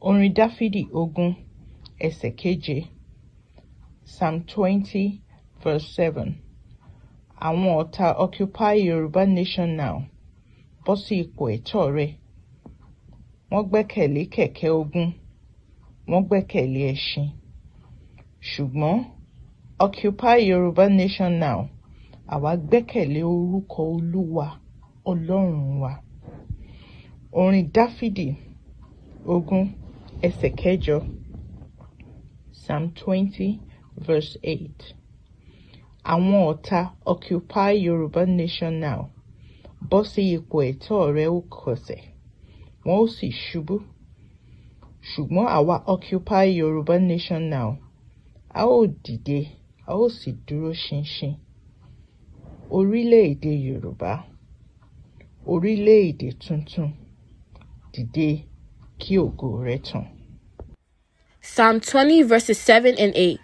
orin dáfídì ogun ẹsẹ̀ keje psalm twenty verse seven àwọn ọ̀tá occupy yorùbá nation now bọ́ sí ipò ẹ̀tọ́ rẹ wọ́n gbẹ́kẹ̀lé kẹ̀kẹ́ ogun wọ́n gbẹ́kẹ̀lé ẹṣin ṣùgbọ́n occupy yorùbá nation now àwa gbẹ́kẹ̀lé orúkọ olúwa ọlọ́run wa orin dáfídì ogun Ezekiel, psalm twenty verse eight àwọn ọ̀tá occupy yorùbá nation now bọ́ sí ipò ẹ̀tọ́ rẹ ó kọsẹ̀ wọ́n ó sì ṣubú ṣùgbọ́n àwa occupy yorùbá nation now a ó dìde a ó sì dúró ṣinṣin orílẹ̀-èdè yorùbá orílẹ̀-èdè tuntun dìde Psalm 20 verses 7 and 8.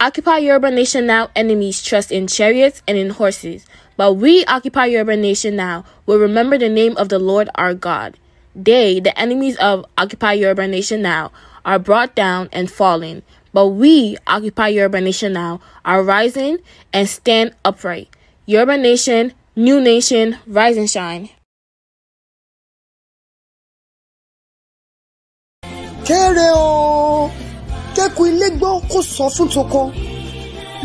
Occupy Yoruba Nation now, enemies trust in chariots and in horses. But we, Occupy Yoruba Nation now, will remember the name of the Lord our God. They, the enemies of Occupy Yoruba Nation now, are brought down and fallen. But we, Occupy Yoruba Nation now, are rising and stand upright. Yoruba Nation, New Nation, rise and shine. kéré o kéku ilé gbọ́ kó sọ fún toko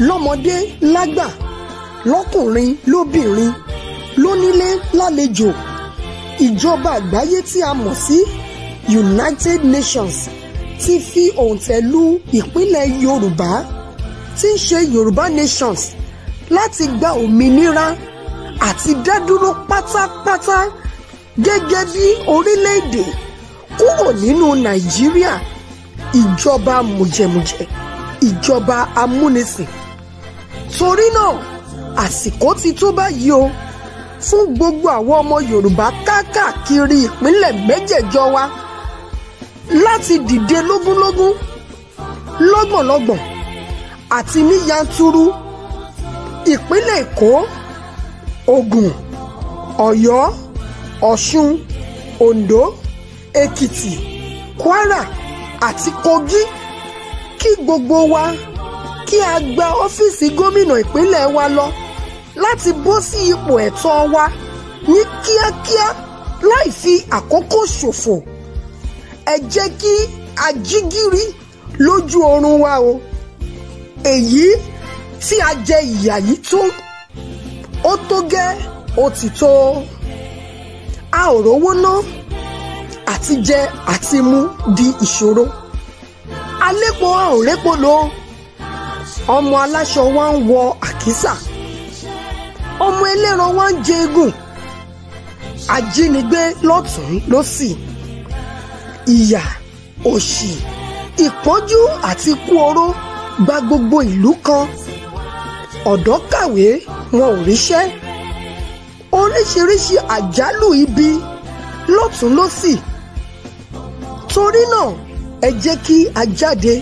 lọ́mọdé lágbà lọ́kùnrin lóbìnrin lónílé lálejò ìjọba àgbáyé tí a mọ̀ sí United Nations ti fi òǹtẹ̀lù ìpínlẹ̀ Yorùbá tí ń ṣe Yorùbá Nations láti gba òmìnira àti dádúró pátápátá gẹ́gẹ́ bí orílẹ̀-èdè kúrò nínú nàìjíríà ìjọba mùjẹmùjẹ ìjọba amúnisìn torí náà àsìkò ti tó báyìí o fún gbogbo àwọn ọmọ yorùbá káàkiri ìpínlẹ̀ méjèèjọ wa láti dìde lógúnlógún lọ́gbọ̀nlọ́gbọ̀n àti ní yanturu ìpínlẹ̀ èkó ogun, ọ̀yọ́ ọ̀ṣun ondo èkìtì kwara àti kogi kí gbogbo wa kí a gba ọ́fíìsì gómìnà ìpínlẹ̀ wa lọ láti bọ́ sí ipò ẹ̀tọ́ wa ní kíákíá láì fi àkókò ṣòfò ẹ jẹ́ kí a jí gìrì lójú oorun wa o èyí tí a jẹ ìyà yìí tó ó tó gẹ́ ó ti tó a ò rówó ná. No àti jẹ àti mú di ìṣòro alépo a ò répo lò ó ọmọ aláṣọ wa ń wọ àkísà ọmọ ẹlẹ́ran wa ń jẹ eégún ajínigbé lọ́tún lọ́sì ìyà òṣì ìpọ́njú àti ikú oró gba gbogbo ìlú kan ọ̀dọ́ kàwé wọn ò ríṣẹ́ oríṣiríṣi àjálù ibi lọ́tún lọ́sì. Si torí náà ẹ jẹ́ kí a jáde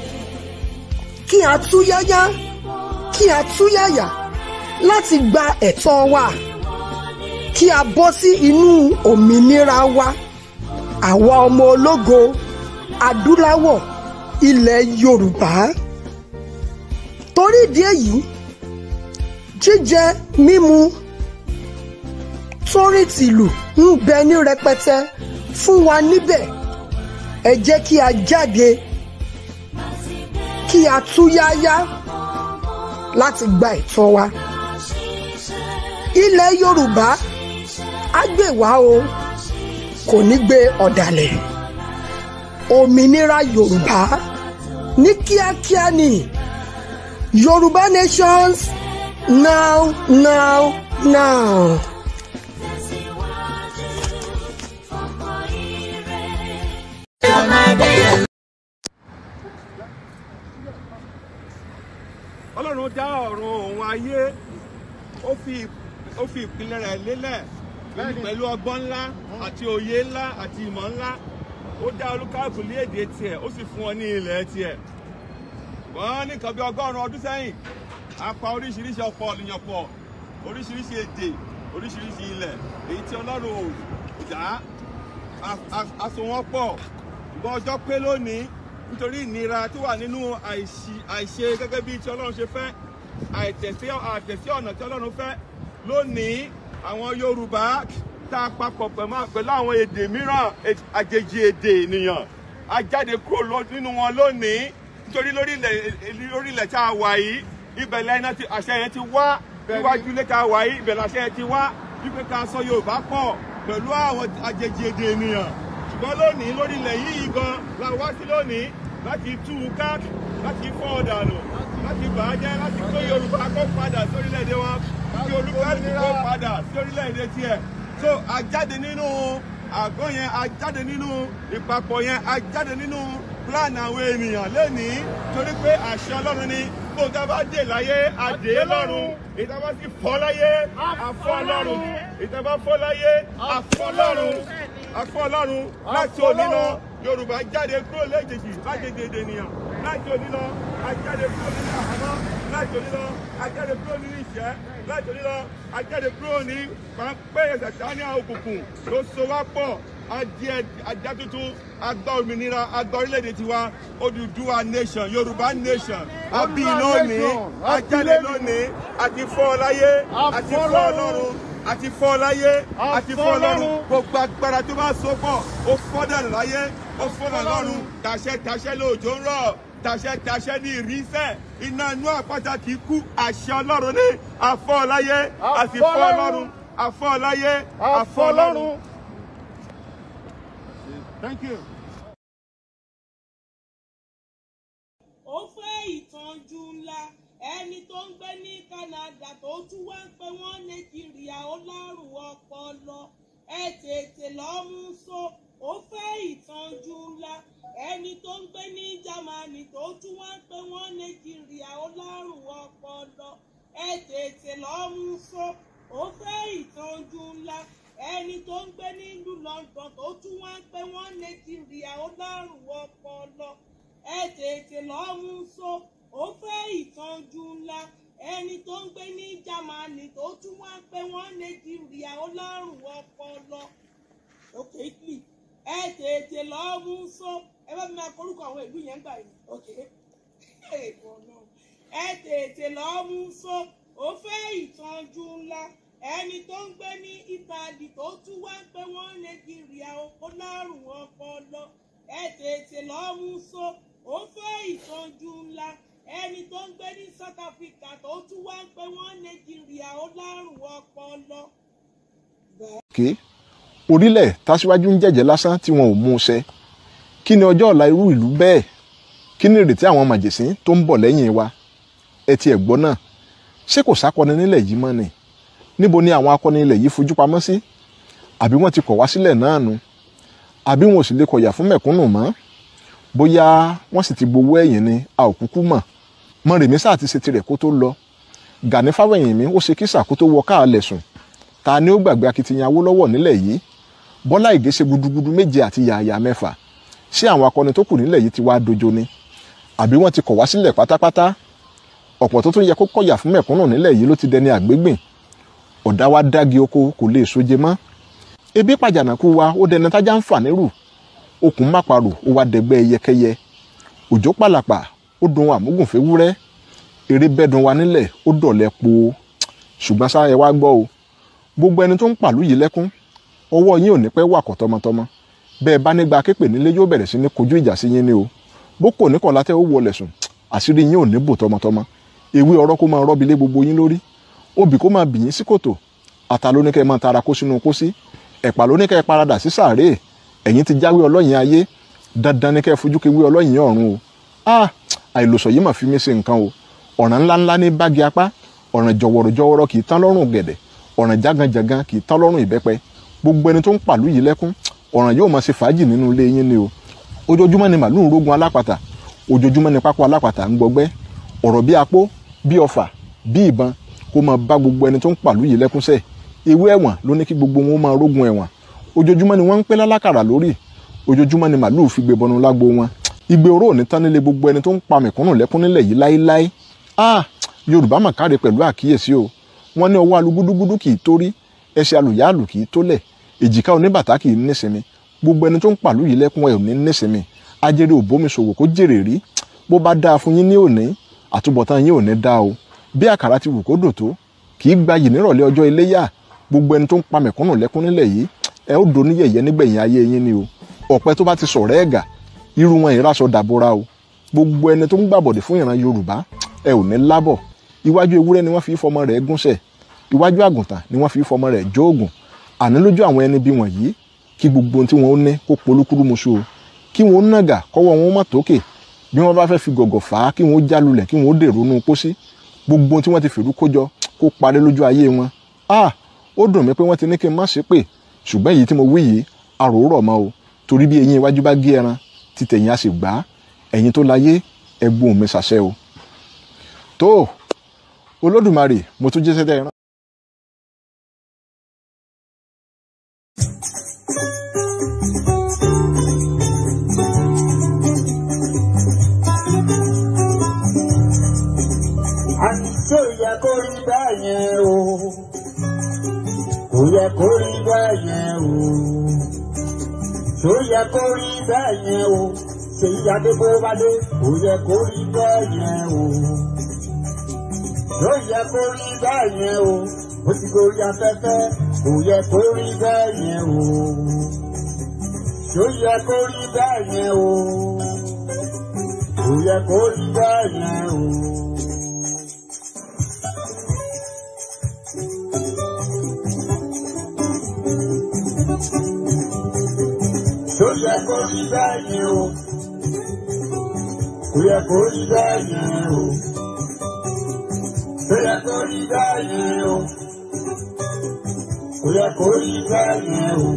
kí a túyáyá kí a túyàyà láti gba ẹ̀tọ́ wa kí a bọ́ sí inú òmìnira wa àwa ọmọ ológo adúláwọ̀ ilẹ̀ Yorùbá torí ìdí èyí jíjẹ mímu torí tìlù ń bẹ ní rẹpẹtẹ fún wa níbẹ̀ ẹ jẹ́ kí a jáde kí a túyáyá láti gba ẹ̀tọ́ wa ilẹ̀ Yorùbá á gbè wá o kò ní gbé ọ̀dàlẹ̀ òmìnira Yorùbá ní kíákíá ni Yorùbá nations now now now. ọlọ́run dá ọ̀run òun ayé ó fi ìpìlẹ̀ rẹ̀ lélẹ̀ pẹ̀lú ọgbọ́n ńlá àti òye ńlá àti ìmọ̀ ńlá ó dá olúkálùkù ní èdè tiẹ̀ ó sì fún ọ ní ilẹ̀ tiẹ̀ wọ́n ní nǹkan bí ọgọ́rùn-ún ọdún sẹ́yìn a pa oríṣiríṣi ọ̀pọ̀ ènìyàn pọ̀ oríṣiríṣi èdè oríṣiríṣi ilẹ̀ èyí tí ọlọ́run ò dá a so pọ̀ ṣùgbọ́n ọjọ́ pé lónìí nítorí ìnira tó wà nínú àìṣe gẹ́gẹ́ bí ti ọlọ́run ṣe fẹ́ àìtẹ̀sí ọ̀nà tí ọlọ́run fẹ́ lónìí àwọn yorùbá tá a papọ̀ pẹ̀lú àwọn èdè mìíràn àjèjì èdè ènìyàn a jáde kúrò nínú wọn lónìí nítorí lórílẹ̀ tá a wà yìí ibẹ̀ lẹ́yìn àṣẹ yẹn ti wá níwájú ilé tá a wà yìí ibẹ̀ làṣẹ yẹn ti wá wípé ká sọ yorùbá pọ̀ pẹ̀lú àwọn àjèjì èdè ènìyàn ṣùgbọ́n lónìí lórílẹ̀ yìí gan la wá sí lónìí láti tú u ká láti fọ́ ọ̀dànù láti bà á jẹ́ láti tó Yorùbá kó padà sí orílẹ̀-èdè wọn kí olúkálùkù kó padà sí orílẹ̀-èdè tiẹ̀ so àjáde nínú àgọ́ yẹn àjáde nínú ìpapọ̀ yẹn àjáde nínú plan àwọn ènìyàn lónìí torí pé àṣẹ Ọlọ́run ni gbogbo tá bá dé láyé àdé lọ́run ìta bá fọ́ láyé àfọ́ lọ́run ìta fọ́ láyé àfọ́ lọ́run akọ ọlọ́run láti òní lọ yorùbá jáde kúrò léjèjì lájèjì èdè ènìyàn láti òní lọ ajáde kúrò nínú àhámọ́ láti òní lọ ajáde kúrò nínú ìṣẹ́ láti òní lọ ajáde kúrò ní pàmpẹ́ sàtáni òkùnkùn ló so wá pọ̀ adìẹ ajá tuntun agba òmìnira agba orílẹ̀-èdè tiwa Odùduwà nation yorùbá nation àbí lónìí ajáde lónìí àti fọ́ ọláyé àti fọ́ ọlọ́run àti fọ́ láyé àti fọ́ lọ́run gbogbo agbára tó bá so pọ̀ ó fọ́ dànù láyé ó fọ́ dànù lọ́run tàṣẹ tàṣẹ lòjò ń rọ̀ tàṣẹ tàṣẹ ní ìrísẹ́ iná inú àpáta kì í kú àṣẹ ọlọ́run ní àfọ́ láyé àti fọ́ lọ́run àfọ́ láyé àfọ́ lọ́run. Thank you. tó tún wá ń pé wọ́n nàìjíríà ó lárùn ọpọlọ ẹ tètè lọ́ọ́ so ó fẹ́ ìtànjú ńlá ẹni tó ń gbé ní Jámánì tó tún wá ń pé wọ́n nàìjíríà ó lárùn ọpọlọ ẹ tètè lọ́ọ́ so ó fẹ́ ìtànjú ńlá ẹni tó ń gbé nílùú London tó tún wá ń pé wọ́n nàìjíríà ó lárùn ọpọlọ ẹ tètè lọ́ọ́ so ó fẹ́ ìtànjú ńlá ẹni tó ń gbé ní Jámánì tó tún wá ń pé wọ́n Nàìjíríà ọlọ́run ọpọlọ òkè Italy ẹ tètè lọ́ọ́ mú sọ ẹ bá mi máa korúkọ àwọn ìlú yẹn gbà yìí òkè ẹ tètè lọ́ọ́ mú sọ ó fẹ́ ìtọ́jú ńlá ẹni tó ń gbé ní Italy tó tún wá ń pé wọ́n Nàìjíríà ọlọ́run ọpọlọ ẹ tètè lọ́ọ́ mú sọ ó fẹ́ ìtọ́jú ńlá ẹni tó ń gbé ní South Africa tó tún wá ń pé wọ́n Nàìjíríà ó lárùn ọpọlọ. ké orílẹ̀ tàṣíwájú ń jẹ̀jẹ̀ lásán tí wọn ò mú un ṣẹ kí ni ọjọ́ ọ̀la irú ìlú bẹ́ẹ̀ kí ni ìrètí àwọn màjèṣín tó ń bọ̀ lẹ́yìn wa ẹ ti ẹ̀ gbọ́ náà ṣé kò sákọni nílẹ̀ yìí mọ́ ni níbo ni àwọn akọni ilẹ̀ yìí fojú pamọ́ sí àbí wọ́n ti kọ̀ wá sílẹ̀ náà nu àbí wọn ò sì lè kọ̀yà fún mẹ̀kúnnù mọ́ bóyá wọ́n sì ti gbowó ẹ̀yìn ni a ò kúkú mọ̀ mọ̀rẹ̀mí sáà ti ṣe tirẹ̀ kó tó lọ Gani Fáwẹ̀yìnmí ó ṣe kísà kó tó wọ káàlẹ̀ sùn ta ni ó gbàgbé akitiyan Awólọ́wọ̀ nílẹ̀ yìí Bọ́lá Ìgè ṣe gudugudu méje àti yàyà mẹ́fà ṣé àwọn akọni tó kù nílẹ̀ yìí ti wá dojo ni àbí wọ́n ti kọ̀ wá sílẹ̀ pátápátá ọ̀pọ̀ tó tún yẹ kó kọ̀yà fún mẹ̀kúnnù nílẹ̀ yìí ló ti dẹni àgbégbìn ọ̀dá wa dági oko kò lè soje mọ́ ebi pàjànàkú wa ó dẹni tájà ń fà nírù okùn máparù ó wá dẹgbẹ́ ẹyẹkẹyẹ òjò pàlàpà ó dun àmúgùnfé wúrẹ́ eré bẹ́dùn wa nílẹ̀ ó dọ̀lẹ́ po ṣùgbọ́n sáà ẹ wá gbọ́ o gbogbo ẹni tó ń pàlú yìí lẹ́kún ọwọ́ yín ò ní pẹ́ wàkọ̀ tọmọtọmọ bẹ́ẹ̀ bá nígbà képe nílé yóò bẹ̀rẹ̀ sí ní kojú ìjà sí yín ni o bó kò ní kọ̀ọ̀lá tẹ́ ó wọlé sùn àṣírí yín ò ní bò tọmọtọmọ ewé ọ̀rọ̀ kó máa rọ́bi lé gbogbo yín lórí obì kó máa bì yín sí kòtò ata ló ní kẹ́ máa tara kó sínú kó sí ẹ̀pà ló ní kẹ́ paradà sí sàárè ẹ̀yin ti jáwé ọlọ́yin ayé dandan ní kẹ́ fojú kewé ọlọ́yin ọ̀run o ah àìlòsọ yìí mà fi mí ṣe nǹkan o ọ̀ràn ńláńlá ní bági apá ọ̀ràn jọ̀wọ̀rọ̀jọ̀wọ̀rọ̀ kì í tán lọ́rùn gẹ̀dẹ̀ ọ̀ràn jáganjàgan kì í tán lọ́rùn ìbẹ́pẹ gbogbo ẹni tó ń pàlú yìí lẹ́kún ọ̀ràn yóò máa ṣe fàájì nínú ilé yín ni o ojoojúmọ́ ni màlúù rógun alápàtà ojoojúmọ́ ni pápá alápàtà ń gbọgbẹ́ ọ̀rọ̀ bí apó bí ọfà bí ìbọn kó máa bá gbogbo ẹni tó ń pàlú yìí lẹ́kún sẹ̀ ewé ẹ̀wọ̀n ló ní kí gbogbo wọn máa rógun ẹ̀wọ̀n ojoojúmọ́ ni wọ́n ń pẹ́ lálàkàrà lórí ojoojúmọ́ ni màlúù fi gbé bọnu lágbo wọn igbe oró òní tán nílé gbogbo ẹni tó ń pa mẹ̀kúnnù lẹ́kún nílẹ̀ yìí láéláé ah yorùbá mà káre pẹ̀lú àkíyèsí o wọ́n ní ọwọ́ alugudugudu kì í torí ẹsẹ̀ alùyáàlù kì í tólẹ̀ èjìká oníbàtà kì í nísinmi gbogbo ẹni tó ń pàlú yìí lẹ́kún ẹ̀ ò ní nísinmi ajere òbómi ṣòwò kó jèrè rí bó bá dáa fún yín ní òní àtúbọ̀tán yín ò ní dáa o bí àkàrà ti wù kó dò tó kì í gbayì nírọ̀lẹ́ ọjọ́ iléyà gbogbo ẹni tó ń pa mẹ̀kúnnù lẹ́kún nílẹ̀ yìí ẹ ó do nígbẹ̀yìn ayé yín ni o ọ̀pẹ tó bá ti sọ̀rọ̀ ẹ̀gà irú wọn ìraṣọ dàbora o gbogbo ẹni tó ń gbàbọ̀dẹ̀ fún ìran yorùbá ẹ ò ní lábọ̀ iwájú ewúrẹ́ ni wọ́n fi fọmọ rẹ̀ gúnṣẹ̀ iwájú àgùntàn ni wọ́n fi fọmọ rẹ̀ jóògùn àní lójú àwọn ẹni bí wọ̀nyí kí gbogbo ohun tí wọ́n ní kó polúkúrú muṣu o kí wọ́n nàgà kọ́wọ́ wọn mọ̀ tókè bí wọ́n bá fẹ́ fi gọ̀gọ̀ fà á kí wọ́n já kí wọ́n dèrò nù pósí gbogbo ohun tí wọ́n ti fèrú kó ah ó dùn mí pé wọ́n ti ní kí n má ṣe pé ṣùgbọ́n èyí títẹ̀yìn á sì gbà á ẹ̀yin tó láyé ẹ mi ṣàṣẹ o tó olódùmarè mo tún jẹ́ sẹ́tẹ̀ ẹran. àjọ ìyá kò rí tó yẹ kó rí bẹ́ẹ̀ yẹn o ṣèyí adébówálé kò yẹ kó rí bẹ́ẹ̀ yẹn o tó yẹ kó rí bẹ́ẹ̀ yẹn o ó ti gorí afẹ́fẹ́ kò yẹ kó rí bẹ́ẹ̀ yẹn o tó yẹ kó rí bẹ́ẹ̀ yẹn o kò yẹ kó rí bẹ́ẹ̀ yẹn o. thank you tó yẹ kó rí bẹ́ẹ̀ ni o kò yẹ kó rí bẹ́ẹ̀ o tó yẹ kó rí bẹ́ẹ̀ ni o kò yẹ kó rí bẹ́ẹ̀ o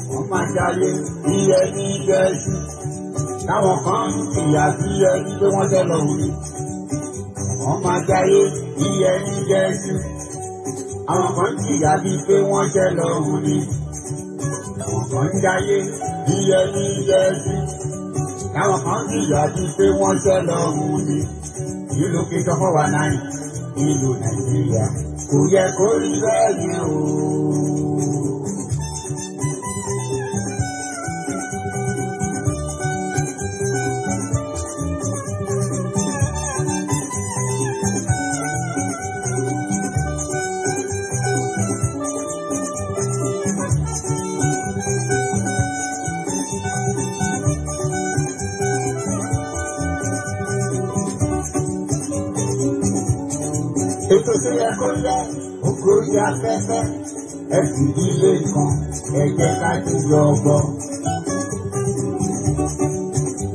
àwọn máa jáde bí ẹni jẹ́ táwọn kan ń fìyà bí ẹni pé wọ́n jẹ́ lọ́wọ́ ni àwọn máa jáde bí ẹni jẹ́ ẹṣu àwọn kan ń fìyà bí pé wọ́n jẹ́ lọ́wọ́ ni kan ń dáyé bí ẹni jẹ́ sí. Táwọn kan jìyà ju pé wọ́n ṣẹ́ lọ mú ni. Ìlú kejì ọkọ̀ wa náà ìlú Nàìjíríà kò yẹ kó rí bẹ́ẹ̀ yẹn o. ètò tó yẹ kó lẹ ògórí afẹ́fẹ́ ẹ̀kúndínlé kan ẹ̀jẹ̀ ká ti yọ ọgbọ́.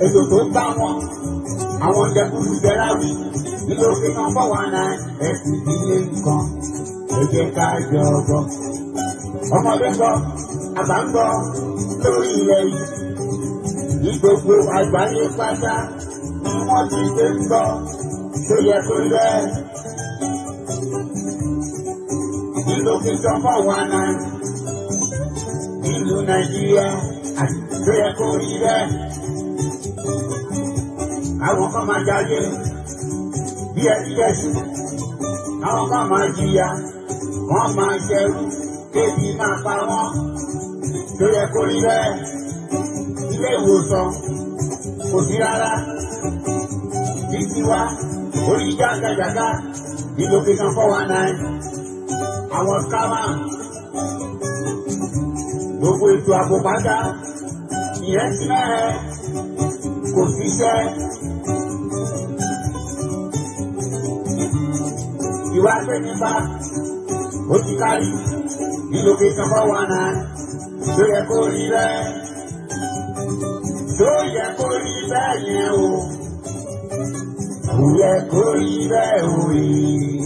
ètò tó bá wọn àwọn dẹkùnrin jẹrà wí nítorí náà bọ̀ wá náà ẹ̀kúndínlé kan ẹ̀jẹ̀ ká yọ ọgbọ́. ọmọdé gbọ́ àgbà ń gbọ́ lórí ilẹ̀ yìí ní gbogbo àgbáyé pátá ni wọ́n ti gbé ń gbọ́ tó yẹ kó lẹ́ẹ̀. lókítọ̀ bọ̀ wá náà ìlú nàìjíríà tó yẹ kó rí bẹ́ẹ̀. àwọn kan máa jáde bí ẹni jẹ́sù àwọn kan máa jìyà wọ́n máa ṣẹrú kébi máa pa wọ́n tó yẹ kó rí bẹ́ẹ̀. ilé ìwòsàn kò sí rárá títí wá orí àwọn kámá gbogbo ètò ààbò pátá ìyẹn ti mẹ́rẹ̀ kò fi jẹ́ ìwádìí nípa ó ti kárí ní location bá wà náà ló yẹ kó rí bẹ́ẹ̀ ló yẹ kó rí bẹ́ẹ̀ yẹn o kò yẹ kó rí bẹ́ẹ̀ o yìí.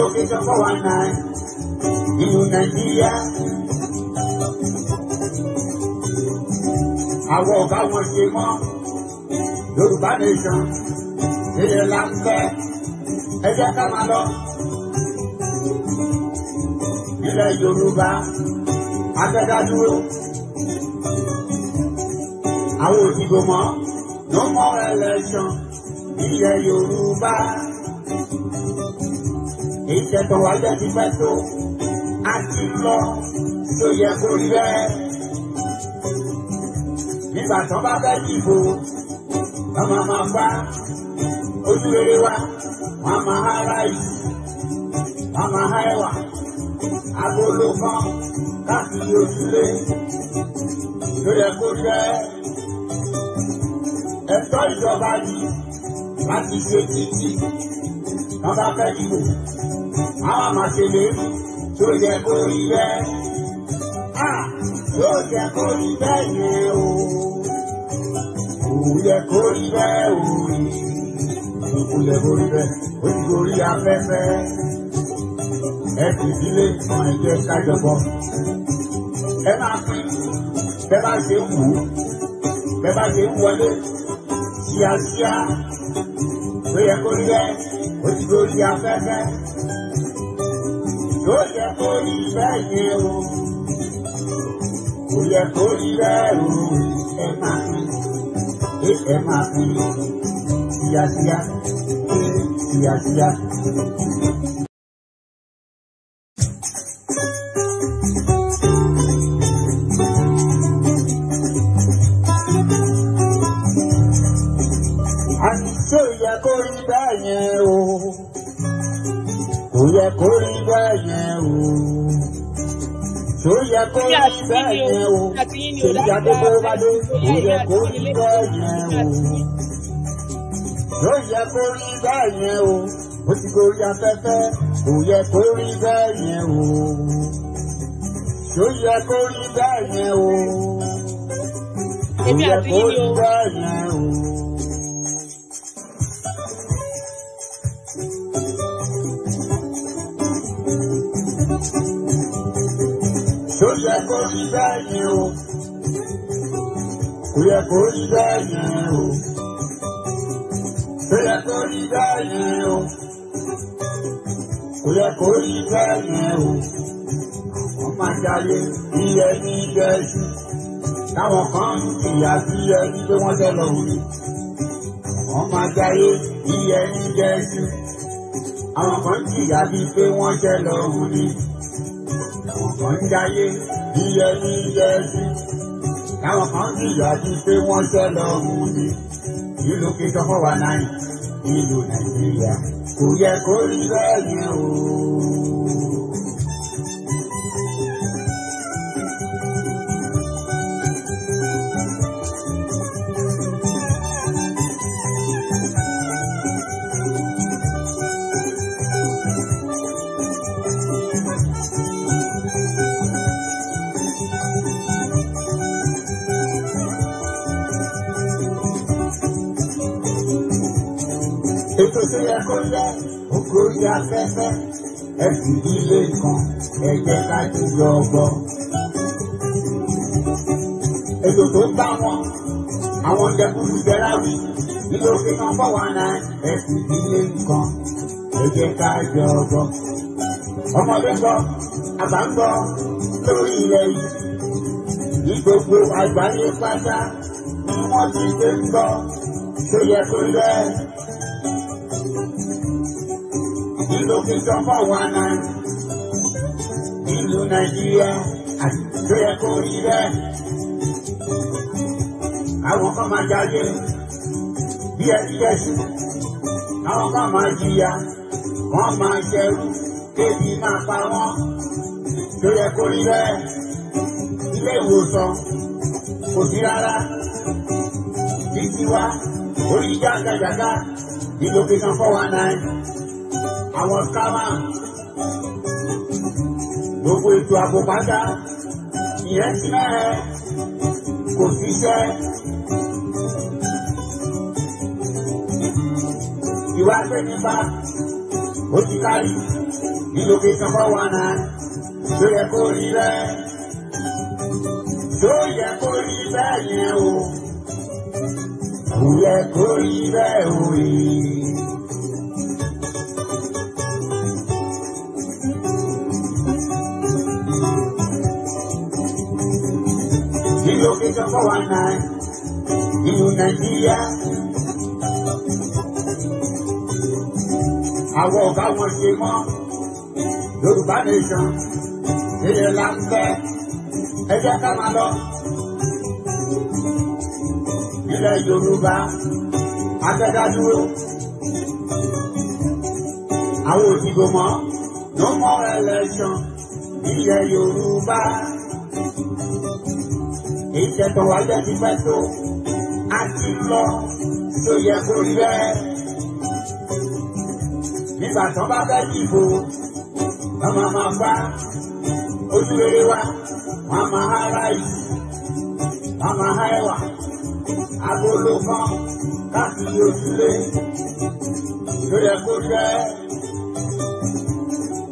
location four one nine nínú nàìjíríà. àwọn ọ̀gá wọn ṣe Yoruba, yorùbá nation èèyàn là ń fẹ́ ẹjẹ́ ká máa lọ. ilẹ̀ yorùbá abẹ́dádúró àwọn òdìbò mọ́ no more election ilẹ̀ Yoruba ìṣẹ̀tọ̀ wà jẹ́ ti fẹ́ tó a ti lọ tó yẹ kó rí bẹ́ẹ̀. nígbà tó bá fẹ́ dìbò wọ́n máa máa bá ojú rere wa wọ́n máa há ráyì wọ́n máa há ẹ̀wà agolo kan káàkiri ojúlé tó yẹ kó rí bẹ́ẹ̀. ẹ̀tọ́ ìjọba yìí láti ṣe títì wọ́n bá fẹ́ dìbò máa ma ṣe lé tó yẹ kó rí bẹ́ẹ̀ tó yẹ kó rí bẹ́ẹ̀ yẹn o kò yẹ kó rí bẹ́ẹ̀ o kò yẹ kó rí bẹ́ẹ̀ o ti gorí afẹ́fẹ́ ẹ fi sílé kan ẹ̀jẹ̀ kájọpọ̀ ẹ máa fi bẹ́ẹ̀ bá ṣe wù ú bẹ́ẹ̀ bá ṣe wọlé ṣíaṣíá tó yẹ kó rí bẹ́ẹ̀ o ti gorí afẹ́fẹ́ ló yẹ kó rí bẹ́ẹ̀ o kò yẹ kó rí bẹ́ẹ̀ o ẹ máa bẹ́ẹ̀ yẹn o tèmíjà tó pé bá dé kò yẹ kó o yóò yẹ rí bẹ́ẹ̀ yẹn o ó ti gorí afẹ́fẹ́ kò yẹ kó rí bẹ́ẹ̀ yẹn o yóò yẹ rí bẹ́ẹ̀ yẹn o kò yẹ kó rí bẹ́ẹ̀ yẹn o. rí báyìí o. Kò yẹ kó rí báyìí o. Kò yẹ kó rí báyìí o. Kò yẹ kó rí báyìí o. Wọ́n máa jáde bí ẹni gẹ̀ẹ́sì. Táwọn kan ń fìyà sí ẹni pé wọ́n jẹ́ lọ wù. Wọ́n máa jáde bí ẹni gẹ̀ẹ́sì. Àwọn kan ń fìyà bíi pé wọ́n jẹ́ lọ wù Àwọn kan ń jáde yẹ ní yẹsí. Táwọn kan jìyà jí pé wọ́n jọ lọ mú ni. Ìlú kíjọ fọ́ wa náà ìlú Nàìjíríà kò yẹ kó rí bẹ́ẹ̀ ni o. lẹ́kọ̀ọ́lẹ́ òkúri afẹ́fẹ́ ẹ̀sìn ilé kan ẹ̀jẹ̀ láti yọ ọgbọ́. ètò tó bá wọn àwọn jẹkulu jẹrà wí nítorí kan fọ́ wọn náà ẹ̀sìn ilé kan ẹ̀jẹ̀ láti yọ ọgbọ́. ọmọdé gbọ́ àgbà ń gbọ́ lórí ilẹ̀ yìí ní gbogbo àgbáyé pátá ni wọ́n ti gbé ń gbọ́ tó yẹ kó lẹ́ẹ̀. lókè tọ́pọ̀ wọn náà nílùú nàìjíríà tó yẹ kó rí bẹ́ẹ̀. àwọn kan máa jáde bí ẹtí ẹsùn àwọn kan máa jìyà wọ́n máa ṣẹrú my máa pa wọ́n tó yẹ kó rí bẹ́ẹ̀. ilé ìwòsàn kò sí rárá títí wa orí jágajàga ní lókè tọ́pọ̀ wọn náà àwọn kámá gbogbo ètò ààbò pátá ìyẹn ti mẹ́rẹ̀ kò ṣiṣẹ́. ìwà gbẹ̀mípa ó ti kárí nílò pé sanwó wà náà tó yẹ kó rí bẹ́ẹ̀ tó yẹ kó rí bẹ́ẹ̀ yẹn o kò yẹ kó rí bẹ́ẹ̀ o yìí. location 419 in Nigeria. Àwọn ọ̀gá wọn ṣe mọ́ Yorùbá nation ilẹ̀ la ń fẹ́ ẹ jẹ́ ká máa lọ. Ilẹ̀ I will àwọn òdìbò mọ́ no more election ilẹ̀ Yorùbá ìṣẹ̀tọ̀ wájú ti pẹ́ tó a ti lọ tó yẹ kó rí bẹ́ẹ̀. nígbà tó bá fẹ́ dìbò wọ́n máa máa bá ojú rere wa wọ́n máa há ráì wọ́n máa há ẹ̀wà agolo kan káàkiri ojúlé ló yẹ kó rí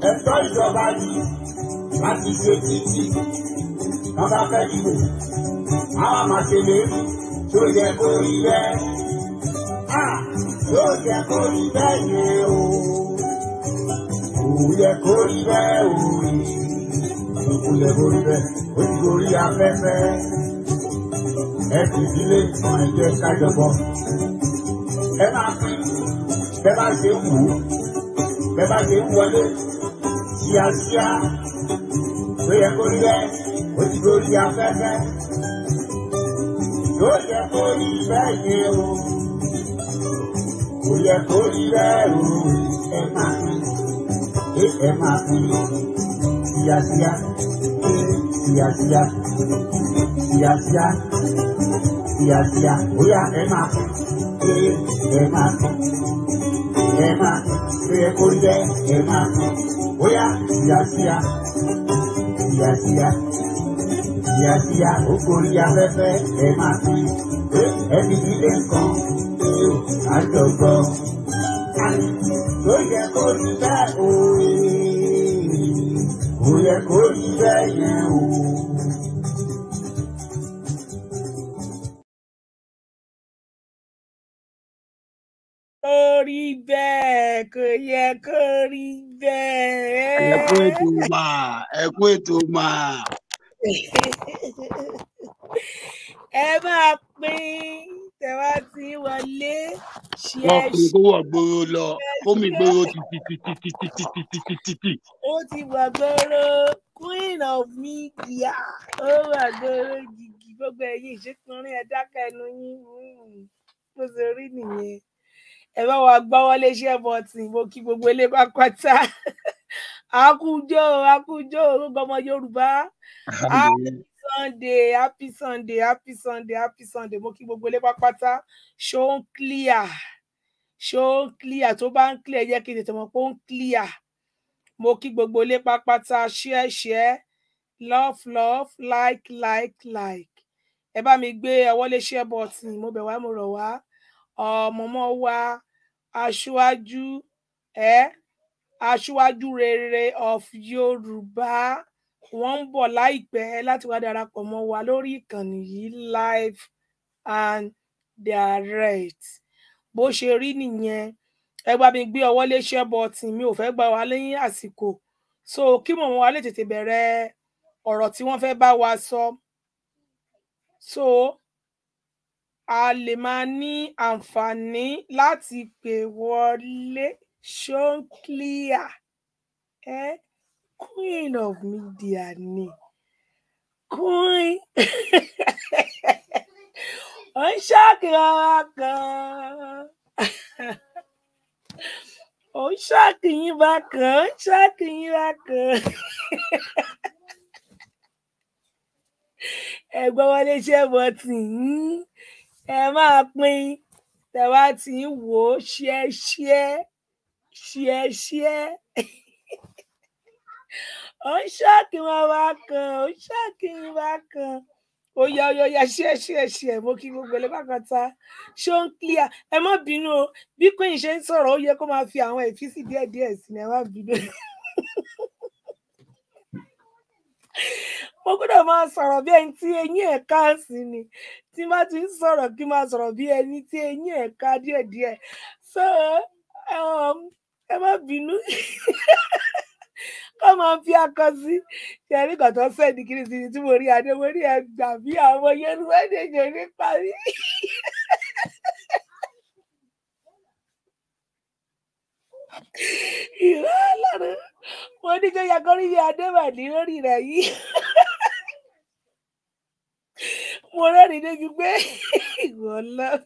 ẹ̀tọ́ ìjọba yìí láti ṣe títí wọ́n bá fẹ́ dìbò a máa ṣe lé tó yẹ kó rí bẹ́ẹ̀ a tó yẹ kó rí bẹ́ẹ̀ yẹn o kò yẹ kó rí bẹ́ẹ̀ o kò yẹ kó rí bẹ́ẹ̀ o ti kó rí afẹ́fẹ́ ẹ ti sílé kan ẹ̀jẹ̀ kájọpọ̀ ẹ máa fi bẹ́ẹ̀ bá ṣe wù ú bẹ́ẹ̀ bá ṣe wọlé kíákíá tó yẹ kó rí bẹ́ẹ̀ o ti kó rí afẹ́fẹ́ ló yẹ kó rí bẹ́ẹ̀ o kò yẹ kó rí bẹ́ẹ̀ o ẹ máa fi ẹ máa fi síyásíyá síyásíyá síyásíyá síyásíyá bóyá ẹ máa fi ẹ máa fi ẹ máa fi ẹ kó rí bẹ́ẹ̀ ẹ máa fi bóyá síyásíyá síyásíyá kíákíá ó gorí ẹ máa fi ẹni ilé nǹkan yóò àjọgbọ́. Tó yẹ kó rí bẹ́ẹ̀ òye, kò yẹ kó rí bẹ́ẹ̀ yẹn o. rí bẹ́ẹ̀ kò yẹ kó rí bẹ́ẹ̀. ẹ kú ètò mà ẹ kú ètò mà ẹ máa pín tẹwà tí wọlé ṣe wọn kò wọ gbòòrò lọ omi gbòòrò títítítítítítítítítítí. ó ti wọ queen of media ó wọ gbòòrò gidi gbogbo ẹ̀yin ìṣèkùnrin ẹ dákẹ́ ẹnu yín hmm. bó ṣe rí nìyẹn ẹ bá wa gbọ́wọ́ léṣẹ́ bọ̀tì mo kí gbogbo ilé bá pátá. akújó akújó orúkọ ọmọ yorùbá happy sunday happy sunday happy sunday happy sunday mo kí gbogbo ilé pápátá ṣó clear show clear tó bá ń clear yẹ kí n tètè mọ̀ pé ó ń clear mo kí gbogbo ilé pápátá share share love love like like like ẹ bá mi gbé ọwọ́ lé share button mo bẹ̀ wá mo rọ̀ wá ọmọọmọ wa aṣáájú ẹ. Eh? aṣíwájú rere of yorùbá wọn ń bọ̀ láìpẹ́ láti wá darapọ̀ mọ́ wa lórí ìkànnì yìí live and direct bó ṣe rí nìyẹn ẹ bá mi gbé ọwọ́ léṣẹ́ bọ̀tì mi ò fẹ́ gbà wá lẹ́yìn àsìkò so kí mọ̀ wọn wá lè tètè bẹ̀rẹ̀ ọ̀rọ̀ tí wọ́n fẹ́ bá wa sọ so a lè máa ní àǹfààní láti pè wọlé. Shonclear eh? queen of media ni queen ó ń ṣàkìrọ̀ wa gan-an ó ń ṣàkìyìn bákan ó ń ṣàkìyìn bákan ẹgbẹ́ wọlé iṣẹ́ bọ̀ tì yín ẹ máa ṣíẹṣíẹ ó ń ṣọ́ọ̀kì wọn wá kan ó ń ṣọ́ọ̀kì wọn wá kan ó yá ó yá ṣíẹṣíẹṣíẹ mo kí gbogbo ẹ lẹ́bàkan ta ṣó ń kílíà ẹ má bínú o bí queen ṣe ń sọ̀rọ̀ ó yẹ kó máa fi àwọn ìfísì díẹ̀díẹ̀ sí ni ẹ má bínú mo gbọ́dọ̀ máa sọ̀rọ̀ bí ẹni tí eyín ẹ̀ ká sí ni tí bá ti ń sọ̀rọ̀ kí máa sọ̀rọ̀ bí ẹni tí eyín ẹ̀ ká díẹ̀díẹ̀ so um, ẹ má bínú kọ́ máa fi akọ sí ṣẹ̀rí kan tó fẹ́ ní kiri sí tí mo rí adé mo rí ẹgbà bí àwọn yorùbá dèjò ní parí. ìró ọlọ́run mo ní kí ó yẹ kó rí iye adé mà ní lórí rẹ̀ yìí mo rẹ́rìn-ín débi pé ìwọ ọlọ́run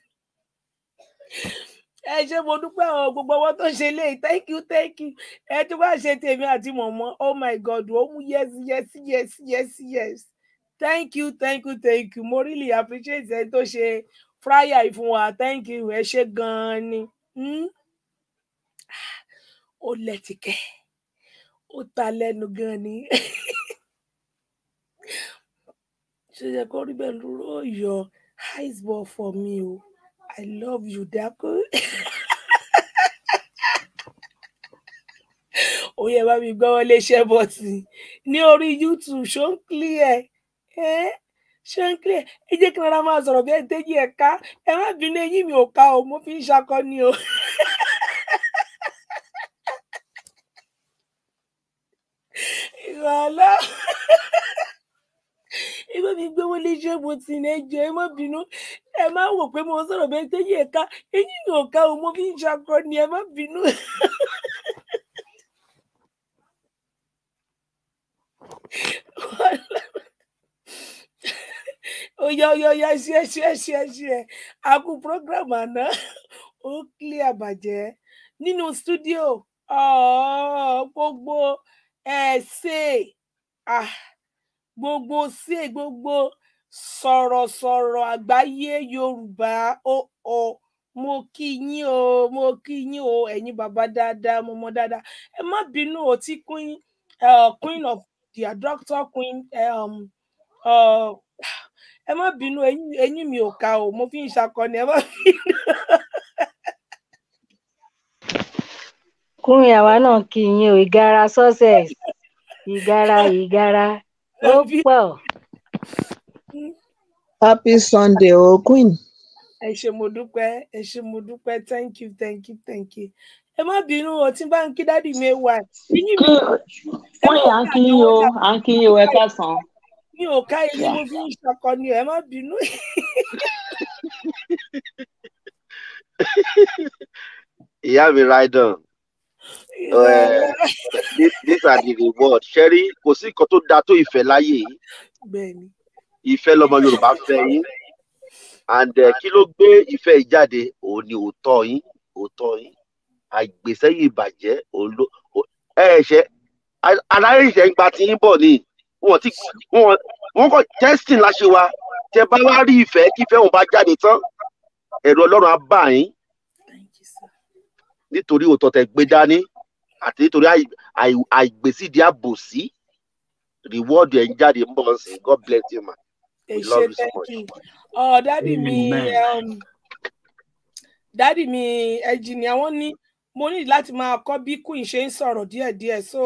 ẹ ṣe mo dúpẹ́ àwọn gbogbo ọwọ́ tó ń ṣe léyìí thank you thank you ẹ tó bá ṣe tèmi àti mọ̀mọ́ oh my god ó mú yes yes yes yes yes thank you thank you thank you mo really appreciate ẹ tó ṣe fryer ìfún wa thank you ẹ ṣe gan-an ni hmm? ó lẹ́tìkẹ́ ó ta lẹ́nu gan-an ni ṣe yẹ kó rí bẹ́ẹ̀ lóró yọ ice ball for me o. Oh. I love you, Daku. Oh yeah, baby, go gbọ́wọ́ léṣẹ́ bọ́tì ní orí YouTube ṣó ń clear ẹ ṣó I clear ẹ jẹ́ kí n rárá máa sọ̀rọ̀ bí ẹ tẹ́jú ẹ̀ ká ẹ má bínú eyín mi ò ká o mo fi ń ṣakọ ni o. ìrọ̀lọ́ mi gbówó léṣe mo ti ní ẹjọ ẹ má bínú ẹ má wò pé mo sọ̀rọ̀ bẹ́ẹ̀ tẹyìn ẹka eyín ni ò ká o mo fi ń ṣakọ ni ẹ má bínú. oya oya oya ṣe ṣe ṣe ṣe àkú program àná ó clear bàjẹ́ nínú studio gbogbo ẹ̀ ṣe. Ah gbogbo sí gbogbo sọ̀rọ̀sọ̀rọ̀ àgbáyé yorùbá ó ọ mo kí yín o mo kí yín o ẹ̀yin bàbá dáadáa mo mọ dáadáa ẹ má bínú o tí queen uh, queen of the doctor queen um, uh, ẹ má bínú ẹ̀yin mi ò ka o mo fi ń ṣakọni ẹ má bínú. kúrin náà kí yín o ìgara success ìgara ìgara. Hope well. Happy Sunday, O oh, Queen. Ẹ ṣé mo dúpẹ́, ẹ ṣé mo dúpẹ́, thank you, thank you, thank you. Ẹ má bínú o, tí n bá ń kí dádì mi wà. Wọ́n yà ń kí yín o, à ń kí yín o, ẹ káàsán. Mi ò ká ilé mo fi ń ṣọkọ ni ẹ má bínú. Ìyá mi Rydon. Eh, this are the reward, Sherry. kò sí nǹkan tó dáa tó ìfẹ́ láyé yìí ìfẹ́ lọmọ Yorùbá fẹ́ yín and eh, kí ló gbé ìfẹ́ ìjáde òun ni òótọ́ yín òótọ́ yín àgbèsẹ́yìn ìbàjẹ́ òun ló ẹ ẹ̀ṣẹ́ aláìṣẹ́ ń gba ti yín bọ̀ ni wọ́n ti wọ́n kọ́ testing láṣẹ wa tẹ bá wá rí ìfẹ́ kí ìfẹ́ òun bá jáde tán ẹ̀rù Ọlọ́run á bà yín nítorí òótọ́ tẹ gbé dání àti nítorí àìgbésídìí àbòsí reward ẹ̀ ń jáde ń bọ̀ sí God bless you ma. ẹ ṣe thank you ọ oh, dádì mi um, dádì mi ẹnjìnìà wọn ní mo ní láti máa kọ́ bí queen ṣe ń sọ̀rọ̀ díẹ̀díẹ̀ so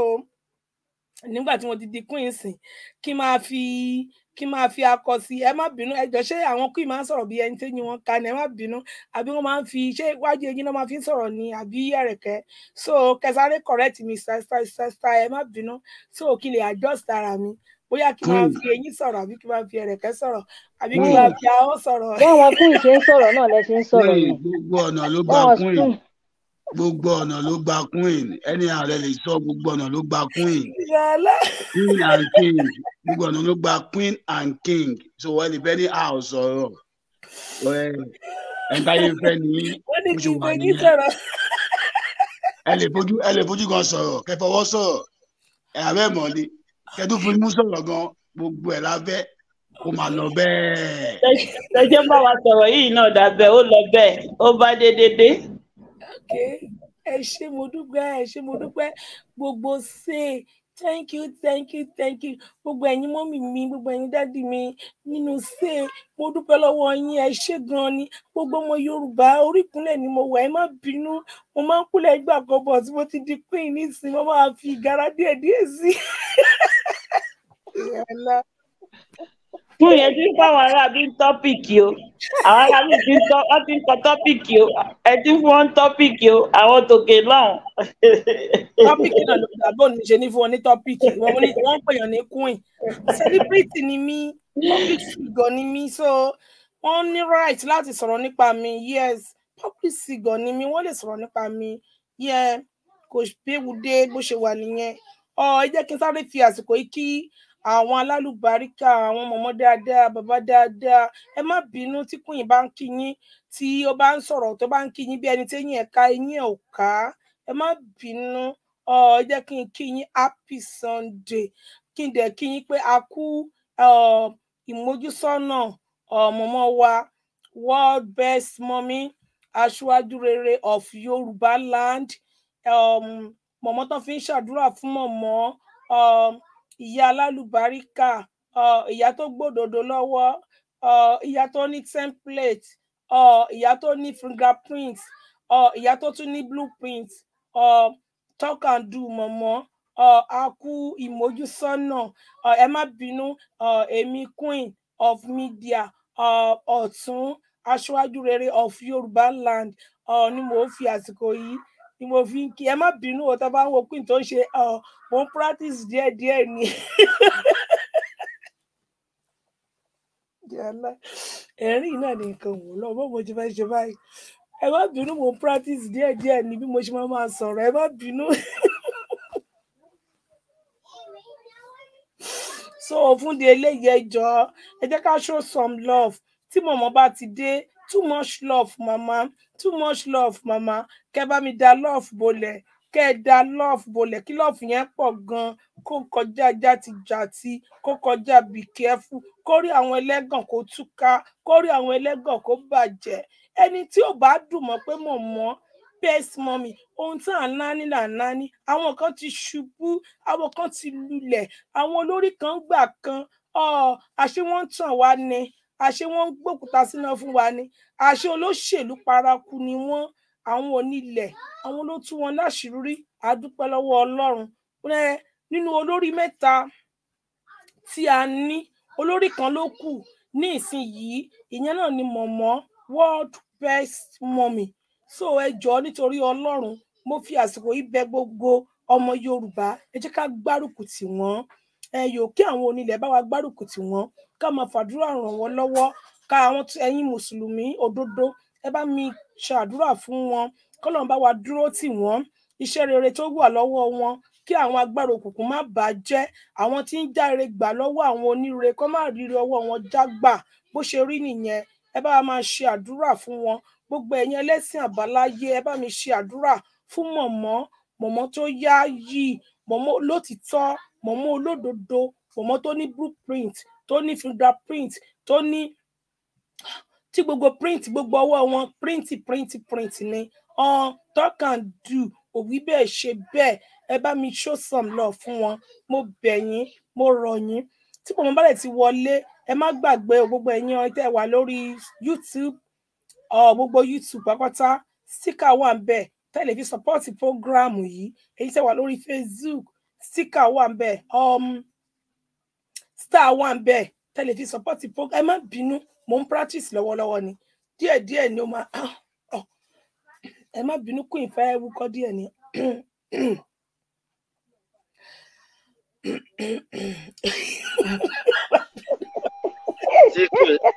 nígbà tí mo ti di queen sìn kí n máa fi kí n máa fi akọ sí ẹ má bínú ẹjọ ṣé àwọn kí n máa ń sọ̀rọ̀ bí ẹni tẹ́yìn wọn kan ẹ má bínú àbí wọ́n máa ń fi ṣé iwájú eyín náà máa fi ń sọ̀rọ̀ ni àbí ẹ̀rẹ̀kẹ́ so kẹsàrẹ́ correct mi ṣàṣàṣà ẹ má bínú so kí lè adjust ara mi bóyá kí n máa fi eyín sọ̀rọ̀ àbí kí n máa fi ẹ̀rẹ̀kẹ́ sọ̀rọ̀ àbí kí n máa fi ahọ́n sọ̀rọ̀. báwọn kún ìṣe ń sọ̀rọ̀ náà lẹ ṣe ń sọ̀rọ̀ gbogbo ọ̀nà ló gba queen ẹni ààrẹ lè sọ gbogbo ọ̀nà ló gba queen queen and king gbogbo ọ̀nà ló gba queen and king so wọ́n lè bẹ́ẹ̀ ní house ọ̀rọ̀ ẹ̀ka yẹn fẹ́ ní oṣù wà ní ẹ lè fojú ẹ lè fojú gan sọ̀rọ̀ kẹfọwọ́ sọ̀rọ̀ ẹ̀ abẹ́ mọ̀ ni kẹtù fún imú sọ̀rọ̀ gan gbogbo ẹ̀ lábẹ́ ó máa lọ bẹ́ẹ̀. ṣẹjẹ bá wa sọ̀rọ̀ yìí náà dàbẹ ó lọ bẹ́ẹ̀ ó bá dé dédé ẹ ṣé mo dúpẹ́ ẹ ṣé mo dúpẹ́ gbogbo ṣe thank you thank you thank you gbogbo ẹ̀yin mọ́mì mi gbogbo ẹ̀yin dádì mi nínú ṣe mo dúpẹ́ lọ́wọ́ yín ẹ ṣé gan ni gbogbo ọmọ Yorùbá oríkúnlẹ̀ ni mo wà ẹ má bínú mo máa ń kúlẹ̀ ìgbà kan bọ̀ tí mo ti di queen nísìnyí mo máa fi ìgara díẹ̀ díẹ̀ sí fún yẹn tí ń fún àwọn ará bí ń tọ́pìkì o àwọn ará bí ti ń tọ́ wọ́n ti ń kọ tọ́pìkì o ẹ ti fún wọn tọ́pìkì o àwọn tòkè lọ́hùn. tọ́pìkì náà ló dàbò ní ṣe ní fún wọn ní tọ́pìkì wọn ní wọ́n pèèyàn ní queen celebrity ni mí public figure ni mí so wọ́n ní right láti sọ̀rọ̀ nípa mi yes public figure ni mí wọ́n lè sọ̀rọ̀ nípa mi yẹ kò gbéwu dé bó ṣe wà nìyẹn ọ ẹ jẹ́ kí n sáré fi àsìkò yìí kí àwọn alálùbáríkà àwọn mọmọ dáadáa bàbá dáadáa ẹ má bínú tí kùnyìn bá ń kí yín tí ó bá ń sọ̀rọ̀ tó bá ń kí yín bí ẹni tẹ́yìn ẹ̀ka ẹ̀yìn ẹ̀ ò ká ẹ má bínú ọ kí n kí happy sunday kí n dẹ̀ kí pé a kú ìmójúsọ́nà mọmọ wa world best mummy aṣáájú rere of yorùbá land mọmọ tó fi ń ṣàdúrà fún mọmọ. Um, ìyá alálùbáríkà ìyá tó gbòdòdó lọ́wọ́ ìyá tó ní template ìyá tó ní fingerprint ìyá tó tún ní blueprint talk and do mọ̀mọ́ aku kú ìmójúsọ́nà ẹ má bínú èmi queen of media ọ̀tún aṣáájú rere of yorùbá land ni mo fi àsìkò yìí ni mo fi ń kí ẹ má bínú o tá a bá ń wo queen tó ń ṣe mo ń practice díẹ̀ díẹ̀ ni ẹ̀rín náà ni nǹkan wò lọ bó mo ti fẹ́ ṣe báyìí ẹ má bínú mo ń practice díẹ̀ díẹ̀ ni bí mo ṣe máa máa sọ̀rọ̀ ẹ má bínú. so fún di eléyìí ẹjọ ẹ jẹ́ ká show some love tí mọmọ bá ti dé too much love mama too much love mama kẹ bá mi da love bolẹ̀ kẹ da love bolẹ̀ kí love yẹn pọ̀ gan kó kọjá játijàti kó kọjá be careful kó rí àwọn ẹlẹ́gàn kó túká kó rí àwọn ẹlẹ́gàn kó bàjẹ́ ẹni tí ò bá dùn mọ́ pé mò ń best mommy ohun tí à ń náni là ń náni àwọn kan ti ṣubú àwọn kan ti lulẹ̀ àwọn olórí kan gbà kan ọ àṣé wọ́n ń tàn wá ni àṣé wọn ń gbòkúta síná fún wa ni àṣé olóṣèlú paraku ni wọn àwọn onílẹ̀ àwọn ló tú wọn láṣìírí àdúpẹ́ lọ́wọ́ Ọlọ́run nínú olórí mẹ́ta tí a ní olórí kan ló kù ní ìsinyìí ìyẹn náà ni mọ̀mọ́ world best mummy so ẹ jọ̀ọ́ nítorí Ọlọ́run mo fi àsìkò yìí bẹ̀ gbogbo ọmọ Yorùbá ẹ jẹ́ ká gbárùkù tì wọ́n ẹ yòó kí àwọn onílẹ̀ bá wa gbárùkù tì wọ́n ká máa fàdúrà ràn wọ́n lọ́wọ́ ká àwọn ẹ̀yin mùsùlùmí òdodo ẹ bá mi ṣàdúrà fún wọn kọ́lọ́n bá wa dúró tì wọ́n iṣẹ́ rere tó wà lọ́wọ́ wọn kí àwọn agbára òkùnkùn má bàá jẹ́ àwọn tí ń járe gbà lọ́wọ́ àwọn onírere kó má ríre ọwọ́ wọn já gbà bó ṣe rí nìyẹn ẹ bá máa ṣe àdúrà fún wọn gbogbo ẹ̀yin ẹlẹ́sìn àbáláyé ẹ bá mi ṣe àdúrà fún mọ̀mọ́ mọ̀mọ́ tó yá yìí mọ̀mọ́ lótìtọ́ mọ̀mọ́ olódodo mọ̀mọ́ tó ní blueprint tó ní fingerprint tó ní tí gbogbo print gbogbo ọwọ́ wọn print print print ni on talk and do òwí bẹ́ẹ̀ ṣe bẹ́ẹ̀ ẹ bá mi show some love fún wọn mo bẹ̀ yín mo rọ̀ yín tí mọ̀mọ́ bá dẹ̀ ti wọlé ẹ má gbàgbé gbogbo ẹ̀yin ọ̀rẹ́ tẹ́ wà lórí YouTube gbogbo YouTube pápátá síkà wà ń bẹ̀ tẹ́lẹ̀ support program yìí èyí tẹ́ wà lórí Facebook sticker wà ń bẹ um, star wà ń bẹ tẹlifí support program ẹ má bínú mò ń practice lọ́wọ́lọ́wọ́ ni díẹ̀díẹ̀ ni ó máa ah, oh. ẹ má bínú kún ìfẹ́ wúkọ́ díẹ̀ ni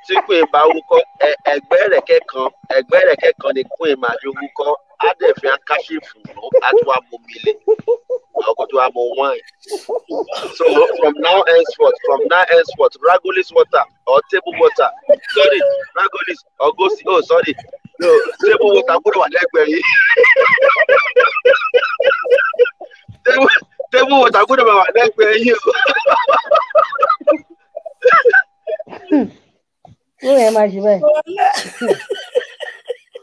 tí kò bá wúkọ́ ẹgbẹ́ rẹ̀ kẹ́kan ẹgbẹ́ rẹ̀ kẹ́kan ni kún ìmàdí wúkọ́ á fi akáṣẹ́fù nù á tún mú mi lé ọkọ̀ tó mú wine. so from now henceforth from now henceforth ragolis water or table water sorry ragolis or go see. oh sorry no table water gbọ́dọ̀ wà lẹ́gbẹ̀ẹ́ yìí table water gbọ́dọ̀ wà lẹ́gbẹ̀ẹ́ yìí o. Wúwo yẹn máa ṣe báyìí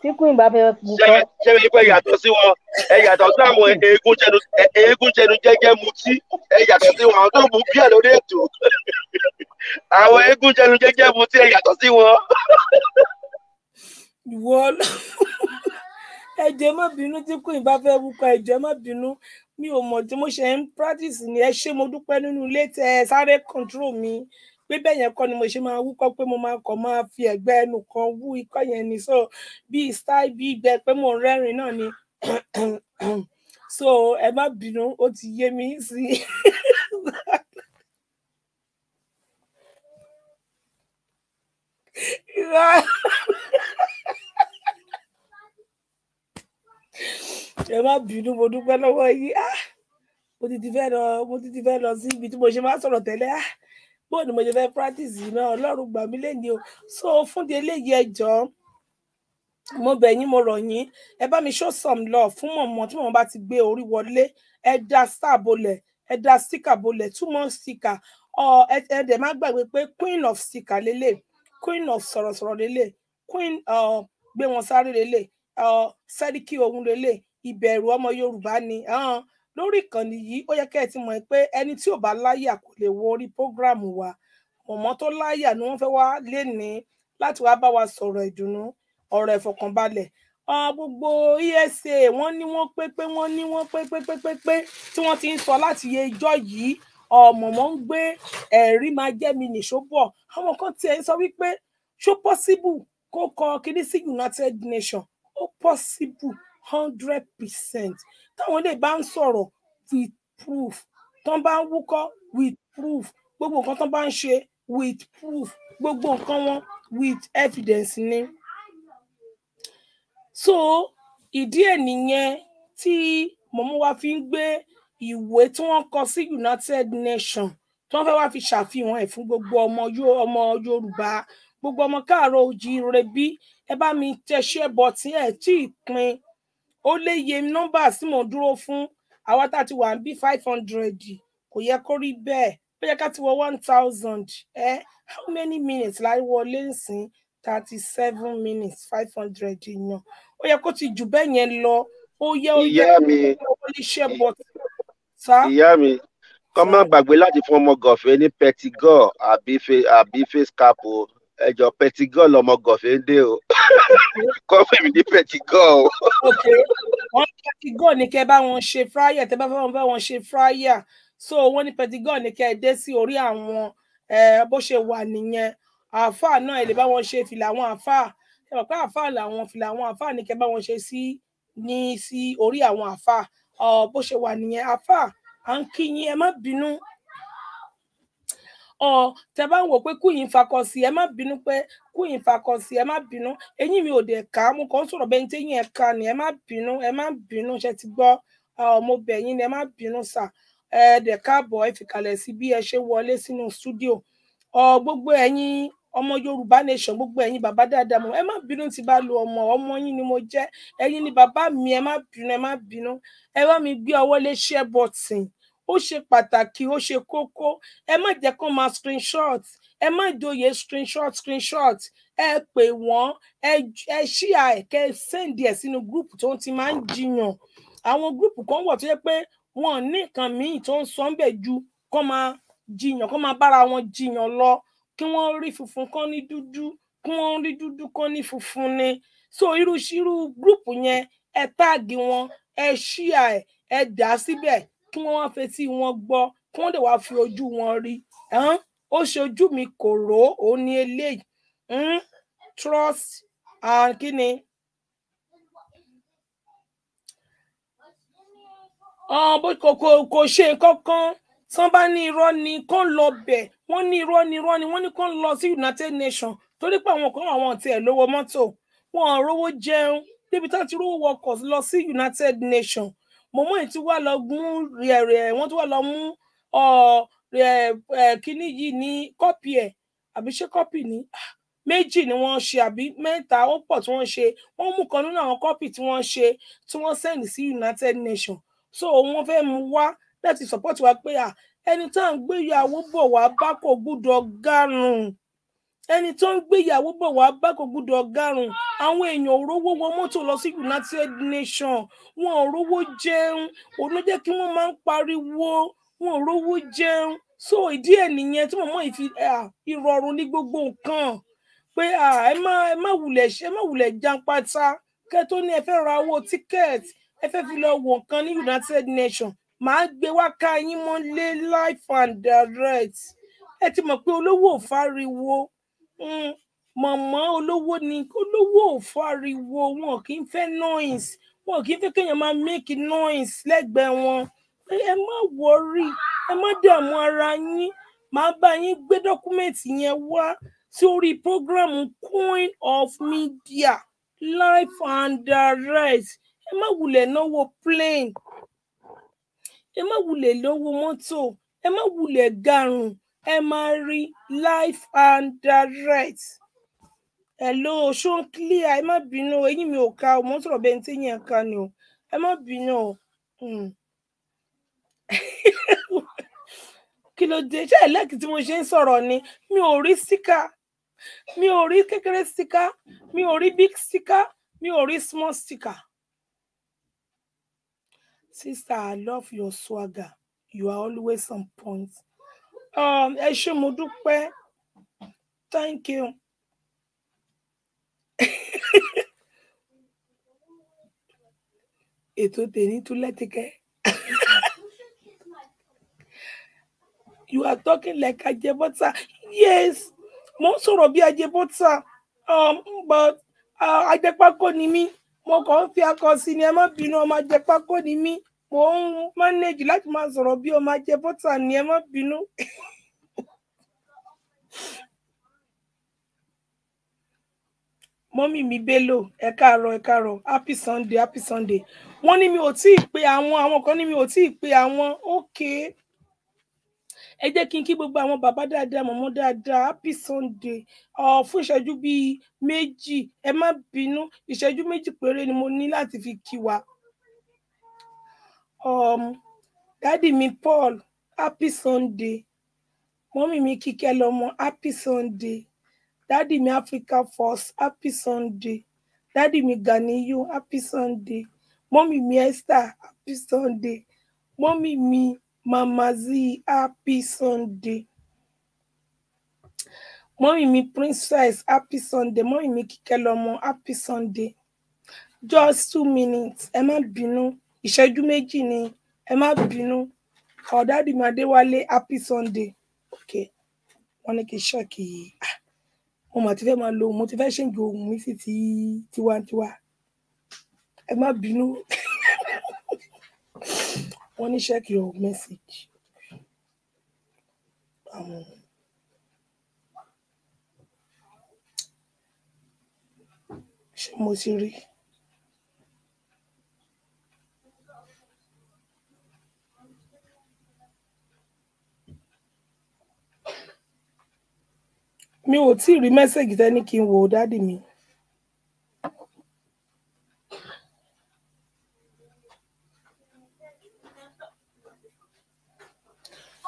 tí queen bá fẹ́ mú kọ́. ṣé ẹ gbẹ́ yàtọ̀ sí wọn ẹ yàtọ̀ sí àwọn eégún jẹnu eégún jẹnu jẹ́jẹ́ mutí ẹ yàtọ̀ sí wọn àwọn tó mú bíẹ̀ lórí ètò àwọn eégún jẹnu jẹ́jẹ́ mutí ẹ yàtọ̀ sí wọn. ìwọ ẹjẹ má bínú tí queen bá fẹ́ wúkọ ẹjẹ má bínú mi ò mọ̀ tí mo ṣe ń practice ni ẹ ṣé mo dúpẹ́ nínú ilé tẹ ẹ sáré control mi pé bẹ́ẹ̀ yẹn kọ́ ni mo ṣe máa wúkọ́ pé mo máa kọ́ máa fi ẹ̀gbẹ́ ẹnu kan wú ikọ́ yẹn ni so bí style bí gbẹ pé mo rẹ́rìn náà ni so ẹ má bínú ó ti yé mi sí i. ẹ má bínú mo dúpẹ́ lọ́wọ́ yìí ah, mo ti ti fẹ́ lọ mo ti ti fẹ́ lọ sí ibi tí mo ṣe máa sọ̀rọ̀ tẹ́lẹ̀ ah bó ni mo ṣe fẹ́ practice yìí náà ọlọ́run gbà mí lẹ́yìn o so fún di eléyìí ẹjọ́ mo bẹ̀ yín mo rọ̀ yín ẹ bá mi show some love fún mọ̀mọ́ tí mọ̀mọ́ bá ti gbé orí wọlé ẹ da star bolẹ̀ ẹ da sticker bolẹ̀ two more sticker ẹ dẹ̀ má gbàgbé pé queen of sticker lélẹ̀ queen of sọ̀rọ̀sọ̀rọ̀ lélẹ̀ queen gbé wọn sáré lélẹ̀ sẹ́ríkì ohun lélẹ̀ ìbẹ̀rù ọmọ yorùbá ni lórí ìkànnì yìí ó yẹ kẹ́ ẹ ti mọ̀ pé ẹni tí ò bá láyà kò lè wo orí prógráàmù wa ọmọ tó láyà ni wọ́n fẹ́ wá lé ní láti wá bá wa sọ̀rọ̀ ìdùnnú ọ̀rọ̀ ìfọ̀kànbalẹ̀ gbogbo ESA wọ́n ní wọ́n pé pé wọ́n ní wọ́n pé pé pé pé pé tí wọ́n ti ń sọ láti yẹ ijọ́ yìí mọ̀mọ́ ń gbé ẹ̀rí máa jẹ́ mi nìṣó bọ̀ àwọn kan tiẹ̀ ń sọ wípé ṣó possible kó kọ kíní sí United Nations ó possible hundred percent táwọn lè bá ń sọ̀rọ̀ with proof tán bá ń wúkọ́ with proof gbogbo nǹkan tán bá ń ṣe with proof gbogbo nǹkan wọn with evidence ni so ìdí ẹ̀ nìyẹn tí mọmú wa fi ń gbé ìwé tí wọ́n kọ sí United Nations tí wọ́n fẹ́ wá fi ṣàfihàn ẹ̀ fún gbogbo ọmọ ọmọ Yorùbá gbogbo ọmọ káàárọ̀ oòjíire bí ẹ bá mi tẹṣẹ bọtí ẹ tí ì pín ó lé iye nọ́mbà tí mò dúró fún àwa tá a ti wà ń bí five hundred kò yẹ kó rí bẹ́ẹ̀ ó yẹ ká ti wọ one thousand ẹ how many minutes láì wọlé nsìn thirty seven minutes five hundred yan ó yẹ kó ti jù bẹ́ẹ̀ yẹn lọ ó yẹ ó yẹ kó wọlé iṣẹ́ bọ̀ sá. ìyá mi kọ́ má gbàgbé láti fún ọmọ gọ̀fẹ́ ní pẹtigọ́ àbí face cap o ẹjọ petigol ọmọ gọfẹndé o kọfẹ mi ní petigol o. wọ́n ní petigol ní kẹ́ bá wọn ṣe fryer tẹ́ bá wọn bá wọn ṣe fryer so wọ́n ní petigol ní kẹ́ dé sí orí àwọn bó ṣe wà nìyẹn àáfàá náà ẹ lè bá wọn ṣe fìlà àwọn àáfàá ẹ mọ̀ pé àáfàá làwọn fìlà àwọn àáfàá ní kẹ́ bá wọn ṣe sí ní sí orí àwọn àáfàá bó ṣe wà nìyẹn àáfàá à ń kí yín ẹ má bínú or tẹ bá ń wò pé kú yìí ń fakọ sí ẹ má bínú pé kú yìí ń fakọ sí ẹ má bínú eyín mi ò dẹ̀ ká mo kàn ń sọ̀rọ̀ bẹ́ẹ̀ tẹ́yìn ẹ̀ ká ni ẹ má bínú ẹ má bínú ṣe ti gbọ́ ọmọ bẹ̀yìn ni ẹ má bínú sà ẹ dẹ̀ káàbọ̀ ẹ fìkàlẹ̀ sí bí ẹ ṣe wọlé sínú stúdíò ọ gbogbo ẹ̀yin ọmọ yorùbá nation gbogbo ẹ̀yin bàbá dáadáa mo ẹ má bínú tí bá lu ọmọ ọmọ yín ni mo jẹ́ ẹ̀yin ni baba mi ẹ má bínú ẹ má bínú ẹ wá mi gbé ọwọ́ lé share button ó ṣe pàtàkì ó ṣe kókó ẹ má jẹ́ kó máa screenshot ẹ má ìdòye screenshot screenshot ẹ pè wọ́n ẹ ṣíà ẹ kẹ send ẹ sínú group tó ti máa ń jiyàn àwọn group kan wọ̀ tó yẹ pé wọn ò ní nǹkan míì tó ń sọ ń bẹ̀ ju kó máa jiyàn kó máa bára wọn jiyàn lọ kí wọ́n rí funfun kán ní dúdú kí wọ́n rí dúdú kán ní funfun ni so irú irú group yẹn ẹ táàgì wọn ẹ ṣíà ẹ ẹ dà síbẹ̀ kí wọ́n wá fetí wọn gbọ́ kí wọ́n dẹ̀ wá fi ojú wọn rí ó ṣe ojú mi kò rò ó ní eléyìí hmm, trust and kí ni. Ah, bó kò kò kò ṣe nǹkan kan tán bá ní irọ́ ni kán lọ bẹ̀ wọ́n ní irọ́ ni irọ́ ni wọ́n ní kán lọ sí United Nations torí pé àwọn kan àwọn tiẹ̀ lówó mọ́tò wọn ò rówó jẹun débi tá ti rówó wọkọ̀ lọ sí United Nations mọ̀mọ́ yìí ti wá lọ gún rẹ̀ wọ́n ti wá lọ mú kínní yìí ní kọ́pì ẹ̀ àbí ṣé kọ́pì ní ah, méjì ni wọ́n ṣe àbí mẹ́ta ó pọ̀ tí wọ́n ṣe wọ́n mú kan nínú àwọn kọ́pì tí wọ́n ṣe tí wọ́n send sí United Nations so wọ́n fẹ́ mú wá láti support wa pé ẹni tá à ń gbéyàwó bọ̀ wá bá kò gbúdọ̀ gárùn ẹni tó ń gbéyàwó bọ̀ wá bá kò gbúdọ̀ ọ̀gárùn àwọn èèyàn ò rówó wọ mọ́tò lọ sí United Nations wọn ò rówó jẹun òun ló jẹ́ kí wọ́n máa ń pariwo wọn ò rówó jẹun so ìdí ẹ̀ nìyẹn tí mọ̀mọ́ ìfi ìrọ̀rùn ní gbogbo nǹkan pé ẹ má ẹ má wulẹ̀ ṣe ẹ má wulẹ̀ jampata kẹ́ tó ní ẹ fẹ́ ra owó tíkẹ́ẹ̀tì ẹ fẹ́ fi lọ wọ̀ nǹkan ní United Nations màá gbé wá ká yín mọ́lé life and direct ẹ ti mọ̀ pé olówó ò fáriwo mọ̀mọ́ olówó ni olówó ò fariwo wọn kì í fẹ́ noise wọn kì í fẹ́ kéèyàn máa make noise lẹ́gbẹ̀ẹ́ wọn ẹ má wọrí ẹ má dààmú ara yín màá bá yín gbé dọ́kúmẹ̀ntì yẹn wá sórí prógrámù Queen of Media life and direct ẹ má wulẹ̀ náwó plane ẹ má wulẹ̀ lówó mọ́tò ẹ má wulẹ̀ garùn-ún ẹ máa rí life and direct hello ṣóun clear ẹ má bínú eyín mi ò ka o mo ń sọ̀rọ̀ bẹ́ẹ̀ tí yín ẹ̀ ka ni o ẹ má bínú o hmm. kí ló dé ṣé ẹlẹ́kì tí mo ṣe ń sọ̀rọ̀ ni mi ò rí síkà mi ò rí kékeré síkà mi ò rí big síkà mi ò rí small síkà. Sister, I love your swagger. You are always on point. Um, ẹ ṣé mo dúpẹ́ thank you. ètò tèmi tún lẹ́tìkẹ́. you are talking like ajebota yes mo ń sọ̀rọ̀ bí ajebota um, but uh, ajẹpákó ni mí mo kàn ń fi akọ sí ni ẹ má bínú ọmọ ajẹpákó ni mí mo ń manage láti máa sọ̀rọ̀ bí ọmọ ajẹ bọ́tà ni ẹ má bínú. mọ́mì mi bello ẹ káàárọ̀ ẹ káàárọ̀ happy sunday happy sunday wọ́n ní mi ò tí ì pe àwọn àwọn kan ní mi ò tí ì pe àwọn ókè ẹ jẹ́ kí n kí gbogbo àwọn bàbá dáadáa mọ̀mọ́ dáadáa happy sunday ọ̀ fún ìṣẹ́jú bíi méjì ẹ má bínú ìṣẹ́jú méjì péré ni mo ní láti fi kí wa um dádì mi paul happy sunday mọ́mì mi kíkẹ́ lọ́mọ happy sunday dádì mi africa Force. happy sunday dádì mi ganiyu happy sunday mọ́mì mi esther happy sunday mọ́mì mi mamazi happy sunday mọ́mì mi princess happy sunday mọ́mì mi kíkẹ́ lọ́mọ happy sunday just two minutes ẹ má bínú ìṣẹ́jú méjì ni ẹ má bínú ọ̀dádì máa dé wálé happy sunday ok wọ́n ní kí ṣọ́ọ̀kì yìí ah, mo mà ti fẹ́ máa lo mo ti fẹ́ ṣèǹgì ohun mi sí ti tiwantiwa ẹ má bínú wọ́n ní check your message. Um, ṣé mo ti rí mi ò tí ì rí mẹ́sẹ̀gì tẹ́ni kí n wò ó dádì mi.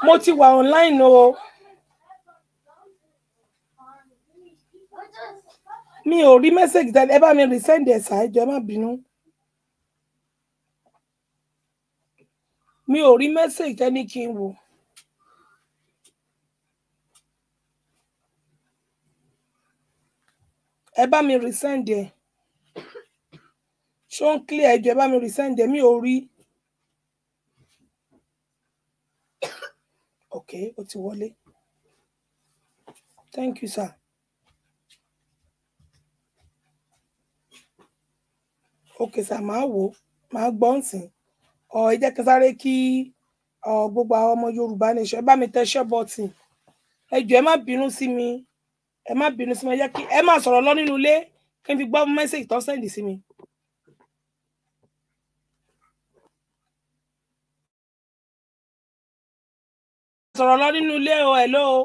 mo ti wà online o mi ò rí mẹ́sẹ̀gì tẹ́ni ẹ bá mi resend ẹ̀ ṣáájú ẹ má bínú. mi ò rí mẹ́sẹ̀gì tẹ́ni kí n wò ẹ bá mi resend ẹ Show clear ẹjọ ẹ bá mi resend ẹ mi ò rí ok ó ti wọlé thank you sir. ok sir màá wò màá gbọ́ nsìn ọ ẹ jẹ́ kí n sáré kí ọ gbogbo àwọn ọmọ Yorùbá nation ẹ bá mi tẹ ṣẹ́ bọ́tì ẹ ẹ má bínú sí mi ẹ má bínú sí mi yẹ kí ẹ má sọ̀rọ̀ lọ nínú ilé kí n fi gbọ́ mẹ́sẹ̀gì tó sẹ́ǹdì sí mi. sọ̀rọ̀ lọ nínú ilé o ẹ̀ ló o.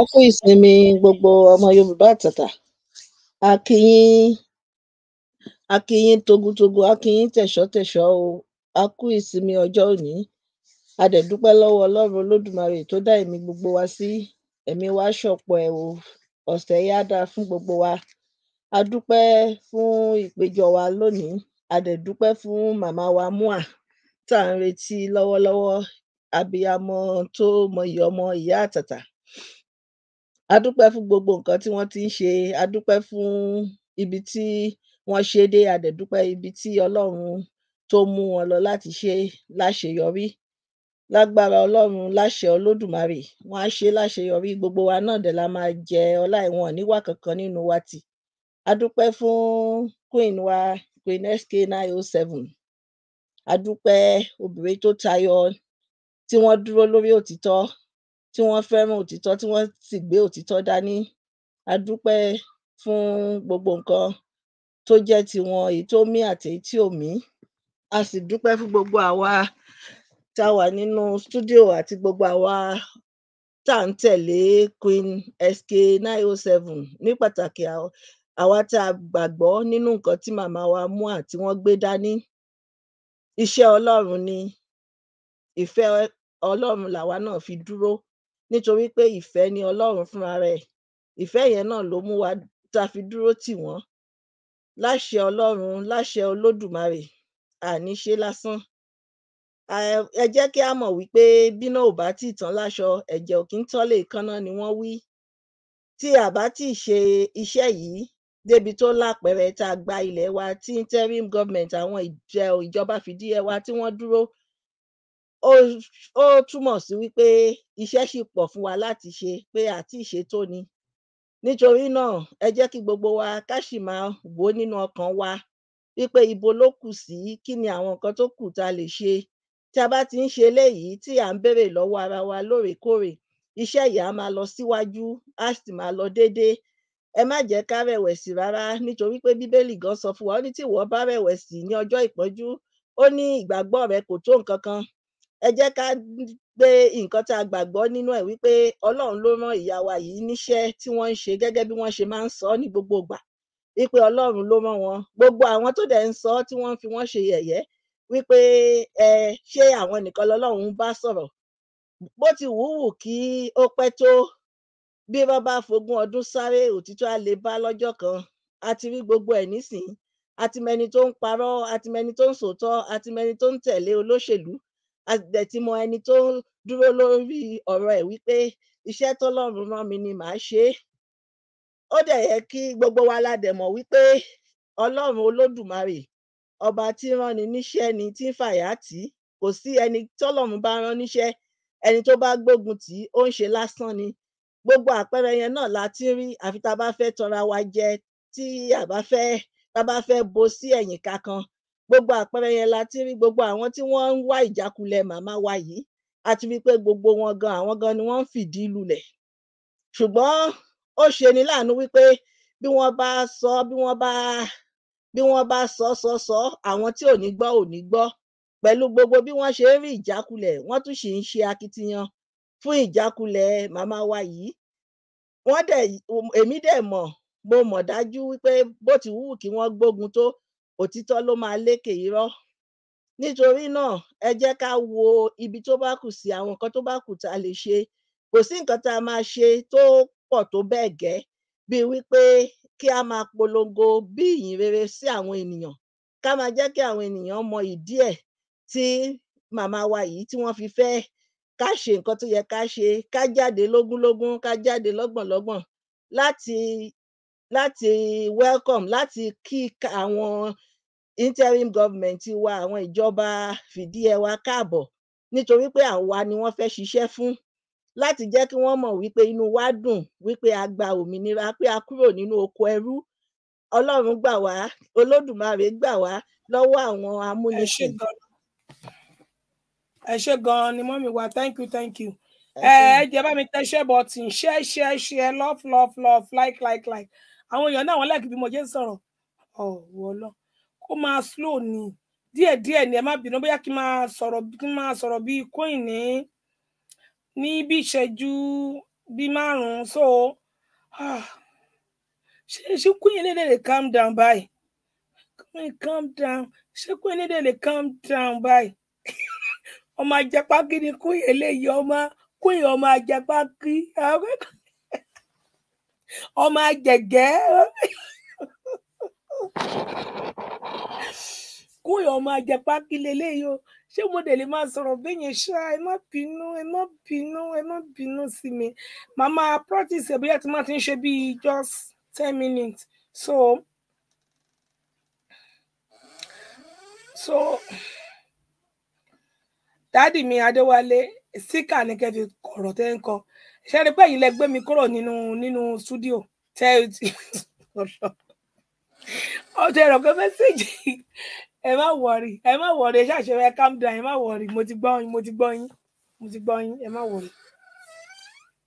a kú ìsinmi gbogbo ọmọ Yorùbá àtàtà a a kí yín togun-togun a kí yín tẹ̀sọ́-tẹ̀sọ́ o a kú ìsinmi ọjọ́ òní a dẹ̀ dúpẹ́ lọ́wọ́ ọlọ́run olódùmarè tó dá ẹ̀mí gbogbo wa sí ẹ̀mí wa ṣọ̀pọ̀ ẹ̀ o ọ̀sẹ̀ yá dáa fún gbogbo wa a dúpẹ́ fún ìpéjọ wa lónìí a dẹ̀ dúpẹ́ fún màmá wa mua tá à ń retí lọ́wọ́lọ́wọ́ abiyamọ tó mọyì ọmọ ìyá àtàtà a dúpẹ́ fún gbogbo nǹkan tí wọ́n ti ń ṣe a dúpẹ́ fún ibi tí wọn ṣe dé a dé dúpẹ ibi tí ọlọrun tó mú wọn lọ láti ṣe láṣeyọrí lágbára ọlọrun láṣẹ olódùmarè wọn á ṣe láṣeyọrí gbogbo wa náà dé la máa jẹ ọlá ìwọn níwà kankan nínú wa tì a fún queen wa queen sk nine oh seven a dúpẹ obìnrin tó tayọ tí wọn dúró lórí òtítọ tí wọn fẹràn òtítọ tí wọn sì gbé òtítọ dání a fún gbogbo nǹkan tó jẹ́ tiwọn èyí tó mí àti èyí tí ò mí a sì dúpẹ́ fún gbogbo àwa tá a wà nínú stúdíò àti gbogbo àwa tá à ń tẹ̀lé Queen SK nine oh seven ní pàtàkì àwa tá a gbàgbọ́ nínú nǹkan tí màmá wa mua tí wọ́n gbé dání iṣẹ́ Ọlọ́run ni ìfẹ́ Ọlọ́run làwa náà fi dúró nítorí pé ìfẹ́ ni Ọlọ́run fúnra rẹ̀ ìfẹ́ yẹn náà ló mú wa tá a fi dúró tì wọ́n láṣẹ ọlọ́run láṣẹ olódùmarè àní ṣe lásán ẹ jẹ́ kí a mọ̀ wípé bíná ò bá tí tán láṣọ ẹ̀jẹ̀ ò kí ń tán lèékánná ni wọ́n wí tí a bá tí ṣe iṣẹ́ yìí débi tó lápẹẹrẹ tá a gba ilẹ̀ wa tí interim government àwọn ìjọba fìdíhe wa tí wọ́n dúró ó túmọ̀ sí wípé iṣẹ́ ṣì pọ̀ fún wa láti ṣe pé àti ìṣètò ni nítorí náà ẹ jẹ́ kí gbogbo wa ká sì máa wò nínú ọkàn wa wípé ibo ló kù sí kí ni àwọn nǹkan tó kù tá lè ṣe tí a bá ti ń ṣe eléyìí tí à ń béèrè lọ́wọ́ ara wa lóòrèkóòrè iṣẹ́ yìí á máa lọ síwájú á sì máa lọ déédéé ẹ má jẹ́ ká rẹ̀wẹ̀sì rárá nítorí pé bíbélì gan sọ fún wa ó ní tí ìwọ bá rẹ̀wẹ̀sì ní ọjọ́ ìpọ́njú ó ní ìgbàgbọ́ rẹ kò tó nǹkan kan ẹ jẹ́ ká pé nǹkan tá a gbàgbọ́ nínú ẹ̀ wípé ọlọ́run ló rán ìyá wa yìí níṣẹ́ tí wọ́n ń ṣe gẹ́gẹ́ bí wọ́n ṣe máa ń sọ ní gbogbo ìgbà wípé ọlọ́run ló rán wọn gbogbo àwọn tó dẹ̀ ń sọ tí wọ́n ń fi wọ́n ṣe yẹ̀yẹ́ wípé ẹ ṣé àwọn nìkan lọ́lọ́run bá sọ̀rọ̀ bó ti wúwù kí ó pẹ́ tó bí wọ́n bá fogún ọdún sáré òtítọ́ á lè bá lọ́jọ́ kan a ti rí gbogbo ẹ̀ nísìnyí a tó ń parọ́ a tó ń sòótọ́ a tó ń tẹ̀lé olóṣèlú àdẹ̀tìmọ ẹni tó ń dúró lórí ọ̀rọ̀ ẹ̀ wípé iṣẹ́ tọ́lọ́run rán mi ni màá ṣe é ó dẹ̀ yẹ kí gbogbo wa la dẹ̀ wípé ọlọ́run olódùmarè ọba tí ránni níṣẹ́ ni tí ń fàyà tì í kò sí ẹni tọ́lọ́run bá rán níṣẹ́ ẹni tó bá gbógun tì í ó ń ṣe lásán ni gbogbo àpẹẹrẹ yẹn náà la ti rí àfi tá a bá fẹ́ tọra wa jẹ tí a bá fẹ́ tá a bá fẹ́ bo sí ẹ̀yìn kankan gbogbo àpẹẹrẹ yẹn la ti rí gbogbo àwọn tí wọ́n ń wá ìjákulẹ̀ màmá wa yìí a ti rí pé gbogbo wọn gan àwọn gan ni wọ́n ń fìdí lulẹ̀ ṣùgbọ́n ó ṣe ni láàánú wípé bí wọ́n bá sọ bí wọ́n bá bí wọ́n bá sọ sọ sọ àwọn tí ò ní gbọ́ ò ní gbọ́ pẹ̀lú gbogbo bí wọ́n ṣe ń rí ìjákulẹ̀ wọ́n tún sì ń ṣe akitiyan fún ìjákulẹ̀ màmá wa yìí wọ́n dẹ̀ èmi dẹ̀ mọ̀ mo mọ̀ dájú wípé bó ti wù kí wọ́n gbógun tó òtítọ́ ló máa lékè irọ́ nítorí náà ẹ jẹ́ ká wo ibi tó bá kù sí àwọn nǹkan tó bá kù tá a lè ṣe kò sí nǹkan tá a máa ṣe tó pọ̀ tó bẹ́ẹ̀ gẹ́ bíi wípé kí a máa polongo bí ìyìn rere sí àwọn ènìyàn ká máa jẹ́ kí àwọn ènìyàn mọ ìdí ẹ̀ tí màmá wa yìí tí wọ́n fi fẹ́ ká ṣe nǹkan tó yẹ ká ṣe ká jáde lógúnlógún ká jáde lọ́gbọ̀nlọ́gbọ̀n láti láti welcome láti kí àwọn interim government wa àwọn ìjọba fìdí ẹ wa káàbọ̀ nítorí pé àwa ni wọ́n fẹ́ ṣiṣẹ́ fún láti jẹ́ kí wọ́n mọ̀ wípé inú wa dùn wípé a gba òmìnira pé a kúrò nínú oko ẹrú Ọlọ́run gbà wá Olódùmarè gbà wá lọ́wọ́ àwọn amúnisìn. ẹ ṣé gan-an ni mọ́mí wa thank you thank you ẹ ẹ jẹ́ bá mi tẹ ṣẹ́ bọ̀tì ṣẹ́ ṣẹ́ ṣẹ́ love love love like like like àwọn èèyàn náà wọn láìkí bí mo ṣe ń sọ̀rọ̀ ọwọ lọ kó máa slow ni díẹ̀díẹ̀ ni ẹ má bínú bóyá kí n máa sọ̀rọ̀ kí n máa sọ̀rọ̀ bíi coin ní ní bí ìṣẹ́jú bíi márùnún so ṣe ah, ṣe coin lédè lè calm down báyìí coin calm down ṣe coin lédè lè calm down báyìí ọmọ ajapá kí ni coin eléyìí ọmọ coin ọmọ ajapá kí ọmọ agẹgẹ kún ìyá ọmọ àjẹpá kí leléyìí o ṣé mo dẹ̀ lè máa sọ̀rọ̀ bẹ́yẹn ṣá ẹ má bínú ẹ má bínú ẹ má bínú sí mi màmá practice ẹ̀ bóyá tí má ti ń ṣe bíi just ten minutes so so dáàdì mi adéwálé síkà ní kẹfì kọ̀rọ̀ tẹ́ ń kọ́ ṣe rí pé ẹ̀yin lẹ gbé mi kúrò nínú nínú studio tẹ ọtọ ẹ̀rọ pé mẹ́sẹ̀gì ẹ má wọrí ẹ má wọrí ẹ ṣàṣẹ ẹ calm down ẹ má wọrí mo ti gbọ́ yín mo ti gbọ́ yín mo ti gbọ́ yín ẹ má wọrí.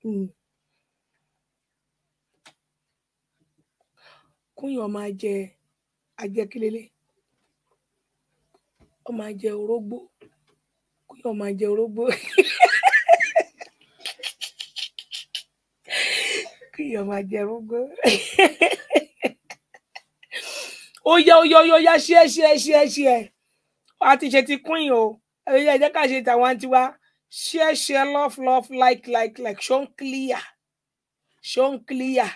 Hmm. kúnyàn máa jẹ ajẹkílélé ó máa jẹ orógbó kúnyàn máa jẹ orógbó. kíyàn máa jẹ rúgbó ó yá ó yá ó yá ó yá ṣíẹ ṣíẹ ṣíẹ ṣíẹ a ti ṣe ti queen o ẹ jẹ́ ká ṣe tàwọn tiwa ṣíẹ ṣíẹ love love like like like ṣó ń clear ṣó ń clear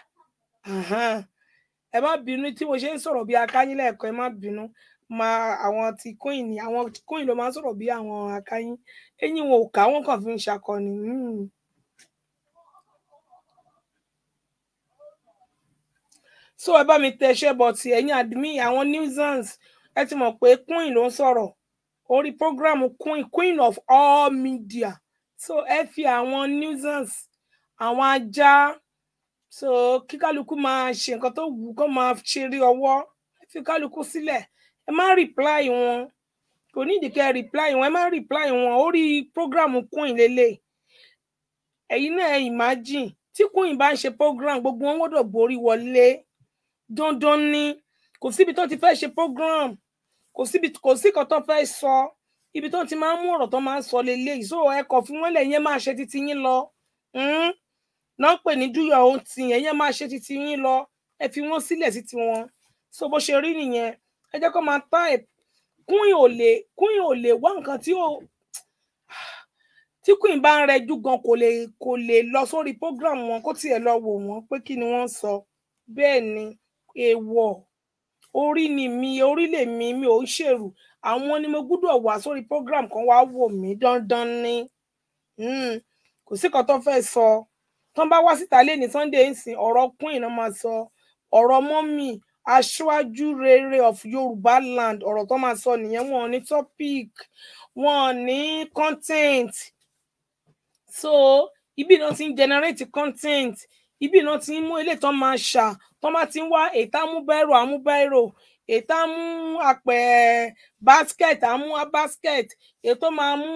ẹ má bínú tí mo ṣe ń sọ̀rọ̀ bí akáyín lẹ́ẹ̀kan ẹ má bínú máa àwọn ti queen ni àwọn queen ló máa ń sọ̀rọ̀ bí àwọn akáyín eyín wọn ò ká wọn kàn fi ń ṣakọni. Mm. so ẹ bá mi tẹ ṣẹ́ bọ̀tì ẹ̀yin admin àwọn nuisance ẹ ti mọ̀ pé queen ló ń sọ̀rọ̀ orí program queen queen of all media so ẹ fi àwọn nuisance àwọn ajá so kí kálukú máa ṣe nǹkan tó wù kó máa ṣeré ọwọ́ ẹ fi kálukú sílẹ̀ ẹ má reply wọn kò ní ìdíkẹ́ reply wọn ẹ má reply wọn orí program queen lélẹ̀ ẹ̀yin náà imagine tí queen bá ń ṣe program gbogbo wọn gbọ́dọ̀ borí wọlé dandan ni kò síbi tó ti fẹ́ ṣe program kò síbi kò sí kan tó fẹ́ sọ ibi tó ti máa ń mú ọ̀rọ̀ tó máa ń sọ leléyìí so ẹ̀kọ́ fún wọn lẹ̀ yẹn máa ṣe títí yín lọ hmm? náà ń pè ní do your own thing yẹn yẹn máa ṣe títí yín lọ ẹ fi wọn sílẹ̀ sí tiwọn so bó ṣe rí nìyẹn ẹ jẹ́ kó máa tá ẹ kúnyìn ò lè kúnyìn ò lè wá nǹkan tí ó tí queen bá ń rẹjú gan kò lè kò lè lọ sórí program wọn kó tiẹ̀ lọ wò wọ́n pé kí ni wọ́n sọ bẹ́ẹ̀ ni èèwọ orí ni mi orí lè mi mi ò ń ṣèrú àwọn ni mo gbúdọ̀ wá sórí program kan wá wò mí dandan ni hmm, kò sí kan tó fẹ́ sọ tán bá wá síta lé ní Sunday ń sìn ọ̀rọ̀ queen náà máa sọ ọ̀rọ̀ mọ́mì aṣáájú rere of Yorùbá land ọ̀rọ̀ tó máa sọ nìyẹn wọn ní topic wọn ní content so ibi náà ti ń generate content ibi náà ti ń mú eléyìí tán máa ṣà tán bá ti ń wá èyí tá mú bẹ́rò àmú bẹ́rò èyí tá mú àpẹ basket àmú basket èyí tó máa mú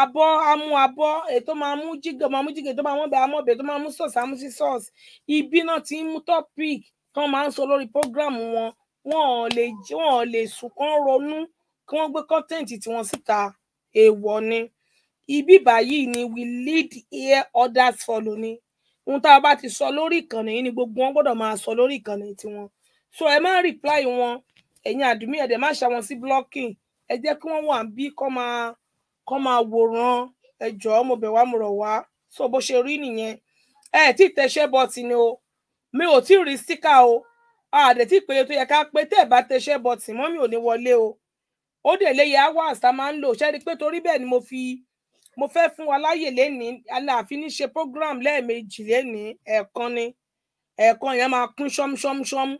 abọ́ amú abọ́ èyí tó máa mú jígẹ̀ máa mú jígẹ̀ tó máa mú bẹ́ẹ̀ amọ́ bẹ́ẹ̀ tó máa mú sọ̀ọ̀sì amú sí sọ̀ọ̀sì ibi náà ti ń mú topic tán máa ń sọ lórí program wọn wọn ò lè wọn ò lè sùn kán ronú kí wọ́n gbé content tiwọn síta èèwọ̀ ni ibi báyìí ni we lead here others follow ni ohun tá a bá ti sọ lórí ìkànnì yìí ni gbogbo wọn gbọ́dọ̀ máa sọ lórí ìkànnì tiwọn so ẹ má reply wọn ẹ̀yin àdúmí ẹdẹ má ṣàwọn sí blocking ẹ jẹ́ kí wọ́n wà bí kọ máa kọ máa wòran ẹ mo bẹ̀ wá mo rọ̀ wá so bó ṣe rí nìyẹn ẹ tí tẹṣẹ bọtì ni o mi ò tí ì rí síkà o àdẹ tí péye tó yẹ ká pé tẹ bá tẹṣẹ bọtì mọ mi ò ní wọlé o ó dẹ̀ léyà wá àṣà máa ń lò ṣẹ́ni pé torí bẹ́ẹ̀ ni mo fi mo fẹ́ fún wa láyè lénìí aláàfin ní ṣe program lẹ́ẹ̀mejì lénìí ẹ̀ẹ̀kan ni ẹ̀ẹ̀kan yẹn máa kún ṣọ́mṣọ́mṣọ́m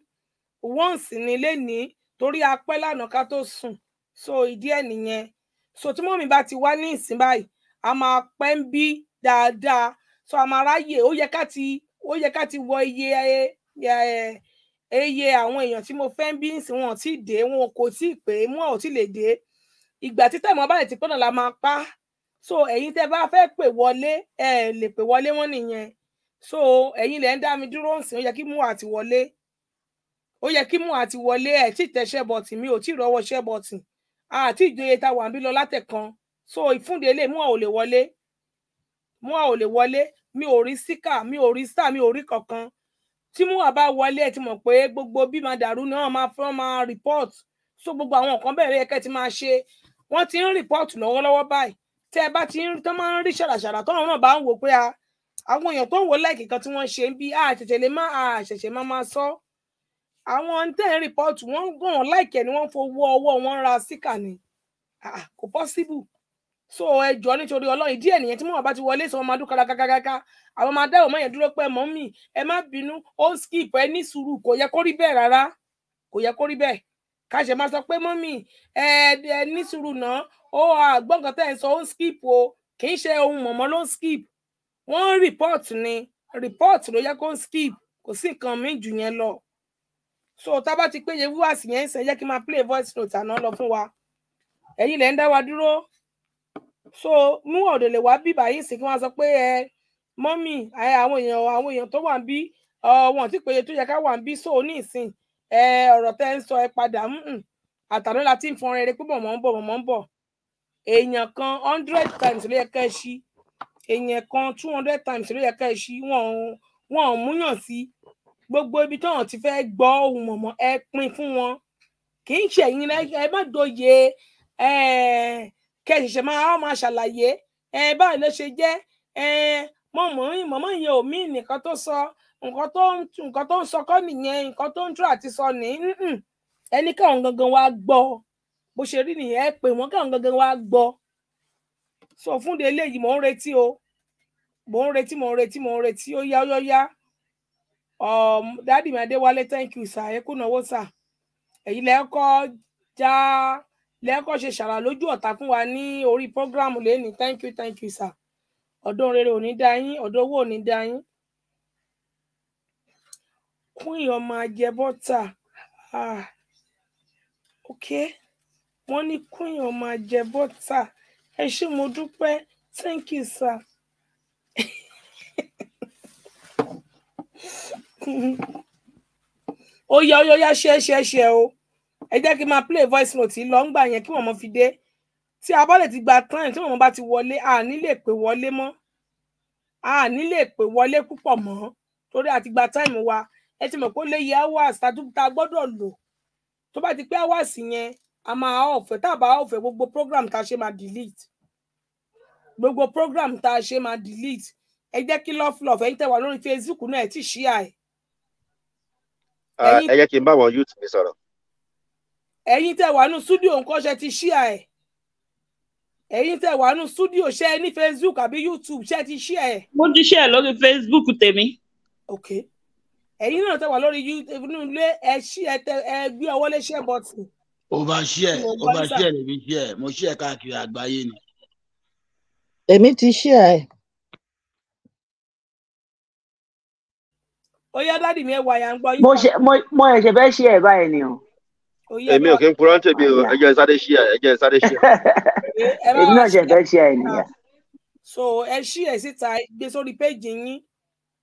once ní lénìí torí apẹ́ lánàá ká tó sùn so ìdí ẹ̀ nìyẹn so tí mọ́mí bá ti wá ní ìsìn báyìí a máa pẹ́ ń bí dáadáa so a máa ráyè ó yẹ ká ti ó yẹ ká ti wọ iye eye àwọn èèyàn tí mo fẹ́ ń bí ìsìn wọn ò tí ì dé wọn kò tí ì pé wọn ò tí ì lè dé ìgbà títẹ̀ mọ́ báyìí ti pọ́nà la máa pa á so ẹ̀yin tẹ́ bá fẹ́ pè wọlé ẹ lè pè wọlé wọn nìyẹn so ẹ̀yin lẹ ń dá mi dúró ǹsìn ó yẹ kí mú àti wọlé ó yẹ kí mú àti wọlé ẹ tí tẹ ṣẹ bọtì mi ò tí rọ́wọ́ ṣẹ bọtì àti ìjòyè ta wà ń bí lọ látẹ̀kan so ìfúnde lè mú à ò lè wọlé mú à ò lè wọlé mi ò rí síkà mi ò rí sá mi ò rí kankan tí mú à bá wọlé ẹ ti mọ̀ pé gbogbo bí máa dàrú náà máa fọ́n máa rìpọ́ọ̀tì so gbogbo àwọn nǹkan bẹ̀rẹ̀ ẹ̀kẹ́ ti máa ṣe wọ́n ti ń rìpọ́ọ̀tì lọ́wọ́lọ́wọ́ báyìí tẹ́ ẹ bá ti ń tán máa ń rí ṣàràṣàrà tọ́nà náà bá ń wò pé àwọn èèyàn tó ń wò láìkì kan tí wọ́n ṣe ń bí àṣẹ̀ṣẹ̀ lè má àṣẹ̀ṣẹ̀ má máa sọ àwọn tẹ́ ń rìpọ́ọ̀tù wọ́n ń gàn láìkẹ́ ni wọ́n fowó ọwọ́ wọn ra síkà ni kò pọ́síbù so ẹjọ́ nítorí ọlọ́run díẹ̀ nìyẹn tí mo bá ti wọlé sọ wọn máa dún kárakárakára àwọn máa dáwọ́ mọ́ yẹn dúró pé mọ́ ẹ má bínú ó ń skip ẹ ní sùúrù kò yẹ kó rí bẹ́ẹ̀ rárá kò yẹ kó rí bẹ́ẹ̀ ká ṣe máa sọ pé mọ́mì ẹ ẹ ní sùúrù náà ó àgbọ̀ǹkan tẹ̀ ń sọ ó ń skip o kì í ṣe ohun mọ̀mọ́ ló ń skip wọ́n ń report ni report ló yẹ kó ń skip kò sí nǹkan míì jù yẹn lọ so tá a bá ti péye wíwàsí yẹn ń sẹ́ jẹ́ kí n máa play voice note àná lọ fún wa ẹ̀yin lẹ́ ń dá wa dúró so níwọ̀n òde lè wá bí báyìí sí kí wọ́n sọ pé ẹ mọ́mì àwọn èèyàn àwọn èèyàn tó wà ń bí wọn ti péye tó yẹ ká wà ń bí so ní ìsìn ẹ ọ̀rọ̀ tẹ́ ń sọ ẹ padà àtàló la ti ń fọn rere pé mọ̀mọ́ ń bọ̀ mọ̀mọ́ ń bọ̀ èèyàn kan hundred times ló yẹ ká ẹ ṣí èèyàn kan two hundred times ló yẹ ká ẹ ṣí wọn wọn ò múyàn sí gbogbo ibi táwọn ti fẹ́ gbọ́ ohun mọ̀mọ́ ẹ pín fún wọn kì í ṣe ẹ̀yin ẹ má dòye kẹsìṣẹ́ máa máa ṣàlàyé báyìí ló ṣe jẹ́ mọ̀mọ́ yìí mọ̀mọ́ yìí ò mí nìkan tó sọ. So, nǹkan tó ń nǹkan tó ń sọ kọ́ nìyẹn nǹkan tó ń tura àti sọ ní ẹni káwọn gangan wá gbọ́ bó ṣe rí nìyẹn ẹ pè wọ́n káwọn gangan wá gbọ́ so fún de eléyìí mò ń retí o mò ń retí mò ń retí mò ń retí ó yá ó yá um, mi adéwálé thank you sir ẹ kú náwó sir èyí lẹ́ẹ̀kọ́ já lẹ́ẹ̀kọ́ ṣe ṣàrà lójú ọ̀tá fún wa ní orí prógráàmù lẹ́ni thank you thank you sir ọdún rere ò ní dá yín ọdún owó ò ní dá yín kéèyàn máa jẹ ah ok wọ́n ní kéèyàn máa jẹ bọ́tà ẹ ṣé mo dúpẹ́ thank you sir. ó yá ó yá ṣe é ṣe é ṣe o ẹ jẹ́ kí n máa play voice note lọ ń gbà yẹn kí wọ́n mọ̀ fi dé tí a bá lè ti gba time tí wọ́n bá ti wọlé a ní lè wọlé mọ́ a ní lè wọlé púpọ̀ mọ́ torí àti gba time wa ẹ ti mọ̀ pé ó lé yẹ hours tá a gbọ́dọ̀ lò tó bá ti pé hours yẹn a máa ọ̀fẹ́ tá a bá ọ̀fẹ́ gbogbo program tá a ṣe máa delete gbogbo program tá a ṣe máa delete ẹ jẹ́ kí lọ́ọ̀fù lọ́ọ̀fù ẹ̀yin tẹ̀ wá lórí Facebook náà ẹ̀ tí ṣí à ẹ̀. ẹ jẹ́ kí n bá wọn youth mi sọ̀rọ̀. ẹ̀yin tẹ̀ wá nù studio nǹkan ṣe ti ṣí à ẹ̀yin tẹ́ wà nù studio ṣe ní facebook àbí youtube ṣe ti ṣe ẹ. mo ti ṣe ẹ lórí facebook tèmi. ok ẹ̀yin náà tẹ́ wà lórí inú ilé ẹ ṣí ẹ tẹ ẹ gbé ọwọ́ lé share button. over share over share lèmi share mo share káàkiri àgbáyé ni. èmi ti share ẹ. ó yá dádì mi ẹ wà yà ń gbọ́ yín. mo ẹ̀ṣẹ̀ fẹ́ share ẹ̀ báyìí ni o. èmi ò kí n kúrò ń tèmi o ẹjọ́ ìsáré share ẹjọ́ ìsáré share. èmi náà ṣe fẹ́ share ẹ̀ nìyà. so ẹ share ẹ̀ síta gbé sórí péjì yín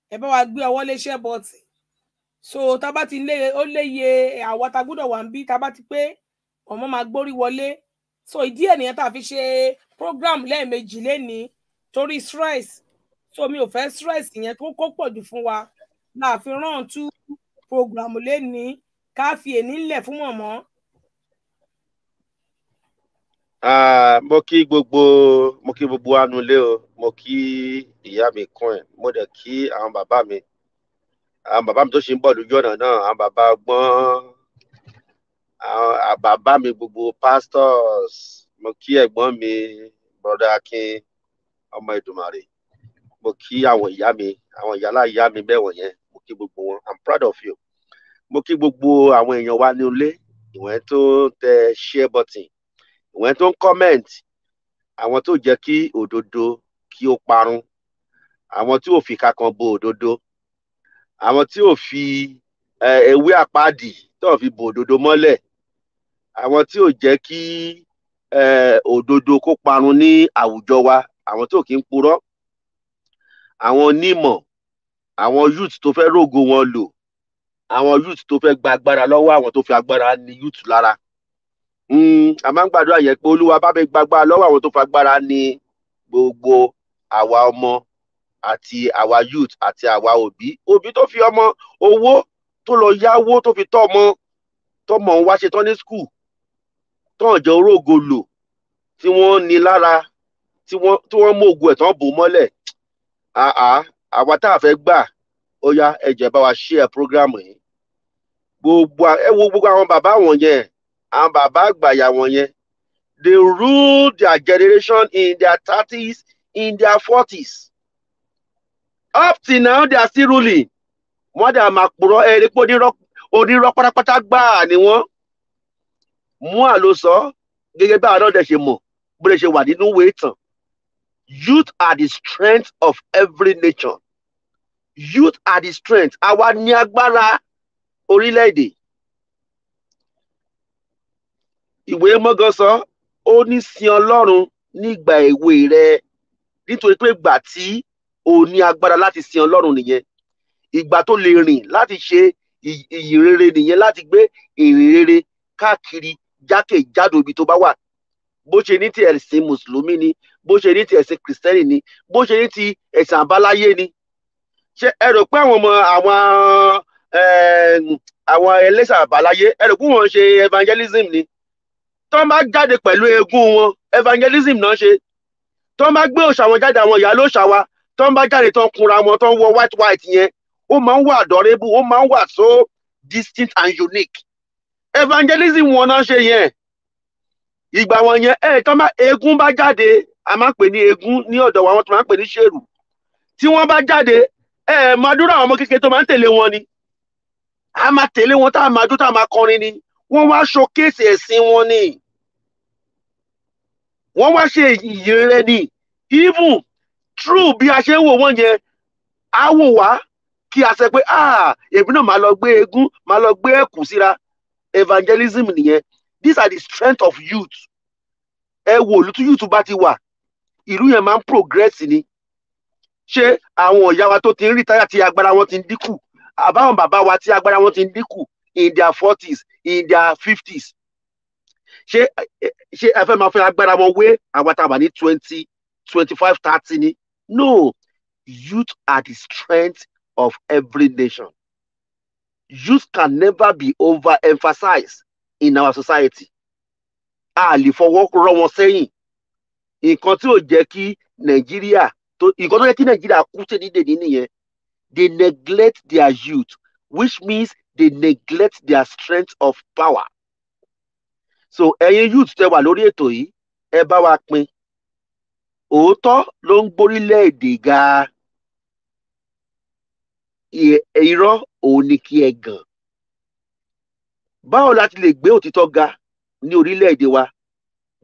ẹ bá wa gbé ọwọ́ lé share button so tá a bá ti lé ó léye àwa tá a gbọ́dọ̀ wà ń bí tá bá ti pé ọmọ máa gbórí wọlé so ìdí ẹ̀ tá a fi ṣe program lẹ́ẹ̀mejì lénìí torí stress so mi ò fẹ́ stress yẹn tó kó pọ̀ jù fún wa la fi ràn tú program lénìí ká fi èní lẹ̀ fún mọ̀mọ́. mo kí gbogbo mo kí gbogbo anulé o mo kí ìyá mi kún ẹ mo dẹ̀ kí àwọn bàbá mi àwọn bàbá mi tó ṣe ń bọ̀ lójú ọ̀nà náà àwọn bàbá ọgbọ́n àwọn bàbá mi gbogbo pastors mo kí ẹ̀gbọ́n mi broda akin ọmọ Èdùmàrè mo kí àwọn ìyá mi àwọn ìyálà ìyá mi bẹ́ẹ̀ wọ̀nyẹn mo kí gbogbo wọn i'm proud of you mo kí gbogbo àwọn èèyàn wa ní ilé ìwọ̀n tó tẹ share button ìwọ̀n tó ń comment àwọn tó jẹ́ kí òdodo kí ó parun àwọn tí ò kan bo òdodo àwọn tí ò fi ewé àpáàdì tí ò fi bò òdodo mọ́lẹ̀ àwọn tí ò jẹ́ kí òdodo kó parun ní àwùjọ wa àwọn tí ò kí ń purọ́ àwọn onímọ̀ àwọn youth tó fẹ́ rògo wọn lò àwọn youth tó fẹ́ gba agbára lọ́wọ́ àwọn tó fi agbára ní youth lára hmm, a máa ń gbàdúrà yẹn pé olúwa bá mi gba agbára lọ́wọ́ àwọn tó fi agbára ní gbogbo àwa ọmọ àti àwa youth àti àwa òbí òbí tó fi ọmọ owó tó lọ yáwó tó fi tọ́ tọmọ ń wá ṣe tán ní skul tán jẹ orógo lò tí wọ́n ní lára tí wọ́n mú ogun ẹ̀ tán bò mọ́lẹ̀ àwa tá a fẹ́ gbà ó yá bá wa share program yìí gbogbo ẹ wo gbogbo àwọn bàbá wọn yẹn àwọn bàbá àgbàyà wọn yẹn they rule their generation in their thirties in their forties up till now they are still ruling wọ́n dà máa purọ́ ẹni pé onírọ́ pátápátá gbáà ni wọ́n mua ló sọ gẹ́gẹ́ bí àárọ̀ dẹ̀ ṣe mọ̀ bó lè ṣe wà nínú ìwé ìtàn youth are the strength of every nation youth are the strength àwa ní agbára orílẹ̀-èdè ìwé mọ́gán sọ ó ní sin ọlọ́run nígbà èwe rẹ nítorí pé ìgbà tí ò ní agbára láti sin ọlọ́run nìyẹn ìgbà tó lè rìn láti ṣe ìyìn rere nìyẹn láti gbé ìrìn rere káàkiri jákèjádò ibi tó bá wà bó ṣe ní ti ẹ̀sìn mùsùlùmí ni bó ṣe ní ti ẹ̀sìn kìrìsìtẹ́nì ni bó ṣe ní ti ẹ̀sìn àbáláyé ni ṣe ẹ rò pé àwọn ọmọ àwọn àwọn ẹlẹ́sìn àbáláyé ẹ rò pé wọ́n ṣe evangelism ni tó ń bá jáde pẹ̀lú eégún wọn evangelism náà ṣe tó ń bá gbé òòṣà wọn jáde àwọn ìyá lóòṣà wa tó ń bá jáde tó ń kunra wọn tó ń wọ white white yẹn ó máa ń wà adorable ó máa ń wà so distinct and unique evangelism wọn náà ṣe yẹn ìgbà wọn yẹn ẹ tó bá eégún bá jáde a máa ń pè ní eégún ní ọ̀dọ̀ wa wọn tó máa ń pè ní ṣèrù tí wọ́n bá jáde ẹ máa àwọn ọmọ kékeré tó máa ń tẹ̀lé wọn ni a máa tẹ̀lé wọn tá a máa dún tá a máa kọrin ni wọ́n wá ṣokéèsì ẹ̀sìn wọn ni wọ́n wá ṣe ìyìn rẹ ni even true bí a ṣe ń wò wọ́n yẹn á wò wá kí a sọ pé ah, èmi náà máa lọ gbé eégún máa lọ gbé ẹ̀kú síra evangelism nìyẹn these are the strength of youth ẹ wò lùtú youth bá ti wà ìlú yẹn máa ń progress ni ṣé àwọn ìyá wa tó ti ń retire tí agbára wọn ti ń dínkù àbáwọn bàbá wa tí agbára wọn ti ń dínkù in their forties in their fifties ṣé ṣé ẹ fẹ́ máa fẹ́ agbára wọn wé àwọn tá ní twenty twenty five thirty ni No, youth are the strength of every nation. Youth can never be overemphasized in our society. A lè fọwọ́ rọ́ wọn saying, in tí ò jẹ́ kí Nàìjíríà tó nǹkan Nigeria jẹ́ kí Nàìjíríà kú They neglect their youth which means they neglect their strength of power. So ẹ̀yin youth tẹ́ wà lórí ètò yìí ẹ bá wa pín òótọ́ ló ń gbórílẹ̀-èdè ga irọ́ òun ni kí ẹ gàn báwo la ti lè gbé òtítọ́ ga ní orílẹ̀-èdè wa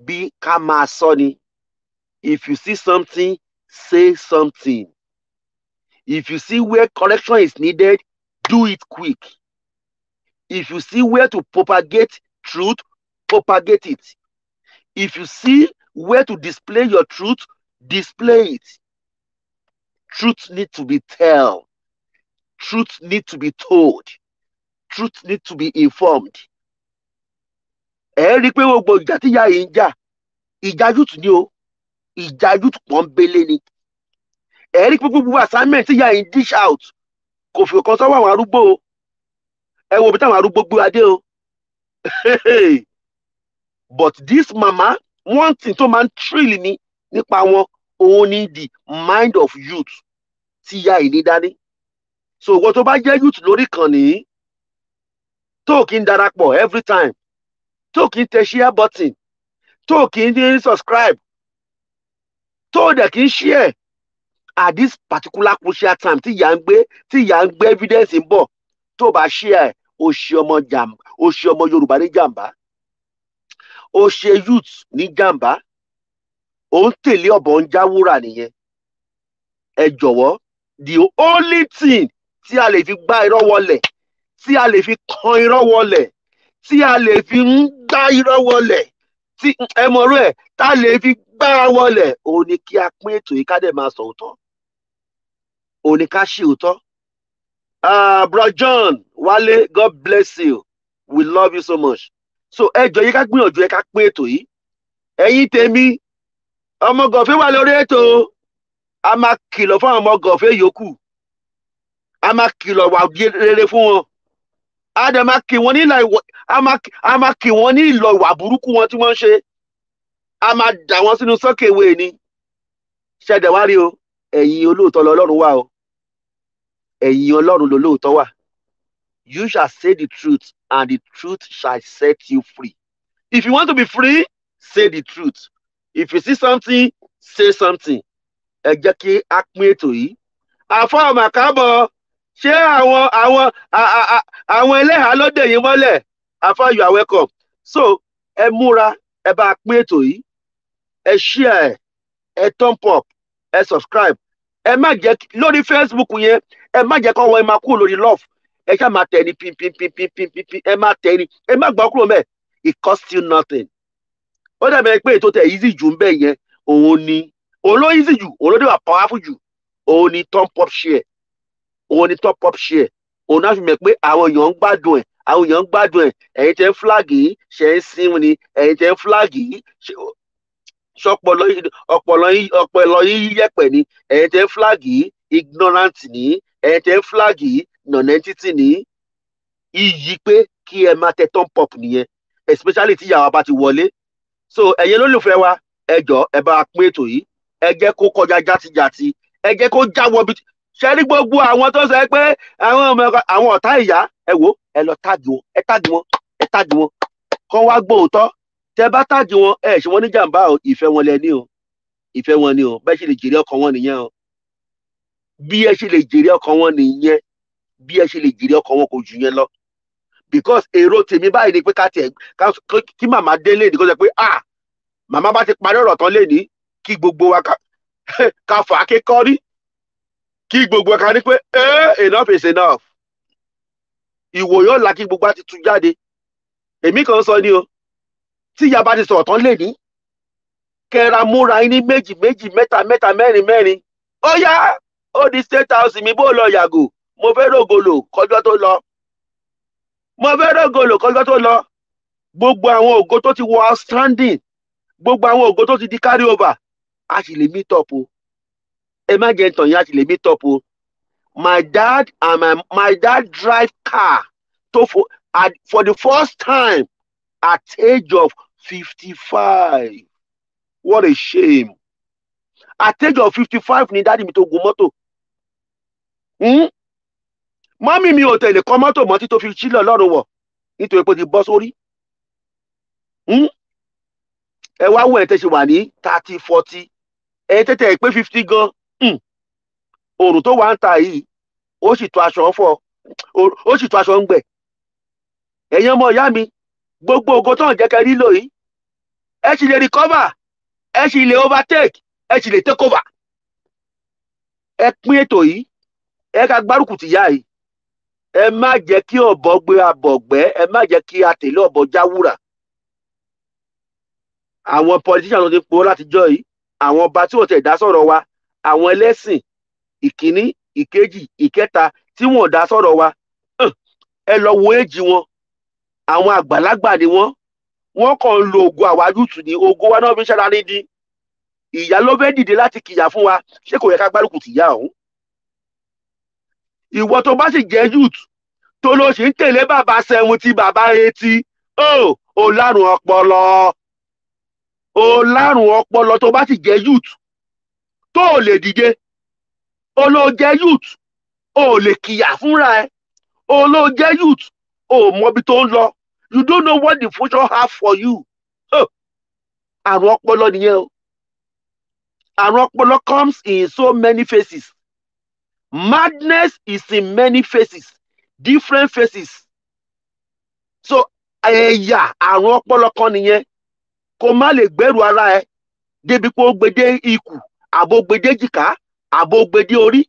bí ká máa sọ ni if you see something say something if you see where correction is needed do it quick if you see where to propagate truth propagate it if you see where to display your truth display it. Truth need to be told. Truth need to be told. Truth need to be informed. Ẹ rí i pé gbogbo ìjà tí ìyá yìí ń jà ìjà youth ni o ìjà youth pọ́nbélé ni. Ẹ rí i pé gbogbo assignment tí ìyá yìí ń dish out kò fi ọ̀kan sọ́wọ́ àwọn arúgbó o. Ẹ wo bí táwọn arúgbó gbé adé o. But this mama one thing tó máa ń thrill ni nípa wọn òun ni the mind of youth ti ya ìní dání so ògbọ́n tó bá jẹ́ youth lórí kan nìyí tó kì í darapọ̀ every time tó kì í tẹ share button tó kì í subscribe tó dẹ̀ kì í share at this particular crucial time tí ìyá ń gbé tí ìyá ń gbé evidence ń bọ̀ tó bá share ó ṣe ọmọ jàm ó ṣe ọmọ Yorùbá ní jàmbá ó ṣe youth ní jàmbá ó ń tẹ̀lé ọ̀bọ̀ ń jáwúrà nìyẹn ẹ jọ̀wọ́ the only thing tí a lè fi gbá irọ́ wọlé tí a lè fi kan irọ́ wọlé tí a lè fi ń gbá irọ́ wọlé tí ẹ mọ̀rú ẹ̀ tá a lè fi gbá wọlé òun ni kí a pín ètò yìí ká dẹ̀ máa sọ òótọ́ òun ni ká ṣe òótọ́. Ah, bro John wale God bless you we love you so much so ẹ jọ yìí ká gbìyànjú ẹ ká pín ètò yìí ẹ̀yin tèmi ọmọ gọ̀fẹ́ wà lórí ètò a máa kìlọ̀ fún àwọn ọmọ gọ̀fẹ́ yòókù a máa kìlọ̀ wà rere fún wọn a dẹ̀ máa kì wọ́n ní ìlọ ìwà burúkú wọn tí wọ́n ń ṣe a máa dà wọ́n sínú sọ́kèwé ni ṣẹ̀dẹ̀ wá rí o ẹ̀yin olóòótọ́ lọ́lọ́run wà o ẹ̀yin ọlọ́run lolóòótọ́ wà you shall say the truth and the truth shall set you free if you want to be free say the truth if you see something say something ẹ jẹ́ kí a pín ètò yìí. àfọ màkàbọ̀ ṣé àwọn àwọn àwọn ẹlẹ́hàá ló dè yín mọ́lẹ̀ àfọ you are welcome so ẹ múra ẹ bá a pín ètò yìí ẹ share ẹ ẹ thumb up ẹ subscribe ẹ má jẹ́ lórí facebook yẹn ẹ má jẹ́ kó wọn ẹ máa kú lórí love ẹ ṣáà máa tẹ ẹni pínpínpínpínpín ẹ má tẹ ẹni ẹ má gbọ́ kúrò mẹ́ẹ̀ it cost you nothing ó dàbẹ̀ pé ètò tẹ̀ easy jù ń bẹ̀ yẹn òun ni òun ló easy jù òun ló dé wà powerful jù òun ni top up share òun ni top up share òun náà fi mọ̀ pé àwọn èèyàn ń gbádùn ẹ̀ àwọn èèyàn ń gbádùn ẹ̀ ẹ̀yin tẹ́ ń flag yìí ṣe ń sin ni ẹ̀yin tẹ́ ń flag yìí ṣọpọlọ ọpọlọ yìí yẹ̀pẹ̀ ni ẹ̀yin tẹ́ ń flag yìí ignorant ni ẹ̀yin tẹ́ ń flag yìí non ni iyì pé kí ẹ máa tẹ top up nìyẹn especially tí ìyàwó bá ti wọlé so ẹ̀yin lólùfẹ́ wa ẹ jọ ẹ bá pín ètò yìí ẹ jẹ́ kó kọjá játijàti ẹ jẹ́ kó jáwọ́ bí ṣẹ́rí gbogbo àwọn tó sọ pé àwọn ọmọ àwọn ọ̀tá ìyá ẹ wò ẹ lọ táàgì wọn ẹ táàgì wọn ẹ táàgì wọn kọ́ wá gbóòótọ́ tẹ bá táàgì wọn ẹ ṣe wọn ní jàǹbá o ìfẹ́ wọn lẹ ní o ìfẹ́ wọn ni o bẹ́ẹ̀ ṣe lè jèrè ọkàn wọn nìyẹn o bí ẹ ṣe lè jèrè ọkàn wọn nìyẹn bí ẹ ṣe lè jèrè ọkàn wọn kò jù yẹn lọ because èrò tèmi báyìí ni pé ká tiẹ̀ kí màmá dé lè ní kó sọ pé ah màmá bá ti parí ọ̀rọ̀ tán lè ní kí gbogbo wa ká fà á kékọ́ rí kí gbogbo wa ká ní pé eh enough is enough ìwòyàn ọ̀la kí gbogbo wa ti tú jáde èmi kan sọ ni o tí ìyá bá ti sọ̀rọ̀ tán lè ní kẹra múra yín ní méjì méjì mẹ́ta mẹ́ta mẹ́rin mẹ́rin ó yá ó di state house mi bó lọ yàgò mo fẹ́ rògbòlò kọjọ́ tó lọ mo fẹ́ rògo lò kọjọ́ tó lọ gbogbo àwọn ògo tó ti wọ outstanding gbogbo àwọn ògo tó ti di carry over a sì lè meet up o ẹ má jẹ́ ntàn a sì lè meet up o my dad and my, my dad drive car to for, at, for the first time at age of fifty-five what a shame at age of fifty-five ni dáàdi mi tó gun mọ́tò hmm? mọ́mí mi ò tẹ̀lé kọ́ mọ́tò tó fi sílẹ̀ lọ́rùn wọ̀ nítorí pé ó ti bọ́ sórí hmm? ẹ wá wọ ṣe wà ní thirty forty ẹ pé fifty gan hmm. òòrùn tó wà ń ta yìí ó sì tó aṣọ fọ ó sì ń gbẹ gbogbo ògo tó ń jẹ́ yìí ẹ sì lè recover ẹ sì lè overtake ẹ sì lè take over ẹ pín ẹ má jẹ́ kí ọ̀bọ gbé abọ̀gbẹ́ ẹ má jẹ́ kí atẹ̀lé ọ̀bọ jáwúrà àwọn politician tó ti po látijọ́ yìí àwọn ọba tí ò tẹ̀ dá sọ̀rọ̀ wa àwọn ẹlẹ́sìn ìkíní ìkejì ìkẹta tí wọn ò dá sọ̀rọ̀ wa ẹ lọ wo èjì wọn àwọn àgbàlagbà ni wọn wọn kàn ń lo ògo àwa ní ògo wa náà fi ń ṣára ní ìyá ló fẹ́ dìde láti kìyà fún wa ṣé kò yẹ ká gbárùkù tìyà ọ̀hún ìwọ tó bá sì jẹ́ youth tó ló ṣe ń tẹ̀lé bàbá seventy bàbá eighty ó ò lárùn ọpọlọ ò lárùn ọpọlọ tó bá sì jẹ́ youth tó ò lè dìde ó ló jẹ́ youth ó lè kìyà fúnra ẹ ó ló jẹ́ youth ó mọbi tó ń lọ you don't know what the future have for you àrùn ọpọlọ nìyẹn o àrùn ọpọlọ comes in so many faces madness is in many faces different faces so ẹ̀yà àrùn ọpọlọ kan nìyẹn kó má lè gbẹ́rù ara ẹ débi pé ó gbede ikù àbò gbede jìkà àbò gbede orí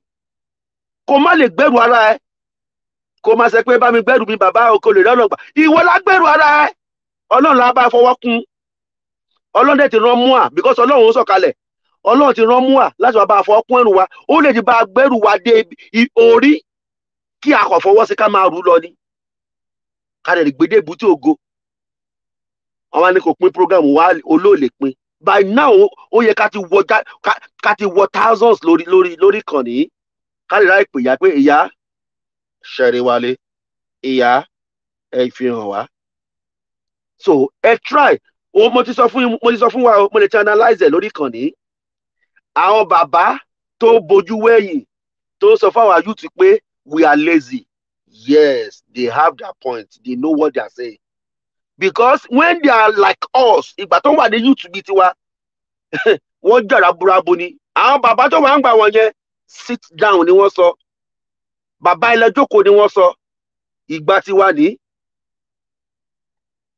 kó má lè gbẹ́rù ara ẹ kó má ṣe pé bá mi gbẹ́rù mi bàbá òkè olè lọ́nà gbà ìwọ la gbẹ́rù ara ẹ ọlọ́run la bá fọwọ́ kún ọlọ́run dẹ̀ ti rán mú à ọlọ́run ń sọ̀kalẹ̀ ọlọ́run ti rán múà láti wá bá a fọwọ́ kún ẹrù wa ó lè ti bá a gbẹ́rù wa dé orí kí a kò fọwọ́ sí ká máa rù lọ ni kárẹ̀ lè gbédé ibùtí ògo àwọn ni kò pín program wa olóòlè pín by now ó yẹ ká ti wọ ká ti wọ thousands lórí lórí lórí kan nìyí kárẹ̀ láì pè ya pé ìyá ṣẹ̀rẹ̀wálé ìyá ẹ fi hàn wá so ẹ try mo ti sọ fún wa mo lè ti analyze ẹ lórí kan nìyí àwọn bàbá tó bojú wẹ̀yìn tó sọ fáwọn youth pé we are lazy yes they have their point they know what they are saying because when they are like us ìgbà tó wà ní youth bíi tiwa wọ́n jàrá burabo ni àwọn bàbá tó máa ń gbà wọn yẹn sit down ni wọ́n sọ bàbá ilẹ̀ jókòó ni wọ́n sọ ìgbà tiwa ní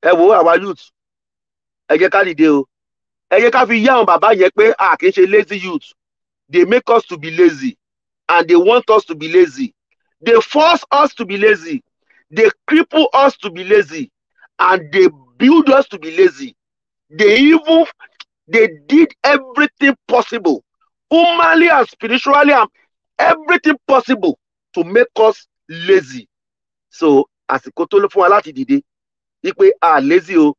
ẹ wo àwa youth ẹ jẹ́ ká dìde o ẹ ká fi yá àwọn bàbá yẹn pé a kì í ṣe lazy youth they make us to be lazy and they want us to be lazy they force us to be lazy they cripple us to be lazy and they build us to be lazy they even they did everything possible humanly and spiritually and everything possible to make us lazy so àsìkò tó ló fún wa láti dìde wípé a lazy o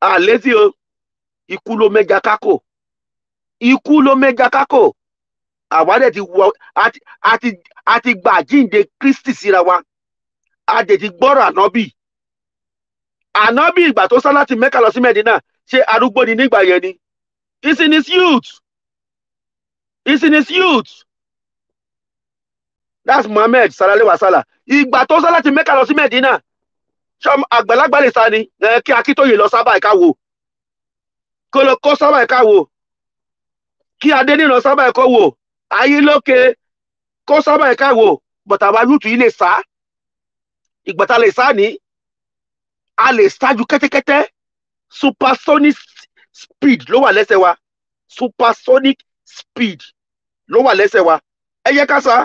a lazy o ikú ló mẹ́ja kákò ikú ló mẹ́ja kákò àwa dẹ̀ ti wọ àti àti àti gbà jíǹde Kristi síra wa a dẹ̀ ti gbọ́rọ̀ ànábì ànábì ìgbà tó sá láti Mẹ́kà lọ sí Mẹ́dínà ṣe arúgbó ni nígbà yẹn ni it's in his youth it's in his youth that's Muhammad salale wasala ìgbà tó sá láti Mẹ́kà lọ sí Mẹ́dínà ṣọ àgbàlagbà lè sá ni kí Akíntóyè lọ sábà ìka wò kó lọ kó sábà ẹ̀ka wò kí adéníran sábà ẹ̀kọ́ wò ayélókè kó sábà ẹ̀ka wò bọ̀tà wa lùtù yìí lè sá ìgbàta lè sá ní a lè ṣáájú kẹ́tẹ́kẹ́tẹ́ supersonic speed ló wà lẹ́sẹ̀ wa supersonic speed ló wà lẹ́sẹ̀ wa ẹ yẹ ká sá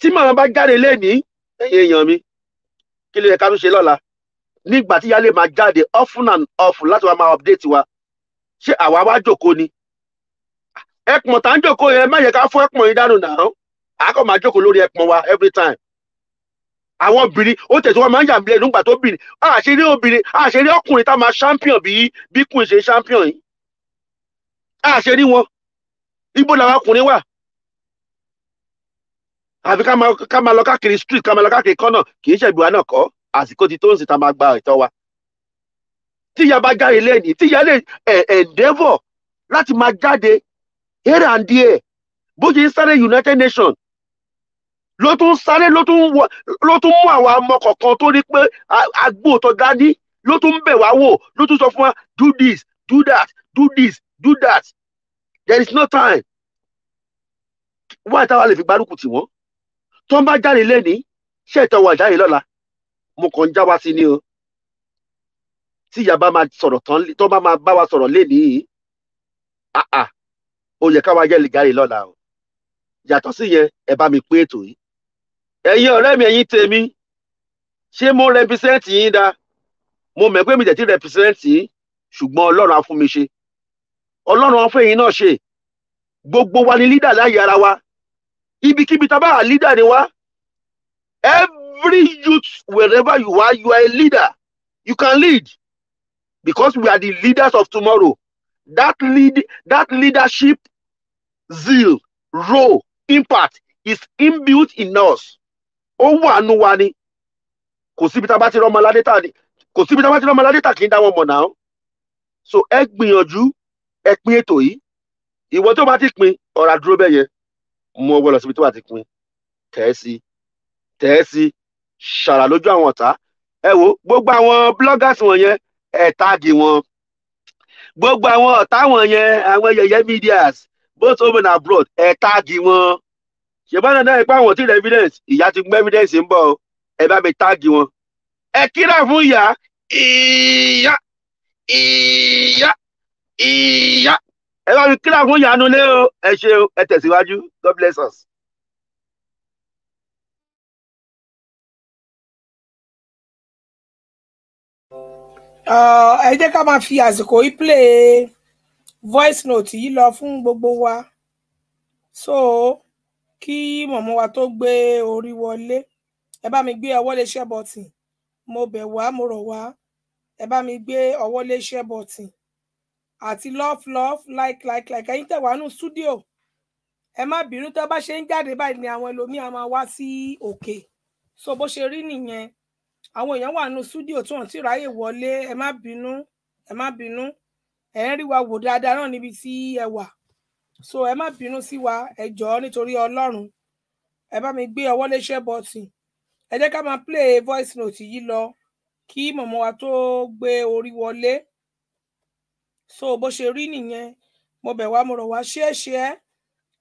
tí màmá bá jáde lẹ́ni ẹ̀yìn èèyàn mi kí ló yẹ ká tún ṣe lọ́la nígbà tí yálé máa jáde off and off láti wá máa update wa ṣé àwa wá jòkó ni ẹpọ̀n tá ń jòkó yẹn má yẹ ká fún ẹpọ̀n yín dànù náà a kò máa jòkó lórí ẹpọ̀n wa every time àwọn obìnrin ó tẹ̀sí wọn máa ń yà mí lẹ́nu ìgbà tó bìnrin àṣírí obìnrin àṣírí ọkùnrin tá a máa champion bí bí kùn ṣe champion yìí àṣírí wọn ibo làwọn ọkùnrin wà àfi ká máa lọ káàkiri street ká máa lọ káàkiri kọ́nà kì í ṣègbè wa náà kọ́ àsìkò ti tó ń sìn tá a máa gba ìtọ́ wa tíyà bá jáde lẹ́yìn tíyà lè endeavour láti máa jáde here and there bó ṣe ń sáré United Nations ló tún sáré ló tún mú àwọn amọ kọ̀ọ̀kan tó ní pé agbóòtọ́ dání ló tún bẹ̀ wá wò ló tún sọ fún wa do this do that do this do that there is no time wọ́n àtàwọn lè fi gbárùkù tì wọ́n tó ń bá jáde lẹ́ni ṣé ìtàn wà lọ́la mo kàn ń já wa sí ni o tí ìyá bá máa sọ̀rọ̀ tán tó bá máa bá wa sọ̀rọ̀ lénìí àà ó yẹ káwa jẹ́ lìgárì lọ́la o yàtọ̀ sí yẹn ẹ bá mi pé ètò yìí ẹ̀yin ọ̀rẹ́ mi ẹ̀yin tèmi ṣé mo rẹpísẹ́ǹtì yín da mo mẹ̀ pé mi tẹ̀ tí rẹpísẹ́ǹtì yín ṣùgbọ́n ọlọ́run á fún mi ṣe ọlọ́run á fún ẹ̀yin náà ṣe gbogbo wa ni lídà láyé ara wa ibikíbi tá a bá wà lídà ni wá every youth wherever you are you are a leader you can lead because we are the leaders of tomorrow that lead that leadership zeal role impact is inbuilt in us ó wà wa ni kò síbi tá a bá ti rọmọ aládé tà kò síbi tá a bá ti rọmọ aládé kì í dá mọ̀ náà so ẹ gbìyànjú ẹ pín ètò yìí ìwọ tó bá ti pín ọ̀rá dúró bẹ́ẹ̀ yẹn mú ọwọ́ lọ síbi tó bá ti pín tẹ̀ ẹ́ ṣàrà lójú àwọn ọ̀tá ẹ wo gbogbo àwọn bloggers wọ̀nyẹn ẹ táàgì wọn gbogbo àwọn ọ̀tá wọn yẹn àwọn yẹyẹ medias both home and abroad ẹ táàgì wọn ṣèbọn náà ẹ pa àwọn tí ì evidence ìyá ti gbé evidence ń bọ̀ ẹ bá mi táàgì wọn ẹ kíra fún ìyá ìyá ìyá ìyá ẹ bá mi kíra fún ìyá nulẹ o ẹ ṣe ẹ tẹ̀síwájú God bless us. ẹ jẹ́ ká máa fi àsìkò yìí play voice note yìí lọ fún gbogbo wa so kí mọ̀mọ́ wa tó gbé orí wọlé ẹ bá mi gbé ọwọ́ lé share button mo bẹ̀ wá mo rọ̀ wá ẹ bá mi gbé ọwọ́ lé share button àti love love like like like ẹ̀yin tẹ́ wà nù studio ẹ má bínú tẹ́ bá ṣe ń jáde báyìí ni àwọn ẹlòmíín máa wá sí òkè so bó ṣe rí nìyẹn àwọn èèyàn wà nínú súdíò tí wọn ti ráyè wọlé ẹ má bínú ẹ má bínú ẹ ń rí wa wò dáadáa náà níbi tí ẹ wà so ẹ má bínú sí wa ẹ jọ̀ọ́ nítorí Ọlọ́run ẹ bá mi gbé ọwọ́ léṣẹ́ bọ́tì ẹ jẹ́ ká máa play voice note yìí lọ kí mọ̀mọ́ wa tó gbé orí wọlé so bó ṣe rí nìyẹn mo bẹ̀ wá mo rọ̀ wá ṣe é ṣe é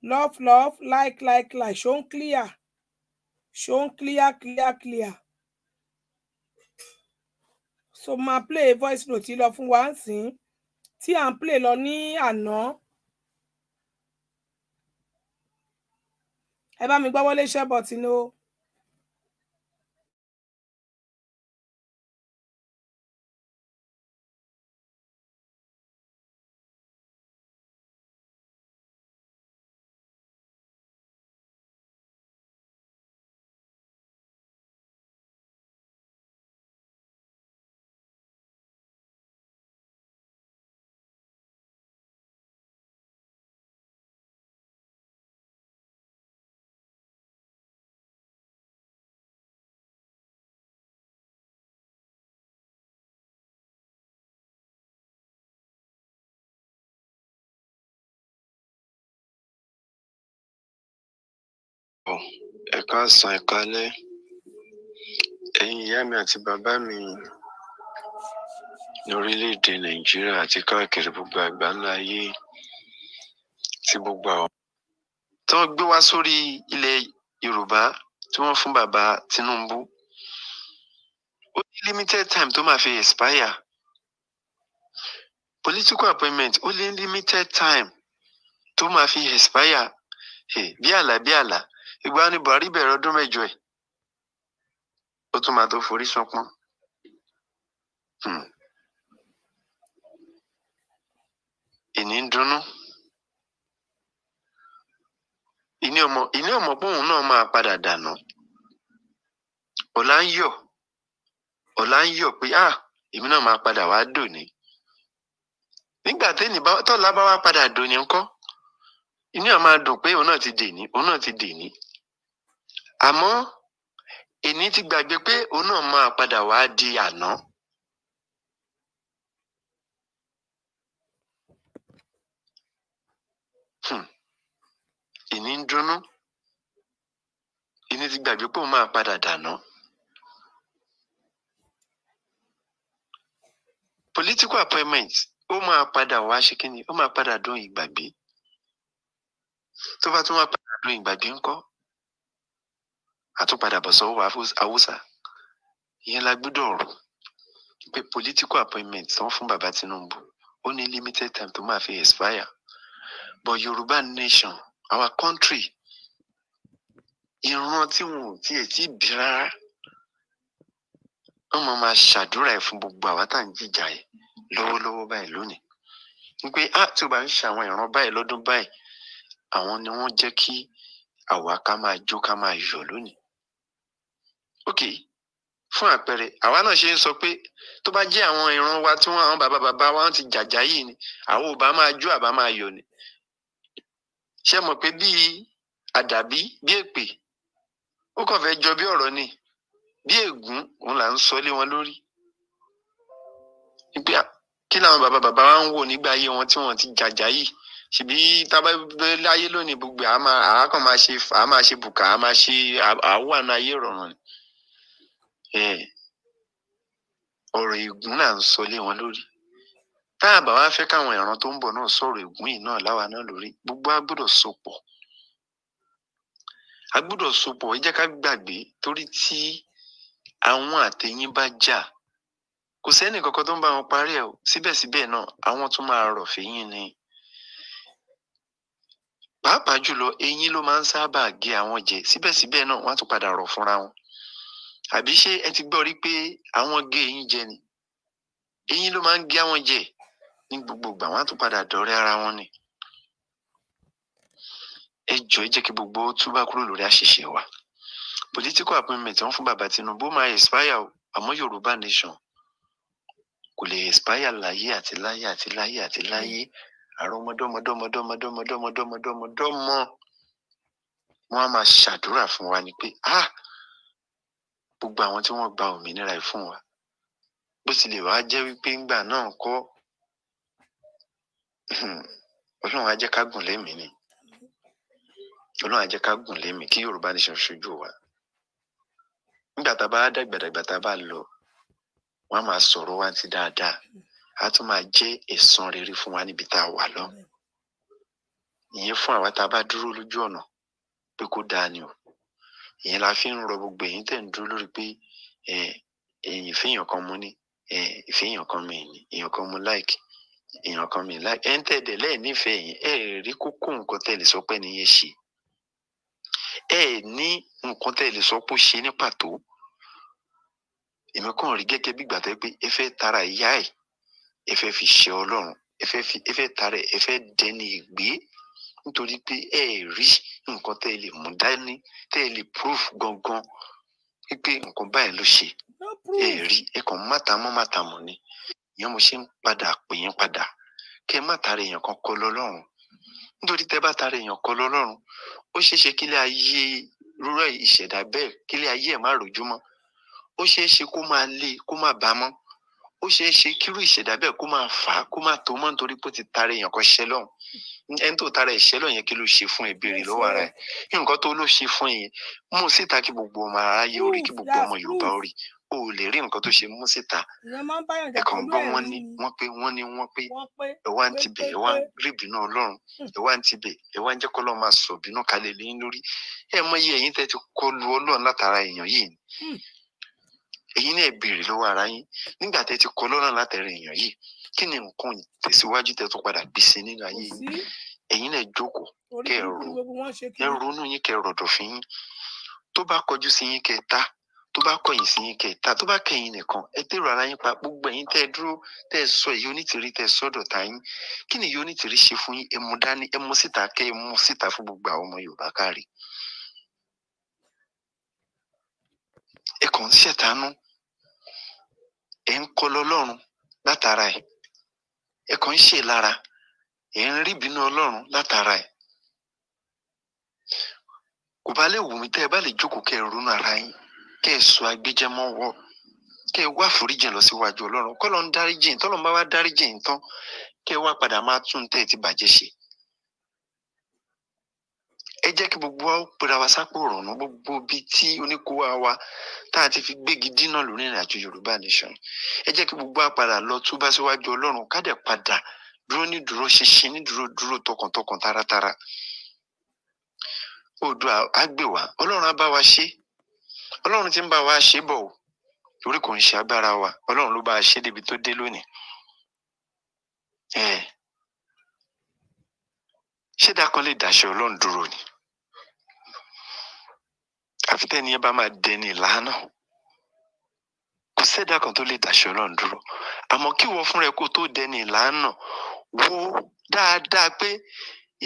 love love like like like Show clear Show clear clear clear so máa play voice note lọ fún wa sìn tí à ń play lọ ní àná ẹ bá mi gbọ́ wọlé share button o. ọ̀ ẹ káàsán ẹ kálẹ́ ẹ̀yin ìyá mi àti bàbá mi ní orílẹ̀-èdè nàìjíríà àti káàkiri gbogbo àgbáńlá ayé tí gbogbo àwọn. tí wọ́n gbé wá sórí ilẹ̀ yorùbá tí wọ́n fún bàbá tinubu ó ní limited time tó máa fi expire political appointment ó ní limited time tó máa fi expire bí àlá bí àlá ìgbà ni buhari bẹ̀rẹ̀ ọdún mẹ́jọ ẹ̀ ó tún máa tó forí sọpọ́n. Hmm. ìní ń dunnú ìní ọmọ ìní ọmọ pọ́hùn náà máa padà dànù ọ̀la ń yọ̀ ọ̀la ń yọ̀ pé ah èmi náà máa padà wá dòní nígbà téèní tọ́lá bá wá padà dòní ńkọ́ inú ẹ̀ máa dùn pé òun náà ti dèní òun náà ti dèní àmọ́ èní ti gbàgbé pé òun náà máa padà wá di àná. ìní hmm. ń dunnú ìní ti gbàgbé pé òun máa padà dànù. political appointment ó máa padà wá ṣe kí ni ó máa padà dún ìgbàgbé tó bá tún wá padà dún ìgbàgbé ńkọ́ àtúnpadàbọ̀ sọ́wọ́ haúsá ìyẹn la gbọ́dọ̀ rò pé political appointment tán fún bàbá Tinubu ó ní limited time tó máa fi expire but Yorùbá nation our country ìran tí wọn ò tiẹ̀ tí bí rárá wọn máa máa ṣàdúrà ẹ̀ fún gbogbo àwa tá à ń jìjà ẹ̀ lọ́wọ́lọ́wọ́ báyìí lónìí wípé a tí o bá ń ṣe àwọn ìran báyìí lọ́dún báyìí àwọn ni wọ́n jẹ́ kí àwa ká máa jó ká máa yọ̀ lónìí ok fún àpẹẹrẹ àwa náà ṣe ń sọ pé tó bá jẹ́ àwọn ìran wa tí wọ́n àwọn bàbá bàbá wa ti jàjà yìí ni àwọn ò bá máa jó àbá máa yọ̀ ni ṣe mọ̀ pé bíi àdàbí bíi èpè ó kàn fẹ́ jọ bí ọ̀rọ̀ ni bí ègún òun là ń sọ lé wọn lórí pé kí làwọn bàbá bàbá wa ń wò nígbà ayé wọn tí wọ́n ti jàjà yìí ṣèbí tábà láyé lónìí gbogbo àá máa ṣe bùkà àá máa ṣe àá wà ní ayé ìrọ̀rùn ni Eh, ọ̀rọ̀ ègún là ń sọ lé wọn lórí tá a bá wá fẹ́ káwọn ìran tó ń bọ̀ náà sọ̀rọ̀ ègún yìí náà láwa náà lórí gbogbo a gbọ́dọ̀ sopọ̀ a gbọ́dọ̀ sopọ̀ ẹ jẹ́ ká gbàgbé torí tí àwọn àtẹ̀yìn bá jà kò sẹ́ni kankan tó ń bá wọn parí ẹ̀ o síbẹ̀síbẹ̀ náà àwọn tún máa rọ̀ fẹ́yìn ni pàápàá jùlọ eyín ló máa ń sábà gé àwọn jẹ síbẹ̀síbẹ̀ náà wọ́n á tún padà rọ̀ fúnra wọn àbí ṣé ẹ ti gbọ́ rí pé àwọn gé eyín jẹ ni eyín ló máa ń gé àwọn jẹ ní gbogbo ìgbà wọn á tún padà dọ̀rẹ́ ara wọn ni ẹ jọ ẹ jẹ́ kí gbogbo ó túbà kúrò lórí àṣìṣe wa political appointment wọn fún bàbá Tinubu máa expire o Yorùbá nation kò lè expire láyé àti láyé àti láyé àti láyé àrùn ọmọdọmọdọmọdọmọdọmọdọmọdọmọdọmọ wọn á máa ṣàdúrà fún wa ni pé ah gbogbo àwọn tí wọ́n gba òmìnira yìí fún wa bó tilẹ̀ wá jẹ́ wípé ńgbà náà kọ́ ọlọ́run á jẹ́ ká gùn lémi ni ọlọ́run á jẹ́ ká gùn lémi kí yorùbá nation ṣojú wa nígbà tá a bá dàgbàdàgbà tá a bá lọ wọn á máa sọ̀rọ̀ wa ti dáadáa á tún máa jẹ́ ẹ̀san rere fún wa níbi tá a wà lọ ìyẹn fún àwa tá a bá dúró lójú ọ̀nà pé kó dáa ni o ìyẹn la fi ń rọ gbogbo èyí tẹ̀ ń dúró lórí pé èyàn fẹ́yàn kan mú ní ìfẹ́yàn kan mi ní èyàn kan mú láìkì èyàn kan mi láìkì ẹ̀ ń tẹ̀dẹ̀ lẹ́ẹ̀nífẹ̀ẹ́ yẹn ẹ̀ rí kókó nǹkan tẹ̀ lè sọ pé nìyẹn ṣe ẹ̀ ní nǹkan tẹ̀ lè sọ pé ṣe ní pàtó èmi kàn rí gẹ́gẹ́ bí gbàtẹ́ pé ẹ fẹ́ tara ìyá ẹ̀ ẹ fẹ́ fi ṣe ọlọ́run ẹ fẹ́ fi ẹ ẹ fẹ́ dẹni ìgbé nítorí pé ẹ rí nǹkan tẹ́ ẹ lè mú dání tẹ́ ẹ lè proof gangan wípé nǹkan báyìí ló ṣe ẹ rí ẹ kàn mátàmọ́ mátàmọ́ ni ìyẹn mo ṣe ń padà pè yín padà kẹ má tara èèyàn kan kọ lọ́lọ́run nítorí tẹ́ bá tara èèyàn kọ lọ́lọ́run ó ṣeé ṣe kílẹ̀ ayé rúrọ̀ ìṣẹ̀dá bẹ́ẹ̀ kílẹ̀ ayé ẹ̀ má ròjú mọ́ ó ṣeé ṣe kó máa le kó máa bá mọ́ ó ṣeé ṣe kírú ìṣẹ̀dá bẹ́ẹ̀ kó máa fà á kó máa tó mọ́ nítorí pé ó ti tara èèyàn kan ṣẹ́ lọ́hùn ẹni tó tara ìṣẹ́ lọ́hùn yẹn kí ló ṣe fún ìbéèrè lọ́wọ́ ara ẹ̀ nǹkan tó ló ṣe fún yẹn mú síta kí gbogbo ọmọ aráyé orí kí gbogbo ọmọ Yorùbá orí o ò lè rí nǹkan tó ṣe mú síta ẹ̀kan gbọ́ wọ́n ní wọ́n pé wọ́n ní wọ́n pé ẹ wá ń tibẹ̀ ẹ wá ń rí ìbínú Ọlọ́run hmm. ẹ wá ń tibẹ̀ ẹ wá ń jẹ́ kọ́lọ́ máa sọ ìbínú kalẹ̀ lẹ́yìn lórí ẹ mọ iye ẹ̀yìn tẹ́ ti kọlu Ọlọ́run látara èèyàn yìí ẹ̀yin náà béèrè lọ́wọ́ ara yín nígbà tẹ́ ti kọ lọ́nà látẹ̀rẹ̀ èèyàn yìí kí ni nǹkan ìtẹ̀síwájú tẹ́ tó padà bí sí nínú ayé yìí ẹ̀yin náà jókòó kẹ́ ẹ rò ẹ ronú yín kẹ́ ẹ rọ̀dọ̀ fún yín tó bá kọjú sí yín kẹ́ ẹ ta tó bá kọ̀yìn sí yín kẹ́ ẹ ta tó bá kẹ̀yìn nìkan ẹ dèrò ara yín pa gbogbo ẹ̀yin tẹ́ dúró tẹ́ sọ èyí onítìrí tẹ́ ẹ ta yín kí ni èyí onítìrí ṣe fún yín ẹ dání ẹ síta kẹ́ ẹ síta fún gbogbo àwọn ọmọ Yorùbá káàrí ẹ kàn ń ṣètánú ẹ̀ ń kọ́ lọ́lọ́run látara ẹ̀ ẹ̀ kàn ń ṣe lára ẹ̀ ń rí ìbínú ọlọ́run látara ẹ̀ kò bá lè wù mí tẹ́ ẹ bá lè jókòó kẹ́ ẹ ronú ara yín kẹ́ ẹ sọ agbẹjẹmọ́wọ́ kẹ́ ẹ wá foríjìn lọ síwájú ọlọ́run kọ́ ló ń dáríjìn tọ́lọ́run bá wá dáríjìn tán kẹ́ ẹ wá padà máa tún tẹ́ ẹ ti bàjẹ́ ṣe ẹ jẹ́ kí gbogbo wa ó pera wa sápò rọ̀nà gbogbo ibi tí oníkówá wa tá a ti fi gbégi dínà lórí ìrìn àjò Yorùbá nation ẹ jẹ́ kí gbogbo wa padà lọ túbá síwájú Ọlọ́run ká dẹ̀ padà dúró ní dúró ṣinṣin ní dúró dúró tọkàntọkàn taratara Oòduà á gbè wá Ọlọ́run á bá wa ṣe Ọlọ́run ti ń bá wa ṣe bọ̀ torí kò ń ṣe agbára wa Ọlọ́run ló bá a ṣe débi tó dé lónìí ṣé dákan lè dàṣẹ Ọlọ́run dúró ni àfi ni yẹn bá máa dẹni ìlànà kò sẹ́dá kan tó lè dàṣẹ ọlọ́run dúró àmọ́ kí wọ́n fúnra ẹ kó tó dẹni ìlànà wo dáadáa pé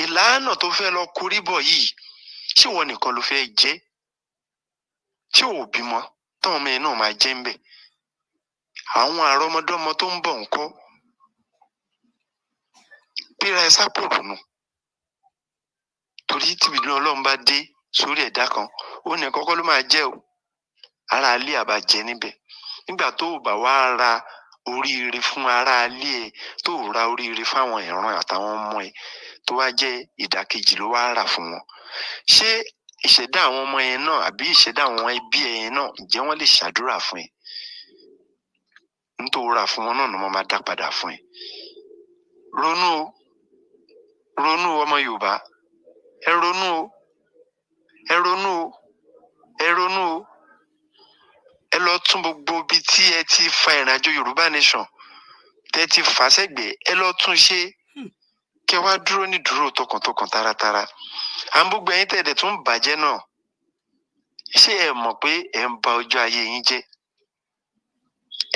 ìlànà tó fẹ́ lọ korí bọ̀ yìí ṣé wọn nìkan ló fẹ́ jẹ́ ṣé ò bímọ táwọn ọmọ yẹn náà máa jẹ́ ń bẹ̀ àwọn àrọ́mọdọ́mọ tó ń bọ̀ ńkọ́ gbéra ẹ sápò dùnú torí tìbí ní ọlọ́run bá dé sórí ẹ̀dá kan ó ní kọ́kọ́ ló máa jẹ́ o ara ilé àbàjẹ́ níbẹ̀ nígbà tó o bá wá ra oríire fún ara ilé ẹ tó o ra oríire fáwọn ìran àtàwọn ọmọ ẹ tó wá jẹ́ ìdàkejì ló wá rà fún wọn ṣé ìṣẹ̀dá àwọn ọmọ yẹn náà àbí ìṣẹ̀dá àwọn ẹbí yẹn náà ǹjẹ́ wọ́n lè ṣàdúrà fún ẹ nítorí ra wọn náà ni wọ́n máa dá padà fún ẹ ronú o ronú ọmọ Yorùbá ẹ ronú o ẹ ronú o ẹ ronú o ẹ lọ tún gbogbo ibi tí ẹ ti fa ìrìnàjò yorùbá nation tẹ ti fà sẹ́gbẹ̀ ẹ lọ tún ṣe hmm. kẹ wá dúró ní dúró tọkàntọkàn taratara à ń gbogbo ẹ̀yin tẹ̀dẹ̀ tún bàjẹ́ náà ṣé ẹ mọ̀ pé ẹ ń ba ọjọ́ ayé yín jẹ́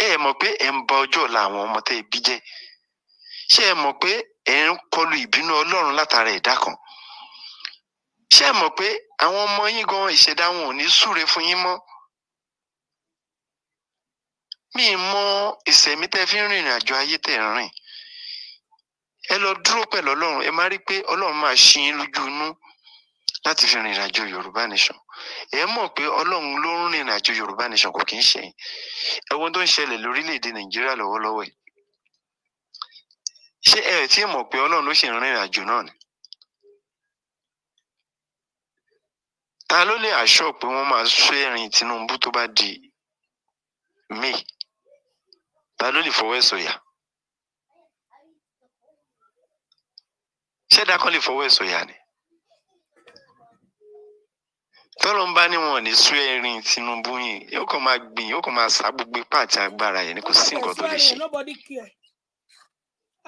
ẹ mọ̀ pé ẹ ń ba ọjọ́ ọ̀la àwọn ọmọ tẹ́ bí jẹ́ ṣé ẹ mọ̀ pé ẹ ń kọlu ìbínú ọlọ́run látara ẹ̀dá kan ṣé ẹ mọ̀ pé àwọn ọmọ yín gan ìṣẹ̀dá wọn ò ní súre fún yín mọ́ mi mọ ìṣẹ̀mí tẹ́ fi ń rìnrìn àjò ayé tẹ́ ń rìn ẹ lọ dúró pẹ̀lú ọlọ́run ẹ máa rí i pé ọlọ́run máa ṣí yín lójú inú láti fi rìnrìn àjò yorùbá nation ẹ mọ̀ pé ọlọ́run ló ń rìnrìn àjò yorùbá nation kò kì í ṣẹ̀yìn ẹ̀wọ̀n tó ń ṣẹlẹ̀ lórílẹ̀‐èdè nàìjíríà lọ́wọ́lọ́wọ́ ẹ̀ ṣé ẹ tí mọ̀ pé ọlọ́run ló ṣe ń rìnrìn àjò náà ni ta ló lè àṣọ pé wọ́n máa sọ ẹ̀rìn Tinubu tó bá di May ta ló lè fọwọ́ ẹ̀ sọ̀yà ṣẹ́dá kan lè fọwọ́ ẹ̀ sọ̀yà ni tọ́lọ́ ń bá ní wọn ní sọ ẹ̀rìn Tinubu yìí yóò kàn máa gbìn yóò kàn máa sá gbogbo ipá àti agbára yẹn ni kò sí nǹkan tó lè ṣe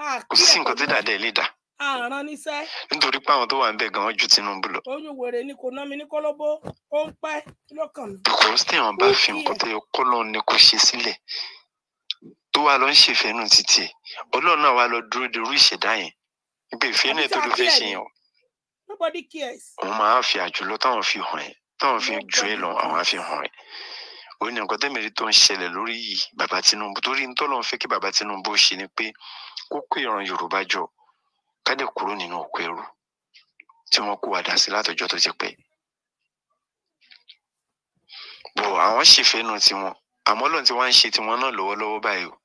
ah, kò sí nǹkan tó dàdé lè dà àrán níṣẹ́. nítorí pé àwọn tó wà níbẹ̀ gan-an ju Tinubu lọ. oyún wèrè ni kò ná mi ní kólóbó ó ń pẹ́ lọ́kàn mi. because tí àwọn bá fi nǹkan tó yẹ kó lọ́run ni kò ṣe sílẹ̀ tó wà lọ ń ṣèfẹ́nu títì ẹ̀ ọlọ́run náà wà lọ dúró de irú ìṣẹ̀dá yẹn ibẹ̀ ìfẹ́ náà tó ló fẹ́ ṣe yẹn o. nobody cares. òun máa fi àjùlọ táwọn fi hàn ẹ́ táwọn fi ju ẹ lọ àwọn á fi hàn ẹ́ ó ní nǹkan tẹ́mìrì tó ń ṣẹlẹ̀ lórí yìí bàbá Tinubu torí ń tọ́lọ́ fẹ́ kí bàbá Tinubu ṣe ni pé kókó ìran Yorùbá jọ ká dẹ̀ kúrò nínú oko ẹrú tí wọ́n kó wa dà sí látọjọ́ tó ti pẹ́ bọ̀ àwọn ṣèfẹ́nu tiwọn àmọ́ lóun tí wọ́n ń ṣe tiwọn náà lọ́wọ́lọ́wọ́ báyìí o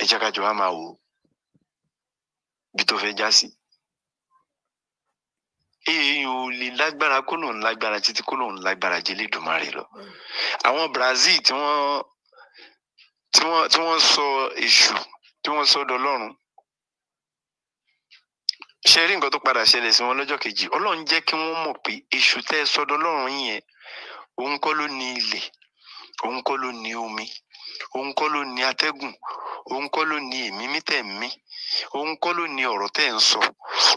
ẹ jẹ́ ká jọ wá máa wò ó bí tó fẹ́ já sí èèyàn ò lè lágbára kó lòun lágbára títí kó lòun lágbára jẹ lẹdùnmarè lọ àwọn Brazil tí wọ́n tí wọ́n tí wọ́n sọ èṣù tí wọ́n sọ dọlọ́run ṣe rí nǹkan tó padà ṣẹlẹ̀ sí wọn lọ́jọ́ kejì ọlọ́run jẹ́ kí wọ́n mọ̀ pé èṣù tẹ́ ẹ sọ́dọ̀ ọlọ́run yẹn òun kọ́ ló ní ilẹ̀ òun kọ́ ló ní omi òun kọ́ ló ní atẹ́gùn òun kọ́ ló ní èmí mí òun tẹ́ ń sọ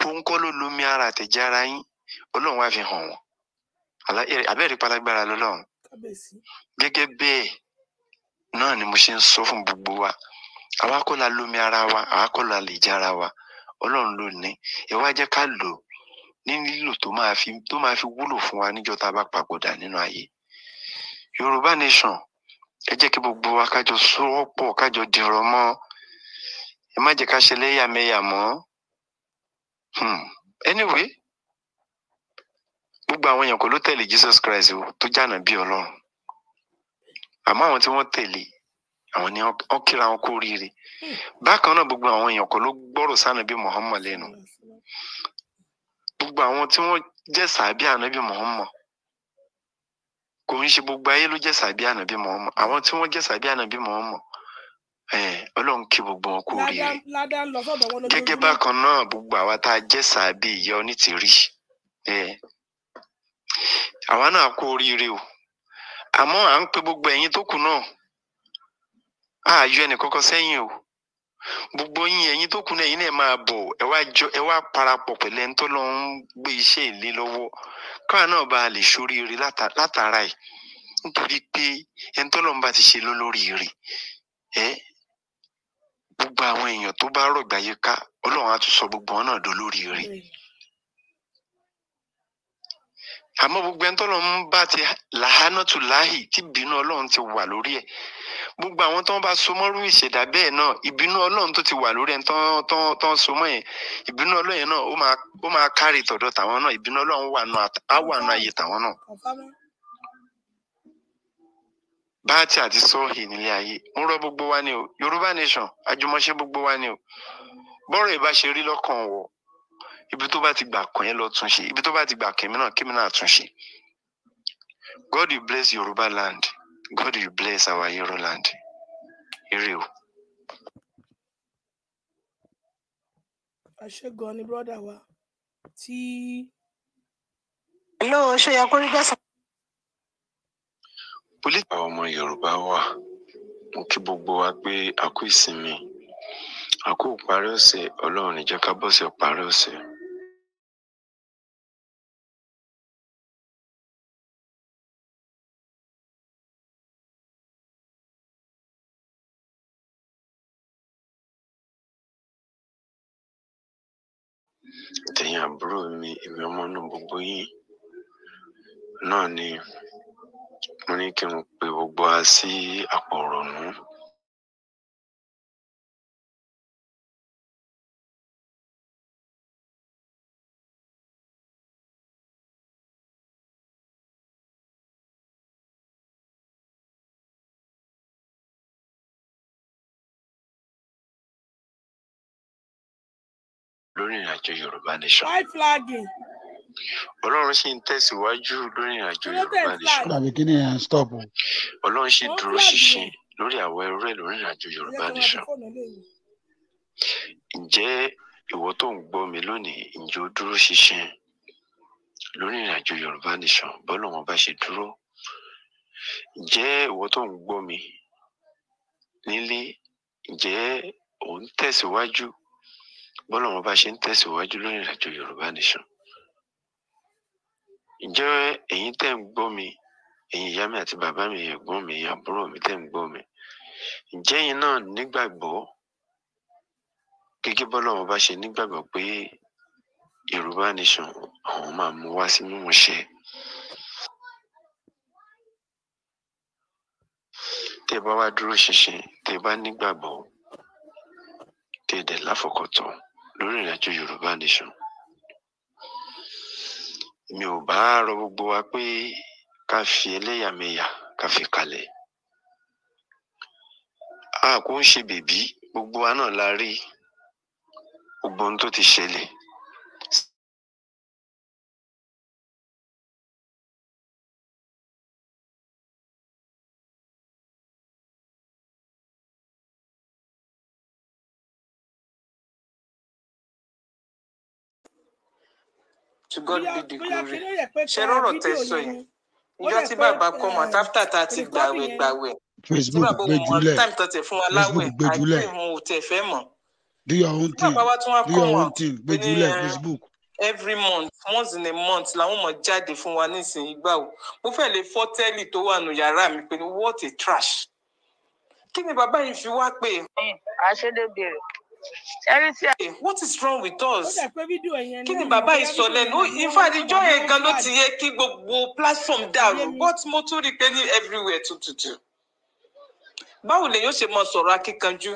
òun ara àtẹ̀jẹ́ ara yín ọlọ́run wá fi hàn wọ́n abẹ́rẹ́ lọ́lọ́run gẹ́gẹ́ bẹ́ẹ̀ náà ni mo ṣe ń sọ fún gbogbo wa àwa kọ́ ara wa àwa kọ́ ara wa. ọlọ́run ló ní ẹ wá jẹ́ ká lò ní lílò tó máa fi tó máa fi wúlò fún wa níjọ́ tá a bá papòdà nínú ayé yorùbá nation ẹ jẹ́ kí gbogbo wa kájọ sọ́pọ̀ kájọ dìrọ̀ mọ́ ẹ má jẹ́ ká ṣe lẹ́yàmẹ̀yà mọ́ hmm. anyway gbogbo àwọn èèyàn kò ló tẹ̀lé Jesus Christ o tó jànà bí ọlọ́run àmọ́ àwọn tí wọ́n tẹ̀lé àwọn ni wọn kíra wọn kú oríire bákan náà gbogbo àwọn èèyàn kan ló gbọ́rọ̀ sànàbí Muhammad lẹ́nu gbogbo àwọn tí wọ́n jẹ́ sàbí ànábì Muhammad kò ń ṣe gbogbo ayé ló jẹ́ sàbí ànábì Muhammad àwọn tí wọ́n jẹ́ sàbí ànábì Muhammad Ọlọ́run kí gbogbo wọn kú oríire gẹ́gẹ́ bákan náà gbogbo àwa tá a jẹ́ sàbí ìyá onítìrí àwa náà kú oríire o àmọ́ à ń pe gbogbo ẹ̀yin tó kù náà. ààyò ẹnì kankan sẹ́yìn o gbogbo yín ẹ̀yin tó kù náà ẹ̀yin náà máa bọ̀ ẹ wá jọ ẹ wá parapọ̀ pẹ̀lẹ́ ń tó lọ ń gbé iṣẹ́ ìlé lọ́wọ́ káà náà bá a lè ṣoríire látara ẹ̀ nítorí pé ẹni tó lọ́n bá ti ṣe lólóríire ẹ gbogbo àwọn èèyàn tó bá rọ̀gbà yíká ọlọ́run á tún sọ gbogbo wọn náà dolóríire. Mm àmọ́ gbogbo ẹni tọ́lọ́ ń bá ti làánàtú láàyè tí ìbínú ọlọ́run ti wà lórí ẹ̀ gbogbo àwọn tó ń bá so mọ́rú ìṣẹ̀dá bẹ́ẹ̀ náà ìbínú ọlọ́run tó ti wà lórí ẹ̀ tó ń so mọ́ yẹn ìbínú ọlọ́run yẹn náà ó máa kárì tọ̀dọ̀ tàwọn náà ìbínú ọlọ́run á wà nù ààyè tàwọn náà. báàtì àti sọ́ọ̀hì nílé ayé ń rọ gbogbo wa ni o Yorùbá nation àjùmọ̀ṣe gbogbo wa ni o bọ́rọ̀ ìbá rí lọ́kàn wọ̀ ibi tó bá ti gbà kàn yẹn lọ tún ṣe ibi tó bá ti gbà kàn mí náà kí mi náà tún ṣe. God you bless Yoruba land God you bless our Yoruba land ire o. àṣegan ni brọ́dà wa tí. hello ṣé ya kórí gbẹ̀sán. pólítì àwọn ọmọ yorùbá wà mo kí gbogbo wa pé a kú ìsinmi a kú ìparí ọ̀sẹ̀ ọlọ́run níjẹ́ bọ́sẹ̀ parí ọ̀sẹ̀ ẹ̀yin àbúrò mi èmi ọmọ inú gbogbo yín náà ni mo ní kí n a lórí ìrìn Yorùbá nation. flagging. Ọlọ́run sì ń tẹ̀síwájú lórí ìrìn àjò Yorùbá nation. Bàbá kí ni ẹ̀ ń stop. Ọlọ́run sì dúró ṣinṣin lórí àwọ̀ ẹrú ẹ̀ lórí ìrìn àjò Yorùbá nation. Ǹjẹ́ ìwọ tó ń gbọ́ mi lónìí ǹjẹ́ ó dúró ṣinṣin lórí ìrìn àjò Yorùbá nation bọ́lá wọn bá ṣe dúró? Ǹjẹ́ ìwọ tó ń gbọ́ mi nílé ǹjẹ́ ò tẹ̀síwájú? bọ́lọ́run bá ṣe ń tẹ̀síwájú lórí ìrìnàjò yorùbá nation ǹjẹ́ ẹ̀yin tẹ́ ń gbọ́ mi ẹ̀yin ìyá mi àti bàbá mi ẹ̀gbọ́n mi àbúrò mi tẹ́ ń gbọ́ mi ǹjẹ́ ẹ̀yin náà nígbàgbọ́ gẹ́gẹ́ bọ́lọ́run bá ṣe nígbàgbọ́ pé yorùbá nation àwọn máa mú wá sí mímúṣẹ. tẹ́ ẹ bá wá dúró ṣinṣin tẹ́ ẹ bá nígbàgbọ́ tẹ́ ẹ dẹ̀ láfọkàntán lórí ìrìnàjò yorùbá nation mi ò bá rọ gbogbo wa pé ká fi ẹlẹ́yàmẹ̀yà ká fi kalẹ̀ a kò ń ṣe bèbí gbogbo wa náà la rí gbogbo ohun tó ti ṣẹlẹ̀ to God be the glory ṣe rọrọ tẹ sọ yìí ìjọ tí bàbá kọ mọ táfítà tá a ti gbàwẹ̀ gbàwẹ̀ tí bàbá òun mọ táìmù tó do your own thing do your own thing gbẹdúlẹ Facebook. every month once in a month làwọn ọmọ jáde fún wa nísìnyí gbà o mo fẹ́ lè fọ́ tẹ́lì tó wà nù yàrá mi pé what a trash kí ni bàbá yìí fi wá pé. àṣẹ bèrè ẹni tí a what is wrong with us kí ni bàbá yìí sọ lẹ́nu in fact ìjọ yẹn gan ló ti yẹ kí gbogbo platform dàrú but mo tún rí i pé ní everywhere tututu báwo lèyàn ṣe mọ sọ̀rọ̀ akíkanjú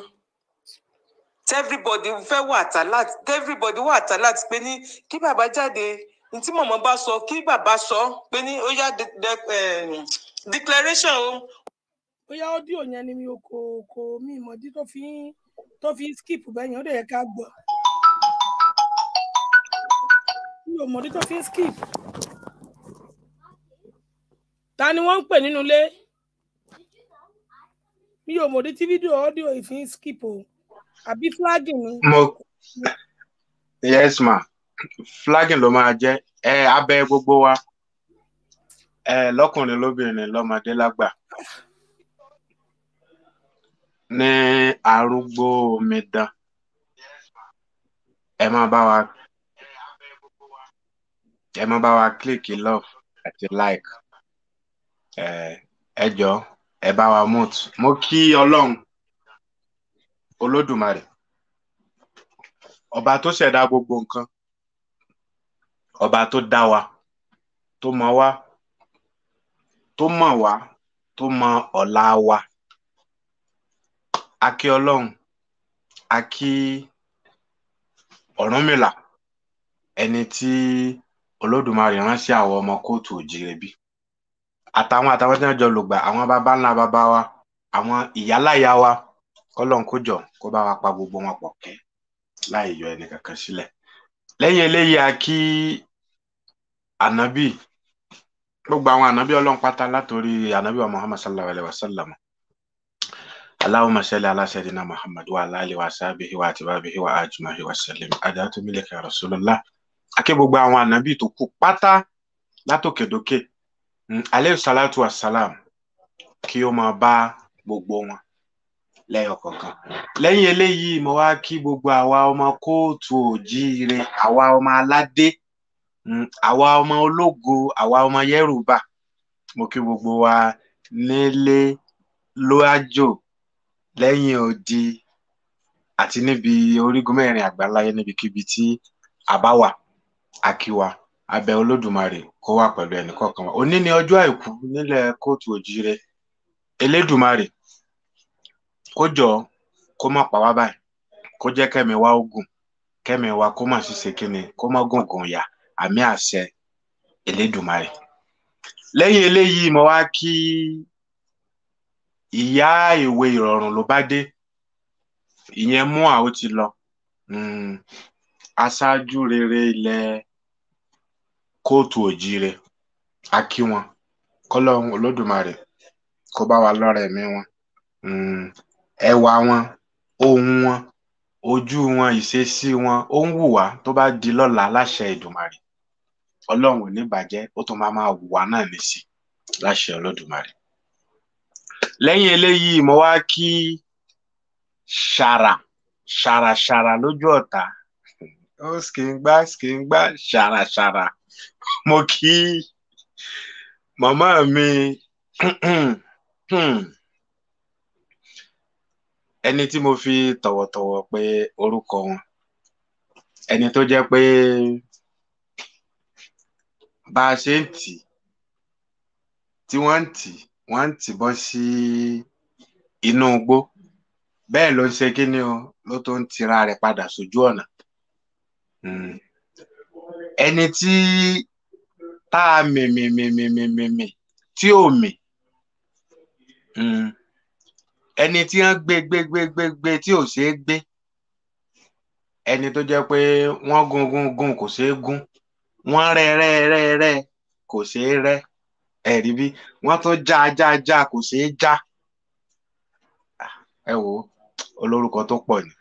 tẹ́fíríbọ̀dì fẹ́ wà àtàlát tẹ́fíríbọ̀dì wà àtàlát pé ní kí bàbá jáde ní tí mọ̀mọ́ bá sọ kí bàbá sọ pé ní ó yá declaration o. bóyá ó dí òyìn ẹni mi ò kò kò mí ìmọ̀dí tó fi ń. tó fi skip bẹ́yìn ó dẹ̀ yẹ ká gbọ́ mi ò mọ̀dí tó fi skip ta ni wọ́n ń pè nínú ilé mi ò mọ̀dí tí fídíò ọ́díò ìfín skip o àbí flagging ni. mo yes ma flagging ló máa jẹ́ ẹ abẹ́ gbogbo wa ẹ lọ́kùnrin lóbìnrin lọ́mọdé lágbà. ní arúgbó omidan ẹ máa bá wa ẹ máa bá wa click love àti like ẹ jọ ẹ bá wa mute mo kí ọlọ́run olódùmarè ọba tó ṣẹ̀dá gbogbo nǹkan ọba tó dá wa tó mọ̀ wá tó mọ̀ wá tó mọ̀ ọ̀la wa a kí ọlọ́run a kí ọ̀rúnmìlà ẹni tí olódùmarè ránṣẹ́ àwọn ọmọ kóòtù òjìrè bí àtàwọn àtàwọn tí wọ́n jọ lògbà àwọn baba ńlá baba wa àwọn ìyáláyà wa kọ́lọ́run kó jọ kó bá wa pa gbogbo wọn pọ̀ kẹ́ láì yọ ẹnì kankan sílẹ̀ lẹ́yìn eléyìí a ànábì gbogbo àwọn ànábì ọlọ́run pátá látòrí ànábì wa muhammad sallallahu alayhi wa sallam اللهم صل على سيدنا محمد وعلى آله وصحبه وأتباعه وأجمعه وسلم أداة ملك يا رسول الله akẹ́ gbogbo àwọn ànábì tó kú pátá látòkèdókè mm, alẹ́ salatu wasalam kí ó máa bá gbogbo wọn lẹ́yọ̀kọ̀ọ̀kan lẹ́yìn eléyìí mo wá kí gbogbo àwa ọmọ kóòtù òjíire àwa ọmọ aládé mm, àwa ọmọ ológo àwa ọmọ yẹ́rùbà mo kí gbogbo wa nílé lóájò lẹ́yìn odi àti níbi orígun mẹ́rin àgbáláyé níbikíbi tí a bá wà á kí wa abẹ olódùmarè kó wà pẹ̀lú ẹnìkọ̀ọ̀kan wa òní ni ọjọ́ àìkú nílẹ̀ kóòtù òjíire elédùmarè kó jọ kó má pa wá báyìí kó jẹ́ kẹ́mi wá ogun kẹ́mi wá kó má sì ṣe kíni kó má gùngùn yà àmì àṣẹ elédùmarè lẹ́yìn eléyìí mo wá kí ìyá èwe ìrọ̀rùn ló bá dé ìyẹn mú àwọn ti lọ hmm. aṣáájú rere ilẹ̀ kóòtù òjíire a kí wọn kọlọ́run olódùmarè kó bá wa lọ́rọ̀ ẹ̀mí wọn hmm. ẹwà wọn ohun wọn ojú wọn ìṣesí wọn ó ń wù wá tó bá di lọ́la láṣẹ ìdùmarè ọlọ́run ò ní bàjẹ́ ó tún máa máa wù wá náà nísì láṣẹ olódùmarè lẹ́yìn eléyìí mo wá kí ṣàrà ṣàràṣàrà lójú ọ̀tá ó ṣìkìngbá ṣìkìngbá ṣàràṣàrà mo kí màmá mi ẹni tí mo fi tọ̀wọ̀tọ̀wọ̀ pè orúkọ wọn ẹni tó jẹ́ pé bá a ṣe ń tì tí wọ́n ń tì í wọ́n ti bọ́ sí inú igbó bẹ́ẹ̀ ló ń ṣe kí o ló tó ń tira rẹ̀ padà sójú ọ̀nà hmm. ẹni tí tá a mìmìmìmìmìmì tí ò mì hmm. ẹni tí wọ́n gbé gbé gbé gbé gbé tí ò ṣeé gbé ẹni tó jẹ́ pé wọ́n gun gun gun kò ṣeé gun wọ́n rẹ́ rẹ́ rẹ́ rẹ́ kò ṣeé rẹ́. ẹ̀rí bí wọ́n tún já já já kò ṣeé já ah, ẹ wò ó olórúkọ tó pọ̀ ni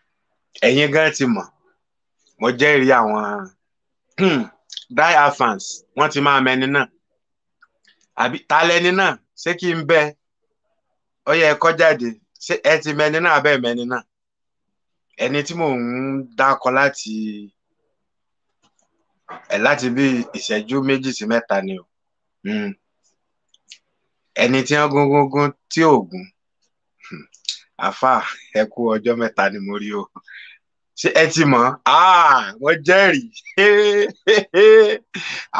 ẹ̀yin gan ti mọ̀ mo jẹ́rìí àwọn hmm, die fans wọ́n ti máa mẹni náà àbí ta lẹni náà ṣé kí n bẹ ó yẹ kó jáde ṣé ẹ ti mẹni náà bẹ́ẹ̀ mẹni náà ẹni tí mò ń dákọ láti ẹ láti bí ìṣẹ́jú méjì sí mẹ́ta ni o. Hmm. ẹni tí wọn gún gún gún tí ò gún hmm. àáfà ẹ kú ọjọ́ mẹ́ta ni mo rí o ṣé ẹ ti mọ̀ ah, wọ́n jẹ́rìí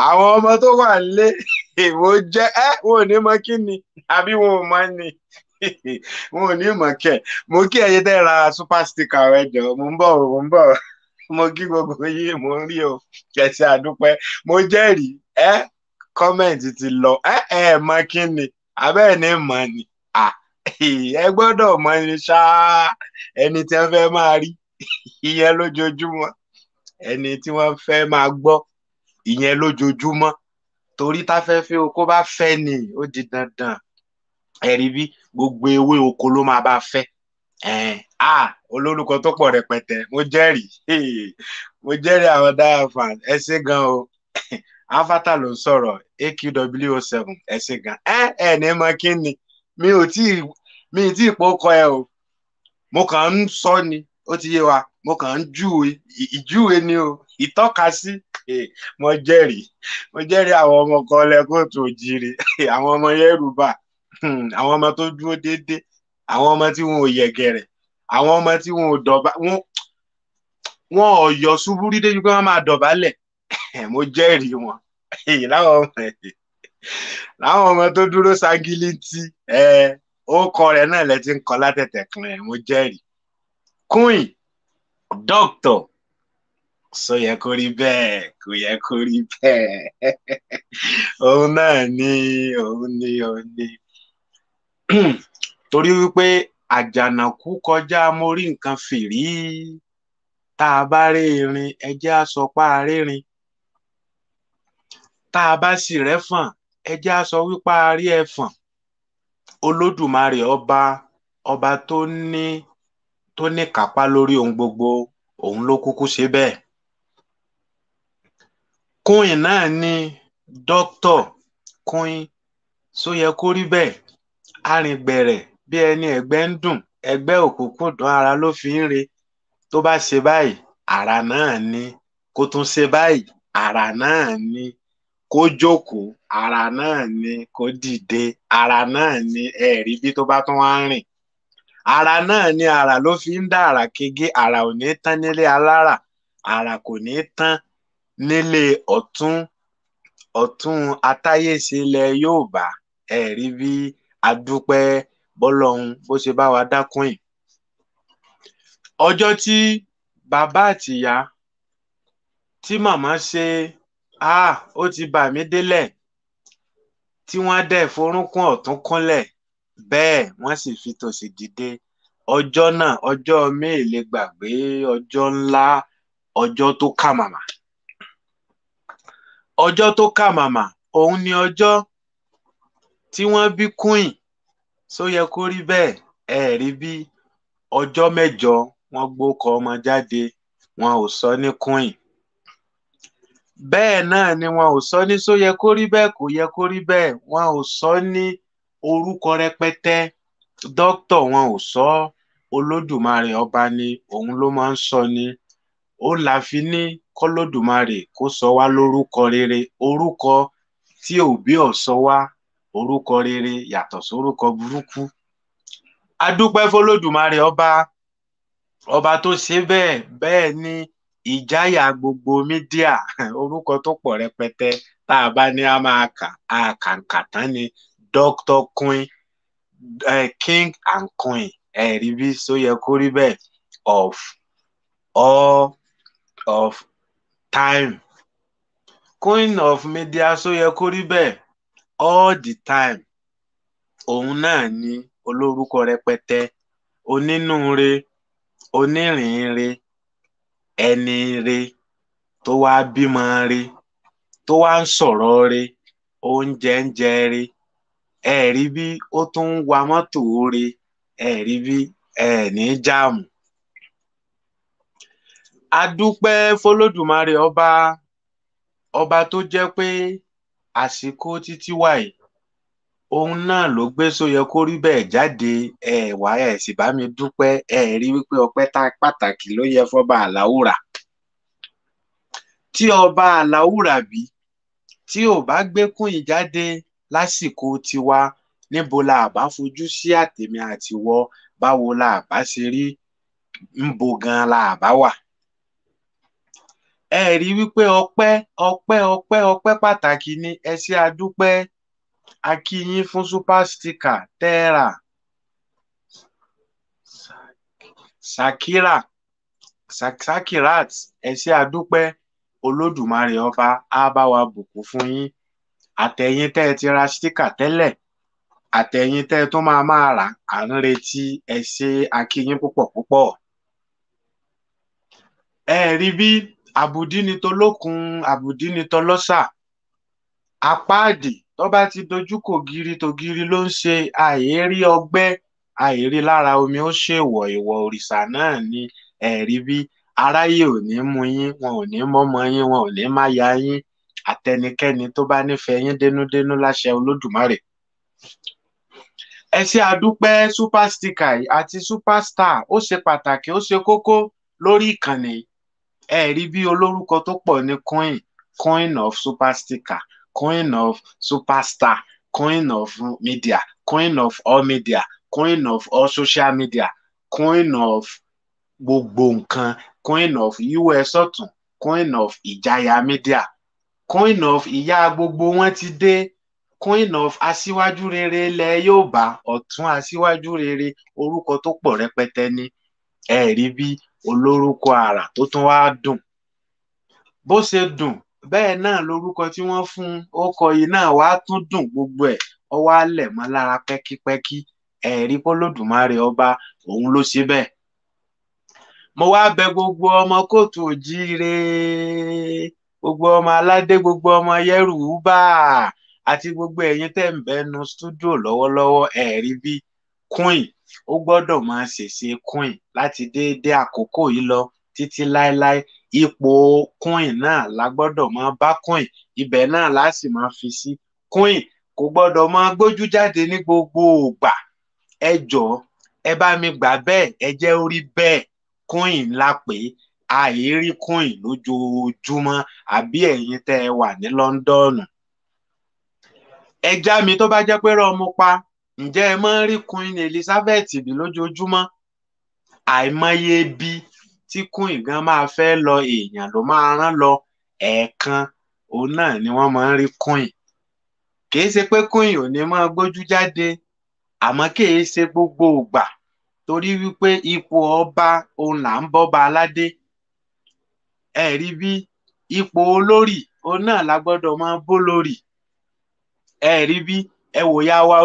àwọn ọmọ tó wà nílé èwo jẹ́ ẹ wọn ò ní mọ̀ kí ni àbí wọn ò mọ̀ ni wọn ò ní mọ̀ kẹ mo kí ẹyẹ tẹ ra super sticker rẹ jọ mo ń bọ̀ mo ń bọ̀ mo kí gbogbo yín mo ń rí o kẹsì àdúpẹ́ mo jẹ́rìí ẹ kọmẹǹtì ti lọ ẹ ẹ mọ̀ kí ni abẹ́ẹ̀ ní mọ̀ ni ẹ gbọ́dọ̀ mọ̀ ni ṣá ẹni tí wọ́n fẹ́ máa rí ìyẹn lójoojúmọ́ ẹni tí wọ́n fẹ́ máa gbọ́ ìyẹn lójoojúmọ́ torí táfẹ́fẹ́ oko bá fẹ́ ni ó di dandan ẹ̀rí bí gbogbo ewé oko ló máa bá fẹ́ a olórúkọ tó pọ̀ rẹpẹtẹ mo jẹ́rìí mo jẹ́rìí àwọn dáhà ẹ ṣé gan o avatar ló ń sọ̀rọ̀ aqw07 ẹ ṣe gan ẹ ẹ ní mọ kí ni mi ò tí mi tí ì pokọ ẹ o mo kàn ń sọ ni ó ti yé wa mo kàn ń júwe ìjúwe ni o ìtọ́ka mo jẹ́rìí mo jẹ́rìí àwọn ọmọ kan lẹ́kọ̀ọ́tù òjìrì àwọn ọmọ Yorùbá hmm, àwọn ọmọ tó dúró déédéé àwọn ọmọ tí wọn ò yẹ̀gẹ̀rẹ̀ àwọn ọmọ tí wọn ò dọ̀bà wọn ò ṣubú rí déjú pé wọ́n máa dọ̀bálẹ̀ mo jẹ́rìí wọn láwọn ọmọ ẹ̀ láwọn ọmọ tó dúró ságilítì ẹ ó kọ rẹ náà lẹ ti ń kọ látẹ̀tẹ̀ kan ẹ mo jẹ́rìí queen doctor so yẹ kó rí bẹ́ẹ̀ kò yẹ kó rí bẹ́ẹ̀ òun náà ni òun ni òun ni torí wípé àjànàkú kọjá mo rí nǹkan fìrí tá a bá rí irin ẹ jẹ́ àsọpá rírin tá a bá sì rẹ́fọ̀n ẹ jẹ́ á sọ wípé a rí ẹ̀fọ̀n olódùmarè ọba ọba tó ní tó ní kápá lórí ohun gbogbo òun ló kúkú ṣe bẹ́ẹ̀ Queen náà ni dókítà Queen só yẹ kó rí bẹ́ẹ̀ arìngbẹ̀rẹ̀ bí ẹni ẹ̀gbẹ́ ń dùn ẹgbẹ́ òkùnkùn dùn ara ló fi ń re tó bá ṣe báyìí ara náà ni kó tún ṣe báyìí ara náà ni kó jókòó ara náà ni kó dìde ara náà ni ẹ̀rí bí tó bá tún wá ń rìn ara náà ni ara ló fi ń dá ara kege ara ò ní tán nílé alára ara kò ní tán nílé ọ̀tún ọ̀tún atáyèsí ilẹ̀ Yorùbá ẹ̀rí bí adúpẹ́ bọ́lọ́hun bó ṣe bá wa dákún yìí ọjọ́ tí bàbá àtìyá tí màmá ṣe. Se ah ó ti bà mí délẹ̀ tí wọ́n dẹ̀ forúnkún ọ̀tún kúnlẹ̀ bẹ́ẹ̀ wọ́n sì fi tòsì dìde ọjọ́ náà ọjọ́ míì lè gbàgbé ọjọ́ ńlá ọjọ́ tó kà màmá ọjọ́ tó kà màmá òun ni ọjọ́ tí wọ́n bí queen só yẹ kó rí bẹ́ẹ̀ ẹ rí bí ọjọ́ mẹ́jọ wọ́n gbókọ ọmọ jáde wọn ò sọ ní queen bẹ́ẹ̀ náà ni wọn ò sọ ní só yẹ kó rí bẹ́ẹ̀ kò yẹ kó rí bẹ́ẹ̀ wọn ò sọ ní orúkọ rẹpẹtẹ dókítà wọn ò sọ olódùmarè ọba ni òun ló máa ń sọ ni ó la fi ní kọlódùmarè kó sọ wá lórúkọ rere orúkọ tí òbí ò sọ wá orúkọ rere yàtọ̀ sórúkọ burúkú adúpẹ́ fọlódùmarè ọba ọba tó ṣe bẹ́ẹ̀ bẹ́ẹ̀ ni ìjáyà gbogbo mídíà orúkọ tó pọ̀ rẹpẹtẹ tá a bá ní a máa kà á kàǹkà tán ni Dr. Queen uh, King and Queen ẹ̀rí bí sọ yẹ kó rí bẹ́ẹ̀ of all of time Queen of media so yẹ kó rí bẹ́ẹ̀ all the time òun náà ni olórúkọ rẹpẹtẹ onínúure onírìnre ẹni re tó wá bímọ rí tó wá ń sọ̀rọ̀ rí oúnjẹ ń jẹ ri ẹ rí bí ó tún ń wa mọ́tò re ẹ rí bí ẹ ní jáàmù. a dúpẹ́ ọba ọba tó jẹ́ pé àsìkò títí wáyé òun náà ló gbé sóyẹ kó rí bẹ́ẹ̀ jáde ẹ wá ẹ sì bá mi dúpẹ́ ẹ rí wípé ọpẹ́ tá pàtàkì ló yẹ fọba àláwùrà tí ọba àláwùrà bí tí ò bá gbẹkùn ìjáde lásìkò tiwa níbo la bá fojú sí àtẹ̀mí àtiwọ báwo la bá ṣe rí ńbo gan la bá wà ẹ rí wípé ọpẹ́ ọpẹ́ ọpẹ́ ọpẹ́ pàtàkì ni ẹ ṣe àdúpẹ́ a kí yín fún super sticker tẹ́ sakira sakirat ẹ ṣé àdúpẹ́ olódùmarè ọba á bá wa bùkún fún yín àtẹ̀yin tẹ́ ẹ ti ra sticker tẹ́lẹ̀ àtẹ̀yin tẹ́ ẹ tún máa máa rà à ń retí ẹ ṣé a kí ẹ rí bí àbùdí ni apáàdì tó bá ti dojúkọ gírí tògiri ló ń ṣe àìrí ọgbẹ́ àìrí lára omi ó ṣèwọ̀ ìwọ̀ òrìṣà náà ni ẹ̀rí bí aráyé ò ní mú yín wọn ò ní mọ́mọ yín wọn ò ní má ya yín àtẹnikẹ́ni tó bá nífẹ̀ẹ́ yín dénúdénú láṣẹ olódùmarè ẹ ṣe àdúpẹ́ super sticker àti super star ó ṣe pàtàkì ó ṣe kókó lórí ìkànnì ẹ̀rí bí olórúkọ tó pọ̀ ní coin coin of super sticker coin of superstar, coin of media, coin of all media, coin of all social media, coin of gbogbo nǹkan, coin of US ọ̀tún, coin of ìjayà media, coin of ìyá gbogbo wọn ti dé coin of aṣíwájú rere ilẹ̀ Yorùbá ọ̀tún aṣíwájú rere orúkọ tó pọ̀ rẹpẹtẹ ní ẹ̀rí bí olórúkọ àrà tó tún wá dùn bó ṣe dùn bẹ́ẹ̀ náà lorúkọ tí wọ́n fún ọkọ̀ yìí náà wá tún dùn gbogbo ẹ̀ ọ wá lẹ̀ mọ́ lára pẹ́kípẹ́kí ẹ̀rí pọ́lọ́dùmarè ọba òun ló ṣe bẹ́ẹ̀. mo wá bẹ gbogbo ọmọ kóòtù òjíire gbogbo ọmọ aládé gbogbo ọmọ yẹrùbá àti gbogbo ẹ̀yin tẹ́ ń bẹnu stúdíò lọ́wọ́lọ́wọ́ ẹ̀rí bí queen ó gbọ́dọ̀ máa ṣèṣe queen láti déédéé àkókò yìí lọ títí láéláé ipò coin náà la gbọ́dọ̀ máa bá coin ibẹ̀ náà la sì máa fi sí coin kò gbọ́dọ̀ máa gbójú jáde ní gbogbo ògbà ẹ jọọ ẹ bá mi gbà bẹẹ ẹ jẹ orí bẹẹ coin la pè é àìrí coin lójoojúmọ́ àbí ẹ̀yin tẹ ẹ wà ní Lọ́ńdọ̀nù ẹ já mi tó bá jẹ́ pé rọ́ mo pa ǹjẹ́ ẹ máa ń rí Queen Elizabeth bí lójoojúmọ́ àìmọye bíi tí queen gan máa fẹ́ lọ èèyàn ló máa rán lọ ẹ̀ẹ̀kan òun náà ni wọ́n máa ń rí queen kìí ṣe pé queen ò ní máa gbójú jáde àmọ́ kìí ṣe gbogbo ìgbà torí wípé ipò ọba òun là ń bọ́ba aládé ẹ rí bí ipò olórí òun náà la gbọ́dọ̀ máa bó lórí ẹ rí bí ẹ wò yá wá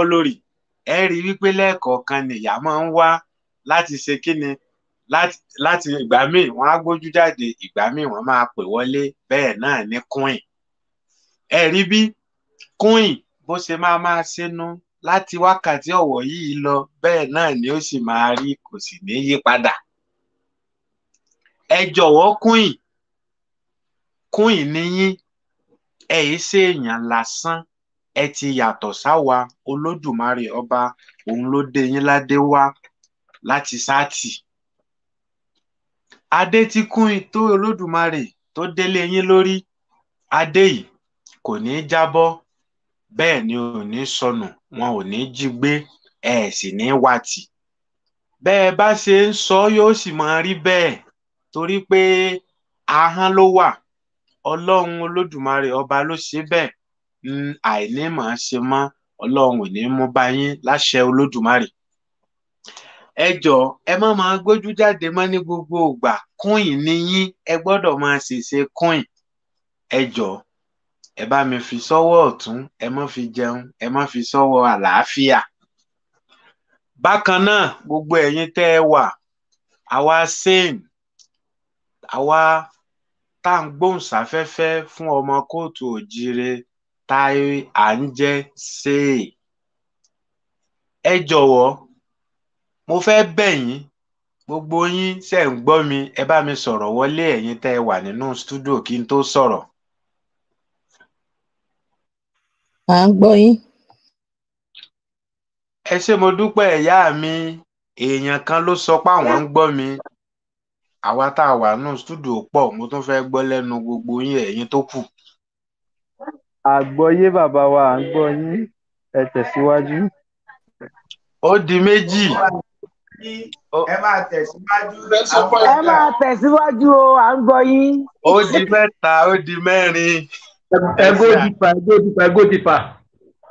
ẹ rí wípé lẹ́ẹ̀kọ̀ọ̀kan nìyá máa ń wá láti ṣe kí ni. láti ìgbà míì wọ́n á gbójú jáde ìgbà míì wọ́n máa pè wọlé bẹ́ẹ̀ náà ní coin ẹ rí bí coin bó ṣe máa máa sínú láti wákàtí ọ̀wọ̀ yìí lọ bẹ́ẹ̀ náà ni ó sì máa rí kò sì ní yí padà ẹ jọ̀wọ́ coin coin níyín ẹ yìí ṣèèyàn lásán ẹ ti yàtọ̀ sáwa olódùmarè ọba òun ló dé yín ládé wá láti sáàtì adé tí kún ìtó olódùmarè tó délé yín lórí adé yìí kò ní í jábọ́ bẹ́ẹ̀ ni ò ní sọnù wọn ò ní jí gbé ẹ sì ní wá tì bẹ́ẹ̀ bá ṣe ń sọ yóò sì máa rí bẹ́ẹ̀ torí pé ahọ́n ló wà ọlọ́run olódùmarè ọba ló ṣe bẹ́ẹ̀ àìní màá ṣe mọ́ ọlọ́run ò ní mú bá yín láṣẹ olódùmarè ẹ jọ ẹ má máa gbójú jáde mọ́ ní gbogbo ìgbà kúnyìn ni yín ẹ gbọ́dọ̀ máa ṣèṣe kúnyìn ẹ jọ ẹ bá mi fi sọwọ ọ̀tún ẹ má fi jẹun ẹ má fi sọwọ àlàáfíà bákan náà gbogbo ẹ̀yin tẹ ẹ wà àwa sane àwa tá à ń gbóhùnsáfẹ́fẹ́ fún ọmọ kóòtù òjire tá à ń jẹ́ sèé ẹ jọ̀wọ́ mo fẹ́ bẹ̀ yín gbogbo yín ṣe ń gbọ́ mi ẹ bá mi sọ̀rọ̀ wọlé ẹ̀yin tẹ́ ẹ wà nínú stúdíò kí n tó sọ̀rọ̀. à ń gbọ́ yín. ẹ ṣé mo dúpẹ́ ìyá mi èèyàn kan ló sọ pé àwọn ń gbọ́ mi àwa tá a wà nínú stúdíò pọ̀ mo tún fẹ́ gbọ́ lẹ́nu gbogbo yín ẹ̀yin tó kù. àgbọ́yé bàbá wa à ń gbọ́ yín ẹ tẹ̀síwájú. ó di méjì ẹ máa tẹ̀síwájú. ẹ máa tẹ̀síwájú o à ń gbọ́ yín. ó di mẹ́ta ó di mẹ́rin. ẹ go deeper ẹ go deeper ẹ go deeper.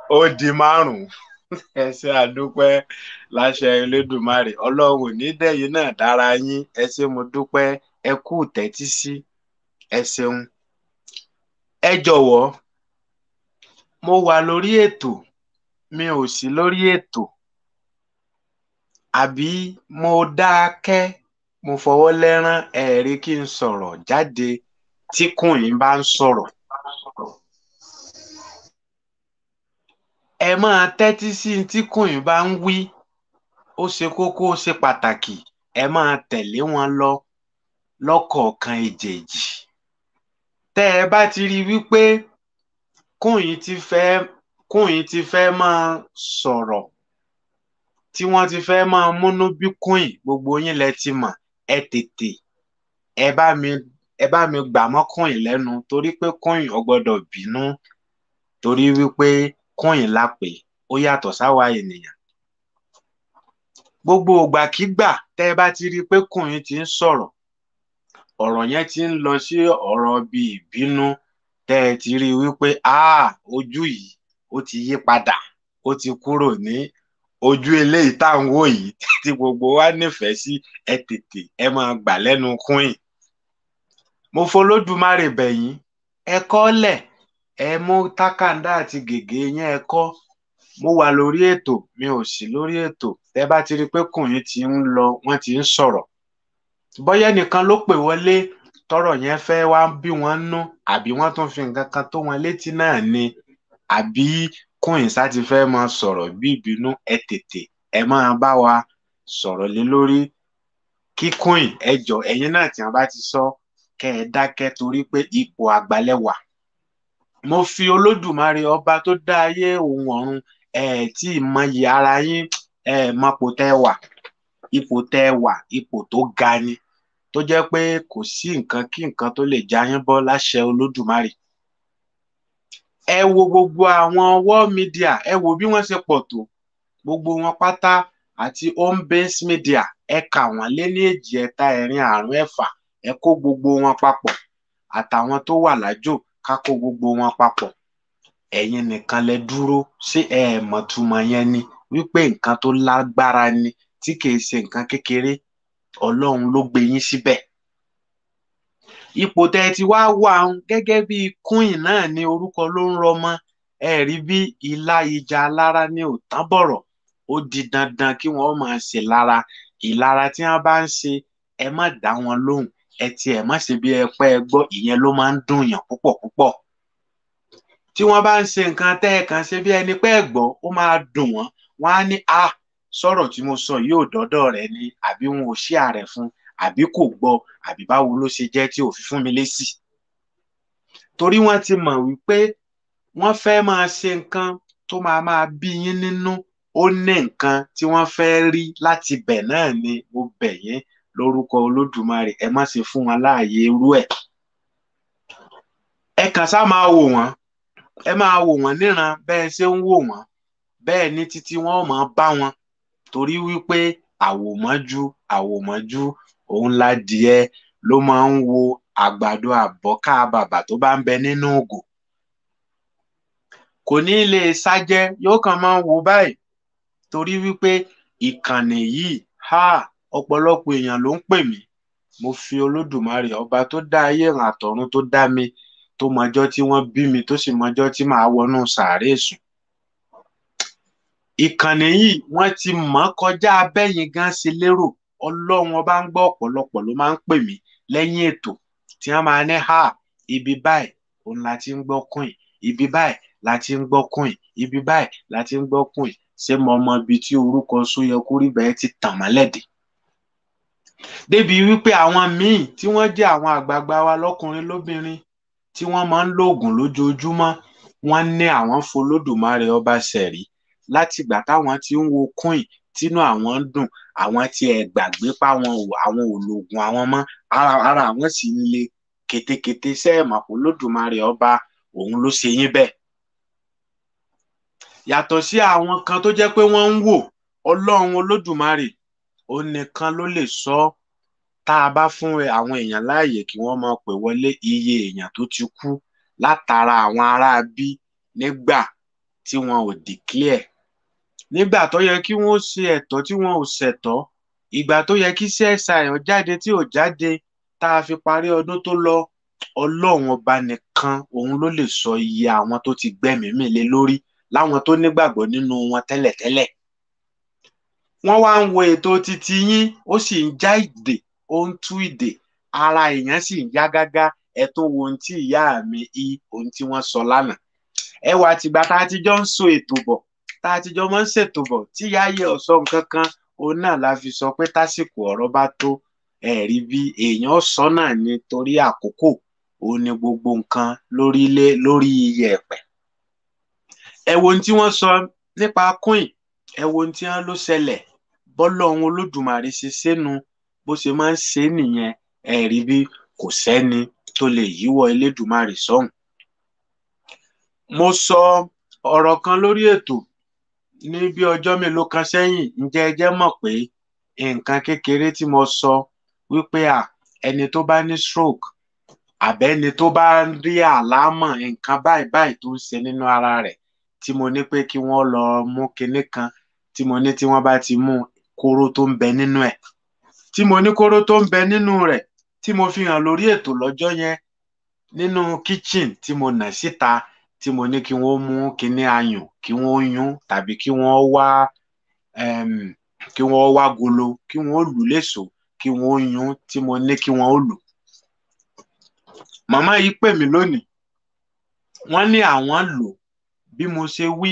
ó di márùn-ún ẹ ṣe àdúpẹ́ láṣẹ Elédùmarè ọlọ́run nídẹ̀yìn náà dára yín ẹ ṣe mo dúpẹ́ ẹ kú tẹ́tí sí ẹ ṣeun ẹ jọ̀wọ́ mo wà lórí ètò mi ò sí lórí ètò àbí mo dákẹ́ mo fọwọ́ lẹ́rán ẹ̀rí kí n sọ̀rọ̀ jáde tí kùnyìn bá ń sọ̀rọ̀. ẹ máa tẹ́tí sí tí kùnyìn bá ń wí ó ṣe kókó ó ṣe pàtàkì ẹ máa tẹ̀lé wọn lọ lọ́kọ̀ọ̀kan èjèèjì tẹ́ ẹ bá ti rí wípé kùnyìn ti fẹ́ kùnyìn ti fẹ́ máa sọ̀rọ̀ tí wọ́n ti fẹ́ máa múnú bí kúìn gbogbo yín lẹ ti mọ̀ ẹ tètè ẹ bá mi ẹ bá mi gbà mọ́ kúìn lẹ́nu torí pé kúìn ò gbọ́dọ̀ bínú torí wípé kúìn lápè ó yàtọ̀ sáwa ènìyàn gbogbo ògbàkigbà tẹ́ ẹ bá ti rí i pé kùnrin ti ń sọ̀rọ̀ ọ̀rọ̀ yẹn ti ń lọ sí ọ̀rọ̀ bí ìbínú tẹ́ ẹ ti rí i wípé ojú yìí ó ti yí padà ó ti kúrò ní ojú eléyìí tá à ń wò yìí tí gbogbo wa nífẹ̀ẹ́ sí ẹ tètè ẹ máa gbà lẹ́nu kúnyìn mo folódùmarè bẹ̀yìn ẹ kọ́lẹ̀ ẹ mú tákàndá àti gègé yẹn ẹ kọ́ mo wà lórí ètò mi ò sí lórí ètò tẹ bá ti rí pé kùnyìn ti ń lọ wọ́n ti ń sọ̀rọ̀ bóyá nìkan ló pè wọlé tọ̀rọ̀ yẹn fẹ́ wá bí wọ́n nú àbí wọ́n tún fi nǹkan kan tó wọn létí náà ni àbí kọ́ìnsà ti fẹ́ máa sọ̀rọ̀ bí ìbínú ẹ tètè ẹ máa bá wa sọ̀rọ̀ lé lórí kí kọ́ìn ẹ jọ ẹ̀yin náà tí wọ́n bá ti sọ kẹ́ ẹ dákẹ́ torí pé ipò àgbálẹ̀ wà. mo fi olódùmarè ọba tó dá ayé òun ọ̀run ẹ̀ tí ì ara yín ẹ̀ mọ́pò tẹ́ wà ipò tẹ́ wà ipò tó ga ni tó jẹ́ pé kò sí nǹkan kí nǹkan tó lè já bọ́ láṣẹ olódùmarè ẹ wo gbogbo àwọn world media ẹ wo bí wọ́n ṣe pọ̀ tó gbogbo wọn pátá àti home based media ẹ kà wọ́n lé ní èjì ẹ̀ta ẹ̀rin àrún ẹ̀fà ẹ kó gbogbo wọn papọ̀ àtàwọn tó wà lájò ká kó gbogbo wọn papọ̀ ẹ̀yin nìkan lẹ dúró sí ẹ̀ẹ̀mọ̀túmọ̀ yẹn ni wípé nǹkan tó lágbára ni tí kìí ṣe nǹkan kékeré ọlọ́run ló gbé yín síbẹ̀ ipò tẹ ti wá wà ń gẹ́gẹ́ bí queen náà ni orúkọ ló ń rọmọ ẹ rí bí ìlà ìjà lára ní òtán bọ̀rọ̀ ó di dandan kí wọ́n máa ṣe lára ìlara tí wọ́n bá ń ṣe ẹ má dá wọn lóhùn ẹ ti ẹ má ṣe bí ẹ pẹ́ ẹ gbọ́ ìyẹn ló máa ń dùn yàn púpọ̀ púpọ̀ tí wọ́n bá ń ṣe nǹkan tẹ́ ẹ kàn ṣe bí ẹni pẹ́ ẹ gbọ́ ó máa dùn wọ́n wọ́n á ní a ah, sọ̀rọ̀ tí mo sọ yóò dọ́dọ̀ rẹ ni àbí wọn ò ṣí ààrẹ fún àbí kò gbọ́ àbí báwo ló ṣe jẹ́ tí ò fi fún mi lésì torí wọ́n ti mọ̀ wípé wọ́n fẹ́ máa ṣe nǹkan tó máa máa bí yín nínú ó ní nǹkan tí wọ́n fẹ́ rí láti bẹ̀ náà ni mo bẹ̀ yín lórúkọ olódùmarè ẹ má ṣe fún wọn láàyè irú ẹ̀ ẹ kàn sá máa wò wọ́n ẹ máa wò wọ́n níran bẹ́ẹ̀ ṣe ń wò wọ́n bẹ́ẹ̀ ni títí wọn máa bá wọn torí wípé àwòmọ́jú àwòmọ́jú òun ládìẹ ló máa ń wo àgbàdo àbọ́ká bàbà tó bá ń bẹ nínú ògò kò ní lè ṣájẹ yóò kàn máa wò báyìí torí wípé ìkànnì yìí ha ọ̀pọ̀lọpọ̀ èèyàn ló ń pè mí mo fi olódùmarè ọba tó dá ayé ìrìn àtọ̀run tó dá mi tó mọjọ́ tí wọ́n bí mi tó sì mọjọ́ tí màá wọnú sàárè sùn ìkànnì yìí wọ́n ti mọ̀ kọjá abẹ́yìn gan ṣe lérò ọlọ́run ọba ń gbọ́ ọ̀pọ̀lọpọ̀ ló máa ń pè mí lẹ́yìn ètò tí wọ́n máa ní ha ibi báyìí òun la ti ń gbọ́ kùn ibi báyìí la ti ń gbọ́ kùn ibi báyìí la ti ń gbọ́ kùn ṣé mo mọ ibi tí orúkọ sóyẹ kórìgbà ẹ ti tàn mọ́lẹ̀dẹ̀ débi wípé àwọn míì tí wọ́n jẹ́ àwọn àgbààgbà wa lọ́kùnrin lóbìnrin tí wọ́n máa ń lòògùn lójoojúmọ́ wọ́n ní àwọn folódùmarè ọba ṣẹ̀rí látìgbà táwọn ti ń wo kùn tínú àwọn ń dùn àwọn tí ẹ gbàgbé páwọn ò àwọn òlògùn àwọn mọ ara ara àwọn sì ń le ketekete sẹẹmọ kó lódùmarè ọba òun ló ṣe yín bẹ́ẹ̀ yàtọ̀ sí àwọn kan tó jẹ́ pé wọ́n ń wò Ọlọ́run Olódùmarè òun nìkan ló lè sọ tá a bá fún àwọn èèyàn láàyè kí wọ́n máa pè wọlé iye èèyàn tó ti kú látara àwọn ará nígbà tí wọn ò declare nígbà tó yẹ kí wọ́n ṣe ẹ̀tọ́ tí wọn ò ṣẹ̀tọ́ ìgbà tó yẹ kí CSIR jáde tí ò jáde tá a fi parí ọdún tó lọ ọlọ́run ọba nìkan òun ló lè sọ iye àwọn tó ti gbẹ̀mí mi lé lórí láwọn tó nígbàgbọ́ nínú wọn tẹ́lẹ̀tẹ́lẹ̀ wọ́n wá ń wo ètò titi yín ó sì ń já ìdè ó ń tú ìdè ara èèyàn sì ń yá gágá ẹ tó wo ohun tí ìyá mi i ohun tí wọ́n sọ lánàá ẹ wà tìgbà tá a ti jọ ń so ètò bọ̀ tá a ti jọ mọ́ ń ṣètò bọ̀ tí yáyẹ ọ̀sọ́ nǹkan kan òun náà la fi sọ pé tásìkò ọ̀rọ̀ bá tó ẹ̀rí bí èèyàn sọ náà ni torí àkókò òun ni gbogbo nǹkan lórílẹ̀ lórí iyẹ̀pẹ̀ ẹ wo ohun tí wọ́n sọ nípa queen ẹ wo ohun tí wọ́n ló ṣẹlẹ̀ bọ́lọ́hún olódùmarè ṣe sẹ́nu bó ṣe máa ń ṣe nìyẹn ẹ̀rí bí kò sẹ́ni tó lè yíwọ́ elédùmarè sọ́hùn mo sọ ọ̀rọ̀ kan lórí ètò ní bí ọjọ́ mélòó kan sẹ́yìn ǹjẹ́ ẹ jẹ́ mọ̀ pé nǹkan kékeré tí mo sọ wípé à ẹni tó bá ní stroke àbẹ́ni tó bá ń rí àlámọ̀ nǹkan báyìí báyìí tó ń ṣe nínú ara rẹ̀ tí mo ní pé kí wọ́n lọ mú kinní kan tí mo ní tí wọ́n bá ti mú kóró tó ń bẹ nínú ẹ̀ tí mo ní kóró tó ń bẹ nínú rẹ̀ tí mo fi hàn lórí ètò lọ́jọ́ yẹn nínú kitchen tí mo nà síta. Si tí mo ní kí wọ́n mú kinní ayùn kí wọ́n yún tàbí kí wọ́n wá kí wọ́n wá golo kí wọ́n lù léṣo kí wọ́n yún tí mo ní kí wọ́n lù. màmá yìí pè mí lónìí wọ́n ní àwọn lò bí mo ṣe wí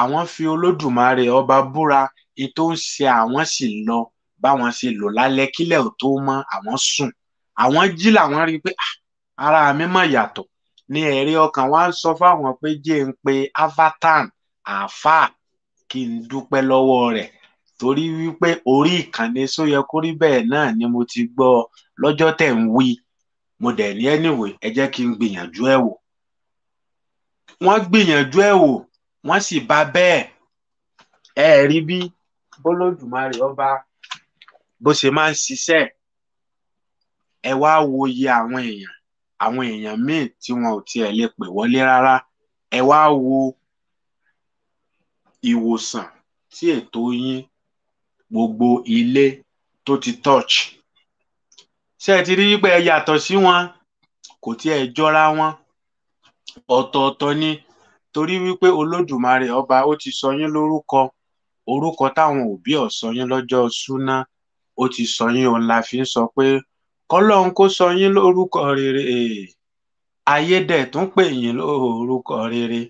àwọn fi olódùmarè ọba búra ní tó ń ṣe àwọn sì lọ báwọn ṣe lò lálẹ́ kílẹ̀ ò tó mọ́ àwọn sùn àwọn jí làwọn rí i pé ah, ara mi mà yàtọ̀ ni ẹ̀rí ọkàn wa ń sọ fáwọn pé jẹ́ ń pe avatan àáfàá kí n dúpẹ́ lọ́wọ́ rẹ̀ torí wípé orí ìkànnì sóyẹ kórí bẹ́ẹ̀ náà ni mo ti gbọ́ lọ́jọ́ tẹ̀ ń wí mo dẹ̀ ní anyway ẹ jẹ́ kí n gbìyànjú ẹ̀ wò wọ́n gbìyànjú ẹ̀ wò wọ́n sì bá bẹ́ẹ̀ ẹ rí bí bólódùmarè ọba bó ṣe máa ń ṣiṣẹ́ ẹ wá wo àwọn èèyàn àwọn èèyàn míì tí wọn ò tiẹ̀ lè pè wọlé rárá ẹ wá wo ìwòsàn tí ètò yín gbogbo ilé tó ti touch ṣé ẹ ti rí wípé ẹ yàtọ̀ sí wọn kò tiẹ̀ jọra wọn ọ̀tọ̀ọ̀tọ̀ ni torí wípé olódùmarè ọba ó ti sọ yín lórúkọ orúkọ táwọn òbí ọ̀ yín lọ́jọ́ súná ó ti sọ yín òun la fi ń sọ pé kọlọ́run kó sọ yín lórúkọ rere ayé dẹ̀ tún pè yín lórúkọ rere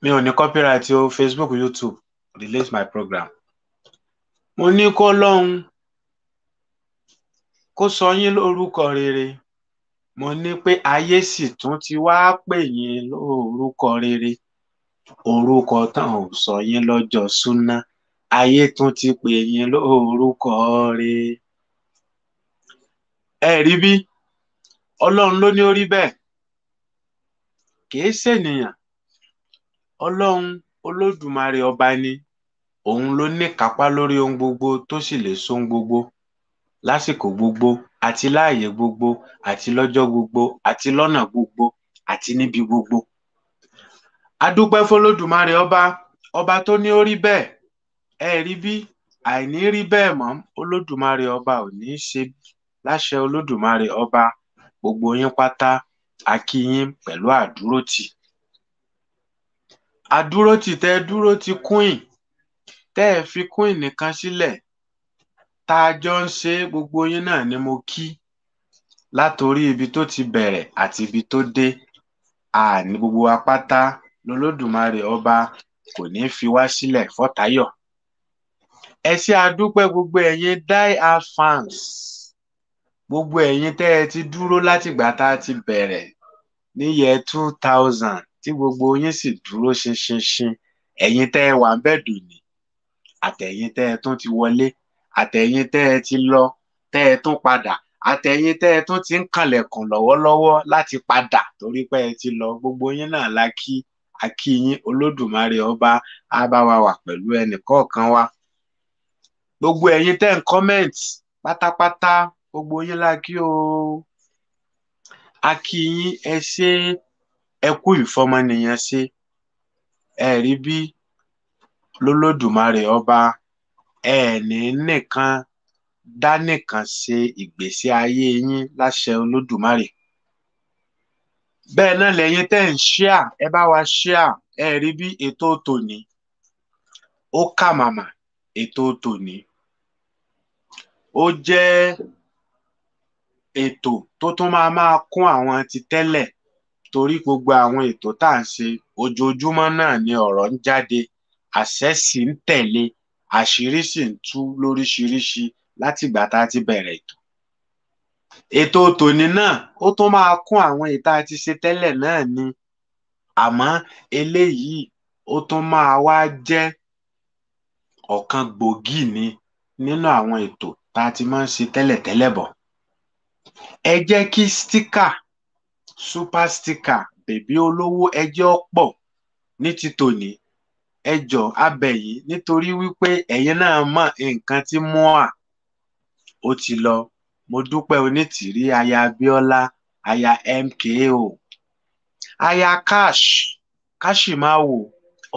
mi ò ní copyright o Facebook YouTube release my program mo ní kọlọ́run kó sọ yín lórúkọ rere mo ní pé ayé sì tún ti wá pè yín lórúkọ rere orúkọ tán ò sọ yín lọ́jọ́ súná ayé tún ti pè yín lórúkọ rere ẹ rí bí ọlọ́run ló ní ó rí bẹ́ẹ̀ kìí ṣènìyàn ọlọ́run olódùmarè ọba ni òun ló níkápá lórí ohun gbogbo tó sì lè sóhun gbogbo lásìkò gbogbo àti láàyè gbogbo àti lọ́jọ́ gbogbo àti lọ́nà gbogbo àti níbi gbogbo adúpẹ́ fọlódùmarè ọba ọba tó ní ó rí bẹ́ẹ̀ ẹ rí bí àìní rí bẹ́ẹ̀ mọ́ olódùmarè ọba ò ní í ṣe láṣẹ olódùmarè ọba gbogbo yín pátá a kí yín pẹ̀lú àdúrótì àdúrótì tẹ dúró ti queen tẹ ẹ fi queen nìkan sílẹ̀ tá a jọ ń ṣe gbogbo yín náà ni mo kí látorí ibi tó ti bẹ̀rẹ̀ àti ibi tó dé àní gbogbo wa pátá lolódùmarè ọba kò ní fi wá sílẹ̀ fọ́tàyọ̀ ẹ ṣé a gbogbo ẹ̀yin die hard fans gbogbo ẹ̀yin tẹ́ ẹ ti dúró látìgbà tá a ti bẹ̀rẹ̀ níyẹn two thousand tí gbogbo yín sì dúró ṣinṣinṣin ẹ̀yin tẹ́ ẹ wà ń bẹ̀ dòní àtẹ̀yin tẹ́ ẹ tún ti wọlé àtẹ̀yin tẹ́ ẹ ti lọ tẹ́ ẹ tún padà àtẹ̀yin tẹ́ ẹ tún ti ń kànlẹ̀kùn lọ́wọ́lọ́wọ́ láti padà torí pé ẹ ti lọ gbogbo yín náà la kí a kí yín olódùmarè ọba á bá wa wà pẹ̀lú ẹnì kọ̀ọ̀kan wa gbogbo ẹ̀yin tẹ́ ń kọ́mẹ́ǹtì pátápátá gbogbo yín la kí o a kí yín ẹ ṣe ẹ kú ìfọmọnìyàn ṣe ẹ rí bí lólódùmarè ọba ẹ ní nìkan dá nìkan ṣe ìgbésí ayé yín láṣẹ olódùmarè bẹ́ẹ̀ náà lẹ́yìn tẹ́ ń ṣíà ẹ bá wa ṣíà ẹ rí bí ètò tòní ó kà màmá ètò tòní ó jẹ́ ètò tó tún máa máa kún àwọn ti tẹ́lẹ̀ torí gbogbo àwọn ètò tá à ń ṣe ojoojúmọ́ náà ni ọ̀rọ̀ ń jáde àṣẹ sì ń tẹ̀lé àṣírí sì ń tú lóríṣiríṣi látìgbà tá a ti bẹ̀rẹ̀ ètò ètò tòní náà ó tún máa kún àwọn ìta ti ṣe tẹ́lẹ̀ náà ni àmọ́ eléyìí ó tún máa wá jẹ́ ọ̀kan gbòógì ni nínú àwọn ètò tá a ti máa ń ṣe tẹ́lẹ̀tẹ́lẹ̀ bọ̀ ẹ jẹ́ kí stika super stika bèbí olówó ẹ jẹ́ ó pọ̀ ní ti tòní ẹ jọ abẹ̀yìn nítorí wípé ẹ̀yin náà mọ̀ nǹkan tí mua ó ti lọ mo dúpẹ́ onítìrí aya Abíọ́lá aya MKO aya cash káṣì máa wò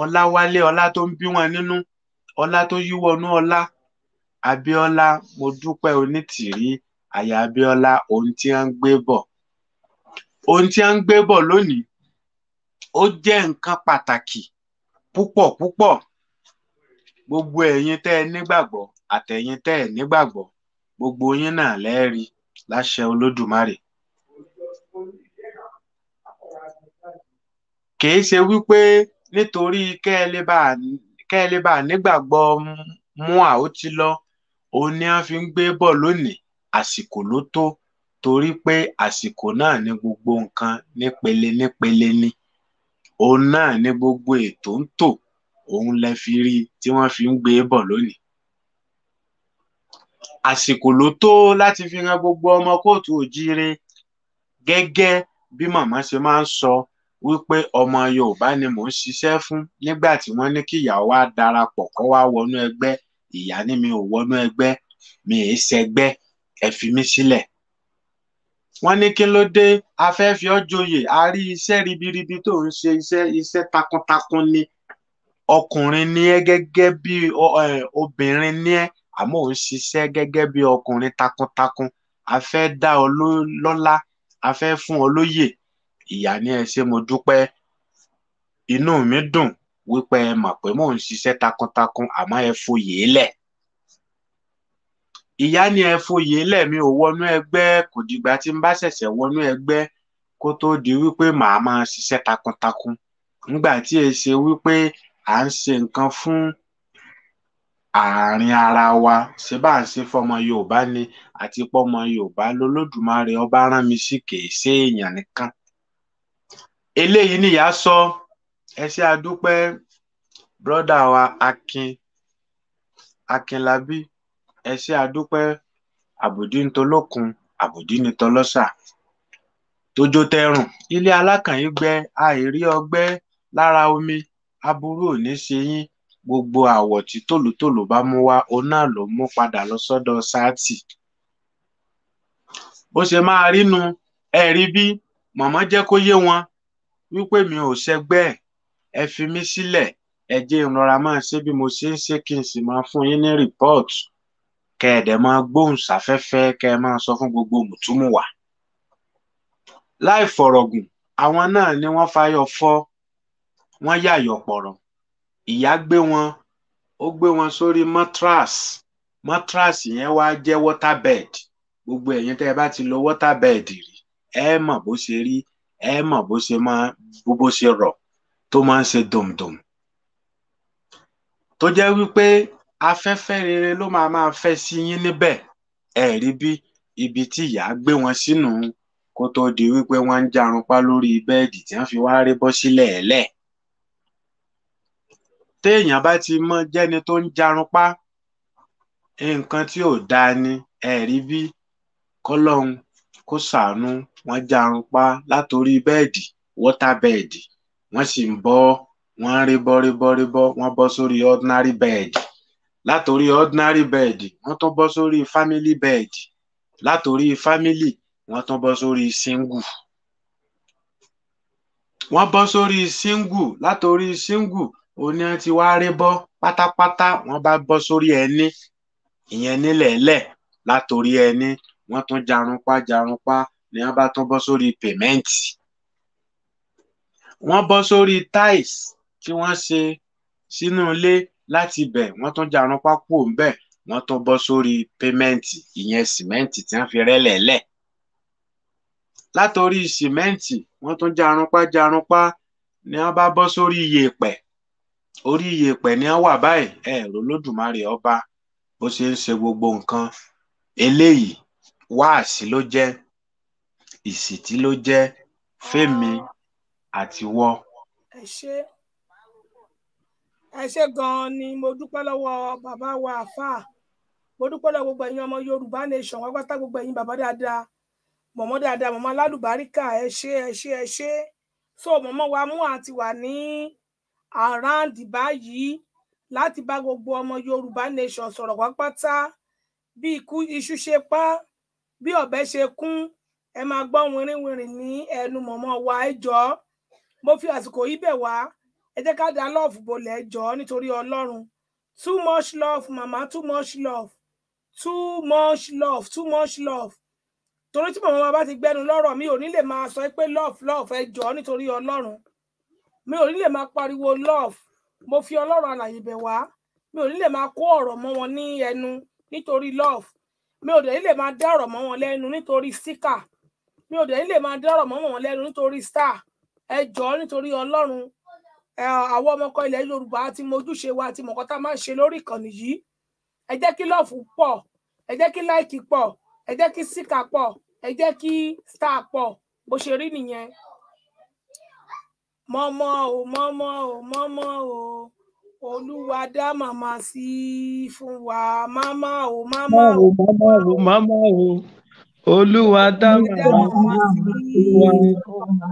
Ọláwálé ọlá tó ń bí wọn nínú ọlá tó yíwọnú ọlá Abíọ́lá mo dúpẹ́ onítìrí aya Abíọ́lá ohun tí wọ́n ń gbé bọ̀ ohun tí wọ́n ń gbé bọ̀ lónìí ó jẹ́ nǹkan pàtàkì púpọ̀ púpọ̀ gbogbo ẹ̀yin tẹ́ ẹ nígbàgbọ́ àtẹ̀yin tẹ́ ẹ nígbàgbọ́ gbogbo yín náà lẹ́ẹ̀rí láṣẹ Olódùmarè kìí ṣe wípé nítorí kẹ́ ẹ lè bá kẹ́ lọ òun ni wọ́n fi ń gbé bọ̀ lónìí àsìkò ló tó torí pé àsìkò náà ni gbogbo nǹkan nípele nípele ni òun náà ni gbogbo ètò ń tò òun lẹ fi rí i tí wọ́n fi ń gbé e bọ̀ lónìí àsìkò ló tó láti fi ran gbogbo ọmọ kóòtù òjíire gẹ́gẹ́ bí màmá ṣe máa ń sọ wípé ọmọ yorùbá ni mò ń ṣiṣẹ́ fún nígbà tí wọ́n ní kí ìyá wa darapọ̀ kó wá wọnú ẹgbẹ́ ìyá ni mi ò wọnú ẹgbẹ́ mi ì ṣẹgbẹ́ ẹ fi mí sílẹ̀ wọ́n ní kí ló dé a fẹ́ fi ọ́ joyè a rí iṣẹ́ ribiribi tó ń ṣe iṣẹ́ iṣẹ́ takuntakun ni ọkùnrin ni ẹ́ gẹ́gẹ́ bí obìnrin ni ẹ́ àmọ́ ò ń ṣiṣẹ́ gẹ́gẹ́ bí ọkùnrin takuntakun a fẹ́ dá ọ lọ́lá a fẹ́ fún ọ lóyè ìyá ni ẹ ṣe mo dúpẹ́ inú mi dùn wípé ẹ mọ̀ pé mò ń ṣiṣẹ́ takuntakun àmọ́ ẹ foyè é ìyá ni ẹ foyè lẹ́mi ò wọnú ẹgbẹ́ kò dìgbà tí n bá ṣẹ̀ṣẹ̀ wọnú ẹgbẹ́ kó tóó di wípé màá máa ṣiṣẹ́ takuntakun nígbà tí ẹ ṣe wípé à ń ṣe nǹkan fún àárín ara wa ṣe bá ń ṣe fọmọ yorùbá ni àti pọmọ yorùbá lolódùmarè ọba rán mi sí kìí ṣe èèyàn nìkan eléyìí nìyá sọ ẹ ṣe brọdà wa akin akinlabi ẹ ṣe àdúpẹ́ àbòdí ní tolókun àbòdí ní tọlọ́ṣà tójó tẹrùn ilé alákànnígbẹ àìrí ọgbẹ lára omi aburú ò ní ṣe yín gbogbo àwọ̀ tí tòlótòló bá mú wá òun náà ló mú padà lọ sọ́dọ̀ sáàtì ó ṣe máa rínu ẹ rí bí mọ̀mọ́ jẹ́ kó yé wọn wípé mi ò ṣẹgbẹ́ ẹ fi mí sílẹ̀ ẹ jẹ́ ìrora máa ṣe bí mo ṣe ń ṣe kí n sì máa fún yín ní rìpọ́ọ̀tù kẹ ẹ dẹ̀ máa gbóhùnsáfẹ́fẹ́ kẹ ẹ máa sọ fún gbogbo mùtúmùwà láì fọ̀rọ̀gùn àwọn náà ni wọ́n fayọ fọ́ wọ́n yàyọ̀ pọ̀rọ̀ ìyá gbé wọn ó gbé wọn sórí mattress matras yẹn wá jẹ́ water bed gbogbo ẹ̀yin tẹ́ ẹ bá ti lo water bed rí ẹ mọ̀ bó ṣe rí ẹ mọ̀ bó ṣe máa bó ṣe rọ̀ tó máa ń ṣe dòmdòm tó jẹ́ wípé afẹ́fẹ́ rere ló máa máa fẹ́ sí yín níbẹ̀ ẹ rí bí ibi tí ìyá gbé wọn sínú kó tóó di wípé wọ́n ń jarunpá lórí bẹ́ẹ̀dì tí wọ́n fi wá rí bọ́ sílẹ̀ ẹ̀lẹ́ téèyàn bá ti mọ jẹ́ni tó ń jarunpá nǹkan tí ò dáa ni ẹ rí bí kọ́lọ́hún kó ṣàánú wọ́n jarunpá látòrí bẹ́ẹ̀dì wọ́tà bẹ́ẹ̀dì wọ́n sì ń bọ́ wọ́n rí bọ́ rí bọ́ rí bọ́ wọ́n bọ́ sórí ordinary bẹ́ẹ̀dì látòrí ordinary bed wọ́n tún bọ́ sórí family bed látòrí family wọ́n tún bọ́ sórí single wọ́n bọ́ sórí single látòrí single oní ti wá rí bọ́ pátápátá wọ́n bá bọ́ sórí ẹni ìyẹn nílẹ̀ẹ́lẹ̀ látòrí ẹni wọ́n tún jarunpá jarunpá ni wọ́n bá tún bọ́ sórí payment wọ́n bọ́ sórí tiles tí wọ́n ṣe sínú ilé láti ibẹ̀ wọ́n tún jarunpá kúrò ńbẹ̀ wọ́n tún bọ́ sórí pẹ́mẹ́ǹtì ìyẹn sìmẹ́ǹtì tí wọ́n fi rẹ́lẹ̀ lẹ̀ látòrí sìmẹ́ǹtì wọ́n tún jarunpá jarunpá ni wọ́n bá bọ́ sórí iyèpẹ̀ orí iyèpẹ̀ ni wọ́n wà báyìí ẹ̀ rólódùmarè ọba bó ṣe ń ṣe gbogbo nǹkan eléyìí wáàsí ló jẹ́ ìsìtí ló jẹ́ fẹ́mi àtiwọ́. ẹ ṣe ẹ ṣe gan-an ni mo dúpẹ́ lọ́wọ́ bàbá wa àfáà mo dúpẹ́ lọ́wọ́ gbogbo ẹ̀yin ọmọ yorùbá nation wá pátá gbogbo ẹ̀yin bàbá dáadáa mọ̀mọ́ dáadáa mọ̀mọ́ alálùbáríkà ẹ ṣe ẹ ṣe ẹ ṣe so mọ̀mọ́ wa mú àti wà ní around báyìí láti bá gbogbo ọmọ yorùbá nation sọ̀rọ̀ wá pátá bí ikú iṣu ṣe pa bí ọ̀bẹ ṣe kún ẹ máa gbọ́ wìrìwìrì ní ẹnu mọ̀mọ́ wa ẹ jọ̀ọ́ mo fi àsìkò yìí bẹ̀ wá ẹ jẹ́ ká dá love bolẹ̀ jọ nítorí ọlọ́run too much love mama too much love too much love too much love torí tí màmá bá ti gbẹnu lọ́rọ̀ mi ò ní lè máa sọ pé love love ẹ jọ nítorí ọlọ́run mi ò ní lè máa pariwo love mo fi ọlọ́run àlàyé bẹ̀ wá mi ò ní lè máa kó ọ̀rọ̀ mọ́ wọn ní ẹnu nítorí love mi ò dẹ̀ ní lè máa dá ọ̀rọ̀ mọ́ wọn lẹ́nu nítorí sticker mi ò dẹ̀ ní lè máa dá ọ̀rọ̀ mọ́ wọn lẹ́nu nítorí star ẹ jọ nítorí ọlọ́run àwọn ọmọkọ ilẹ̀ Yorùbá àti mojúṣe wa àti mọ̀kọ́ tá a máa ń ṣe lórí ìkànnì yìí ẹ jẹ́ kí lọ́ọ̀fù pọ̀ ẹ jẹ́ kí láìkì pọ̀ ẹ jẹ́ kí síkà pọ̀ ẹ jẹ́ kí star pọ̀ bó ṣe rí nìyẹn mọ́mọ́ o mọ́mọ́ o mọ́mọ́ o olúwa dá màmá sí i fún wa mámá o mámá o mámá o mámá o olúwa dá màmá sí i fún wa.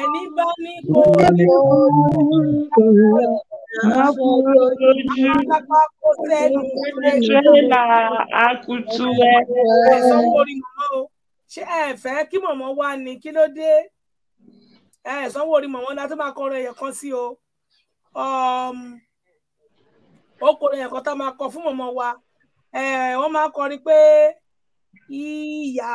ẹni bá ní kó o ṣé ẹ fẹ́ kí mọ̀mọ́ wá ní kí ló dé ẹ̀sán orí tó máa kan o um, ó kan máa kọ fún wa máa kọrin pé ìyá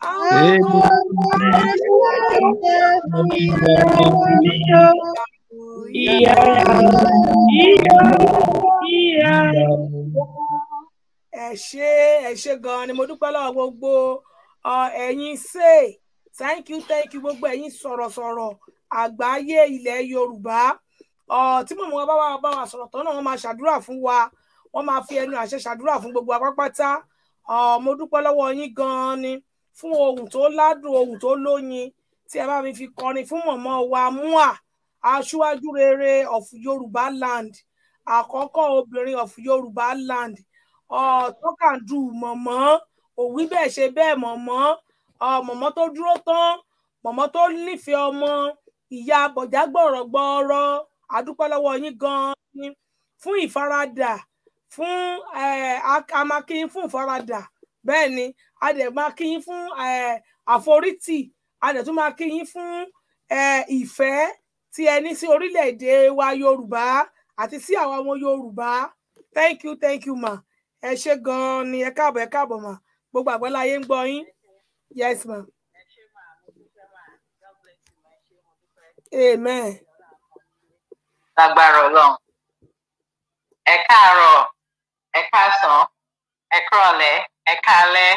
ẹ ṣé ẹ ṣé gan-an ni mo dúpẹ́ lọ́wọ́ gbogbo ẹ̀yin ṣe thank you thank you gbogbo ẹ̀yin sọ̀rọ̀sọ̀rọ̀ àgbáyé ilẹ̀ Yorùbá tí mò ń wá bá wa bá wa sọ̀rọ̀ tán náà wọ́n máa ṣàdúrà fún wa wọ́n máa fi ẹnu àṣẹ ṣàdúrà fún gbogbo apápátá mo dúpẹ́ lọ́wọ́ yín gan-an ni fún ohun tó ládùn ohun tó lóyin tí ẹ bá mi fi kọrin fún mọ̀mọ́ wa mua aṣíwájú rere of yorùbá land àkọ́kọ́ obìnrin of yorùbá land ọ̀tọ́kàndù mọ̀mọ́ òwí bẹ́ẹ̀ ṣe bẹ́ẹ̀ mọ̀mọ́ mọ̀mọ́ tó dúró tán mọ̀mọ́ tó nífẹ̀ẹ́ ọmọ ìyá bọ̀já gbọ̀rọ̀ gbọ́ọ̀rọ̀ àdúpẹ́ lọ́wọ́ yín gan-an fún ìfaradà fún amakin fún ìfaradà bẹ́ẹ̀ ni a dẹ̀ máa kí yín fún àforítì a dẹ̀ tún máa kí yín fún ìfẹ́ tí ẹ ní sí orílẹ̀-èdè wa Yorùbá àti sí àwọn ọmọ Yorùbá thank you thank you ma ẹ ṣe gan-an ni ẹ káàbọ̀ ẹ káàbọ̀ ma gbogbo àgbọ́láyé ń gbọ́ yín yes ma. amen. lágbára Ọlọ́run ẹ káàárọ̀ ẹ káàsán ẹ kúrọ̀lẹ́ ẹ káalẹ́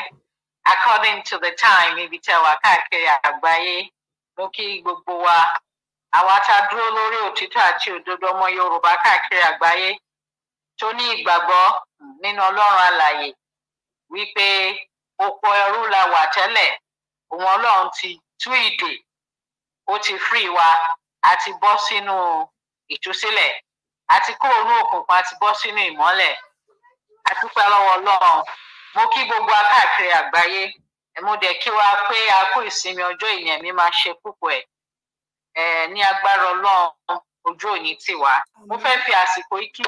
according to the time ibi tí a wà káàkiri àgbáyé mo kí gbogbo wa àwa tá a dúró lórí òtítọ́ àti òdodo ọmọ Yorùbá káàkiri àgbáyé tó ní ìgbàgbọ́ nínú Ọlọ́run alàyè wípé oko ẹrú la wà tẹ́lẹ̀ òun Ọlọ́run ti tú ìdè ó ti free wa a ti bọ́ sínú ìtúsílẹ̀ a ti kó òórùn òkùnkùn a ti bọ́ sínú ìmọ́lẹ̀ a lọ́wọ́ Ọlọ́run mo kí gbogbo akáàkiri àgbáyé mo dẹ̀ kí wa pé a kú ìsinmi ọjọ́ ìyẹn mi máa ṣe púpọ̀ ẹ̀ ní agbára ọlọ́run ojú òní tiwa mo fẹ́ fi àsìkò yìí kí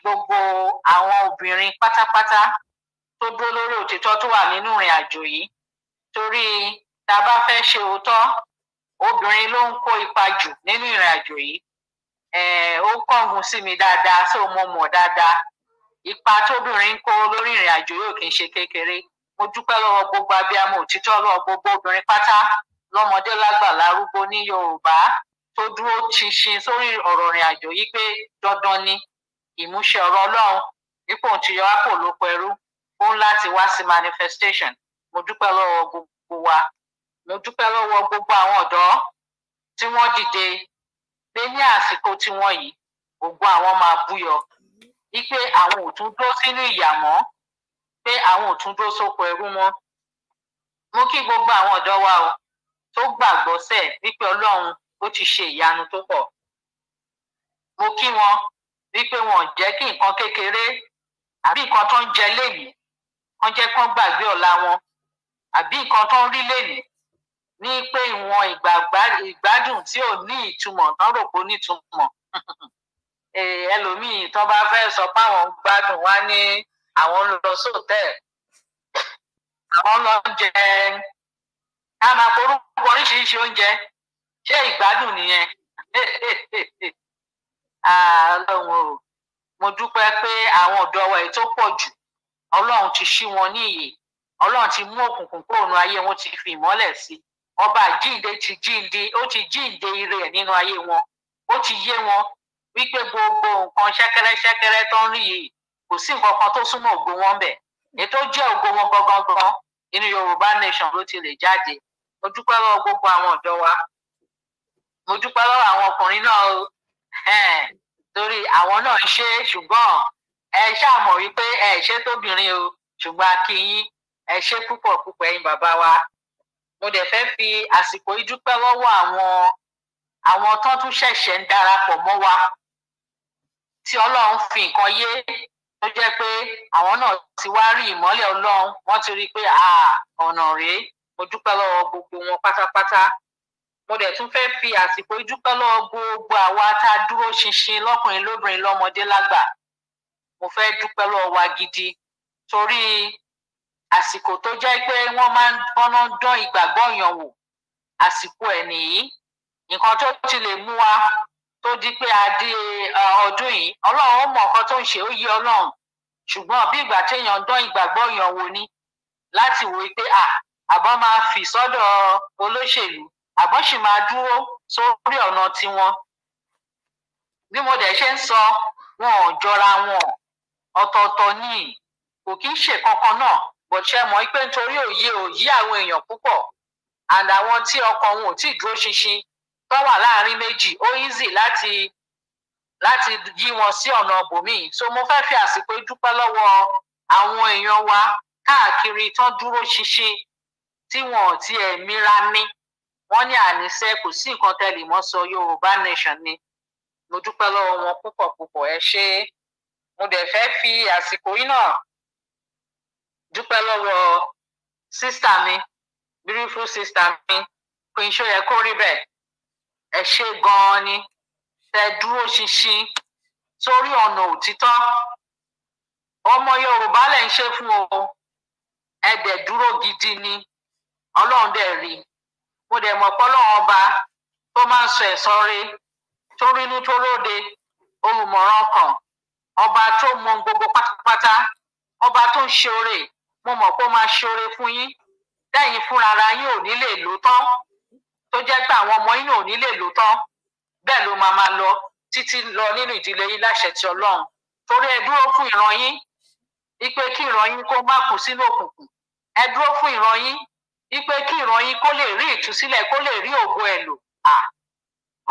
gbogbo àwọn obìnrin pátápátá tó dúró lórí òtítọ́ tó wà nínú ìrìn àjò yìí torí tá a bá fẹ́ ṣe òótọ́ obìnrin ló ń kó ipa jù nínú ìrìn àjò yìí ó kángun sí mi dáadáa so mo mọ̀ dáadáa ipa tóbìnrin ń kó lórí ìrìn àjò yóò kì í ṣe kékeré mo dúpẹ́ lọ́wọ́ gbogbo abiyamọ òtítọ́ lọ́wọ́ gbogbo obìnrin pátá lọ́mọdé lágbà lárúgbó ní yorùbá tó dúró ṣinṣin sórí ọ̀rọ̀ ìrìn àjò yìí pé dandan ni ìmúṣẹ ọ̀rọ̀ Ọlọ́run dípò tí yọ wá kò lóko ẹrú láti wá sí manifestation mo dúpẹ́ lọ́wọ́ gbogbo wa mo dúpẹ́ lọ́wọ́ gbogbo àwọn ọ̀dọ́ tí wọ́n dìde pé ní àsìkò tiwọn yìí gbogbo àwọn máa búyọ wípé àwọn ò tún dúró sínú ìyà mọ́ pé àwọn ò tún dúró sóko ẹrú mọ́ mo kí gbogbo àwọn ọ̀dọ́ wa o tó gbàgbọ́ sẹ̀ wípé Ọlọ́run ó ti ṣe ìyanu tó pọ̀ mo kí wọn wípé wọn ò jẹ́ kí nǹkan kékeré àbí nǹkan tó ń jẹ léyìí kán jẹ́ kán gbàgbé ọ̀la wọn àbí nǹkan tó ń rí léyìí ní pé ìwọ̀n ìgbádùn tí ò ní ìtumọ̀ tán rò pé ó nítumọ̀ ẹlòmíì tó bá fẹ́ sọ pé gbádùn wá ní àwọn lọ sóòtẹ́ẹ̀ àwọn lọ jẹ ká máa forúkọ oríṣiríṣi oúnjẹ ṣé ìgbádùn nìyẹn ọlọ́run o mo dúpẹ́ pé àwọn ọ̀dọ́ wa tó pọ̀ jù ọlọ́run ti ṣí wọn ní ìyè ọlọ́run ti mú òkùnkùn kúrònú ayé wọn ti fi ìmọ́lẹ̀ sí ọba àjíǹde ti jíǹde ó ti jíǹde ire ẹ̀ nínú ayé wọn ó ti yé wọn wípé gbogbo nǹkan ṣẹkẹrẹṣẹkẹrẹ tó ń rí yìí kò sí nǹkan kan tó súnmọ́ ògo wọn bẹ̀ ètò jẹ́ ògo wọn gangan inú yorùbá nation ló ti lè jáde mo dúpẹ́ lọ́wọ́ gbogbo àwọn ọ̀dọ́ wa mo dúpẹ́ lọ́wọ́ àwọn ọkùnrin náà o torí àwọn náà ń ṣe ṣùgbọ́n ẹ ṣáà mọ̀ wípé ẹ ṣe tóbìnrin o ṣùgbọ́n a kí yín ẹ ṣe púpọ̀ púpọ̀ ẹ̀yin bàbá wa mo dẹ̀ fẹ́ fi àsìkò yìí dúpẹ́ àwọn àwọn tó tún ṣẹ̀ṣẹ̀ ń darapọ̀ mọ́ wa tí ọlọ́run fi nǹkan yé tó jẹ́ pé àwọn náà ti wá rí ìmọ́lẹ̀ ọlọ́run wọ́n ti rí i pé ọ̀nà rèé mo dúpẹ́ lọ́wọ́ gbogbo wọn pátápátá mo dẹ̀ tún fẹ́ fi àsìkò ìdúpẹ́ lọ́wọ́ gbogbo àwa tá a dúró ṣinṣin lọ́kùnrin lóbìnrin lọ́mọdé lágbà mo fẹ́ dúpẹ́ lọ́wọ́ wa gidi torí àsìkò tó jẹ́ pé wọ́n máa ń bọ́ná dán ìgbàgbọ́ yàn wò àsìkò ẹ̀ nìyí nǹkan tó ti lè mú wa tó di pé a dé ọdún yìí ọlọ́run ó mọ nǹkan tó ń ṣe ó yé ọlọ́run ṣùgbọ́n bí ìgbà téèyàn dán ìgbàgbọ́ èèyàn wò ni láti wò pé à àbọ̀ máa fi sọ́dọ̀ olóṣèlú àbọ̀ sì máa dúró sórí ọ̀nà tiwọn bí mo dẹ̀ ṣe ń sọ wọn ò jọra wọn ọ̀tọ̀ọ̀tọ̀ ni kò kí ń ṣe kankan náà bọ̀ṣẹ́ mọ̀ pé nítorí òye òyí àwọn èèyàn púpọ̀ àdàwọn tí ọkàn wọn ò tí ì dúró ṣinṣin tó wà láàrin méjì ó easy láti láti yí wọn sí ọ̀nà bòmíì so mo fẹ́ fi àsìkò dúpẹ́ lọ́wọ́ àwọn èèyàn wa káàkiri tán dúró ṣinṣin tí wọn ò tiẹ̀ mira ní wọ́n ní àníṣe kò sí nǹkan tẹ́lẹ̀ mọ́ sọ Yorùbá nation ni mo dúpẹ́ lọ́wọ́ wọn púpọ̀ púpọ̀ ẹ ṣé mo dẹ̀ fẹ́ fi àsìkò yìí náà dúpẹ́ lọ́wọ́ sísá mi beautiful sísá mi kò ń ṣó yẹ kó rí bẹ́ẹ̀ ẹ ṣe gan-an ni tẹ dúró ṣinṣin sórí ọ̀nà òtítọ́ ọmọ Yorùbá lẹ̀ ń ṣe fún o ẹ dẹ̀ dúró gidi ni Ọlọ́run dẹ̀ rí mo dẹ̀ mọ̀ pé Ọlọ́run ọba tó máa ń sọ ẹ̀sọ́ rẹ tó rínú tó lóde olùmọ̀ràn kan ọba tó mọ gbogbo pátápátá ọba tó ń ṣe oore mo mọ̀ pé ó máa ṣe oore fún yín lẹ́yìn fúnra ara yín ò ní lè tó jẹ́ pé àwọn ọmọ yín ò ní lè lò tán bẹ́ẹ̀ ló máa máa lọ títí lọ nínú ìdílé yín láṣẹ ti Ọlọ́run torí ẹ dúró fún ìran yín ipe kí ìran yín kó má kú sínú òkùnkùn ẹ dúró fún ìran yín ipe kí ìran yín kó lè rí ìtúsílẹ̀ kó lè rí ògo ẹ lò à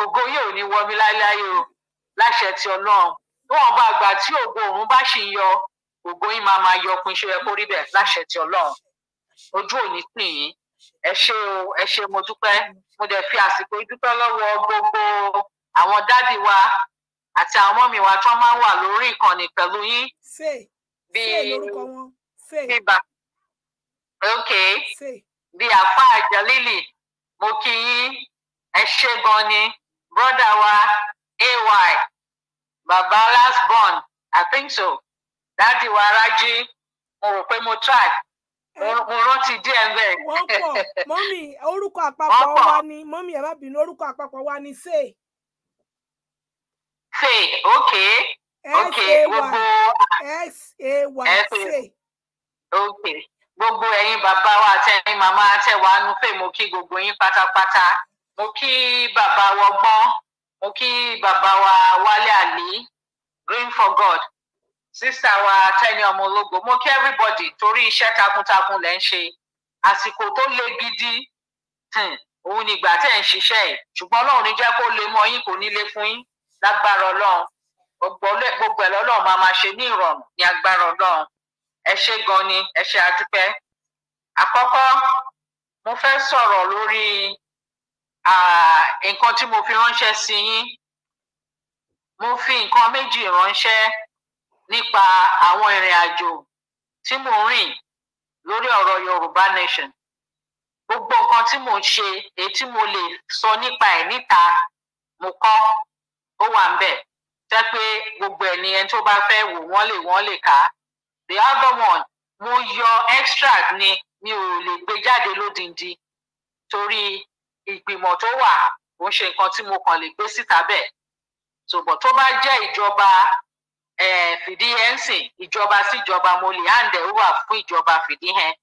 ògo yìí ò ní wọmi láéláé o láṣẹ ti Ọlọ́run níwọ̀n bá gbà tí ògo òun bá ṣì ń yọ ògo yín máa máa yọ pinṣẹ ẹ kó rí bẹ́ẹ̀ láṣẹ ti Ọlọ́run ojú ò ní yín ẹ ṣé o ẹ ṣé mo dúpẹ́ mo dẹ̀ fi àsìkò ìdúpẹ́ lọ́wọ́ gbogbo àwọn dádì wa àti àwọn ọmọ mi wa tí wọ́n máa ń wà lórí ìkànnì pẹ̀lú yín. bí ok bí àfa àjálìlì mo kí yín ẹ gan ni brọ́dà wa ay baba last born i think so dádì wa rájí mo rò pé mo try mo rántí díẹ̀ ń bẹ̀. wọ́n pọ̀ mọ́mì orúkọ àpapọ̀ wa ni mọ́mì ẹ̀ má bínú orúkọ àpapọ̀ wa ni say. say ok ok gbogbo say ok gbogbo ẹ̀yin bàbá wa àtẹ̀yin màmá àtẹwàá nu pé mo kí gbogbo yín pátápátá mo kí bàbá wọgbọ́n mo kí bàbá wa wálé àlè green for god sísá wa Tẹ́ni ọmọ ológo mo kí everybody torí iṣẹ́ takuntakun lẹ́ ń ṣe àsìkò tó le gidi hmm, òun nígbà tẹ́ ń ṣiṣẹ́ ẹ̀ ṣùgbọ́n ọlọ́run ní jẹ́ kó lè mọ yín kò ní lè fún yín lágbára ọlọ́run gbogbo ẹ̀ máa máa ṣe ní ìrọ̀rùn ní agbára ọlọ́run ẹ ṣé gan ni ẹ ṣé adúpẹ́ àkọ́kọ́ mo fẹ́ sọ̀rọ̀ lórí nǹkan tí mo fi ránṣẹ́ sí yín mo fi nǹkan méjì ránṣẹ́ nípa àwọn ìrìn àjò tí mò ń rìn lórí ọ̀rọ̀ Yorùbá Nation gbogbo nǹkan tí mò ń ṣe èyí tí mo lè sọ nípa ẹ̀ níta mo kọ́ ó wà ń bẹ̀ jẹ́ pé gbogbo ẹni tó bá fẹ́ wò wọ́n lè wọ́n lè kà á the other one mo yọ extract ni mi ò lè gbé jáde lódindi torí ìgbìmọ̀ tó wà kò ń ṣe nǹkan tí mo kàn lè gbé síta bẹ́ẹ̀ ṣùgbọ́n tó bá jẹ́ ìjọba fìdíhẹn sìn ìjọba síjọba mo lè hand wà fún ìjọba fìdí fìdíhẹn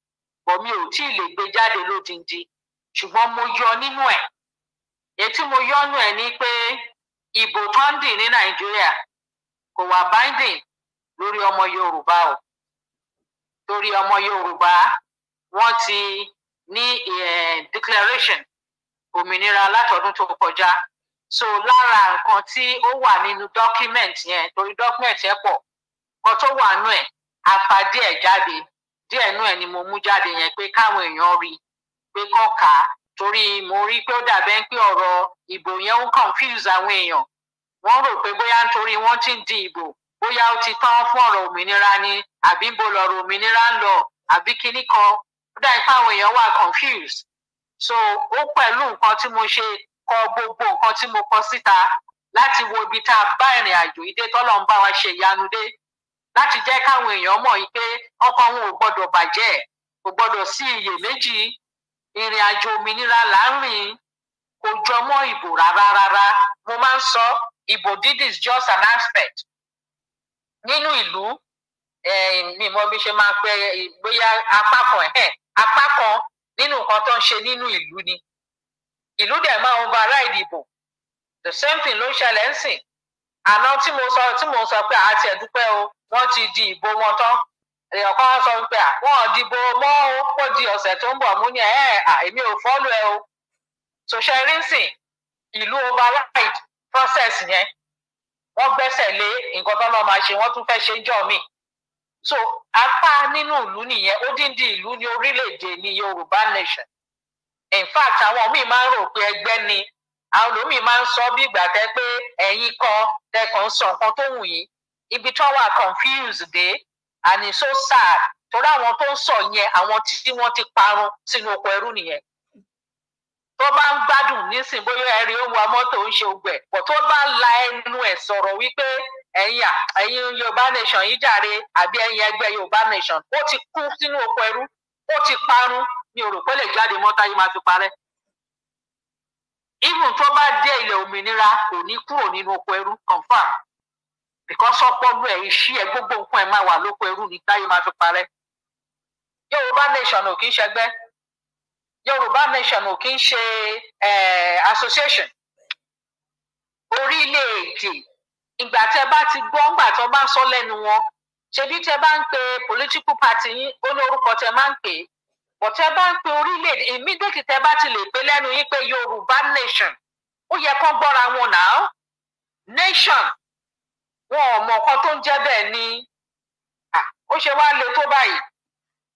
bọ̀ mi ò tí ì lè gbé jáde lódindi ṣùgbọ́n mo yọ nínú ẹ̀ ètí mo yọ nínú ẹ̀ ni pé ìbò tó ní nàìjíríà kò wà binding lórí ọmọ yorùbá o torí ọmọ yorùbá wọ́n ti ní eh, declaration òmìnira látọdún tó kọjá so lára nǹkan tí ó wà nínú document yẹn torí document yẹn pọ̀ nǹkan tó wà nù ẹ̀ apá díẹ̀ jáde díẹ̀ nù ẹ̀ ni mo mú jáde yẹn pé káwọn èèyàn rí i pé kàn ká torí mo rí pé ó dàbẹ́ pé ọ̀rọ̀ ìbò yẹn ń confuse àwọn èèyàn wọ́n rò pé bóyá nítorí wọ́n ti ń di ìbò bóyá ó ti tán fún ọ̀rọ̀ òmìnira ni àbí ń bo lọ̀rọ̀ òmìnira ń lọ àbí kinní kan ó dà pé àwọn èèyàn wà confused so ó pẹ̀lú nǹkan tí mo ṣe kọ gbogbo nǹkan tí mo kọ síta láti wo ibi tá a bá ìrìn àjò ìdè tọ́lọ̀ ń bá wa ṣe ìyanu láti jẹ́ káwọn èèyàn mọ̀ yìí pé ọkàn wọn ò gbọ́dọ̀ bàjẹ́ kò gbọ́dọ̀ sí iyèméjì ìrìn àjò òmìnira là kò jọ mọ́ ìbò rárá rárá mo máa ń sọ ìbò dídì is just an aspect nínú ìlú eh, mi mọ̀ bí ṣe máa pẹ bóyá apá kan apá kan nínú nǹkan tó ń ṣe nínú ìlú ni ìlú dẹ̀ máa ń ba ará ìdìbò the same thing ló ń ṣẹlẹ̀ ń sìn àná tí mo sọ tí mo sọ pé àti ẹ̀dúpẹ́ o wọ́n ti di ìbò wọn tán èèyàn kan sọ pé wọ́n dìbò mọ́ ó pọ̀ di ọ̀sẹ̀ tó ń bọ̀ mú ni ẹ̀ èmi ò fọ́lù ẹ o so ṣe rí ń sìn ìlú override process yẹn wọ́n gbẹ́sẹ̀ lé nǹkan tó lọ́ọ́ máa ṣe wọ́n tún fẹ́ ṣe ń jọ míì so apá nínú ìlú nìyẹn ó dín dín ìlú ní orílẹ̀-èdè ní yorùbá nation in fact àwọn míì máa ń rò pé ẹgbẹ́ ni àwọn olómìí máa ń sọ bí ìgbà tẹ pé ẹ̀yin kọ tẹkàn ń sọ nǹkan tó wù yín ibi tó wà confused dé and it's so sad torí àwọn tó ń sọ yẹn àwọn tí wọ́n ti parun sínú oko ẹrú nìyẹn tó bá ń gbádùn nísìn bóyá ẹrí ó wa mọ́tò ń ṣe ogbẹ bọ tó bá ń la ẹnu ẹ̀ sọ̀rọ̀ wípé ẹ̀yin à ẹ̀yin yorùbá nation yìí jàre àbí ẹ̀yin ẹgbẹ́ yorùbá nation ó ti kú sínú oko ẹrú ó ti parun mi ò rò pé lè jáde mọ́tá yìí máa fi parẹ́ even tó bá dé ilẹ̀ òmìnira kò ní kúrò nínú oko ẹrú confam because ọpọlọ ẹ̀ iṣẹ́ ẹ̀ gbogbo nǹkan ẹ̀ máa wà lóko ẹrú ní táyé máa fi parẹ́ yorùbá nation ò kì í ṣẹgbẹ́ yorùbá nation ò kì í ṣe association orílẹ̀-èdè ìgbà tẹ bá ti gbọ́ ńgbà tó bá ń sọ lẹ́nu wọn ṣebí tẹ bá ń pe political party yín ó ní orúkọ tẹ máa ń pè é bọ̀tẹ́ bá ń pe orílẹ̀-èdè immediately tẹ́ bá ti lè pe lẹ́nu yín pé yorùbá nation ó yẹ kó gbọ́ra wọn náà nation wọn ò mọ nǹkan tó ń jẹ́ bẹ́ẹ̀ ni ó ṣe wá le tó báyìí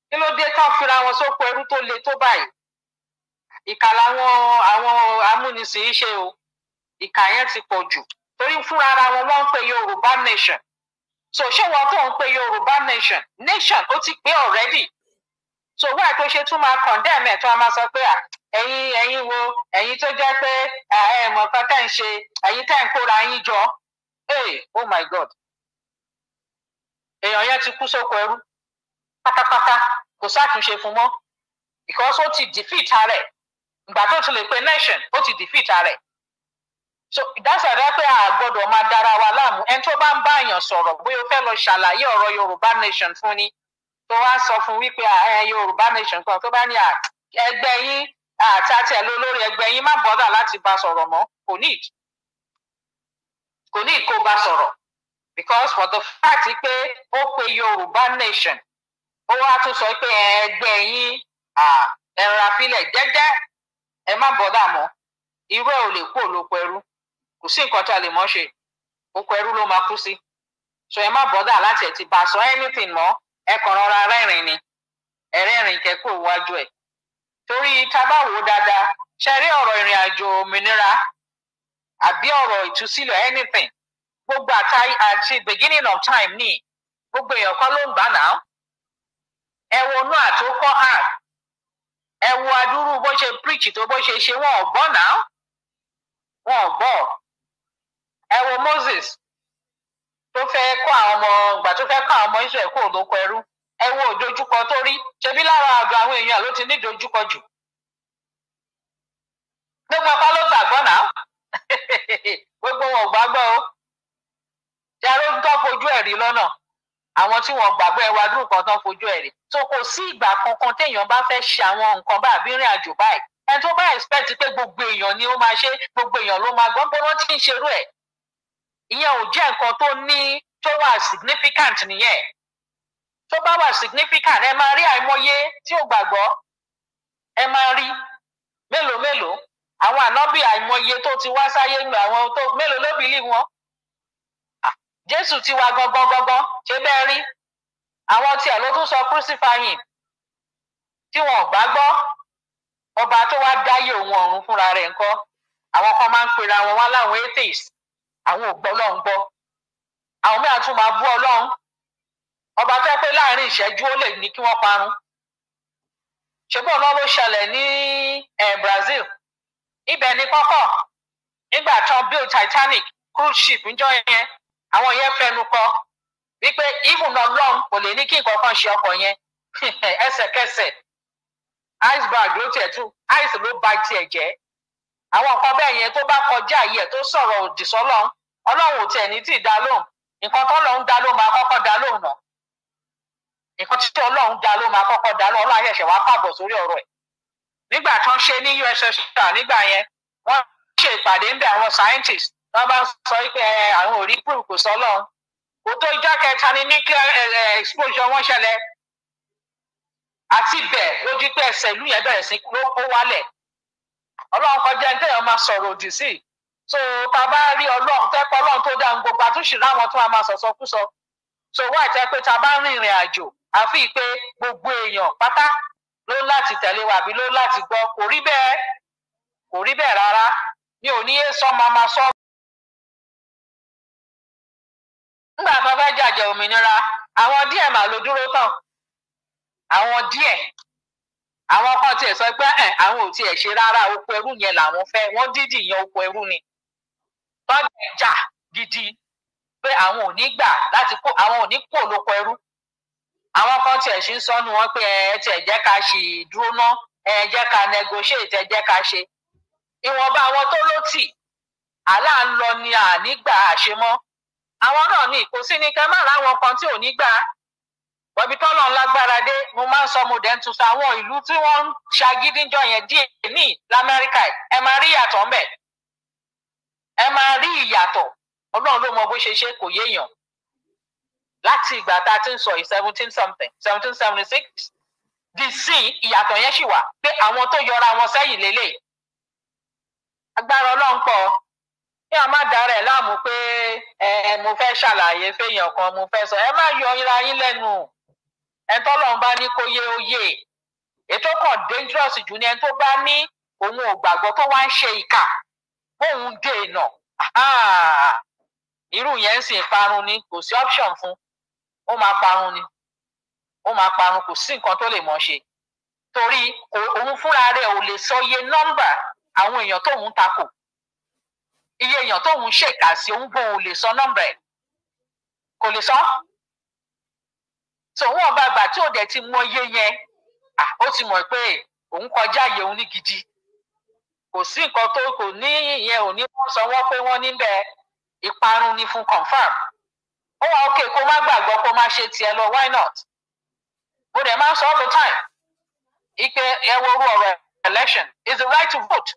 kí ló dé tán fira wọn sóko ẹrú tó le tó báyìí ìkà làwọn àwọn amúnisìn ṣe o ìkà yẹn ti pọ̀ jù torí fúnra ara wọn wọ́n ń pe yorùbá nation so ṣé wọn tó ń pe yorùbá nation nation ó ti pé already so wá tó ṣe tún máa condemn ẹ̀ tó a máa sọ pé ẹ̀yin ẹ̀yin wo ẹ̀yin tó jẹ́ pé ẹ̀ mọ̀ nǹkan ń ṣe ẹ̀yin ń kóra yín jọ oh my god èèyàn yẹn ti kú sóko ẹrú pátápátá kò sátúnṣe fún mọ́ because ó ti defeat ara ìgbà ti lè pe nation ó ti defeat ara so pé a gbọ́dọ̀ máa wa láàmú ẹni tó bá ń bá èèyàn sọ̀rọ̀ bóyá ó fẹ́ lọ ṣàlàyé nation fún ni tó wá sọ fún wípé ah, yorùbá nation kan tó bá ní ah, ẹgbẹ́ yín àtàtì ah, ẹ̀ lólórí ẹgbẹ́ yín má bọ́dà láti bá sọ̀rọ̀ mọ́ kò ní kò ní kó bá sọ̀rọ̀ because for the fact pé ó pe yorùbá nation ó wá tún sọ pé ẹgbẹ́ yín ẹ̀rọ àfilẹ̀ jẹ́jẹ́ ẹ má bọ́dà mọ́ irú ẹ̀ ò lè kú òlòpọ̀ ẹrú kò sí nǹkan tá a lè mọ́ ṣe oko ẹrú ló máa kú sí so ẹ má bọ́dà láti ẹ̀ ti bá a sọ anything mọ́ ẹ kàn rọra rẹ́rìn ni ẹ̀rẹ́rìn kẹ́kọ̀ọ́ iwájú ẹ̀ torí tábàwò dáadáa ṣe rí ọ̀rọ̀ ìrìn àjò òmìnira àbí ọ̀rọ̀ ìtúsílẹ̀ anything gbogbo àtàyè àti beginning of time ní gbogbo èèyàn kan ló ń gbà náà ẹ wo inú àtòkọ art ẹ wo adúrú bó ṣe preach tó bó ṣe ṣe wọn ò gbọ́ náà wọn ò gbọ́ ẹ wo Moses tó fẹ́ kó àwọn ọmọ ìgbà tó fẹ́ kó àwọn ọmọ israẹ̀ kó lóko ẹrú ẹ wo òdojúkọ tó rí ṣebí lára àgbà àwọn èèyàn ló ti ní ìdojúkọ jù gbogbo ọkọ ló gbàgbọ́ náà gbogbo wọn ò gbàgbọ́ o yàrá ń fojú ẹ̀ rí lọ́nà àwọn tí wọn gbàgbọ́ ẹ wá dùn kan tán fojú ẹ̀ rí so kò sí ìgbà kankan téèyàn bá fẹ́ ṣe àwọn nǹkan bá àbí rìn àjò báyìí ẹni tó bá expect pé gbogbo èèyàn ni ó máa ṣe gbogbo èèyàn ló máa gbọ́ pé wọ́n ti ń ṣerú ẹ̀ ìyẹn ò jẹ́ nǹkan tó ní tó wà significant nìyẹn tó bá wà significant ẹ máa rí àìmọye tí ò gbàgbọ́ ẹ máa rí mélòó mélòó àwọn ànábì àìmọye tó ti wá sáyé nu àwọn tó mélòó ló bìlí wọn jésù ti wá gangan gangan ṣé bẹ́ẹ̀ rí àwọn tiẹ̀ ló tún sọ crucifying tí wọn ò bá ọba tó wá dáyé òun ọ̀run fúnra rẹ̀ ńkọ́ àwọn kan máa ń pera wọn wá láwọn atheist àwọn ò gbọ́ ọlọ́run gbọ́ àwọn mìíràn tún máa bú ọlọ́run ọba fẹ́ pé láàrin ìṣẹ́jú ó lè ní kí wọ́n parun ṣùgbọ́n ọlọ́run ló ṣẹlẹ̀ ní Brazil ibẹ̀ ní kọ́kọ́ nígbà tán build Titanic cruise ship ń jọ yẹn àwọn yẹn fẹnu kọ wípé even ọlọ́run kò lè ní kí nǹkan kan ṣe ọkọ̀ yẹn ẹsẹ̀kẹsẹ̀ iceberg ló tiẹ̀ tún ice ló ba tiẹ̀ jẹ́ àwọn nǹkan bẹ́ẹ̀ yẹn tó bá kọjá yìí ẹ̀ tó sọ̀rọ̀ òdì sọ́lọ́run ọlọ́run ò tiẹ̀ ní tì dá lóhùn nǹkan tó lọ́hùn dá ló máa kọ́kọ́ dá lóhùn náà nǹkan tí ọlọ́run dá ló máa kọ́kọ́ dá lóhùn ọlọ́run àṣẹṣẹ wàá pàbọ̀ sórí ọ̀rọ̀ ẹ̀ nígbà tán ṣe ní USSR nígbà yẹn wọ́n ṣe ìpàdé ń bẹ àwọn scientists wọ́n bá sọ pé àwọn ò rí proof kò sọ́lọ́run kò tó ìjọ́ kẹta ní nuclear explosion wọ́n ṣẹlẹ̀ àti bẹ́ẹ̀ lójú pé ẹsẹ̀ ìlú yẹn bẹ̀rẹ̀ sí ló kó wálẹ̀ ọlọ́run kọjá ẹni téèyàn máa sọ̀rọ̀ òdì sí so tá a bá rí ọlọ́run tẹ́pọ̀ ọlọ́run tó dáa gbogbo àtúnṣe láwọn tó máa sọ̀sọ̀ kú sọ so wá ìtẹ́ pé tá a bá rìn ìrìn àjò àfi pé gbogbo èèyàn pátá ló láti tẹ̀lé wa àbí ló láti gbọ́ kò rí bẹ́ẹ̀ kò rí bẹ́ẹ̀ rárá mi ò ní yé sọ máa máa sọ. nígbà tó fẹ́ jàjẹ̀ òmìnira àwọn díẹ̀ mà ló dúró tán àwọn díẹ̀ àwọn kan tiẹ̀ sọ pé ẹ̀ àwọn ò tiẹ̀ ṣe rárá oko ẹrú yẹn làwọn fẹ́ wọ́n dídì yan oko ẹrú ni tọ́jà jà gidi pé àwọn ò ní gbà láti kó àwọn ò ní kó lóko ẹrú àwọn kan tiẹ̀ ṣì ń sọnù wọn pé ẹ tiẹ̀ jẹ́ ká ṣì dúró ná ẹ jẹ́ ká negotiate ẹ jẹ́ ká ṣe ìwọ̀nba àwọn tó ló tì aláàlọ́ ni ànígbà àṣemọ́ àwọn náà ní kò sí ní kẹ́ má láwọn kan tí ò ní gbà á bọ̀bí tọ́lọ̀ ńlágbára dé mo máa ń sọ mo dẹ̀ ń tún sa àwọn ìlú tí wọ́n ń ṣagídíjọ yẹn díẹ̀ ní lamẹ́ríkà ẹ máa rí ìyàtọ̀ ńbẹ̀ ẹ máa rí ìyàtọ̀ ọlọ́run ló mọ bó ṣe ṣe kò yéèyàn láti ìgbà tá a ti ń sọ yìí seventeen something seventeen seventy six di sí ìyàtọ̀ yẹn ṣì wà pé àwọn tó yọra wọn sẹ́yìn lélẹ̀ agbára ọlọ́run pọ̀ kí a má dára ẹ̀ láàmú pé ẹ mo fẹ́ ṣàlàyé fẹ́yàn kan mo fẹ́ sọ ẹ má yọ ira yín lẹ́nu ẹni tọ́lọ́run bá ní kó yé ó ètò kan dangerous jù ni ẹni tó bá ní òun ò gbàgbọ́ tó wá ń ṣe ìkà bóun dènà irú yẹn ń sìn parun ni kò sí option fún ó máa parun ni ó máa parun kò sí nǹkan tó lè mọ̀ ṣe torí òun fúnra rẹ̀ ò lè sọ iye nọ́mbà àwọn èèyàn tóun takò iye èèyàn tóun ṣèkà sí òun bò ò lè sọ nọ́mbà ẹ̀ kò lè sọ. So so wọn bá gbà tí ò dẹ̀ ti mọ iye yẹn ó ti mọ̀ pé òun kọjá yẹ òun ní gidi kò sí nǹkan tó kò ní ìyẹn ò ní wọ́n sọ wọ́n pé wọ́n níbẹ̀ ìparun ni fún confam ó wà ókè kó má gbàgbọ́ kó má ṣe tiẹ̀ lọ why not mo dẹ̀ máa ń sọ all the time ike ẹ wo orú ọ̀rọ̀ election is the right to vote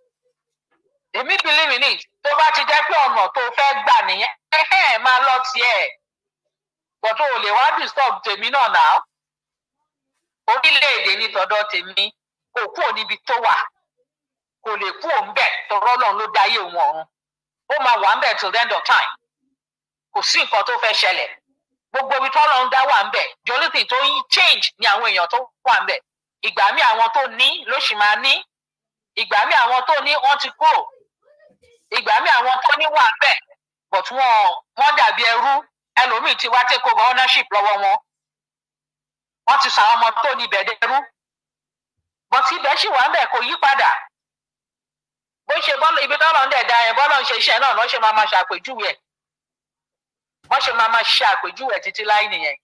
èmi believe in it tó bá ti jẹ́ pé ọ̀nà tó fẹ́ gbà nìyẹn ẹ̀hẹ́n máa lọ tiẹ̀ but o lè wá disturb tèmi náà náà orílẹ̀-èdè ní tọ̀dọ̀ tèmi kò kúrò níbi tó wà kò lè kúrò ńbẹ̀ tọ̀rọ̀ Ọlọ́run ló dáyé òun ọ̀run ó máa wà ńbẹ̀ till the end of time kò sí nǹkan tó fẹ́ ṣẹlẹ̀ gbogbo ibi tọ́lọ́ ń dá wà ńbẹ̀ jọ́lítì tó ń change ni àwọn èèyàn tó wà ńbẹ̀ ìgbà míì àwọn tó ní ló sì máa ní ìgbà míì àwọn tó ní wọ́n ti kúrò ìgbà míì àwọn tó ní wà ńbẹ̀ but wọ́n wọ́n dàbí ẹrú ẹlòmíì ti wá take over ownership lọ́wọ́ wọn wọ́n ti sọ àwọn ọmọ tó ní ibẹ̀ dẹrú bọ́tí ibẹ̀ ṣì wà ń bẹ̀ kò yí padà bó ṣe bọ́lọ̀ ibi tọ́lọ̀ ń dẹ̀ da ẹ̀ bọ́lọ̀ ń ṣe iṣẹ́ náà lọ́ọ́ ṣe máa máa ṣàpèjúwe ẹ̀ wọ́n ṣe máa máa ṣe àpèjúwe títí láì nìyẹn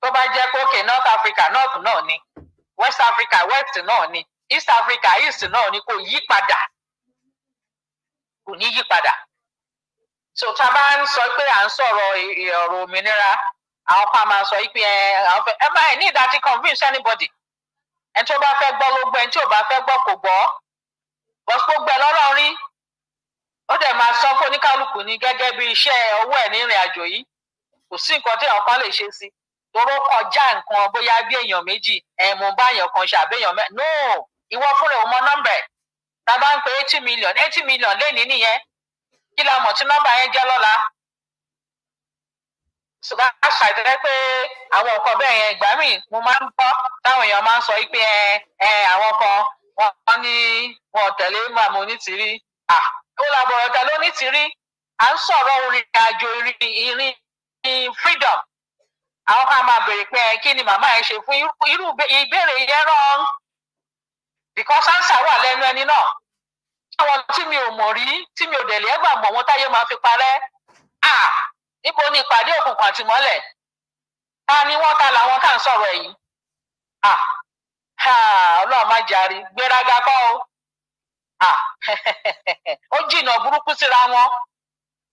tó bá jẹ́ pé òkè North Africa North náà ni West Africa West náà ni East Africa East náà ni kò yí padà kò ní yí padà so tá a bá ń sọ pé à ń sọ̀rọ̀ ọ̀rọ̀ òmìnira àwọn kan máa sọ pé ẹ àwọn fẹ́ ẹ má ẹ ní ìdájí convince anybody ẹni tó bá fẹ́ gbọ́ ló gbọ́ ẹni tí ò bá fẹ́ gbọ́ kò gbọ́ bọ́sùpọ̀ gbẹ lọ́rọ̀ rí ó dẹ̀ máa sọ fún oníkálukú ní gẹ́gẹ́ bí iṣẹ́ ọwọ́ ẹ̀ ní ìrìn àjò yìí kò sí nǹkan tí àwọn kan lè ṣe sí toró kọjá nǹkan bóyá bí èèyàn méjì ẹ̀ mú báyàn kan ṣàbẹ̀yàn mẹ́ no ìwọ fúnra ò mọ nọ́mbà ẹ̀ tá a bá ń pe eighty million eighty million lé ní nìyẹn kí la mọ̀ tí nọ́mbà yẹn jẹ́ lọ́la ṣùgbọ́n pé àwọn nǹkan bẹ́ẹ̀ yẹn ìgbà míì mo máa ń gbọ́ táwọn èèyàn máa ń sọ pé àwọn kan wọn ní wọn tẹ̀lé màmú onítìrí ó la bọ̀rọ̀ tẹ̀lé onítìrí à ń sọ̀rọ̀ orin àjò ìrìn freedom àwọn kan máa béèrè pé kí ni màmá ẹ ṣe fún irú ìbéèrè yẹn rán because answer wà lẹ́nu ẹni náà àwọn tí mi ò mọ̀ rí tí mi ò dẹ̀ lè ẹ̀gbà mọ̀ wọn táyé máa fi parẹ́ à níbo ni ìpàdé òkùnkùn àtìmọ́lẹ̀ ta ni wọ́n ta làwọn tá à ń sọ̀rọ̀ ẹ̀yìn à ọlọ́run má jàre gbéraga kọ́ o à ó jìnnà burúkú síra wọn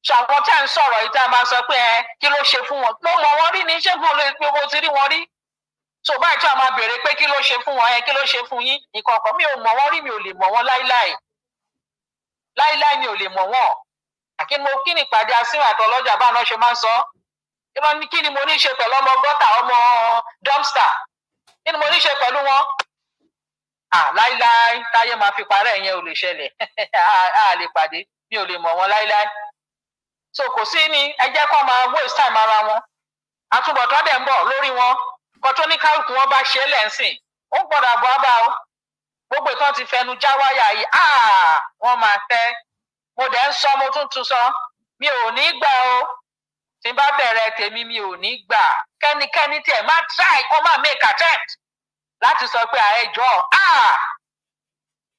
ṣàwọn tá à ń sọ̀rọ̀ yìí tá a máa sọ pé ẹ kí ló ṣe fún wọn ló mọ wọn rí ní ṣẹ́gun olóògbé owó ti rí wọn rí tó báyìí tó a máa béèrè pé kí ló ṣe fún wọn ẹ kí ló ṣe fún yín nǹkan kan mi ò mọ wọn rí mi ò lè mọ wọn láíláì láíláí mi ò lè mọ̀ wọ́n àkí mo kí ni ìpàdé asínwó àti ọlọ́jà báwọn ṣe máa ń sọ kí ni mo ní ṣe pẹ̀lú ọmọ gọ́tà ọmọ dumpster kí ni mo ní ṣe pẹ̀lú wọn láíláí táyé máa fi parẹ́ ẹ̀yẹn, ò lè ṣẹlẹ̀ lè pàdé mi ò lè mọ̀ wọn láíláí so ni ẹ jẹ́ máa waste gbogbo ìtàn ti fẹnu já wáyà yìí ah, wọ́n máa fẹ́ mo dẹ̀ ń sọ mo tún tún sọ mi ò ní gbà o tí n bá bẹ̀rẹ̀ tèmi mi ò ní gbà kẹ́nikẹ́ni tiẹ̀ má try kó má make attempt láti sọ pé àẹjọ́ ah!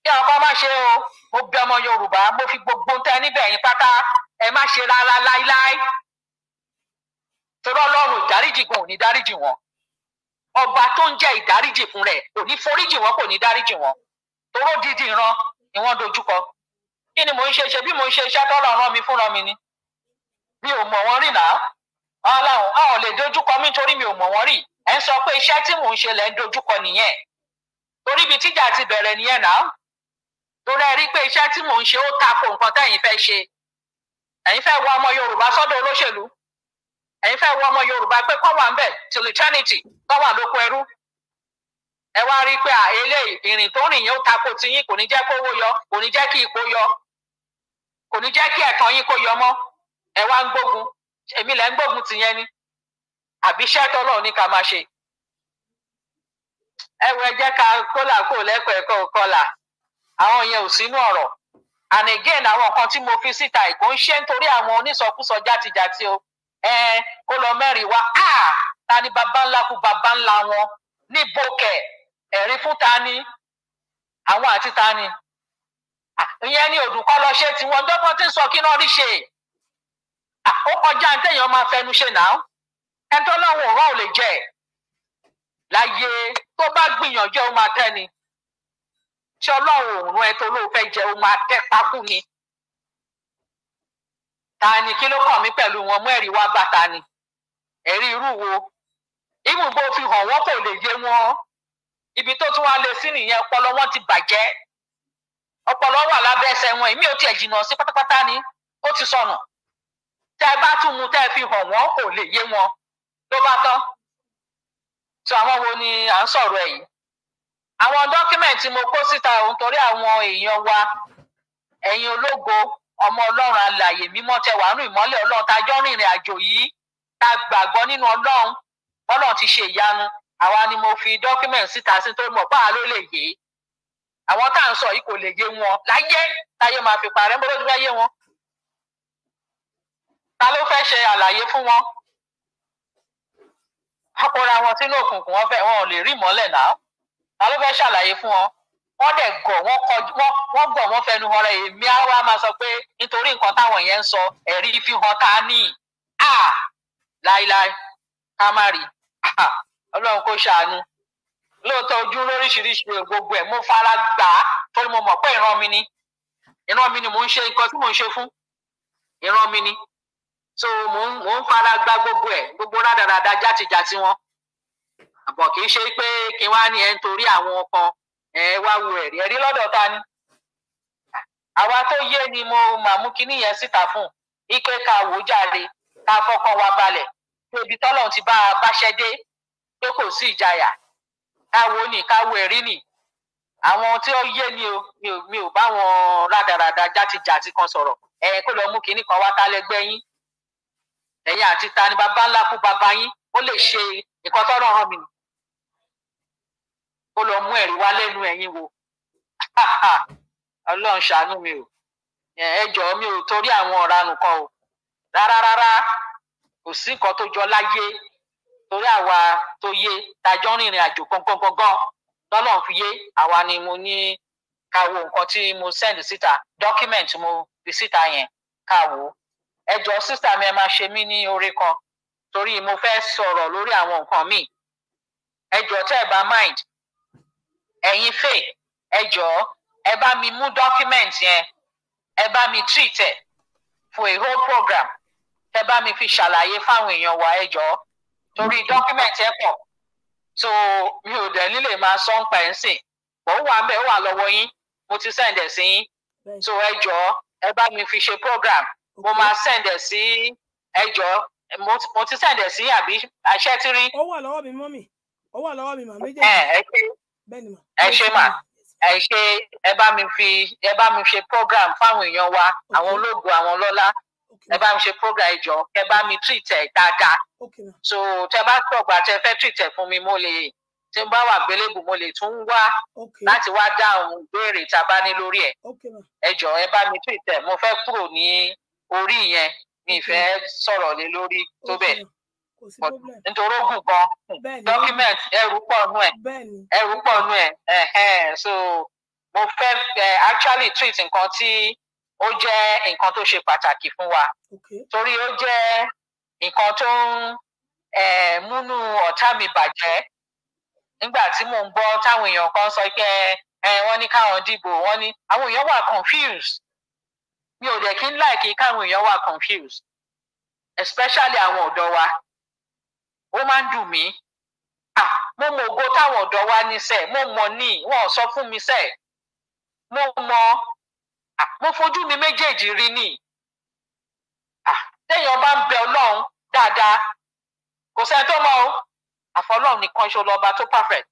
kí ọkọ má ṣe o mo bẹ̀ ọmọ Yorùbá mo fi gbogbo tẹ níbẹ̀ yín pátá ẹ má ṣe rárá láíláí torí Ọlọ́run ìdáríjì gan ò ní dáríjì wọn ọba tó ń jẹ́ ìdáríjì fún rẹ̀ kò ní foríjì wọn kò ní dáríjì wọn toró dídì ìran ni wọ́n dojúkọ kí ni mò ń ṣe ṣe bí mò ń ṣe iṣẹ́ tọ́lọ̀ rán mi fúnra mi ni mi ò mọ̀ wọ́n rí náà ọlọ́run a ò lè dojúkọ mi torí mi ò mọ̀ wọ́n rí ẹ̀ ń sọ pé iṣẹ́ tí mò ń ṣe lẹ̀ ń dojúkọ nìyẹn torí ibi tíjà ti bẹ̀rẹ̀ nìyẹn náà torí ẹ rí pé iṣẹ́ tí mò ń ṣe ó tako nǹkan tẹ̀yin fẹ́ ṣe ẹ̀yin fẹ́ wọ ọmọ yorùbá sọ́dọ̀ olóṣèlú ẹ̀yin fẹ́ wọ ọmọ yorùbá pé kọ́ wà ń bẹ̀ till eternity wà lóko ẹrú ẹ wá rí i pé ìrìn tó rìn yẹn ó tako tiyín kò ní jẹ́ kó yọ kò ní jẹ́ kí ipò yọ kò ní jẹ́ kí ẹ̀tàn yín kó yọ mọ́ ẹ wá ń gbógun èmi lẹ́ ń gbógun ni àbí iṣẹ́ tọ́lọ̀ ní ká ṣe. ẹ wo ka ká kólà kó lẹ́kọ̀ọ́ ẹ̀kọ́ kọlà àwọn yẹn ò sínú ọ̀rọ̀ and again àwọn mo fi síta ìkó ń ṣe àwọn onísọkúsọ o ẹ kó lọ mẹ́rin wá ta ni baba kú baba wọn níbo ẹ̀rí fún ta ni àwọn àti ta ni ìyẹn ni òdùkọ́ lọ ṣe tiwọn dọ́gbọ́n tí ń sọ kí náà rí ṣe ó kọjá ní téèyàn máa fẹnu ṣe náà ẹni tó lọ́wọ́ òró ò lè jẹ láyé tó bá gbìyànjú ó máa tẹ́ ni tí ọlọ́run òun ẹ tó ló fẹ́ jẹ ó máa tẹ́ pákú ni ta ni kí ló kàn mí pẹ̀lú wọn mú ẹ̀rí wá bá ta ni ẹ̀rí irú wo ìmùgbò fi hàn wọ́n kò lè yé wọn. ibi tó tún wá lé sí nìyẹn ọpọlọ wọn ti bàjẹ́ ọpọlọ wà lábẹ́ ẹsẹ̀ wọn èmi ò tiẹ̀ jìnnà sí pátápátá ni ó ti sọnù tẹ bá tún mu tẹ fi hàn wọn kò lè yé wọn ló bá tán tó àwọn wo ni à ń sọ̀rọ̀ ẹ̀ yìí àwọn dọ́kímẹ̀ntì mo kó síta òun torí àwọn èèyàn wa ẹ̀yin ológo ọmọ ọlọ́run alàyè mímọ́ tẹ wàá rìn ìmọ́lẹ̀ ọlọ́run tá a jọ rìnrìn àjò yìí tá a gbàgbọ́ nínú ọlọ́run ọlọ́run ti ṣe ìyanu àwa ni mo fi síta sí tó mọ̀ báà ló lè yé àwọn tá à ń sọ kò lè yé wọn láyé táyé máa fi parẹ́ mbọ́dọ́ tó wọn ta ló fẹ́ ṣe àlàyé fún wọn àpòra wọn sínú òkùnkùn wọn fẹ́ wọn ò lè rí náà ta ló fẹ́ ṣàlàyé fún wọn dẹ̀ gọ̀ gọ̀ fẹnu họrẹ èmi máa sọ pé nítorí nǹkan táwọn yẹn ń sọ ẹ̀rí fi hàn ní à láíláí ká má rí Ọlọ́run kò ṣàánú lóòótọ́ ojú lóríṣiríṣi gbogbo ẹ̀ mo fara gbà á torí mo mọ̀ pé ìran mi ni ìran mi ni mò ń ṣe nǹkan tí mò ń ṣe fún ìran mi ni so mò ń mò ń fara gbà gbogbo ẹ̀ gbogbo rádaràda játijàti wọn àbọ̀ kì í ṣe pé kí wá ní ẹ nítorí àwọn kan ẹ wá wo ẹ̀rí ẹ̀rí lọ́dọ̀ ta ni àwa tó yé ni mo máa mú kinní yẹn síta fún ike ká wò jáde ká fọkàn wa balẹ̀ tóbi tọ́lọ́run ti bá a báṣẹ́ dé pé kò sí ìjayà káwo ni káwo ẹ̀rí ni àwọn tí ó yé ni o mi ò bá wọn rádaràda játijàti kan sọ̀rọ̀ ẹ̀yin kó lọ mú kinní kan wá tálẹ́gbẹ́ yín ẹ̀yin àti ta ni bàbá ńlá kú bàbá yín ó lè ṣe nǹkan tọ́rọ̀ hàn mí kó lọ mú ẹ̀rí wá lẹ́nu ẹ̀yin wò ọlọ́run ṣàánú mi o ẹ jọ̀ọ́ mi ò torí àwọn ọ̀ranù kan o rárá rárá kò sí nǹkan tó jọ láyé torí àwa tó yé tajọ́ rìnrìn àjò gangan lọ́lọ́run fi yé àwa ni mo ní ká wo nǹkan tí mo send síta document mo fi síta yẹn ká wò ó ẹ jọ sísà mi ẹ máa ṣe mí ní orí kan torí mo fẹ́ sọ̀rọ̀ lórí àwọn nǹkan míì ẹ tẹ́ ẹ bá mind ẹ̀yin fè ẹ jọ ẹ bá mi mú document yẹn ẹ bá mi treat ẹ for a whole program ẹ bá mi fi ṣàlàyé fáwọn èèyàn wa ẹ jọ torí dọ́kímẹ̀ntì ẹ̀ pọ̀ so mi ò dẹ̀ nílè máa sọ ń pa ẹ̀ ń sìn mọ̀ ó wà ń bẹ̀ ó wà lọ́wọ́ yín mo ti sẹ̀ǹdẹ̀ sí yín so ẹ jọ ẹ bá mi fi ṣe program mo máa sẹ̀ǹdẹ̀ sí ẹ mo ti sẹ̀ǹdẹ̀ sí àbí àṣẹ ti rí. ó wà lọ́wọ́ mi mọ́mì ó wà lọ́wọ́ mi màá méjèèjì. ẹ ṣe mà ẹ ṣe ẹ bá mi fi ẹ bá mi ṣe program fáwọn èèyàn wa àwọn ológun àwọn ọlọ́lá ẹ bá mi ṣe program ẹ ẹ bá mi treat ẹ dáadáa so tẹ bá tọgbà tẹ fẹ́ treat ẹ fún mi mo lè tí n bá wà gbélébù mo lè tún wá láti wá dáhùn ìbéèrè tá a bá ní lórí ẹ ẹ ẹ bá mi treat ẹ mo fẹ́ kúrò ní orí yẹn mi fẹ́ sọ̀rọ̀ lé lórí tó bẹ́ẹ̀ nítorí ogun gan document ẹrù pọ̀ nú ẹ̀ ẹrù pọ̀ nú ẹ̀ so mo fẹ́ actually treat nǹkan tí. ó jẹ́ nǹkan tó ṣe pàtàkì fún wa torí ó jẹ́ nǹkan tó ń múnú ọ̀tá mi bàjẹ́ nígbà tí mò ń gbọ́ táwọn èèyàn kan sọ pé wọ́n ní káwọn dìbò wọ́n ní àwọn èèyàn wà confused mi ò dẹ̀ kí ń láìkí káwọn èèyàn wà confused especially àwọn ọ̀dọ́ wa ó máa ń dùn mí ah mo mọ ògo táwọn ọ̀dọ́ wa ní sẹ́ẹ̀ mo mọ ní wọn sọ fún mi sẹ́ẹ̀ mo mọ mo fojú mi méjèèjì rí ni téèyàn bá ń bẹ ọlọ́run dáadáa kò sẹ́ni tó mọ̀ o àfọlọ́run nìkan ṣo lọ́ba tó perfect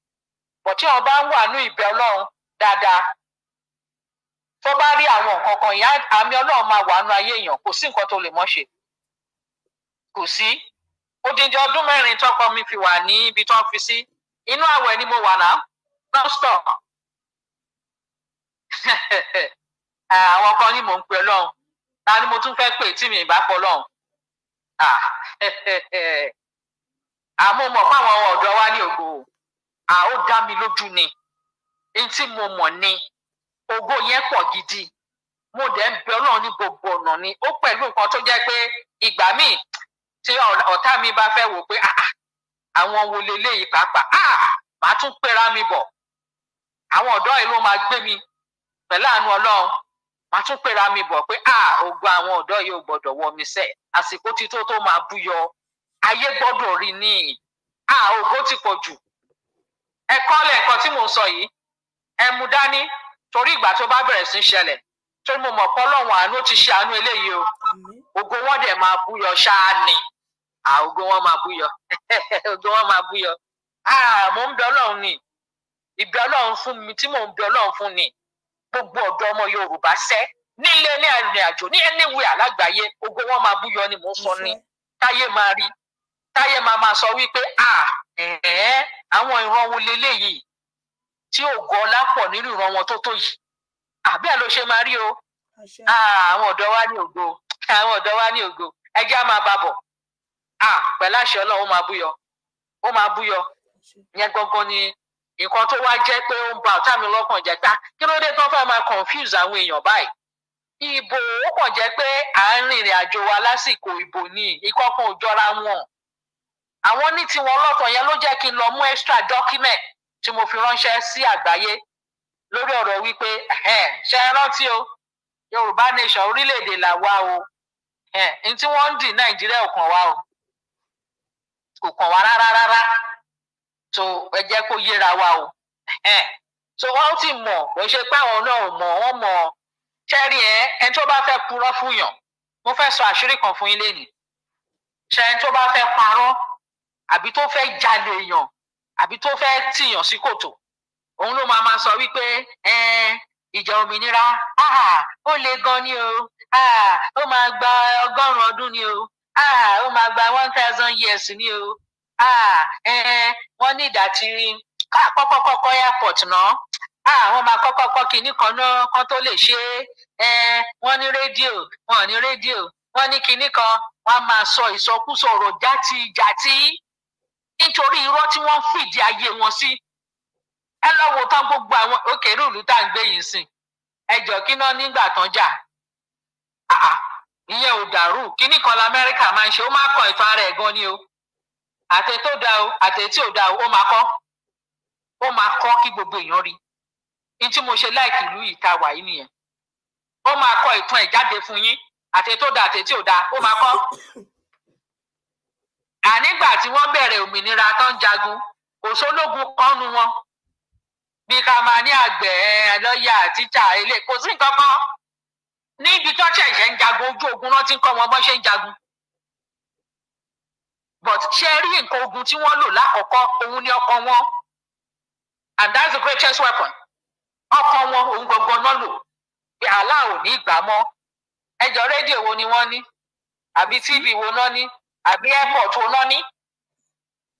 bọ̀ tí wọ́n bá ń wà ní ìbẹ ọlọ́run dáadáa tó bá rí àwọn nǹkan kan ìyá àmì ọlọ́run máa wà nú ayé èèyàn kò sí nǹkan tó lè mọ́ ṣe kò sí odindi ọdún mẹ́rin tọkọ mi fi wà ní ibi tó ń fi sí inú àwẹ̀ ni mo wà náà àwọn kan ní mò ń pe Ọlọ́run ta ni mo tún fẹ́ pè tí mi ì bá pọ Ọlọ́run àmọ́ mọ̀ fáwọn ọ̀dọ́ wa ní ògo à ó dá mi lójú ni n tí mo mọ̀ ni ògo yẹn pọ̀ gidi mo dẹ̀ ń bẹ Ọlọ́run ní gbogbo ọ̀nà ni ó pẹ̀lú nǹkan tó jẹ́ pé ìgbà míì tí ọ̀tá mi bá fẹ́ wò pé àwọn wo leléyìí pàápàá màá tún pera mi bọ̀ àwọn ọ̀dọ́ yìí ló máa gbé mi pẹ̀lú àánú Ọlọ́run màá tún pera mi bọ̀ pé ah ogun àwọn ọ̀dọ́ yìí ò gbọ́dọ̀ wọ mi sẹ̀ àsìkò tí tó tó máa búyọ ayé gbọ́dọ̀ rí ní ah ògo ti pọ̀ jù ẹ̀kọ́ lẹ́ẹ̀kan tí mò ń sọ yìí ẹ mú dání torí ìgbà tó bá bẹ̀rẹ̀ sí ṣẹlẹ̀ torí mo mọ̀ pọ́lọ́wọ̀n àánú ti ṣe àánú eléyìí o ògo wọn dẹ̀ máa búyọ ṣáá ni ògo wọn máa búyọ ògo wọn máa búyọ ah mò ń bẹ ọlọ́run ni ìbẹ ọlọ́run fún mi tí mò ń bẹ ọlọ́run fún ni gbogbo ọ̀dọ́ ọmọ Yorùbá ṣẹ́ nílé ní arìnrìn àjò ní anywhere alágbàáyé gbogbo wọn máa búyọ ni mò sọ ni táyé máa rí táyé máa máa sọ wípé à ẹ̀ẹ́ àwọn ìran wo leléyìí tí ògo ọlá pọ̀ nínú ìran wọn tó tó yìí àbí ẹ̀ ló ṣe máa rí o àwọn ọ̀dọ́ wa ní ògo àwọn ọ̀dọ́ wa ní ògo ẹjẹ́ á máa bá bọ̀ pẹ̀láṣẹ Ọlọ́run ó máa búyọ ó máa búyọ yẹn gangan ni nǹkan tó wá jẹ́ pé ó ń ba ọ̀tá mi lọ́kàn jẹ́ tá ah, kí ló dé tó fẹ́ máa confuse àwọn èèyàn báyìí ìbò ó kàn jẹ́ pé à ń rìnrìn àjò wa lásìkò ìbò ni ìkọ̀kan ò jọra wọn àwọn ní tiwọn lọ́tọ̀ yẹn ló jẹ́ kí n lọ mú extra document tí mo fi ránṣẹ́ sí àgbáyé lórí ọ̀rọ̀ wípé ṣe é rántí o Yorùbá nation orílẹ̀-èdè làwa o n tí wọ́n ń dì Nàìjíríà ò kàn wá o kò kàn wá rárá rárá so ẹ jẹ́ kó yéra wa o so wọ́n ti mọ̀ kò ṣe pé àwọn náà ò mọ̀ wọ́n mọ̀ ṣẹ́rí ẹ ẹni tó bá fẹ́ purọ́ fún yàn mo fẹ́ sọ àṣírí kan fún yín lẹ́nu ṣẹ́ni tó bá fẹ́ parọ́ àbí tó fẹ́ jalè èèyàn àbí tó fẹ́ tìyàn sí kòtò òun ló máa máa sọ wípé ìjà òmìnira ó le gan ni o ó máa gba ọgọ́rùn-ún ọdún ni o ó máa gba one thousand years ni o wọ́n ní ìdàtí kọ́kọ́kọ́kọ́ airport náà àwọn máa kọ́kọ́ kọ́ kinní kan náà kan tó lè ṣe é wọ́n ní rédíò wọ́n ní radio. wọ́n ní kinní kan wọ́n máa sọ ìsọkúsọ ọ̀rọ̀ játijàti nítorí irọ́ tí wọ́n fìdí ayé wọn sí ẹ lọ́wọ́ tán gbogbo àwọn òkèrè òlù tá à ń gbé yìí sìn ẹ jọ kí náà nígbà tán jà ìyẹn ò dàrú kinní kan lamẹ́ríkà máa ń ṣe ó máa kàn ìfarẹ̀ gan ni o àtẹ tó dáa o àtẹ tí ò dáa o ó máa kọ́ ó máa kọ́ kí gbogbo èèyàn rí i tí mo ṣe láìkì ìlú yìí ta wà yìí nìyẹn ó máa kọ ìtàn ẹ̀ jáde fún yín àtẹ tó dáa àtẹ tí ò dáa ó máa kọ́ ànígbà tí wọ́n bẹ̀rẹ̀ òmìnira tó ń jagun kò sólógun kọ́nu wọn bí ká máa ní àgbẹ̀ lọ́ọ̀yà tíjà ilé kò sí nǹkan kan níbi tó ṣẹ̀ṣẹ̀ ń jagun ojú ogun náà ti ń kọ́ wọn bọ́n ṣe ń jagun but ṣe rí nǹkan ogun tí wọ́n lò lákọ̀ọ́kọ́ òun ni ọkàn wọn and that's the greatest weapon ọkàn wọn òun gangan náà lò pé àlá ò ní ìgbà mọ́ ẹjọ rédíò wo ni wọ́n ní àbí tv wo náà ní àbí airport wo náà ní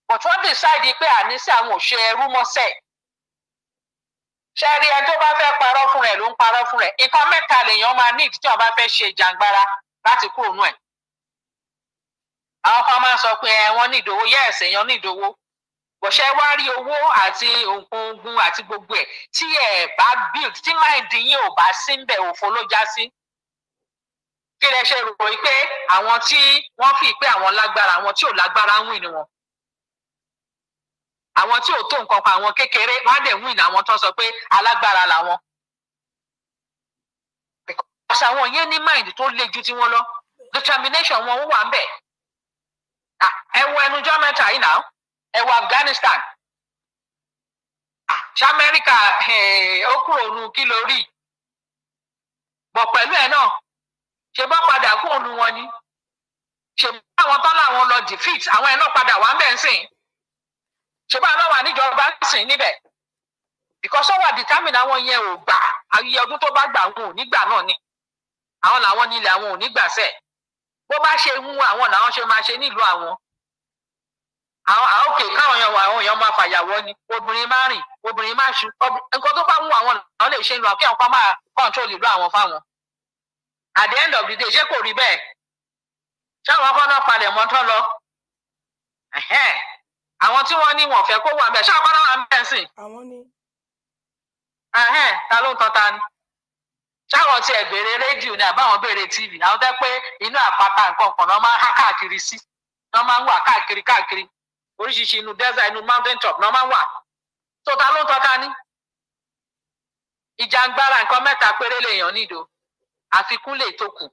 but wọ́n decide pé àníṣe àwọn ò ṣe ẹrú mọ́sẹ̀ ṣe rí ẹni tó bá fẹ́ parọ́ fún rẹ̀ ló ń parọ́ fún rẹ̀ nǹkan mẹ́ta lèèyàn máa ní ìdí tí wọ́n bá fẹ́ ṣe jàǹgbara láti kúrò nù ẹ̀ àwọn kan máa ń sọ pé wọ́n ní ìdòwò yes èèyàn ní ìdòwò bọ̀ṣẹ́ wá rí owó àti nǹkan ogun àti gbogbo ẹ̀ tí ẹ̀ bá build tí máìndì yín ò bá sí ńbẹ̀ òfo ló já sí. kí lẹ ṣe rò pé àwọn tí wọ́n fi pé àwọn lágbára àwọn tí ò lágbára ń wìn ni wọn. àwọn tí ò tó nǹkan pa àwọn kékeré wọ́n á dẹ̀ wìn àwọn tó ń sọ pé alágbára làwọn. àṣà àwọn yẹn ní máìndì tó le ju tiwọn lọ determination wọn wà ń bẹ̀. Ah, ẹ wo ẹnujọ́ mẹ́ta yìí náà ẹ wo Afghanistan ah, ṣé America eh, ó kúrò nu kí ló rí bọ̀ pẹ̀lú ẹ̀ náà ṣe bá padà kúrò nu wọn ni ṣe bá àwọn tán láwọn lọ defeat àwọn ẹ̀ náà padà wà ń bẹ̀ ń sìn ṣe bá náà wà ń sìn níbẹ̀ because ó wà determine àwọn yẹn ò gbà ayé ọdún tó bá gbà wọn ò ní gbà náà ni àwọn làwọn nílẹ̀ àwọn ò ní gbà sẹ́ẹ̀ bó bá ṣe wù àwọn làwọn ṣe máa ṣe nílùú àwọn àwọn àókè káwọn èèyàn àwọn èèyàn máa fàyàwọ ni obìnrin máa rìn obìnrin máa ṣu nǹkan tó bá wù àwọn làwọn lè ṣe nílùú àwọn kí àwọn kan máa kọ́ńtrol ìlú àwọn fáwọn at the end of the day ṣé kò rí bẹ́ẹ̀ ṣáwọn kan náà palẹ̀ mọ́ tán lọ àwọn tí wọ́n ní wọ́n fẹ́ kó wà mẹ́ ṣáwọn kan náà wà mẹ́sìn ta ló ń tan ta ni. sáwọn tí ẹ béèrè rédíò ni àbáwọn béèrè tv àwọn dẹ́ pé inú àpáta nǹkan kan náà máa ń há káàkiri sí náà máa ń wà káàkiri káàkiri oríṣiríṣi inú desert inú mountain top náà máa ń wà tó ló ń tọ́ka ní. ìjàngbara nǹkan mẹ́ta péré lèèyàn nídò àfikún lè tó kù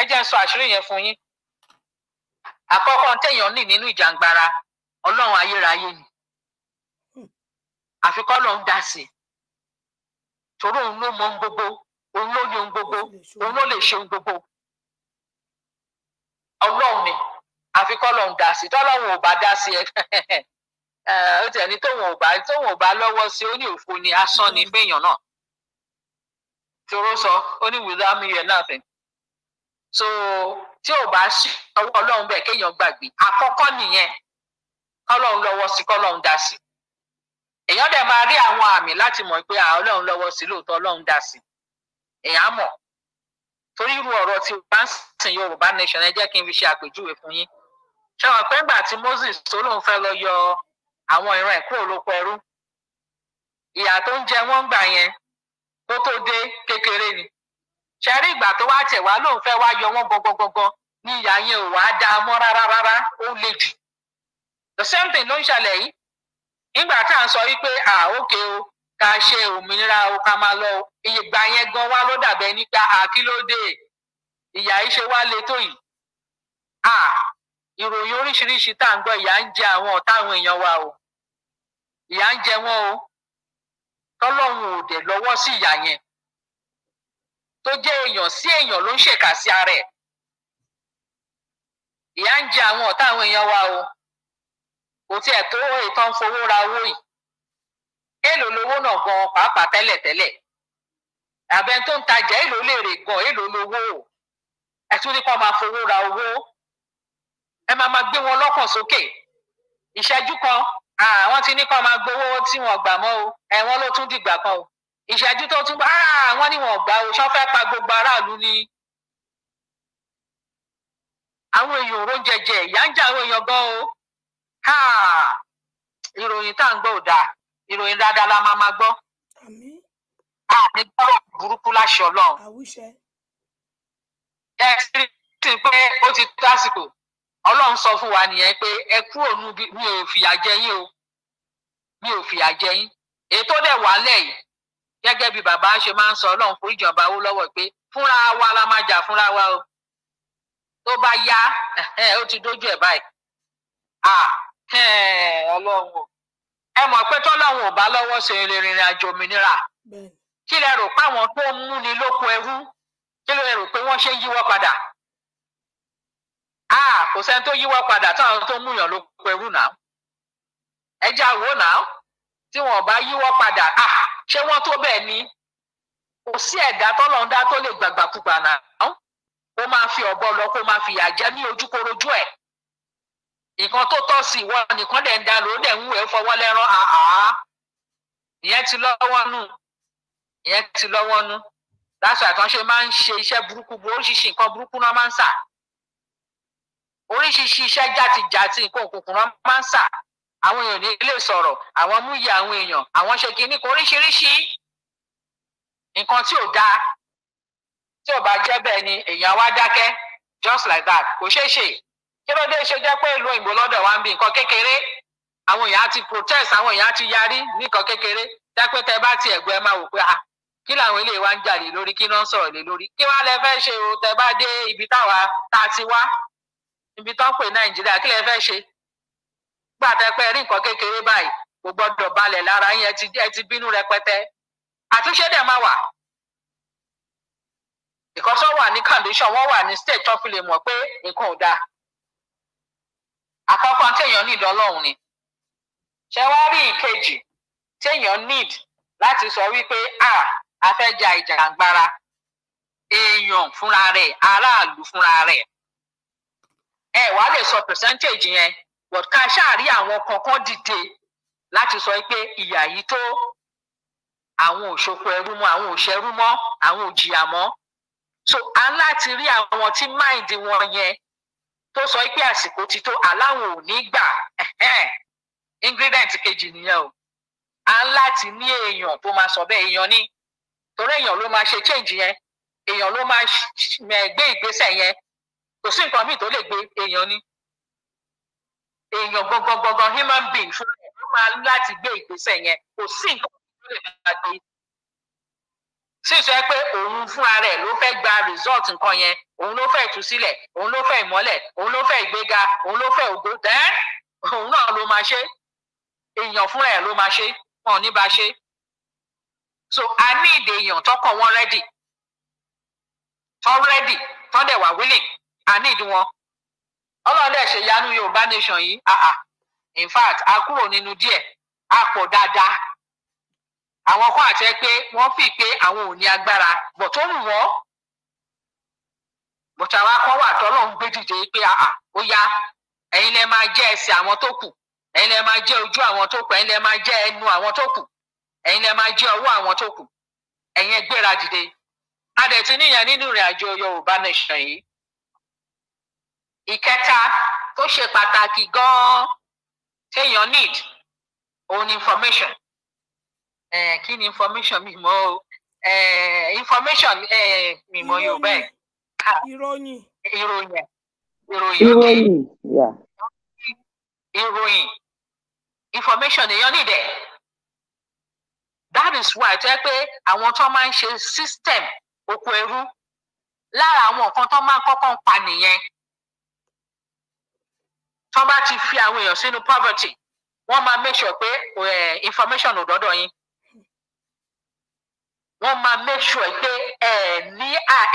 ẹ jẹ́ ń sọ àṣírí yẹn fún yín. àkọ́kọ́ téèyàn ní nínú ìjàngbara ọlọ́run ayérayé ni àfikọ́ ló ń dá sí i torí òun ló ní ohun gbogbo òun ló lè ṣe ohun gbogbo ọlọ́run ni àfi kọ́lọ́run dá sí tọ́lọ́run ò bá dá sí ẹ ó tiẹ̀ ní tóun ò bá tóun ò bá lọ́wọ́ sí ó ní òfo ni asán ni mm. fẹ́yàn náà tòró sọ ó ní without me you're nothing so tí ò bá sí ọwọ́ ọlọ́run bẹ́ẹ̀ kéèyàn gbàgbé àkọ́kọ́ nìyẹn kọ́lọ́run lọ́wọ́ sí kọ́lọ́run dá sí èèyàn dẹ̀ máa rí àwọn àmì láti mọ̀ pé ọlọ́run lọ́wọ́ sí lóòótọ́ ọlọ́run dá sí èèyàn á mọ̀ torí irú ọ̀rọ̀ tí wọ́n sìn yorùbá nation ẹ jẹ́ kí n fi ṣe àpèjúwe fún yín ṣẹ́wọ̀n pé ńgbà tí moses tó lóun fẹ́ lọ yọ àwọn ìran ẹ̀kú òlóko ẹrú ìyà tó ń jẹ wọ́n gbà yẹn kó tó dé kékeré ni ṣe rí ìgbà tó wá tẹ̀ wá lóun fẹ́ wá yọ wọ́n gangan ní ìyà yẹn ò wá dáa mọ́ rárá rárá ó le jù the same thing ló ń ṣẹlẹ̀ yìí nígbà tá à ń sọ wípé à o ká ṣe òmìnira o ká máa lọ o ìgbà yẹn gan wá ló dàbẹ nígbà àkílódé ìyá yìí ṣe wá le tó yìí à ìròyìn oríṣiríṣi tá à ń gbọ́ ìyá ń jẹ àwọn ọ̀tá àwọn èèyàn wa o ìyá ń jẹ wọn o tọlọ́run ò dẹ̀ lọ́wọ́ sí ìyá yẹn tó jẹ́ èèyàn sí èèyàn ló ń ṣèkà sí ara ẹ̀ ìyá ń jẹ àwọn ọ̀tá àwọn èèyàn wa o kò tiẹ̀ tó ètò ń fowó ra owó yìí èèlò lowó náà gan pàápàá tẹ́lẹ̀tẹ́lẹ̀ àbẹ tó ń tajà èlò léèrè gan èlò lówó ẹ tún ní kó máa fowó ra owó ẹ máa máa gbé wọn lọ́kàn sókè ìṣẹ́jú kan àwọn ti ní kó máa gbowó tí wọ́n gbà mọ́ o ẹ̀wọ̀n ló tún dìgbà kan o ìṣẹ́jú tó tún bá àwọn ni wọ́n gbà o ṣọ́fẹ́ pa gbogbo aráàlú ni àwọn èèyàn òró jẹjẹ ìyá ń jẹ àwọn èèyàn gan o ìròyìn tá à ń gbọ́ ò dáa ìròyìn dáadáa la máa máa gbọ́ àní gbọ́dọ̀ burúkú láṣẹ ọlọ́run. ẹ rí sí pé ó ti tó àsìkò ọlọ́run sọ fún wa nìyẹn pé ẹ kúrò nù mi ò fìyà jẹ yín o mi ò fìyà jẹ yín èyí dẹ̀ wà lẹ́yìn gẹ́gẹ́ bí bàbá ṣe máa ń sọ ọlọ́run fún ìjọba owó lọ́wọ́ pé fúnra wa la máa jà fúnra wa o tó bá yá ó ti dójú ẹ̀ báyìí ọlọ́run ẹ mọ̀ pé tọ́lọ́run ò bá lọ́wọ́ ṣe rìnrìn àjò òmìnira kí lẹ rò páwọn tó ń múni lóko ẹrú kí lẹ rò pé wọ́n ṣe ń yíwọ́ padà a kò sẹ́ni tó yíwọ́ padà táwọn tó ń múyàn lóko ẹrú náà ẹja wo náà tí wọ́n bá yíwọ́ padà a ṣé wọ́n tó bẹ́ẹ̀ ni kò sí ẹ̀dá tọ́lọ́ńdá tó lè gbàgbàkúgbà náà kó máa fi ọ̀bọ lọ kó máa fìyà jẹ ní ojúkorojú ẹ̀ nǹkan tó tọ́ sí ìwọ nìkan dẹ̀ ń da ló ń wẹ̀ fọwọ́ lẹ́rán àhá ìyẹn ti lọ́wọ́ nù ìyẹn ti lọ́wọ́ nú láṣọ àtúnṣe máa ń ṣe iṣẹ́ burúkú oríṣiríṣi nǹkan burúkú náà máa ń sà oríṣiríṣi iṣẹ́ játijàti nǹkan òkùnkùn náà máa ń sà àwọn èèyàn nílé sọ̀rọ̀ àwọn mú yẹ àwọn èèyàn àwọn ṣe kínní kan oríṣiríṣi nǹkan tí ò dáa tí ò bá jẹ́ bẹ́ẹ̀ ni èèyàn wá dákẹ́ just like that kò ṣeé ṣe kí ló dé ṣe jẹ́ pé ìlú òyìnbó lọ́dọ̀ wa ń bi nǹkan kékeré àwọn èèyàn á ti protest àwọn èèyàn á ti yarí nǹkan kékeré dápẹ́ bá ti ẹ̀gbọ́n ẹ máa wò pé ah kí làwọn ilé wa ń jà lé lórí kí náà sọ̀rọ̀ lé lórí kí wàá lẹ fẹ́ ṣe o tẹ bá dé ibi táwa tá a ti wá ibi tó ń pè nàìjíríà kí lẹ fẹ́ ṣe gbà tẹ pé rí nǹkan kékeré báyìí kò gbọ́dọ̀ balẹ̀ lára yín ẹ ti bínú rẹpẹtẹ àtúnṣe dẹ̀ máa wà ìkọsọ wà ní condition wọn wà ní state tó fi lè mọ̀ pé nǹkan ò dáa àkọ́kọ́ téèyàn need ọlọ́run ni ṣé wàá rí ìkejì téèyàn need láti sọ wípé ah afẹ́jà ìjàngbara èèyàn fúnra rẹ̀ aráàlú fúnra rẹ̀ ẹ wàá lè sọ percentage yẹn but ká ṣáàrí àwọn kankan dìde láti sọ pé ìyà yìí tó àwọn òṣòkò ẹrú mọ́ àwọn òṣẹrú mọ́ àwọn òjìyà mọ́ so a ń láti rí àwọn tí mind wọn yẹn tó sọ pé àsìkò ti tó aláwọn ò ní gbà ingredient kejì nìyẹn o a ń láti ní èèyàn tó máa sọ bẹ́ẹ̀ èèyàn ní torí èèyàn ló máa ṣe change yẹn èèyàn ló máa gbé ìgbésẹ̀ yẹn kò sí nǹkan míì tó lè gbé èèyàn ni èèyàn gangan gangan human being fún ẹ ló máa láti gbé ìgbésẹ̀ yẹn kò sí nǹkan tó lè máa gbé sísọ pé òun fúnra rẹ̀ ló fẹ́ gba result nǹkan yẹn òun ló fẹ́ ìtúsílẹ̀ òun ló fẹ́ ìmọ́lẹ̀ òun ló fẹ́ ìgbéga òun ló fẹ́ ògo dẹ òun náà ló máa ṣe èèyàn fúnra ẹ̀ ló máa ṣe wọn ò ní bá ṣe so a ní ìdè èèyàn tọkọ wọn ready, tọ́ ready, tọ́ dẹ̀ wà willing a ní ìdí wọn ọlọ́dẹ ṣe yanu yorùbá nation yìí ah, ah. in fact a kúrò nínú díẹ̀ a pọ̀ dáadáa àwọn kan àti ẹ pé wọ́n fi pé àwọn ò ní agbára bọ̀ tó wù wọ́n bọ̀tà wa kọ́ wà tọ́lọ̀ ń gbé dìde pé àà ó yá ẹ̀yin lẹ máa jẹ́ ẹsẹ̀ àwọn tó kù ẹ̀yin lẹ máa jẹ́ ojú àwọn tó kù ẹ̀yin lẹ máa jẹ́ ẹnu àwọn tó kù ẹ̀yin lẹ máa jẹ ọwọ́ àwọn tó kù ẹ̀yin ẹgbẹ́ra dìde a dẹ̀ ti níyàn nínú ìrìn àjò Yorùbá nation yìí ìkẹta tó ṣe pàtàkì gan-an téèyàn need òun ni information eh, kí ni information mi mọ o eh, information eh, mi mọ Yorùbá ẹ ìròyìn ìròyìn ìròyìn ìròyìn information èèyàn need ẹ that is why tó yẹ pé àwọn tó máa ń ṣe system oko ẹrú lára àwọn nǹkan tó máa ń kọ́kọ́ ń pa nìyẹn tó bá ti fi àwọn èèyàn sínú poverty wọ́n máa make sure pé eh, information ò dọ́dọ̀ yín wọ́n máa make sure pé ẹ ní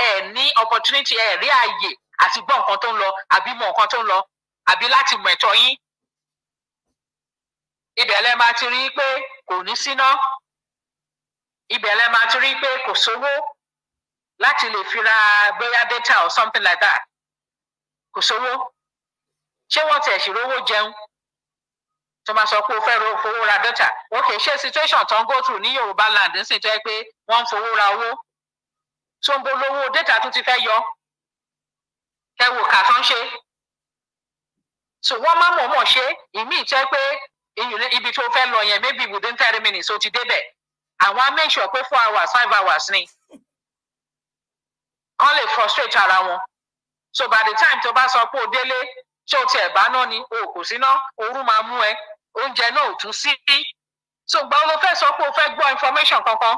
ẹ ní opportunity ẹ rí ààyè àti gbọ́ nǹkan tó ń lọ àbí mọ nǹkan tó ń lọ àbí láti mọ ẹ̀tọ́ yín ibẹ̀ lẹ́ máa ti rí pé kò ní síná ibẹ̀ lẹ máa tún rí pé kò sówó láti lè fi ra bóyá data or something like that kò sówó ṣé wọ́n tiẹ̀ sì rówó jẹun tó máa sọ pé o fẹ́ fowó ra data ok ṣé situation tó ń go through ní Yorùbá land ń sìn tó yẹ pé wọ́n ń fowó ra owó tó ń bo lówó data tó ti fẹ́ yọ kẹwò kà tó ń ṣe so wọ́n máa mọ̀ọ́mọ̀ ṣe ìmíì tó yẹ pé ibi tó fẹ́ lọ yẹn maybe within thirty minutes o ti débẹ̀ àwọn á make sure pé four hours five hours ni wọ́n lè frustrate ara wọn so by the time tó bá sọ pé o délé ṣé o tiẹ̀ bá náà ni o kò síná ooru máa mú ẹ oúnjẹ náà ò tún sí so gbọ́n ló fẹ́ sọ pé o fẹ́ gbọ́ information kankan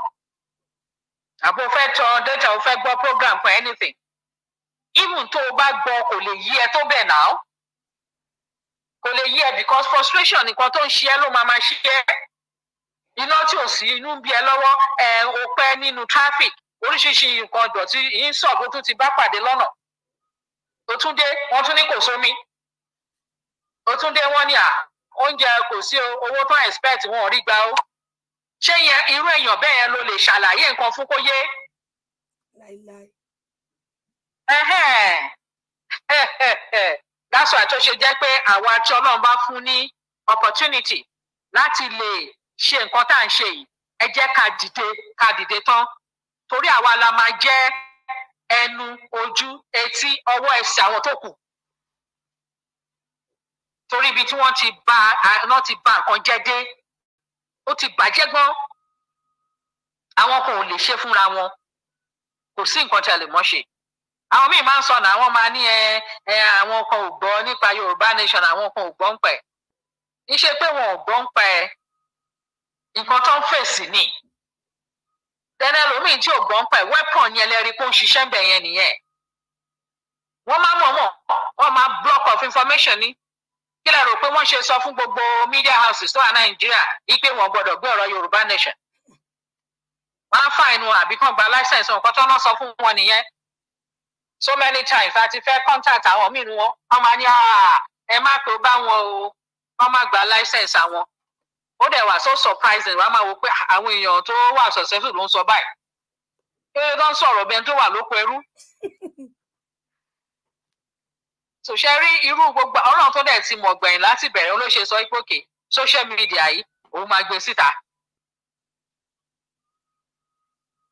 àbò fẹ́ tọ data o fẹ́ gbọ́ program for anything even tó o bá gbọ́ kò lè yí ẹ tó bẹ́ẹ̀ náà kò lè yí ẹ because frustration nìkan tó ń ṣe ẹ ló máa máa ṣe ẹ iná tí ò sí inú ń bí ẹ lọ́wọ́ ẹ ò pẹ́ nínú traffic oríṣiríṣi nǹkan ìdọ̀tí yìí ń sọ̀bù tún ti bá pàdé lọ́nà ó tún dé wọ́n tún ní kò sómi ó tún dé wọ́n ní à oúnjẹ kò sí owó tó expect wọn ò rí gbà ó ṣé irú èèyàn bẹ́ẹ̀ yẹn ló lè ṣàlàyé nǹkan fún kó yé. that's why tó ṣe jẹ́ pé àwa tí Ọlọ́run bá fún ní opportunity láti lè ṣe nǹkan tá à ń ṣe yìí ẹ jẹ́ ká dìde ká dìde tán torí àwa la máa jẹ́ ẹnu ojú etí ọwọ́ ẹsẹ̀ àwọn tó kù torí ibi tí wọ́n ti ba àná ti ba nǹkan jẹ́ dé ó ti bàjẹ́ gan àwọn kan ò lè ṣe fúnra wọn kò sí nǹkan tí a lè mọ̀ ṣe àwọn míì máa ń sọ náà àwọn máa ní ẹ ẹ àwọn kan ò gbọ́ nípa Yorùbá nation àwọn kan ò gbọ́ ń pẹ́ iṣẹ́ pé wọn ò gbọ́ ń pẹ́ nǹkan tó ń fèsì ni tẹ́lẹ̀ lómi tí ò gbọ́n pẹ̀ wẹ́pọ̀n yẹn lẹ́rìí pé ó ń ṣiṣẹ́ ń bẹ̀ yẹn nìyẹn wọ́n máa mọ̀ wọ́n máa block of information ni kí lè rò pé wọ́n ṣe sọ fún gbogbo media houses tó wà nàìjíríà wípé wọ́n gbọ́dọ̀ gbé ọ̀rọ̀ yorùbá nation wọ́n á fà inú àbí kàn gba license nǹkan tó náà sọ fún wọn nìyẹn so many times a ti fẹ́ contact àwọn míì wọn wọ́n máa ní ah, ẹ má tó bá wọn o wọ́n má gba license àwọn ó dẹ̀ wà so surprising wàá máa wo pé àwọn èèyàn tó wà successful ló ń sọ báyìí eré tó ń sọ̀rọ̀ bẹ́ẹ̀ tó wà lóko ẹrú ṣòṣẹ́ rí irú gbogbo ọlọ́run tó dẹ̀ ti mọ̀ gbẹ̀yìn láti bẹ̀rẹ̀ olóṣè sọ ìpòkè social media yìí òun máa gbé síta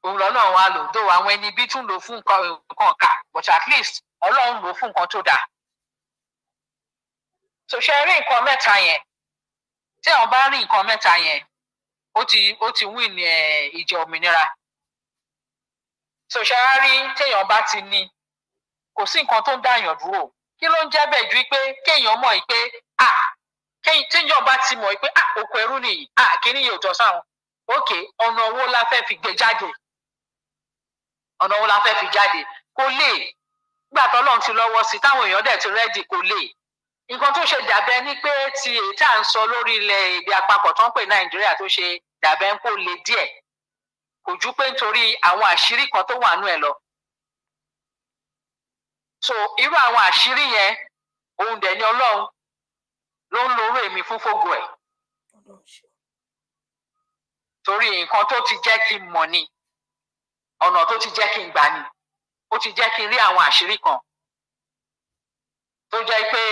òun lọ́nà wa lò dó àwọn ẹni bí tún lò fún nǹkan kà but at least ọlọ́run lò fún nǹkan tó dáa ṣòṣẹ́ rí nǹkan mẹ́ta yẹn tí àwọn bá rí nǹkan mẹ́ta yẹn ó ti ó ti win ìjà òmìnira sòṣàárí téèyàn bá ti ní kò sí nǹkan tó ń dàyàn dúró kí ló ń jẹ́ bẹ́ẹ̀ ju pé kéèyàn mọ̀ pé à téèyàn bá ti mọ̀ pé à òkú ẹrú nìyí à kíní yóò tọ́ sáwọn òkè ọ̀nà owó la fẹ́ fi gbé jáde ọ̀nà owó la fẹ́ fi jáde kò lè gbàtọ́ lọ́n ti lọ́wọ́ sí táwọn èèyàn dẹ̀ ti rẹ́dì kò lè nǹkan tó ṣe dàbẹ́ ni pé ti èyí tá à ń sọ lórí ilẹ̀ èdè àpapọ̀ tó ń pè nàìjíríà tó ṣe dàbẹ́ ń kó le díẹ̀ kò ju pé nítorí àwọn àṣírí kan tó wà nú ẹ̀ lọ so irú àwọn àṣírí yẹn òun dẹ̀ ni ọlọ́run ló ń lorú èmi fún fógo ẹ̀ torí nǹkan tó ti jẹ́ kí n mọ̀ ni ọ̀nà tó ti jẹ́ kí n gbà ni ó ti jẹ́ kí n rí àwọn àṣírí kan tó jẹ́ pé.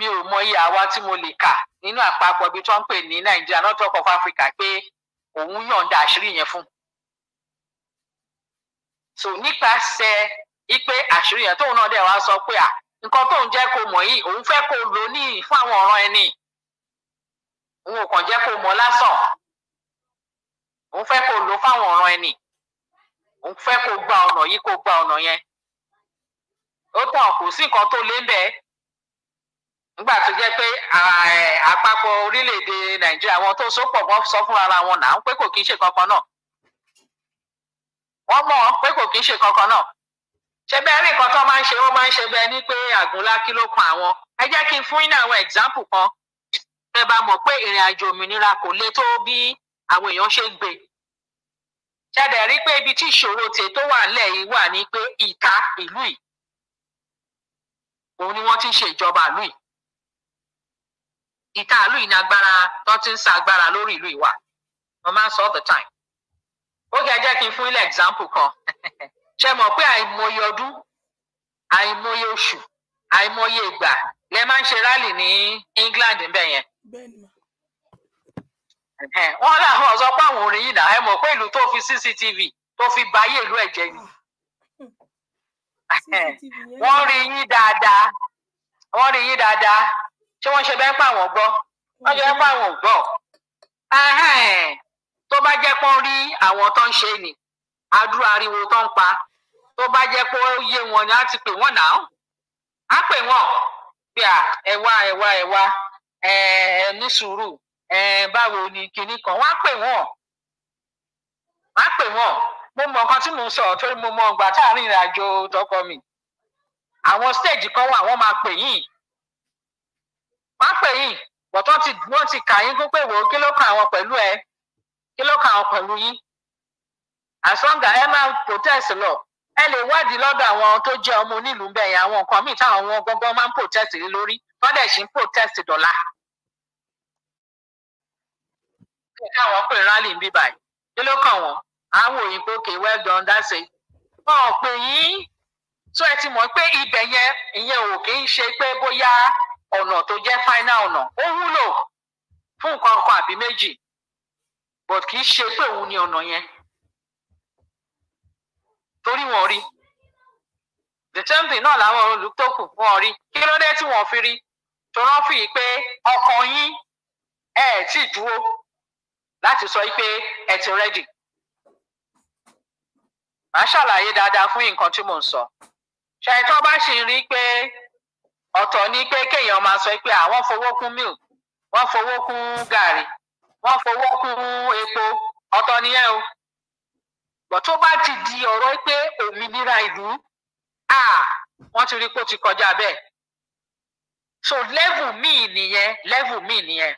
mi ò mọ iye àwa tí mo lè kà nínú àpapọ̀ ibi tó ń pè ní Nigeria Network of Africa pé òun yọ̀ǹda àṣírí yẹn fún. so nípasẹ̀ ipe àṣírí yẹn tóun náà dẹ̀ wá sọ pé à nǹkan tóun jẹ́ kó mọ̀ yìí òun fẹ́ kó lò ní fún àwọn ọ̀ràn ẹni òun ò kàn jẹ́ kó mọ̀ lásán òun fẹ́ kó lò fáwọn ọ̀ràn ẹni òun fẹ́ kó gba ọ̀nà yìí kó gba ọ̀nà yẹn ó tàn kò sí nǹkan tó lé nígbà tó jẹ́ pé àpapọ̀ orílẹ̀-èdè nàìjíríà àwọn tó sopọ̀ mọ́ sọ fún ara wọn náà pé kò kí ń ṣe kankan náà wọ́n mọ̀ pé kò kí ń ṣe kankan náà ṣe bẹ́ẹ̀ rí nǹkan tó máa ń ṣe wọ́n máa ń ṣe bẹ́ẹ̀ ni pé àgúnlá kí ló kan àwọn ẹ jẹ́ kí n fún yín àwọn example kan ẹ bá mọ̀ pé ìrìn àjò òmìnira kò le tó bí àwọn èèyàn ṣe gbé ṣẹ̀dẹ̀ rí pé ibi tí ìṣòro tè tó wà nílẹ̀ yìí wà ní pé ìka ìlú yìí òun ni wọ́n ti ń ṣe ìjọba ìlú yìí ìka ìlú yìí ní agbára tó ti ń sa agbára lórí ìlú ìwà mo máa ń sọ all the time ó kẹ jẹ́ kí n fún ilé example kan ṣe mọ̀ pé àìmọye ọdún àìmọye oṣù àìmọye ìgbà lẹ máa ń ṣe rally ní England ńbẹ yẹn wọn làwọn sọ pé àwọn orin yìí náà ẹ mọ̀ pé ìlú tó fi CCTV tó fi báyé ìlú ẹ̀jẹ̀ ni wọ́n rí yín dáadáa wọ́n rí yín dáadáa ṣé wọ́n ṣe bẹ́ẹ̀ pa àwọn gbọ́ wọ́n ṣe bẹ́ẹ̀ pa àwọn gbọ́ tó bá jẹ́ pọ́n rí àwọn tó ń ṣe ni àdúrà ariwo tó ń pa tó bá jẹ́ pé yé wọn ni á ti pè wọ́n náà á pè wọ́n pé à ẹ wá ẹ ẹ ní sùúrù ẹ báwo ni kinní kan wọ́n á pè wọ́n á pè wọ́n mo mọ nǹkan tí mò sọ torí mo mọ ọgbà táàrin ìrìnàjò tọkọ mi àwọn stage kan wà wọ́n máa pè yín wọ́n pè yín bọ̀tọ́ ti wọ́n ti kà yín gbogbo èwo kí ló kàn àwọn pẹ̀lú ẹ kí ló kàn àwọn pẹ̀lú yín àsọǹgà ẹ máa protest lọ ẹ lè wádìí lọ́dọ̀ àwọn tó jẹ́ ọmọ onílùú bẹ́ẹ̀ àwọn nǹkan míì táwọn wọn gangan máa ń protest lé lórí wọ́n sì ń protest dọ̀la. ṣé káwọn pè rally ń bí báyìí kí ló kàn wọ́n àwọn òyìnbó kè well done that's wọn ò pè yín tó ẹ ti mọ̀ pé ibẹ̀ yẹn ìyẹn ò kì í ṣe pé bóyá ọ̀nà tó jẹ́ final ọ̀nà ó wúlò fún nǹkan kan àbí méjì but kì í ṣe pé òun ni ọ̀nà yẹn torí wọn rí the same thing náà làwọn olùtókù wọn rí kí ló dé tí wọn fi rí tọrọ fi yìí pé ọkọ yín ẹ ẹ tí dúró láti sọ pé ẹ ti rẹ́dì màá ṣàlàyé dáadáa fún nǹkan tí mò ń sọ ṣàìtọ́ bá ṣì rí pé ọ̀tọ̀ ni pé kéèyàn máa sọ pé àwọn fowó kún milk wọ́n fowó kún gàrí wọ́n fowó kún epo ọ̀tọ̀ nìyẹn o bọ̀ tó bá ti di ọ̀rọ̀ pé òmìnira ìlú wọ́n ti rí kó ti kọjá bẹ́ẹ̀ so level míì nìyẹn level míì nìyẹn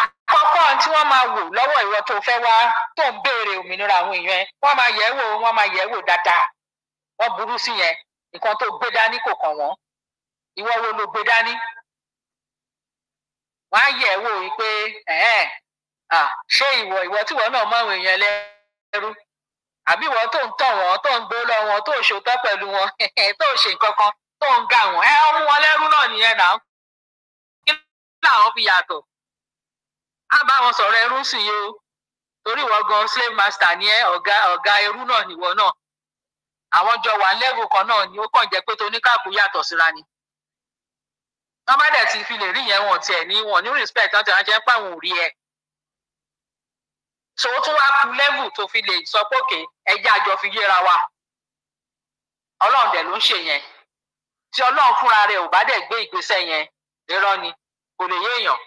àkọ́kọ́ tí wọ́n máa wò lọ́wọ́ ìwọ tó fẹ́ wá tó ń béèrè òmìnira àwọn èèyàn wọ́n máa yẹ̀ wò wọ́n máa yẹ̀ wò dáadáa wọ́n burú sí yẹn nǹkan tó gbé dání kò kàn wọ́n ìwọ wo ló gbé dání wọ́n á yẹ̀ wò yìí pé ṣé ìwọ ìwọ tíwọ náà mọ àwọn èèyàn lẹ́rú àbí ìwọ tó ń tàn wọ́n tó ń gbó lọ wọn tó ń ṣòótọ́ pẹ̀lú wọn tó ń ṣe nǹkan kan tó ń ga wọn ẹ ọmú wọn lẹ́rú náà nìyẹn náà kí làwọn fi yàtọ̀ á bá wọn sọ̀rọ̀ ẹrú sí yìí o torí ìwọ gan slave master ni ẹ ọ̀gá ọ̀gá ẹrú náà nìwọ náà àwọn jọ wà lẹ́rù kan náà ni ó kàn jẹ́ pé toníkàkú yàtọ̀ síra ni wọ́n bá dẹ̀ ti fi lè rí yẹn wọn tiẹ̀ ní wọn ní respect wọn tẹ̀ wọ́n jẹ́ pé àwọn ò ẹ̀ so tún wá ku lẹ́rù tó fi lè sọ pé ẹjẹ́ àjọ fi yéra wa ọlọ́run dẹ̀ ló ń ṣe yẹn tí ọlọ́run fúnra rẹ̀ ò bá dẹ̀ gbé ìgbésẹ̀ yẹn irọ́ ni kò lè yé èèyàn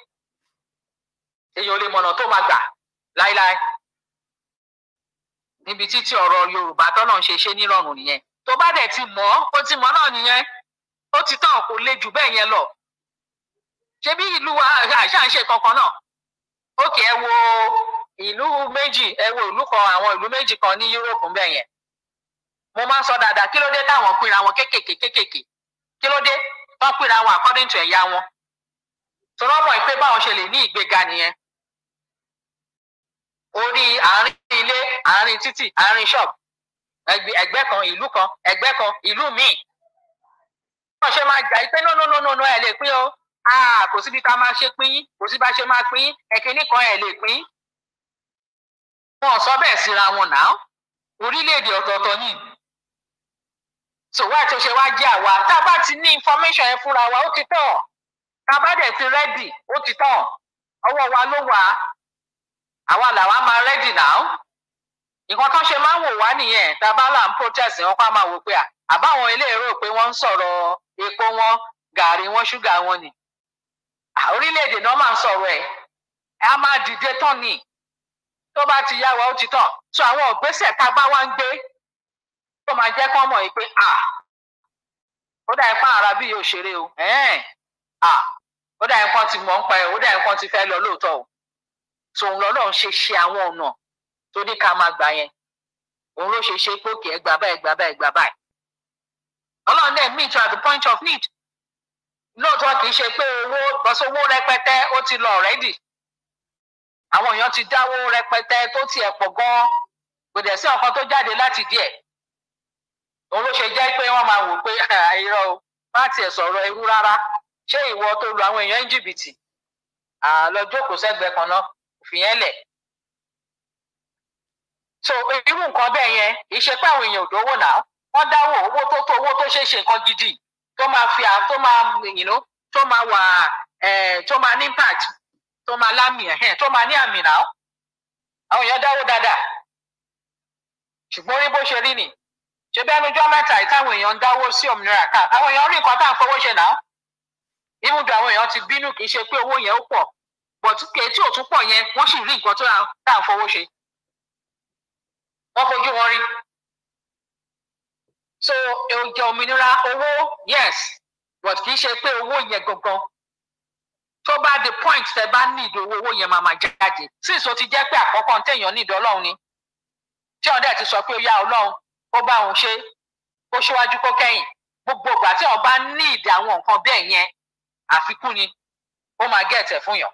èèyàn ò lè mọ̀nà tó máa gbà láíláí níbi títí ọ̀rọ̀ yorùbá tọ́nà ń ṣe ṣe nírọ̀rùn nìyẹn tó bá dẹ̀ ti mọ̀ ó ti mọ̀ náà nìyẹn ó ti tán kò le jù bẹ́ẹ̀ yẹn lọ ṣebí ìlú wa àṣà ń ṣe kankan náà ókè ẹ wo ìlú méjì ẹ wo ìlú kan àwọn ìlú méjì kan ní yúróòpù bẹ́ẹ̀ yẹn mo máa ń sọ dáadáa kí ló dé táwọn pínra wọn kéékèèké kéékèèké kí ló dé wọ́n pínra wọn according to ẹ̀yà wọn tọ́lọ́mọ̀ ìpé báwọn ṣe lè ní ìgbéga nìyẹn orí àárín ilé àárín títì àárín ṣọ́ọ̀bù ẹgbẹ́ kan ìlú kan ẹgbẹ́ kan ìlú míì wọ́n ṣe máa jà pé nọ́nọ́nọ́nọ́ ẹ̀ lè pín o kò síbi tá a máa ṣe pín kò síbi tá a ṣe máa pín ẹ̀kíní kan ẹ̀ lè pín. wọn sọ bẹ́ẹ̀ síra wọn náà orílẹ̀-èdè ọ̀tọ̀ọ̀tọ̀ ni sòwò àti ọ̀ṣẹ̀ wa jẹ́ àwa tá a bá ti ní information yẹn fúnra wa ó ti tàn tá a bá dẹ̀ ti rẹ́dì ó ti tàn ọwọ́ wa ló wà á àwa làwa máa rẹ́dì náà nǹkan tó ṣe máa ń wò wá nìyẹn tá a bá là ń protest wọn pa máa wò pé àbáwọn ilé èrò pé wọ́n ń sọ̀rọ̀ epo wọn gàrí wọn ṣúgà wọn ni orílẹ̀-èdè náà máa ń sọ̀rọ̀ ẹ̀ a máa dìde tán ni tó bá ti yá wa ó ti tàn so àwọn ògbésẹ̀ tá a bá wá ń gbé tó máa jẹ́ kán mọ̀ yìí pé ó dà ẹ̀fọn ara bí òṣèré o ó dà ẹ̀fọn ti mọ̀ ń pa ẹ̀ ó dà ẹ̀fọn ti fẹ́ lọ lóòótọ́ o tòun lọ́lọ́run ṣe ṣe àwọn ọ̀nà tó ní ká máa gbà yẹn òun ló ṣe ṣe pókè ẹgbà báyìí gbà báyìí gbà báyìí ọlọ́run dẹ̀ meet you at the point of need lóòótọ́ kì ṣe pé owó lọ́sowó rẹpẹtẹ ó ti lọ already àwọn èèyàn ti dáwó rẹpẹtẹ tó tiẹ̀ pọ̀ gan-an kò dẹ̀ sí ọ̀kan tó jáde láti díẹ̀ òun ló ṣe jẹ́ pé wọ́n máa wò pé ah, irọ́ o má tiẹ̀ sọ̀rọ̀ ewu rárá ṣé ìwọ tó lu àwọn èèyàn ní jìbìtì àlọ́ jókòó sẹ́gbẹ̀ẹ́ kan náà fìyẹn so irú nǹkan bẹ́ẹ̀ yẹn ìṣe pé àwọn èèyàn ò náà wọ́n dáwọ́ owó tó tó owó tó ṣe nǹkan gidi tó máa fi à tó máa you tó máa wà tó máa ní impact tó máa lámì ẹ̀hẹ́n tó máa ní àmì náà àwọn èèyàn dáwọ́ dáadáa ṣùgbọ́n orí bó ṣe rí ṣe bẹ́ẹ̀ nu ìtàwọn èèyàn ń sí òmìnira àwọn èèyàn rí nǹkan tá à ń fowó ṣe náà àwọn èèyàn ti bínú kì í ṣe pé but tí ò tún pọ̀ yẹn wọ́n sì rí nǹkan tó dá fọwọ́ ṣe wọ́n fojú wọn rí so èròjà òmìnira owó yes but kì í ṣe pé owó yẹn gangan tó bá the point tẹ bá ní ìdòwò owó yẹn máa máa jáde sísọ ti jẹ́ pé àkọ́kọ́ téèyàn ní ìdò ọlọ́run ni tí ọ̀dẹ́ ti sọ pé ó yá ọlọ́run ó bá òun ṣe ó ṣíwájú kó kẹ́yìn gbogbo ìgbà tí wọ́n ní ìdí àwọn nǹkan bẹ́ẹ̀ yẹn àfikún ni ó máa gẹ̀ẹ́tẹ̀ fún yàn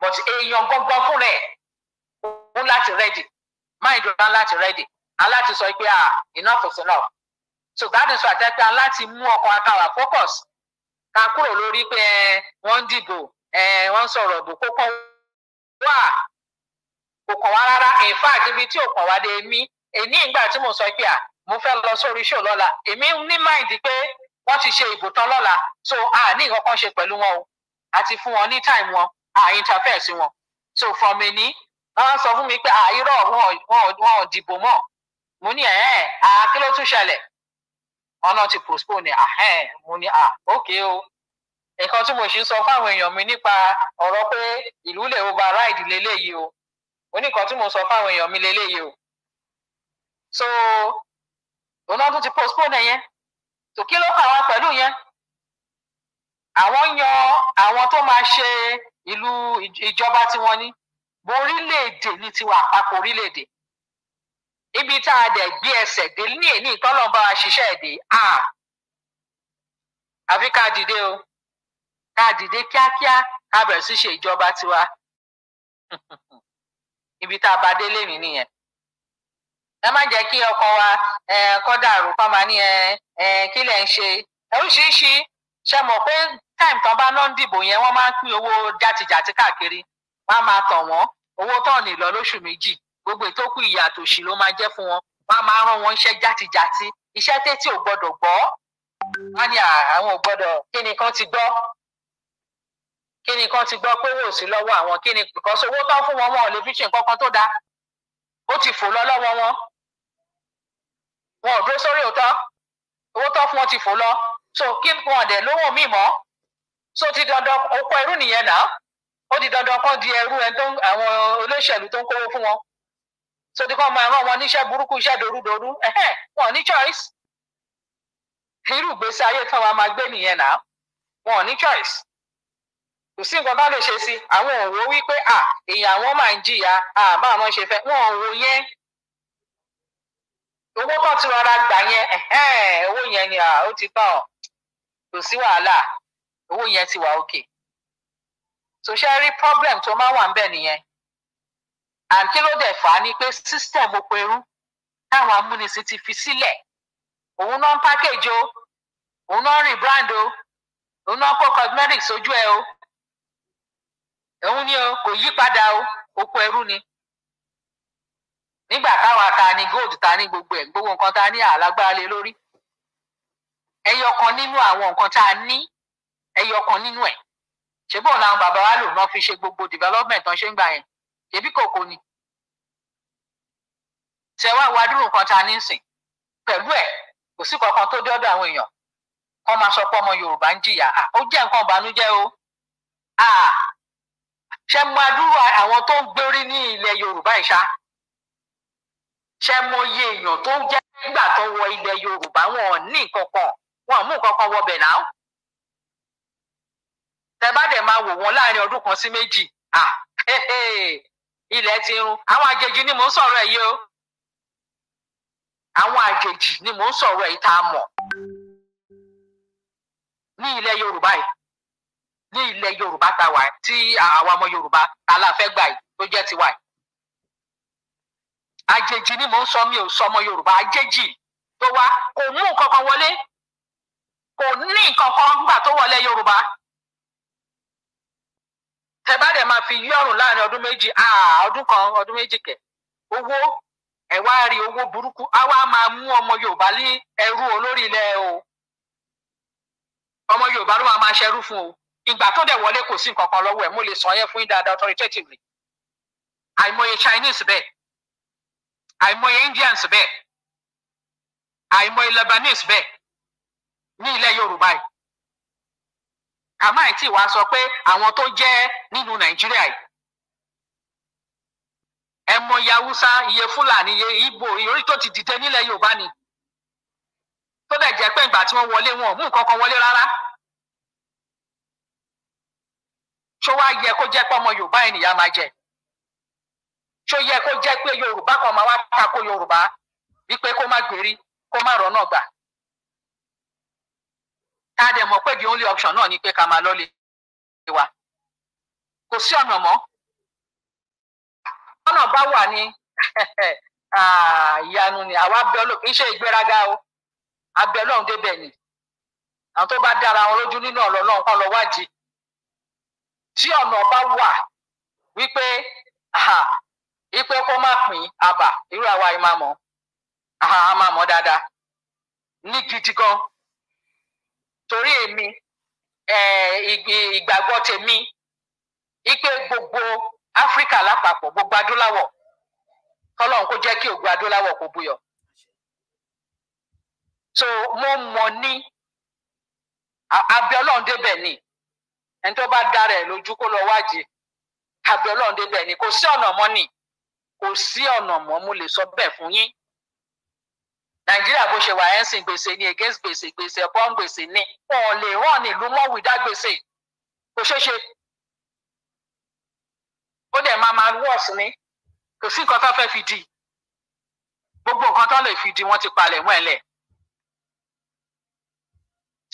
but èèyàn gangan fún rẹ̀ òun láti rẹ́dì mind ọ̀la láti rẹ́dì aláti sọ pé ah enough is enough so that is why tẹ́tẹ́ aláti mú ọkàn akáwà focus ká kúrò lórí pé eh, wọ́n ń dìbò eh, wọ́n ń sọ̀rọ̀ ìbò kókó wà kò kàn wá rárá in fact ibi tí ò kàn wá dé mí èní ìgbà tí mo sọ pé à ah, mo fẹ́ lọ sórí show lọ́la èmi ní mind pé wọ́n ti ṣe ìbò tán lọ́la so a ní nǹkan ṣe pẹ̀lú wọn o àti fún wọn ní time wọn à interfere sí wọn so from ẹni wọn sọ fún mi pé à irọ́ wọn wọn ò dìbò mọ́ mo ní ẹ̀ẹ́ à kí ló tún ṣẹlẹ̀ ọ̀nà ti postpone ẹ̀ẹ́ mo ní à okay o nǹkan tí mo ṣe sọ fáwọn èèyàn mi nípa ọ̀rọ̀ pé ìlú lè override lélẹ́yìí o oníkan tí mo sọ fáwọn èèyàn mi lélẹ́yìí o so òun náà tún ti postpone yẹn tò kí ló kọ àwọn pẹ̀lú yẹn àwọn yan àwọn tó máa ṣe ìlú ìjọba tí wọ́n ní bó orílẹ̀-èdè ní tiwa àpapọ̀ orílẹ̀-èdè ibi tá a dẹ̀ gbé ẹsẹ̀ dé ní èní ìtọ́lọ́ba ṣiṣẹ́ èdè a àfi ká dìde o ká dìde kíákíá ká bẹ̀rẹ̀ sí ṣe ìjọba tiwa ibi tá a bá dé lé nìyẹn ẹ má jẹ́ kí ọkọ wa kọ́ dàrú kọ́ máa ní ẹ kí lẹ̀ ń ṣe oríṣiríṣi ṣe mọ̀ pé time tán bá ná ń dìbò yẹn wọ́n máa ń pín owó jàtìjàtì káàkiri wọ́n á máa tàn wọ́n owó tán ní lọ lóṣù méjì gbogbo ìtókù ìyà àtòṣì ló máa jẹ́ fún wọn wọ́n á máa rán wọn iṣẹ́ jàtìjàtì iṣẹ́ tètè ò gbọ́dọ̀ gbọ́ wọ́n ní àwọn ò gbọ́dọ̀ kí ni kan ti gbọ́ kí ni kan ti gbọ́ pé wò sí lọ́wọ́ àwọn kí ni because owó tán fún wọn wọn ò lè fi ṣe nǹkan kan tó dáa ó ti fò lọ lọ́wọ́ wọn wọn ò dúró sórí òótọ́ owó tán fún wọn ti fò lọ so kí wọn dẹ̀ lówó míì mọ́ so ti dandan oko ẹrú nìyẹn náà ó di dandan kan di ẹrú ẹ tó àwọn olóṣèlú tó ń kówó fún wọn so ti kàn máa rán wọn níṣẹ́ burúkú iṣẹ́ dorúdorú wọn ní choice irú ìgbésí ayé tí wọn máa gbé nìyẹn náà wọn ní choice kò sí nǹkan bá lè ṣe sí àwọn òwò wípé à èèyàn àwọn máa ń jìyà àbá àwọn ṣe fẹ́ wọn òwò yẹn owó kan tí wọn gbà yẹn owó yẹn ni ó ti tàn kò sí wàhálà owó yẹn ti wà òkè so ṣe rí problem tó máa wà ń bẹ̀ nìyẹn and kí ló dẹ̀ fà á ni pé system oko ẹrú táwọn amúnisìn ti fi sílẹ̀ òun náà ń package o òun náà ń rebrand o òun náà kó cosmetics sójú ẹ o òun ni o kò yí padà o oko ẹrú ni nígbà táwa ta ni gold ta ni gbogbo ẹ gbogbo nǹkan ta ní alágbára lé lórí ẹyọ kan nínú àwọn nǹkan tá a ẹyọ kan nínú ẹ̀ ṣé bóun làwọn bàbá wa lò náà fi ṣe gbogbo development tán ṣe ń gbà yẹn ṣebí kòkó ni tẹwà wàdúrú nǹkan ta ní sìn pẹ̀lú ẹ̀ kò sí kankan tó dọ́dọ̀ àwọn èèyàn wọ́n máa sọ pé ọmọ Yorùbá ń jìyà ó jẹ́ nǹkan ìbànújẹ́ o ṣe mọ adúrú àwọn tó ń gbérí ní ilẹ̀ Yorùbá ìṣá ṣe mọ iye èèyàn tó ń jẹ́ nígbà tó wọ ilẹ̀ Yorùbá wọn ò ní nǹkan kan wọn ò mú nǹkan kan wọbẹ̀ náà tẹ bá dẹ̀ máa wò wọ́n láàrin ọdún kan sí méjì ilẹ̀ ti run àwọn àjèjì ni mò ń sọ̀rọ̀ ẹ̀ yìí o àwọn àjèjì ni mò ń sọ̀rọ̀ ẹ̀ tá a mọ̀ ní ilẹ̀ Yorùbá yìí ní ilẹ̀ Yorùbá tá wà tí àwa ọmọ Yorùbá aláfẹ́ gbà yìí tó jẹ́ tiwa yìí àjèjì ni mò ń sọ mi ò sọ ọmọ Yorùbá àjèjì tó wá kò mú nǹkan kan wọlé kò ní nǹkan kan gbà tó wọlé Yorùbá. tẹ bá dẹ̀ máa fi yí ọ̀rùn láàrin ọdún méjì ọdún kan ọdún méjì kẹ̀ owó ẹ̀ rí owó burúkú àwa wá máa mú ọmọ Yorùbá ní ẹrú olórí ilẹ̀ o ọmọ Yorùbá ló máa máa ṣẹrú fún o ìgbà tó dẹ̀ wọlé kò sí nǹkan kan lọ́wọ́ ẹ̀ mo lè sọ yẹn fún yín dáadáa authoritatively àìmọye Chinese bẹ́ẹ̀ àìmọye Indians bẹ́ẹ̀ àìmọye Lebanese bẹ́ẹ̀ ní ilẹ̀ Yorùbá yìí kàmáì tí wàá sọ pé àwọn tó jẹ́ nínú nàìjíríà yìí ẹ mọ iye fúlàní iye ìgbò orí tó ti dìde nílẹ̀ yorùbá ni tó dẹ̀ jẹ́ pé ìgbà tí wọ́n wọlé wọn ò mú nǹkan kan wọlé rárá ṣó wá yẹ kó jẹ́ pé ọmọ yorùbá ènìyàn máa jẹ ṣó yẹ kó jẹ́ pé yorùbá kan máa wá tako yorùbá wípé kó má gbèrí kó má rọ́nà gbà tá a dẹ̀ mọ̀ pé the only option náà ni pé ká máa lọ́lé wa kò sí ọ̀nà mọ́ ọ̀nà bá wà ní ìyanu ni àwa bẹ ọlọ́run kì í ìgbéraga o abẹ ọlọ́run débẹ̀ ni àwọn tó bá dára wọn lójú nínú ọ̀rọ̀ ọlọ́run kan lọ wádìí tí ọ̀nà bá wà wípé ipe kó má pín àbà irú àwa ìmàmọ́ àmàmọ́ dáadáa ní gidi gan torí èmi ìgbàgbọ́ tèmi ipe gbogbo áfíríkà lápapọ̀ gbogbo adúláwọ̀ kọ́lọ́n kó jẹ́ kí ògùn adúláwọ̀ kó buyọ̀ so mo mọ̀ ní abẹ́ọ́lọ́run débẹ̀ ni ẹni tó bá dára ẹ̀ lójú kó lọ wájì abẹ́ọ́lọ́run débẹ̀ ni kò sí ọ̀nà mọ́ ni kò sí ọ̀nà mọ́ mo lè sọ bẹ́ẹ̀ fún yín nàìjíríà bó ṣe wà ẹ́ ń sìn gbèsè ní against gbèsè gbèsè upon gbèsè ní wọn ò lè rán ní ìlú mọ́ wídá gbèsè kò ṣeé ṣe ó dẹ̀ máa máa wọ̀ ni kò sí nǹkan tó fẹ́ fi di gbogbo nǹkan tó lè fi di wọ́n ti palẹ̀ mọ́ ẹ̀ lẹ̀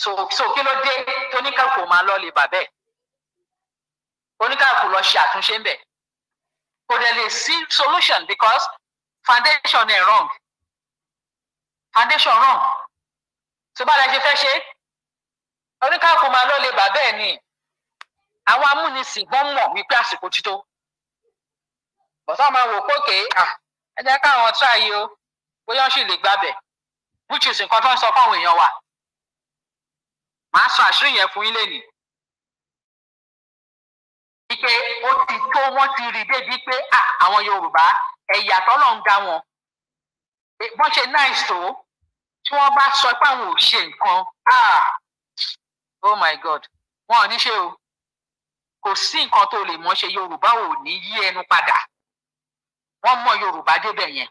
so so kí ló dé tóníkàkù máa lọ lè bàbẹ́ oníkàkù lọ ṣe àtúnṣe ń bẹ̀ kò dẹ̀ lè sí solution because foundation ẹ̀ wrong foundation ràn tó bá lẹ ṣe fẹ́ ṣe oníkàkùn máa lọ lè bà bẹ́ẹ̀ ni àwọn amúnisìn wọ́n mọ̀ wípé àsìkò ti tó bọ̀tá máa wò pókè à ẹ jẹ́ káwọn try yìí o bóyá ó sì lè gbàbẹ̀ which is nǹkan tó ń sọ fáwọn èèyàn wa màá sọ àṣírí yẹn fún yín lénìí pé ó ti tó wọ́n ti rí débi pé àwọn Yorùbá ẹ̀yà tọ́lọ̀ ń dá wọn wọ́n ṣe nice tó tí wọ́n bá sọ pé àwọn ò ṣe nǹkan ah oh my god wọn ò ní ṣe o kò sí nǹkan tó lè mọ̀ ṣe yorùbá ò ní yí ẹnu padà wọ́n mọ̀ yorùbá débẹ̀ yẹn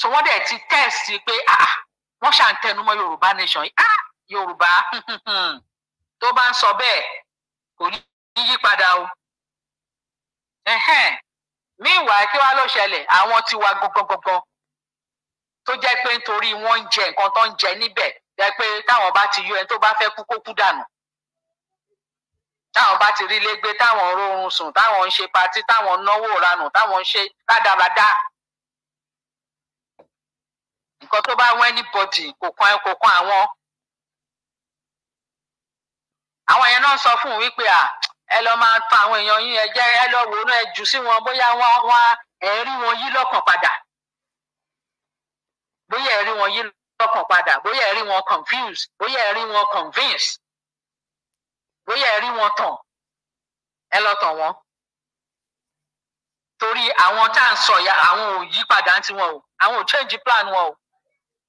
so wọ́n dẹ̀ ti tẹ̀sí pé ah wọ́n ṣà ń tẹnumọ́ yorùbá nation ah yorùbá tó bá ń sọ bẹ́ẹ̀ kò ní yí padà o míwàá kí wàá ló ṣẹlẹ̀ àwọn tiwa gangan gangan tó jẹ́ pé nítorí wọ́n ń jẹ nǹkan tó ń jẹ níbẹ̀ jẹ́ pé táwọn bá ti yọ ẹni tó bá fẹ́ kú kó kú dànù táwọn bá ti rí ilé gbé táwọn rọrùn sùn táwọn ń ṣe patí táwọn ń náwó ranù táwọn ń ṣe rádaràda nǹkan tó bá wọ́n anybody kò kan kò kan àwọn àwọn yẹn náà sọ fún un wípé à ẹ lọ máa ta àwọn èèyàn yín ẹ jẹ ẹ lọ wò ó náà ẹ jù sí wọn bóyá wọn wá ẹ rí wọn yí lọ́kàn padà bóyá ẹ rí wọn yí lọ́kàn padà bóyá ẹ rí wọn confuse bóyá ẹ rí wọn convince bóyá ẹ rí wọn tàn ẹ lọ tàn wọn torí àwọn tá à ń sọ ya àwọn ò yí padà ń tiwọn o àwọn ò change plan wọn o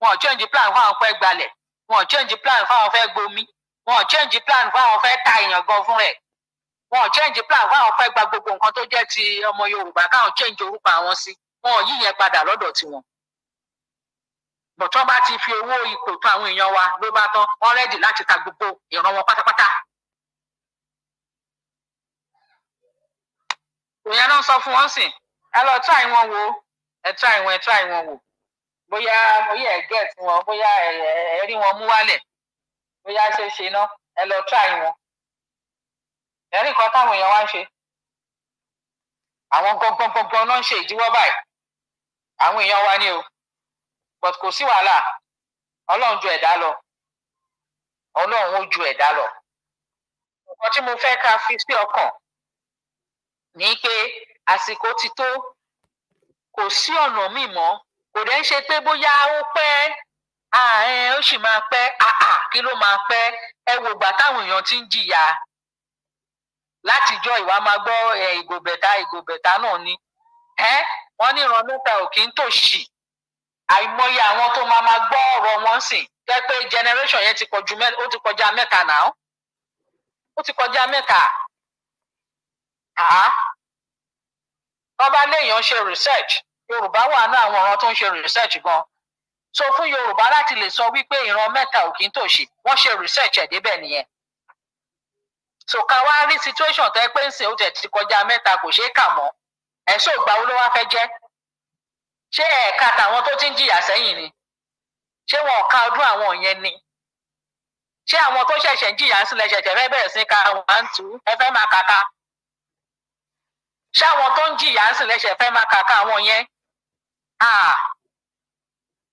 wọn ò change plan fáwọn fẹ́ gbalẹ̀ wọn ò change plan fáwọn fẹ́ gbomi wọn ò change plan fáwọn fẹ́ ta èèyàn gan fún rẹ̀ wọn ò change plan fáwọn fẹ́ gba gbogbo nǹkan tó jẹ́ ti ọmọ Yorùbá káwọn change orúkọ àwọn sí wọn ò yí yẹn padà lọ́dọ̀ tiwọn But bọ̀tán bá ti fi owó ipò tó àwọn èèyàn wa ló bá tán wọ́n rẹ́dì láti ta gbogbo ìran wọn pátápátá. ìyẹn náà sọ fún wọn sìn ẹ lọ try wọn wò ẹ try wọn ẹ try wọn wò bóyá bóyá ẹ get wọn bóyá ẹ ẹ rí wọn mú wálẹ̀ bóyá ṣe ṣe ná ẹ lọ try wọn. ẹ̀rí kan táwọn èèyàn wá ń ṣe àwọn gbọngbọngbọngbọn náà ń ṣe ìdíwọ́ báyìí àwọn èèyàn wa ni o but kò sí wàhálà ọlọ́run ju ẹ̀dá lọ ọlọ́run ó ju ẹ̀dá lọ. nǹkan tí mo fẹ́ ká fi sí ọkàn ní pé àsìkò ti tó kò sí ọ̀nà míì mọ́ kò dẹ́ ń ṣe pé bóyá ó pẹ́ ààrẹ ó sì máa pẹ́ àà kí ló máa pẹ́ ẹ wò gbà táwọn èèyàn ti ń jìyà látijọ́ ìwà máa gbọ́ ìgò bẹ̀tà ìgò bẹ̀tà náà ni wọ́n ní ìran mẹ́ta ò kí ń tòṣì àìmọye àwọn tó máa máa gbọ́ ọ̀rọ̀ wọn sìn jẹ́ pé generation yẹn ti kọjú mẹ́ta ó ti kọjá mẹ́ta náà ó ti kọjá mẹ́ta tọ́ba léèyàn ṣe research yorùbá wà ní àwọn ọ̀ràn tó ń ṣe research gan so fún yorùbá láti lè sọ wípé ìran mẹ́ta ò kí ń tòṣì wọ́n ṣe research ẹ̀ débẹ̀ nìyẹn so ká wá rí situation tẹ́ pé ń sìn ó tẹ̀ ti kọjá mẹ́ta kò ṣeé kà mọ́ ẹ̀ sọ ìgbà wo ló wá fẹ́ jẹ́ ṣé ẹ̀ka tàwọn tó ti ń jìyà sẹ́yìn ni ṣé wọn ò ọdún àwọn yẹn ni ṣé àwọn tó ṣẹ̀ṣẹ̀ ń jìyà sílẹ̀ ṣẹ̀ṣẹ̀ fẹ́ bẹ̀rẹ̀ sí ka one two ẹ fẹ́ máa kàkà ṣé àwọn tó ń jìyà sílẹ̀ ṣẹ̀ fẹ́ máa kàkà àwọn yẹn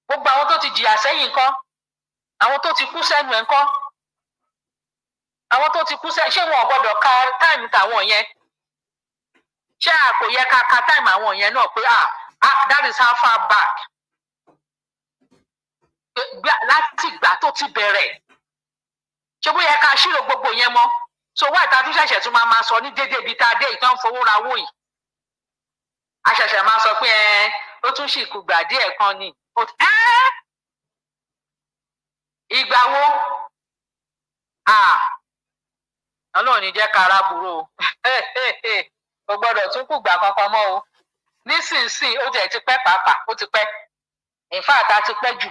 gbogbo àwọn tó ti jìyà sẹ́yìn ńkọ́ àwọn tó ti kú sẹ́nu ẹ̀ ńkọ́ àwọn tó ti kú sẹ́yìn ṣé wọn ò ka táìmù tàwọn yẹn ṣé àpò yẹ ká ka táìmù àwọn yẹn náà pé ah Ah, that is how far back láti ìgbà tó ti bẹ̀rẹ̀ ṣé bó yẹ ká ṣírò gbogbo yẹn mọ́ so wá ìta tún ṣẹ̀ṣẹ̀ tún máa máa sọ ní déédéé ibi tá a dé ìtàn fowó ra wò yìí a ṣẹ̀ṣẹ̀ máa sọ pé ẹ ó tún sì kú gbà díẹ̀ kan ni ìgbà wo ọlọ́run ní jẹ́ ká ara burú o ò gbọ́dọ̀ tún kú gbà kankan mọ́ o nísinsìnyí ó tiẹ̀ ti pẹ́ pàápàá ó ti pẹ́ in fact a ti pẹ́ jù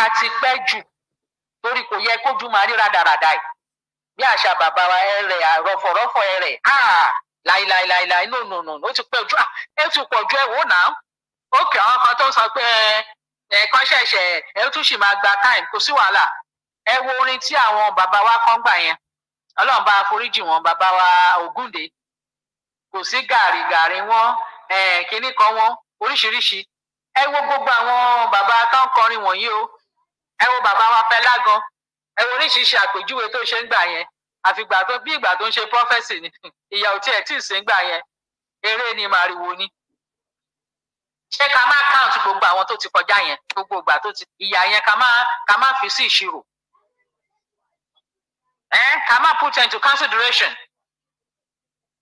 a ti pẹ́ jù torí kò yẹ kójú máa rí rádaràda yìí bí àṣà bàbá wa ẹ rẹ̀ àrọ̀fọ̀rọ̀fọ̀ ẹ rẹ̀ láìláìláìláì no no no ó ti pẹ́ ojú ẹ ti pọ̀ ju ẹ wò náà ó kì àwọn kan tó ń sọ pé ẹ kàn ṣẹ̀ṣẹ̀ ẹ tún sì máa gba time kò sí wàhálà ẹ wo orin tí àwọn bàbá wa kan gbà yẹn ọlọ́run bá foríjì wọn bàbá wa Ògúndé kò sí gàrí gàrí wọn kínní kan wọn oríṣiríṣi ẹ wo gbogbo àwọn bàbá tó ń kọrin wọ̀nyí o ẹ wo bàbá wa fẹ́ lágan ẹ wo oríṣiríṣi àpèjúwe tó ṣe ń gbà yẹn àfìgbà tó bí ìgbà tó ń ṣe prọfẹsì ni ìyà ò tiẹ̀ tí ì sí ń gbà yẹn eré ni màrìwò ni ṣé ká má count gbogbo àwọn tó ti kọjá yẹn gbogbo ìgbà tó ti ìyà yẹn ká má ká má fi sí ìṣirò ká má put into consideration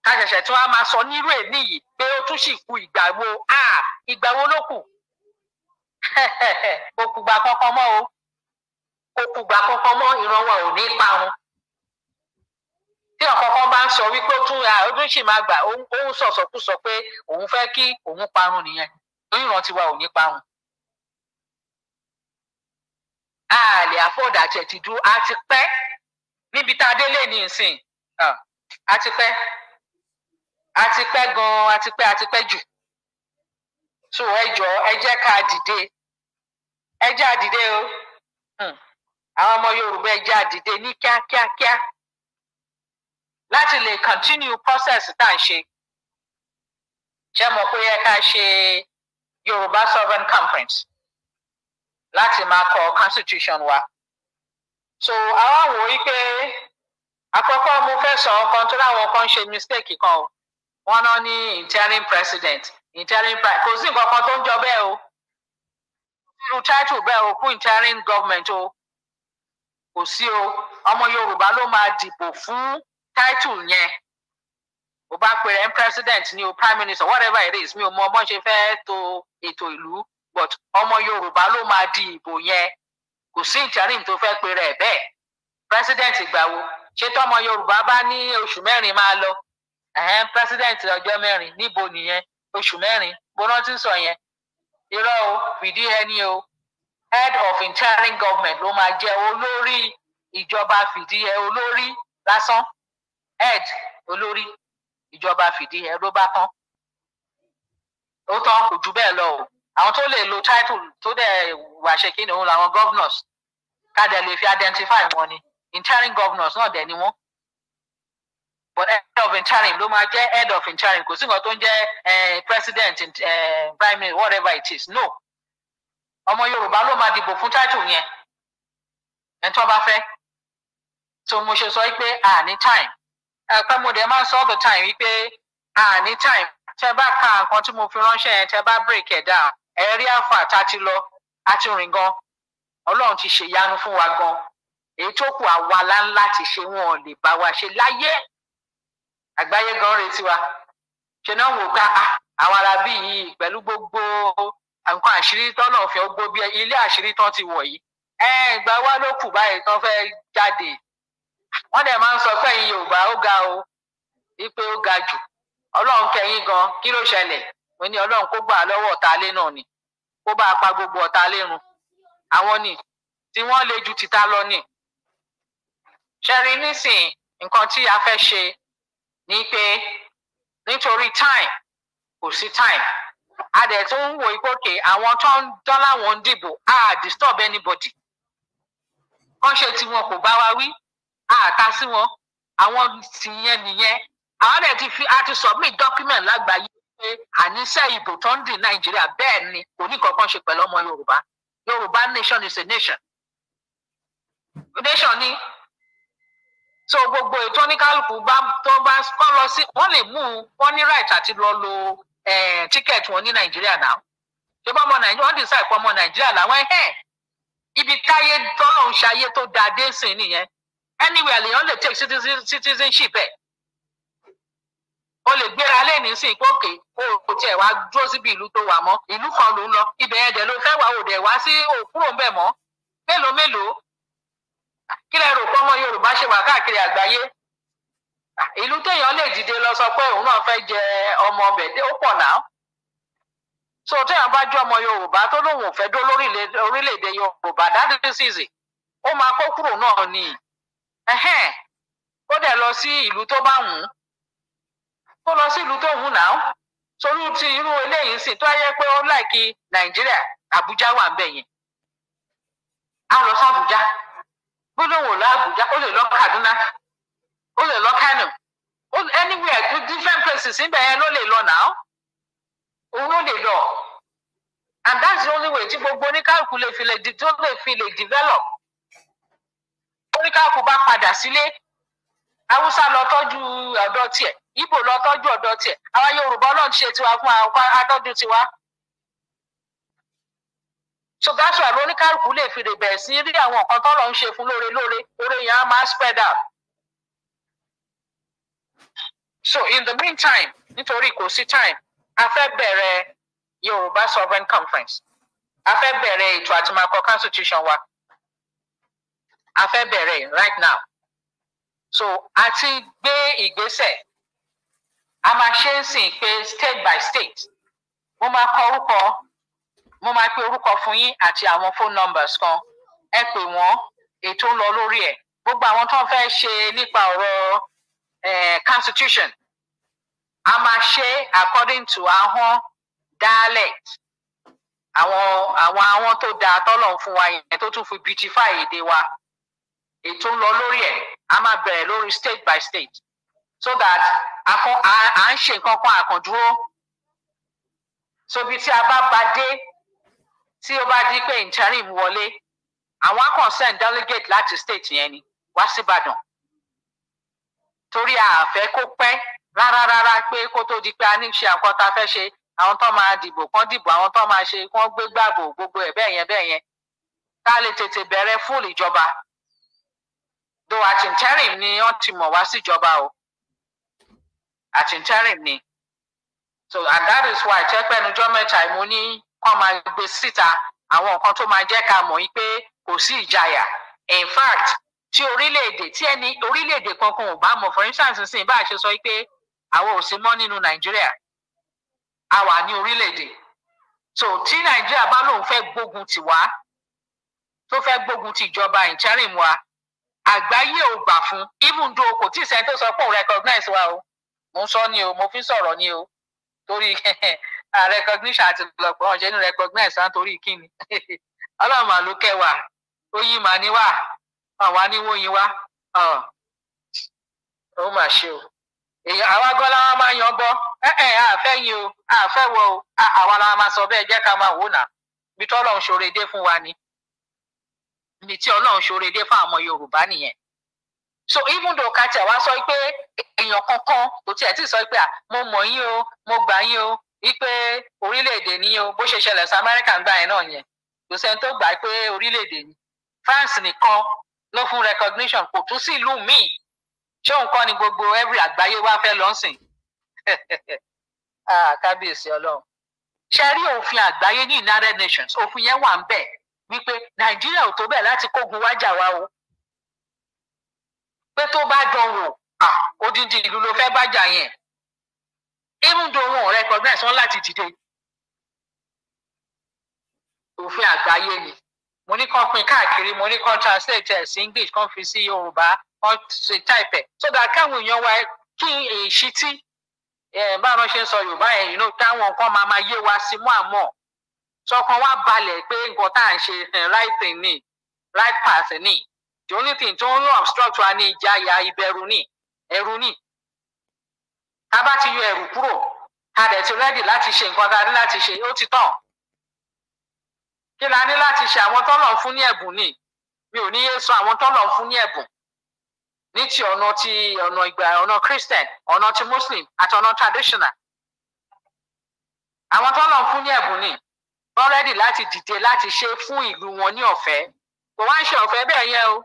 ká ṣẹ̀ṣẹ̀ tí wọ́n á máa sọ nírú èmi yìí pé ó tún sì kú ìgbà wo ìgbà wo ló kù kò kùgbà kankan mọ́ o kò kùgbà kankan mọ́ ìrànwọ́ ò ní parun tí ọ̀kọ̀ọ̀kan bá ń sọ wípé tún ọdún sì máa gbà òun sọ̀sọ̀kúsọ pé òun fẹ́ kí òun parun nìyẹn lóyún ìrántí wa ò ní parun a lè afọ́ọ̀dà àti ẹ̀tìdú a ti pẹ́ níbi tá a délé ní ìsìn a ti pẹ́ àti pẹ́ gan-an àti pẹ́ àti pẹ́ jù so ẹ jọ ẹ jẹ́ ká dìde ẹ jẹ́ àdìde o hmm. àwọn ọmọ Yorùbá ẹ jẹ́ àdìde ní kíákíákíá láti lè continue process tá à ń ṣe ṣe mọ̀ pé ẹ ká ṣe Yorùbá sovereign conference láti máa kọ constitution wa so àwọn wò ó pé àkọ́kọ́ mo fẹ́ sọ ọkàn tó láwọn kan ṣe mistake kan o wọn náà ní interim president interim prime kò sí nǹkan kan tó ń jọ bẹ́ẹ̀ o irú title bẹ́ẹ̀ o fún interim government o kò sí o ọmọ yorùbá ló máa dìbò fún title yẹn o bá pèrè ń president ni o prime minister whatever it is mi ò mọ bọ́n ṣe fẹ́ to ètò ìlú but ọmọ yorùbá ló máa di ìbò yẹn kò sí interim tó fẹ́ pèrè ẹ̀ bẹ́ẹ̀ president ìgbà wo ṣé tọmọ yorùbá bá ní oṣù mẹ́rin máa lọ ẹ̀hẹ́n president ọjọ́ mẹ́rin níbo nìyẹn oṣù mẹ́rin bó rántí sọ yẹn irọ́ o fìdí ẹni o head of interim government ló máa jẹ́ olórí ìjọba fìdí ẹ olórí lásán head olórí ìjọba fìdí ẹ ló bá tán ó tán kò jù bẹ́ẹ̀ lọ o àwọn tó lè lo title tó dẹ̀ wà ṣe kí ni òun làwọn governors ká dẹ̀ lè fi identify wọn ni interim governors náà dẹ̀ ni wọ́n but head of interim ló máa jẹ́ head of interim kò sí nǹkan tó ń jẹ́ eh, president uh, prime minister whatever it is no ọmọ yorùbá ló máa dìbò fún title yẹn ẹ̀ tó bá fẹ́ so mo ṣe sọ pé a ní time ẹ̀pẹ́ mo dẹ̀ máa ń sọ all the time wípé a time tẹ́ bá ka nǹkan tí mo fi ránṣẹ́ yẹn tẹ́ bá break ẹ̀ down ẹ̀ rí àfà tá a ti lọ a ti rìn gan ọlọ́run ti ṣèyanu fún wa gan èyí tó kù àwa láńlá ti ṣe wọn ò lè bá wa ṣe láyé àgbáyé gan retí wa ṣe náà wò ká ah, àwọn arábí yìí pẹ̀lú gbogbo nǹkan àṣírí tán náà fẹ́ gbó bí ilé àṣírí tán ti wọ̀ yìí ẹ ìgbà wa ló kù báyìí tán fẹ́ jáde wọ́n dẹ̀ máa ń sọ pé ẹ̀yin Yorùbá ó ga o wípé ó ga jù Ọlọ́run kẹyìn gan kí ló ṣẹlẹ̀ mo ní Ọlọ́run kó gbà lọ́wọ́ ọ̀tá alẹ́ náà ni kó bá pa gbogbo ọ̀tá alẹ́ run àwọn ni tí wọ́n le ju tìta lọ ni ṣẹ́rí nísìn nǹkan tí a fẹ́ ṣe ni pé nítorí time kò sí time a dẹ̀ tó ń wo ìgbókè àwọn tó ń dọ́là wọn ń dìbò a disturb anybody wọ́n ṣe tí wọn kò bá wa wí a ta sí wọn àwọn sì yẹn nìyẹn àwọn dẹ̀ ti fi a ti submit document lágbàáyé pé àníṣe ìbò tó ń dì nàìjíríà bẹ́ẹ̀ ni kò ní kankan ṣe pẹ̀lú ọmọ yorùbá yorùbá nation is a nation nation ni so gbogbo ètò oníkálukú bá tó bá kọ́ lọ sí wọ́n lè mú un wọ́n ní right àti lọ lo eh, tíkẹ́ẹ̀tì wọn ní nàìjíríà náà ṣé bá ọmọ nàìjíríà wọ́n dì sáì pọ̀ ọmọ nàìjíríà làwọn ẹ̀ ibi táyé tọ́lọ̀ ń ṣayé tó dáa dé sìn nìyẹn anywhere lèèyàn lè take citizenship ẹ̀ o lè gbéra lẹ́ni sí ìkókè kó o tiẹ̀ wá dúró síbi ìlú tó wà mọ́ ìlú kan ló ń lọ ibẹ̀ ẹ̀dẹ̀ ló fẹ́ wà òdẹ̀ wá sí òkúrò ń bẹ̀ mọ́ mélòó mélòó kí lẹ rò pọ́nmọ yorùbá ṣe wà káàkiri àgbáyé ìlú téèyàn lè dìde lọ sọ pé òun náà fẹ́ jẹ ọmọ ọbẹ̀ ó náà so téèyàn bá ọmọ yorùbá tó lóun ò dó èdè yorùbá ó máa kó náà ni lọ sí ìlú tó bá wù ú lọ sí ìlú tó wù náà torí pé ó nàìjíríà àbújá wà ń a lọ gbọ́dọ̀ wò lọ Àbújá ó lè lọ Kaduna ó lè lọ Kano anywhere different places níbẹ̀ yẹn ló lè lọ náà owó lè lọ and that's the only way tí gbogbo oníkálukú lè fi lè di tó lè fi lè develop oníkálukú bá padà sílé Haúsá lọ tọ́jú ọ̀dọ́ tiẹ̀ Ìgbò lọ tọ́jú ọ̀dọ́ tiẹ̀ àwa Yorùbá Ọlọ́run ṣe tiwa fún àwọn atọ́jú tiwa ṣùgbọ́n àṣà lóníkàlùkù lè fi lè bẹ̀rẹ̀ sí rí àwọn nǹkan tọ́lọ̀ ń ṣe fún lóore lóore oore yẹn á máa spread out. so in the meantime nítorí kò sí time a fẹ́ bẹ̀rẹ̀ Yorùbá sovereign conference a fẹ́ bẹ̀rẹ̀ ètò àti máa kọ constitution wa a fẹ́ bẹ̀rẹ̀ right now so a ti gbé ìgbésẹ̀ a máa ṣe é sìn pé state by state mo máa kọ orúkọ mo máa pe orúkọ fún yín àti àwọn phone numbers kan ẹ pè wọ́n ètò ń lọ lórí ẹ̀ gbogbo àwọn tó ń fẹ́ ṣe nípa ọ̀rọ̀ constitution a máa ṣe according to ahọ́n dialect àwọn àwọn ahọ́n tó dáa tọ́lọ̀ ń fún wa yẹn tó tún fi beautify èdè wa ètò ń lọ lórí ẹ̀ a máa bẹ̀rẹ̀ lórí state by state so that à ń ṣe nǹkan kan àkàndúró so bí tí a bá ba dé tí ó bá di pé interim wọlé àwọn consent delegate láti state yẹn ni wá síbàdàn torí àfẹ́ kó pẹ́ rárá rárá pé kó tó di pé a ní ṣe àkọ́ ta fẹ́ ṣe àwọn tó máa dìbò kán dìbò àwọn tó máa ṣe kán gbé gbàgbó gbogbo ẹ̀ bẹ́ẹ̀ yẹn bẹ́ẹ̀ yẹn tá lè tètè bẹ̀rẹ̀ fúlù ìjọba do àtìntẹ́rìn ni wọ́n ti mọ̀ wá síjọba o àtìntẹ́rìn ni so and that is why tẹ́pẹ́nujọ́ mẹ́ta ìmú ní kán máa gbé síta àwọn nǹkan tó máa jẹ́ ká mọ̀ yín pé kò sí ìjayà in fact tí orílẹ̀-èdè tí ẹni orílẹ̀-èdè kankan ò bá mọ̀ for instance nsìn bá a ṣe sọ pé àwọn ò sí mọ́ nínú nàìjíríà a wà ní orílẹ̀-èdè so tí nàìjíríà bá lóun fẹ́ gbógun tì wá tó fẹ́ gbógun ti ìjọba ìjẹ́rìn wa àgbáyé ò gbà fún even though kò tí ì sẹ́ni tó sọ pé òun recognize wa o mo ń sọ ni o mo fi ń sọ̀rọ̀ ni o torí Ah, recognition àti lọ́pọ̀ ọ̀jẹ̀ ah, ní recognize nítorí kíni ọlọ́run ló kẹwàá oyin mà ní wà àwa ní wọ́yin wá ah. ó mà yan bọ ẹ eh, ẹ eh, àfẹ́ yin o àfẹ́ wọ o àwa la máa sọ bẹ́ẹ̀ jẹ́ ká máa wò náà ọlọ́run ṣoore wa ni tí ọlọ́run ṣoore dé fún àwọn so even though wa sọ pé èèyàn kankan kò tiẹ̀ sọ pé mo mọ̀ yín o mo gbà yín o wípé orílẹ̀-èdè ní o bó ṣe ṣẹlẹ̀ sí amẹ́ríkà ń gbà yẹn náà yẹn kò sẹ́ni tó gbà pé orílẹ̀-èdè ní france nìkan ló fún recognition kò tún sí ìlú míì ṣé òun kọ́ ni gbogbo every àgbáyé wá fẹ́ lọ́sìn ah, kábíyèsí ọlọ́run ṣe rí òfin àgbáyé ní united nations òfin yẹn wà ń bẹ̀ wípé nàìjíríà ò tó bẹ̀ láti kógun wájà wa o pé tó bá dán wò odindi ìlú ló fẹ́ bájà yẹn even though wọn ò recognize wọn láti dìde òfin àgbáyé ni mo ní kàn pín káàkiri mo ní kàn translate ẹ̀ sí English kàn fi sí Yorùbá kàn ṣe type ẹ̀ so that káwọn èèyàn wa kí ìṣítí báwọn ṣe ń sọ Yorùbá yẹn yìí káwọn kan máa máa yé wa sí mú àmọ́ sọkàn wa balẹ̀ pé nǹkan tá à ń ṣe right thing ni right path ni the only thing tó ń obstruct wa ní ìjayà ìbẹ̀rù ni ẹ̀rù ni tá bá ti yọ ẹ̀rù kúrò tá dẹ̀ ti rẹ́dì láti ṣe nǹkan tá a ní láti ṣe ó ti tàn kí la ní láti ṣe àwọn tọ́lọ̀ fún ní ẹ̀bùn ni mi ò ní yé sọ àwọn tọ́lọ̀ fún ní ẹ̀bùn ní ti ọ̀nà ti ọ̀nà ìgbà ọ̀nà Christian ọ̀nà ti Muslim àti ọ̀nà traditional àwọn tọ́lọ̀ fún ní ẹ̀bùn ni wọ́n rẹ́dì láti dìde láti ṣe fún ìlú wọn ní ọ̀fẹ́ kò wá ń ṣe ọ̀fẹ́ bẹ́ẹ̀ yẹn o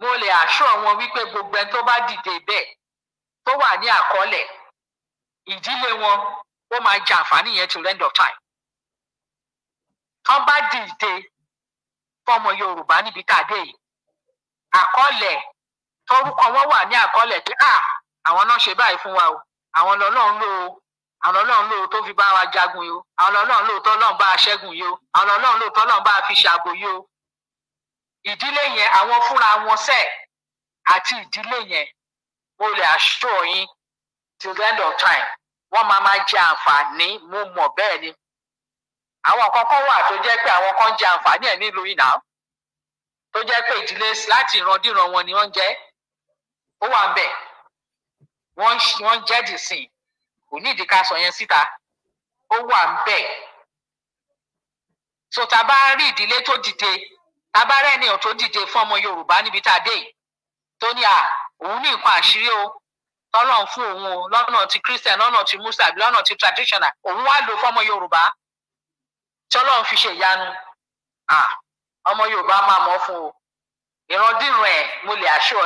mo lè àṣọ wọn wípé gbogbo ẹni tó bá dìde bẹ́ẹ̀ tó wà ní àkọọ́lẹ̀ ìdílé wọn ó máa jẹ àǹfààní yẹn till end of time tán bá dìde fọmọ yorùbá níbi tá a dé yìí àkọọ́lẹ̀ torúkọ wọn wà ní àkọọ́lẹ̀ pé à ah, àwọn náà ṣe báyìí fún wa o àwọn lọ́lọ́run ló o àwọn ọlọ́run ló tó fi bá wa jagun yìí o àwọn ọlọ́run ló tó lọ́n bá a ṣẹ́gun yìí o àwọn ọlọ́run ló tó lọ́n bá a fi ṣàbò yìí o ìdílé yẹn àwọn fúnra wọn sẹ́ẹ̀ àti ìdílé yẹn mo lè assure yín till the end of time wọn máa máa jẹ àǹfààní mo mọ̀ bẹ́ẹ̀ ni àwọn kankan wà tó jẹ́ pé àwọn kan jẹ àǹfààní ẹ̀ nílùú yìí náà tó jẹ́ pé ìdílé láti ìrandíran wọn ni wọ́n jẹ́ ó wà ń bẹ̀ wọ́n ń jẹ́ dìsìn kò ní ìdíkà sọ yẹn síta ó wà ń so tá a bá rí ìdílé tó dìde tá a bá rẹ́ni tó dìde fún ọmọ Yorùbá níbi tá a dé tó ní à òun ní nǹkan àṣírí o fún òun o lọ́nà ti christian lọ́nà ti musa àbí lọ́nà ti traditional òun wá lò fọ́mọ yorùbá tọ́lọ́run fi ṣe ìyanu ọmọ yorùbá máa mọ̀ fún o ẹ̀ mo lè aṣọ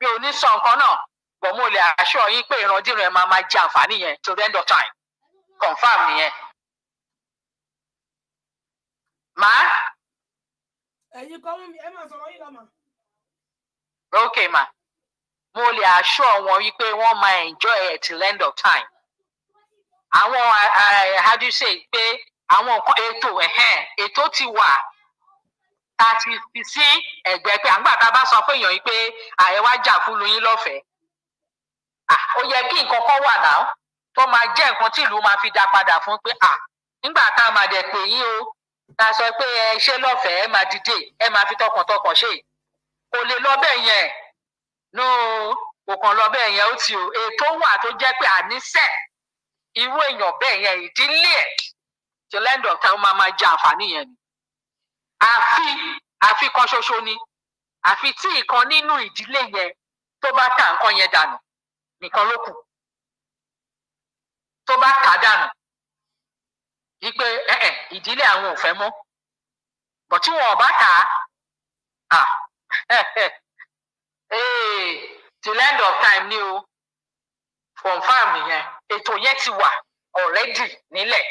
mi ní sọ nǹkan náà bọ̀ mo lè aṣọ yín pé ẹ̀ máa máa jẹ àǹfààní yẹn to the end ma. mo lè aṣọ wọn wípé wọ́n máa enjoy it till end of time àwọn eh, how do you say pé àwọn nǹkan ètò ètò ti wà ta ti fi sí ẹ̀gbẹ́ pé àgbà tá a bá sọ fún èèyàn yìí pé àyẹ̀wò ajá fúlu yín lọ́fẹ̀ẹ́ ó yẹ kí nǹkan kan wà náà tó máa jẹ́ nǹkan tí ìlú máa fi dá padà fún pé à nígbà tá a máa dẹ̀ pè yín o ta sọ pé ẹ ṣe lọ́fẹ̀ẹ́ ẹ máa dìde ẹ máa fi tọkàntọkàn ṣe kò lè lọ bẹ́ẹ̀ yẹn no kò kàn lọ bẹ́ẹ̀ yẹn ó ti o ètò wà tó jẹ́ pé àníṣe irú èèyàn bẹ́ẹ̀ yẹn ìdílé ẹ̀ ti lẹ́ńdọ̀ táwọn máa máa jẹ àǹfààní yẹn ni àfi àfi kan ṣoṣo ni àfi tí ìkan nínú ìdílé yẹn tó bá ta nǹkan yẹn dànù nìkan ló kù tó bá tà dànù wípé ẹ̀ẹ́ ìdílé àwọn ò fẹ́ mọ́ bọ̀ tí wọn ò bá tà á Hey, till end of time ni o confam yẹn ètò yẹn ti wà already nílẹ̀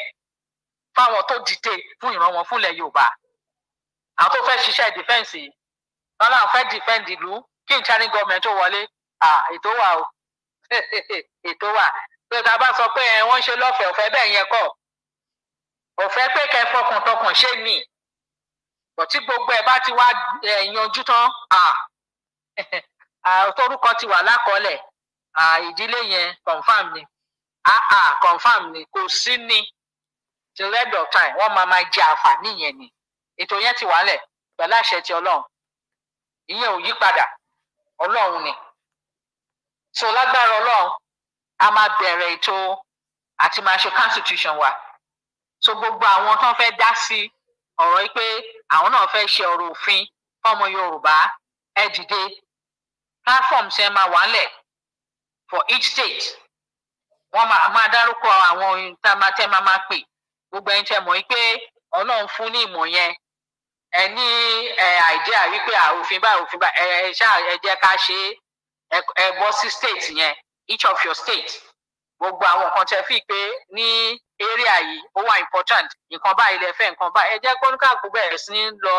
fáwọn tó dìde fún ìran wọn fúnlẹ̀ Yorùbá àwọn tó fẹ́ ṣiṣẹ́ dìfẹ́ǹsì wọn náà fẹ́ dìfẹ́ǹd ìlú kí n chani gọọmẹ̀ntì tó wọlé ètò wà o ètò wà tó ta bá sọ pé wọ́n ṣe lọ́fẹ̀ẹ́ ọ̀fẹ́ bẹ́ẹ̀ yẹn kọ́ ọ̀fẹ́ pé kẹ́ fọkàn tọkàn ṣé mi bọ̀ tí gbogbo ẹ̀ bá ti wá yanjú tán Ah, torúkọ ti wà lákọọ́lẹ̀ ah, ìdílé yẹn confam ni ah ah confam ni kò sí ni The end of time wọ́n máa máa jẹ àǹfààní yẹn ni ètò yẹn ti wà lẹ̀ pẹ̀lú àṣẹ ti Ọlọ́run ìyẹn ò yí padà Ọlọ́run ni so lágbára Ọlọ́run a máa bẹ̀rẹ̀ ètò àti máa ṣe constitution wa so gbogbo àwọn tó ń fẹ́ dá sí ọ̀rọ̀ yìí pé àwọn náà fẹ́ ṣe ọ̀rọ̀ òfin fọ́mọ Yorùbá ẹ dìde Platform, ẹ máa wà lẹ̀ for each state wọ́n máa dárúkọ àwọn tẹ́ máa máa pè gbogbo ẹni tẹ́ mọ̀ pé ọlọ́run fún ní ìmọ̀ yẹn ẹ ní ẹ àìdíà wípé òfin báyìí òfin báyìí ẹ ẹ ṣáà ẹ jẹ́ ká ṣe ẹ bọ́ sí state yẹn each of your state gbogbo àwọn nǹkan tẹ́ fi pé ní area yìí ó wà important nǹkan báyìí lẹ fẹ́ nǹkan báyìí ẹ jẹ́ kó ní káàkó bẹ̀rẹ̀ sí lọ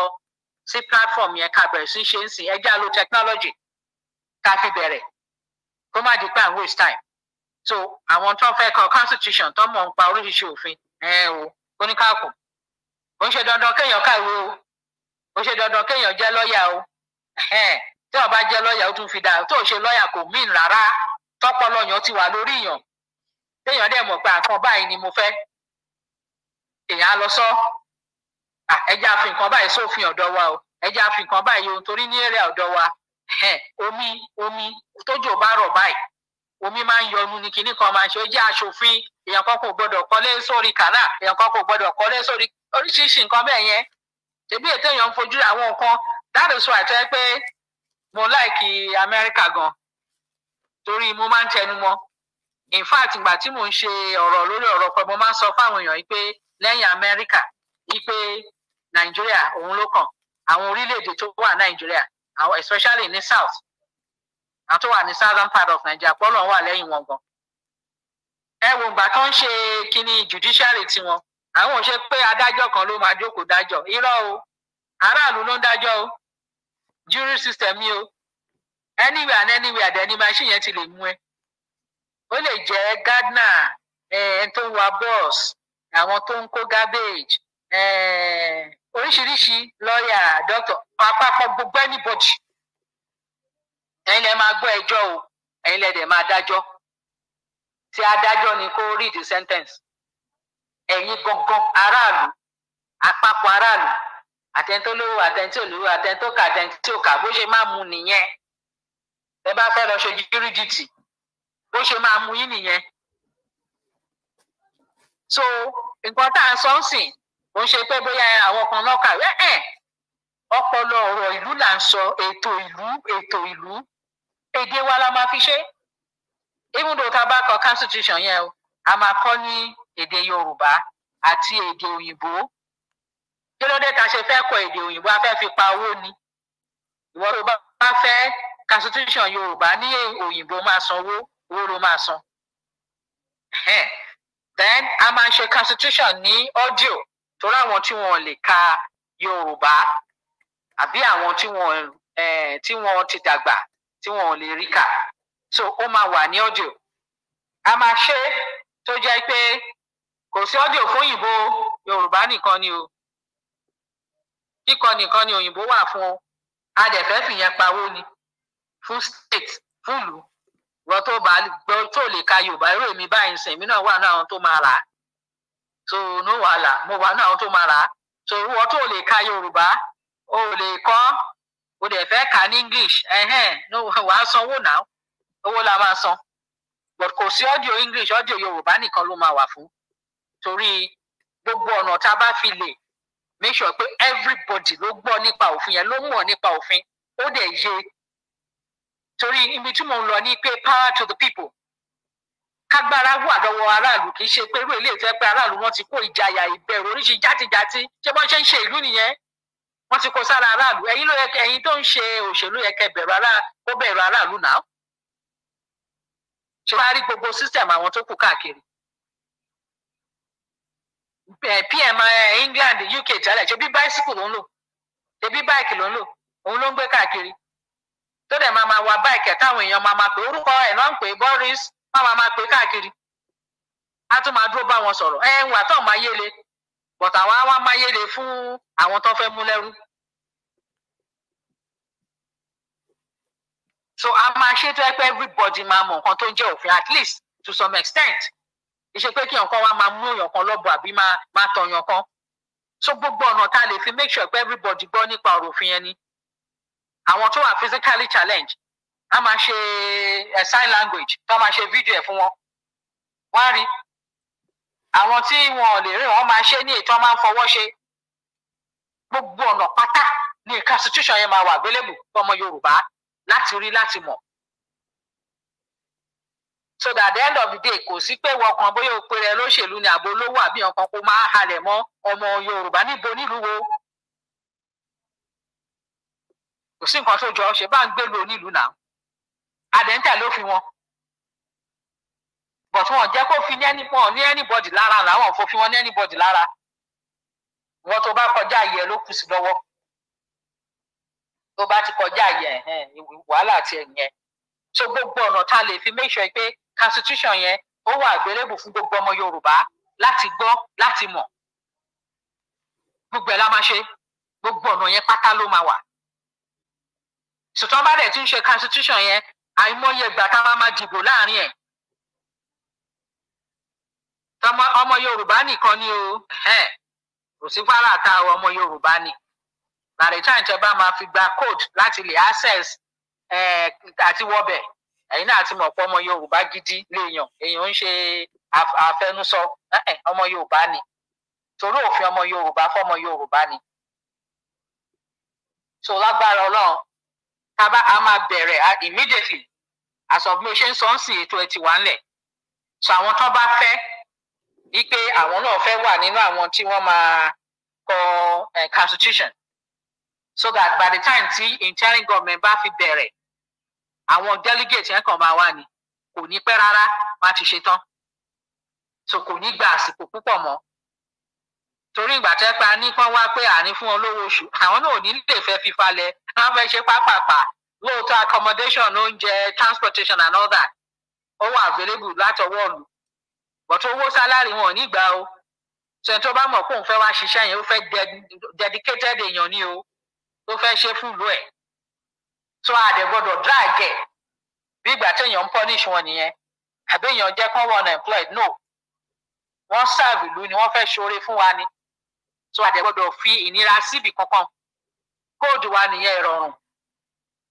sí platform yẹn ká bẹ̀rẹ̀ sí ṣe ń sìn ẹ já lo technology tá bẹ̀rẹ̀ kó má di pé à waste time so àwọn tó ń fẹ́ kọ constitution tó mọ̀ ń pa oríṣiríṣi òfin ẹ o oníkàkùn ó ń ṣe dandan kéèyàn kàwé o ó ṣe dandan kéèyàn jẹ́ lọ́ọ̀yà o tí ó bá jẹ́ lọ́ọ̀yà ó tún fi dà tó ṣe lọ́ọ̀yà kò mean rárá tọ́pọ̀lọ́ yàn ti wà lórí yàn téèyàn dẹ̀ mọ̀ pé àkàn báyìí ni mo fẹ́ èèyàn á lọ sọ ẹ jẹ́ àfi báyìí sófin ọ̀dọ̀ wa o ẹ jẹ́ àfi nǹkan báyìí ohun torí ní èrè ọ̀dọ̀ wa omi omi tójò bá rọ̀ báyìí omi máa ń yọnu ní kinní kan máa ń ṣe ó jẹ́ aṣòfin èèyàn kan kò gbọ́dọ̀ kọ́lé sórí kànáà èèyàn kan kò gbọ́dọ̀ kọ́lé sórí oríṣiríṣi nǹkan bẹ́ẹ̀ yẹn ṣebí ètò èèyàn ń fojú àwọn nǹkan that is why àtẹ́ pé mo láìkì amẹ́ríkà gan torí mo máa ń tẹnu mọ́ in fact ìgbà tí mo ń ṣe ọ̀rọ̀ lórí ọ̀rọ̀ pé mo máa ń sọ fáwọn èèyàn pé lẹ́yìn amẹ́ríkà wípé nàìjíríà òun ló kàn àwọn orílẹ̀-èdè tó wà nàìjíríà àwọn especially ní south àwọn tó wà ní southern part of Nigeria pọ́lọ̀ wà lẹ́yìn wọn gan ẹ wo ìgbà tó ń ṣe kínní judiciary tiwọn àwọn ò ṣe pé adájọ́ kan ló máa jókòó dájọ́ irọ́ o aráàlú ló ń dájọ́ o jury system yìí o anywhere and anywhere dẹni machine yẹn ti lè mú ẹ ó lè jẹ́ gardener ẹni tó ń wa bus àwọn tó ń kó garbage oríṣiríṣi lọ́ọ̀yà doctor àpapọ̀ gbogbo anybody ẹ̀yin lẹ máa gbọ́ ẹjọ́ o ẹ̀yin lẹ dẹ̀ máa dájọ́ tí adájọ́ ni kó read the sentence ẹ̀yin gangan aráàlú àpapọ̀ aráàlú àtẹ̀ntó lówó àtẹ̀ntó lówó àtẹ̀ntó kà àtẹ̀ntó kà bó ṣe máa mú nìyẹn ẹ bá fẹ́ lọ ṣe jurídìtì bó ṣe máa mú yín nìyẹn so nǹkan tá à ń sọ ń sìn kò ń ṣe pé bóyá àwọn kan lọ́kà ẹ̀ ẹ̀ ọpọlọ ọ̀rọ̀ ìlú là ń sọ ètò ìlú ètò ìlú èdè wa la máa fi ṣe even though tá a bá kọ constitution yẹn o a máa kọ ní èdè yorùbá àti èdè òyìnbó kí ló dé tá ṣe fẹ́ kọ èdè òyìnbó a fẹ́ fi pa owó ni ìwọ ló bá fẹ́ constitution yorùbá ní òyìnbó máa sanwó owó ló máa san then a máa ṣe constitution ní audio torí àwọn tí wọn lè ka yorùbá àbí àwọn tí wọn tí wọn ti dàgbà tí wọn lè rí kà so ó máa wà ní audio a máa ṣe tó jẹ́ pé kò sí audio fún òyìnbó yorùbá nìkan ni o kíkọ nìkan ni òyìnbó wà fún o a dẹ̀ fẹ́ fìyẹn pawó ni fún state fún ìlú wọ́n tó bá gbọ́ tó lè ka yorùbá eré mi báyìí sìn mí náà wà náà àwọn tó máa rà so no wàhálà mo wà náà àwọn tó máa rà so wọ́n tó lè ka yorùbá o ò lè kọ́ o dẹ̀ fẹ́ kà ní english wàá sanwó náà owó la máa san but kò sí audio english audio yorùbá nìkan ló máa wà fún torí gbogbo ọ̀nà tá a bá fi lè make sure pé everybody ló gbọ́ nípa òfin yẹn ló mọ̀ nípa òfin ó dẹ̀ yé torí ibi tí mò ń lọ ni pé power to the people kágbára wà lọ́wọ́ aráàlú kì í ṣe pé irú ilé ìfẹ́ pé aráàlú wọn ti kó ìjayà ìbẹ̀rù oríṣi játijáti ṣé wọ́n ṣe ń ṣe ìlú nìyẹn wọ́n ti kó sára aráàlú ẹ̀yin ló yẹ ẹ̀yin tó ń ṣe òṣèlú yẹ kẹ́ bẹ̀rù ará kó bẹ̀rù aráàlú náà ṣe wá rí gbogbo system àwọn tó kù káàkiri pm England UK tẹ́lẹ̀ ṣe bí bicycle ló ń lò ṣe bí bike ló ń lò òun ló ń gbé káàkiri tó dẹ̀ máa ma wa bike ẹ̀ táwọn èèyàn máa ma pè orúkọ ẹ̀ náà ń pè Boris máa ma pè káàkiri a tún máa dúró bá wọn sọ̀rọ̀ ẹ̀ ń wà tó máa yéle but àwọn àwọn amáyédè fún àwọn tó fẹ́ mú lẹ́rú. so a máa ṣe tó ẹ pé everybody máa mọ nǹkan tó ń jẹ́ òfin at least to some extent ìṣe pé kí nǹkan wa máa mú èèyàn lọ́bọ̀ àbí máa tọ̀yàn kan so gbogbo ọ̀nà tá a lè fi make sure pé everybody gbọ́ nípa ọ̀rọ̀ òfin yẹn àwọn tó wà physically challenge a máa ṣe eh, sign language tó máa ṣe fídíò ẹ̀ fún wọn wọ́n á rí àwọn tí wọn lè rìn wọn máa ṣe ní ètò wọn ń fọwọ́ ṣe gbogbo ọ̀nà pátá ní constitution yẹn máa wà available fún ọmọ Yorùbá láti rí láti mọ̀ so that at the end of the day kò sí pé wọn kan bóyá òpè rẹ lóṣèlú ni àbò olówó àbí ọkàn kó máa halẹ̀ mọ́ ọmọ Yorùbá níbo nílùú wo kò sí nǹkan tó jọ ṣe bá ń gbèlú onílùú náà adẹ́ńtà ló fi wọn but wọn jẹ́ kó fi ní ẹni wọn ní anybody lára làwọn fò fi wọn ní anybody lára wọn tó bá kọjá yẹ ló kù sí lọ́wọ́ tó bá ti kọjá yẹ wàhálà tiẹ̀ yẹn so gbogbo ọ̀nà tá a lè fi make sure pé constitution yẹn ó wà available fún gbogbo ọmọ Yorùbá láti gbọ́ láti mọ̀ gbogbo ẹ̀ la máa ṣe gbogbo ọ̀nà yẹn pátá ló máa wà sùtọ́n bá dẹ̀ tún ṣe constitution yẹn àìmọye ìgbà tá a máa dìbò láàrin ẹ̀ tọmọ ọmọ yorùbá nìkan ni o kò sí fara ta ọmọ yorùbá ni bàrẹ̀tàn ìjọba máa fi gba code láti lè access àti wọbẹ̀ ẹ̀yin náà ti mọ̀ pé ọmọ yorùbá gidi lèèyàn èèyàn ń ṣe àfẹnusọ ọmọ yorùbá ni torí òfin ọmọ yorùbá fọmọ yorùbá ni so lágbára ọlọ́run tábà á máa bẹ̀rẹ̀ immediately as of bí mo ṣe ń sọ ń sìn ètò ẹ̀ wà ń lẹ̀ so àwọn tó bá fẹ́ wípé àwọn náà fẹ́ wà nínú àwọn tí wọ́n máa kọ constitution so that by the time tí interim government bá fi bẹ̀rẹ̀ àwọn delegate yẹn kàn máa wà ní kò ní pẹ́ rárá wọ́n á ti ṣe tán so kò ní gba àsìkò púpọ̀ mọ́ torí ìgbà tẹ́ pa ní kán wá pé àní fún wọn lówó oṣù àwọn náà ò ní lè fẹ́ fi falẹ̀ wọ́n fẹ́ ṣe pápápá lóòótọ́ accommodation oúnjẹ transportation and all that ó wà available látọwọ́ ìlú bọ̀tú owó sálárì wọn ò ní gbà o sẹ́ni tó bá mọ̀ pé òun fẹ́ wá ṣiṣẹ́ yẹn ó fẹ́ dedicated èèyàn ni o ó fẹ́ ṣe fúlù ẹ̀ tó àdè gbọ́dọ̀ drag ẹ̀ bí ìgbà téèyàn ń punish wọn nìyẹn àbí èèyàn jẹ́ kán wọ́n unemployed no wọ́n serve ìlú ni wọ́n fẹ́ ṣoore fún wa ni tó àdè gbọ́dọ̀ fi ìnira síbì kankan kóòdù wa nìyẹn ìrọ̀rùn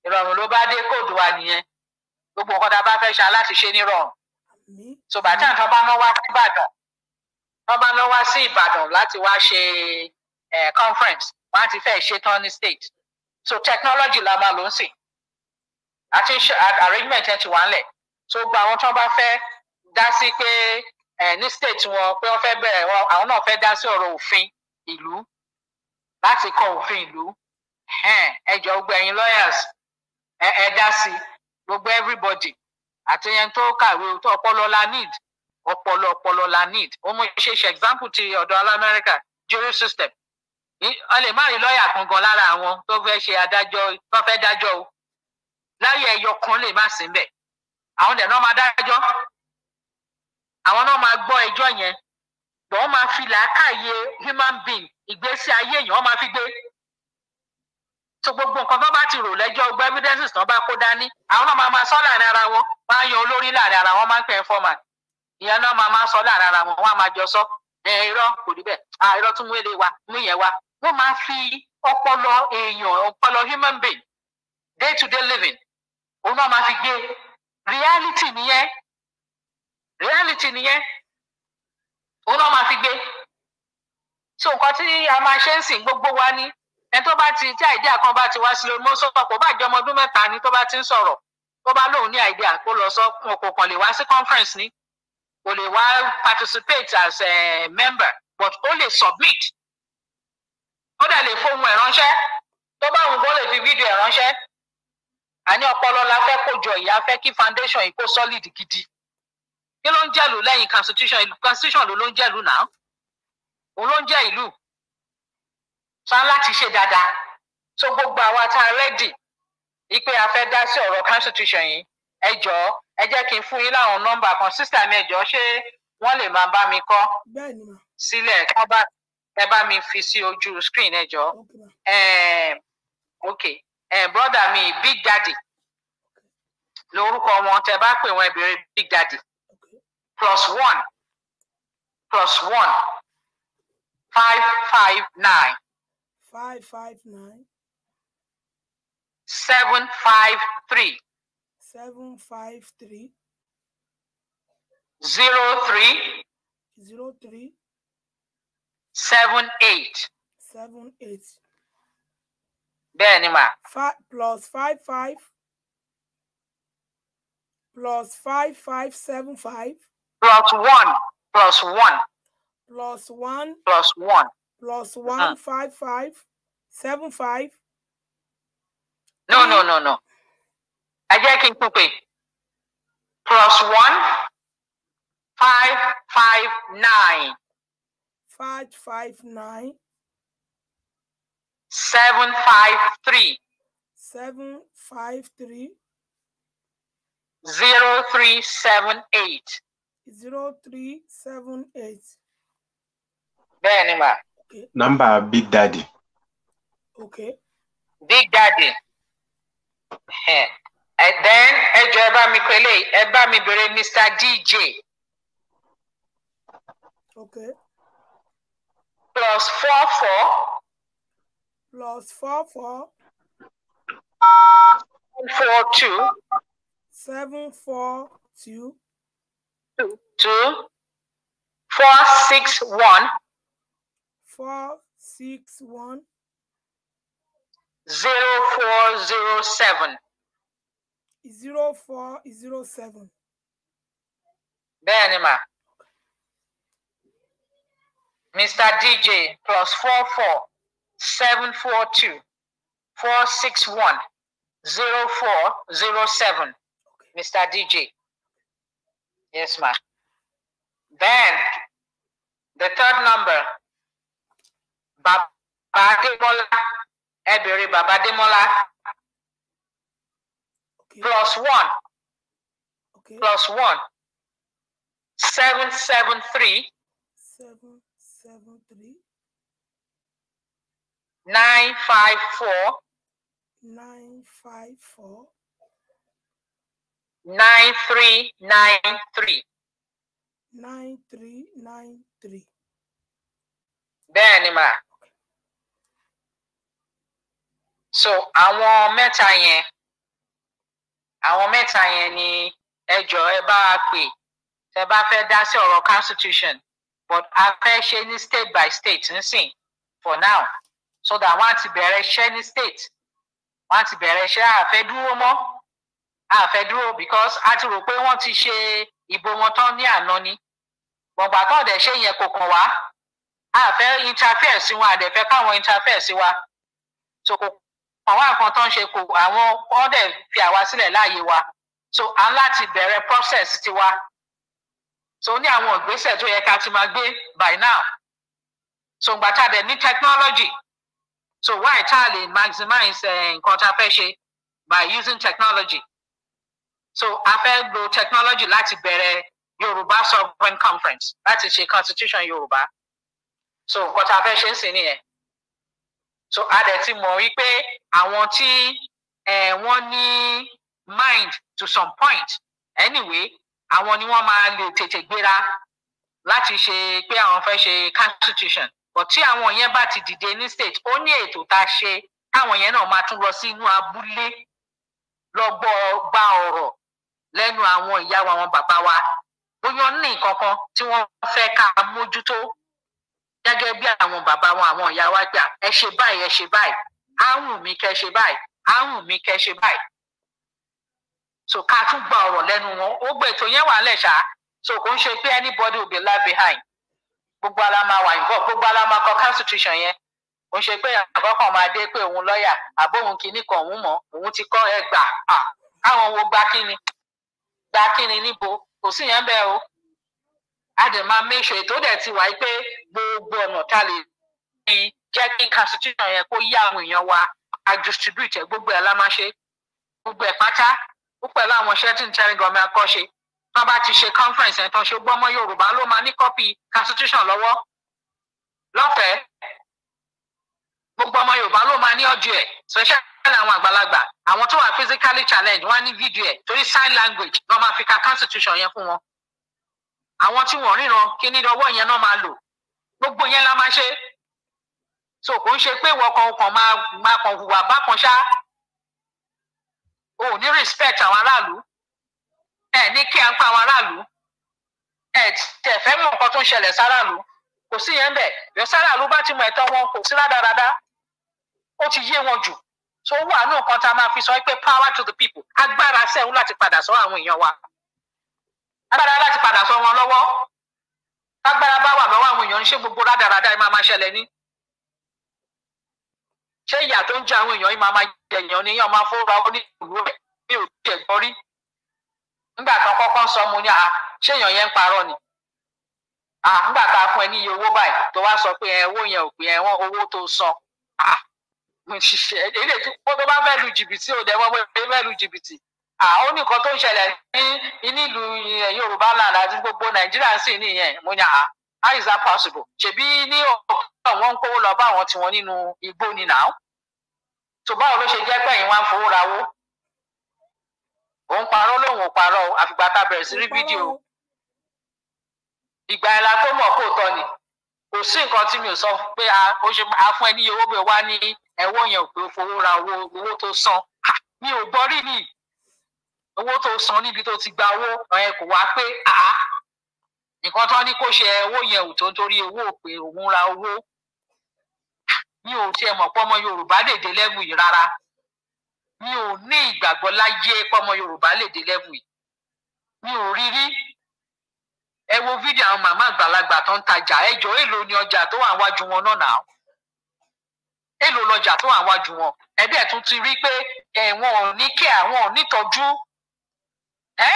ìrọ̀rùn ló bá dé kóòdù wa nìyẹn gbogbo nǹkan tá a bá fẹ́ ṣe aláti nírọ̀rùn ṣùgbọ́n tí àwọn bá ná wá sí Ìbàdàn wọ́n bá ná wá sí Ìbàdàn láti wá ṣe conference wọ́n á ti fẹ́ ṣe tán ní state so technology la máa ló ń sìn àti arrangement yẹn ti wà ńlẹ̀ so gba àwọn tí wọ́n bá fẹ́ dá sí pé ní state wọn pé wọ́n fẹ́ bẹ̀rẹ̀ wọn àwọn náà fẹ́ dá sí ọ̀rọ̀ òfin ìlú láti kọ òfin ìlú ẹ jọ̀ọ́ gbẹ̀yìn lawyers ẹ dá sí gbogbo everybody àti ẹni tó kàwé tó ọpọlọ need ọpọlọ ọpọlọ la need ó mú ṣe ṣe example ti ọ̀dọ̀ alamẹ́ríkà jury system wọ́n lè má rí lọ́ọ̀yà kan gan lára àwọn tó fẹ́ ṣe adájọ́ tó fẹ́ dájọ́ o láyé ẹyọ kan lè má sí mbẹ̀ àwọn dẹ̀ náà máa dájọ́ àwọn náà máa gbọ́ ẹjọ́ yẹn bọ́n máa fi làákàyè human being ìgbésí ayé èèyàn máa fi gbé so gbogbo nǹkan tó bá ti rò lẹ́jọ́ gbogbo evidences tó bá kó dání àwọn náà máa máa sọ láàrin ara wọn máa yan olórí láàrin ara wọn máa ń pè é fọ́ọ̀màn ìyẹn náà máa máa sọ láàrin ara wọn wọn á máa jọ sọ irọ́ kò rí bẹ́ẹ̀ irọ́ tún wọlé wa mú yẹn wa wọ́n máa fi ọpọlọ èèyàn ọpọlọ human being day to day living òun náà máa fi gbé reality nìyẹn reality nìyẹn òun náà máa fi gbé so nǹkan tí a máa ṣe ń sìn gbogbo wa ni ẹni tó bá ti tí àìdíà kan bá ti wá sí lórí mo sọ pọ̀ bá jẹ́ ọmọ ọdún mẹ́ta ni tó bá ti ń sọ̀rọ̀ tó bá lóun ní àìdíà kó lọ sọ kò kàn lè wá sí conference ni kò lè wá participate as a member but ó lè submit ó dẹ̀ lè fohùn ẹ̀ ránṣẹ́ tó bá wù kó lè fi fídíò ẹ̀ ránṣẹ́ àní ọpọlọ la fẹ́ kó ìyá fẹ́ kí foundation yìí kó solid gidi kí ló ń jẹ́lu lẹ́yìn constitution constitution ló ló ń jẹ́lu náà òun ló ń jẹ́ ìlú sá láti ṣe dáadáa so gbogbo àwa tá a rẹ́dì ipe a fẹ́ dá sí ọ̀rọ̀ constitution yìí ẹ jọ ẹ jẹ́ kí n fún yín láwọn nọ́mbà kan sísà mi ẹ jọ ṣé wọ́n lè máa bá mi kọ sílẹ̀ kán bá ẹ bá mi fi sí ojú screen ẹ jọ ok Brother mi big daddy lórúkọ wọn tẹ bá pè wọn ẹ big daddy plus one plus one five five nine five five nine. seven five three. seven five three. zero three. zero three. seven eight. seven eight. bẹ́ẹ̀ ni mà. five plus five five. plus five five seven five. plus one plus one. plus one. plus one plus ah. one uh five five seven five. no no no no I jẹ́ kí n plus one five five nine. five five nine. seven five three. seven five three. zero three seven eight. zero three seven eight. bẹ́ẹ̀ ni Number Big Daddy. Okay. Big Daddy. And then ẹ jọ ẹ bá mi pẹ̀lẹ́ ẹ Mr. DJ. Okay. Plus four four. Plus four four. four two. Seven four two. Two. two. Four six one. four six one zero four zero seven zero four zero seven. Bẹ́ẹ̀ni ma. Mr. DJ plus four four seven four two four six one zero four zero seven. Mr. DJ. Yes, ma'am. Then the third number bàbá Adémọ́lá ẹ bèrè bàbá Adémọ́lá plus one okay. plus one seven seven three. Seven seven three. Nine five four. Nine five four. Nine nine three three. 9393. 9393. Bẹ́ẹ̀ ni màá so àwọn mẹ́ta yẹn àwọn mẹ́ta yẹn ni ẹ jọ̀ọ́ ẹ bá wa pè tẹ́ bá fẹ́ dá sí ọ̀rọ̀ constitution but a fẹ́ ṣe ní state by state nsìn for now so that wọ́n á ti bẹ̀rẹ̀ ṣẹ́ ní state wọ́n á ti bẹ̀rẹ̀ ṣẹ́ àfẹ́ dúró mọ́ àfẹ́ dúró because a ti rò pé wọ́n ti ṣe ìbò wọn tán ní àná ni gbọ̀ngbà tó ọ̀dẹ̀ ṣe yẹn kò kàn wá àfẹ́ interfere sí wọn àdẹ̀fẹ́ káwọn interfere sí wa so kò àwọn nǹkan tó ń ṣe kò àwọn wọn fi àwa sílẹ̀ láàyè wa so à ń láti bẹ̀rẹ̀ process tiwa so ní àwọn ìgbésẹ̀ tó yẹ ká ti máa gbé by now so ìgbà tá ní technology so why tá a lè maximize eh, nǹkan tá a ṣe by using technology so a fẹ́ lo technology láti bẹ̀rẹ̀ Yorùbá sovereign conference láti ṣe constitution Yorùbá so nǹkan tá a fẹ́ ṣe ń sìn nìyẹn so a dẹ̀ ti mọ̀ wípé àwọn tí wọ́n ní mind to some point anyway àwọn ni wọ́n máa lè tètè gbéra láti ṣe pé àwọn fẹ́ ṣe constitution but tí àwọn yẹn bá ti dìde ní state ó ní ètò tá a ṣe káwọn yẹn náà máa tún lọ sí inú abúlé lọ gbọ́ gba ọ̀rọ̀ lẹ́nu àwọn ìyá wa àwọn bàbá wa bóyá ní nǹkan kan tí wọ́n fẹ́ ká mójútó gẹ́gẹ́ bí àwọn bàbá wọn àwọn ìyá wa gbà ẹ ṣe báyìí ẹ ṣe báyìí áhùn mi kẹ́ ṣe báyìí áhùn mi kẹ́ ṣe báyìí so ká tún gba ọ̀rọ̀ lẹ́nu wọn ó gbé ètò yẹn wà lẹ̀ so kò ń ṣe pé anybody will be left behind gbogbo ala máa wà involve gbogbo ala máa kọ constitution yẹn kò ń ṣe pé àkọ́kọ́ máa dé pé òun lọ́ọ̀yà àbóhun kinní kan òun mọ̀ òun ti kọ́ ẹgbàá káwọn wo gba kíni gba kíni níbo kò sí yẹn bẹ́ẹ̀ o a dẹ̀ máa make sure ètò dẹ̀ ti wáyé pé gbogbo ọ̀nà tá lè fi jẹ́ kí constitution yẹn kó yá àwọn èèyàn wa a distribute ẹ̀ gbogbo ẹ̀ la máa ṣe gbogbo ẹ̀ pátá ó pẹ̀lú àwọn iṣẹ́ tí n tẹ́rin gọ̀ọ́mẹ́ akọ́ṣe tó bá ti ṣe conference ẹ̀ tán ṣe gbọ́mọ Yorùbá ló máa ní copy constitution lọ́wọ́ lọ́fẹ̀ẹ́ gbogbo ọmọ Yorùbá ló máa ní ọjọ́ ẹ̀ especially àwọn àgbàlagbà àwọn tó wà physically challenged wọ́n á ní video ẹ̀ torí sign language ló máa fi ka constitution yẹn fún wọn àwọn tí wọn ríran kí ní ọwọ́ yẹn náà máa lò gbogbo yẹn la máa ṣe so kò ń ṣe pé ìwọ kan kan máa máa kan hùwà bákan ṣá o ò ní respect àwọn aráàlú ẹ ní kí à ń pa àwọn aráàlú ẹ tẹ fẹ́ mọ̀ nǹkan tó ń ṣẹlẹ̀ sáràlú kò sí yẹn bẹ́ẹ̀ yọ sáràlú bá ti mọ ẹ̀tọ́ wọn kò sí rádaràda ó ti yé wọn jù so wà ní nǹkan tá a máa fi sọ pé power to the people agbára sẹ́hún láti padà sọ àwọn èèyàn wa agbára láti padà sọ wọn lọ́wọ́ agbára bá wà lọ́wọ́ àwọn èèyàn ń gbogbo rádaràda ẹ máa máa ṣẹlẹ̀ ní. ṣé ìyà tó ń jẹ àwọn èèyàn máa máa jẹ èèyàn ní ọmọ afọ́ra ó ní ìlú rẹ̀ mi ò tiẹ̀ gbọ́ rí. nígbà kan kọ́kọ́ sọ mo ní a ṣé èèyàn yẹn ń parọ́ ni. à ńgbà tá fún ẹ ní owó báyìí tó wá sọ pé owó yẹn ò pé ẹ̀wọ̀n owó tó san. èdè tó bá fẹ́ lu jìbìtì ò dẹ̀ mọ́ àwọn nìkan tó ń ṣẹlẹ̀ ní nílùú eh, yorùbá land àti gbogbo nàìjíríà sì nìyẹn mo ní à how is that possible ṣebí ní ọ̀pọ̀ wọn ń kówó lọ bá àwọn tiwọn nínú igbó ni nà ó tó báwo ló ṣe jẹ́ pé ẹ̀yin wá ń fowó rawó òun parọ́ lòun ò parọ́ àfìgbà tá a bẹ̀rẹ̀ sí rí fídíò ìgbà ẹ̀la tó mọ̀ kó tọ́ ni kò sí nǹkan tí mi ò sọ pé ó ṣe máa fún ẹ ní owó bẹ́ẹ̀ wá ní ẹ̀wọ́ yẹn ò pé fowó ra owó owó tó san mi ò gbọ́ rí nìyí owó tó san níbi tó ti gba owó ẹ kò wá pé a nǹkan tó ní kó ṣe owó yẹn ò tó torí owó pé òun ra owó mi ò tiẹ̀ mọ̀ pé ọmọ Yorùbá lè dé lẹ́bù yìí rárá mi ò ní ìgbàgbọ́ láyé pé ọmọ Yorùbá lè dé lẹ́bù yìí mi ò rí rí ẹ wo fídíò àwọn màmá àgbàlagbà tó ń tajà ẹjọ èèlò ni ọjà tó wà wájú wọn náà nà èèlò lọjà tó wà wájú wọn ẹdẹ tún ti rí pé ẹwọn ò ní kí àwọn ò nítọ́jú ẹ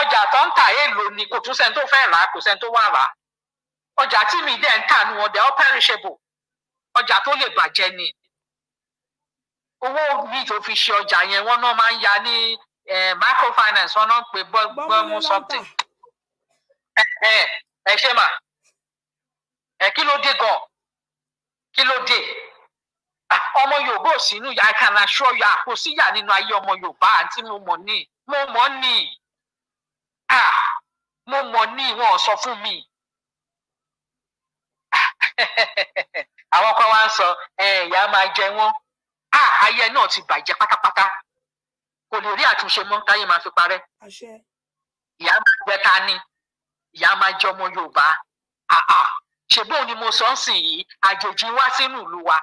ọjà tó ń tà èèlò ni kò tún sẹ́ni tó fẹ́ rà kò sẹ́ni tó wà rà ọjà tí mi dẹ̀ ń tà nu ọ̀dẹ̀ ọ́ perishable ọjà tó lè bàjẹ́ ni owó mi tó fi ṣe ọjà yẹn wọ́n náà máa ń ya ní microfinance wọ́n náà ń pè gbọ́mú something ẹ ẹ ṣe mà ẹ kí ló dé gan kí ló dé ah, ọmọ Yorùbá ò sínú I can assure you àkó síyà nínú ayé ọmọ Yorùbá àǹtí mo mọ̀ níyì mo mọ̀ ní ah mo mọ̀ ní wọn ò sọ fún mi àwọn kan wá ń sọ ìyá máa jẹ wọn ah ayé náà ti bàjẹ́ pátápátá kò lè rí àtúnṣe mọ́ táyé máa fi parẹ́ ìyá máa jẹ ta ni ìyá máa jẹ ọmọ Yorùbá ah ah ṣègbọ́n ni mo sọ ń sìn yìí àjèjì wá sínú ìlú wa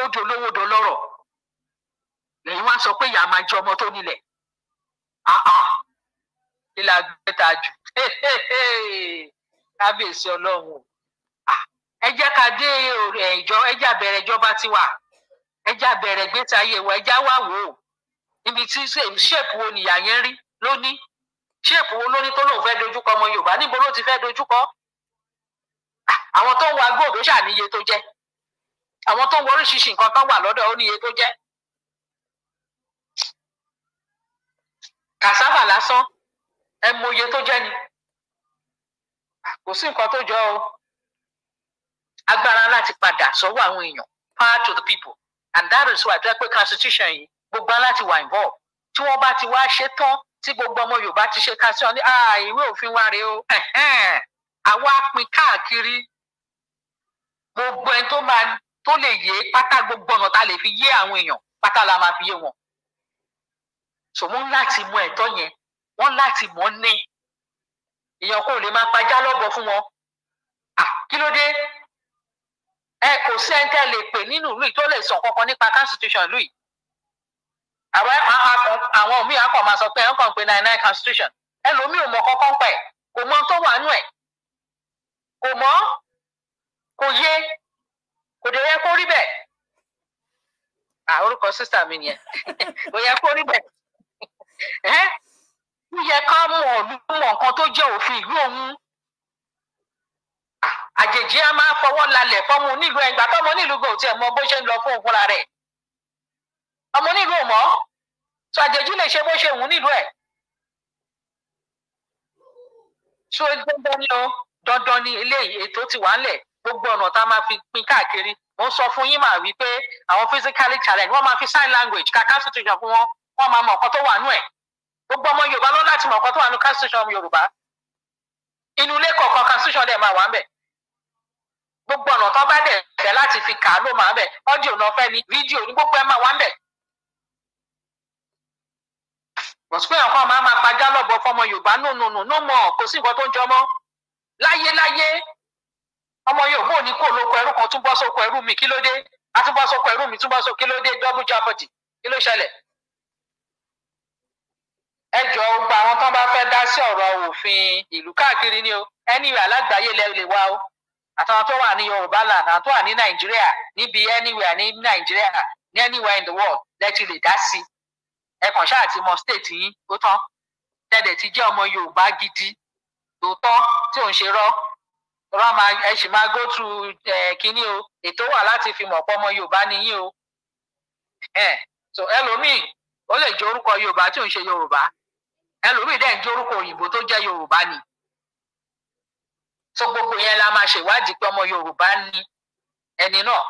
ó dolówó dolọ́rọ̀ lẹ́yìn wá sọ pé ìyá máa jẹ ọmọ tó nílẹ̀ ìlà ah, ah. gbẹta jù kábíyèsí ọlọ́run o ah, ẹ jẹ́ ká dé ìjọ ẹ jẹ́ àbẹ̀rẹ̀ ìjọba tiwa ẹ jẹ́ àbẹ̀rẹ̀ gbèsè ayé wa ẹ jẹ́ wá wò ó níbi tí ṣéèpù wo nìyà yẹn rí lóní ṣéèpù wo lóní tó lóun fẹ́ dojúkọ ọmọ yorùbá níbo ló ti fẹ́ dojúkọ àwọn tó ń wọ agbóòdó ṣàníye tó jẹ́ àwọn tó ń wọ oríṣiríṣi nǹkan kan wà lọ́dọ̀ ó tó jẹ́ cassava lásán ẹ mọye tó jẹ́ ni kò sí nǹkan tó jọ o agbára láti padà sọ́wọ́ àwọn èèyàn power to the people and that is why tó pé constitution yìí gbogbo aláti wà involve tí wọ́n bá ti wá ṣe tán tí gbogbo ọmọ yorùbá ti ṣe constitution ní ìwé òfin wa rèé o àwa pín káàkiri gbogbo ẹni tó máa tó lè yé pátá gbogbo ọ̀nà tá lè fi yé àwọn èèyàn pátá la máa fi yé wọn so wọ́n láti mọ ẹ̀tọ́ yẹn wọ́n láti mọ̀ ọ́ ní èèyàn kò lè máa pajá lọ́bọ fún wọn kí ló dé ẹ kò sí ẹni tẹ́ lè pè nínú ìlú yìí tó lè sọ kankan nípa constitution ìlú yìí àwọn míì akọ máa sọ pé ẹ̀ ń kàn pé nine nine constitution ẹlòmíì ò mọ kankan pẹ̀ kò mọ tó wà nù ẹ̀ kò mọ kò yé kò dé yẹ kó rí bẹ́ẹ̀ orúkọ sísá mi nìyẹn kò yẹ kó rí bẹ́ẹ̀ ó yẹ ká mọ̀ ọ̀lú mọ̀ nǹkan tó jẹ́ òfin ìlú òun àjèjì á máa fọwọ́ lalẹ̀ fọmọ onílù ẹ̀ǹgbà tọmọ onílù gò tiẹ̀ mọ bó ṣe ń lọ fún òun fúnra rẹ̀ ọmọ onílù ò mọ́ tó àjèjì lè ṣe bó ṣe wù nílùú ẹ̀ tó dandan ni o dandan ni eléyìí ètò ti wà ńlẹ̀ gbogbo ọ̀nà tá a máa fi pín káàkiri mo ń sọ fún yín mà wípé àwọn physically challenge wọ́n máa fi sign language ka constitution fún wọn wọ́n máa mọ̀ nǹkan tó wà nú ẹ̀ gbogbo ọmọ yorùbá lọ láti mọ̀ nǹkan tó wà nú constitution yorùbá inú ilé kọ̀ọ̀kan constitution ma máa wà ń bẹ̀ gbogbo ọ̀nà tó bá dẹ̀ fẹ́ láti fi kà á ló máa ń náà gbogbo máa wà ń máa máa fọmọ yorùbá nù nù nù mọ̀ kò sí nǹkan tó ọmọ yorùbá ò ní kó ẹ jọ gba àwọn tán bá fẹ́ dá sí ọ̀rọ̀ òfin ìlú káàkiri ni o anywhere alágbàáyé lẹ lè wá o àtàwọn tó wà ní yorùbá land àtàwọn tó wà ní nàìjíríà níbi anywhere ní nàìjíríà ní anywhere in the world lẹ ti lè dá sí ẹ kàn ṣáà ti mọ state yín ó tán tẹ̀dẹ̀ ti jẹ́ ọmọ yorùbá gidi tòótọ́ tí òun ṣe rọ́ rọ́ máa ẹ sì máa go through kínní o ètò wà láti fi mọ̀ pọ́ ọmọ yorùbá nìyí o so ẹlòmíì ó lè jẹ́ orúkọ yorùbá tí òun ṣe yorùbá ẹlòmíì dẹ̀ ń jórúkọ òyìnbó tó jẹ́ yorùbá ni so gbogbo yẹn la máa ṣèwádìí pé ọmọ yorùbá ni ẹni náà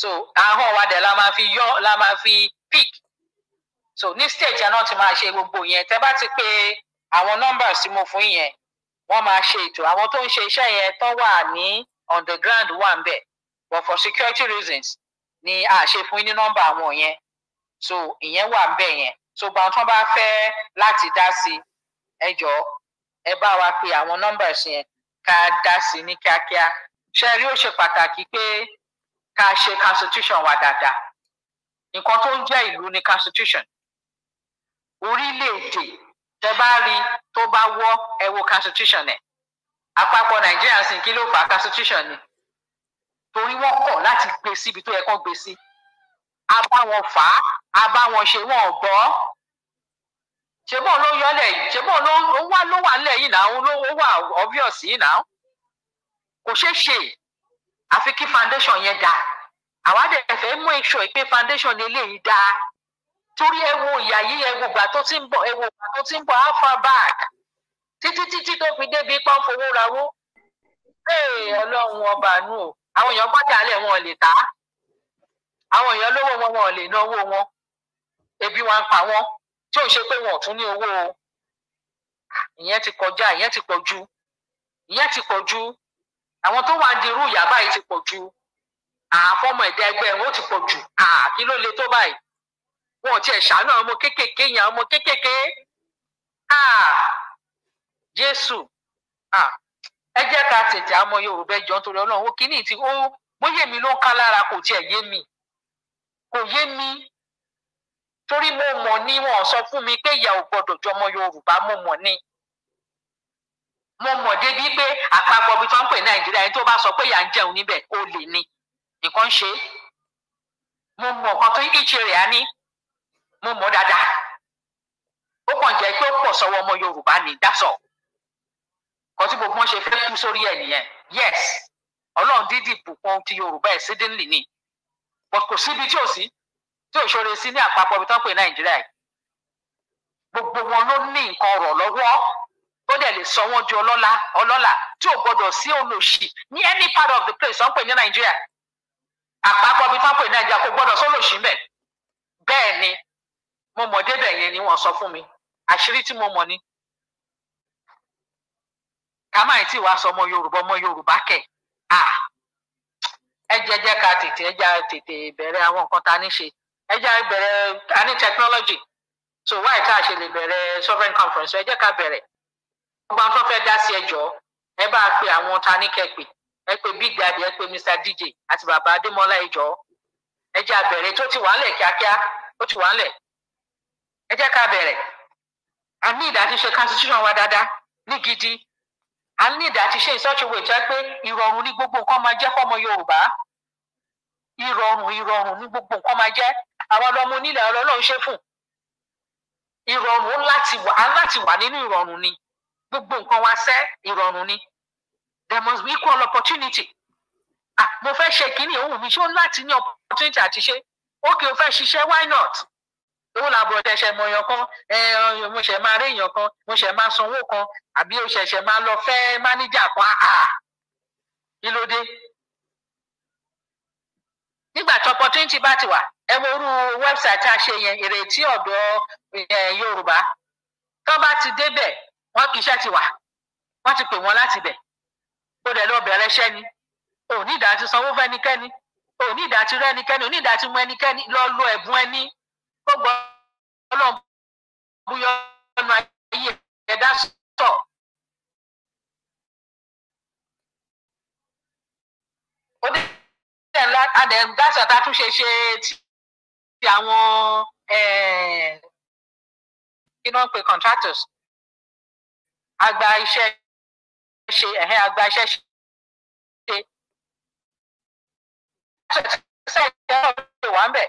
so ahọ́n wa dẹ̀ la máa fi yọ la máa fi pick so ní stage yẹn náà ti máa ṣe gbogbo yẹn tẹ́ bá ti pé àwọn numbers tí mo fún yẹn wọ́n máa ṣe ètò àwọn tó ń ṣe iṣẹ́ yẹn tó wà ní on the ground wà ń bẹ̀ but for security reasons ni a ṣe fún yín ní nọ́mbà àwọn yẹn so ìyẹn wà ń bẹ̀ yẹn ṣùgbọ́n tí wọ́n bá fẹ́ láti dá sí ẹ jọ ẹ bá wa pe àwọn nọ́mbà yẹn ká dá sí ní kíákíá ṣe rí ó ṣe pàtàkì pé ká ṣe constitution wa dáadáa nǹkan tó ń jẹ́ ìlú ni constitution orílẹ̀-èdè tẹ bá rí tó bá wọ́ ẹ wo constitution ẹ̀ àpapọ̀ nàìjíríà sì kí ló fà constitution ni torí wọ́n kọ̀ láti gbé síbi tó yẹ kó gbé sí. Si a bá wọn fà á a bá wọn ṣe wọn gbọ́ ṣe ló yọlẹ̀ yìí ṣe bọ́ọ̀ ló ló wà nílẹ̀ yìí náà ló wà obvious yìí náà kò ṣeé ṣe àfi kí foundation yẹn dáa àwa dẹ̀ fẹ́ mú sure pé foundation eléyìí dáa torí ẹ ìyá yìí ẹ wo tó ti ń bọ̀ ẹ wo tó ti ń bọ̀ how far títí títí tó fi débi pọ́n fowó rawó. ee ọlọ́run ọba àánú o àwọn èèyàn gbọ́dọ̀ alẹ́ wọn lè ta á àwọn èèyàn lówó wọn wọn ò lè ná owó wọn ebi wa ń pa wọn tí ò ń ṣe pé wọn ò tún ní owó o ìyẹn ti kọjá ìyẹn ti pọ̀ jù ìyẹn ti pọ̀ jù àwọn tó wà ń dirú ìyá báyìí ti pọ̀ jù àfọmọ ẹ̀dá ẹgbẹ́ wọn ó ti pọ̀ jù kí ló le tó báyìí wọn ò tiẹ̀ ṣàánú àwọn ọmọ kéékèèké yẹn àwọn ọmọ kéékèèké jésù ẹ jẹ́ ká tètè àmọ́ yorùbá ẹjọ́ torí ọlọ́run ó kíní ti ó bóyá èmi ló ń ká lára kò tiẹ̀ yé mi kò yé mi torí mo mọ̀ ni wọ́n sọ fún mi pé ìyá ò gbọ́dọ̀ jọmọ Yorùbá mo mọ̀ ni mo mọ̀ débi pé àpapọ̀ bí fọ́npẹ̀ Nàìjíríà ẹni tó bá sọ pé ìyá ń jẹun níbẹ̀ ó lè ní nǹkan ṣe mo mọ̀ nǹkan tó ìṣe rẹ̀ á ní mo mọ̀ dáadáa ó kàn jẹ́ pé ó pọ̀ sọ́wọ́ ọmọ Yorùbá ní dásọ̀ kan tí gbogbo wọn ṣe fẹ́ kú sórí ẹ̀ nìyẹn yes Ọlọ́run dídì bùkún ti Yorùbá ẹ̀ sídìnlì ni but kò síbi tí ò sí tí ò ṣoore sí ní àpapọ̀ ibi tó ń pè nàìjíríà yìí gbogbo wọn ló ní nǹkan ọ̀rọ̀ lọ́wọ́ tó dẹ̀ lè sọ wọ́n di ọlọ́lá ọlọ́lá tí ò gbọdọ̀ sí olòṣì ní any part of the place tó ń pè ní nàìjíríà àpapọ̀ ibi tó ń pè ní nàìjíríà kò gbọdọ̀ sí olòṣì mbẹ̀ bẹ́ẹ̀ ni mo mọ̀ débẹ̀ yẹn ni wọ́n sọ fún mi àṣírí tí mo mọ̀ ni ká má ì tí wàá sọ ọmọ yorùbá ọmọ yorùbá kẹ̀ ah ẹ jẹ́ jẹ́ ká tètè ẹ jẹ́ tètè bẹ̀rẹ̀ àwọn nǹkan tá a ní ṣe ẹ jẹ́ bẹ̀rẹ̀ a ní technology so why ká ṣe lè bẹ̀rẹ̀ sovereign conference ẹ jẹ́ ká bẹ̀rẹ̀ ọgbà tó fẹ́ dá sí ẹjọ́ ẹ bá pe àwọn ta ní kẹ́pẹ́ ẹ pe big daddy ẹ pe mr dj àti bàbá adémọlá ẹjọ́ ẹ jẹ́ àbẹ̀rẹ̀ tó ti wà ńlẹ̀ kíákíá ó ti wà ńlẹ̀ ẹ jẹ́ ká bẹ̀rẹ̀ àmì ìdájú ṣe constitution wa dáadáa ní gidi a ní àti ṣe ìsọ́ṣowó ìtọ́ pé ìrọ̀rùn ní gbogbo nǹkan máa jẹ́ fọmọ Yorùbá ìrọ̀rùn ìrọ̀rùn ní gbogbo nǹkan máa jẹ́ àwọn ọlọ́mọ onílẹ̀ ọlọ́run ṣe fún ìrọ̀rùn láti wà á láti wà nínú ìrọ̀rùn ni gbogbo nǹkan wa sẹ́ ìrọ̀rùn ni there must be equal opportunity ah mo fẹ́ ṣe kínní òun mi ṣó láti ní opportunity àti ṣe okay o fẹ́ ṣiṣẹ́ why not owó làbọ̀ ṣẹ̀ṣẹ̀ mọ èèyàn kan mo ṣẹ̀ máa rí èèyàn kan mo ṣẹ̀ máa sanwó kan àbí o ṣẹ̀ṣẹ̀ máa lọ fẹ́ mánéjà kan àà kí ló dé. nígbà tí opportunity bá ti wà ẹ wo irú wẹ́bsáìtì a ṣe yẹn ìrètí ọ̀dọ́ yorùbá tó bá ti débẹ̀ wọ́n kì í ṣe ti wà wọ́n ti pè wọ́n láti bẹ̀ ó dẹ̀ lọ bẹ̀rẹ̀ iṣẹ́ ni ò ìdá ti sanwó fẹ́nikẹ́ni ò ìdá ti rẹ́nikẹ́ni ò ìdá ti mú ẹnikẹ́ni lọ lo ẹ̀bùn ẹni kó gbọ́ ọlọ́run búyọ́ ọ̀nà ayé ẹ̀dá sọ̀. ó dé ńlá adẹ̀ dáṣà tá a tún ṣe ṣe ti àwọn eh, kí ni wọ́n pe contractors àgbà iṣẹ́ ṣe ẹ̀hẹ́ àgbà iṣẹ́ ṣe ṣe wà ń bẹ̀.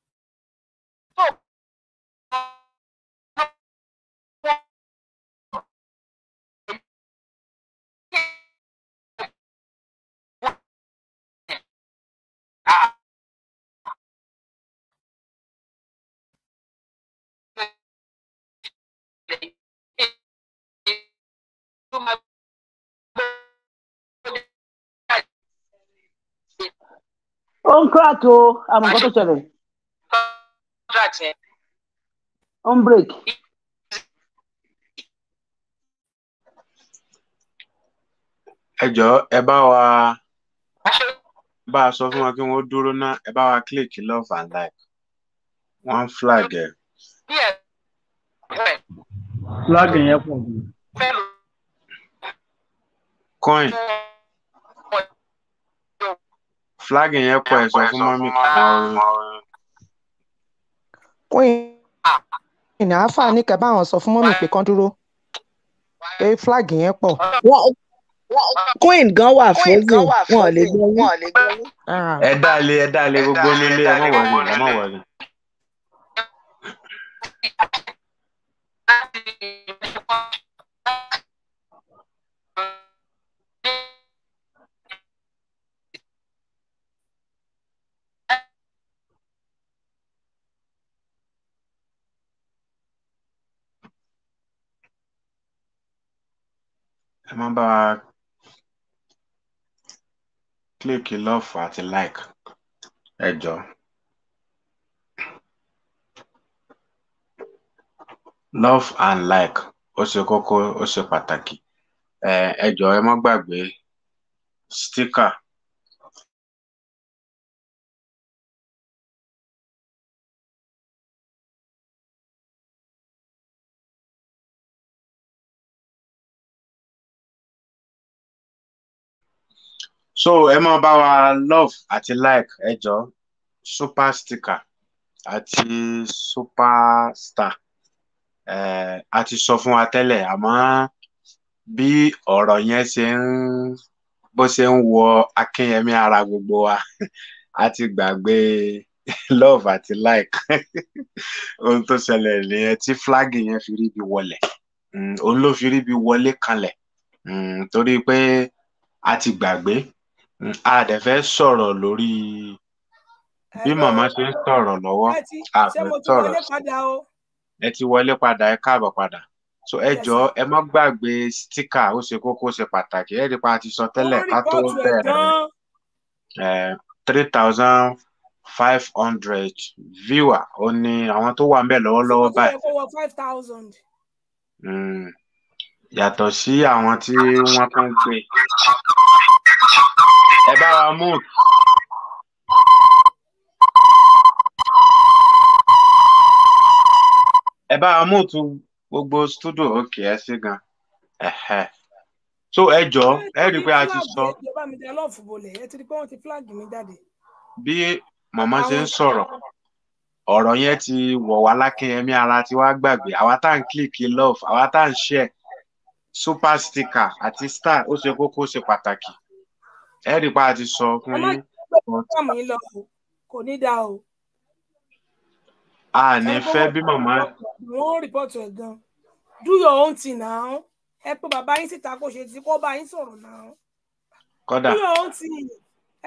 ó crack o àmọ́ nǹkan tó ṣẹlẹ̀. contract yẹn. Eh? break. ẹ wa bá a sọ fún wa kí wọ́n dúró ná ẹ bá wa click love and like one flag ẹ. flag yẹn pọ̀ jù. coin. flag yẹn kọ ẹ ah. sọ fún mọ́mí kan orin. queen ní àáfà ní kẹ báwọn sọ fún mọ́mí pé kán dúró pé flag yẹn pọ̀. queen gan wà fóògùn wọn ò lè gbọ́ ah. ẹ dáálé ẹ dáálé gbogbo nílé ẹ mọ̀ wọ̀nyí ẹ mọ̀ wọ̀nyí. ẹ má bá wa lọ́ọ̀fù àti like ẹ jọ̀ọ́. love and like ó ṣe kókó ó ṣe pàtàkì ẹ jọ̀ọ́ ẹ má gbàgbé sticker so ẹ máa bá wa love àti like ẹ jọ super sticker àti superstar ẹ a ti sọ fún wa tẹ́lẹ̀ àmọ́ bí ọ̀rọ̀ yẹn ṣe ń bó ṣe ń wọ akínyẹmí ara gbogbo wa a ti gbàgbé love àti like ohun tó ṣẹlẹ̀ nìyẹn tí flag yẹn fi rí bí wọlẹ̀ mm, òun ló fi rí bí wọlé kanlẹ̀ mm, torí pé a ti gbàgbé a dẹ̀ fẹ́ sọ̀rọ̀ lórí bí màmá ṣe ń sọ̀rọ̀ lọ́wọ́ a fẹ́ sọ̀rọ̀ ẹ ti wọlé padà ẹ káàbọ̀ padà so ẹ jọ̀ọ́ ẹ má gbàgbé stika ó ṣe kókó ṣe pàtàkì ẹ rí pa ti sọ tẹ́lẹ̀ ká tó bẹ̀rẹ̀ three thousand five hundred viewer ó ní àwọn tó wà ń bẹ̀ lọ́wọ́lọ́wọ́ báyìí hmm. yàtọ̀ sí àwọn tí wọ́n tún gbé ẹ bá wa mú. ẹ bá wa mú studio òkè ẹ sí gan so ẹ jọ ẹ rí i pé a ti sọ. ìjọba mi jẹ́ lọ́ọ̀fù bolẹ̀ ẹ ti rí i pé wọ́n ti fúláàgì bí màmá ṣe ń sọ̀rọ̀ ọ̀rọ̀ yẹn ti wọ̀ wá lákínyẹmí ara tí wàá gbàgbé àwa tá à ń love àwa tá à ń super sticker àti star ó ṣe kókó ó ṣe pàtàkì ẹ rí i pa àti sọ fún yín. ọlọ́run yìí lọ kò ní dá o. a ní fẹ́ bí màmá. wọ́n rìpọ́tù ẹ̀ gan do your own thing now ẹ pé bàbá yín síta kó ṣe ti kó bá yín sọ̀rọ̀ now. kódà do your own thing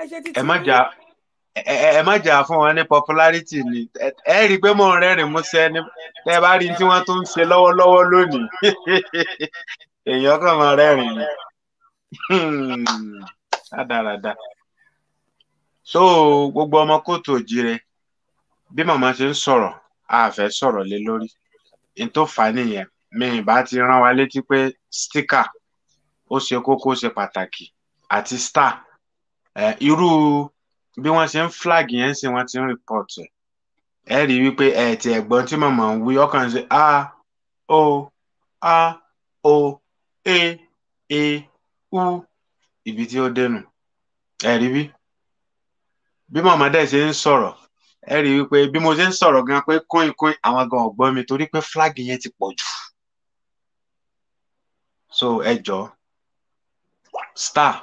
ẹ ṣe ti tì í ẹ má jà fún wọn ní popularity ni ẹ rí i pé mò ń rẹ́rìn músẹ́ ní tẹ́ bá rí tí wọ́n tún ń ṣe lọ́wọ́lọ́wọ́ lónìí èèyàn kàn máa rẹ́rìn ni. Hmm rádaràda so gbogbo ọmọ kóòtù òjìrẹ bí màmá ṣe ń sọ̀rọ̀ a fẹ́ sọ̀rọ̀ lé lórí n tó fà á nìyẹn mi ìbá ti rán wa létí pé stika ó ṣe kókó ó ṣe pàtàkì àti star ẹ irú bí wọ́n ṣe ń flag yẹn ṣe wọ́n ti ń report ẹ ẹ rí i wípé ẹ ti ẹ̀gbọ́n tí màmá ń wí ọkàn ṣe a o a o e e u ibi tí ó dẹnu ẹ rí bí bí màmá dẹ ṣe ń sọ̀rọ̀ ẹ rí wípé bí mo ṣe ń sọ̀rọ̀ gan pé kóin kóin àwọn gan ọgbọ́n mi torí pé flag yẹn ti pọ̀ jù so ẹ jọ star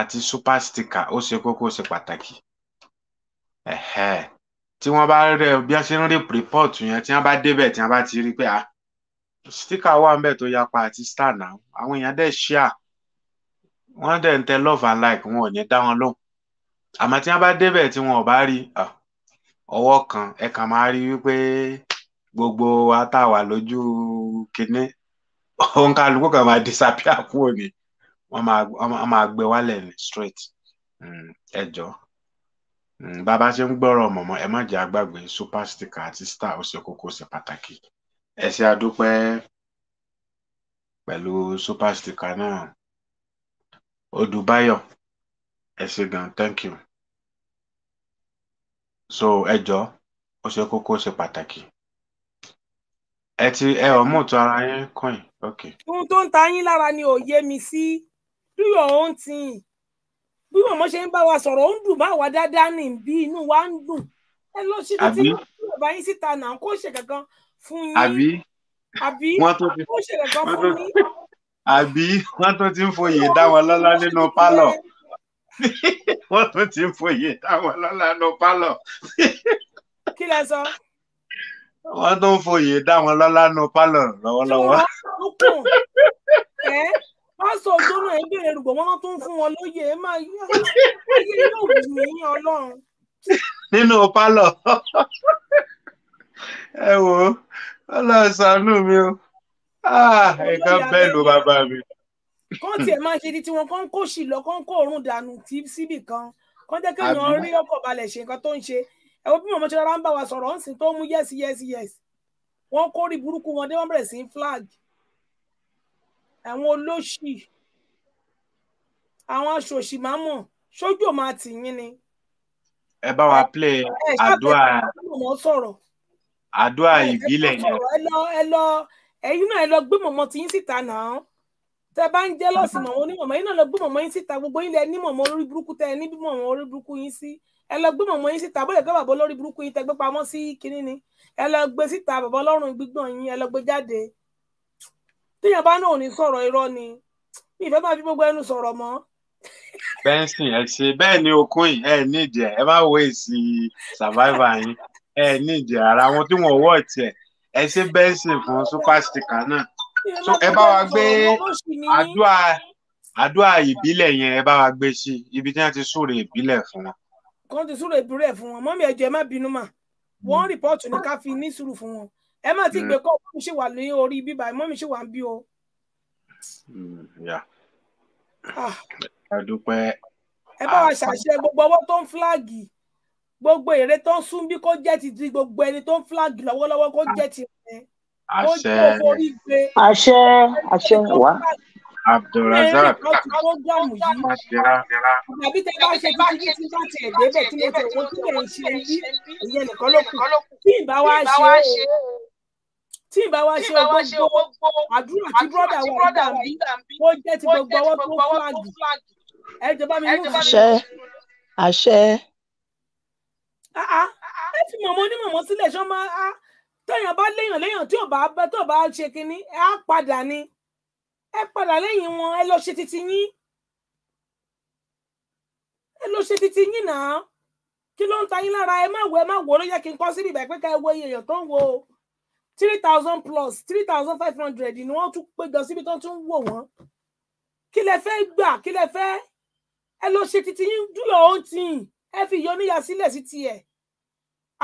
àti super sticker ó ṣe kókó ó ṣe pàtàkì tí wọ́n bá rẹ bí wọ́n ṣe ń rí report yẹn tí wọ́n bá débẹ̀ tí wọ́n bá ti rí pé ah sticker wà ń bẹ̀ tó yapa àti star náà àwọn èèyàn dẹ̀ ṣíà wọ́n dẹ̀ ń tẹ love and like wọn ò ní dá wọn lóhùn àmọ́ tí wọ́n bá débẹ̀ tí wọn ò bá rí ọwọ́ kan ẹ kàn máa rí wípé gbogbo wa tá a wà lójú kinní òun kálukú kan máa disappear kúrò ní wọ́n máa gbé wálẹ̀ ní straight hmm, ẹ jọ̀ọ́ bàbá hmm, ṣe ń gbọrọ mọ̀mọ́ ẹ má jẹ́ àgbàgbé super sticker àti star ó ṣe kókó ṣe pàtàkì ẹ ṣe àdúpẹ́ pẹ̀lú super sticker náà Odùbáyọ̀ ẹ ṣé gan thank you so ẹ jọ̀ọ́ ó ṣe se pataki. ṣe pàtàkì ẹ ti ẹ ò mú ìtọ́ ara yín kàn yín ok. ohun tó ta yín lára ni ò yé mi sí do your own thing bí màmá ṣe ń bá wa sọ̀rọ̀ ó ń dùn bá wa dáadáa ní bí inú wa ń dùn ẹ lọ ṣe tí wọ́n bá yín síta náà kó ṣe kankan fún yín àbí wọ́n tó fi wọ́n tó fi àbí wọ́n tún ti ń foyè dá wọn lọ́lá nínú pálọ̀ wọ́n tún ti ń foyè dá wọn lọ́lá nínú pálọ̀. kí lẹ sọ. wọ́n tún ń foyè dá wọn lọ́lá nínú pálọ̀ lọ́wọ́lọ́wọ́. wọ́n sọ òjòrò ẹ̀ ń bèrè rògbò wọ́n tún fún wọn lóye ẹ̀ máa yí ayé yóò wù yín ọlọ́run. nínú pálọ̀ ẹ wo ọlọ́run ṣàánú mi o. Ah, ẹ̀ka bẹ́ẹ̀ ló bàbá mi. kán tiẹ̀ máa ṣe ní tiwọn kán kó sì lọ kán kó òórùn dànù síbì kan kán jẹ́ kéèyàn rí ọkọ̀ balẹ̀ ṣe nǹkan tó ń ṣe ẹ̀wọ́n bí mọ̀mọ́ ṣọlá ń bá wa sọ̀rọ̀ ń sìn tó mú yẹ́sì yẹ́sì yẹ́sì wọ́n kórè burúkú wọn dé wọ́n bẹ̀rẹ̀ sí flag àwọn olóṣì àwọn aṣòṣì máa mọ̀ sójú ò máa tì yín ni. ẹ bá wa play àdúrà àdúrà ìbílẹ̀ yẹn. ẹ lọ ẹ lọ ẹ̀yin náà ẹ lọ gbé mọ̀mọ́ tí yín síta náà tẹ bá ń jẹ́ lọ́sìn mọ̀mọ́ onímọ̀mọ́ yín náà lọ gbé mọ̀mọ́ yín síta gbogbo yín lẹ ní mọ̀mọ́ olórí burúkú tẹ ní mọ̀mọ́ olórí burúkú yín sí ẹ lọ gbé mọ̀mọ́ yín síta bóyá bàbá olórí burúkú yín tẹ gbé pamọ́ sí kinní ni ẹ lọ gbé síta bàbá ọlọ́run gbígbọ̀n yín ẹ lọ gbé jáde téèyàn bá náà ò ní sọ̀rọ̀ irọ́ ni mi ìfẹ́ máa fi gbogbo ẹnu sọ̀rọ̀ mọ́. bẹ́ńsì ẹ ṣe bẹ́ẹ̀ ni okun yìí ẹ ní ìdí ẹ má wo èsì survivor yín ẹ ní ìdí ara wọn tí wọn ò wọ̀ tiẹ̀ ẹ ṣe bẹ́ẹ̀sì fún super sticker náà so ẹ bá wa gbé àdúrà àdúrà ìbílẹ̀ yẹn ẹ bá wa gbé sí ibi tí wọ́n ti súre ìbílẹ̀ fún wọn. kan ti súre ìbílẹ̀ fún wọn mọ́mí ẹ̀jẹ̀ má bínú mà wọ́n rìpọ́ọ̀tù ní ká fi ní sùúrù fún wọn ẹ má ti gbé mm. kọ́ mọ́mí ṣì wà ní orí bíbá ẹ mọ́mí ṣì wà ń bí o. Mm, ah. ẹ dúpẹ́. ẹ bá wa ah. ṣàṣẹ gbogbo ọwọ́ tó ń fúláàgì gbogbo èrè tó ń sún bí kò jẹ́ ti di gbogbo ẹni tó ń flag lọ́wọ́lọ́wọ́ kò jẹ́ ti rẹ̀ kò àṣẹ àṣẹ wa. Abdulrazak tàbí tẹ bá ṣe bá tí bá tiẹ̀ débẹ̀ tí mo tẹ̀ wọ́n tí mò ń ṣe yí ìyẹn nìkan ló kù tí ì bá ṣe tí ìbá wa ṣe gbogbo àdúrà tí brọ́dà wa gbà mí ó jẹ́ ti gbogbo ọwọ́ tó flag ẹ jọba mi ló fà ṣe. àṣẹ àṣẹ. Ah, ah. ẹ fi mọ̀mọ́ ní mọ̀mọ́ sílẹ̀ ṣọ́ máa ah, á tẹ̀yàn bá léèyàn léèyàn tí ò bá bẹ tó bá ṣe kinní ẹ á padà ni ẹ padà lẹ́yìn wọn ẹ lọ ṣe titi yín ẹ lọ ṣe titi yín náà kí ló ń ta yín lára ẹ má wo ẹ má wo ló yẹ kí n kọ́ sí ibà pé ká ẹ wo iye èèyàn tó ń wo three thousand plus three thousand five hundred ni wọ́n tún péjọ síbi tó tún wò wọ́n kí lẹ fẹ́ gbà kí lẹ fẹ́ ẹ lọ ṣe titi yín do your own ẹ fi ìyọníyà sílẹ̀ sí tiẹ̀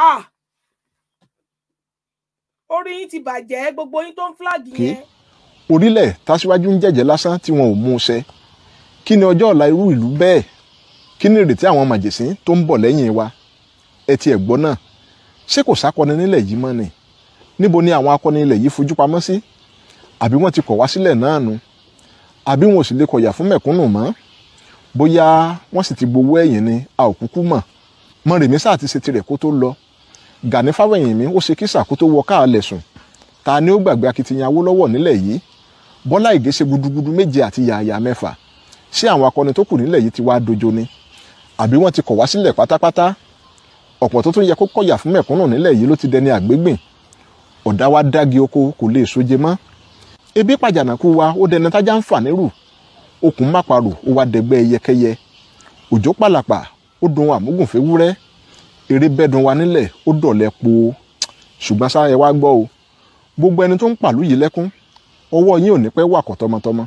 ah orí yín ti bàjẹ́ gbogbo yín tó ń fúláàgì yẹn. orílẹ̀ tàṣíwájú ń jẹ̀jẹ̀ lásán tí wọn ò mú un ṣẹ kí ni ọjọ́ ọ̀la irú ìlú bẹ́ẹ̀ kí ni ìrètí àwọn màjèṣín tó ń bọ̀ lẹ́yìn wa ẹ ti ẹ̀ náà ṣé kò sákọni nílẹ̀ yìí mọ́ ni níbo ni àwọn akọni ilẹ̀ yìí fojú pamọ́ sí àbí wọ́n ti kọ̀ wá sílẹ̀ náà nu àbí wọn ò sì lè kọ̀yà fún mẹ̀kúnnù mọ́ bóyá wọ́n sì ti gbowó ẹ̀yìn ni a ò kúkú mọ̀ Mọ̀rèmísà ti ṣe tirẹ̀ kó tó lọ Gani Fáwẹ̀hìnmí ó ṣe kísà kó tó wọ káàlẹ̀ sùn ta ni ó gbàgbé akitiyan Awólọ́wọ̀ nílẹ̀ yìí Bọ́lá Ìgè ṣe gudugudu méje àti yàyà mẹ́fà ṣé àwọn akọni tó kù nílẹ̀ yìí ti wá dojo ni àbí wọ́n ti kọ̀ wá sílẹ̀ pátápátá ọ̀pọ̀ tó tún yẹ kó kọ̀yà fún mẹ̀kúnnù nílẹ̀ yìí ló ti dẹni àgbégbìn ọ̀dá wa dági oko kò lè soje mọ́ ebi pàjánàkú wa ó dẹni tájá ń fà nírù okùn máparò ó wá dẹgbẹ́ ẹyẹkẹyẹ òjò pàlàpà ó dun àmúgùnfẹ́ wúrẹ́ eré bẹ́dùn wa nílẹ̀ ó dọ̀lẹ́ po ṣùgbọ́n sáà ẹ wá gbọ́ o gbogbo ẹni tó ń pàlú yìí lẹ́kún ọwọ́ yín ò ní pẹ́ wà kọ́ tọmọtọmọ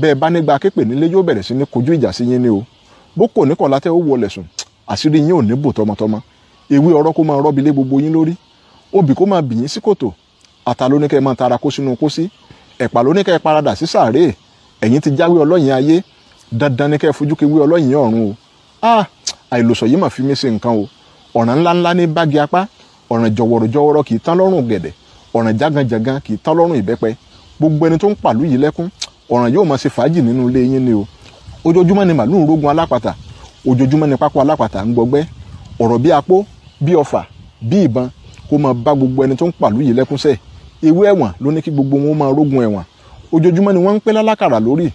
bẹ́ẹ̀ bá nígbà képe nílé yóò bẹ̀rẹ̀ sí ní kojú ìjà sí yín ni o bó kò ní kọ̀lá tẹ́ ó wọlé sùn àṣírí yín ò ní bò tọmọtọmọ ewé ọ̀rọ̀ kó máa rọ́bi lé gbogbo yín lórí obì kó máa bì yín sí kòtò àtà máa tara kó sínú kó sí ẹ̀pà lóníkẹ́ paradà sí sàárè ẹ̀yin ti jáwé ọlọ́yin ayé dandan ni kẹ́ ẹ fojú kewé ọlọ́yin ọ̀run o ah àìlòsọ yìí mà fi mí ṣe nǹkan o ọ̀ràn ńláńlá ní bági apá ọ̀ràn jọ̀wọ̀rọ̀jọ̀wọ̀rọ̀ kì í tán lọ́rùn gẹ̀dẹ̀ ọ̀ràn jáganjàgan kì í tán lọ́rùn ìbẹ́pẹ gbogbo ẹni tó ń pàlú yìí lẹ́kún ọ̀ràn yóò máa ṣe fàájì nínú ilé yín ni o ojoojúmọ́ ni màlúù ń rógun alápàtà ojoojúmọ́ ni pákó alápàtà ń gbọgbẹ́ ọ̀rọ̀ bí apó bí ọfà bí ìbọn kó máa bá gbogbo ẹni tó ń pàlú yìí lẹ́kún sẹ́ẹ̀ ewé ẹ̀wọ̀n ló ní kí gbogbo wọn máa rógun ẹ̀wọ̀n ojoojúmọ́ ni wọ́n ń pẹ́ lálákàrà lórí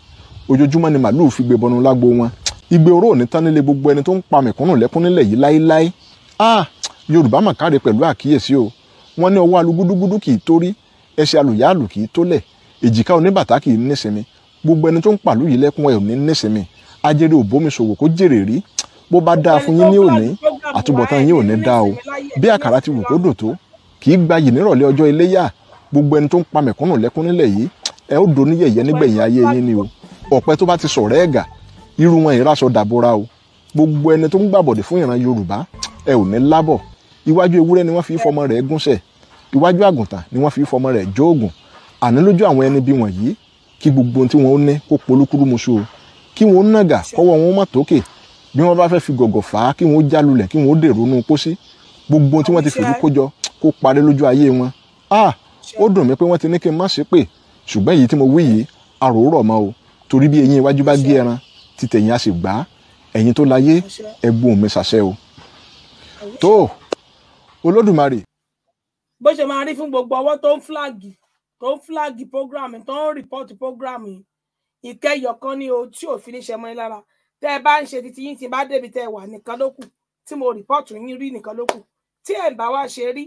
ojoojúmọ́ ni màlúù fi gbé bọnu lágbo wọn igbe oró òní tán nílé gbogbo ẹni tó ń pa mẹ̀kúnnù lẹ́kún nílẹ̀ yìí láéláé ah yorùbá mà káre pẹ̀lú àkíyèsí o wọ́n ní ọwọ́ alugudugudu kì í torí ẹsẹ̀ alùyáàlù kì í tólẹ̀ èjìká oníbàtà kì í nísinmi gbogbo ẹni tó ń pàlú yìí lẹ́kún ẹ̀ ò ní nísinmi ajere òbómi ṣòwò kó jèrè rí bó bá dáa fún yín ní òní àtúbọ̀tán yín ò dáa o bí àkàrà ti wù kó dò tó kì í gbayì nírọ̀lẹ́ ọjọ́ iléyà gbogbo ẹni tó ń pa mẹ̀kúnnù lẹ́kún nílẹ̀ yìí ẹ ó dò ní yẹ̀yẹ́ nígbẹ̀yìn ayé yín ni o ọ̀pẹ tó bá ti sọ̀rọ̀ ẹ̀gà irú wọn ìraṣọ dàbora o gbogbo ẹni tó ń gbàbọ̀dẹ̀ fún ìran Yorùbá ẹ ò ní lábọ̀ iwájú ewúrẹ́ ni wọ́n fi fọmọ rẹ̀ gúnṣẹ̀ iwájú àgùntàn ni wọ́n fi fọmọ rẹ̀ jóògùn àní lójú àwọn ẹni bí wọ̀nyí kí gbogbo ohun tí wọ́n ní kó polúkúrú muṣu o kí wọ́n nàgà kọ́wọ́ wọn mọ̀ tókè bí wọ́n bá fẹ́ fi gọ̀gọ̀ fà á kí wọ́n jálulẹ̀ kí wọ́n dèrò inú pósí gbogbo ohun tí wọ́n ti fìlú kójọ kó parẹ́ lójú ayé wọn ah ó dùn mí pé wọ́n ti ní kí n má ṣépè ṣùgbọ́n èyí tí mo wí yìí àròórọ̀ mọ́ o torí bí eyín iwájú bá gé ẹran títẹ̀yìn a sì gbà á ẹ̀yin tó láyé ẹ̀gbọ́n mi ṣàṣẹ o. tó olódùmarè. bó ṣe máa rí fún gbogbo ọwọ́ tó ń fúláàgì tó ń fúláàgì prógrámì tó ń rìpọ́ọ̀tì prógrámì ìkẹyọ̀kan ni o tí òfin ní ṣẹmọ́ lára tẹ́ ẹ bá ń ṣe titi yín tí bá débi tẹ́ ẹ wà nìkan ló kù tí mo rìpọ́ọ̀tù yín rí nìkan ló tí ẹ̀ ń bá wá ṣe rí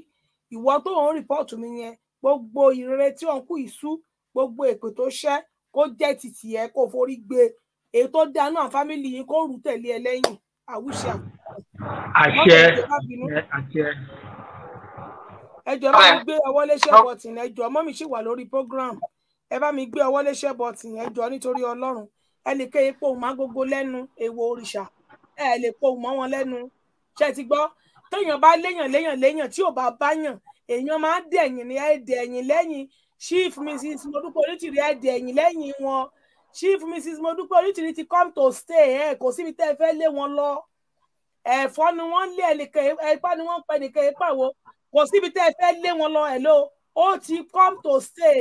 ìwọ tó ń rìpọ́ọ̀tù mi yẹn gbogbo ìrere tí òun kú ìsú gbogbo èpè tó ṣẹ́ kó jẹ́ títì ẹ kó forí gbé e. èyí tó dáa náà fámìlì yìí kó rù tẹ̀lé ẹ lẹ́yìn àwùṣe àṣẹ àṣẹ. ẹ bá mi gbé ọwọ́ léṣẹ́ bọ̀tìn ẹ jọ mọ́mí sì wà lórí program ẹ bá mi gbé ọwọ́ léṣẹ́ bọ̀tìn ẹ nítorí ọlọ́run ẹ lè má gbogbo lẹ́nu èèwọ̀ òrìṣà ẹ lè po mọ́ wọn lẹ́nu ṣe ti gbọ́ téèyàn bá léèyàn léèyàn léèyàn tí ò bá báyàn èèyàn máa dẹ̀yìn ni ẹ dẹ̀yìn lẹ́yìn chief mrs modupe onítìrí ẹ̀dẹ̀ ẹ̀yìn lẹ́yìn wọn chief mrs modupe onítìrí ti come to stay ẹ̀ kò síbi tẹ́ ẹ fẹ́ lé wọn lọ ẹ̀fọ́ ni wọ́n lé ẹnìkan ipá ni wọ́n pa ẹnìkan ipá wo kò síbi tẹ́ ẹ fẹ́ lé wọn lọ ẹ̀ ló ó ti come to stay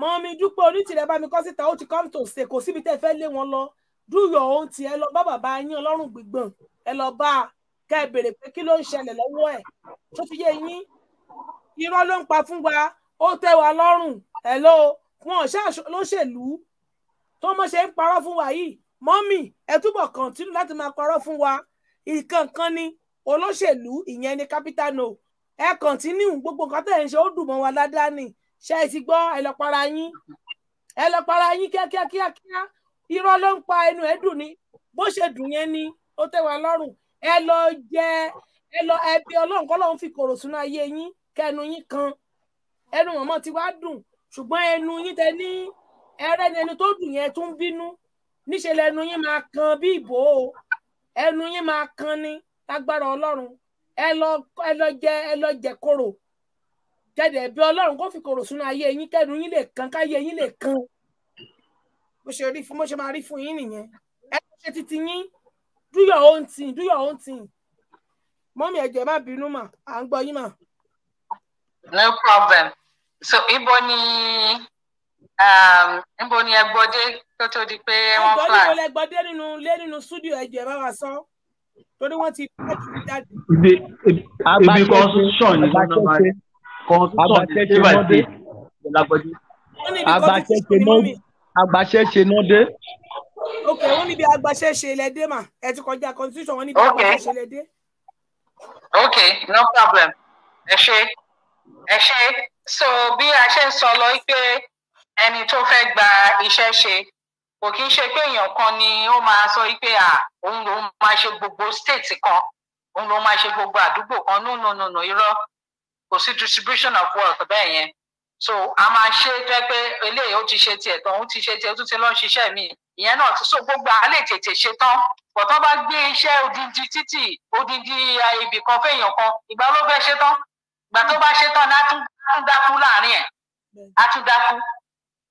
mọ́mí dúpẹ́ onítìrí ẹ bá mi kọ́ síta ó ti come to stay kò síbi tẹ́ ẹ fẹ́ lé wọn lọ do your own ti ẹ lọ bá bàbá yín ọlọ́run gbígbọ̀n ẹ lọ bá a kẹ́ ẹ béèrè pé kí ló ń ṣẹlẹ̀ lọ́wọ́ ẹ̀ tó fi yé yín irọ́ ló ń pa fún wa ó tẹ́ wa lọ́rùn ẹ̀ ló wọn ṣáà lóṣèlú tó mọ̀ ṣe ń parọ́ fún wa yìí mọ́mì ẹ túbọ̀ kọ̀ǹtínú láti máa parọ́ fún wa ìkànkan ni olóṣèlú ìyẹn ni capital no ẹ kọ̀ǹtínú gbogbo nǹkan tẹ̀ ń ṣe ó dùn mọ́ wa ládàá ni ṣe é ti gbọ́ ẹ lọ para yín ẹ yín kíákíá kíákíá irọ́ ló ń pa ẹnu ẹ dùn ni bó ṣe dùn yẹn ni ó tẹ́ wa lọ́rùn ẹ lọ jẹ ẹ lọ ẹbí ọlọ́run kọ́ lọ́run fi kòrò sínú ayé yín kẹnu yín kan ẹnu mọ̀mọ́ ti wá dùn ṣùgbọ́n ẹnu yín tẹ ní ẹrẹ́ ni ẹnu tó dùn yẹn tún bínú níṣẹ́ lẹnu yín máa kan bí ìbò o ẹnu yín máa kan ní lágbára ọlọ́run ẹ lọ jẹ ẹ lọ jẹ koro jẹdẹ bí ọlọ́run kó fi koro sínú ayé yín kẹnu yín lè kan káyé yín lè kan bó ṣe rí fún bó ṣe máa rí fún yín nìyẹn ẹ lọ ṣe titi yín do your own thing do your own thing mọ́mí ẹ̀jẹ̀ má bínú mà à ń gbọ́ yín mà. no problem so ibo ni um, ibo ni ẹgbọdé tó tó di pé wọn fly. ẹgbọdé wọlé ẹgbọdé nínú lé nínú súdíò ẹjọ ẹ bá wa sọ torí wọn ti fẹẹ jù jáde. ibi constitution ni constitution ni silver state ìlàgbọdé. agbaṣẹ́ṣe náà agbaṣẹ́ṣe náà dé. ok wọn níbi agbaṣẹ́ṣe lẹ mà ẹ ti kọjá constitution wọn níbi agbaṣẹ́ṣe lẹ ok no problem ẹ ṣe ẹ ṣe so bí a ṣe ń sọ lọ pé ẹni tó fẹ́ gba iṣẹ́ ṣe kò kí ń ṣe pé èèyàn kan ni ó máa sọ pé òun lòun máa ṣe gbogbo state kan òun lòun máa ṣe gbogbo àdúgbò kan no no no no irọ́ kò sí distribution of wealth bẹ́ẹ̀ yẹn so a máa ṣe jẹ́ pé eléyìí ó ti ṣe tiẹ̀ tán òun ti ṣe tiẹ̀ tó ti lọ ṣiṣẹ́ mi ìyẹn náà ti so gbogbo a lè tètè ṣe tán bọ̀tán bá gbé iṣẹ́ odindi títì odindi ibì kan fẹ́yàn kan ìgbà ló fẹ́ ṣe tán ìgbà tó bá ṣe tán náà tún tún dákú láàrin ẹ̀ á tún dákú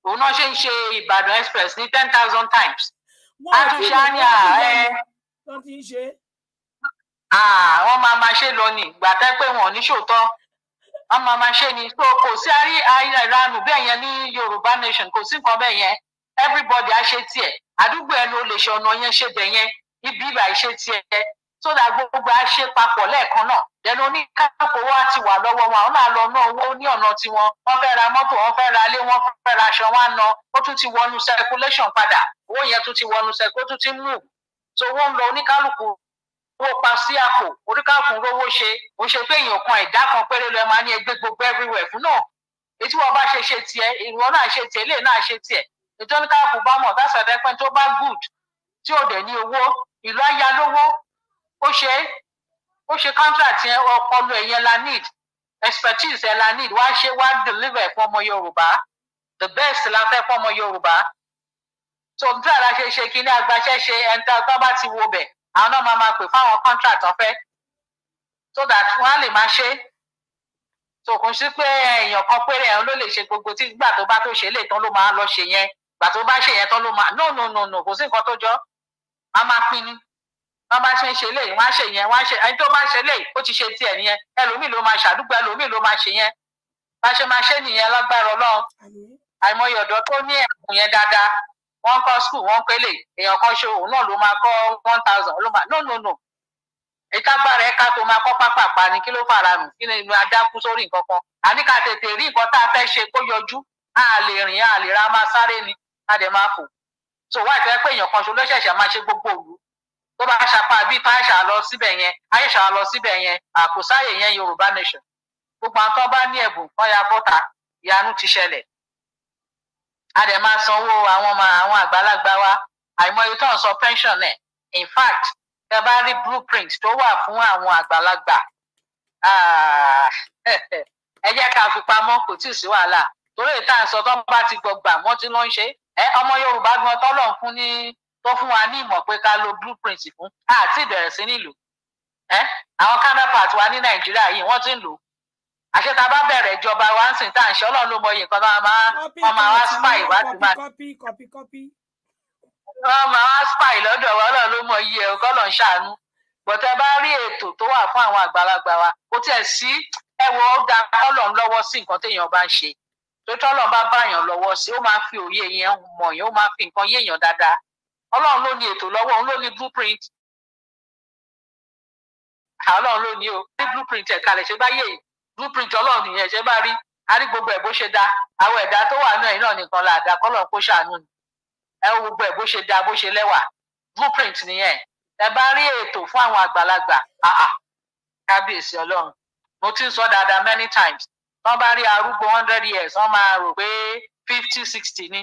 òun náà ṣe ń ṣe Ìbàdàn express ní ten thousand times á tún ṣe á ní ààrẹ wọ́n máa ma ṣe lọ ní ìgbà tẹ́ pé wọ́n ní ṣòótọ́ wọ́n máa ma ṣe ni so kò sí àìrànù bẹ́ẹ̀ yẹn ní Yorùbá nation kò sí nǹkan bẹ́ẹ̀ yẹn everybody á ṣe tiẹ̀ àdúgbò ẹnu ó lè ṣe ọ̀nà yẹn ṣe bẹ̀ yẹn ibi ibà ṣe tiẹ̀ so that gbogbo a ṣe papọ̀ lẹ́ẹ̀kan náà dẹnu oníkàkọ́ wa ti wà lọ́wọ́ wọn àwọn náà lọ ná owó ní ọ̀nà tiwọn wọ́n fẹ́ ra mọ́tò wọ́n fẹ́ ra ilé wọ́n fẹ́ ra aṣọ wọn ná ó tún ti wọnú circulation padà owó yẹn tún ti wọnú circulation ó tún ti move so owó ń lọ oníkálukú owó pa sí àpò oníkálukú rówó ṣe ó ṣe pé èèyàn kan ẹ̀dá kan péré lọ́ọ́ máa ní ẹgbẹ́ gbogbo everywhere fún náà ètí wọn bá ṣe ṣe tiẹ̀ ìwọ náà ṣe tiẹ̀ ilé náà ṣe tiẹ̀ ètò oníkálukú bá mọ̀ that's why tó bá good tí ò dẹ̀ ní owó ìlú ayálówó ó ṣe ó ṣe contract yẹn ọpọlọ ẹ̀yẹn la need expertise ẹ̀ la need wá ṣe wá deliver fún ọmọ yorùbá the best la fẹ́ fún ọmọ yorùbá so bí àlá ṣe ṣe kí ní agbaṣẹ́ ṣe ẹ̀ńtà tó bá ti wo bẹ̀ àwọn náà máa máa pè fáwọn contract ọ̀fẹ́ so that wọ́n á lè máa ṣe so kò sí pé èèyàn kan péré ẹ̀ ló lè ṣe gbogbo tí gbà tó bá tó ṣe lè tán ló máa lọ ṣe yẹn gbà tó bá ṣe yẹn tán ló máa no no no no kò sí nǹkan tó jọ a máa pinni wọn bá ṣe ń ṣe léyìí wọn á ṣe yẹn wọn á ṣe ẹni tó bá ṣe léyìí ó ti ṣe tiẹ̀ nìyẹn ẹlòmíì ló máa ṣàdúgbò ẹlòmíì ló máa ṣe yẹn bá ṣe máa ṣe nìyẹn lágbára Ọlọ́run àìmọye ọ̀dọ́ tó ní ẹ̀bùn yẹn dáadáa wọ́n kọ́ skul wọ́n pélé èèyàn kan ṣe òun náà ló máa kọ́ one thousand ló máa no no no ìtagbára ẹ̀ka tó máa kọ́ pápápá ni kí ló fara nù kí ni adákú sórí nǹkan kan àní tètè rí nǹkan tá tó bá ṣapá bíi tá àṣà lọ síbẹ̀ yẹn àṣà lọ síbẹ̀ yẹn àkósáyè yẹn yorùbá nation gbogbo àwọn tó bá ní ẹ̀bùn kan ya bọ́ta ìyanu ti ṣẹlẹ̀ a dẹ̀ máa sanwó àwọn ọmọ àwọn àgbàlagbà wa àìmọye tó ń pension ẹ̀ in fact tẹ bá rí blueprint tó wà fún àwọn àgbàlagbà ẹ jẹ́ ká fi pamọ́ kò tí ì sí wàhálà torí ìta ìsọtọ́ bá ti gbọgbà wọ́n ti ń ṣe ọmọ yorùbá gan tọ́lọ̀ ń fún ní tó fún wa ní ìmọ̀ pé ká lo blueprint fún àti ìbẹ̀rẹ̀ sí nílò ẹ́ àwọn counterpart wa ní nàìjíríà yìí wọ́n ti ń lò àṣẹ tá a bá bẹ̀rẹ̀ ìjọba wa ń sìn tá à ń ṣe ọlọ́run ló mọ iye nǹkan náà máa wọ́n máa wá spy wá ti máa wọ́n máa wá spy lọ́dọ̀ wa ọlọ́run ló mọ iye ọkọ́ lọ́n ṣàánú bọ̀tẹ́ bá rí ètò tó wà fún àwọn àgbàlagbà wa kò tiẹ̀ sí ẹ̀wọ̀ ó da ọlọ́run lọ́wọ́ sí nǹkan téèyàn bá ń ṣe tó tọ́lọ́ bá báyàn lọ́wọ́ sí ó máa fi òye yẹn mọ̀ yẹn ó máa fi nǹkan yéèyàn dáadáa ọlọ́run ló ní ètò lọ́wọ́ òun ló ní blueprint ọlọ́run ló ní o ní blueprint ẹ̀ka lẹ̀ ṣe bá yé yìí blueprint ọlọ́run nìyẹn ṣe bá rí a rí gbogbo ẹ̀ bó ṣe dá àwọn ẹ̀dá tó wà náà iná nìkan là dá kọ́lọ̀ kó ṣàánú ni ẹ wo gbogbo ẹ̀ bó ṣe dá bó ṣe lẹ́wà blueprint nìyẹn ẹ bá rí ètò fún àwọn àgbàlagbà kábíyèsí ọlọ́run mo ti ń sọ dáadáa many times wọ́n bá rí arúgbó hundred years wọ́n máa rò pé fifty sixty ni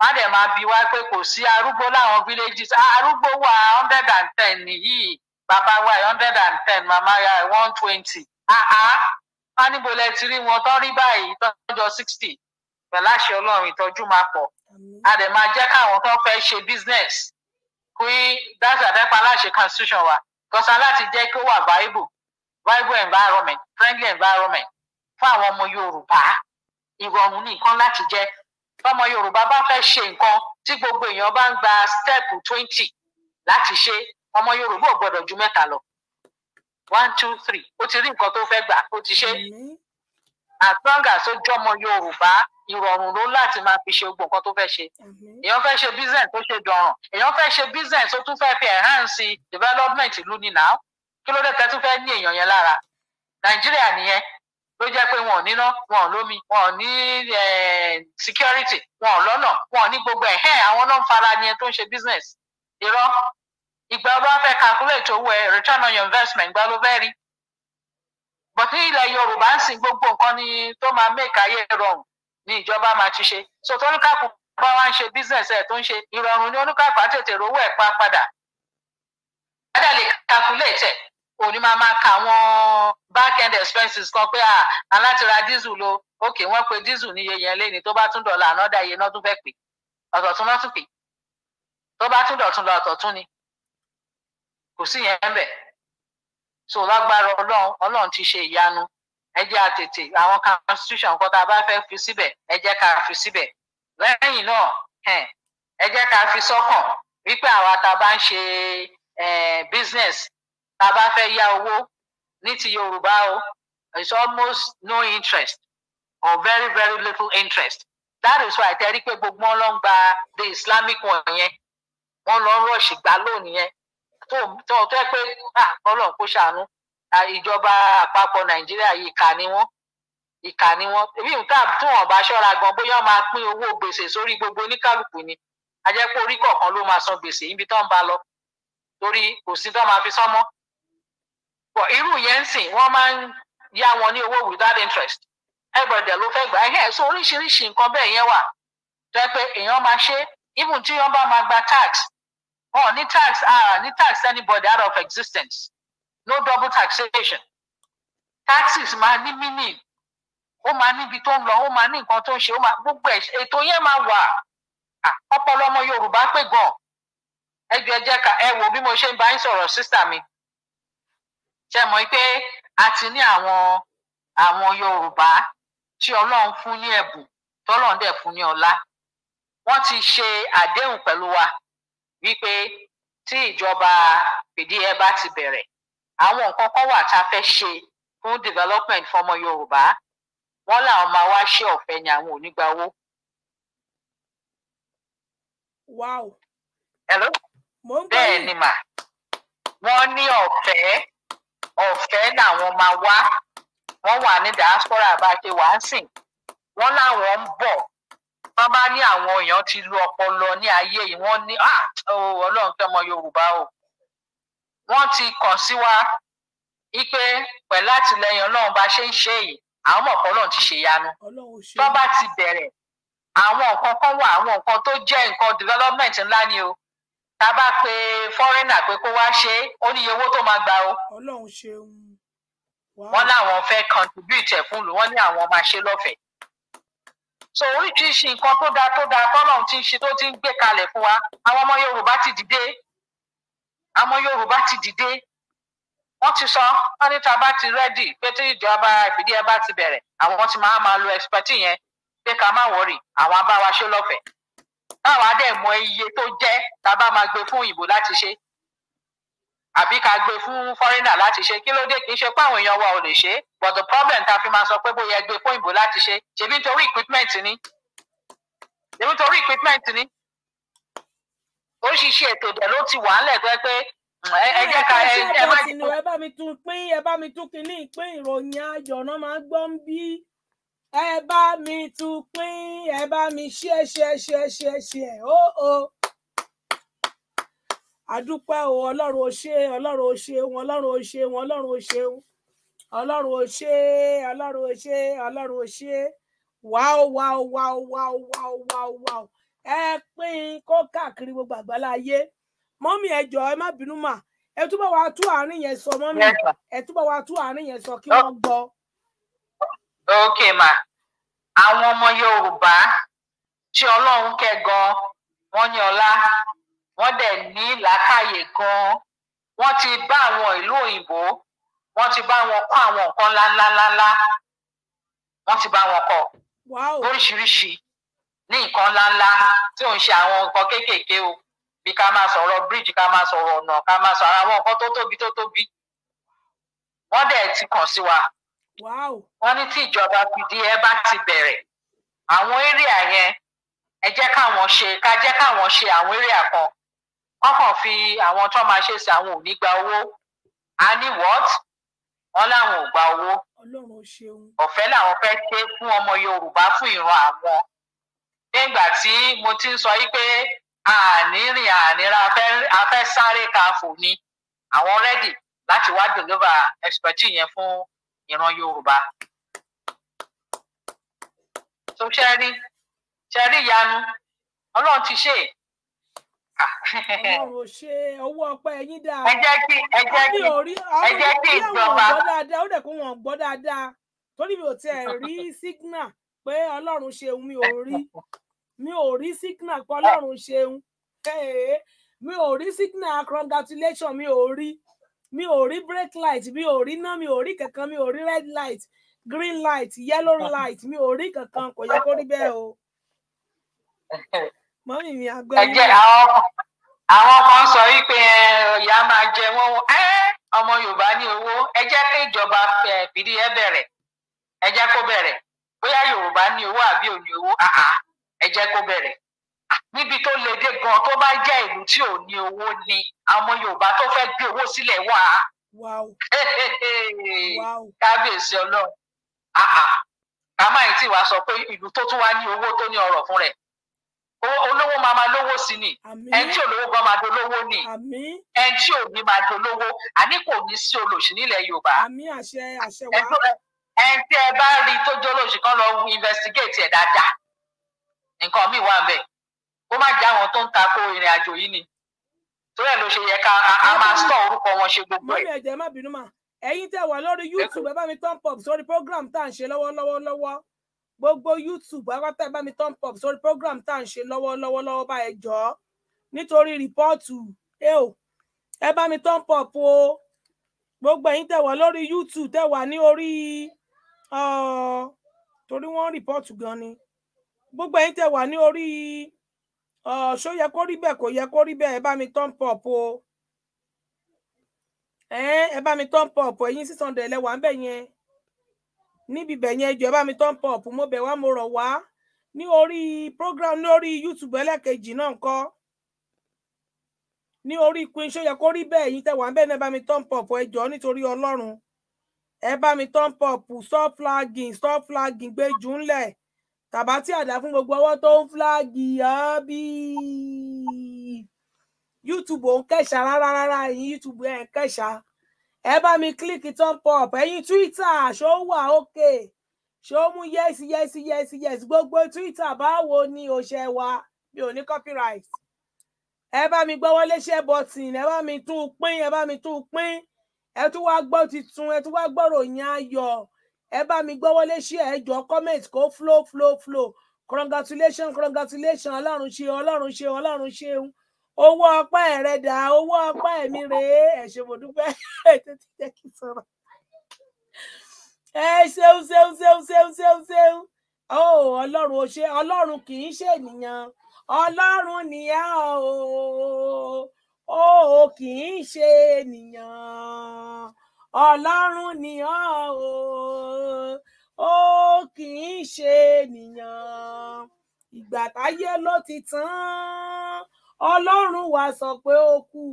má dẹ̀ máa bi wá pé kò sí arúgbó láwọn villages ah, arúgbó wà hundred and ten nìyí bàbá wa hundred and ten màmá ya one twenty wọn níbo lẹ ti rí wọn tán rí báyìí tọjọ sixty pẹ̀lú àṣẹ Ọlọ́run ìtọ́jú máa pọ̀ a dẹ̀ máa jẹ́ káwọn tó fẹ́ ṣe business kí that's àdẹ́pà aláṣẹ constitution wa kọsá láti jẹ́ kí ó wà viable viable environment friendly environment fún àwọn ọmọ Yorùbá ìrọ̀rùn nìkan láti jẹ́ bọ́mọ yorùbá bá fẹ́ ṣe nǹkan tí gbogbo èèyàn bá ń gba step twenty láti ṣe ọmọ yorùbá ò gbọdọ̀ ju mẹ́ta lọ one two three ó ti rí nǹkan tó fẹ́ gbà ó ti ṣe as long as ó jọmọ yorùbá ìrọ̀rùn ló láti máa fi ṣe gbogbo nǹkan tó fẹ́ ṣe èèyàn fẹ́ ṣe business tó ṣe dọ̀ràn èèyàn fẹ́ ṣe business tó tún fẹ́ fi enhance development ìlú nìyà kí ló dé tẹ́ tún fẹ́ ní èèyàn yẹn lára nàìjíríà nìyẹn ló jẹ́ pé wọn ò níná wọn ò lómi wọn ò ní eh, security wọn ò lọ́nà wọn ò ní gbogbo ẹ̀ hẹ́n àwọn náà ń fara ni ẹ tó ń ṣe business irọ́ ìgbà bá fẹ́ calculate owó ẹ return on your investment gbá ló fẹ́ rí but ní ilẹ̀ Yorùbá ń sìn gbogbo nǹkan ni tó máa make ayé rọrùn ni ìjọba máa ti ṣe so tóníkàkùn bá wa ń ṣe business ẹ tó ń ṣe ìrọ̀rùn ni oníkàkùn á tètè rówó ẹ̀ pa padà. Adàlè calculate ẹ̀ òní máa máa ka àwọn back end expenses kan pé aláti ra diesel lo ok wọ́n pe diesel ní iye yẹn lẹ́ni tó bá tún dọ̀la ànádà iye náà tún fẹ́ pè ọ̀tọ̀tún náà tún pè tó bá tún dọ̀tún lọ ọ̀tọ̀tún ni kò sí yẹn bẹ̀ so lágbára ọlọ́run ọlọ́run ti ṣe ìyanu ẹ jẹ́ àtètè àwọn constitution kan tá a bá fẹ́ fi síbẹ̀ ẹ jẹ́ ká fi síbẹ̀ lẹ́yìn náà ẹ ká fi sọ́kàn wípé àwa tá bá ń ṣe business tá a bá fẹ́ yá owó ní ti yorùbá o it's almost no interest or very very little interest that is why tẹ́rí pé gbogbo wọn lọ ń gba the islamic one yẹn wọn lọ ń rọ̀ṣì gbà lónìí yẹn tó tó tẹ́ pé ọlọ́run kó ṣàánú ìjọba àpapọ̀ nàìjíríà yìí kà ní wọn ìkà ni wọn èmi nǹkan tí wọn bá ṣọ́ra gan bóyá máa pín owó gbèsè sórí gbogbo oníkálukú ni a jẹ́ orí kọ̀ọ̀kan ló máa san gbèsè níbi tó ń bá lọ torí kò sí tó máa fi sánmọ́ but irú yẹn ń sìn wọ́n máa ń yá wọn ní owó without interest everybody ló fẹ́ gbà ẹ̀hẹ́ so oríṣiríṣi nǹkan bẹ́ẹ̀ yẹn wà tó yẹ pé èèyàn máa ṣe even tí wọ́n bá máa gba tax Oh, ní tax ah ní tax anybody out of existence no double taxation taxes máa ní meaning ó máa níbi tó ń lọ ó máa ní nǹkan tó ń ṣe ó máa gbogbo ètò yẹn máa wà ọpọlọ ọmọ Yorùbá pé gan ẹjọ ẹ jẹ́ ká ẹ wò bí mo ṣe ń bá yín sọ̀rọ̀ sísà mi ṣe mọ̀ pé a ti ní àwọn àwọn Yorùbá tí Ọlọ́run fún ní ẹ̀bùn tọ́lọ́run dẹ̀ fún ní ọlá wọ́n ti ṣe àdéhùn pẹ̀lú wa wípé tí ìjọba pìdíẹ bá ti bẹ̀rẹ̀ àwọn nǹkan kan wà tá a fẹ́ ṣe fún development fọmọ Yorùbá wọ́n làwọn máa wá ṣe ọ̀fẹ́ ni àwọn ò wow. hello. mo ń gbọ́ bẹ́ẹ̀ ni mà wọ́n ní ọ̀fẹ́ ọ̀fẹ́ làwọn máa wá wọ́n wà ní diaspora bá wà ń sìn wọ́n láwọn ń bọ̀ wọ́n bá ní àwọn èèyàn ti lu ọpọlọ ní ayé yìí wọ́n ní ah, ọlọ́run fẹ́ mọ yorùbá o wọ́n ti kàn sí wa wípé pẹ̀lú àtìlẹyìn ọlọ́run bá ṣe ń ṣe yìí àwọn mọ̀kọ́ ọlọ́run ti ṣèyanu tó bá ti bẹ̀rẹ̀ àwọn nǹkan kan wà àwọn nǹkan tó jẹ́ nǹkan development ńlá ni o tá a bá pe fọ́rínà pé kó wá ṣe é ó níye owó tó máa gbà o. ọlọ́run ṣeun. wọ́n láwọn fẹ́ contribute ẹ̀ fún lu wọ́n ní àwọn máa ṣe lọ́fẹ̀ẹ́. so oríṣiríṣi nǹkan tó dáa tó dáa tọ́lọ́run ti ń ṣe tó ti ń gbé kalẹ̀ fún wa àwọn ọmọ yorùbá ti dìde àwọn yorùbá ti dìde wọ́n ti sọ wọ́n ní tá a bá ti rẹ́dì pé tí ìjọba ìfìdí ẹ bá ti bẹ̀rẹ̀ àwọn ti máa máa lo ẹ̀sìpẹ̀tì yẹn pé ká má wọ̀rì àwọn abáwa ṣe lọ́fẹ̀ẹ́ táwa dẹ̀ mọ iye tó jẹ́ tá bá máa gbé fún òyìnbó láti ṣe àbí ká gbé fún fọ́rínà láti ṣe kí ló dé kì í ṣe pé àwọn èèyàn wa ò lè ṣe but the problem ta fi máa sọ pé bóyá gbé fún òyìnbó láti ṣe ṣèbí nítorí equipment ni ṣèbí nítorí equipment ni oríṣiríṣi ètò ìdẹ̀ ló ti wà ńlẹ̀ tó yẹ pé ẹ jẹ́ ká ẹ jẹ́ ẹ bá mi tún pín ẹ bá mi tún kínní pín ìròyìn ayọ̀ náà máa gbọ́ bí ẹ bá mi tún pín ẹ bá mi ṣe ṣe ṣe ṣe ṣe ó o àdúpẹ́ o ọlọ́run ó ṣe ọlọ́run ó ṣe wọn ọlọ́run ó ṣe wọn ọlọ́run ó ṣe ọlọ́run ó ṣe ọlọ́run ó ṣe ọlọ́run ó ṣe wáò wáò wáò wáò wáò wáò wáò ẹ pín kó káàkiri gbogbo àgbálá ayé mọ́mí ẹ jọ̀ọ́ ẹ má bínú mà ẹ túbọ̀ wá tú àárín yẹn sọ mọ́mí ẹ túbọ̀ wá tú àárín yẹn sọ kí wọ́n gbọ́. Okay ma àwọn ọmọ yorùbá tí ọlọ́run kẹ́ gan wọ́n ní ọlá wọ́n dẹ̀ ní làákàyè gan wọ́n ti bá àwọn ìlú òyìnbó wọ́n ti bá wọn kọ́ àwọn nǹkan ńláńláńlá wọ́n ti bá wọn kọ́ oríṣiríṣi ní nǹkan ńláńlá tí ò ń ṣe àwọn nǹkan kéékèèké o bí ká máa sọ̀rọ̀ bíríìjì ká máa sọ̀rọ̀ ọ̀nà ká máa sọ̀rọ̀ àwọn nǹkan tó tóbi tó tóbi wọ́n dẹ̀ ti kàn sí wa wọ́n ní tí ìjọba fi di ẹ bá ti bẹ̀rẹ̀ àwọn area yẹn ẹ jẹ́ káwọn ṣe ká jẹ́ káwọn ṣe àwọn area kan wọ́n kàn fi àwọn tó máa ṣe sí àwọn ò gba owó a ní what wọ́n láwọn ò gba owó ọ̀fẹ́ làwọn fẹ́ ṣe fún ọmọ Yorùbá fún ìran àwọn nígbà tí mo ti ń sọ yí pé ànírìn ànírà a fẹ́ sáré káfò ni àwọn rẹ́dì láti wá deliver expertise yẹn fún ìran yorùbá So ṣe rí ṣe rí ìyanu ọlọ́run ti ṣe. ọlọ́run ò ṣe owó ọpẹ́ yín dáa. ẹ jẹ́ kí ẹ jẹ́ kí ẹ jẹ́ kí ìjọba. ó dẹ̀ kó wọn gbọ́ dáadáa torí mi ò tiẹ̀ rí signal pé ọlọ́run ṣeun mi ò rí mi ò rí signal pé ọlọ́run ṣeun mi ò rí signal congratulation mi ò rí mi ò rí brake light mi ò rí iná mi ò rí kankan mi ò rí red light green light yellow light mi ò rí kankan kò yẹ kó rí bẹ́ẹ̀ o. mọ́mí mi àgbẹ̀. ẹ jẹ́ àwọn àwọn kan sọ wípé ìyá máa jẹ wọ́n ọmọ yorùbá ní owó ẹ jẹ́ kí ìjọba pdf bẹ̀rẹ̀ ẹ jẹ́ kó bẹ̀rẹ̀ bóyá yorùbá ní owó àbí òní owó ẹ jẹ́ kó bẹ̀rẹ̀ níbi tó lè dé gan tó bá jẹ́ ìlú tí ò ní owó ni àwọn yorùbá tó fẹ́ gbé owó sílẹ̀ wà á. kábíyèsí ọlọ́run àmọ́ èyí tí wàá sọ pé ìlú tó tún wá ní owó tó ní ọrọ̀ fún rẹ̀ olówó máa máa lówó sí ni ẹni tí olówó gan máa dolówó ni ẹni tí òní máa dolówó àní kò ní sí olòṣì nílẹ̀ yorùbá ẹni tí ẹ bá rí tó jólóṣì kan lọ investigate ẹ̀ dáadáa nǹkan míì wà bẹ́ẹ̀ kó má já àwọn tó ń tako ìrìn àjò yìí ni torí ẹ̀ ló ṣe yẹ ká a máa sọ orúkọ wọn ṣe gbogbo ẹ̀. mọ́mí ẹ̀jẹ̀ má bínú mà ẹ̀yin tẹ́ wà lórí youtube ẹ bá mi turn pop sórí program tá à ń ṣe lọ́wọ́lọ́wọ́ gbogbo youtube ẹ pátá ẹ bá mi turn pop sórí program tá à ń ṣe lọ́wọ́lọ́wọ́ bá ẹ jọ nítorí rìpọ́ọ̀tù ẹ ò ẹ bá mi turn pop o gbogbo ẹ̀yin tẹ́ wà lórí youtube tẹ́ wà ní orí torí wọ́n rìpọ́ọ̀tù gan ni gbogbo ẹ̀yin tẹ́ wà ní orí ṣó yẹ kó rí bẹ́ẹ̀ kó yẹ kó rí bẹ́ẹ̀ ẹ bá mi tán pọ̀ po ẹ bá mi tán pọ̀ po ẹ̀yin six hundred lẹ́wà ń bẹ̀ yẹn níbi bẹ̀ yẹn ẹjọ́ ẹ bá mi tán pọ̀ mo bẹ̀ wá mo rọ̀ wá ní orí program lórí YouTube ẹlẹ́kejì náà kọ́ ní orí queen ṣó yẹ kó rí bẹ́ẹ̀ ẹ̀yin tẹ̀wà ń bẹ̀ náà ẹ bá mi tán pọ̀ po ẹjọ́ nítorí Ọlọ́run ẹ bá mi tán pọ̀ stop flagging stop flagging gbé jù ńlẹ̀ Tàbátì àdá fún gbogbo ọwọ́ tó ń fúláàgì ábí YouTube ò ń kẹ̀ṣà rárá rárá ẹ̀yin YouTube ẹ̀ ń kẹ̀ṣà ẹ bá mi kílíkì turn up ẹ̀yin Twitter ṣó wà ókè ṣó mú yẹ́sì yẹ́sì yẹ́sì yẹ́sì gbogbo Twitter báwo ni o ṣe wà mi ò ní copyright ẹ bá mi gbọ́ wọlé ṣẹ́ bọ́tìn ẹ bá mi tún pín ẹ bá mi tún pín ẹ tún wá gbọ́ titun ẹ tún wá gbọ́ròyìn ayọ̀ ẹ bá mi gbọ́wọ́ lé ṣí ẹ jọ comment kó flow flow flow congratulation congratulation ọlọ́run ṣe ọlọ́run ṣe ọlọ́run ṣeun owó ọpá ẹ rẹ dà owó ọpá ẹmí rèé ẹ ṣe mo dúpẹ́ ẹ tètè jẹ́ kí n sọ̀rọ̀ ẹ ṣeun ṣeun ṣeun ṣeun ṣeun ṣeun ó ọlọ́run ó ṣe ọlọ́run kì í ṣe ènìyàn ọlọ́run nìyá o ó kì í ṣe ènìyàn ọlọ́run ni ọ́ o ó kì í ṣe ènìyàn ìgbà táyé ló ti tán ọlọ́run wá sọ pé ó kù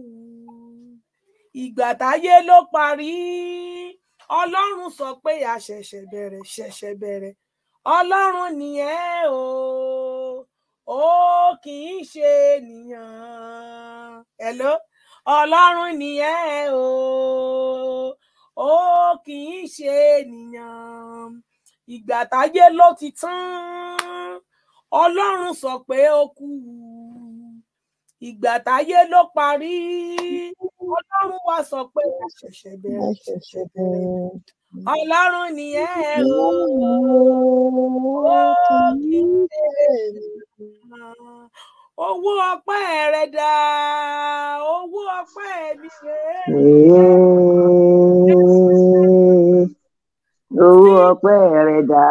ìgbà táyé ló parí ọlọ́run sọ pé a ṣẹ̀ṣẹ̀ bẹ̀rẹ̀ ṣẹ̀ṣẹ̀ bẹ̀rẹ̀ ọlọ́run nìyẹn o ó kì í ṣe ènìyàn hello ọlọ́run nìyẹn o ó kì í ṣe ènìyàn ìgbà táyé ló ti tán ọlọ́run sọ pé ó kú ìgbà táyé ló parí ọlọ́run wá sọ pé ó ṣẹ̀ṣẹ̀ bẹ̀rẹ̀ ọlọ́run nìyẹn ẹ̀rọ ó kì í ṣe ènìyàn owó ọpẹ́ rẹ̀ dá owó ọpẹ́ mi rèé owó ọpẹ́ rẹ dà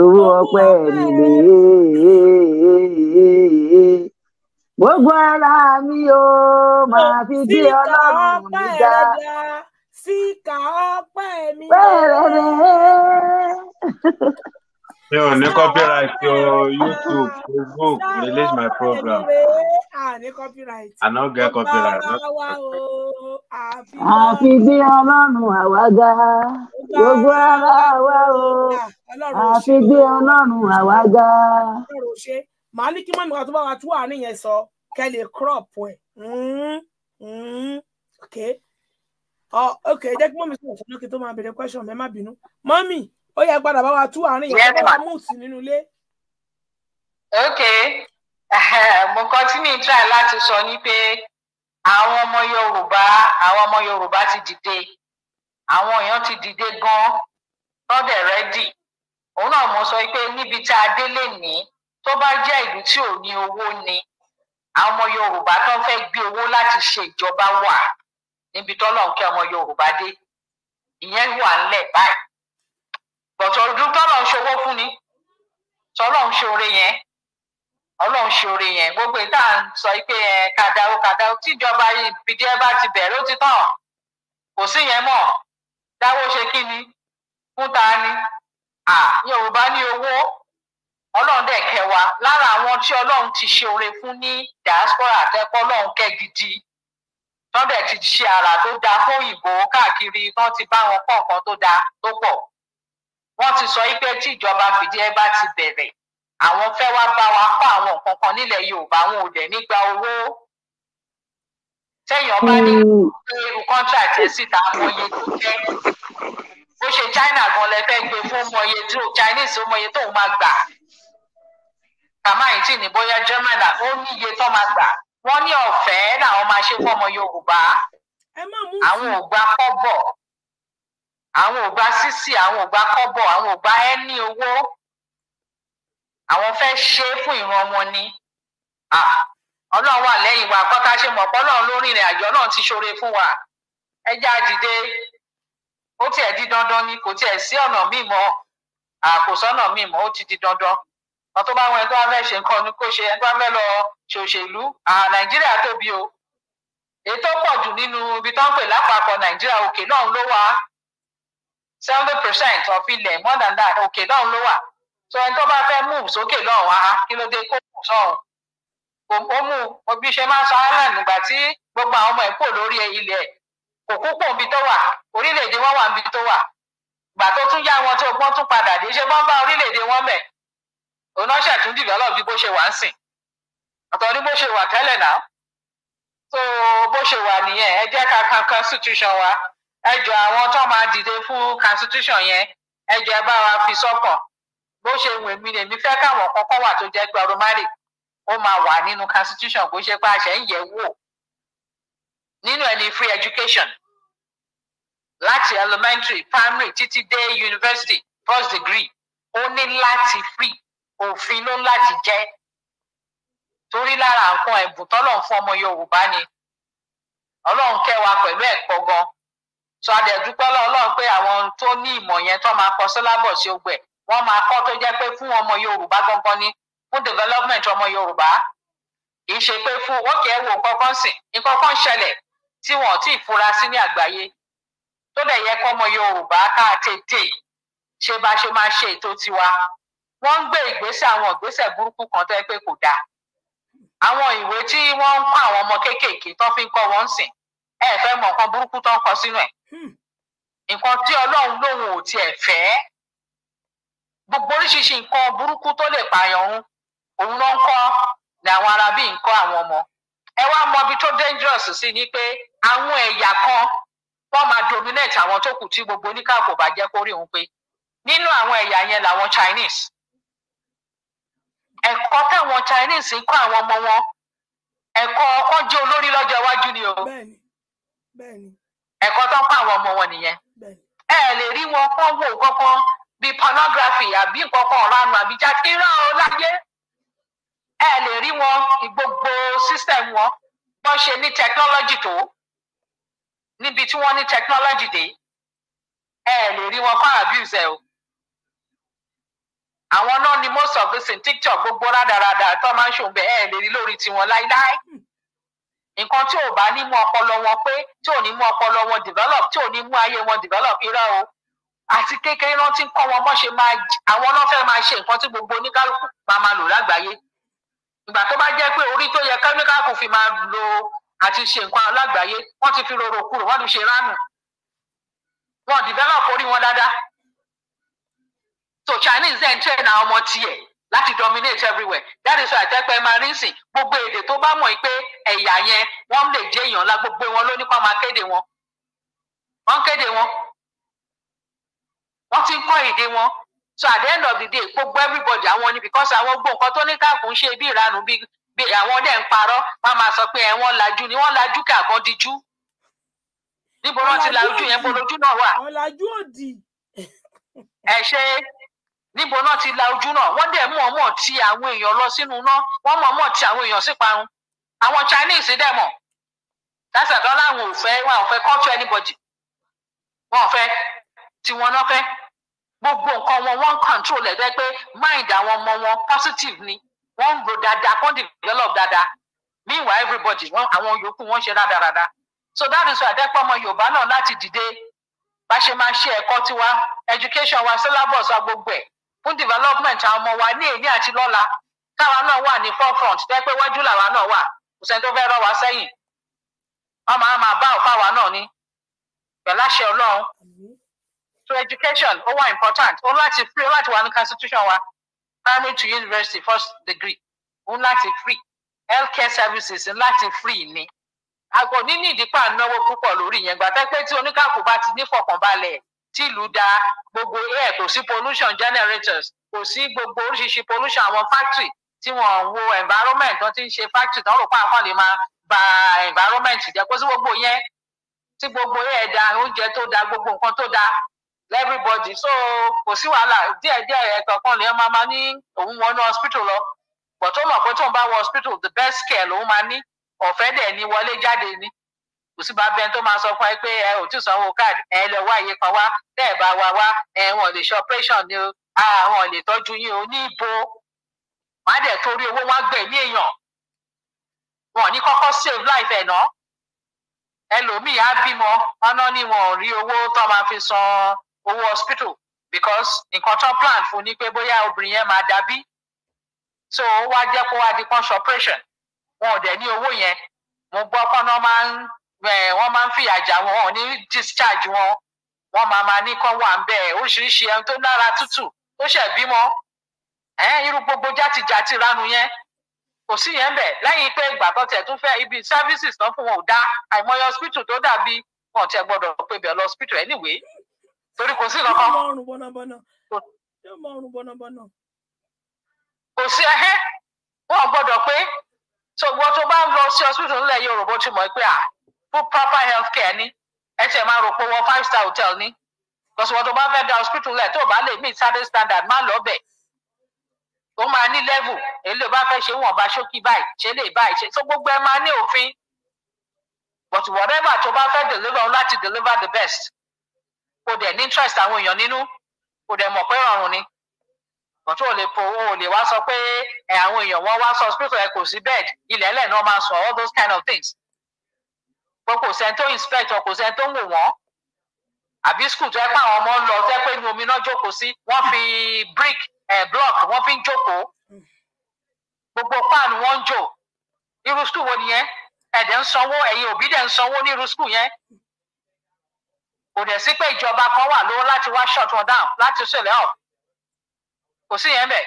owó ọpẹ́ mi lè gbogbo ara mi ó máa fi bí Ọlọ́run mi dá síkà ọpẹ́ mi rẹ mi ò ní copyright o YouTube Facebook release my program a ah, ní copyright. àná gẹ copyright. àfi bí ọlọ́run àwa ga gbogbo ara wa o àfi bí ah, ọlọ́run àwa ga. màá ní kí mọ́mí tó bá wa tú àárín yẹn sọ kẹ́ lè crop ẹ̀. Hmm, hmm, ok jẹ́ kí mọ́mí sọ̀rọ̀ sọ́dọ̀ kí tó máa bẹ̀rẹ̀ question mẹ́ bínú mọ́mí ó yẹ padà bá wa tú àárín yẹn kí wọ́n nínú ilé. okay mo continue try láti sọ ní pé àwọn ọmọ yorùbá àwọn ọmọ yorùbá ti dìde àwọn èèyàn ti dìde gan lọ́dẹ̀ rẹ́dì òun náà mo sọ pé níbi tá a dé lè ní tó bá jẹ́ ìlú tí ò ní owó ni àwọn ọmọ yorùbá tó fẹ́ gbé owó láti ṣe ìjọba wà níbi tọ́lọ́run kí ọmọ yorùbá dé ìyẹn wà ńlẹ̀ báyìí bọ̀tọ̀ ọdún tọ́lọ́run ṣòwò fún ni tọ́lọ́run ṣoore yẹn ọlọ́run ṣoore yẹn gbogbo ìta ń sọ pé ẹ kàdáwó kàdáwó tíjọba ìbídí ẹ bá ti bẹ̀rẹ̀ ó ti tàn kò sí yẹn mọ̀ dáwó ṣe kí ni fún ta ni à yorùbá ní owó ọlọ́run dẹ̀ kẹwa lára àwọn tí ọlọ́run ti ṣe fún ní diaspora àtẹ́kọ́ ọlọ́run kẹ́ gidi tán dẹ̀ ti ṣe àrà tó dáa fún òyìnbó káàkiri tán ti bá wọn kọ́ tó dáa tó pọ̀ wọ́n ti sọ pé tí fìdí ẹ bá ti bẹ̀rẹ̀ àwọn fẹ́ wá bá wa kọ́ àwọn nǹkan kan nílẹ̀ Yorùbá àwọn ò dẹ̀ nígbà owó téèyàn bá ní hmm. irú contract ẹ̀ síta mọye tó jẹ́ bó ṣe China gan lẹ fẹ́ gbé fún mọye tó Chinese ó mọye tóun máa gbà kàmáyìí tì ní bóyá Germany ó ní iye tó máa gbà wọ́n ní ọ̀fẹ́ làwọn máa ṣe fọ́mọ Yorùbá àwọn ò gba kọ́bọ̀ àwọn ò gba sísì àwọn ò gba kọ́bọ̀ àwọn ò gba ẹni owó àwọn fẹ́ ṣe é fún ìran wọn ni ọlọ́run wà lẹ́yìn wa kọ́tà ṣe mọ̀ pọ́lọ́run lórí ìrìn àjọ náà ti ṣoore fún wa ẹ já dìde ó tiẹ̀ di dandan ni kò tiẹ̀ sí ọ̀nà míì mọ́ àkòsọ́nà míì mọ́ ó ti di dandan wọn tó bá wọn ẹgbẹ́ afẹ́ ṣe nǹkan ni kò ṣe ẹgbẹ́ afẹ́ lọ ṣe òṣèlú nàìjíríà tóbi o ètò pọ̀ jù nínú ibi tó ń pè lápapọ̀ nàìjíríà òkè náà ló wà seventy percent of ilẹ̀ more than that òkè náà ló wà sọ ẹni tó bá fẹ́ múùbù sókè náà wá kí ló dé kó mú sọ̀rọ̀ ó mú bí ṣe máa ń sọ Ireland nígbà tí gbogbo àwọn ọmọ ẹ̀ kò lórí ilẹ̀ kò kúpọ̀ níbi tó wà orílẹ̀-èdè wọn wà níbi tó wà gbà tó tún yá wọn tó gbọ́n tún padà dé ṣé wọ́n bá orílẹ̀-èdè wọn mẹ̀ òun náà ṣẹ̀tún bí bó ṣe wà ń sìn àtọ́rí bó ṣe wà tẹ́lẹ̀ náà tó bó ṣe wà nìyẹn ẹ jẹ́ ká kan constitution wa ẹ jọ àwọn tó máa dìde fún constitution yẹn ẹ jọ ẹ bá wa fi sọ́kàn bó ṣe wù mí ni fẹ́ káwọn kọ́kọ́ wà tó jẹ́ pé automatic ó máa wà nínú constitution kó ṣe pé àṣẹ ń yẹ̀ wò nínú ẹni free education láti elementary primary títí dé university first degree ó ní láti free òfin ló láti jẹ́ torí lára nǹkan ẹ̀bùn tọ́lọ̀ ń fún ọmọ yorùbá ni ọlọ́run kẹ́ pẹ̀lú ẹ̀kọ́ gan so adẹ̀dúpẹ́ lọ́wọ́ pé àwọn tó ní ìmọ̀ yẹn tó máa kọ sílábọ̀ sí ogbẹ̀ wọ́n máa kọ́ tó jẹ́ pé fún ọmọ yorùbá gangan ni fún development ọmọ yorùbá kì í ṣe pé fún òkè ẹwò kankan sìn nǹkan kan ṣẹlẹ̀ tí wọ́n ti fura sí ní àgbáyé tó dẹ̀ yẹ kọ́mọ yorùbá ká tètè ṣe bá ṣe máa ṣe ètò tiwa wọ́n ń gbé ìgbésẹ̀ àwọn ìgbésẹ̀ burúkú kan tó yẹ pé kò dáa àwọn ìwé tí wọ́n ń kọ́ àwọn ọmọ kéékèèké tó fi ń kọ́ wọn sìn ẹ fẹ́ mọ̀ nǹkan burúkú tó ń kọ sínú ẹ̀ hmm. nǹkan tí ọlọ́run lòun ò tiẹ̀ fẹ́ gbogbo oríṣiríṣi nǹkan burúkú tó lè pààyàn òun òun ló ń kọ́ làwọn arábí ń kọ́ àwọn ọmọ ẹ wá mọ ibi tó dangerous sí ni pé àwọn ẹ̀yà kan wọ́n máa dominate àwọn tó kù tí gbogbo oníkàkò bá jẹ́ kó rí òun pé nínú àwọn ẹ̀yà yẹn làwọn Chinese ẹ̀kọ́ táwọn Chinese ń kọ́ àwọn ọmọ wọn ẹ̀kọ́ ọkọ́ jẹ́ olórí lọ́jọ́ iwájú ni o ẹ̀kọ́ tó ń kọ́ àwọn ọmọ wọn nìyẹn ẹ lè rí wọn kọ́ wò kọ́kọ́ bíi pornography àbí nǹkan kan ọ̀rọ̀ àánú àbí jákèrè ó láyé ẹ lè rí wọn gbogbo system wọn bọ́n ṣe ní technology tó níbi tí wọ́n ní technology dé ẹ lè rí wọn kọ́ abuse ẹ o àwọn náà ni most of this in TikTok gbogbo rádaràdà tó máa ń ṣòǹbẹ ẹ lè rí lórí tiwọn láíláí nǹkan tí ò bá ní mú ọpọlọ wọn pé tí ò ní mú ọpọlọ wọn develop tí ò ní mú ayé wọn develop irọ́ o àti kékeré náà ti ń kọ́ wọn bọ́n ṣe máa àwọn náà fẹ́ máa ṣe nǹkan tí gbogbo oníkálukú máa máa lò lágbàáyé ìgbà tó bá jẹ́ pé orí tó yẹ kẹ́míkàkù fi máa lo àti ṣe nǹkan lágbàáyé wọ́n ti fi rorò kúrò wọ́n ti ṣe ránù wọ́n develop orí wọn dáadáa so Chinese then train àwọn ọmọ tiẹ̀ láti dominate everywhere that is why àtẹ́pẹ́ máa rí sìn gbogbo èdè tó bá mọ̀ pé ẹ̀yà yẹn wọ́n lè jẹ́ èèyàn lá wọn ló kó máa kéde wọn wọ́n kéde wọn wọ́n ti ń kọ́ èdè wọn so at the end of the day gbogbo everybody àwọn ni because àwọn gbogbo nǹkan tó ní káàkùn ṣe bí ìranù bí àwọn dẹ̀ ń parọ́ wọ́n máa sọ pé ẹ̀ wọ́n lajú ni wọ́n lajú kí àbọ̀n dijú níbo wọ́n ti lajú yẹn bolojú náà wà. àwọn lajú òdì. ẹ ṣe níbo náà ti la ojú náà wọ́n dẹ̀ mọ̀ọ́mọ̀ ti àwọn èèyàn lọ sínú náà wọ́n mọ̀ọ́mọ̀ ti àwọn èèyàn sí parun àwọn Chinese dẹ̀ mọ̀ lásàtọ láwọn ò fẹ́ wọn ò fẹ́ culture anybody wọn ò fẹ́ tiwọn náà fẹ́ gbogbo nǹkan wọn wọ́n control ẹ̀ dẹ́ pé mind àwọn ọmọ wọn positive ni wọ́n ń ro dáadáa wọ́n develop dáadáa meanwhile everybody wọ́n àwọn yòókù wọ́n ṣe rádaràda so that is why àdẹ́pọ̀ ọmọ Yorùbá náà láti dìde bá ṣe máa ṣe ẹ̀kọ́ tiwa education wa syllabus wa gbogbo ẹ̀ fún development àwọn ọmọ wa ní èní àti lọ́la káwa náà wà ní forefront tẹ́ pé wájú làwa náà wà kò sẹ́ni tó fẹ́ rọ́ wa sẹ́yìn ọmọ àwọn máa bá òfáwa náà ní pẹ̀láṣẹ Ọlọ́run so education ó wà important ó láti free ó láti wà ní constitution wa primary to university first degree ó láti free Health care services láti free ni àgọ níní ìdípà náwó púpọ̀ lórí yẹn gbàtẹ́ pé tí oníkàkùn bá ti nífọ̀kànbalẹ̀ tí ìlú da gbogbo air kò sí pollution generators kò sí gbogbo oríṣiríṣi pollution àwọn factory tí wọn wo environment tó ti ń ṣe factory tó ń rò pé àwọn lè máa ba environment jẹ́ kó sí gbogbo yẹn tí gbogbo air da oúnjẹ tó da gbogbo nǹkan tó da everybody so kò sí wàhálà díẹ̀ díẹ̀ ẹ̀kan kan lèèyàn máa máa ní òun wọnú hospital lọ but ó mọ̀ pé tóun bá wọ hospital the best care lòun máa ní ọ̀fẹ́ dẹ̀ ni wọlé jáde ni kò sí bá bẹ́ẹ̀ tó máa sọ fún ẹ pé ẹ ò tí ì sanwó káàdì ẹ lọ wá iye kan wá tẹ́ ẹ bá wa wá ẹ wọn lè ṣe operation ni àwọn lè tọ́jú yín o ní ibo wọn á dẹ̀ torí owó wọn gbẹ̀mí èèyàn wọn ní kọ́kọ́ save life ẹ̀ náà ẹlòmíì á bímọ ọ̀nà ni wọn ò rí owó tó máa fi san owó hospital because nǹkan tán plan fún ni pé bóyá obìnrin yẹn máa dàbí so ó wá jẹ́ kó wá di punch operation wọn ò dẹ̀ ní owó yẹn mo gbọ́ kọ́nà máa ń wọ́n máa ń fìyà jà wọn ò ní discharge wọn wọn máa máa ní kán wà ń bẹ́ẹ̀ oríṣiríṣi ẹni tó nára tútù tó ṣẹ̀ bímọ irú gbogbo játijàti ránu yẹn kò sí yẹn bẹ̀ lẹ́yìn pé ìgbà tó tẹ̀ tún fẹ́ ibi services tán fún wọn ò dá àìmọye hospital tó dàbí wọn ò tẹ gbọ́dọ̀ pé bẹ̀ lọ hospital anyway torí kò sí kankan. yóò máa rùn bọ́nàbọ́nà yóò máa rùn bọ́nàbọ́nà. kò sí ẹhẹ́ wọn gbọ́dọ̀ pé ṣùgbọ́n tó bá ń lọ sí hospital nílẹ̀ Yorùbá ti mọ̀ pé à fún proper health care ni ẹ tiẹ̀ máa rò pé wọ́n five star hotel ni kọ̀sùwọ́n tó bá fẹ́ da hospital lẹ̀ tó bá lè meet certain standard má lọ bẹ̀ ó máa ní level èyí ló bá fẹ́ ṣe wọ̀n bá ṣókí báyìí ṣe lè báyìí ṣe tó gbogbo ẹ máa ní òfin but whatever tó bá fẹ́ deliver láti deliver the best kò dẹ̀ ní interest àwọn èèyàn nínú kò dẹ̀ mọ̀ pé ọ̀run ni kòtò ò lè po ò lè wá sọ pé ẹ àwọn èèyàn wọn wá sọ hospital ẹ kò sí bed ilẹ̀ ẹlẹ̀ náà máa sọ all those kind of things pé kò sẹ́ni tó inspect wọn kò sẹ́ni tó wò wọ́n àbí school tó ẹ pé àwọn ọmọ ń lọ tó ẹ pé inú omi náà jókòó sí wọ́n fi brick ẹ̀ block wọ́n fi ń jókòó gbogbo páànù wọn ń jò irú school wo nìyẹn ẹ̀dẹ̀ ń sanwó ẹ̀yin òbí dẹ̀ ń sanwó ní irú school yẹn kò dẹ̀ sí pé ìjọba kan wà lówó láti wá shut wọn down láti ṣẹlẹ̀ ọ̀ kò sí yẹn bẹ̀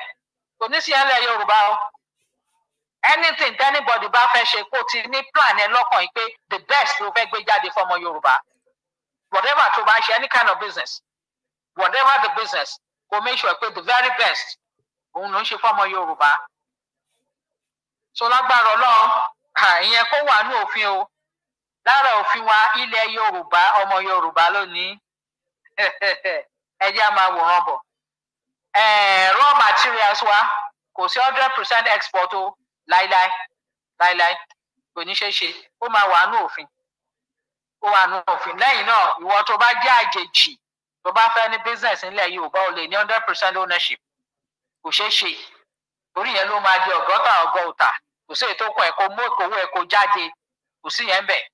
kò ní sí yẹn lẹ̀ Yorùbá o anything anybody bá fẹ́ ṣe kó ti ní plan ẹ lọ́kàn yìí pé the best ló fẹ́ gbé jáde fọmọ Yorùbá whatever tó bá ṣe any kind of business whatever the business kò make sure pé the very best òun ló ń ṣe fọmọ Yorùbá so lágbára Ọlọ́run ìyẹn kó wà ní òfin o lára òfin wa ilẹ̀ yorùbá ọmọ yorùbá lónìí ẹ jẹ́ a máa wòran bọ̀ eh, raw materials wa kò sí hundred percent export o láíláí láíláí kò ní ṣeé ṣe ó máa wà nù òfin ó wà nù òfin lẹ́yìn náà ìwọ tó bá jẹ́ àjèjì tó bá fẹ́ ní business nílẹ̀ yorùbá ò lè ní hundred percent ownership kò ṣeé ṣe torí yẹn ló máa di ọgọ́ta ọgọ́ta kò sí èyí tó kọ ẹ kó mú ìkówó ẹ jáde kò sí yẹn bẹ́ẹ̀.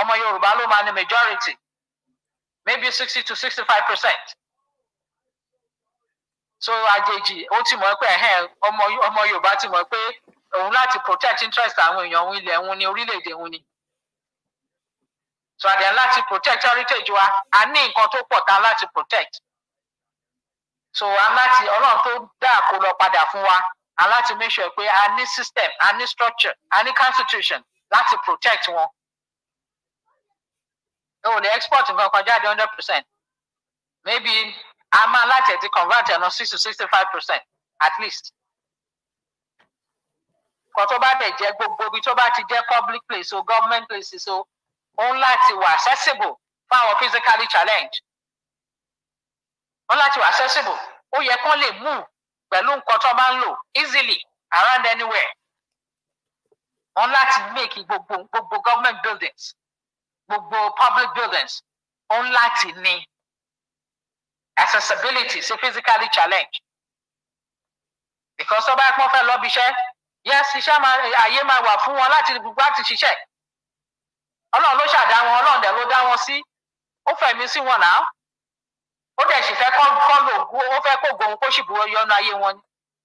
ọmọ yorùbá ló máa ní majority maybe sixty to sixty five percent so àjèjì ó ti mọ̀ pé ẹ̀hẹ́n ọmọ ọmọ yorùbá ti mọ̀ pé òun láti protect interest àwọn èèyàn òun ilẹ̀ òun ni orílẹ̀-èdè òun ni so àdé láti protect heritage wa a ní nǹkan tó pọ̀ tán láti protect so a láti ọlọ́run tó dá àkólọ padà fún wa a láti make sure pé a ní system a ní structure a ní constitution láti protect wọn o oh, the export nǹkan kan jáde hundred percent maybe a máa láti ẹ̀dí convert ẹ̀nà six to sixty five percent at least kò tó bá dẹ̀ jẹ́ gbogbo ibi tó bá ti jẹ́ public place o government places o ó ń láti wà accessible fún àwọn physically challenged ó ń láti wà accessible ó yẹ kán lè move pẹ̀lú nǹkan tó bá ń lò easily around anywhere ó ń láti make gbogbo gbogbo government buildings gbogbo public buildings ó ń láti ní accessibility sí physically challenge. because tó bá pọ́n fẹ́ lọ́bi iṣẹ́ yes iṣẹ́ àyè máa wà fún wọn láti gbogbo láti ṣiṣẹ́ ọlọ́run ló ṣàdá wọn ọlọ́run dẹ̀ ló dá wọn sí ó fẹ̀mí sí wọn náà ó dẹ̀ sì fẹ́ kọ́ kọ́ lògùn ó fẹ́ kó gòun kó sì búrọ̀ yọnu ayé wọn ni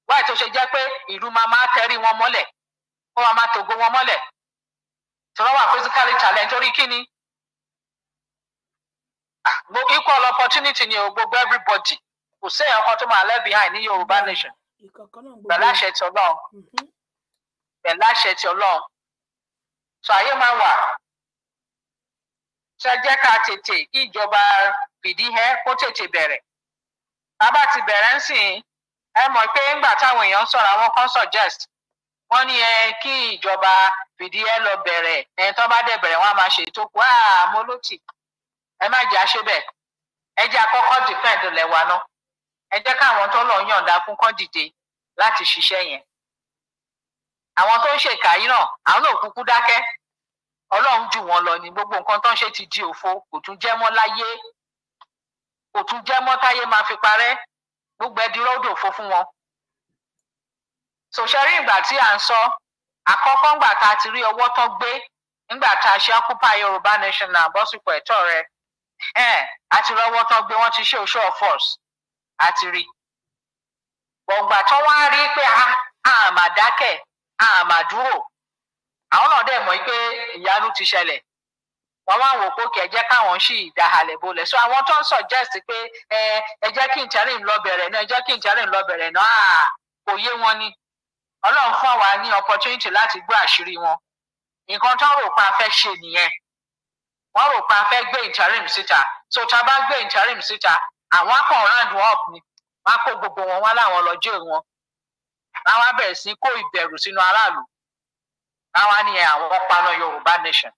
wáyé tó ṣe jẹ́ pé ìlú máa máa tẹrí wọn mọ́lẹ̀ ó máa máa tògo wọn mọ́lẹ̀ tí wọ́n wà physically challenged torí kí ni mo equal opportunity ni o gbogbo everybody kò séèyàn kan tó máa left behind ní yorùbá mm-hmm. nation pẹ̀lú àṣẹ ti ọlọ́run mm-hmm. pẹ̀lú àṣẹ ti ọlọ́run so ayé máa wà ṣe jẹ́ ká tètè kí ìjọba fìdíhẹ́ kó tètè bẹ̀rẹ̀ bàbá ti bẹ̀rẹ̀ ń sìn ẹ mọ̀ pé ńgbà táwọn èèyàn ń sọ̀rọ̀ àwọn kan suggest wọ́n ní ẹ kí ìjọba fìdíhẹ́ lọ bẹ̀rẹ̀ ẹ̀ tó bá dẹ̀ bẹ̀rẹ̀ wọ́n á máa ṣètò kó àmọ́ ló tì ẹ má jẹ́ àṣẹ bẹ́ẹ̀ ẹ jẹ́ àkọ́kọ́ defend lẹ́wà náà ẹ jẹ́ káwọn tó lọ yọ̀ǹda fún kán dìde láti ṣiṣẹ́ yẹn àwọn tó ń ṣe ìkà yìí náà àwọn náà kúkú dákẹ́ Ọlọ́run jù wọ́n lọ ní gbogbo nǹkan tó ń ṣe ti di òfo kò tún jẹ́ mọ́ láyé kò tún jẹ́ mọ́ táyé máa fi parẹ́ gbogbo ẹ di rọdò òfo fún wọn sòṣẹrí ìgbà tí à ń sọ àkọ́kọ́ ńgbà tá a ti rí ọwọ́ tán gbé ńgbà tá a ṣe occupy Yorùbá Nation náà bọ́sùpọ̀ ẹ̀tọ́ rẹ̀ àti rọwọ́ tán gbé wọ́n ti ṣe show of force àti rí gbọ̀ngbà tán wá rí pé àmàdákẹ́ àmàdúró àwọn náà dẹ̀ mọ̀ pé ìyanu ti ṣẹlẹ̀ wọn wá wò pókè ẹ jẹ́ káwọn ṣì dáhalẹ̀ bolẹ̀ so àwọn tó ń suggest pé ẹ jẹ́ kí interim lọ bẹ̀rẹ̀ náà ẹ jẹ́ kí interim lọ bẹ̀rẹ̀ náà kò yé wọn ni Ọlọ́run fún wa ní opportunity láti gbọ́ àṣírí wọn nǹkan tó ń rò pa fẹ́ ṣe nìyẹn wọ́n rò pé a fẹ́ gbé interim síta so tá a bá gbé interim síta àwọn akọ̀ round up ni wọ́n á kó gbogbo wọn wá láwọn lọ jẹ́ wọn láwọn abẹ̀rẹ̀ sí kó ìbẹ̀rù sínú aráàlú láwọn ni àwọn paná Yorùbá nation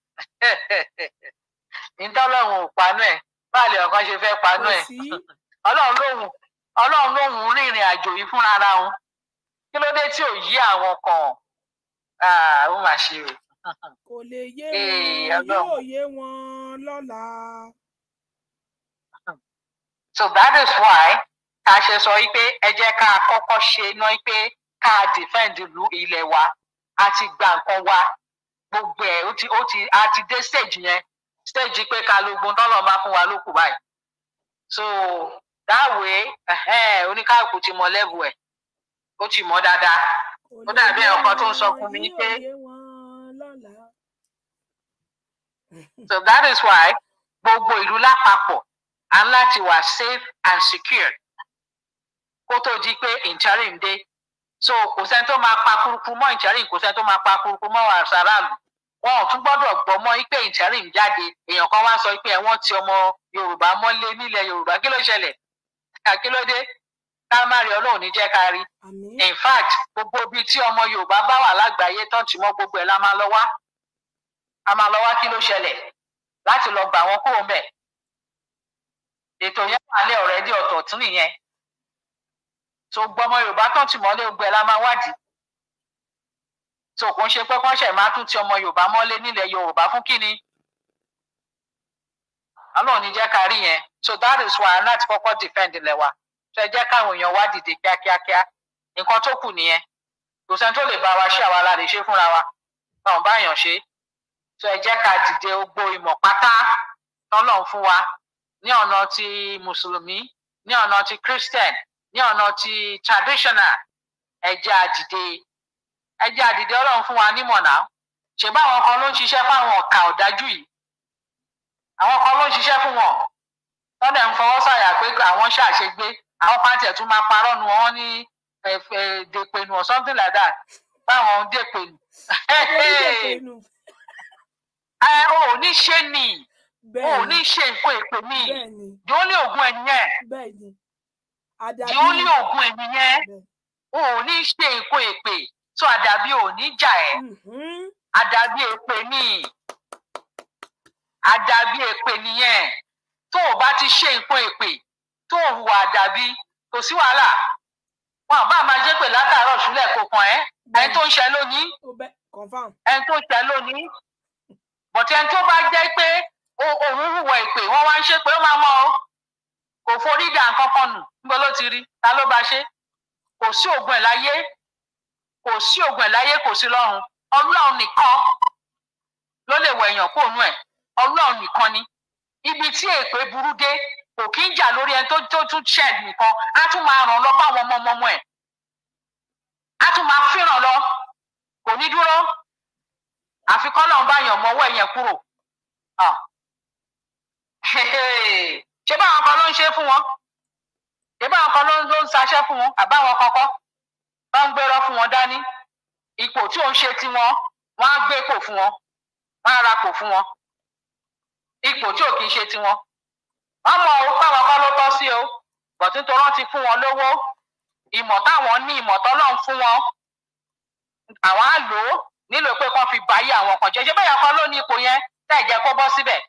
ìtọ́lọ́run ò paná ẹ̀ báàlì ọ̀kan ṣe fẹ́ paná ẹ̀ ọlọ́run lòun ọlọ́run lòun rìnrìn àjò yìí fúnra ara wọn kí ló dé tí ò yí àwọn kan ah, ó mà ṣe o kò lè yé wọn yóò yé wọn lọ́la. so that is why ká ṣe sọ pé ẹ jẹ́ ká kọ́kọ́ ṣe ná pé ká defend ìlú ilẹ̀ wa a ti gba nǹkan wa gbogbo ẹ̀ ó ti ó ti a ti dé stage yẹn stage pé ká ló gbọ́n tọ́lọ̀ máa fún wa lókù báyìí so that way oníkàkù ti mọ level ẹ̀ ó ti mọ dáadáa ó dàbí ọkọ tó ń sọ fún mi pé so that is why gbogbo ìlú lápapọ̀ à ń láti wà safe and secure kó tó di pé interim dé so kò sẹ́ni tó máa pa kúrukú mọ́ interim kò sẹ́ni tó máa pa kúrukú mọ́ àṣàràlù wọn ò tún gbọ́dọ̀ gbọ́ mọ́ pé interim jáde èèyàn kan wá sọ pé ẹ̀wọ̀n ti ọmọ yorùbá mọ́lé nílẹ̀ yorùbá kí ló ṣẹlẹ̀ kí ló dé ká má rí ọlọ́run ní jẹ́ ká rí in fact gbogbo ibi tí ọmọ yorùbá bá wà lágbàáyé tán ti mọ́ gbogbo ẹ̀ la máa lọ wá a máa lọ wá kí ló ṣẹlẹ̀ láti lọ gbà wọn kúrò mbẹ̀ ètò yẹn wà lé ọ̀rẹ́ dí ọ̀tọ̀ tún nìyẹn tó gbọmọ Yorùbá tán tì mọ́lé ogbẹ la máa wádìí tó kò ń ṣe pé kọ́ńṣẹ̀ máa tún ti ọmọ Yorùbá mọ́lé nílẹ̀ Yorùbá fún kínni Ọlọ́run ní jẹ́ ká rí yẹn so that is why láti kọ́kọ́ defend ilẹ̀ wa tó ẹ jẹ́ káwọn èèyàn wá dìde kíákíákíá nǹkan tó kù nìyẹn kò sẹ́ni tó lè bá wa ṣe àwa la lè ṣe fúnra wa báwọn báyàn ṣe so ẹ jẹ́ ká dìde gbogbo ìmọ̀ pátá tọ́lọ́run fún wa ní ọ̀nà ti mùsùlùmí ní ọ̀nà ti christian ní ọ̀nà ti traditional ẹ jẹ́ àdìde ẹ jẹ́ àdìde ọlọ́run fún wa nímọ̀ náà ṣe báwọn kan ló ń ṣiṣẹ́ fáwọn ọ̀ka ọ̀dájú yìí àwọn kan ló ń ṣiṣẹ́ fún wọn tọ́lẹ̀ ń fọwọ́ sàyà pé àwọn ṣàṣegbé àwọn kan tiẹ̀ tún máa parọ́ nu wọn ní dèpẹ̀nù or something like that báwọn dèpẹ̀nù ẹ ò ní ṣe ni ò ní ṣe nǹkan èpè mi yóò ní oògùn ẹni yẹn yóò ní oògùn ẹni yẹn ò ní ṣe nǹkan èpè tó àdàbí ò ní jà ẹ mm-hmm. àdàbí èpè ni àdàbí èpè nìyẹn tó o bá ti ṣe nǹkan èpè tó o hùwà àdàbí kò sí wàhálà wọn àbá máa jẹ́ pé látàárọ̀ ṣúlẹ̀ kò kàn ẹ́ ẹni tó ń ṣe lónìí ẹni tó ń ṣe lónìí bọ̀tẹ́ ẹni tó bá jẹ́ pé òun hùwà ìpè wọ́n wá ń ṣe pé ó máa mọ́ ọ́ kò forí dà nǹkan kan nù níbo ló ti rí ta ló bá ṣe kò sí ògùn ẹ̀ láyé kò sí ògùn ẹ̀ láyé kò sí lọ́run ọlọ́run nìkan ló lè wọ èèyàn kóònù ẹ̀ ọlọ́run nìkan ni ibi tí èpè burú dé kò kí ń jà lórí ẹni tó tún shed nìkan á tún máa ràn lọ báwọn ọmọ ọmọ ẹ̀ á tún máa fìràn lọ kò ní dúró àfi kọ́ lọ́n báyàn mọ owó ẹ̀yẹn kúrò ah. ṣé báwọn kan ló ń ṣe fún wọn ṣé báwọn kan ló ń ṣaṣẹ́ fún wọn àbáwọn kọ́kọ́ wọ́n ń gbérọ́ fún wọn dání ipò tí ò ń ṣe tiwọn wọ́n á gbé kò fún wọn wọ́n á ra kò fún wọn ipò tí ò kì í ṣe tiwọn ọmọ òun káwọn kan ló tọ́ sí o bọ̀tún tó rántí fún wọn lówó ìmọ̀ táwọn ní ìmọ̀ tọ́lọ́run fún wọn àwọn á lò ó nílò pé kán fi báyé àwọn kan jẹ́ ṣé bẹ́ẹ̀ yẹn kan ló ní ipò yẹn tẹ́ ẹ̀ jẹ́ kó bọ́ síbẹ̀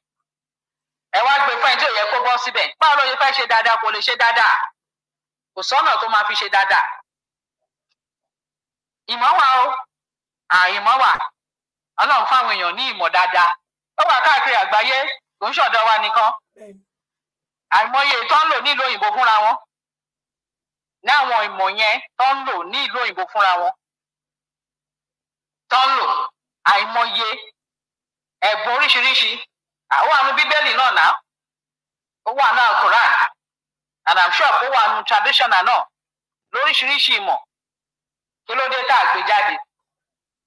ẹ wá gbé fún ẹ tí ò yẹ kó bọ́ síbẹ̀ báwo ló yẹ fẹ́ ṣe dáadáa kò lè ṣe dáadáa kò sọ́nà tó máa fi ṣe dáadáa ìmọ̀ wà o àìmọ̀ wà ọlọ́run fáwọn èèyàn ní ìmọ̀ dáadáa ó wà káàkiri àgbáyé kò ń ṣọ̀dọ̀ wa nìkan àìmọye tó ń lò nílùú òyìnbó fúnra wọn ní àwọn ìmọ̀ yẹn tó ń lò nílùú òyìnbó fúnra wọn tán lò àìmọye ẹ̀bùn oríṣiríṣi ah, àwọn àánú bíbélì náà náà ó wà náà Quran and i'm sure ó wà traditional náà lóríṣiríṣi ìmọ̀ kí ló dé tá a gbé jáde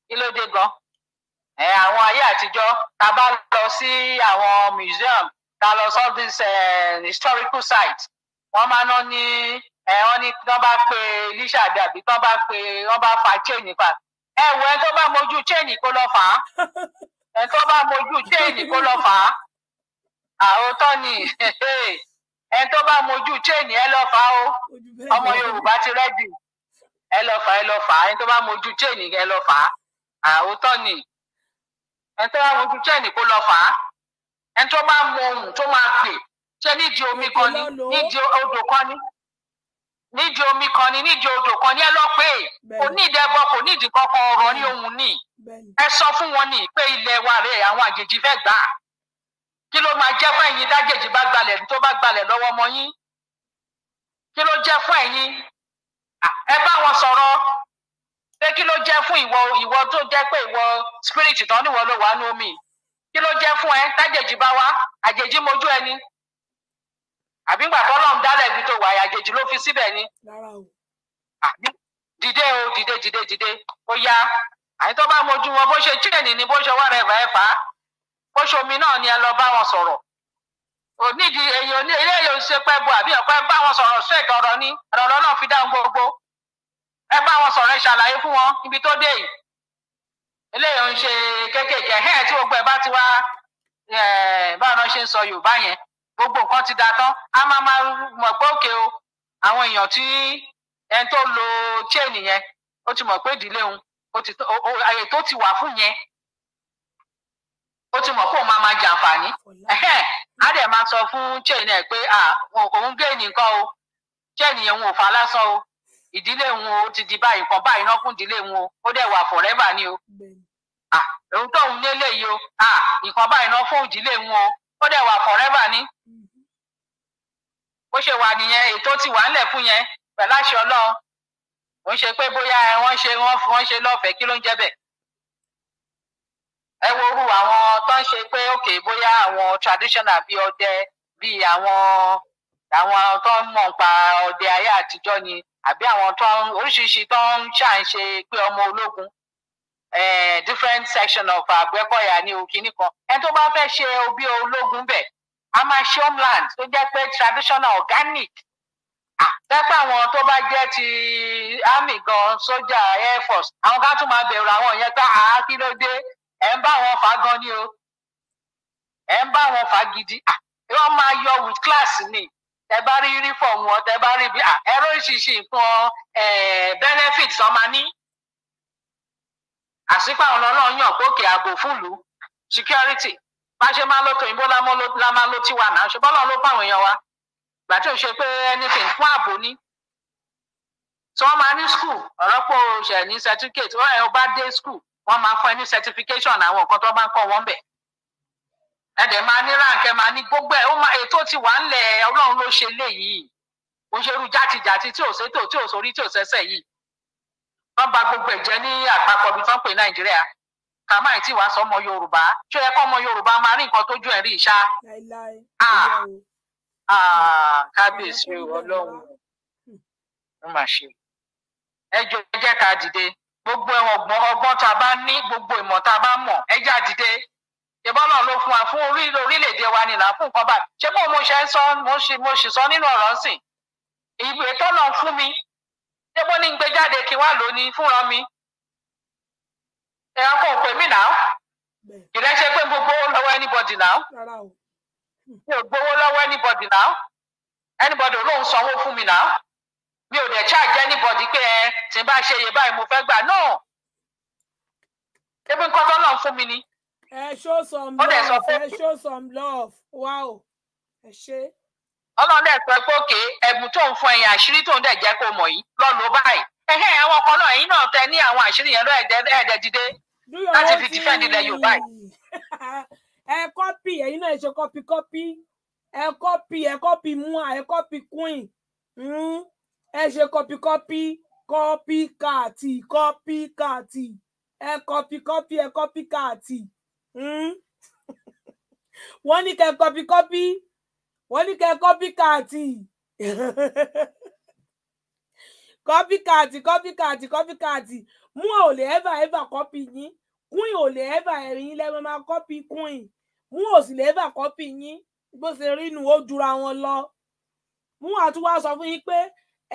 kí ló dé gan ẹ eh, àwọn ayé àtijọ́ tá bá lọ sí àwọn museum tá a lọ sí all uh, historical sites wọ́n máa ná ní ẹ eh, wọ́n ní tí wọ́n bá pe elisha àbí àbí wọ́n bá pe wọ́n bá fa chain nípa ẹwọ ẹni tó bá mojú chain kó lọ fà á ẹni tó bá mojú chain kó lọ fà á àótọ́ ni ẹni tó bá mojú chain ẹ lọ fà á o ọmọ Yorùbá ti rẹ́dì ẹ lọ fà ẹ lọ fà á ẹni tó bá mojú chain ẹ lọ fà á àótọ́ ni ẹni tó bá mojú chain kó lọ fà á ẹni tó bá mọ ohun tó máa pè ṣe nídìí omi kan ní nídìí odò kan ní nídìí omi kan ni nídìí odò kan ni ẹ lọ pé kò ní ìdẹ́bọ kò ní ìdí kankan ọ̀rọ̀ ní ohun ní ẹ sọ fún wọn ní pé ilẹ̀ wa rẹ̀ àwọn àjèjì fẹ́ gbà á kí ló máa jẹ́ fún ẹ̀yin dájèjì bá gbalẹ̀ tó bá gbalẹ̀ lọ́wọ́ ọmọ yín kí ló jẹ́ fún ẹ̀yin ẹ bá wọn sọ̀rọ̀ pé kí ló jẹ́ fún ìwọ ìwọ tó jẹ́ pé ìwọ spirit tán níwọ ló wà á omi kí ló jẹ́ fún ẹ dájèjì bá wá àjèjì mojú ẹni àbí gbà fọlọ́n dálẹ̀ ibi tó wà àyàjèjì ló fi síbẹ̀ ni. dìde o dìde dìde dìde ó yá àyìn tó bá mojú wọn bó ṣe chain ni bó ṣe wà rẹ̀ ẹ̀ fà á bó ṣe omi náà ni ẹ lọ bá wọn sọ̀rọ̀ onídìí èyí oní ilé yóò ṣe pẹ́ bu àbí ọ̀pẹ́ bá wọn sọ̀rọ̀ straight ọ̀rọ̀ ni ọ̀rọ̀ lọ́nà fi dáhùn gbogbo ẹ bá wọn sọ̀rọ̀ ẹ ṣàlàyé fún wọn ibi tó dé yìí eléyìí ń ṣe kéékèèké ẹ̀ tí gbogbo ẹ̀ bá ti wá báwọn ṣe ń sọ Yorùbá yẹn gbogbo nǹkan ti da tán a máa máa mọ̀ pé òkè o àwọn èèyàn tí ẹni tó lo chain yẹn ó ti mọ̀ pé ìdílé òun àyè tó ti wà fún yẹn ó ti mọ̀ pé òun máa máa jàǹfààní á dẹ̀ máa sọ fún chain ẹ̀ pé òun gé nìkan o chain yẹn òun ò fa lásán o ìdílé òun o ti di báyìí nǹkan báyìí náà fún ìdílé òun o ó dẹ̀ wà forever ni o òun tóun lélẹ̀ yìí o nǹkan báyìí náà fún ìdílé òun o ó dẹ̀ wà forever ni bó ṣe wà nìyẹn ètò ti wà ńlẹ̀ fún yẹn pẹ̀lú àṣẹ ọlọ́run òun ṣe pé bóyá wọ́n ṣe wọ́n ṣe lọ́fẹ̀ẹ́ kí ló ń jẹ́ bẹ́ẹ̀ ẹ wo orú àwọn tó ń ṣe pé òkè bóyá àwọn traditional bíi ọdẹ bíi àwọn àwọn tó ń mọ̀ nípa ọdẹ ayé àtijọ́ ni àbí àwọn tó ń oríṣiríṣi tó ń ṣàǹṣe pé ọmọ ológun different section of Àgbẹ̀kọ̀yà ní òkìní kan ẹni tó bá fẹ́ ṣe obi ológun bẹ́ẹ̀ a máa ṣe homeland tó jẹ́ pé traditional organic tẹ́pẹ́ àwọn tó bá jẹ́ ti army gan sójà air force àwọn ká tún máa bẹ̀rù àwọn yẹn pé àá kí ló dé ẹ̀ ń bá wọn fà gan ni o ẹ̀ ń bá wọn fà gidi wọ́n máa yọ with class ni tẹ bá rí uniform wọn tẹ bá rí bí ẹ̀rọ ìṣìṣì nǹkan benefits ọmọ ní àsìkò àwọn ọlọ́run yàn kókè ààbò fúlùú security bá máa lọ́tọ̀ òyìnbó la máa ló ti wà náà ṣe bọ́lá ló fáwọn èèyàn wa ìgbà tí ò ṣe pé anything fún ààbò ní. tí wọ́n máa ní school ọ̀rọ̀ ṣẹ̀ ní certificate ó ẹ̀ ó bá dé school wọ́n máa fún ẹ ní certification àwọn nǹkan tó bá ń kọ́ wọ́n bẹ̀. ẹ dẹ̀ máa ní ránkẹ́ máa ní gbogbo ẹ̀ ó máa ètò ti wà ńlẹ̀ ọlọ́run ló ṣe léyìí ó ṣe irú játijàti tí ò sétò tí ò sórí tí ò sẹ́sẹ̀ yìí wọ́n bà gbogbo ẹ̀jẹ̀ ní àpapọ̀ bí fọ́n Nàìjíríà kàmá ìtì wàá sọmọ yorùbá ṣó yẹ kọ́ ọmọ yorùbá máa rí nǹkan tójú ẹ̀ rí ìṣá. Ah. Ah, kábíyèsí ọlọ́run ló máa ṣe ẹ jọ jẹ́ ká dìde gbogbo ọgbọ́n ọgbọ́n tá a bá ní gbogbo ìmọ̀ tá a bá mọ̀ ẹ já dìde ìbọn náà ló fún wa fún orílẹ̀-èdè wa nìlà fún nǹkan báyìí ṣé bó mo ṣe sọ mo sì sọ nínú ọ̀rọ̀ sìn ìwé tọ́lọ̀ fún mi ṣé bó ní gbé jáde kí wá lónìí fúnra mi ẹ̀rọ kò pè mí náà ìrẹsẹ̀ pé mo gbowó lọ́wọ́ anybody náà hmm. mi ò gbowó lọ́wọ́ anybody náà anybody olóhùn sanwó fún mi náà mi ò dẹ̀ charge anybody pé ẹ tí n bá ṣe iye báyìí mo fẹ́ gbà náà ebi nǹkan tó náà fún mi ni. ẹ show some love ẹ show some love wow ẹ ṣe. ọlọ́run dẹ̀ sọ pé òkè ẹ̀bùn tó ń fún ẹ̀yìn àṣírí tó ń dẹ̀ jẹ́ kó mọ̀ yìí lọ́ọ́ báyìí ẹhẹ àwọn ọkọ náà ẹ̀yin náà tẹ ní àwọn àṣírí yẹn lọ ẹdẹ ẹdẹ dìde láti fi defend ilẹ̀ Yorùbá yìí. ẹ kọ́pì ẹ̀yin náà ṣe kọ́pì kọ́pì ẹ kọ́pì ẹ kọ́pì mua ẹ kọ́pì queen hmm? ẹ ṣe kọ́pì kọ́pì kọ́pì káàtì kọ́pì káàtì ẹ kọ́pì kọ́pì ẹ kọ́pì káàtì hmm? wọ́n ní kẹ́ kọ́pì kọ́pì wọ́n ní kẹ́ kọ́pì káàtì. copycat copycat copycat Mu o le ever ever copy yín queen ò lè ever ẹ̀rín le máa copy queen Mu o si lè ever copy yín bó ṣe rí nu ó jura wọn lọ mú àtúwá sọ fún yín pé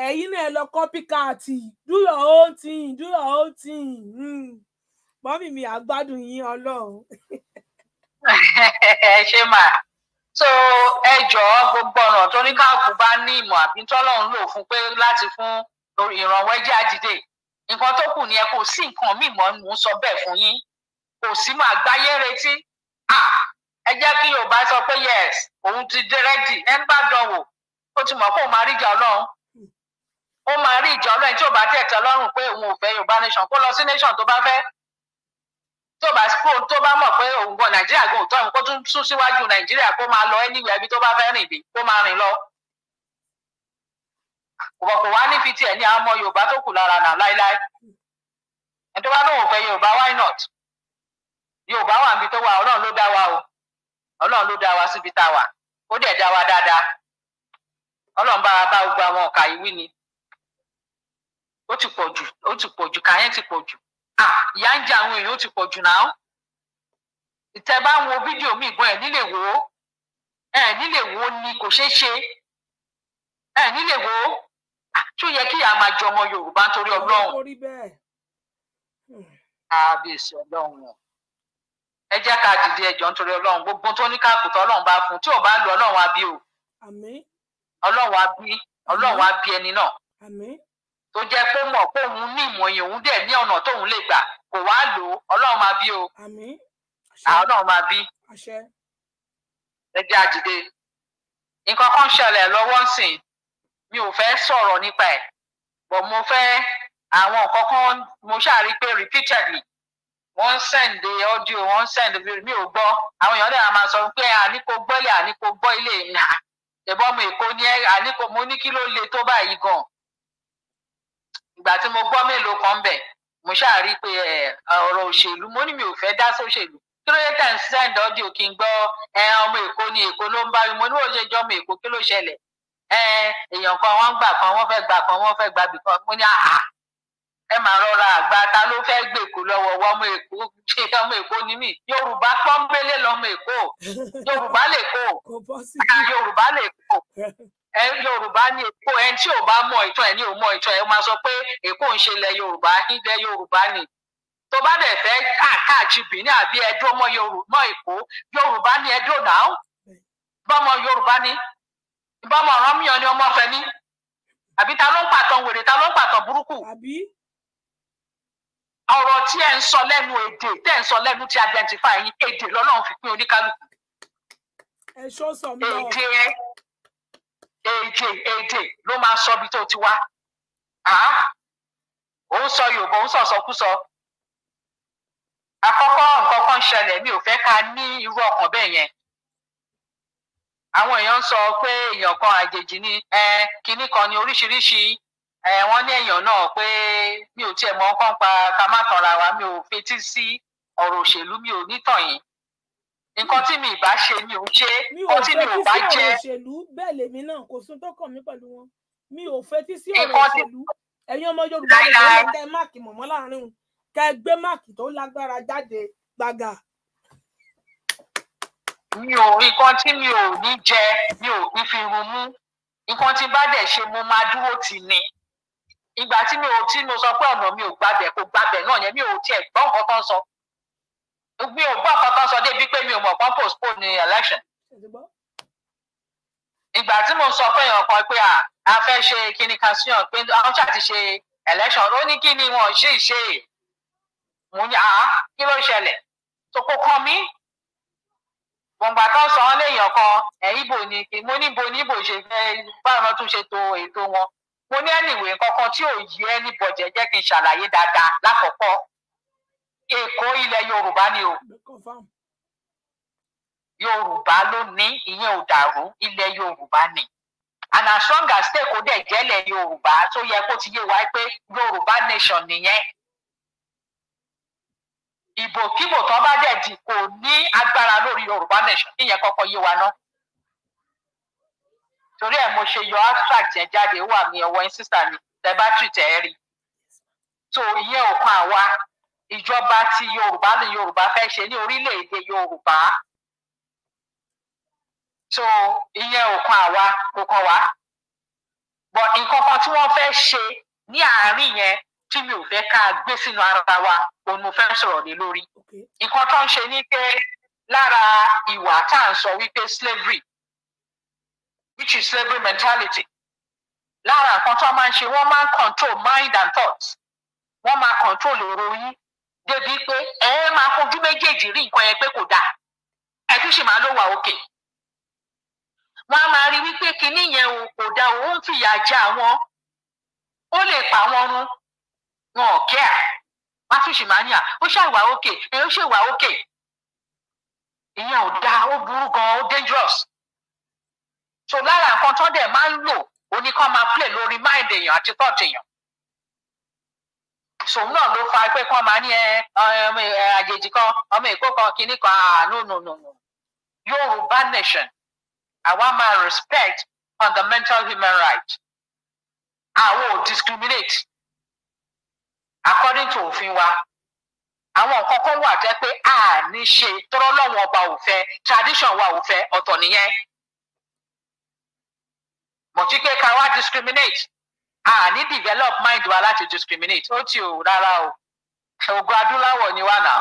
ẹ̀yin náà lọ copycat do your own thing do your own thing Mami mi àgbádùn yín ọlọ́run. ẹ ṣe máa so ẹ jọ̀ọ́ gbogbo ọ̀nà tó ní káàkú bá ní ìmọ̀ àbí tọ́lọ́run lò fún pé láti fún lórí ìrànwọ́ ẹ jẹ́ àdìde nǹkan tó kù ni ẹ kò sí nǹkan míì mọ́ mò ń sọ bẹ́ẹ̀ fún yín kò sí mà gbáyé retí ẹ jẹ́ kí Yorùbá sọ pé yes òun ti dẹ́rẹ́dì ẹ ń bá dánwò ó ti mọ̀ pé òun máa rí ìjà Ọlọ́run ó máa rí ìjà Ọlọ́run tí ò bá tẹ̀ lọ́rùn pé òun ò fẹ́ Yorùbá nation kó lọ sí nation tó bá fẹ́ tó bá tó bá mọ̀ pé òun bọ̀ Nàìjíríà gbọ́n òótọ́ òun kó tún sún síwájú Nàìjíríà kó máa lọ anywhere ibi tó bá fẹ́ rìn bí kó máa rìn lọ ọmọ kò wá ní fi tiẹ̀ ní àmọ́ yorùbá tó kù lára nà láíláí ẹni tó fẹ́ yorùbá why not yorùbá wà níbi tó wà ọlọ́run ló dá wa o ọlọ́run ló dá wa síbi tá a wà ó dẹ̀ dá wa ni ó ti pọ̀ jù ó ti pọ̀ jù ti pọ̀ jù ah, ìyá ń jẹ bá ń wo fídíò mi ẹ̀ nílé wo ẹ̀ nílé wo ni kò tó yẹ kí a máa jọ ọmọ yorùbá nítorí ọlọ́run kábíyèsí ọlọ́run ẹ jẹ́ ká dìde ẹjọ́ nítorí ọlọ́run gbogbo tó ní káàkùtà ọlọ́run bá fún tí ò bá lu ọlọ́run á o ọlọ́run á bí ọlọ́run á bí ẹni náà tó jẹ́ pé mọ̀ pé òun ní ìmọ̀ yìí òun dẹ̀ ní ọ̀nà tóun lè gbà kò wá lò ó ọlọ́run máa bí o ọlọ́run máa bí ẹ jẹ́ àdìde nǹkan kan ṣẹlẹ̀ lọ́wọ́ sìn mi ò fẹ́ sọ̀rọ̀ nípa ẹ̀ but mo fẹ́ àwọn nǹkan kan mo ṣàrí pé repeatedly wọ́n ń send audio wọ́n ń send mi ò gbọ́ àwọn èèyàn náà máa sọ pé àníkó gbọ́lẹ̀ àníkó gbọ́ ilé ìnà ẹ̀bọ́n mi èkó ní àníkó mo ní kí ló le tó báyìí gan ìgbà tí mo gbọ́ mélòó kan bẹ̀ mo ṣàrí pé ọ̀rọ̀ òṣèlú mo ní mi ò fẹ́ dá sóṣèlú kí ló yẹ tẹ̀ ń send audio kí n gbọ́ ọmọ èkó ní èkó ló ń bá mi mo ní òye jọ ọmọ èkó kí ló ṣẹlẹ̀ èèyàn kan wọ́n gbà kan wọ́n fẹ́ gbà kan wọ́n fẹ́ gbà bì kan mo ní àhà ah, ah, ẹ máa rọra àgbà ta ló fẹ́ gbèkó lọ́wọ́ ọmọ èkó ọmọ èkó ni mí yorùbá pọ́nbélé lọ́mọ èkó yorùbá lè kó ah, yorùbá lè kó yorùbá ní èkó ẹ tí ò bá mọ ìtàn ẹ ní ò mọ ìtàn ẹ máa sọ pé èkó ń ṣe ilẹ̀ yorùbá ilẹ̀ yorùbá ni tó bá dẹ̀ fẹ́ káàkiri bìíní àbí ẹdún ọmọ èkó yorùbá ni ẹdún náà bọ́mọ yorùbá ni ìbámu ọ̀ràn mìíràn ni ọmọ fẹ́ ní àbí ta ló ń pàtàn wèrè ta ló ń pàtàn burúkú ọ̀rọ̀ tí ẹ̀ ń sọ lẹ́nu èdè tẹ́ ẹ̀ ń sọ lẹ́nu ti identify yín èdè lọ́lọ́run fi pín oníkálukú èdè ẹ èdè èdè ló máa sọ ibi tó ti wá òun sọ Yorùbá òun sọ̀sọ̀kúsọ àkọ́kọ́ nǹkan kan ṣẹlẹ̀ mi ò fẹ́ ká ní irú ọkàn bẹ́ẹ̀ yẹn àwọn èèyàn sọ pé èèyàn kan àjèjì ni kinní kan ni oríṣiríṣi wọ́n ní èèyàn náà pé mi ò tiẹ̀ mọ̀ nǹkan pa ká má tanra wa mi ò fetí sí ọ̀rọ̀ òṣèlú mi ò nítàn yìí nǹkan tí mi ìbá ṣe mi ò ṣe nǹkan tí mi ò bá jẹ. mi ò fetí sí ọ̀rọ̀ òṣèlú bẹ́ẹ̀ lèmi náà kò sún tó kàn mí pẹ̀lú wọn mi ò fetí sí ọ̀rọ̀ òṣèlú ẹ̀yin ọmọ yorùbá lè fẹ́ máàkì mọ̀mọ́ láàrin kẹ́ gbé máàkì tó lágbára jáde gbàgà mi ò nǹkan tí mi ò ní jẹ mi ò kí fi run mú nǹkan tí bá dẹ̀ ṣe mo máa dúró tì ní ìgbà tí mi ò tí mo sọ pé ọ̀nà mi ò gbàbẹ̀ kò gbàbẹ̀ náà yẹn mi ò tiẹ̀ gbọ́ nǹkan tó ń sọ mi ò gbọ́ nǹkan tó ń sọ débi pé mi ò mọ̀ kán postpone election ìgbà tí mo sọ fẹ́yàn kan pé a fẹ́ ṣe kíní kan síyàn pé àwọn ṣáà ti ṣe election ó ní kí wọn ṣì ṣe mo ní àá kí ló ṣẹlẹ̀ tó kó kàn gbọ̀ngbà tó sọ ọ́ léèyàn kan ẹ̀yìn ibo ni kì mo níbo níbo ṣe fẹ́ báwọn náà tún ṣe to ètò wọn mo ní ẹnìwé kankan tí ò yí ẹ ní bọ̀jẹ̀ jẹ́ kí n ṣàlàyé dáadáa lákọ̀ọ́kọ́ èkó ilẹ̀ yorùbá ni o yorùbá ló ní ìyẹn ò dàrú ilẹ̀ yorùbá ni and as long as tèkó dẹ̀ jẹ́lẹ̀ yorùbá tó yẹ kó ti yé wa pé yorùbá nation nìyẹn ìbòkíbò tó bá dẹ̀ dì kò ní agbára lórí yorùbá nation ìyẹn kọ́kọ́ yé wa ná torí ẹ̀ mo ṣe yọ abstract yẹn jáde wà ní ọwọ́ yín sísà mi laboratory tẹ̀ ẹ́ rí so ìyẹn ò kan àwa ìjọba ti yorùbá ni yorùbá fẹ́ ṣe ní orílẹ̀-èdè yorùbá so ìyẹn ò kan àwa kò kan wá but nǹkan kan tí wọ́n fẹ́ ṣe ní àárín yẹn tí mi ò fẹ́ ká gbé sínú ara wa òun mo fẹ́ sọ̀rọ̀ lé lórí. nǹkan tó ń ṣe ni pé lára ìwà tá à ń sọ wípé slavery which is slavery mentality lára nǹkan tó máa ń ṣe wọ́n máa ń control mind and thoughts wọ́n máa control èrò yín débi pé ẹ máa fojú méjèèjì rí nǹkan yẹn pé kò dáa ẹ tún ṣì máa ló wà òkè wọ́n á máa rí wípé kinní yẹn o kò dáa òun fìyà jẹ àwọn ó lè pa wọ́n run wọn ò kẹ́ à wá tún ṣìmáníà ó ṣàìwà òkè ẹ ó ṣèwà òkè ìyẹn ò dáa ó burú gan ó dangerous so lára nǹkan tó dẹ̀ máa ń lò oníkan máa play lórí mind èèyàn àti thought èèyàn sòun náà ló fa pé kán máa ní ẹ ọmọ àjèjì kan ọmọ èkó kan kínní kan àánú ah, nùnùnù Yorùbá nation àwa máa respect fundamental human right àwọn ò discriminate according to òfin wa àwọn nǹkan kan wà tẹ́ pé a ní ṣe tọ́rọ́ lọ́wọ́ ọba ò tradition wa ò fẹ́ ọ̀tọ̀ nìyẹn mọ̀tí pé ká wá discriminate a ní develop mind wa láti discriminate ó ti ò rárá o ògùn adúláwọ̀ ni wà náà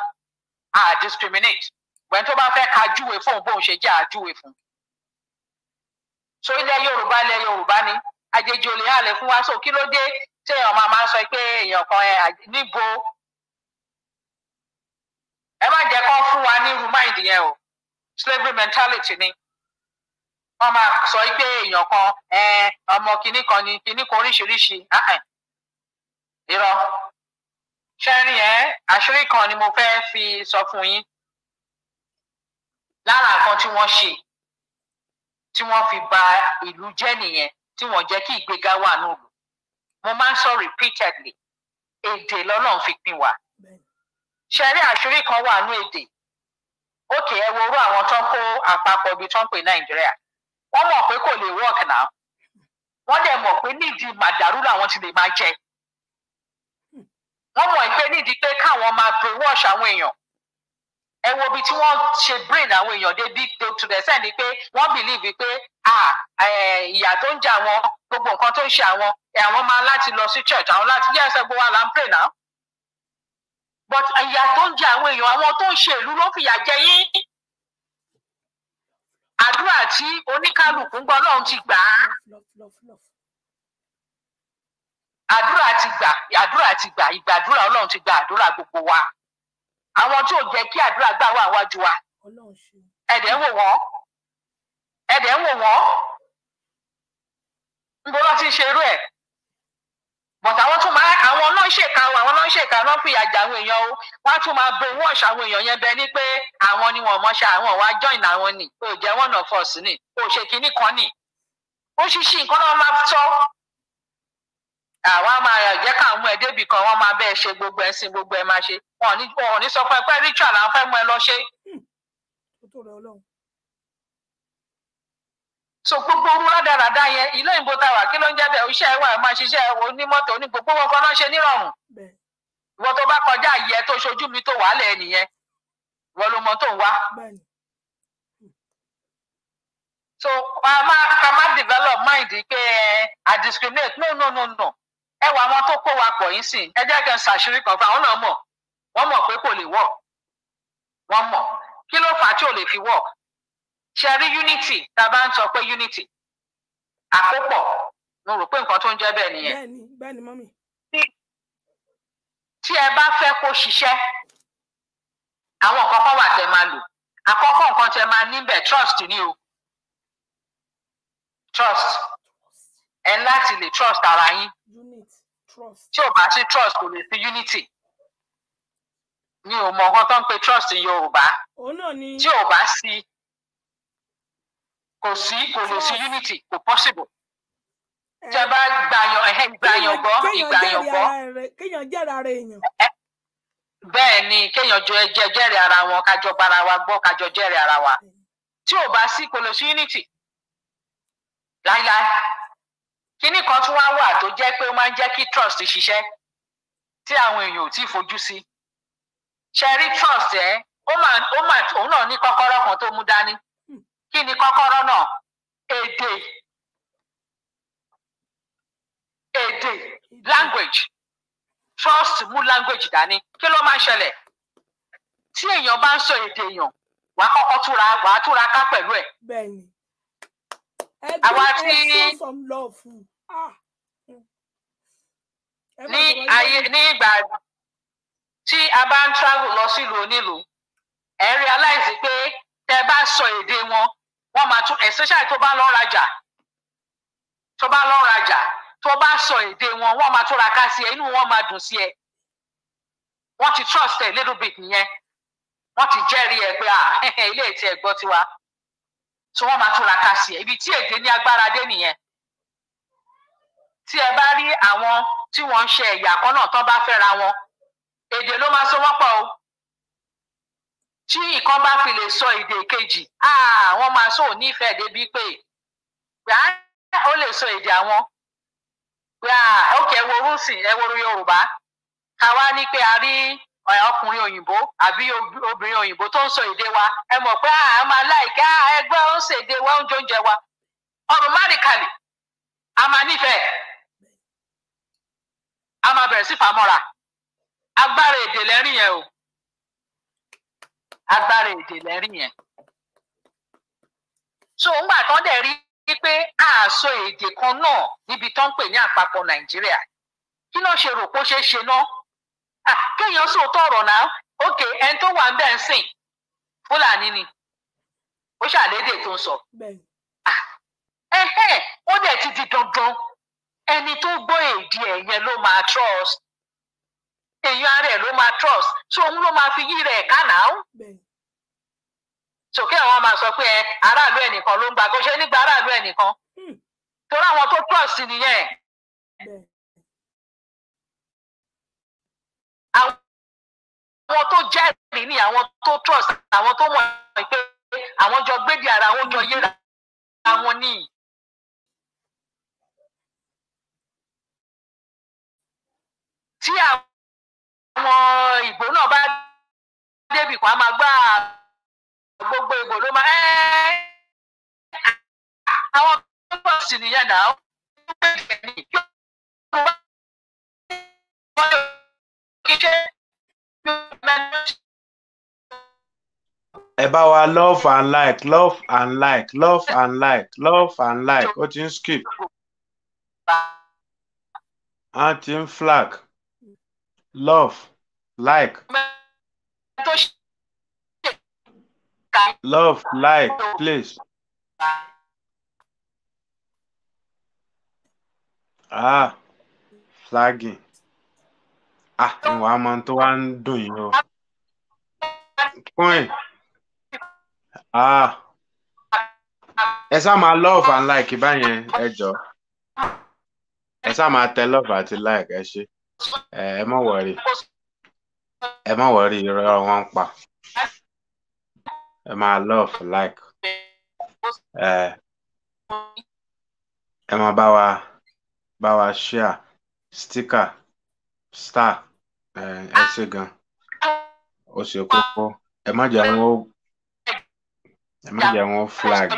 a discriminate wẹ́n tó bá fẹ́ ká júwe fóun bóun ṣe jẹ́ àjúwe fún so ilẹ̀ Yorùbá ilẹ̀ Yorùbá ni àjèjì ò lè hàlẹ̀ fún wa so kí ló dé ṣé èèyàn máa máa sọ pé èèyàn kan ẹ níbo ẹ má jẹ́ kán fún wa ní irú yẹn o slavery mentality ni wọ́n máa sọ pé èèyàn kan ẹ ọmọ kinní kan ni kinní kan oríṣiríṣi irọ́ ṣẹ́rin ẹ àṣírí kan ni mo fẹ́ fi sọ fún yín lára nǹkan tí wọ́n ṣe tí wọ́n fi bà ìlú jẹ́ nìyẹn tí wọ́n jẹ́ kí ìgbéga wà nùlù mo máa ń sọ repeatedly èdè lọ́lọ́run fi pín wa ṣẹ̀rí àṣírí kan wà ní èdè òkè ẹ worú àwọn tó ń kó àpapọ̀ ibi tó ń pè nàìjíríà wọ́n mọ̀ pé kò lè work now wọ́n dẹ̀ mọ̀ pé nídìí màdàrú làwọn ti lè máa jẹ hmm. wọ́n mọ̀ pé nídìí pé káwọn máa brainwash àwọn èèyàn ẹ wo ibi tí wọ́n ṣe brain àwọn èèyàn dé bí to the extent ni pé wọ́n believe pé ìyà tó ń jà wọn gbogbo nǹkan tó ń ṣe àwọn àwọn máa láti lọ sí church àwọn láti yẹ ẹsẹ gbowó àlà ń pray now but ìyà tó ń jẹ àwọn èèyàn àwọn tó ń ṣe ìlú ló fìyà jẹ yín àdúrà tí oníkálukú gbọ́ lọ́hún ti gbà á àdúrà ti gbà àdúrà ti gbà ìgbàdúrà Ọlọ́run ti gbà àdúrà gbogbo wa àwọn tí ò jẹ́ kí àdúrà gbà wà wájú wa ẹ̀dẹ̀ ń wò wọ́n ẹ̀dẹ̀ ń wò wọ́n níbo ló ti ń ṣerú ẹ̀ bọ̀tà àwọn tún máa àwọn náà ṣèkà àwọn náà ṣèkà náà fìyà jà àwọn èèyàn o wọ́n tún máa bo owó ọ̀ṣà àwọn èèyàn yẹn bẹ ní pé àwọn ni wọ́n mọṣẹ àwọn wá join àwọn ni o jẹ́ one of us ni o ṣe kan ni oṣiṣi nǹkan náà máa tọ́ àwọn á máa jẹ́ káwọn mú débì kan wọ́n máa bẹ́ẹ̀ ṣe gbogbo ẹ sin gbogbo ẹ máa ṣe wọn ò ní sọ fún ẹ pé ritual àwọn fẹ́ mú ẹ lọ ṣe. Hmm. so gbogbo orú ládàradà yẹn ilé ìbò tá wà kí ló ń jẹ́ bẹ́ẹ̀ iṣẹ́ ẹ wà ẹ máa ṣiṣẹ́ onímọ́tò onígbogbo wọn kan náà ṣe nírọ̀rùn ìwọ tó bá kọjá yẹ tó ṣojú mi tó wà lẹ nìyẹn ìwọ ló mọ tó ń wá. Hmm. so a máa a máa develop mind pé a discriminate no no no no ẹ wà wọn tó kó wa pọ̀ yìí sí ẹ jẹ́ kí n ṣàṣírí kan fún àwọn náà mọ̀ wọ́n mọ̀ pé kò lè wọ̀ wọ́n mọ̀ kí ló fà á tí ò lè fi wọ̀ ṣe rí unity tá a bá ń sọ pé unity àkópọ̀ mo rò pé nǹkan tó ń jẹ́ bẹ́ẹ̀ nìyẹn. bẹ́ẹ̀ni bẹ́ẹ̀ni mọ́mì. tí ẹ bá fẹ́ kó ṣiṣẹ́ àwọn nǹkan kan wà tẹ́ máa lò àkọ́kọ́ nǹkan tẹ́ máa níbẹ̀ trust ni o trust ẹ láti lè trust ara yín tí ò bá sí trust kò lè sí unity mi ò mọ nǹkan tó ń pe trust yorùbá tí ò bá sí kò sí kò lè sí unity kò possible eh, tí a bá gbàyàn ẹ̀hẹ́ gbàyàn gbọ́ ìgbàyàn gbọ́ kéèyàn jẹ́ra ara èèyàn. Eh, bẹ́ẹ̀ ni kéèyàn jọ ẹjẹ́ eh, jẹ́rìí ara wọn kájọ bara wa gbọ́ kájọ jẹ́rìí ara wa tí ò bá sí kò lè sí unity láíláí kíní kan tún wá wà tó jẹ́ pé ó máa ń jẹ́ kí trust ṣiṣẹ́ tí àwọn èèyàn ò tí ì fojú sí ṣe trust ẹ ó mà ó mà òun náà ní kọ́kọ́rọ́ kan tó mú dání hmm. kí ni kọ́kọ́rọ́ náà èdè èdè language trust mú language dání kí ló máa ṣẹlẹ̀ tí èèyàn bá ń sọ èdè èèyàn wàá kọ́kọ́ túra wàá túra ká pẹ̀lú ẹ̀. bẹ́ẹ̀ni ẹgbẹ́ ẹ sọ some love fún Ah! ní ayé ní ìgbà tí a bá ń travel lọ sílùú onílùú ẹ realize pé tẹ bá sọ èdè wọn wọn máa tún especially tó bá lọ rajà tó bá lọ rajà tó bá sọ èdè wọn wọn máa tún ra ká sí ẹ inú wọn máa dùn sí ẹ wọn ti trust ẹ little bit nìyẹn wọn ti jẹ́rìí ẹ pé ah ilé ètò ẹgbọ tiwa so wọn máa tún ra ká sí ẹ ibi tí èdè ní agbára dé nìyẹn tí ẹ bá rí àwọn tí wọ́n ń ṣe ẹ̀yà kan náà tán bá fẹ́ra wọn èdè ló máa so wọ́n pọ̀ o tí ìkan bá fi lè sọ èdè kejì àwọn ah, máa sọ nífẹ̀ẹ́ débi pé ó lè sọ èdè àwọn ókè wo rúùsì ẹ wo yorùbá ká wá ní pé a rí eh, ọkùnrin òyìnbó àbí obìnrin òyìnbó tó ń sọ èdè wa ẹ mọ̀ pé ah, a máa láìka ah, ẹgbẹ́ ó ń ṣèdè wa oúnjẹ oúnjẹ wa ọ̀rùn márìkàlì a máa nífẹ̀ẹ́ a máa bẹ̀rẹ̀ sí fàmọ́ra agbára èdè lẹ́rìn yẹn o agbára èdè lẹ́rìn yẹn so ńgbà tán dẹ̀ rí i pé àásọ èdè kan náà níbi tán ń pè ní àpapọ̀ nàìjíríà kí náà ṣe rò pé ó ṣeé ṣe náà kéèyàn sòótọ́ ọ̀rọ̀ náà òkè ẹni tó wà ń bẹ̀ ń sìn fúlàní ni ó ṣàlédè tó ń sọ ó dẹ̀ ti di dandan ẹni tó gbọ́ èdè ẹ̀ yẹn ló máa trust èèyàn ara ẹ̀ ló máa trust so òun ló máa fi yí rẹ̀ ká náà sòkè àwọn máa sọ pé aráàlú ẹnìkan ló ń gbà kó ṣe nígbà aráàlú ẹnìkan hmm. torí àwọn tó trust nìyẹn àwọn tó jẹ́rìí ni àwọn tó trust àwọn tó mọ̀ pé àwọn jọ gbédè ara wọn jọ yéra àwọn nìyí. tí àwọn ìbò náà bá débì kan á máa gbá gbogbo ìbò ló máa àwọn gbogbo sì nìyẹn náà ẹ bá wa love and like love and like love and like love and like ó ti ń skip. a ti ń flag. love like. love like Please. ah flagging ah ìwà máa tó wá ń dùn yín ah ẹ sá máa love and like báyẹn ẹ jọ ẹ sá máa tẹ love àti like actually ẹ má wọrí ẹ má wọrí irọ́ wọn ń pa ẹ máa love like ẹ ẹ máa bá wa bá wa share sticker star ẹ ẹ ṣe gan ó ṣe kókó ẹ má jẹ́ wọn ẹ má jẹ́ wọn flag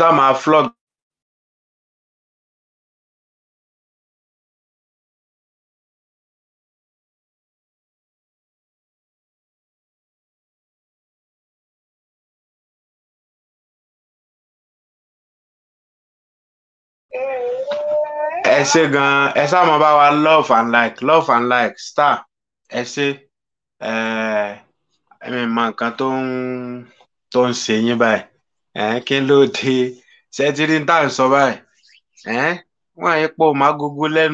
ṣáà máa flog ẹ ṣé gan ẹ ṣáà máa bá wa love and like love and like star ẹ ṣé ẹ ẹ mi mọ nǹkan tó ń tó ń ṣe yín báyìí. kí ló dé ṣe tá à ń sọ báyìí wọn àìpọ̀ mágógó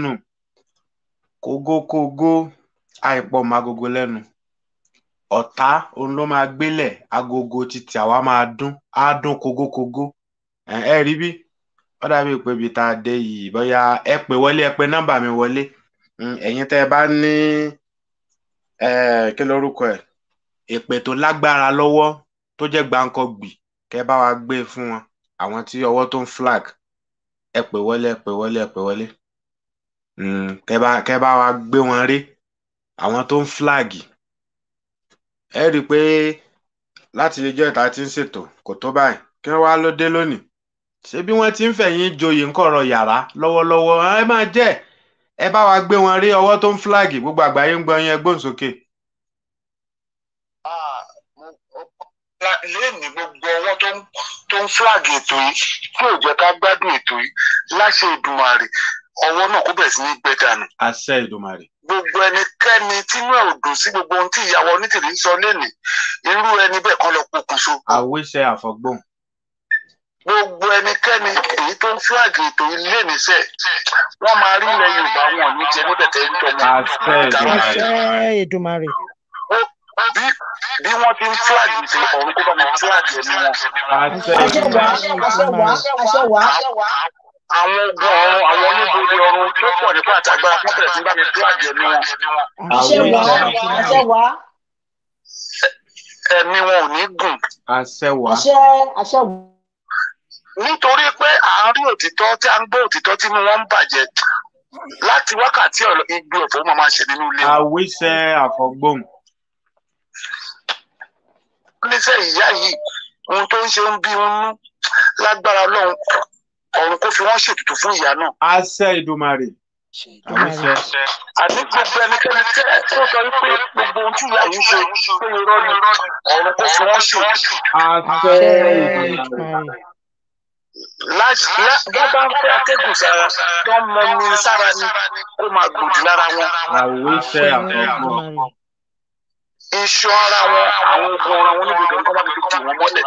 kógókógó òun ló máa agogo títí àwa máa dún á dún kógókógó ẹ rí bí dàbí pé ibi tá a dé yìí bóyá ẹ pè wọlé ẹ pè mi wọlé hmm, ẹ bá ní kí tó lágbára tó kẹ́ bá wa gbé e fún wọn àwọn tí ọwọ́ tó ń flag ẹ pè wọlé ẹ pè wọlé ẹ pè wọlé hmm, kẹ́ bá kẹ́ bá wa gbé wọn rí àwọn tó ń flag ẹ rí i pé láti ilé-ẹjọ́ ìta ti ń ṣètò kò tó báyìí kí wọ́n wá ló dé lónìí ṣé bí wọ́n ti ń fẹ̀yìn joyè ń kọ̀rọ̀ yàrá lọ́wọ́lọ́wọ́ ẹ máa jẹ́ ẹ bá wa gbé wọn rí ọwọ́ tó ń flag gbogbo àgbáyé ń gbọ́ yẹn gbóhùn lẹ́ẹ̀ni gbogbo ọwọ́ tó ń flag ètò yìí tí ò jẹ́ ká gbádùn ètò yìí láṣẹ Èdùmàrè ọwọ́ náà kó bẹ̀rẹ̀ sí ní gbẹ dànù. àṣẹ Èdùmàrè. gbogbo ẹnikẹ́ni tínú ẹ̀ ò dùn sí gbogbo ohun tí ìyàwó Onítìrí ń sọ lẹ́nìí irú ẹni bẹ́ẹ̀ kan lọ pokùnso. àwíṣẹ àfọgbọ́n. gbogbo ẹnikẹ́ni èyí tó ń flag ètò yìí lẹ́nìí sẹ́ wọ́n máa rí ilẹ̀ Yorùbá wọn ní jẹ níbẹ̀ tẹ́ ń tọ́ bí bí wọ́n ti ń flag ìṣe ọ̀run tó bá mi flag ẹ̀mí wọn. àwọn ogun ọ̀run àwọn oníbodè ọ̀run tó pọ̀ nípa àtàgbára fún bẹ̀rẹ̀ tí ń bá mi flag ẹ̀mí wọn. ẹ̀mí wọn ò ní gùn. nítorí pé à ń òtítọ́ tí a ń gbọ́ òtítọ́ tí wọ́n ń bàjẹ́ láti wákàtí ọ̀rọ̀ igbó ọ̀fọ̀ máa ṣe nínú ilé. àwíṣẹ́ àfọ̀gbọ́n níṣẹ́ ìyá yìí ohun tó ń ṣe ń bí ń lágbára lọ́hùn ọ̀run kó fi wọ́n ṣètùtù fún ìyá náà. àṣẹ Ìdùmarè. àní gbogbo ẹnikẹ́ni tẹ́ tó sọ wípé gbogbo ohun tí ìyá yìí ṣe pé irọ́ ni ọ̀run kó fi wọ́n ṣètùtù. àṣẹ Ìdùmarè bọ́bá ń fẹ́ atẹ́gùn sára tó ń mọ omi sára ni kó máa gbòdì lára wọn. àwòṣe àkọ́kọ́ iṣu ara wọn àwọn ogun ọ̀rọ̀ wọn níbi ìdánwò kọ́má bíbí tì mọ́lẹ̀.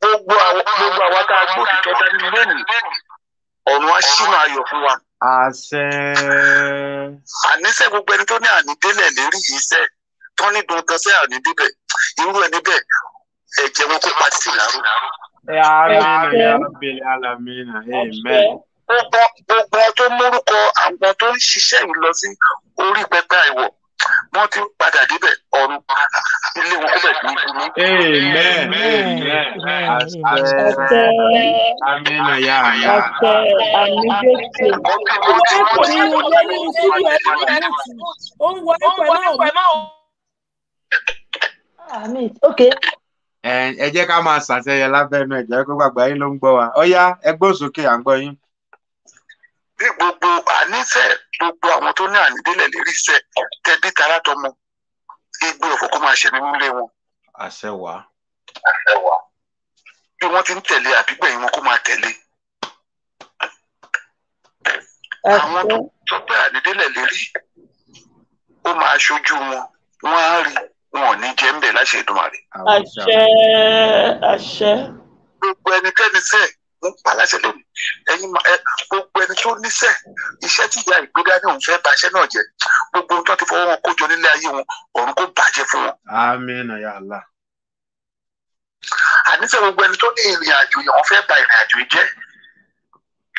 gbogbo àwọn gbogbo àwọn tá a gbòdì kẹta ní lónìí ọ̀run á ṣínà ayọ̀ fún wa. àníṣe gbogbo ẹni tó ní ànídélẹ̀ lérí yìí sẹ́ tó ní sẹ́ ànídébẹ̀ irú ẹni bẹ́ẹ̀ ẹ̀jẹ̀ wọn kó pàtì sí làárọ̀. ẹ àmín ẹ àmín ẹ àmín ẹ àmín gbogbo gbogbo tó mórúkọ àwọn tó ń ṣiṣẹ́ yìí lọ sí orí pẹpẹ àìwọ̀ wọ́n ti padà débẹ̀ ọ̀run pa ilé wọn kó bẹ̀ tó dúró. àṣẹ àmín àyà àyà. àṣẹ àmín jésù. ọ̀rẹ́ kò ní wọlé nínú síbi ẹ̀dùn ẹ̀dùn ó ń wọlé pẹ̀lú àwọn. àmín ok ẹ jẹ́ ká máa ṣàṣeyẹ lábẹ́nu ẹ̀jẹ̀ kó gbàgbà yín ló ń gbọ́ wa ọ̀yá ẹgbẹ́ òsókè à ń gbọ́ yín bí gbogbo àníṣe gbogbo àwọn tó ní ànídélẹ̀ lérí iṣẹ́ tẹbí tará tọmọ igbó òfò kó máa ṣe nínú ilé wọn. àṣẹ wà. àṣẹ wà. bí wọ́n ti ń tẹ̀lé àbígbẹ̀yìn wọn kó máa tẹ̀lé. àwọn tó tó pé ànídélẹ̀ lérí ó máa ṣojú wọn wọ́n á rí wọn ò ní jẹ́ ń bẹ̀ láṣẹ Èdùmàrè. àṣẹ àṣẹ. gbogbo ẹnikẹ́ni sẹ́ẹ̀ ń pa aláṣẹ lónìí ẹ̀yin gbogbo ẹni tó níṣẹ́ iṣẹ́ tí ìyá ìgbéga ní òun fẹ́ ba iṣẹ́ náà jẹ́ gbogbo ohun tó ti fọwọ́ wọn kó jọ nílé ayé wọn ọ̀run kó bàjẹ́ fún wọn. àmín ya Allah. àníṣe gbogbo ẹni tó ní ìrìn àjò yẹn wọ́n fẹ́ ba ìrìn àjò yìí jẹ́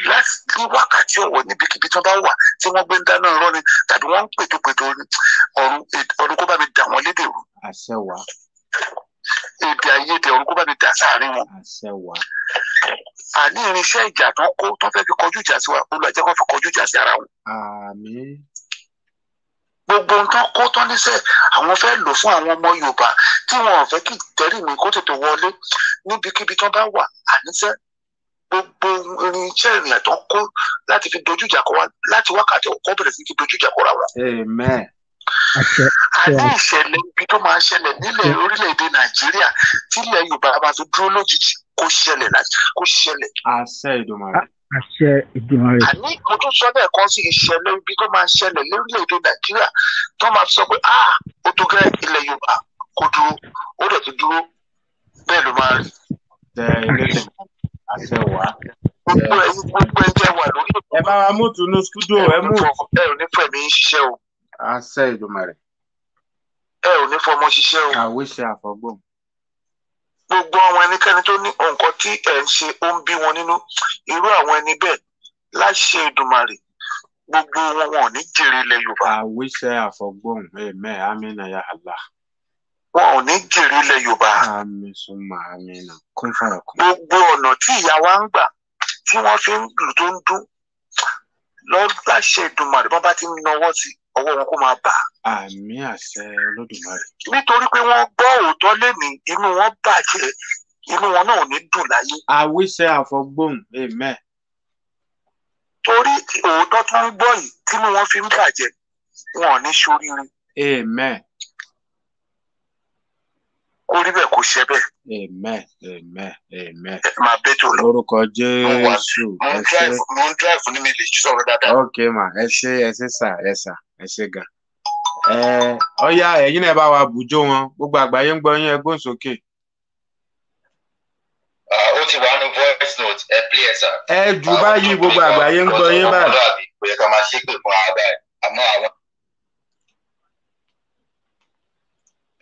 láti wákàtí ọ̀wọ̀ níbikíbi tí wọ́n bá wà tí wọ́n gbé ń dáná irọ́ ni tàbí wọ́n ń pètòpètò ọ̀run kó bá mi dà wọ́n lédè rú. àṣẹ wa èdè àìyedè ọ̀run kó bá mi dà sáàrin wọn. àní irinṣẹ́ ìjà tó kó tó fẹ́ fi kọjú ìjà sí wa olùwàjẹ́ kan fi kọjú ìjà sí ara wọn. gbogbo nǹkan kó tán níṣẹ́ àwọn fẹ́ lò fún àwọn ọmọ Yorùbá tí wọn ò fẹ́ kí tẹ́rì mi kó tètè wọlé níbikíbi tó bá wà àníṣẹ́ gbogbo irinṣẹ́ ìrìnà tó kó láti fi dojú ìjà kọ wa láti wákàtí ọkọ bẹ̀rẹ̀ sí fi dojú ìjà kọra wọn. Amen a ní ìṣẹ̀lẹ̀ ibi tó máa ṣẹlẹ̀ nílẹ̀ orílẹ̀-èdè nàìjíríà tílẹ̀ yorùbá bá tó dúró lójijì kó ṣẹlẹ̀ kó ṣẹlẹ̀. àṣẹ ìdùnmọ̀rẹ́. àṣẹ ìdùnmọ̀rẹ́. àní mo tún sọ bẹ́ẹ̀ kan sí ìṣẹ̀lẹ̀ ibi tó máa ṣẹlẹ̀ lórílẹ̀-èdè nàìjíríà tó máa sọ pé a ó tó gẹ́ ilẹ̀ yorùbá kó dúró ó dẹ̀ ti dúró bẹ́ẹ̀ ló máa rí. àṣẹ wà gbogbo ẹ gbogbo ẹ jẹ wà lórí. ẹ bá wa mú tunu studio ẹ mú. ẹ ò ní fẹ̀mí ṣiṣẹ́ o àṣẹ Èdùmàrè. ẹ ò ní fọmọ ṣiṣẹ́ o. àwíṣe àfọgbọ́n. gbogbo àwọn ẹnikẹ́ni tó ní nǹkan tí ẹ̀ ń ṣe ó ń bí wọn nínú irú àwọn ẹni bẹ́ẹ̀ láṣẹ Èdùmàrè gbogbo wọn wọn ò ní jèrè ilẹ̀ Yorùbá. àwíṣe àfọgbọ́n ẹ̀mẹ́ amínà ya Allah. wọn ò ní jèrè ilẹ̀ Yorùbá. àmín summa amínà kún fara kún. gbogbo ọ̀nà tí ìyá wa ń gbà tí wọ́n fi ń lù tó ń dún lọ́ọ́ láṣẹ Èdùmàrè bọ́n bá ti ń nawọ́ sí i ọwọ́ wọn kó máa bà. àmì àṣẹ olódùmarè. nítorí pé wọ́n gbọ́ òótọ́ lẹ́nìí inú wọn bàjẹ́ inú wọn náà ò ní dùn láyé. àwíṣẹ àfọgbóhùn amen. torí òótọ́ tó ń gbọ́ yìí tínú wọn fi ń bàjẹ́ wọn ò ní ṣoríire. amen. kó rí bẹ́ẹ̀ kó ṣe bẹ́ẹ̀. amen amen amen. ẹ máa bẹ́ẹ̀ tó lọ. orúkọ jésù. mo ń drive ní mi lè sọ̀rọ̀ dáadáa. ok ma ẹ ṣe ẹ ṣe sà ẹ sà ẹ ṣe gan. ọ̀yá ẹ̀yin náà bá wa bùjọ wọn gbogbo àgbáyé ń gbọ́ yín ẹgbọ́n sókè. ó ti wà ní voice note ẹ play ẹ sà. ẹ jù báyìí gbogbo àgbáyé ń gbọ́ yín báyìí. kò yẹ ká máa ṣépè fún ara báyìí àmọ́ àwọn.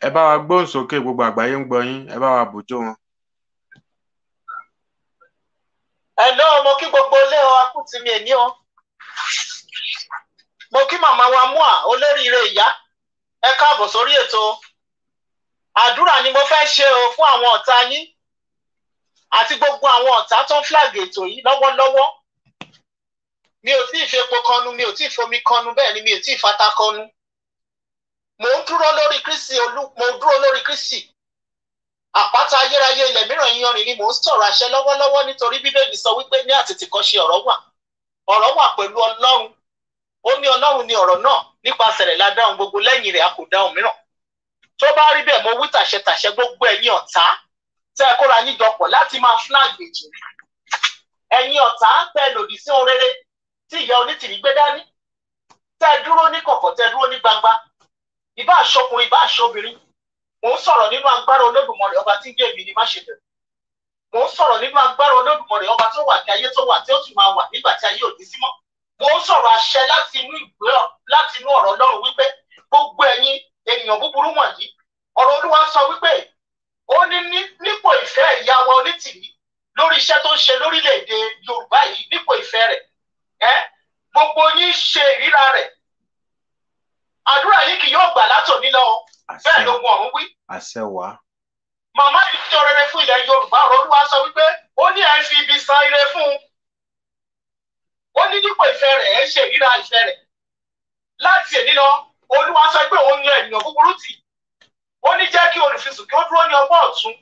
ẹ bá wa gbóhùn sókè gbogbo àgbáyé ń gbọ́ yín ẹ bá wa bùjọ wọn. ẹ lọ́ọ́ mo kí gbogbo ilé ọ akú ti mi ẹ̀ ní ọ mo kí màmá wa mua olóríire ìyá ẹ káàbọ̀ sórí ètò àdúrà ni mo fẹ́ ṣe o fún àwọn ọ̀tá yín àti gbogbo àwọn ọ̀tá tó ń flag ètò yìí lọ́wọ́lọ́wọ́ mi ò tí ì fepo kanu mi ò tí ì fomi kanu bẹ́ẹ̀ ni mi ò tí ì fata kanu mo ń dúró lórí kristi olú mo ń dúró lórí kristi àpáta ayérayé ilẹ̀ mìíràn yanrìn ni mò ń sọ̀rọ̀ àṣẹ lọ́wọ́lọ́wọ́ nítorí bíbélì sọ wípé ní àtètèkọ́ṣe ọ̀rọ̀ wà ọ̀rọ̀ wà pẹ̀lú ọlọ́run ó ní ọlọ́run ni ọ̀rọ̀ náà nípasẹ̀ rẹ̀ la dáhùn gbogbo lẹ́yìn rẹ̀ a kò dáhùn mìíràn tó bá rí bẹ́ẹ̀ mo wí tàṣẹ tàṣẹ gbogbo ẹ̀yin ọ̀tá tẹ́ ẹ kóra yín jọpọ̀ láti máa flag méjì ẹ̀yin ọ̀tá tẹ́ ẹ lòdì sí ohun rere tí ìyá onítìrí gbé dání tẹ́ ẹ dúró ní kọ̀kọ̀ tẹ́ ẹ dúró ní gbangba ìbá aṣọkùnrin ìbá aṣọbìnrin mò ń sọ̀rọ̀ nínú agbára olódùmarè ọba tí ń gé èmi ni má ṣe bẹ̀rù mò ń sọ̀rọ̀ nínú agbára olódùmarè ọba tó wà kí ayé tó wà tí ó tún máa wà nígbà tí ayé ò ní sí mo ń sọ̀rọ̀ àṣẹ láti inú ìwé láti inú ọ̀rọ̀ Ọlọ́run wípé gbogbo ẹ̀yin ènìyàn búburú wọ̀nyí ọ̀rọ̀ Olúwa sọ wípé ó ní nípò ìfẹ́ ìyá wa onítìrí lórí iṣẹ́ tó ń ṣe lórílẹ̀‐èdè Yorùbá yìí nípò ìfẹ́ rẹ̀ ẹ́ gbogbo yín ṣe ìríra rẹ̀ àdúrà yìí kì yóò gbà látòní lọ bẹ́ẹ̀ lógun ọ̀run wí. àṣẹ wa. màmá yìí fi ọrẹrẹ fún ilẹ̀ Yorùbá ọ̀rọ̀ Olúwa sọ wípé ó ní ẹ̀ fi ibi san ire fún un ó ní nípò ìfẹ́ rẹ̀ ẹ̀ ṣe ìríra ìfẹ́ rẹ̀ láti èdè lọ olúwa sọ pé òun yan ènìyàn búburú tì ó ní jẹ́ kí olùfisùn kí ó dúró ní ọgbọ́n ọ̀tún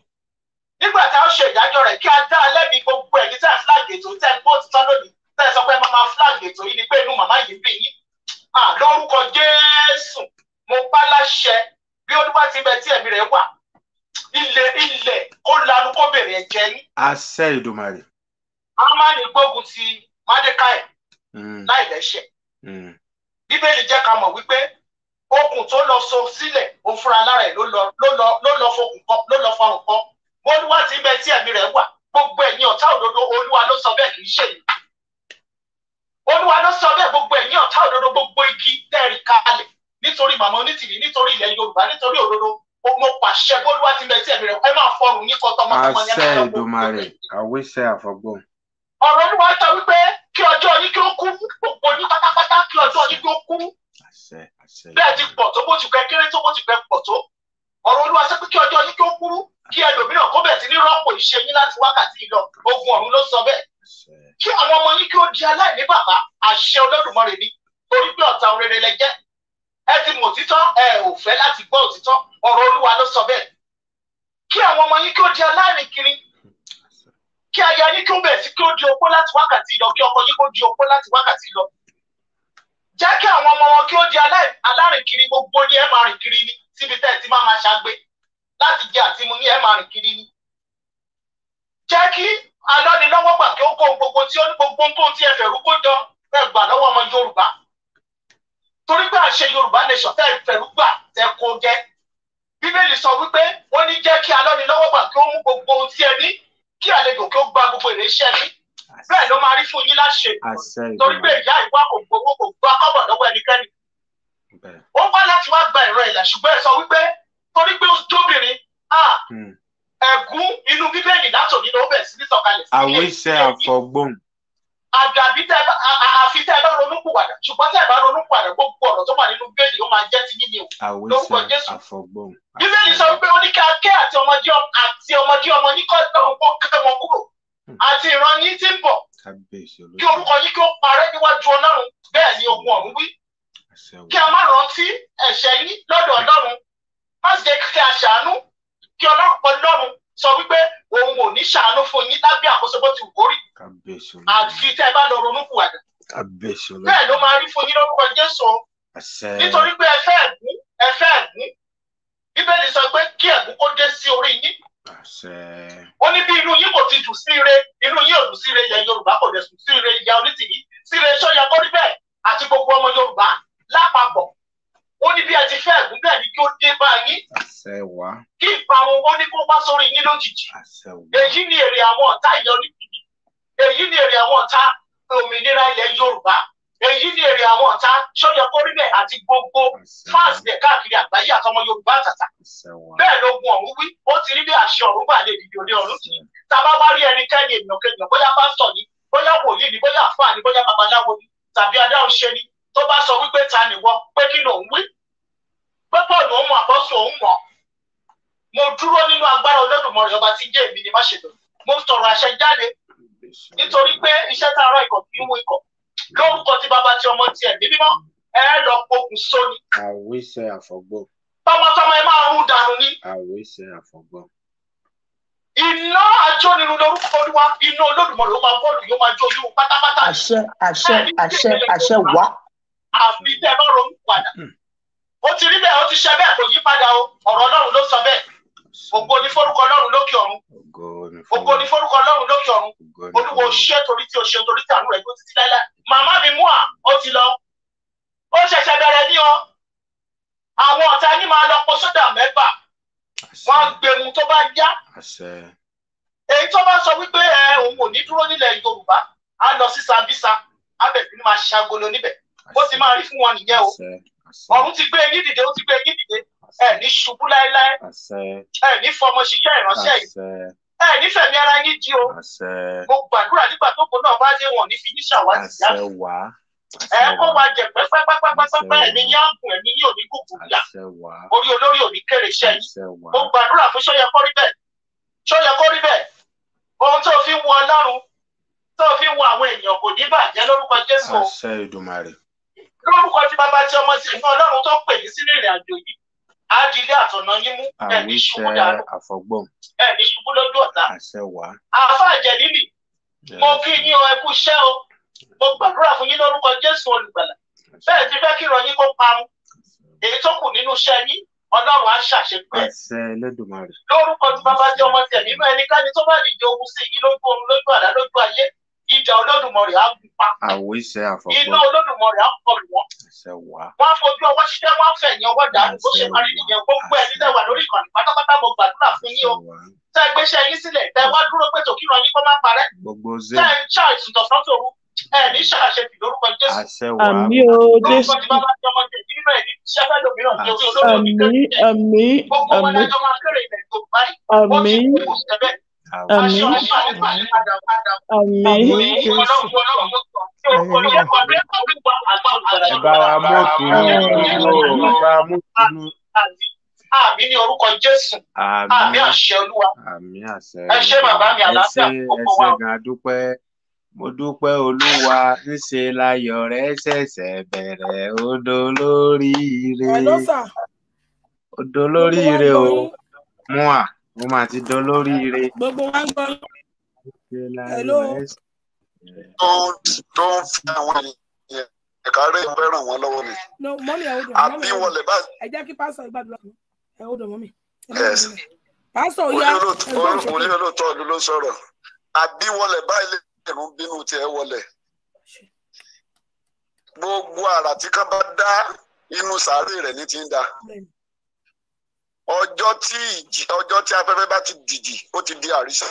nígbà tá a ṣe ìdájọ́ rẹ̀ kí a dá a lẹ́bi gbogbo ẹ̀yin tẹ́ flag ètò tẹ́ gbọ́ títọ́ lónìí tẹ́ sọ pé mama flag ètò yìí ni pé inú màmá yìí bí yín lórúkọ Jésù mo bá láṣẹ bí olúwa ti bẹ tí ẹ̀mí rẹ̀ wà ilẹ̀ ilẹ̀ kó lanu kó bèrè ẹ̀jẹ̀ yín. àṣẹ Èdùmàrè. a máa ní gbógun ti mádékáì hmm. láì lẹ́ṣẹ̀ hmm. bíbélì jẹ́ ká mọ̀ wípé okùn tó lọ so sílẹ̀ òun fúnra lára ẹ̀ ló lọ ló lọ fokùn kọ ló lọ fọrùn kọ olúwa ti bẹ tí ẹ̀mí rẹ̀ wà gbogbo ẹ̀yin ọ̀tá òdodo olúwa ló sọ bẹ́ẹ̀ kì í ṣe mí olúwa ló sọ bẹ́ẹ̀ gbogbo ẹ̀yin ọ̀tá òdodo gbogbo igi tẹ́rì kalẹ̀ nítorí màmá onítìrí nítorí ilẹ̀ yorùbá nítorí òdodo mo pàṣẹ olúwa ti bẹ tí ẹ̀mí rẹ̀ ẹ máa fọrùn ní kọtọmọtọmọ ní ẹgbẹ́ ọgbọ́n. àṣẹ Èdùmàrè àwíṣẹ àfọgbọ́n ọ̀rọ̀ olúwa sọ wípé kí ọjọ́ yín kí ó kú gbogbo ní pátápátá kí ọjọ́ yín kí ó kú bẹ́ẹ̀ ti pọ̀ tó bó ti fẹ́ kéré tó bó ti fẹ́ pọ̀ tó ọ̀rọ̀ olúwa sọ pé kí ọjọ́ yín kí ó kúrú kí ẹlòmíràn kó bẹ̀ sí ní rọ́pò ìṣe yín láti wákàtí ìlọ ogun ọ̀run ló sọ bẹ́ẹ̀ kí àwọn ọmọ yín kí ó di aláìní bàbá àṣẹ Olódùmarè ni torí pé ọ̀tá orere lẹ kí àwọn ọmọ yín kí ó di aláìní kiri kí aya yín kí ó bẹ̀rẹ̀ sí kí ó di opó láti wákàtí lọ kí ọkọ yín kó di opó láti wákàtí lọ jẹ́ kí àwọn ọmọ wọn kí ó di alárìnkiri gbogbo ní ẹ̀ máa rìn kiri ni síbi tẹ́ ẹ ti máa máa ṣàgbé láti jẹ àti mu ní ẹ̀ kiri ni. jẹ́ kí alọ́nilọ́wọ́ gbà kí ó kó gbogbo tí ó ní gbogbo nǹkan tí ẹ fẹ̀rú kó jọ ẹ gbà lọ́wọ́ ọmọ Yorùbá torí pé àṣẹ Yorùbá nation tẹ́ ẹ fẹ̀rú gbà kó jẹ́ Bíbélì sọ wípé wọ́n ní jẹ́ kí alọ́nilọ́wọ́ gbà kí ó mú gbogbo ohun ẹ ní kí àlejò kí ó gba gbogbo èrè iṣẹ́ yín ló máa rí fún yín láṣẹ torí pé ìyá ìwà kò gbowó kò gba kọ́bọ̀ lọ́wọ́ ẹnikẹ́ni ó wá láti wá gba ìran ìlà ṣùgbọ́n ẹ sọ wípé torí pé ó jóbìnrin hmm. ẹ̀gún inú bíbélì látòní ló bẹ̀ sí ní sọ̀kalẹ̀ sí ilé ìṣẹ́ àfọgbọ́n àgbàbí tẹ àfi tẹ bá ronú pìwàdà ṣùgbọ́n tẹ bá ronú pìwàdà gbogbo ọ̀rọ̀ tó wà nínú bẹ́ẹ̀lì ó máa jẹ́ ti yín ni o lórúkọ Jésù bíbélì sọ pé ó ní ká kẹ́ àti ọmọdé àti ọmọdé ọmọ yín kọ́ náà kó kẹ́ wọn kúrò hmm. àti ìran yín ti ń bọ̀ kí orúkọ yín kí ó parẹ́ níwájú Ọlọ́run bẹ́ẹ̀ ni ogun ọ̀run wí kí a má rántí ẹ̀ṣẹ̀ yín lọ́dọ̀ Ọlọ́run má sì jẹ́ kí a ṣàánú kí Ọlọ́run sọ wípé òun ò ní ṣàánú fún yín lábẹ́ àkóso bó ti wù kórì àfi tẹ́ ẹ bá lọ ronú kù àdá bẹ́ẹ̀ ló máa rí fún yín lórúkọ Jésù nítorí pé ẹ fẹ́ ẹ̀gún ẹ fẹ́ ẹ̀gún bíbélì sọ pé kí ẹ̀gún kó dé sí orí yín ó ní bí inú yín kò ti dùn sí ire inú yín ò dùn sí ire yẹ Yorùbá kò dẹ̀ sùn sí ire ìyá Onítìrí sí ire sọ́yà kórìbẹ̀ àti gbogbo ọmọ Yorùbá lápapọ̀ ó ní bí a ti fẹ́ ẹ̀gún bẹ́ẹ̀ ni kí ó dé bá yín. àṣẹ wa. kí ìparun ó ní kó wá sórí yín lójijì. àṣẹ wa. èyí ni èrè àwọn ọ̀tá ìyọríkìlì èyí ni èrè àwọn ọ̀tá òmìnira ilẹ̀ yorùbá èyí ni èrè àwọn ọ̀tá sọ́yọ́ kórìbẹ̀ àti gbogbo fáàsì káàkiri àgbáyé àtọmọ yorùbá àtàtà. bẹ́ẹ̀ lógun ọ̀hún wí ó ti rí bí àṣẹ ọ̀run bá lè dìde òde ọ̀run kì í. tàbá wá rí ẹnikẹ́ni ènìyàn kejì bóyá pásítọ̀ ni bóyá wòlíì ni bóyá àfáà ni bóyá babaláwo ni tàbí adáhùnṣe ni tó bá sọ wípé ta nìwọ pé kí ló ń wí pé Paul òun mọ àpọ́sùn òun mọ mo dúró nínú agbára Olódùmarè ọba tí jẹ́ ni má ṣe lò mo sọ̀rọ̀ àṣẹ jáde nítorí pé iṣẹ́ tá a rọ ikọ̀ kì í wo ikọ̀ lórúkọ tí bàbá tí ọmọ tiẹ̀ ní mímọ́ ẹ lọ pokùn sóni. àwíṣẹ àfọgbọ. tọmọtọmọ ẹ máa rún dànù ni. àwíṣẹ àfọgbọ. iná ajónirun lórúkọ olúwa iná Olódùmarè ló bọ́ọ̀lù yóò máa jó yóò pátápátá. àṣẹ àṣẹ àṣẹ àṣẹ wá àfi tẹ́ ẹ bá ronú padà hmm. ó ti rí bẹ́ẹ̀ ó ti ṣe bẹ́ẹ̀ kò yí padà o ọ̀rọ̀ Ọlọ́run ló sọ bẹ́ẹ̀ ògo ni forúkọ Ọlọ́run lókè ọ̀run ògo ni forúkọ Ọlọ́run lókè ọ̀run Olúwa o ṣé torí tí o ṣe torí tí àánú rẹ̀ tó títí láíláí màmá mi mú à ó ti lọ ó ṣẹ̀ṣẹ̀ bẹ̀rẹ̀ ní ọ àwọn ọ̀tá yín máa lọ pọ sódà mẹ́fà wọ́n á gbẹ̀mú tó bá yá èyí tó bá sọ wípé ẹ òun ò ní dúró nílẹ̀ Yorùbá á lọ sí Sambisa á bẹ̀ sí ni máa ó sì máa rí fún wọn nìyẹn o ọ̀run ti gbé yín dìde ó ti gbé yín dìde ẹ ní ṣubú láéláé ẹ ní fọmọ ṣiṣẹ́ ìránṣẹ́ yìí ẹ nífẹ̀mí ara yín di o mo gbàdúrà nígbà tó kó náà bá dé wọn ní fi yín ṣàwádìí yá ẹ kó wa jẹ pé pápápápápá ẹ̀mí yín àgùn ẹ̀mí yín ò ní yá orí olórí ò kéré iṣẹ́ yín mo gbàdúrà fún ṣọyẹ kó bẹ́ẹ̀ ṣọyẹ kó bẹ́ẹ̀ ohun tó fi wọ Ọlọ́run tó fi wọ àwọn èèyàn kò ní bàjẹ́ lórúkọ Jésù. àṣẹ lórúkọ tí bàbá tí ọmọ sí ìgbọ́n ọlọ́run tó pè yín sínú ìrìn àjò yìí á di ilé àtọ̀nà yín mú ẹ̀mí ṣubú dànù ẹ̀mí ṣubú lójú ọ̀tá àfa àjẹlílì mo kí yín ọ ẹkú iṣẹ́ o mo gbàdúrà fún yín lórúkọ jésù olùgbàlà bẹ́ẹ̀ ti fẹ́ kí ìrọ̀ yín kó parun èyí tó kù nínú iṣẹ́ yín ọlọ́run á ṣàṣepẹ́ lórúkọ tí bàbá tí ọmọ tẹ̀ nínú ẹnikẹ́ni tó bá dìde ogun sí yín lójú oorun lójú àlá lójú ayé ìjà olódùmarè á gùn pa. àwòṣe àfọ̀gbọ́ iná olódùmarè á kọ lù wọ́n. wọ́n á ọwọ́ ṣiṣẹ́ wọ́n á fẹ̀yìn ọwọ́ dànù bó ṣe máa rí nìyẹn gbogbo ẹni tẹ́ lórí ìkànnì pátápátá mo gbàdúrà fún yín o. tẹ́ ẹ gbéṣẹ́ yín sílẹ̀ tẹ́ ẹ wá dúró pé tòkí lọ yín kó má parẹ́. gbogbo ṣe tẹ́ ẹ ń ṣá ìtùtọ̀ sọ́tòru ẹ ní ṣàṣẹ lórúkọ Jésù. àmì o Jésù. àmì àmì àmì àmì àmì àmì ìbára mú tunu ìbára mú tunu. Àmì ní orúkọ Jésù. Àmì àṣẹ Olúwa. Àmì àṣẹ. Ẹ ṣé bàbá mi àlàáfíà gbogbo wa. Ẹ ṣé gan dúpẹ́. Mo dúpẹ́ Olúwa ńṣe láyọ̀ rẹ̀ ṣẹ̀ṣẹ̀ bẹ̀rẹ̀ odò lóríire. Odò lóríire o. Mua mo máa ti dán lórí gbogbo wa ń gbọ́. tó ń fi àwọn èèyàn ẹ̀ka rẹ̀ ń fẹ́ràn wọn lọ́wọ́ ni. àbí wọlé báyìí. ẹ jẹ́ kí pásítọ̀ ìgbàdúrà ẹ ó dùn mọ́ mi. pásítọ̀ ya olólùtọ́ ìlú ló sọ̀rọ̀ àbí báyìí lè rún bínú tiẹ̀ wọlé. gbogbo àrà kan bá dá inú sàárè rẹ̀ ní ti ń da ọjọ́ tí ìjì ọjọ́ tí afẹ́fẹ́ bá ti dìjì ó ti di àrísà.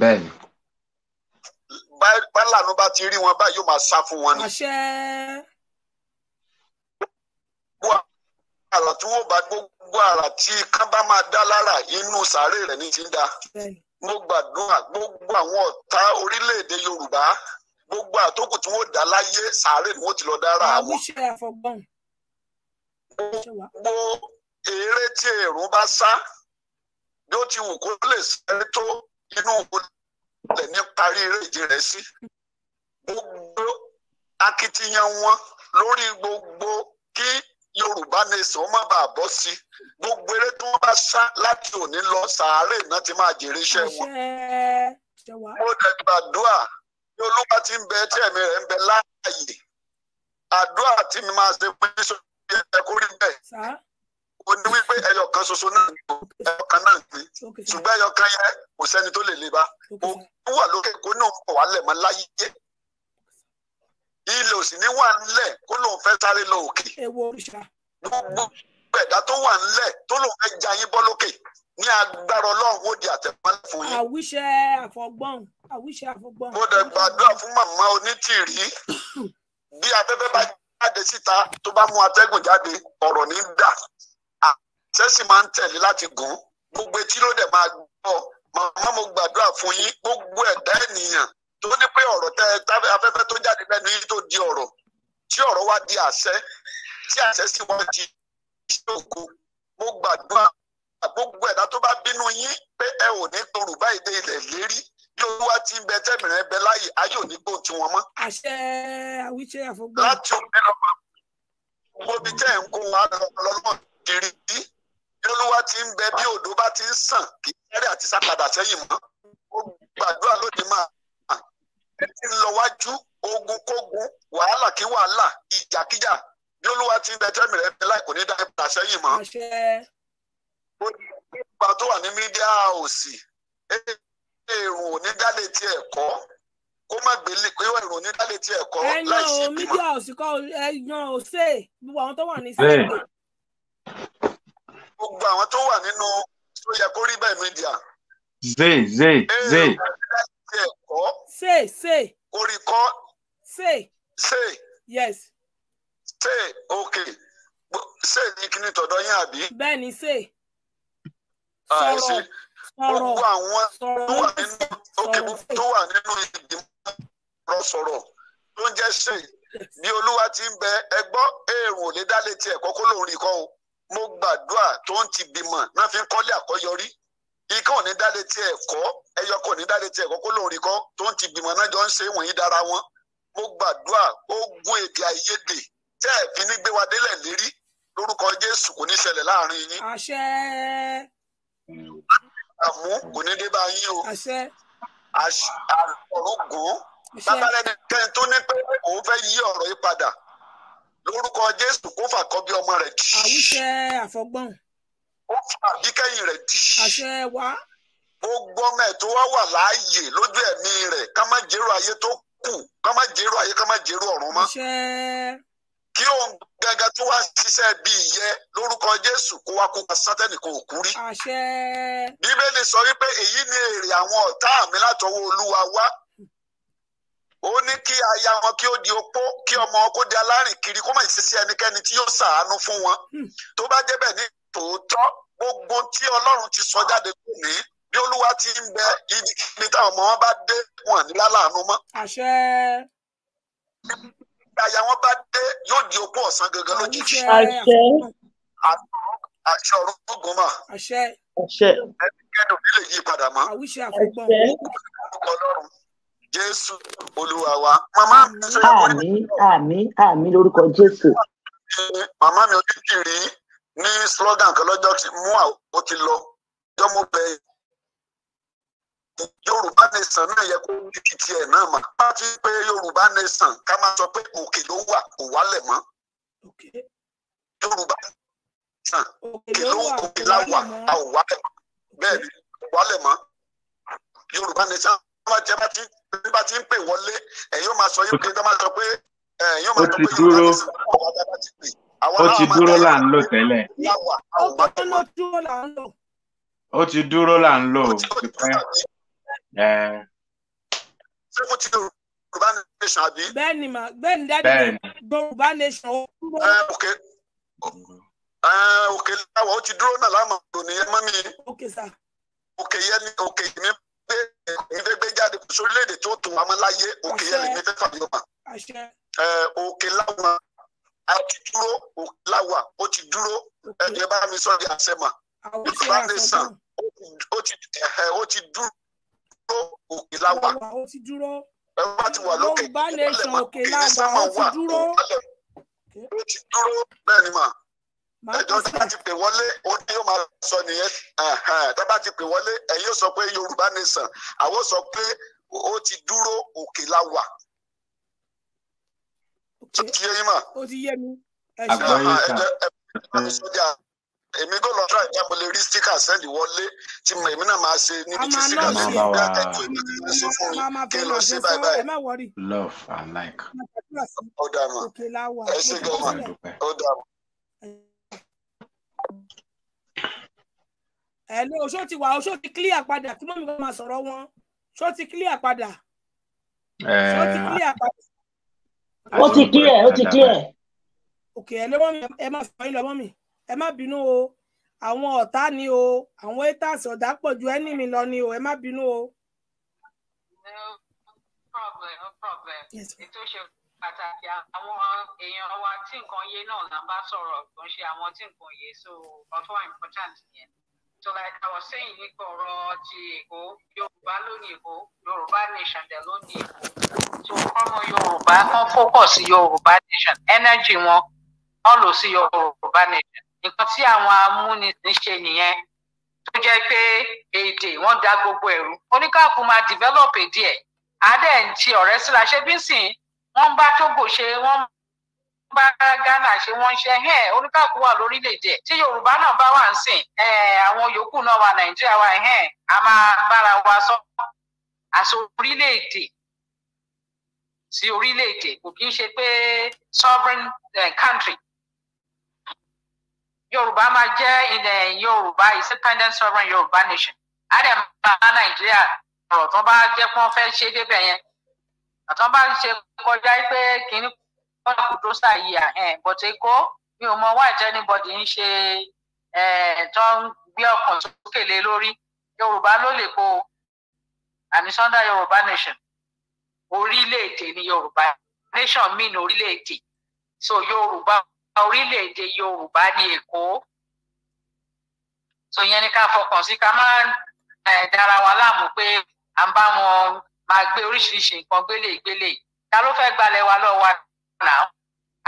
bẹ́ẹ̀ni. bálànú bá ti rí wọn báyìí yóò máa sá fún wọn ni. àṣẹ. gbogbo àrà tí wọ́n bá gbogbo àrà tí kán bá máa dá lára inú sàárè rẹ̀ ní ti ń da. bẹ́ẹ̀ni mo gbàdúrà gbogbo àwọn ọ̀tá orílẹ̀-èdè yorùbá gbogbo àtókù tí wọ́n dá láyé sàárè ni wọ́n ti lọ dára àwọn. gbogbo eré tí èrún bá sá bí ó ti wù kó lè sáré tó inú olè ní parí eré ìje rẹ̀ sí gbogbo akitiyan wọn lórí gbogbo kí yorùbá nation má bàa bọ́ sí gbogbo eré tó bá sá láti òní lọ sàárè náà ti máa jèrè iṣẹ́ wọn. mo dẹ̀ gbàdúrà ní olúwa ti ń bẹ tí ẹ̀mí rẹ̀ ń bẹ láàyè àdúrà tí mi máa ṣe fún yíṣọ́ ẹ̀ kó rí bẹ́ẹ̀ ó ní wípé ẹyọ kan ṣoṣo náà ní ẹyọ kan náà ní ṣùgbọ́n ẹyọ kan yẹn kò sẹ́ni tó lè le bá òun wà lókè kó náà ń wálẹ̀ mọ́ láyé ilé òsì ní wà nílẹ̀ kó lóun fẹ́ sáré lọ òkè. ewo gbogbo ẹ̀dá tó wà nílẹ̀ tó lóun fẹ́ ja yín bọ́ lókè ní agbára ọlọ́run ó di àtẹ̀mọ́lẹ̀ fún yín. àwíṣẹ àfọgbọ́n àwíṣe àfọgbọ́n. mo dẹ̀ gbàdúrà fún màmá onítìrí bí afẹ́fẹ́ bá jáde síta tó bá mú atẹ́gùn jáde ọ̀rọ̀ ní dà àṣẹ́sì máa ń tẹ̀lé láti gùn gbogbo etí ló dẹ̀ máa gbọ́ màmá mo gbàdúrà fún yín gbogbo ẹ̀dá ènìyàn tó ní pé ọ̀rọ̀ tẹ afẹ́fẹ́ tó jáde lẹ́nu yìí tó di ọ̀rọ̀ tí ọ̀rọ̀ wá di àṣẹ tí àṣẹ sì wá di iṣẹ́ òkú mo gbàdúrà gbogbo ẹ̀dá tó bá bínú yín pé ẹ ò ní torùbá èdè ilẹ̀ lérí lóluwà tí ń bẹ tẹ́mìrín ẹbẹ láàyè ayé òní gbòó tí wọ́n mọ́. àṣẹ àwíṣẹ àfọgbọ́n. láti òbí lọ wo bí tẹ́ ẹ̀ ń kó wọn lọ́lọ́mọ̀ kiri bí lóluwà tí ń bẹ bí odò bá ti ń sàn kì í àti sápadà sẹ́yìn mọ́. gbàdúrà lóde máa ẹ ti lọ wájú ogun kógun wàhálà kí wàhálà ìjàkíjà bí olúwa ti ń bẹ tẹ́mi rẹ bẹ láì kò ní dá ìpadà sẹ́yìn mọ́. ó ní ipa tó wà ní mídíà òsì èrò onídàlẹ̀ tí ẹ̀kọ́ kó má gbélé pé èrò onídàlẹ̀ tí ẹ̀kọ́ láì sí ìgbìmọ̀. ẹ̀yàn mídíà òsì kọ́ ẹ̀yàn òsè gbogbo àwọn tó wà ní sílẹ̀. gbogbo àwọn tó wà nínú tó yẹ kó rí bẹ́ẹ̀ mídíà. zay zay zay ilé ẹ̀kọ́. say say. orí kọ́. say. say. yes. say okay say ní kíní tọ̀dọ̀ yín àbí. bẹ́ẹ̀ni say. Ah, sọ̀rọ̀ sọ̀rọ̀ gbogbo àwọn tó wà nínú ìgbìmọ̀ sọ̀rọ̀ ló ń jẹ́ say bí olúwa ti ń bẹ ẹgbọ́ èrò lè dá létí ẹ̀kọ́ kó lóun rí kọ́ o mo gbàdúrà tó ń ti bímọ náà fi ń kọ́lé àkọ́yọrí ikán òní dálé tiẹ̀ kọ́ ẹyọ kò ní dálé tiẹ̀ kọ́ kó lóun rí kọ́ tó ń ti gbìmọ̀ náà jọ ń ṣe wọ̀nyí dára wọn mo gbàdúrà ogun èdè àìyedè tẹ́ ẹ̀ fi ní gbé wa délẹ̀ lérí lórúkọ Jésù kò ní ṣẹlẹ̀ láàrin yín. àṣẹ. àmú kò ní dé bá yín o. àṣẹ. àrùgò bábálẹ́ni kẹ́ni tó ní pé òun fẹ́ yí ọ̀rọ̀ yìí padà lórúkọ Jésù kó fà kọ́ bí ọmọ rẹ̀ kì í. àwùjẹ àfọgbọ́n ó fà bí kẹ́yìn rẹ̀ di. àṣẹ wa. gbogbo ọmọ ẹ̀ tó wá wà láàyè lójú ẹ̀mí rẹ̀ ká má jẹ́rù ayé tó kù ká má jẹ́rù ayé ká má jẹ́rù ọ̀run mọ́. àṣẹ. kí òun gẹ́gẹ́ tó wá ṣiṣẹ́ bíi yẹ lórúkọ Jésù kó wá kó pa sátẹ́nì kó kú rí. àṣẹ. bíbélì sọ wípé èyí ni èrè àwọn ọ̀tá mi látọwọ́ Olúwa wá ó ní kí aya wọn kí ó di opó kí ọmọ wọn kó di alárìn kiri kó má ṣe sí ẹnikẹ́ni tí yóò ṣàánú fún wọn hmm. tó bá débẹ̀ ní tòótọ́ gbogbo tí ọlọ́run ti sọ jáde lónìí bí olúwa ti ń bẹ ibi kíni táwọn ọmọ wọn bá dé wọn ní lálàánú mọ́. àṣẹ. ìgbàyà wọn bá dé yóò di opó ọ̀sán gangan lójijì. àṣẹ. àṣẹ ọ̀rọ̀ gbogbo mà. àṣẹ. àṣẹ. ẹnikẹ́ni òbí lè yí padà mọ́. àwíṣe àfọgbọ́n. ọlọ́run jésù olúwa wa. màmá mi. àmín àmín àmín lórúkọ jésù. màmá mi ò ní kiri ní slogan kan lọ́jọ́ tí mú àwọn ti lọ ọjọ́ mo bẹ Yorùbá nation náà yẹ kó ní ti tiẹ̀ náà mà bá ti pé Yorùbá nation ká máa sọ pé òkè ló wà kò wálẹ̀ mọ́ Yorùbá nation òkè ló wà òkè la wà a ò wálẹ̀ mọ́ bẹ́ẹ̀ ni kò wálẹ̀ mọ́ Yorùbá nation máa jẹ́ bá ti ń pè wọlé ẹ̀yin ó máa sọ yín pé ká máa sọ pé ẹ̀yin ó máa sọ pé Yorùbá nation kò wá bá ti pè ó ti dúró là ń lò tẹ́lẹ̀. ó ti dúró là ń lò ti pẹ́. ṣé mo ti yorùbá nation àbí. bẹ́ẹ̀ni ma bẹ́ẹ̀ni dájú yorùbá nation ó dúró. ẹ ok ẹ ok láwọ ó ti dúró náà láàmú òní ẹ mọ mi. ok sir. ok yẹn ni ok mi gbé mi fẹ́ gbé jáde kò sórílẹ̀-èdè tó tún wà mọ́ láyé ok yẹn ni mi fẹ́ fàbí ọmọ. ẹ ok láwọn a ti dúró òkè láwà ó ti dúró ẹ̀jẹ̀ bá mi sọ̀rọ̀ àṣẹmà yorùbá nation ó ti ẹ̀hẹ̀ ó ti dúró òkè láwà ẹ̀ bá ti wà lókè ìlẹ̀ sáma wà ó ti dúró bẹ́ẹ̀ ni mà ẹjọ́ tí a ti pè wọlé òun ni yóò máa sọ nìyẹn tí a bá ti pè wọlé ẹ̀yin sọ pé yorùbá nation àwọn sọ pé ó ti dúró òkè láwà ti yé yín mà. ó ti yé mi. àgbáyé sọ́jà èmi kò lọ tíráì tábọ̀ lè rí stíkà sẹ́ndì wọlé tí èmi náà máa ṣe níbi tí stíkà náà ṣe bí akẹ́kọ̀ọ́ èmi náà ṣe fún mi kí n lọ sí báyìí báyìí. love and like. ó dà mọ́ ẹ ṣe gan mọ́ ó dà mọ́. ẹ ló oṣó ti wà oṣó ti clear padà kí mọ́mí kan máa sọ̀rọ̀ wọn ṣó ti clear padà. ṣó ti eh, clear padà ó ti clear ó ti clear. ok ẹ lé mọ́mí ẹ má fọ yín lọ mọ́mí ẹ má bínú o àwọn ọ̀tá ni o àwọn haters ọ̀dà pọ̀ ju ẹni mi lọ ni o ẹ má bínú o. no problem no problem ètò ṣe pàtàkì àwọn èèyàn wa tí nǹkan yé náà là ń bá sọ̀rọ̀ kò ń ṣe àwọn tí nǹkan yé so ọ̀tọ̀ important yẹn so like I was saying nípa ọ̀rọ̀ ti èkó yorùbá lónìí èkó yorùbá nation dẹ̀ lónìí èkó so kọ́mọ yorùbá kan focus sí yorùbá nation energy wọn wọn lò sí yorùbá nation nǹkan tí àwọn amúnisìn ṣe nìyẹn tó jẹ́ pé èdè wọ́n da gbogbo ẹ̀rú oníkàkú máa develop èdè ẹ̀ adẹ́ ń ti ọ̀rẹ́ síra ṣé bí ń sìn wọ́n bá tógò ṣe wọ́n bá Ghana ṣe wọ́n ṣe ẹ̀ oníkàkú wà lórílẹ̀‐èdè tí Yorùbá náà bá wà ń sìn àwọn yòókù náà wà Nàìjíríà wà ẹ̀ a máa bára wa sọ àṣọ orílẹ̀‐èdè sí orílẹ̀‐èdè kò kí ń ṣe pé sovereign country Yorùbá máa jẹ́ ilẹ̀ Yorùbá independent sovereign Yorùbá nation á dẹ̀ máa Nàìjíríà ọ̀rọ̀ tó bá jẹ́ pé wọ́n fẹ́ ṣe débẹ̀ yẹn àtọ́ bá ń ṣe kọjá pé kínní wọn kò dúró sáàyè à but èkó mi ò mọ wá ìjẹ́ anybody ń ṣe tó ń gbé ọkàn sókè lé lórí yorùbá ló lè kó ànisọ́ndà yorùbá nation orílẹ̀-èdè ni yorùbá nation mean orílẹ̀-èdè so yorùbá orílẹ̀-èdè yorùbá ni èkó so yẹn ni ká fọkàn sí ká má dára wa láàmú pé à ń bá wọn máa gbé oríṣiríṣi nǹkan gbélé gbélé ta ló fẹ́ gbalẹ̀ wa lọ́wọ́ wa náà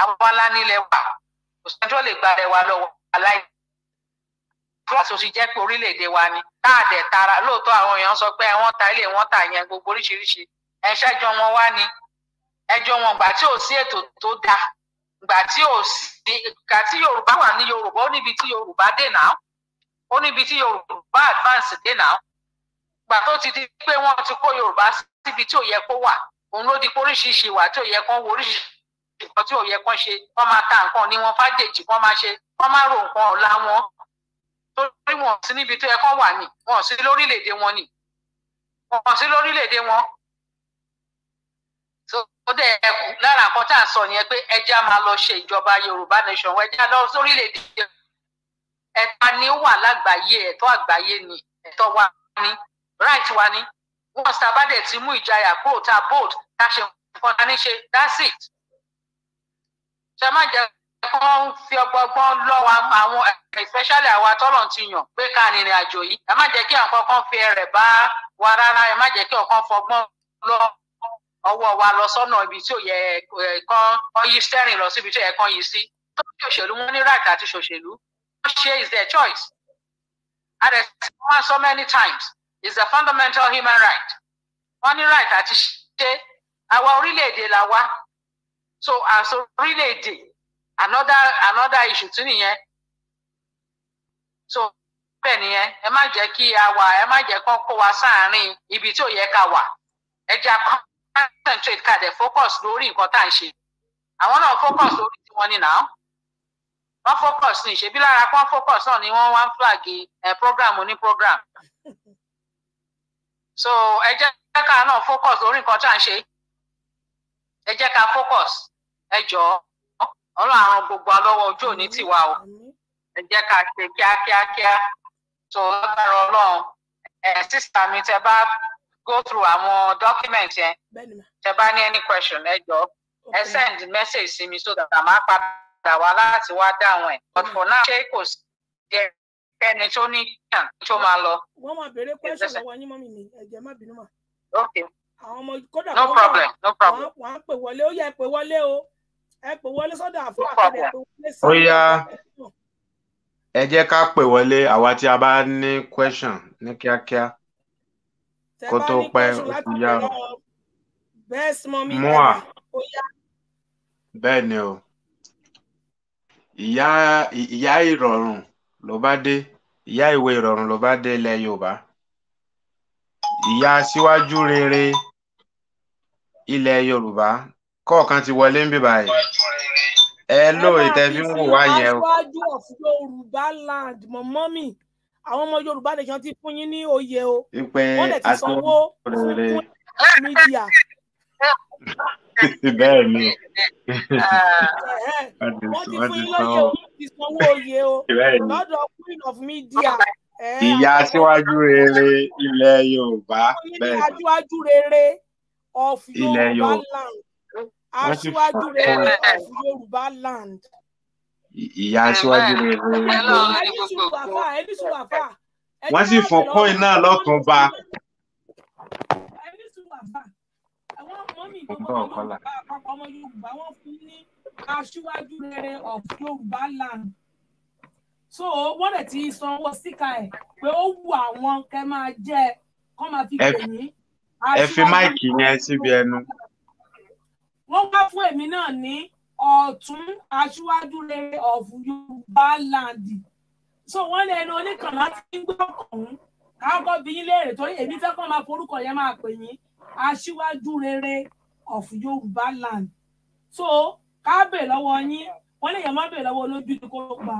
àwọn ńlá nílẹ̀ wà kò sẹ́jọ́ lè gba rẹ̀ wá lọ́wọ́ aláì france ò sì jẹ́ pé orílẹ̀-èdè wa ni káàdẹ̀ tara lóòótọ́ àwọn èèyàn sọ pé wọ́n ta ilé wọ́n ta yẹn gbogbo oríṣiríṣi ẹ̀ṣẹ́jọ́ wọn wá ni ẹjọ́ wọn gbà tí ò sí ètò tó dáa gbà tí ò sí gbà tí yorùbá wà ní yorùbá ó níbi tí yorùbá dé náà ó níbi tí yorùbá advance dé náà gbà tó ti di pé wọ́n ti kó yorùbá síbi tí ò yẹ kó wà òun ló di pé oríṣiríṣi wà tí ò yẹ kó wọ oríṣiríṣi nǹkan tí ò yẹ kán ṣe wọ́n máa ta nǹkan ní wọn fájèjì wọ́n máa ṣe wọ́n máa ro nǹkan ọ̀la wọn torí wọn sí níbi tó yẹ kán wà ní wọn sí lórílẹ̀ wọn ní wọn sí lórílẹ̀ wọn. ó dẹ̀ ẹ̀kú lára nǹkan tá à sọ yẹn pé ẹja máa lọ ṣe ìjọba Yorùbá nation wọn ẹja lọ sórílẹ̀‐èdè ẹ̀ta ni ó wà lágbàáyé ẹ̀tọ́ àgbáyé ni ẹ̀tọ́ wa ni right wa ni once tá ti mú ìjayà kúrò tá bold tá ṣe nǹkan tá ní ṣe that's it ṣe má jẹ́ kán fi ọgbọgbọ́n lọ́wọ́ àwọn especially àwa tọ́lọ̀ ti yàn pé ká rìnrìn àjò yìí ẹ má jẹ́ kí àwọn kan fi ẹrẹ̀ bá wa rárá ẹ má jẹ́ kí ọ̀kan fọgbọ́n lọ ọwọ́ wa lọ sọ́nà ibi tí ò yẹ kán yí sẹ́rìn lọ síbi tí ò yẹ kán yí sí tó ń ṣòṣèlú wọn ní right àti ṣòṣèlú wọ́n ṣe is their choice and as one so many times is a fundamental human right wọ́n ní right àti ṣe àwa orílẹ̀-èdè là so as orílẹ̀-èdè another another issue tún nìyẹn so bẹ́ẹ̀ nìyẹn ẹ má jẹ́ kí a wà ẹ má jẹ́ kán kó wa sáàárín ibi tí ò yẹ ká wà ẹ jẹ́ concentrate ká dẹ̀ focus lórí nǹkan tá à ń ṣe àwọn náà focus lórí tiwọn ní náà wọ́n focus ní ìṣebí lára kán focus náà ni wọ́n wá flag ẹ̀ eh, program oní program so ẹ jẹ́ ká náà focus lórí nǹkan tá à ń ṣe ẹ jẹ́ ká focus ẹ jọ̀ọ́ ọ̀rọ̀ àrùn gbogbo alọ́wọ́ ojú òní tiwa o ẹ jẹ́ ká ṣe kíákíákíá tó lágbára ọlọ́run ẹ sísá mi tẹ bá go through àwọn document yẹn tẹ bá ní any question ẹ jọ̀ọ́ ẹ send message sí mi so that àmà padà wá láti wá dáhùn ẹ but for now ṣé kò sí jẹ kẹni tó ní kí àná tó máa lọ. wọ́n máa béèrè pẹ́sẹ̀ lọ́wọ́ yín mọ́mí mi ẹ̀jẹ̀ má bínú mà. okay àwọn ọmọ kódà no problem no problem wà á pè wọlé ó yẹ ẹ pè wọlé o ẹ pè wọlé sọ́dọ̀ àfúrà kẹdẹ pè wọlé sí. ó yá ẹ jẹ́ ká pè wọlé àwa tí a bá ní question ní kíákíá kó tó pẹ́ oṣù yá o mua bẹ́ẹ̀ ni o ìyá ìyá ìrọ̀rùn ló bá dé ìyá ìwé ìrọ̀rùn ló bá dé ilẹ̀ Yorùbá ìyá síwájú rere. Si ilẹ̀ yorùbá kọ̀ọ̀kan ti wọlé ń bì báyìí ẹ ló ìtẹ́bí ń wò yẹn o. aṣáájú of yorùbá land mọ̀mọ́ mi àwọn ọmọ yorùbá nation ti fún yín ní oyè o wọ́n dẹ̀ ti sanwó fún mídíà. bẹ́ẹ̀ ni wọ́n ti fún yín lóye o ti sanwó oyè o lọ́dọ̀ queen of media ìyá síwájú rere ilẹ̀ yorùbá bẹ́ẹ̀ ni of Yorùbá land aṣíwájú rere of Yorùbá land. ìyá aṣíwájú rere. wọ́n sì fún coin náà lọ́tún bá. ọmọ Yorùbá wọ́n fún ní aṣíwájú rere of Yorùbá land so wọ́n dẹ̀ ti sanwó síkà ẹ̀ pé ó wù àwọn kẹ́ máa jẹ́ kọ́ máa fi pè yín ẹ fi máìkì yẹn síbi ẹnu. wọ́n wá fún èmi náà ní ọ̀tún aṣíwájú rere of yorùbá land so wọ́n lé ẹnu oníkan láti ń gbọ́ ọ̀hún káàkọ́ bí yín léèrè torí èmi fẹ́ kọ́ máa forúkọ yẹn máa pè yín aṣíwájú rere of yorùbá land so ká bè lọ́wọ́ yín wọ́n lè yẹ má bè lọ́wọ́ olójú ní kó pa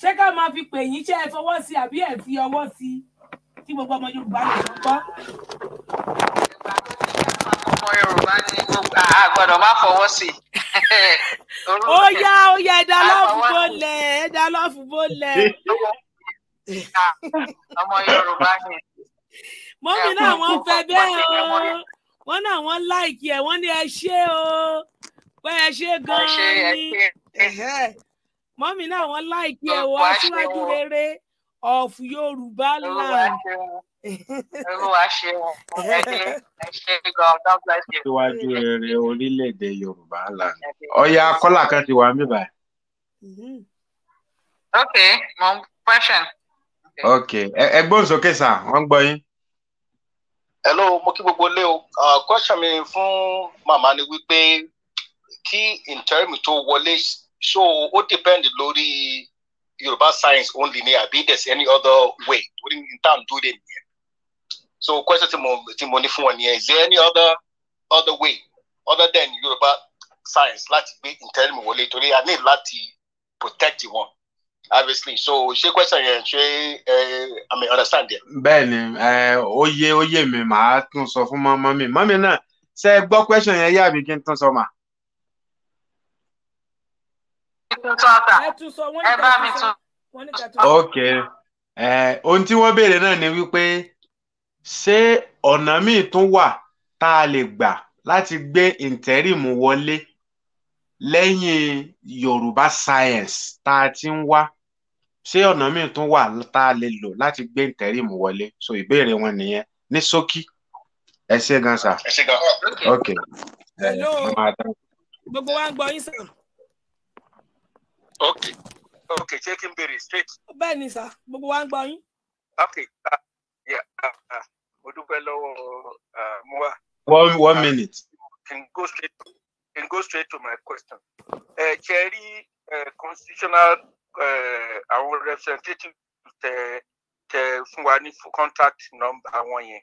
ṣé ká máa fi pè yín ṣé ẹ fọwọ́ sí àbí ẹ fi ọwọ́ sí i tí gbogbo ọmọ Yorùbá lè sọ gbọ́. ọmọ Yorùbá ni gbogbo àgbọ̀dọ̀ má fọwọ́ sí. ó yá ó yá ẹ̀dá lọ́ọ̀fù bó lẹ̀ ẹ̀dá lọ́ọ̀fù bó lẹ̀. Ah, ọmọ Yorùbá ni. mọ́mí náà wọ́n fẹ́ bẹ́ẹ̀ o wọ́n náà wọ́n láìkí ẹ̀ wọ́n ní ẹ ṣé o pé ẹ ṣé gan-an ni mọ́mí náà wọ́n láìkí ẹ̀ wọ́n rere of Yoruba land. Olúwa ṣeun, ẹ ṣe gan, God bless you. Síwájú rere orílẹ̀-èdè Yorùbá land. Ọya Kọ́lá kan ti wà mí báyìí. Mm-hmm. Ok, mo question. Ok, ẹ gbóhùn sókè sà, wọ́n ń gbọ́ yín. Hello, mo kí gbogbo lé o. Question mi fún màmá ni wípé kí ìntẹ́rìmì tó wọlé so ó depend lórí. Yoruba science only ni àbí there's any other way We n tá do ń dúró so question tí mo tí mo ní fún wọn nìyẹn is there any other other way other than Yoruba science láti gbé ìtẹ́rìmù wọlé torí a ní láti protect one. obviously so ṣé question yẹn ṣé I mean understand yẹn. bẹ́ẹ̀ni ó yé ó yé mi màá tún sọ fún mọmọ mi mọmi náà ṣe gbọ́ question yẹn yá mi kí n tún sọ màá ok ohun tí wọ́n béèrè náà ni wípé ṣé ọ̀nà míì tún wà tá a lè gbà láti gbé interim wọlé lẹ́yìn Yorùbá science tá a ti ń wá ṣé ọ̀nà míì tún wà tá a lè lò láti gbé interim wọlé so ìbéèrè wọn nìyẹn ní ṣókí ẹ ṣé gan sa. ẹ ok. gbogbo wa ń gbọ́ yín sàn. Okay. Okay. Checking very straight. bẹ́ẹ̀ ni sà gbogbo wa ń gbọ́ yín. ok ah, ah, ah. mo dúpẹ́ lọ́wọ́ mua. one one minute. can go straight can go straight to my question. ṣe uh, rí uh, constitutional àwọn uh, representative tẹ tẹ fún wa ní contact number wọn yẹn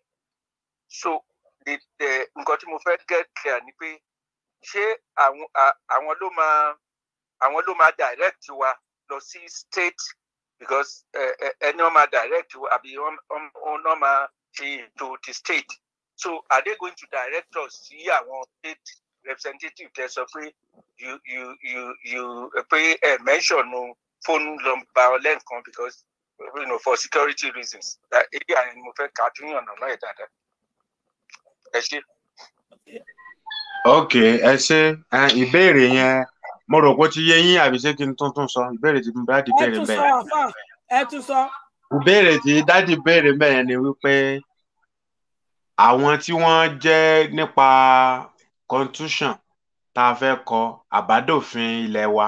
so nǹkan tí mo fẹ́ get clear ni pé ṣé àwọn ló máa àwọn ló máa direct wa lọ sí state because ẹni wọn máa direct wa àbí wọn máa ṣe to the state so are they going to direct us sí àwọn state representative tẹ sọ pé you you you you pé ẹ mention phone number lẹ́ǹkan because you know, for security reasons èyí àyẹ̀ni mo fẹ́ kà á tún yànnà náà dáadáa ẹ ṣe. ok ẹ ṣe ìbéèrè yẹn mo rò pé ti yé yín àbí ṣé kí n tuntun sọ ìbéèrè tí dáàdì béèrè bẹ́ẹ̀. ẹ tún sọ. ìbéèrè tí dáàdì béèrè bẹ́ẹ̀ ni wípé àwọn tí wọ́n jẹ́ nípa constitution tá a fẹ́ kọ àbádòfin ilé wa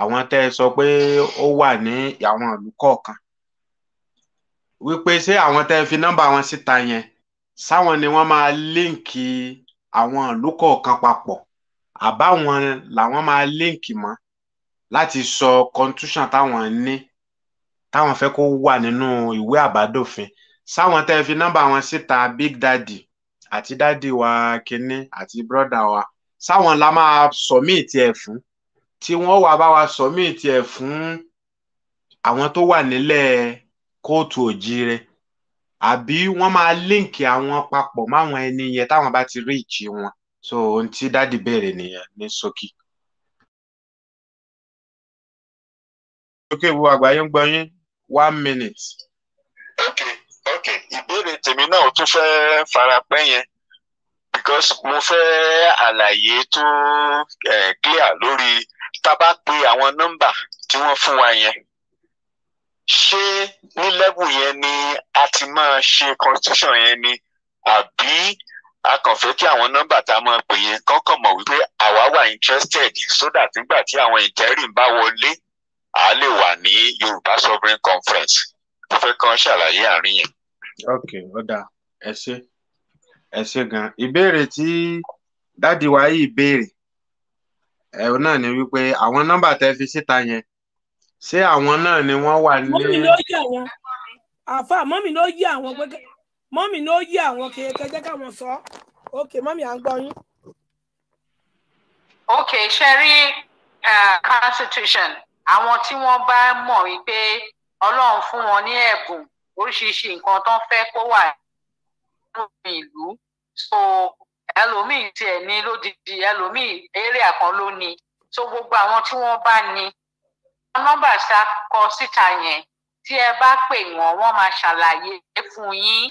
àwọn tẹ́ ẹ sọ pé ó wà ní àwọn ìlú kọ̀ọ̀kan wípé ṣé àwọn tẹ́ ẹ fi nọ́mbà wọn síta yẹn sáwọn ni wọ́n máa líǹkì àwọn ìlú kọ̀ọ̀kan papọ̀ àbáwọn làwọn máa líǹkì mọ́ láti sọ constitution táwọn ní táwọn fẹ́ kó wà nínú ìwé àbádòfin sáwọn tẹ́ fi nọ́mbà wọn síta big daddy àti daddy wa kínní àti brọ́dà wa sáwọn la máa sọ̀míìtì ẹ̀ fún tí wọ́n wà bá wa sọ̀míìtì ẹ̀ fún àwọn tó wà nílẹ̀ kóòtù òjíire àbí wọ́n máa líǹkì àwọn papọ̀ máwọn ẹni yẹn táwọn bá ti rí ìjì wọn so ohun tí dádì béèrè nìyẹn ní ṣókí. sókè wo àgbáyé ń gbọ́ yín one minute. ok ok ìbéèrè tèmi náà tún fẹ́ fara pẹ́ yẹn because mo fẹ́ àlàyé tó clear lórí tá a bá pe àwọn nọ́mbà tí wọ́n fún wa yẹn ṣé ní level yẹn ni a ti máa ṣe constitution yẹn ni àbí a kàn fẹ́ kí àwọn nọ́mbà tá a máa pè yẹn kọ́kàn mọ̀ wípé àwa wà interested so nígbà tí àwọn interim bá wọlé a lè wà ní Yorùbá Sovereign Conference tó fẹ́ kàn ṣàlàyé àárín yẹn. ok ó ẹ ṣe ẹ ṣe gan ìbéèrè tí dádì wa yìí béèrè ẹ náà ni wípé àwọn nọ́mbà tẹ́ fi síta yẹn ṣé àwọn náà ni wọ́n wà ní. mọ́mí ló yí àwọn àfa mọ́mí ló yí àwọn gbẹ́gẹ́ mọ́mì ní ó yí àwọn kéèké jẹ́ káwọn sọ ókè mọ́mì à ń gbọ́ yín. ok ṣe rí constitution àwọn tí wọ́n bá mọ̀ wípé ọlọ́run fún wọn ní ẹ̀bùn oríṣiríṣi nǹkan tó ń fẹ́ kó wà nínú ìlú so ẹlòmíì tiẹ̀ ní lódìdí ẹlòmíì eré àkàn ló ní so gbogbo àwọn tí wọ́n bá ní nọ́mbà sá kọ síta yẹn tí ẹ bá pè wọ́n wọ́n máa ṣàlàyé fún yín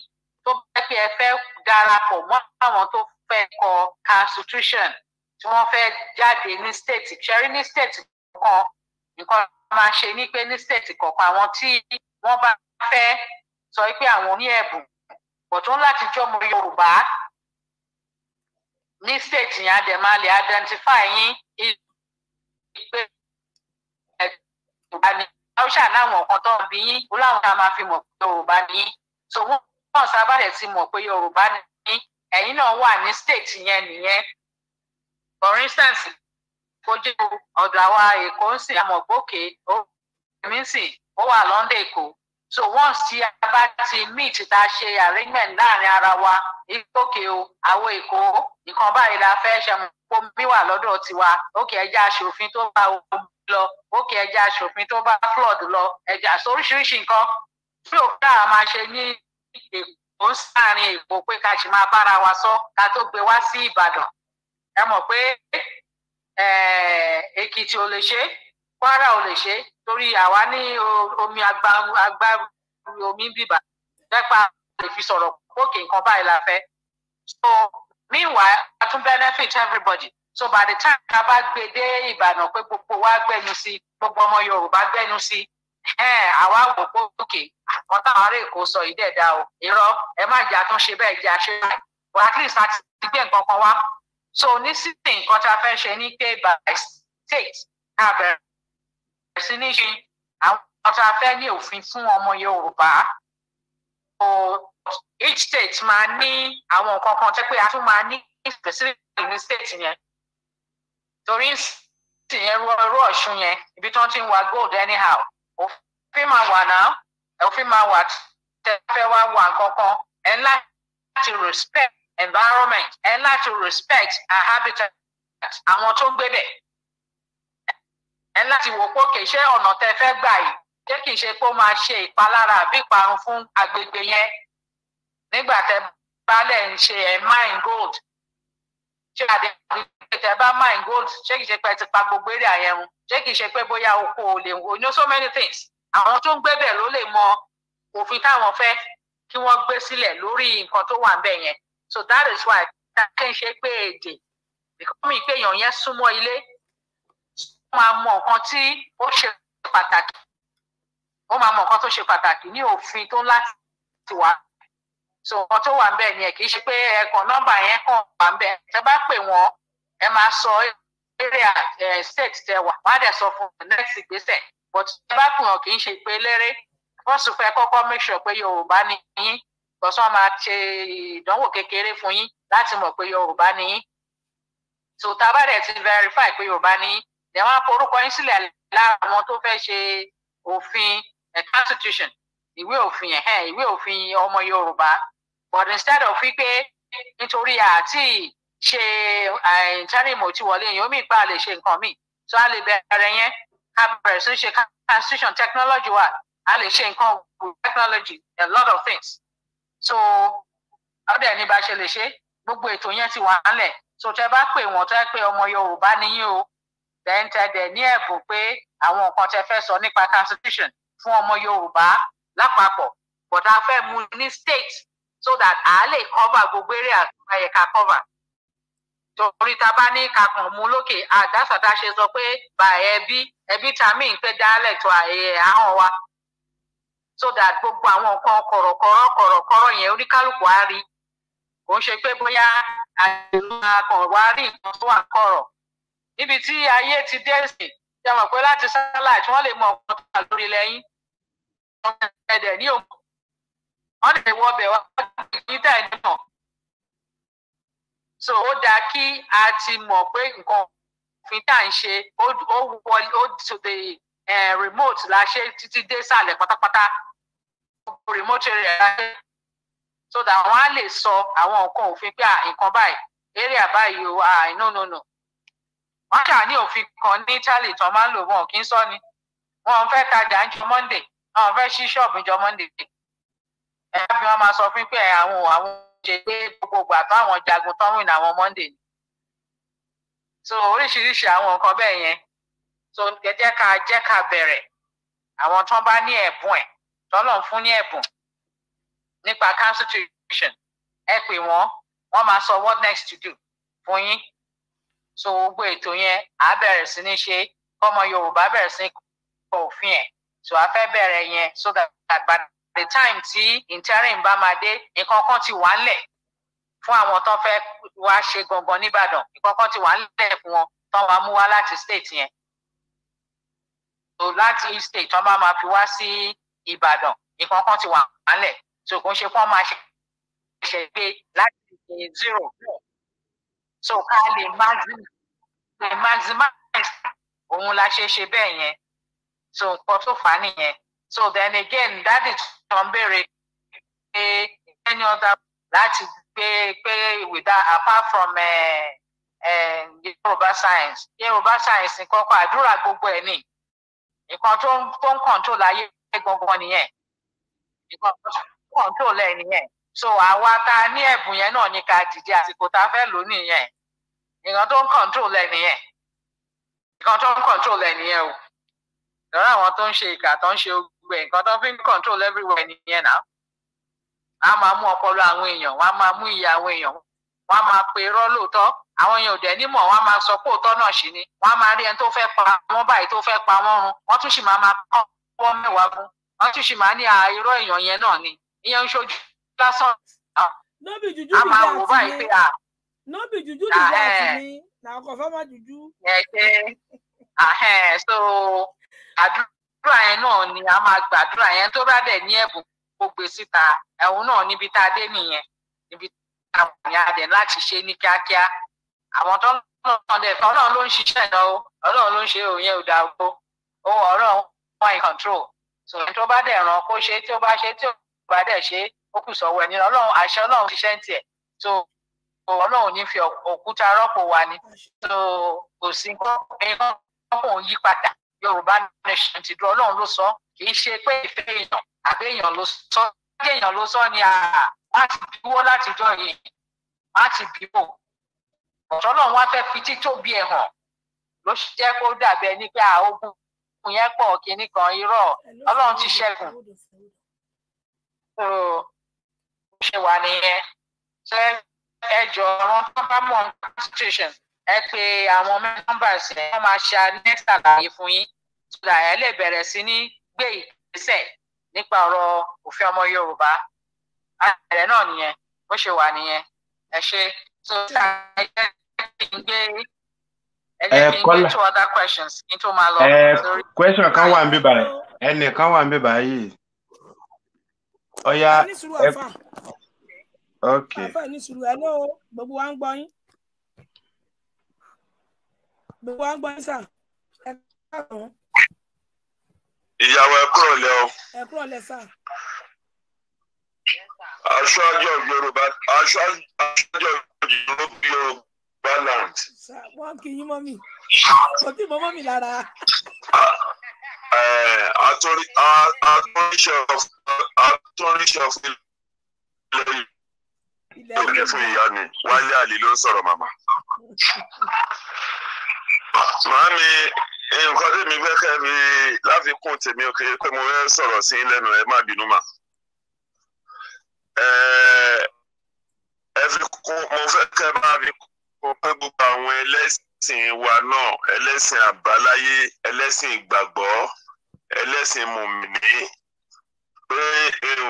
tó bá pé ẹ fẹ́ darapọ̀ mọ́ àwọn tó fẹ́ kọ constitution tí wọ́n fẹ́ jáde ní state ṣẹ́rí ní state kọ̀ọ̀kan nǹkan máa ṣe ní pé ní state kọ̀ọ̀kan àwọn tí wọ́n bá fẹ́ sọ pé àwọn ní ẹ̀bùn bọ̀tún láti jọmọ Yorùbá ní state yẹn adẹ̀ máa lè identify yín pé Yorùbá ni Haúsá náà wọ̀n kan tó ń bí yín ó láwọn náà máa fi mọ̀ pé Yorùbá ni yín so wọ́n náà sábàdẹ̀ ti mọ̀ pé yoruba ni ẹ̀yin náà wà steeti state yẹn for instance kojú ọ̀dọ̀ àwa èkó ń sìn àmọ̀gbókè ó èmi ń sìn ó so once tí a ti meet ta a ṣe arrangement láàrin ara wa ìgbókè o awo eko. nǹkan báyìí la fẹ́ ṣe mọ́ mi wà lọ́dọ̀ tiwa ókè ẹja aṣòfin tó bá omi lọ ókè ẹja aṣòfin tó bá flood lọ ẹja oríṣiríṣi nǹkan bí òkúta máa ṣe ní èkó sàárín èkó pé ká sì máa bára wa sọ ká tó gbé wá sí ìbàdàn ẹ mọ̀ pé èkìtì ò lè ṣe kwara ò lè ṣe torí àwa ní omi agbá omi bíbà nípa lè fi sọ̀rọ̀ kókè nǹkan báyìí la fẹ́ so meanwhile a tún benefit everybody so by the time ká bá gbé dé ìbàdàn pé gbogbo wa gbẹnu sí gbogbo ọmọ yorùbá gbẹnu sí àwa kò kó òkè àwọn táwọn ará èkó sọ yìí dẹ̀dá o irọ́ ẹ má jẹ́ àtúnṣe bẹ́ẹ̀ jẹ́ àṣẹ báyìí wà at least àti gbé nǹkan kan wá so nísìnyí nǹkan tá a fẹ́ ṣe ní pay by state náà bẹ̀rẹ̀ sí ní ṣe àwọn tá a fẹ́ ní òfin fún ọmọ Yorùbá so each state máa ní àwọn nǹkan kan tẹ́ pé a tún máa ní specific ní state yẹn torí ìsìn yẹn rú ọ̀ṣun yẹn ibi tí wọ́n ti ń wa gold anyhow òfin máa wà náà òfin máa wà tẹ́ fẹ́ wá wà kankan ẹ̀ láti respect environment ẹ̀ láti respect our habitat àwọn tó ń gbé bẹ̀ ẹ̀ láti wò pé kì í ṣe ọ̀nà tẹ́ fẹ́ gbà yìí ṣé kì í ṣe pé ó máa ṣe ìpalára àbí ìparun fún agbègbè yẹn nígbà tẹ́ balẹ̀ ń ṣe ẹ̀ mine gold ṣé àdé tẹ́ bá mine gold ṣé kì í ṣe pé ẹ ti pa gbogbo èrè àyẹ̀wò ṣé kì í ṣe pé bóyá oko ò lè wò you know so many things àwọn tó ń gbé bẹ̀ ló lè mọ òfin táwọn fẹ́ kí wọ́n gbé sílẹ̀ lórí nǹkan tó wà ń bẹ̀ yẹn so that is why táké ń ṣe pé èdè ìkọ́mi ìpéyàn yẹn súnmọ́ ilé ó máa mọ nǹkan tí ó ṣe pàtàkì ó máa mọ nǹkan tó ṣe pàtàkì ní òfin tó láti wà so nǹkan tó wà ń bẹ̀ yẹn kì í ṣe pé ẹ̀kan nọ́mbà yẹn kàn wà ń bẹ̀ tẹ́ bá pè wọ́n ẹ máa sọ eré eh, state tẹ wà wọ́n dẹ̀ sọ fún next ìgbésẹ̀ but ẹ bá pè wọn kì í ṣe pé eléré wọn sì fẹ́ kọ́kọ́ make sure pé yorùbá ni yín because wọn máa ṣe ìdánwò kékeré fún yín láti mọ̀ pé yorùbá ni yín so tá a bá dẹ̀ ti verify pé yorùbá ni yín then wọn á forúkọ yín sílẹ̀ lára àwọn tó fẹ́ ṣe òfin eh, constitution ìwé òfin ẹ̀hẹ́n ìwé òfin ọmọ yorùbá but instead of wípé nítorí àti ṣe eh, interim òtí wọlé yìí ó mì pa lè ṣe nǹkan míì so a lè bẹ̀rẹ̀ yẹn ká bẹ̀rẹ̀ sí ṣe transition technology wa a lè ṣe nǹkan with technology a lot of things so ọdẹ ní bá ṣe lè ṣe gbogbo ètò yẹn ti wà ńlẹ̀ so tẹ bá pè wọ́n tẹ pé ọmọ Yorùbá nìyí o then tẹ dẹ̀ ní ẹ̀bùn pé àwọn nǹkan tẹ fẹ́ sọ nípa constitution fún ọmọ Yorùbá lápapọ̀ but a fẹ́ mú ní state so that a lè cover gbogbo area tó bá yẹ ká cover torí ta bá ní kakàn mú lókè àdásàdá ṣe sọ pé bà ẹbí ẹbí ta mí ń pẹ dálẹ̀ tó àyè àhàn wa so that gbogbo àwọn nǹkan kọ̀rọ̀kọ̀rọ̀ kọ̀rọ̀kọ̀rọ̀ yẹn oníkálukú á rí kò ń ṣe pé bóyá àìlú akàn wá rí nǹkan tó wà kọ̀rọ̀ níbi tí ayé ti dé sí ṣe mọ̀ pé láti satellite wọ́n lè mọ nǹkan tó wà lórí lẹ́yìn ọ̀sẹ̀ ẹ̀dẹ̀ ní òun wọ́n lè wọ so ó dáa kí a ti mọ̀ pé nǹkan òfin tá à ń ṣe ó wọlé ó to the uh, remote la ṣe títí dé sàlẹ̀ pátápátá gbogbo remote area la ṣe so that wọ́n á lè sọ àwọn nǹkan òfin pé nǹkan báyìí area báyìí o no no no wọ́n ṣà ní òfin kan ní Italy tán máa ń lò wọn kì í sọ ni wọ́n fẹ́ tajà ń jọ Monday wọ́n fẹ́ ṣí ṣọ́ọ̀bù jọ Monday ẹ bá fi wọn máa sọ fún pé àwọn àwọn ṣe pé gbogbo ìgbà táwọn jagun tán wìn àwọn Monday ni so oríṣiríṣi àwọn nǹkan bẹ́ẹ̀ yẹn so jẹ́ ká jẹ́ ká bẹ̀rẹ̀ àwọn tán bá ní ẹ̀bùn ẹ̀ tọ́lọ̀ ń fún ní ẹ̀bùn nípa constitution ẹ pè wọ́n wọ́n máa sọ what next to do fún yín so gbogbo ètò yẹn á bẹ̀rẹ̀ sí ní ṣe kọ́mọ Yorùbá bẹ̀rẹ̀ sí ní kọ òfin ẹ̀ so a fẹ́ bẹ̀rẹ̀ yẹn so that àgbàdo the time tí interim bá máa dé nǹkan kan ti wà ńlẹ̀ fún àwọn tó fẹ́ wá ṣe gangan nìbàdàn nǹkan kan ti wà ńlẹ̀ fún wọn tó máa mú wá láti state yẹn so láti state tó máa máa fi wá sí ìbàdàn nǹkan kan ti wà ńlẹ̀ so kò ń ṣe fún ọmọ àṣẹ gbé láti ṣe zero so ká lè maximize òun la ṣe ṣe bẹ́ẹ̀ yẹn so nǹkan tó fà á nìyẹn so then again that is ń béèrè pé any other láti gbé pé without apart from eh, eh, yorùbá science yorùbá science nǹkan kan àdúrà gbogbo ẹ̀ ni nǹkan tó ń tó ń control ayé gbọ̀ngàn nìyẹn nǹkan tó ń control ẹ̀ nìyẹn so àwa tá a ní ẹ̀bùn yẹn náà ní ká dìde àsìkò tá a fẹ́ lò nìyẹn nǹkan tó ń control ẹ̀ nìyẹn nǹkan tó ń control ẹ̀ nìyẹn o lọ́rọ̀ àwọn tó ń ṣe ìkà tó ń ṣe ogun gbogbo nǹkan tó fi ń control everywhere nìyẹn náà a máa mú ọpọlọ àwọn èèyàn wọn a máa mú ìyà àwọn èèyàn wọn a máa pe irọ́ lóòótọ́ àwọn èèyàn ò dẹ̀ nímọ̀ wọn a máa sọ pé òótọ́ náà ṣì ni wọn a máa rí ẹni tó fẹ́ pa wọn báyìí tó fẹ́ pa wọn run wọn tún sì máa máa kọ́ wọn mẹ́wàá fún wọn tún sì máa ní irọ́ èèyàn yẹn náà ni ìyẹn ń ṣojú lásán a máa wò báyìí pé a. nọ́ọ̀bì jùjú lè jẹ́ àtìní nà ọkọ̀ fẹ́ má jùjú. so àdúrà àdúrà yẹn náà ni a máa gbàdúrà yẹn tó bá dẹ̀ ní ẹ̀bùn kó gbé síta ẹ̀hún náà níbi tá a dé nìyẹn níbi tá a wọ̀nyí adẹ̀ láti ṣe ní kíákíá àwọn tó náà dẹ̀ fún ọlọ́run ló ń ṣiṣẹ́ náà o ọlọ́run ló ń ṣe òun yẹn ò o ohun ọ̀rọ̀ wọn in control so tó bá dẹ̀ ràn kó ṣe tí ó bá ṣe tí ó bá dẹ̀ ṣe ó kù sọ̀wọ́ ẹ̀ nínú ọlọ́run àṣẹ ọlọ́run ṣiṣẹ́ so ọlọ́run ní fi òkúta rọ́pò so kò sí nǹkan kò ń yorùbá nation ti dúró ọlọ́run ló sọ kì í ṣe pé ìfẹ́ èèyàn àbí èèyàn ló sọ bí èèyàn ló sọ ni àà láti bíwó látijọ́ yìí láti bíwó ọ̀tọ̀ ọlọ́run wá fẹ́ fi títóbi ẹ̀ hàn ló jẹ́ kó dàbí ẹni pé àógùn yẹn pọ̀ kínní kan irọ́ ọlọ́run ti ṣẹ́gun ṣe wà nìyẹn ṣe ẹjọ́ àwọn tó bá mọ̀ constitution ẹ pé àwọn members ẹ wọ́n máa ṣe next àlàyé fún yín so that ẹ lè bẹ̀rẹ̀ sí ní gbé ìgbésẹ̀ nípa ọ̀rọ̀ òfin ọmọ Yorùbá àbẹ̀rẹ̀ náà nìyẹn bó ṣe wà nìyẹn ẹ ṣe so ẹ jẹ́ kí n gbé kọ́lá ẹ question kan wà níbí báyìí ẹnì kan wà níbí báyìí ọ̀ya ẹ ok. àfẹ́ ní sùúrù ẹ̀ ló gbogbo wa ń gbọ́ gbogbo àgbà sà ẹ káàárọ̀. ìyàwó ẹ kúrò lẹ o. ẹ kúrò lẹ sà. aṣáájú yorùbá aṣáájú yorùbá land. wọ́n kì í yín mọ́ mi kò tí mo mọ́ mi lára. atúnríṣẹ́ fún ilé ìlú fún ìyá ni wálé àlè ló ń sọ̀rọ̀ màmá màámi nǹkan tèmi gbẹ́kẹ̀ mi láfikún tèmi òkè pé mo fẹ́ sọ̀rọ̀ sí lẹ́nu ẹ má bínú mà ẹ fi kún mo fẹ́ kẹ́ bá mi kún pé gbogbo àwọn ẹlẹ́sìn wa náà ẹlẹ́sìn àbáláyé ẹlẹ́sìn ìgbàgbọ́ ẹlẹ́sìn mùmìnì pé èrò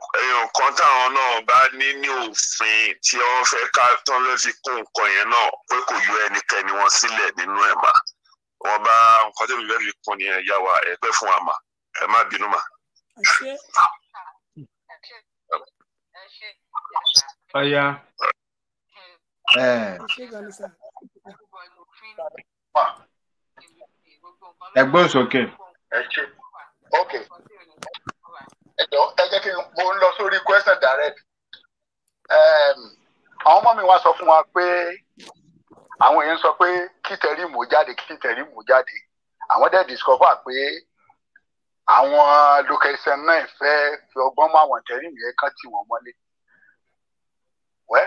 nǹkan táwọn náà bá ní ní òfin tí wọ́n fẹ́ ká tán ló fi kún nǹkan yẹn náà pé kò yọ ẹnikẹ́ni wọn sílẹ̀ nínú ẹ̀ mà wọ́n bá nǹkan tó bẹ̀rẹ̀ fi kún ni ẹ̀ yá wa ẹ̀ pẹ́ fún wa mà ẹ̀ má bínú mà. ọ̀ya. ẹgbẹ́ òsókè. ok. okay ẹjọ ẹ jẹ́ kí mo ń lọ sórí question direct àwọn ọmọ mi wá sọ fún wa pé àwọn èèyàn sọ pé kí tẹrí mò jáde kí tẹrí mò jáde àwọn dẹ̀ discover pé àwọn location náà fẹ́ fi ọgbọ́n mọ́ àwọn tẹrí mi yẹn kán tì wọ́n mọ́lé wẹ́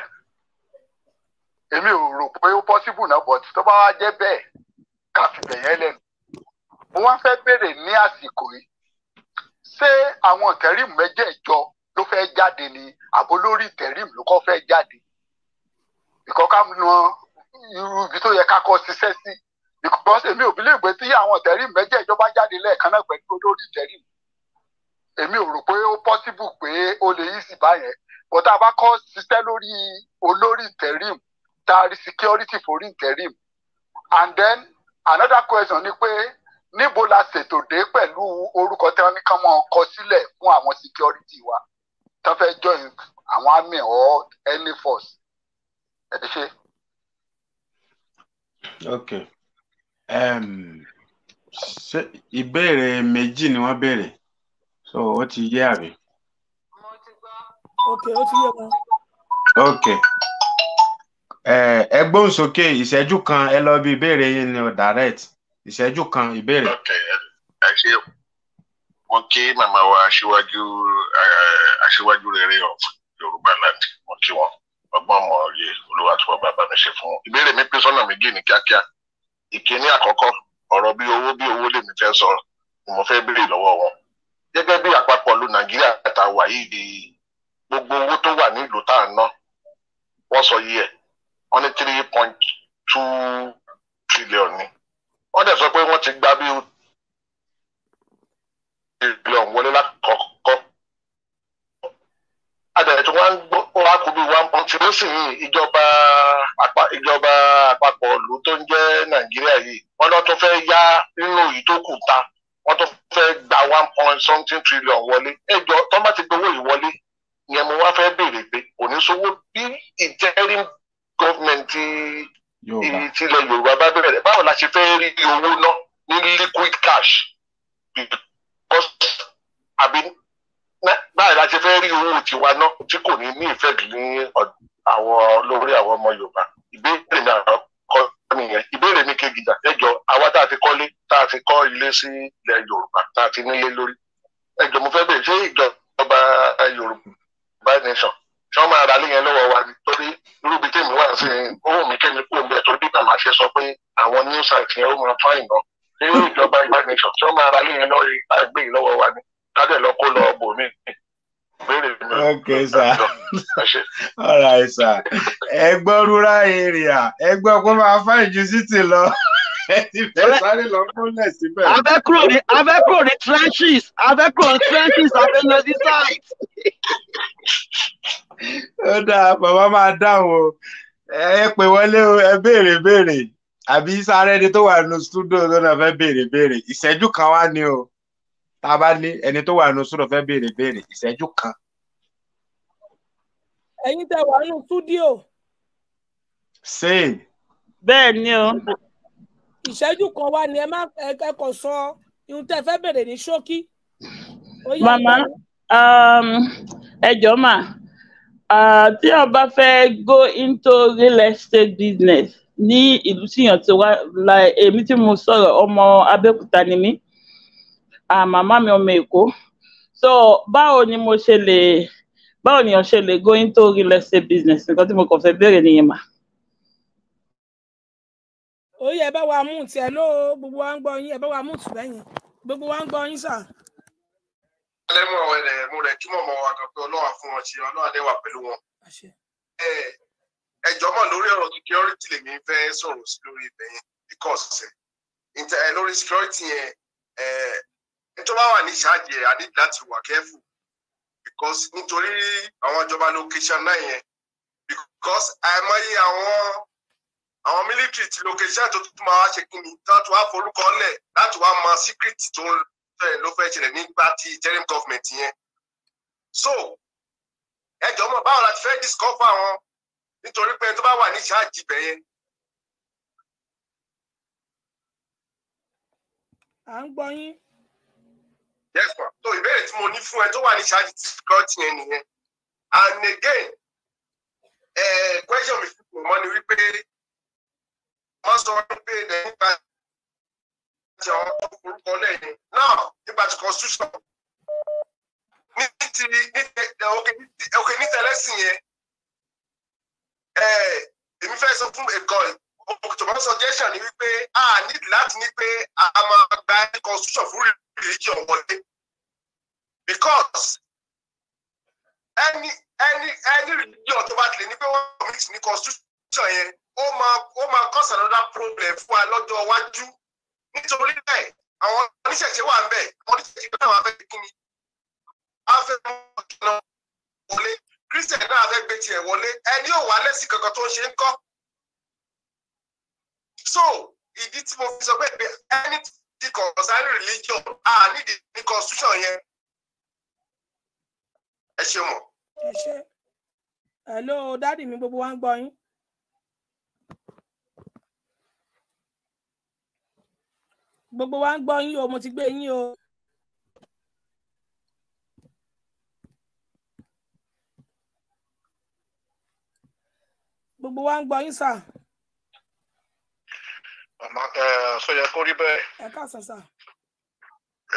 èmi ò rò pé ó possible náà but tó bá wá jẹ́ bẹ́ẹ̀ ká fi bẹ̀yẹn lẹ́nu mo wá fẹ́ béèrè ní àsìkò yìí ṣé àwọn tẹ̀rìm mẹ́jẹ̀ẹ̀jọ ló fẹ́ jáde ni àbò lórí tẹ̀rìm ló kọ́ fẹ́ jáde ìkọ́ká mọ irú ibi tó yẹ ká kọ́ ṣiṣẹ́ sí because èmi ò believe pé tí àwọn tẹ̀rìm mẹ́jẹ̀ẹ̀jọ bá jáde lẹ́ẹ̀kan náà pẹ̀lú lórí tẹ̀rìm èmi ò rò pé ó possible pé ó lè yí sí báyẹn but tá a bá kọ́ ṣiṣẹ́ lórí olórí tẹ̀rìm tá a rí security for interim and then another question ni pé níbo la ṣètò dé pẹ̀lú orúkọ tí wọ́n ní kán máa kọ sílẹ̀ fún àwọn security wa tó fẹ́ join àwọn army or any force ẹ ṣe. ok um, ṣe ìbéèrè méjì ni wọ́n béèrè so ó ti yé àbí. ok ó ti yé wọn. ok ẹ gbóhùn sókè ìṣẹ́jú kan ẹ lọ bí ìbéèrè yín ni direct ìṣẹ́jú kan ìbéèrè. ẹ ṣe mo kí màmá wa aṣíwájú aṣíwájú rere yorùbá láti mo kí wọn ọgbọ́n mọ̀ òye olúwa tó bàbá mi ṣe fún wọn. ìbéèrè mi pín sọ́nà méjì ní kíákíá ìkíní àkọ́kọ́ ọ̀rọ̀ bí owó bí owó lèmi fẹ́ sọ ni mo fẹ́ béèrè lọ́wọ́ wọn. gẹ́gẹ́ bí àpapọ̀ lu nàìjíríà ta wà yìí di gbogbo owó tó wà nílùú tá à ń ná wọ́n sọ yìí ẹ̀ wọ́n ní three point two trillion ni wọ́n dẹ̀ sọ pé wọ́n ti gba bí ìbílọ̀n wọlé lákọ̀ọ́kọ́ adẹ̀rẹ̀ tí wọ́n ń gbọ́ wá kú bí one point zero sì yìí ìjọba ìjọba àpapọ̀ ìlú tó ń jẹ́ nàìjíríà yìí wọ́n lọ́ tún fẹ́ yá nínú èyí tó kù ta wọ́n tún fẹ́ gba one point something trillion wọlé ẹjọ́ tó bá ti gbowó yìí wọlé ìyẹn mo wá fẹ́ béèrè pé kò ní sówó bí interim government ìtìlẹ̀ yorùbá bá bẹ̀rẹ̀ báwo la ṣe fẹ́ rí owó ná ní liquid cash because àbí báyìí la ṣe fẹ́ rí owó tiwa ná tí kò ní ní effect ní àwọn lórí àwọn ọmọ yorùbá ìbéèrè mi àwọn kọ́ nìyẹn ìbéèrè mi kejì dà ẹjọ àwa tá a ti kọ́lé tá a ti kọ́ ilé sí ilẹ̀ yorùbá tá a ti nílé lórí ẹjọ mo fẹ́ bẹ̀rẹ̀ ṣé ìjọba yorùbá nation ṣé wọ́n máa ra lé yẹn lọ́wọ́ wa ni torí irú ibi tèmi wà sí owó mi kẹ́mi kú ń bẹ torí bí màmá ṣe sọ pé àwọn new site yẹn ó máa fáìn náà ṣé irú ìjọba ìbánisọ̀ ṣé wọ́n máa ra lé yẹn lọ́wọ́ àgbè lọ́wọ́ wa ni tádẹ̀ lọ kó lọ bò mí. Okay, sir. All right, sir. Ẹ gbọ́ rural area, ẹ gbọ́ pé máa fáìn ju city lọ. abẹ́ kúrò ní abẹ́ kúrò ní trenches abẹ́ kúrò ní trenches abẹ́ lọ sí site. ó dáa bàbá máa dáhùn o ẹ pè wọlé o ẹ béèrè béèrè àbí sáré ẹni tó wà nínú studio tó náà fẹ́ béèrè béèrè ìṣẹ́jú kan wá ní o tá a bá wà nínú bẹ́ẹ̀ ni o. ìṣẹ́jú kan wá ni ẹ má ẹ kọ sọ ihun tẹ́ fẹ́ bèrè ní ṣókí. màmá um, ẹ jọ̀ọ́ mà tí wọ́n bá fẹ́ go into real estate business ní ìlú tíyàn ti wá èmi tí mo sọ̀rọ̀ ọmọ Abẹ́òkúta ni mí màmá mi ọmọ Èkó so báwo ni mo ṣe lè báwo ni o ṣe lè go into real estate business nǹkan tí mo kàn fẹ́ bèrè nìyẹn mà ó yẹ bá wa mú tiẹ̀ ló gbogbo wa ń gbọ́ yín ẹ bá wa mú tù lẹ́yìn gbogbo wa ń gbọ́ yín sà. alẹ́mú àwọn ẹ̀rẹ̀ mú rẹ̀ túmọ̀ mọ́ wa gan pé ọlọ́wà fún wọn ṣe ọlọ́wà dé pẹ̀lú wọn. ẹjọ́ mọ̀ lórí ọ̀rọ̀ security lèmi fẹ́ sọ̀rọ̀ sí lórí ibẹ̀ yẹn because lórí security yẹn nítorí wà ní ìṣáàjì ẹ̀ àdìdì láti wà careful because nítorí àwọn ìjọba location náà yẹn because àìmọye àwọn àwọn military ti location tó tún máa ṣe kí ni tó wá forúkọ lẹ̀ láti wá mọ secret tó ń tẹ̀ ló fẹ́ ṣẹlẹ̀ nígbà tí interim government yẹn. so ẹ jọ mọ báwo la ti fẹ́ discover wọn nítorí pé tó bá wà ní ṣáàjì ibẹ̀ yẹn. à ń gbọ́ yín. yes ma so ìbéèrè tí mo ní fún ẹ tó wà ní ṣáàjì ti kọ́ tiẹ̀ nìyẹn and again ẹ eh, question mi fún mi mọ́ ni wípé wọ́n sọ pé ilẹ̀ nípa ti àwọn tó forúkọ lẹ́yìn náà nípa ti constitution ní ti òkè ní tẹ̀lẹ́sìn yẹn èmi fẹ́ sọ fún ẹ̀kọ́ òkùtùmọ̀ suggestion ni wípé a need láti ní pé a máa gba constitution fún religion wọlé because any any any religion tó bá tilẹ̀ ní pé wọ́n commit ní constitution yẹn ó máa ó máa cause another problem fún wa lọ́jọ́ iwájú nítorí bẹ́ẹ̀ àwọn oníṣẹ̀ṣe wà ń bẹ̀ àwọn oníṣẹ̀ṣe náà wà fẹ́ kí ni a fẹ́ mú ọ̀kìnà wọlé christian náà fẹ́ gbé tiẹ̀ wọlé ẹni ò wá lẹ́sìn kankan tó ń ṣe ń kọ́. so ìdí tí mo fi sọ pé pé ẹni tí concern religion a nídìí ní constitution yẹn ẹ ṣe mọ̀. ẹ ṣe hello dádì mi gbogbo wa ń gbọ́ yín. gbogbo wa ń gbọ́ yín o mo ti gbé yín o. gbogbo wa ń gbọ́ yín sà. màmá ẹ sọyà kó rí bẹ́ẹ̀. ẹ káàsán sà.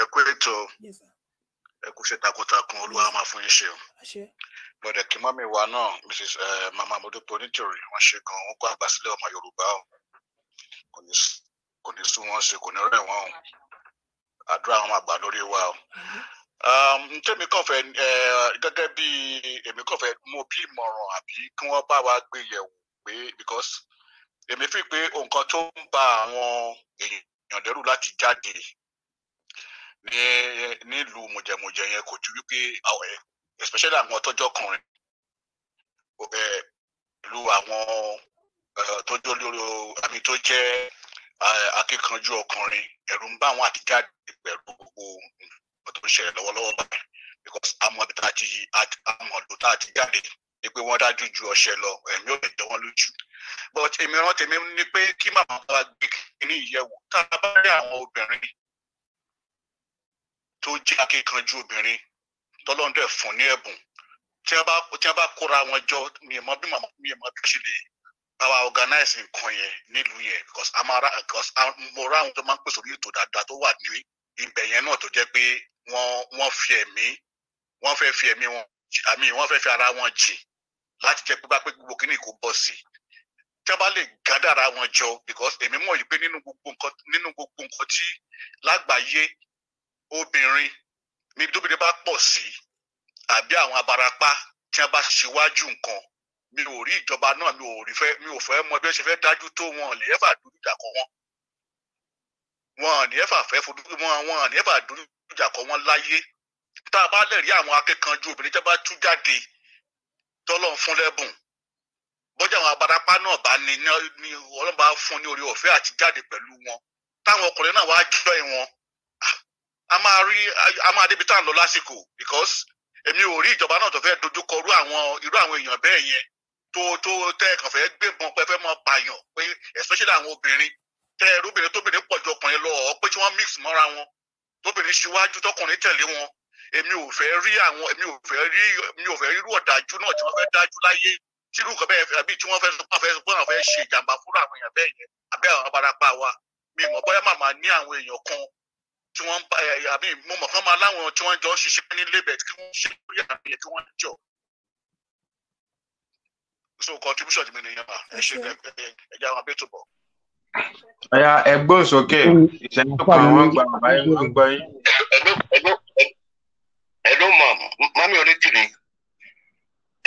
ẹ kú ètò ẹ kú ṣe takuntakun olúwa máa fún yín ṣe o. bọ̀dẹ̀ kí mọ́mí wa náà mrs mama modupo nítorí wọ́n ṣe gan-an wọ́n kó àgbà sílẹ̀ ọmọ yorùbá o kò ní sí kò ní sún wọn ṣe kò ní rẹ̀ wọ́n o àdúrà wọn máa gbà lórí wa o tèmi mm-hmm. um, kàn fẹ́ gẹ́gẹ́ bí èmi kàn fẹ́ mú bí ìmọ̀ràn àbí kí wọ́n bá wa gbé yẹ̀wò pé because èmi fi pé nǹkan tó ń ba àwọn èèyàn lẹ́rù láti jáde ní nílùú mọ̀jẹ̀mọ̀jẹ̀ yẹn kò ju wípé especially àwọn tọ́jọ́ kùnrin lu àwọn tó jẹ́ akíkanjú ọkùnrin ẹ̀rù ń bá àwọn àtijáde pẹ̀lú gbogbo nǹkan tó ń ṣẹlẹ̀ lọ́wọ́lọ́wọ́ báyìí because àmọ́ bí tá a ti àmọ́ ló tá a ti jáde ni pé wọ́n dájú ju ọṣẹ lọ ẹ̀mí ò lè jẹ́ wọ́n lójú but èmi rántí mi ni pé kí màmá bá gbé kíní ìyẹ̀wò tá a bá rí àwọn obìnrin tó jẹ́ akíkanjú obìnrin tọ́lọ́ndẹ̀ fún ní ẹ̀bùn tí wọ́n bá kóra wọn jọ mi ì mọ̀ bí màmá mi ì mọ̀ bí ó ṣe lè Our organizing nǹkan yẹn nílùú yẹn because Amara, because a mo ra àwọn tó máa ń pèsè orí ètò dáadáa tó wà ní ibẹ̀ yẹn náà tó jẹ́ pé wọ́n wọ́n fi ẹ̀mí wọ́n fẹ́ fi ẹ̀mí wọn àmì wọ́n fẹ́ fi ara wọn jì láti jẹ́ pé bá pé gbogbo kíní kò bọ̀ sí i tí a bá lè gádàrà wọn jọ because èmi mọ̀ yìí pé nínú gbogbo nǹkan nínú gbogbo nǹkan tí lágbàáyé obìnrin níbi tóbi bá pọ̀ sí àbí àwọn abarapá tí a bá ṣíwájú nǹkan mi ò rí ìjọba náà mi ò rí fẹ́ mi ò fẹ́ mọ bí wọ́n ṣe fẹ́ dájú tó wọn lè ẹ̀fà dojú ìjà kọ wọn wọn ní ẹ̀fà fẹ́ fojú wọn wọn ní ẹ̀fà dojú ìjà kọ wọn láyé tá a bá lè rí àwọn akẹ́kọ̀ọ́jú obìnrin tí wọ́n bá tú jáde tọ́lọ́ fún lẹ́bùn bọ́jà àwọn abarapá náà bá ní ní ọlọ́ba fún ní orí ọ̀fẹ́ àti jáde pẹ̀lú wọn táwọn ọkùnrin náà wá jọ ẹ̀ wọn a máa rí a máa débi tá à ń lọ lásìkò because èmi ò rí ìjọba náà tó fẹ́ dojú kọ irú àwọn irú àwọn èèyàn bẹ́ẹ̀ yẹn tó tó tẹ́ kàn fẹ́ gbébọn pé fẹ́ mọ pààyàn pé especially àwọn obìnrin tẹ́ ẹrúbìnrin tóbìnrin pọ̀ ọkùnrin lọ ọ́ pé tí wọ́n mix mọ́ra wọn tóbìnrin ṣíwájú tọkùnrin tẹ̀lé wọn èmi ò fẹ́ rí àwọn èmi ò fẹ́ rí èmi ò fẹ́ rí irú ọ̀dájú náà tí wọ́n fẹ́ dájú láyé tí irú nǹkan bẹ́ẹ̀ fẹ́ àbí tí wọ́n fẹ́ wọ́n fẹ́ wọ́n fẹ́ ṣe ìjàmbá fúnra àwọn èèyàn bẹ́ẹ̀ yẹn àbí àwọn abarapa wa mi mọ̀ bóyá màmá ní àwọn èèyàn kan tí wọ́n àbí mo mọ̀ kán máa láwọn tí wọ́n jọ ṣiṣẹ́ nílé bẹ̀ tí wọ́n ṣe lórí àbí tí wọ́n jọ so contribution mi nìyẹn ma ẹ ṣe ẹja wọn abẹ́tò bọ̀. ẹ̀yà ẹgbẹ́ òsókè mm. ìṣẹ́yìn tó kàn wọ́n gba àbáyé wọ́n gbọ́ yín. ẹ̀ló mam mami onítìrí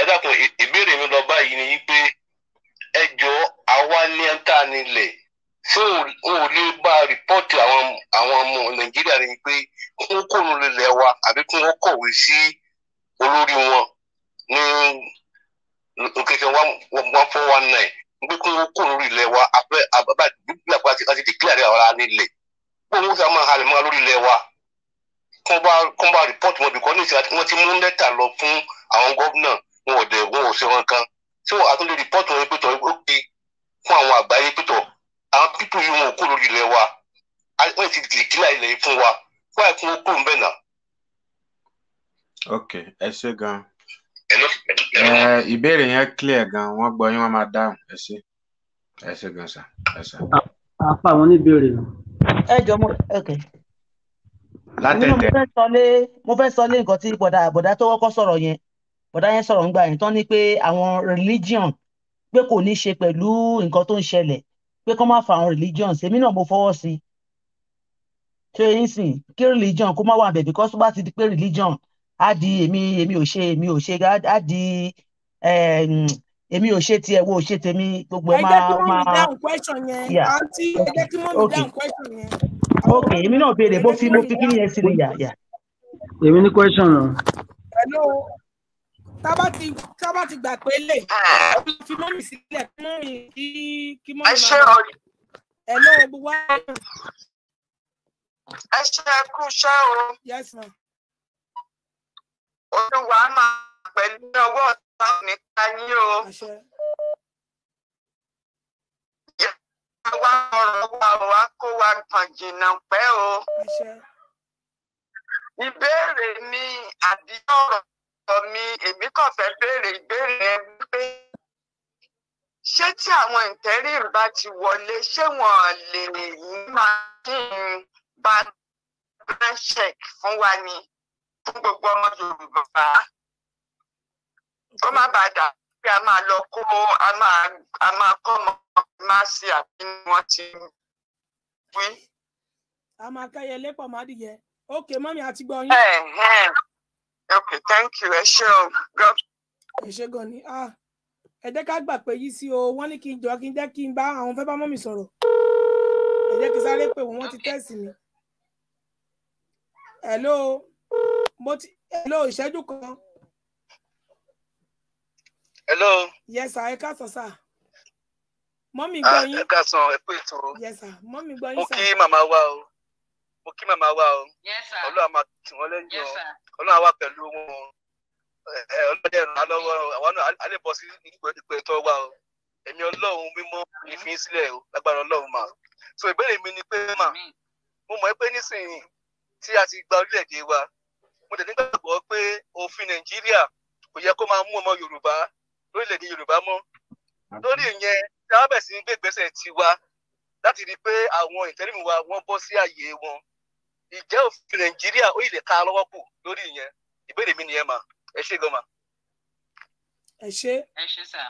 ẹ dákun ìbéèrè mi lọ báyìí ni pé ẹ jọ àwa ní ẹ ń tà nílẹ̀ ṣé o lè bá rìpọ́ọ̀tì àwọn ọmọ nàìjíríà ni pé kókó nílẹ̀ wa àbí kí wọ́n kọ̀wé sí olórí wọn ní òkèké one four one nine gbé kún kún lórí ilẹ̀ wa abẹ́ abẹ́ bíbí àpá àti declare ara nílẹ̀ gbogbo sá máa halẹ̀ máa lórí ilẹ̀ wa kó bá kó bá report wọn bìkọ́ ní ìsìn wọn ti mú lẹ́tà lọ fún àwọn gómìnà wọn ò dẹ̀ wọn ò ṣe wọn kan tí wọn àtúndì report wọn pé tọ́ ó ké fún àwọn àgbáyé pé tọ́ àwọn pípù yìí wọn ò kó lórí ilẹ̀ wa wọ́n ti declare ilẹ̀ ok ẹ gan Eh, ìbéèrè yẹn clear gan wọ́n gbọ́ yín wọ́n máa dáhùn ẹ ṣé ẹ ṣé gan sa ẹ ṣé. àpá àwọn oníbèrè nù. ẹ jọ mo ok. látẹ̀tẹ̀. mo fẹ́ sọ lé nǹkan tí bọ̀dà bọ̀dà tó kọ́kọ́ sọ̀rọ̀ yẹn bọ̀dà yẹn sọ̀rọ̀ ńgbà yẹn tán ni pé àwọn religion pé kò ní ṣe pẹ̀lú nǹkan tó ń ṣẹlẹ̀ pé kó má fa àwọn religion èmi náà mo fọwọ́ sí i ṣe é sìn kí religion kó má wà bẹ̀ because tó bá ti di pé religion á di èmi èmi ò ṣe èmi ò ṣe á di èmi ò ṣe tiẹ̀ wo ò ṣe tèmi gbogbo ẹ̀ máa máa. ẹ jẹ́ kí mọ́mí question yẹn àǹtí ẹ jẹ́ kí mọ́mí dáhùn question yẹn. ok èmi náà béèrè bó fi mo fi kí nìyẹn sí ni yà yà. èmi ní question o. hello tábà ti tábà ti gbà pé lè ah. fi mọ́mí sílẹ̀ kí mọ́mí kí kí mọ́mí máa. ẹ ṣe ọ̀rẹ́. hello gbogbo wa. ẹ ṣe kú ṣẹ́ o. yes ma'am olúwa máa pẹ̀lú ọwọ́ ọ̀sán mi ká yín o. Yàrá wa ọ̀rọ̀ wa wá kó wa kàn jìnnà pẹ́ o. Ìbéèrè mi àdíjọ́ ọ̀rọ̀ mi èmi kàn fẹ́ béèrè ìbéèrè ẹ wípé ṣé tí àwọn ìtẹ́rì bá ti wọlé ṣé wọ́n lè yí máa kí n bá check fún wa ni fún gbogbo ọmọ Yorùbá kó má bàa dà pé a máa lọ kó a máa kọ́ ọmọ máa ṣe àbí ni wọ́n ti wí. a máa kẹyẹ lẹ́pọ̀ má dìyẹ ok mọ́mí àti gbọ́ yín. ok thank you ẹ ṣé o. ẹ ṣé gan ni ah, ẹ jẹ́ ká gbà pé yìí sí o wọ́n ní kí n jọ kí n jẹ́ kí n bá àwọn fẹ́ bá mọ́mí sọ̀rọ̀ ẹ jẹ́ kí sáré pé wọ́n ti tẹ́sí mi. hello mo ti hello ìṣẹ́jú kan. hello. yes sir ẹ káàsán sir. mọ́mí ah, gbọ́ yín. ẹ káàsán ẹ pé ètò. yes sir mọ́mí gbọ́ yín sir. mo kí màmá wa o mo kí màmá wa o. yes sir. ọlọ́run àmà tì wọ́n lẹ́yìn o ọlọ́run àwa pẹ̀lú wọn ọlọ́dẹ ràn án lọ́wọ́ àwọn náà á lè bọ́ sí ipò ètò wa o ẹ̀mí ọlọ́run mímọ́ ìfín sílẹ̀ o lágbára ọlọ́run mà so ìbéèrè mi ni pé mà mo mọ̀ pé nísìnyí tí a ti gba orílẹ̀-èdè wa mo dẹ̀ nígbàgbọ́ pé òfin nàìjíríà kò yẹ kó máa mú ọmọ yorùbá lórílẹ̀‐èdè yorùbá mọ́ lórí ìyẹn tí a bẹ̀ sí ń gbé ìgbésẹ̀ tiwa láti rí i pé àwọn ìtẹ́rìmù wa wọ́n bọ́ sí àyè wọn ìjẹ́ òfin nàìjíríà ó yìí lè ká lọ́wọ́ kù lórí ìyẹn ìbéèrè mi nìyẹn mà ẹ ṣé gan mà. ẹ ṣé ẹ ṣé sà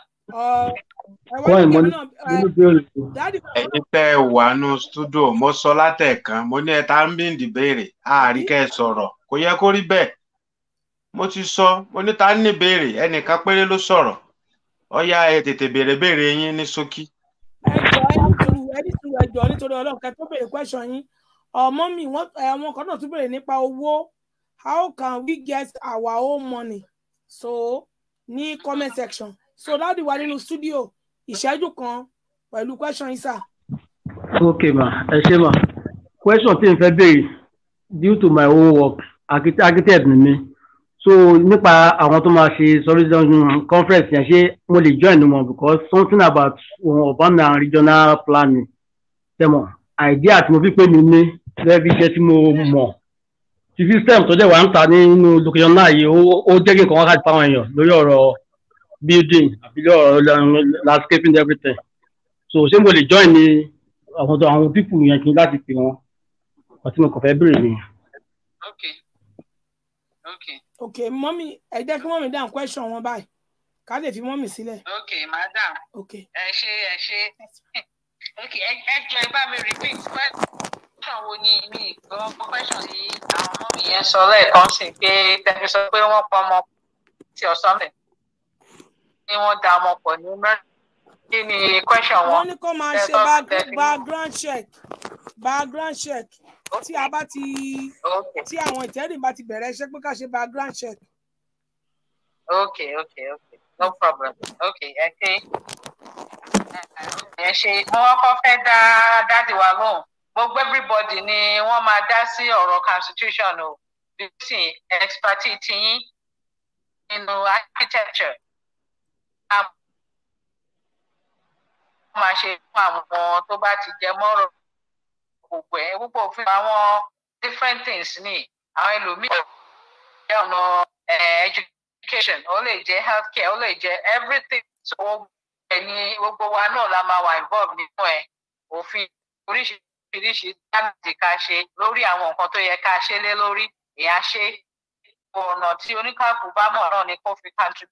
ẹ̀yin tẹ́ ẹ wà nù stúdíò mo sọ látẹ̀kan mo ní ẹ tá ń bí ìdìbèrè àárí kẹ́ ẹ sọ̀rọ̀ kò yẹ kó rí bẹ́ẹ̀ mo ti sọ mo níta ní béèrè ẹnìkan péré ló sọ̀rọ̀ ọyá ẹ tètè béèrè béèrè yín ní ṣókí. ẹjọ ẹni tún ẹjọ nítorí Ọlọ́run kẹ tó béèrè question yín ọmọ mi wọn àwọn kan náà tún béèrè nípa owó how can we get our own money so ní comment section so láti wà nínú studio ìṣẹ́jú kan pẹ̀lú question yín sà. ok ma ẹ ṣe ma question tí n fẹ́ béèrè due to my own work architect ni mi so nípa àwọn tó máa ṣe solution conference yẹn ṣé mo lè join wọn because something about urban and regional planning tẹmọ idea tí mo fi pè mí ní lẹ́ẹ̀fi iṣẹ́ tí mo mọ̀ ti system tó dẹ̀ wá ń ta nínú location náà yìí ó jẹ́ kí nǹkan wákàtí fáwọn èèyàn lórí ọ̀rọ̀ building àbí lórí landscaping everything so ṣé mo lè join ní àwọn àwọn pípù yẹn kí n láti pè wọn àti mo kàn fẹ́ bèrè nìyẹn. okay Okay. mọ́mí ẹ jẹ́ kí mọ́mí dáhùn question wọn báyìí ká lè fi mọ́mí sílẹ̀. Okay. madam ẹ ṣe ẹ ṣe Okay. ẹ jọ ẹ bá mi repeat question wo ni mi gbọ́ question tí àwọn mọ́mí yẹn sọ lẹ́ẹ̀kan sí pé tẹ̀sí sọ pé wọ́n pọ̀ ọmọ tí ọ̀sán rẹ̀ ni wọ́n da ọmọ pọ̀ ní mẹ́rin kí ni question wọn. wọ́n ní kó máa ṣe background check background check tí a bá ti tí àwọn ìtẹ́rìn bá ti bẹ̀rẹ̀ iṣẹ́ pé ká ṣe background check. ok ok ok no problem ok ẹ ṣe ẹ ṣe mo kọ́kọ́ fẹ́ dá dáàdì wa lóhùn gbogbo everybody ni wọ́n máa dá sí ọ̀rọ̀ constitution o bísí expertise tiyín nínú architecture máa ṣe fún àwọn tó bá ti jẹ mọ́rọ̀ gbogbo ẹ̀ púpọ̀ fún àwọn different things ní àwọn ẹlòmíì jẹ́ ọ̀nà education ó lè jẹ́ health care ó lè jẹ́ everything tó ẹ̀ ní gbogbo wa náà la máa wà involved nínú ẹ̀ òfin oríṣiríṣi dáàbì ká ṣe lórí àwọn nǹkan tó yẹ ká ṣe lé lórí ìyá ṣe ọ̀nà tí oníkàkùn bá mọ̀ náà ni kó fi country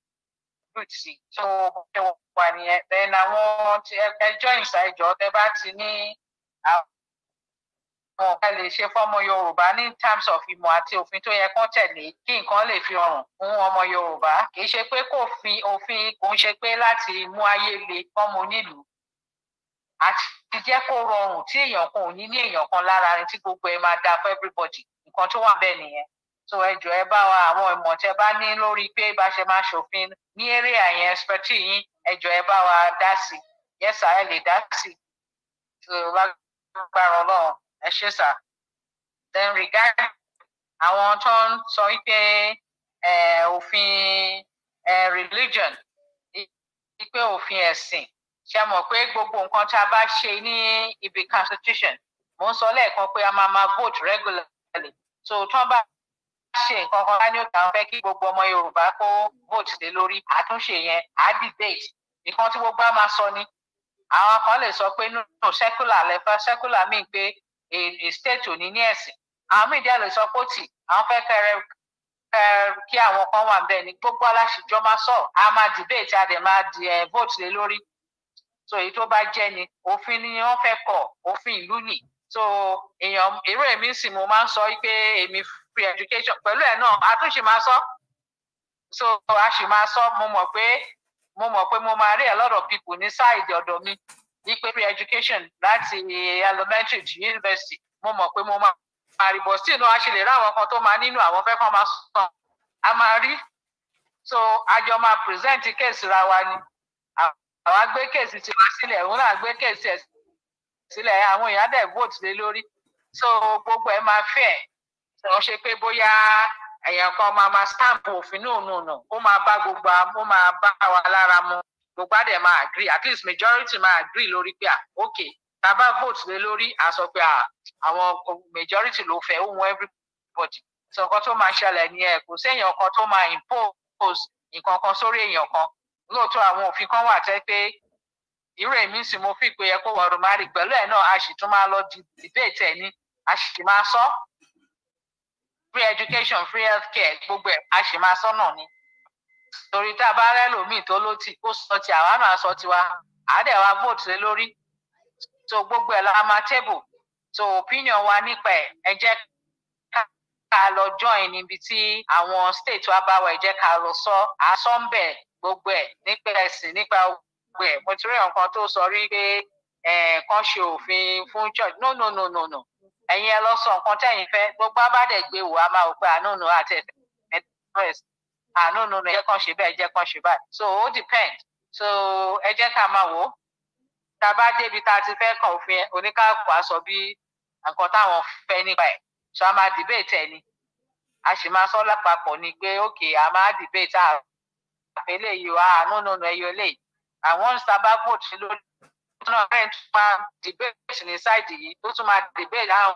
good sí so ẹ wà nìyẹn then àwọn ẹjọ́ ìṣàìjọ tẹ bá ti ní àwọn ọ̀gá lè ṣe fọ́mọ Yorùbá ní terms of ìmọ̀ àti òfin tó yẹ kán tẹ̀lé kí nǹkan lè fi ọrùn fún ọmọ Yorùbá kì í ṣe pé kò fi òfin kò ń ṣe pé láti mú ayé le fọ́mọ onílùú àti jẹ́ kó rọrùn tí èèyàn kan ò ní ní èèyàn kan lára rẹ̀ tí gbogbo ẹ̀ máa da for everybody nǹkan tó wà bẹ́ẹ̀ nìyẹn so ẹ jọ̀ọ́ ẹ bá wa àwọn ìmọ̀ tẹ bá ní lórí pé bá ṣe máa ṣòfin ní eré àyẹn expertise yín ẹ jọ̀ọ́ ẹ bá wa dá sí yẹ sá ẹ lè dá sí tó lágbára Ọlọ́run ẹ ṣe sá then regard àwọn tó ń sọ wípé òfin religion wípé òfin ẹ̀sìn ṣe mọ̀ pé gbogbo nǹkan tá a bá ṣe ní ibi constitution mò ń sọ lẹ́ẹ̀kan pé a máa máa vote regularly so tó bá ṣe nǹkan kan ká ní òkè àwọn fẹ́ kí gbogbo ọmọ Yorùbá kó vote lé lórí àtúnṣe yẹn á debate nǹkan tí gbogbo á máa sọ ni àwọn kan lè sọ pé nínú secular lẹfẹ secular mean pé a state ò ní ní ẹ̀sìn àwọn míì díẹ̀ lè sọ pé tì àwọn fẹ́ kẹrẹ kí àwọn kan wà bẹ́ẹ̀ ni gbogbo aláṣìjọ máa sọ a máa debate a dẹ̀ máa eh, vote lé lórí so èyí tó bá jẹ́ ni òfin ni wọ́n fẹ́ kọ òfin ìlú nì so èèyàn èrò èmi sì mo máa ń sọ pé èmi Free education pẹ̀lú ẹ̀ náà a tún ṣì máa sọ so a ṣì máa sọ mo mọ̀ pé mo mọ̀ pé mo máa rí a lot of people ní sáìdì ọ̀dọ̀ mi ní pé pre education láti elementary to university mo mọ̀ pé mo máa rí bọ̀ sí inú a ṣe lè ráwọn kan tó máa nínú àwọn fẹ́ kan máa sàn a máa rí so àjọ máa present case ra wa ni àwa gbé case tiwa sílẹ̀ òun náà gbé case ẹ̀ sílẹ̀ àwọn èèyàn dẹ̀ vote lé lórí so gbogbo ẹ̀ máa fẹ́ ẹ̀ ó ṣe pé bóyá èèyàn kan máa ma stamp òfin náà nù nù ó máa bá gbogbo ó máa bá wa lára mu gbogbo àdè máa agree at least majority máa agree lórí pé à ok tá a bá vote lé lórí à pé àwọn majority ló fẹ́ ó wọn everybody sọ nǹkan tó máa ṣẹlẹ̀ ní ẹ kò sí èèyàn kan tó máa impose nǹkan kan sórí èèyàn kan lóòótọ́ àwọn òfin kan wà tẹ́ pé irú èmi sì mo fi pé ẹ kó wọ́n rò má rí pẹ̀lú ẹ̀ náà a sì tún máa lọ debate ẹ̀ ní a sì máa sọ free education free healthcare gbogbo ẹ̀ a sì máa sọ́nà ni torí tá a bá rẹ́lòmíì tó ló ti ó sọ ti àwa náà sọ tiwa àádẹ́ wa vote lé lórí so gbogbo ẹ̀ la máa table so opinion wa nípa ẹ̀ ẹ jẹ́ ká lọ join níbi tí àwọn state wa bá wà ẹ jẹ́ ká lọ sọ àsọ̀nbẹ̀ gbogbo ẹ̀ nípa ẹ̀sìn nípa gbogbo ẹ̀ mo ti rí nǹkan tó sọ rí pé kàn ṣe òfin fún church no no no no no ẹ̀yin ẹ lọ sọ nǹkan tẹ̀yin fẹ́ gbogbo abádẹ gbé wò á máa wò pé àánú nù àtẹfẹ mẹtírẹsì àánú nù ẹ ṣe bẹ́ẹ̀ ẹ jẹ́ ṣe báyìí so ó depend so ẹ jẹ́ ká máa wò ó tá a bá débi tá a ti fẹ́ kàn òfin oníkàkọ àsọ bí nǹkan táwọn fẹ́ nípa ẹ̀ so a máa debate ẹ ni a sì máa sọ lápapọ̀ ni pé ok a máa debate àfẹlẹ yìí wá àánú nù ẹyọ lẹ́yìn àwọn sábà vote lórí náà rẹ̀ tún máa debate ní ṣáìdì yìí ó tún máa debate àwọn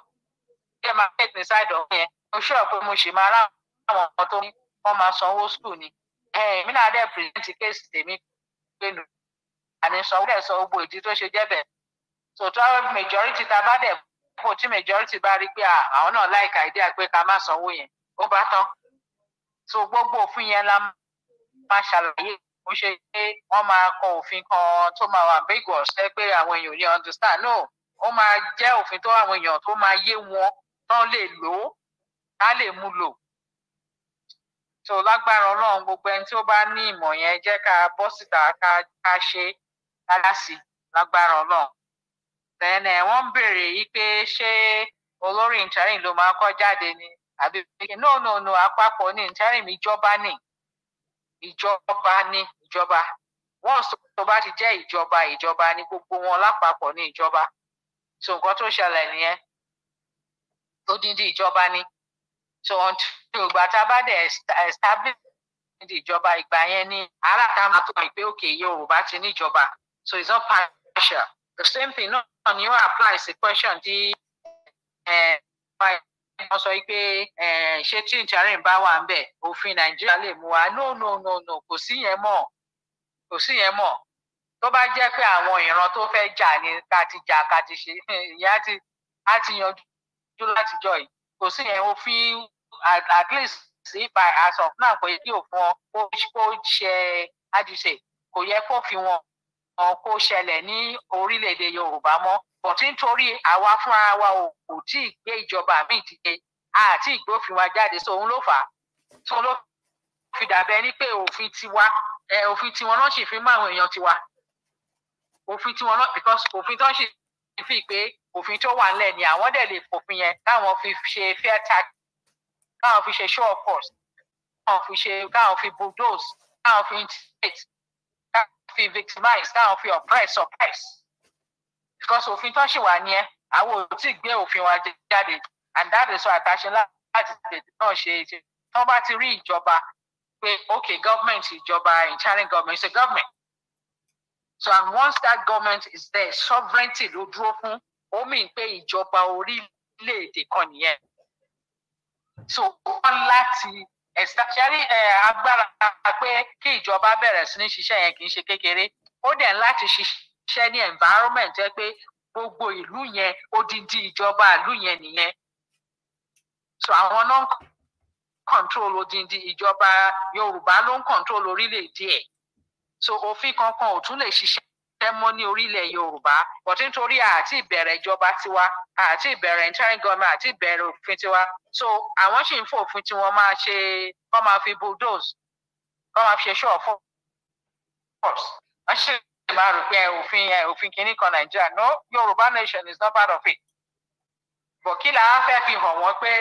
ẹ̀ máa debate ní ṣáìdì ọ̀hún yẹn mo ṣọ́ pé mo ṣì máa ráwọn ọmọ tó ní wọ́n máa sanwó school ni èmi náà dẹ̀ present case tèmi pé nù àní sanwó dẹ̀ sọ gbogbo ìdí tó ṣe jẹ́ bẹ́ẹ̀ so tó majority ta bá dẹ̀ kó tí majority bá rí pé àwọn náà like idea pé ká má sanwó yẹn ó bá tán so gbogbo òfin yẹn la máa ṣàlàyé ó ṣe pé wọ́n máa kọ òfin kan tó máa wà vegas ẹ pé àwọn èèyàn ní understand no ó máa jẹ́ òfin tó àwọn èèyàn tó máa yé wọn tán lè lò ó á lè mú lò tó lágbára Ọlọ́run gbogbo ẹni tí ó bá ní ìmọ̀ yẹn jẹ́ ká bọ́ síta ká ká ṣe kálásì lágbára Ọlọ́run tẹnẹ eh, wọ́n ń béèrè yìí pé ṣé olórí ìtẹrìn ló máa kọ jáde ni àbí no no no àpapọ̀ ní ìtẹrìn mi jọba ni ìjọba ni ìjọba wọ́n tó bá ti jẹ́ ìjọba ìjọba ni gbogbo wọn lápapọ̀ ní ìjọba so nǹkan tó ṣẹlẹ̀ nìyẹn odindi ìjọba ni so until ìgbà tá a bá dẹ̀ establish odindi ìjọba ìgbà yẹn ni aráàlá máa tó ìpè òkè Yorùbá ti níjọba so it's not partial the same thing náà ni ó apply sí question di ẹ ẹ wọ́n sọ pé eh, ṣé tí interim bá wà ń bẹ̀ òfin nàìjíríà lè mú wa no no no no kò sí yẹn mọ́ kò sí yẹn mọ́ tó bá jẹ́ pé àwọn ìran tó fẹ́ jà ni ká ti jà ká ti ṣe ìyá ti á ti yanjú látijọ́ yìí kò sí yẹn òfin at least if I as of now kò kí òfin wọn kó ṣe àdìsẹ kò yẹ kó fi wọn kó ṣẹlẹ̀ ní orílẹ̀-èdè yorùbá mọ́ bọ̀tí nítorí àwa fúnra wa ò kò tí ì gbé ìjọba mi dìde àti ìgbófin wa jáde so òun ló fà á so òun ló fi dàbẹ́ ni pé òfin tiwa òfin tiwọn náà sì fi mú àwọn èèyàn tiwa òfin tiwọn náà because òfin tó ń sì fi pé òfin tó wà nílẹ̀ ni àwọn dẹ̀ lè fòfin yẹn káwọn fi ṣe fair tax káwọn fi ṣe show of force káwọn fi ṣe káwọn fi bulldoze káwọn fi intimidate káwọn fi victimize káwọn fi oppress oppress because òfin tó ṣì wà ní ẹ àwọn ò tí ì gbé òfin wa jáde and that is why àtàṣe láti tètè náà ṣe ètò tí wọ́n bá ti rí ìjọba pé okay government ìjọba interim government is a government so and once that government is there sovereignty ló dúró fún ó mìn pé ìjọba orílẹ̀-èdè kan nìyẹn so wọ́n láti ẹ̀sítàṣẹ́rí agbára pé kí ìjọba bẹ̀rẹ̀ sí ní ṣiṣẹ́ yẹn kì í ṣe kékeré ó dẹ̀ láti ṣiṣẹ́ ṣiṣẹ́ ní environment ẹ pé gbogbo ìlú yẹn odindi ìjọba ìlú yẹn nìyẹn so àwọn náà ń control odindi ìjọba Yorùbá ló ń control orílẹ̀-èdè ẹ̀ so òfin kankan ò tún lè ṣiṣẹ́ mọ́ ní orílẹ̀ Yorùbá but nítorí àti ìbẹ̀rẹ̀ ìjọba tiwa àti ìbẹ̀rẹ̀ interim government àti ìbẹ̀rẹ̀ òfin tiwa so àwọn sì ń fòfin tí wọ́n máa ṣe wọ́n máa fi bulldoze wọ́n máa fi ṣe show wọ́n ṣe máa rò pé eh, òfin eh, òfin kìíní kan nàìjíríà no yorùbá nation is not part of it But kí la fẹ́ fi hàn wọ́n pé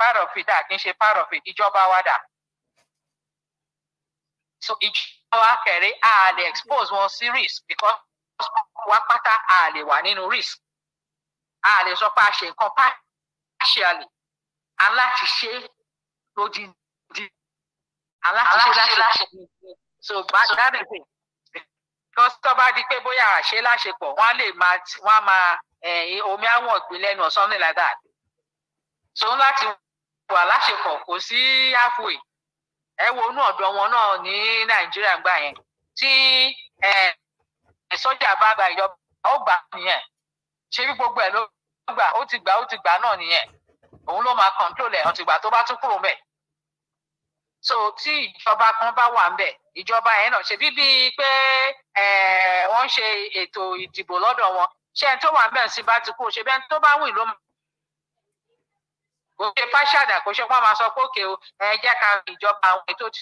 part of it àti ṣe part of it ìjọba wa dà so ìjọba wa kẹ̀rẹ́ a lè expose wọn sí risk because wa pátá a lè wà nínú risk a lè sọ pé a ṣe nǹkan partially aláti ṣe lójijì aláti ṣe láti ṣe so that is it tó bá di pé bóyá àṣẹ láṣepọ̀ wọ́n á lè máa wọ́n á máa omi àwọn ọ̀gbìn lẹ́nu or something like that so láti wà láṣepọ̀ kò sí halfway ẹ wo inú ọ̀dọ̀ wọn náà ní nàìjíríà gbà yẹn tí sọ́jà bá gba ìjọba ó gbà nìyẹn ṣé bí gbogbo ẹ̀ ló gbà ó ti gbà ó ti gbà náà nìyẹn òun ló máa control ẹ̀ ọ̀tìgbà tó bá tún kúrò mẹ́ẹ̀ so tí ìjọba kan bá wà ńbẹ̀ ìjọba yẹn náà ṣe bíbí pé wọ́n ń ṣe ètò ìdìbò lọ́dọ̀ wọn ṣé ẹni tó wà ńbẹ̀ sí bá ti kú ṣe bẹ́ẹ̀ tó bá wù ló mọ̀ kò ṣe fáṣàdà kò ṣe pọ́n máa sọ pé o ẹ jẹ́ ká ìjọba àwọn ètò tí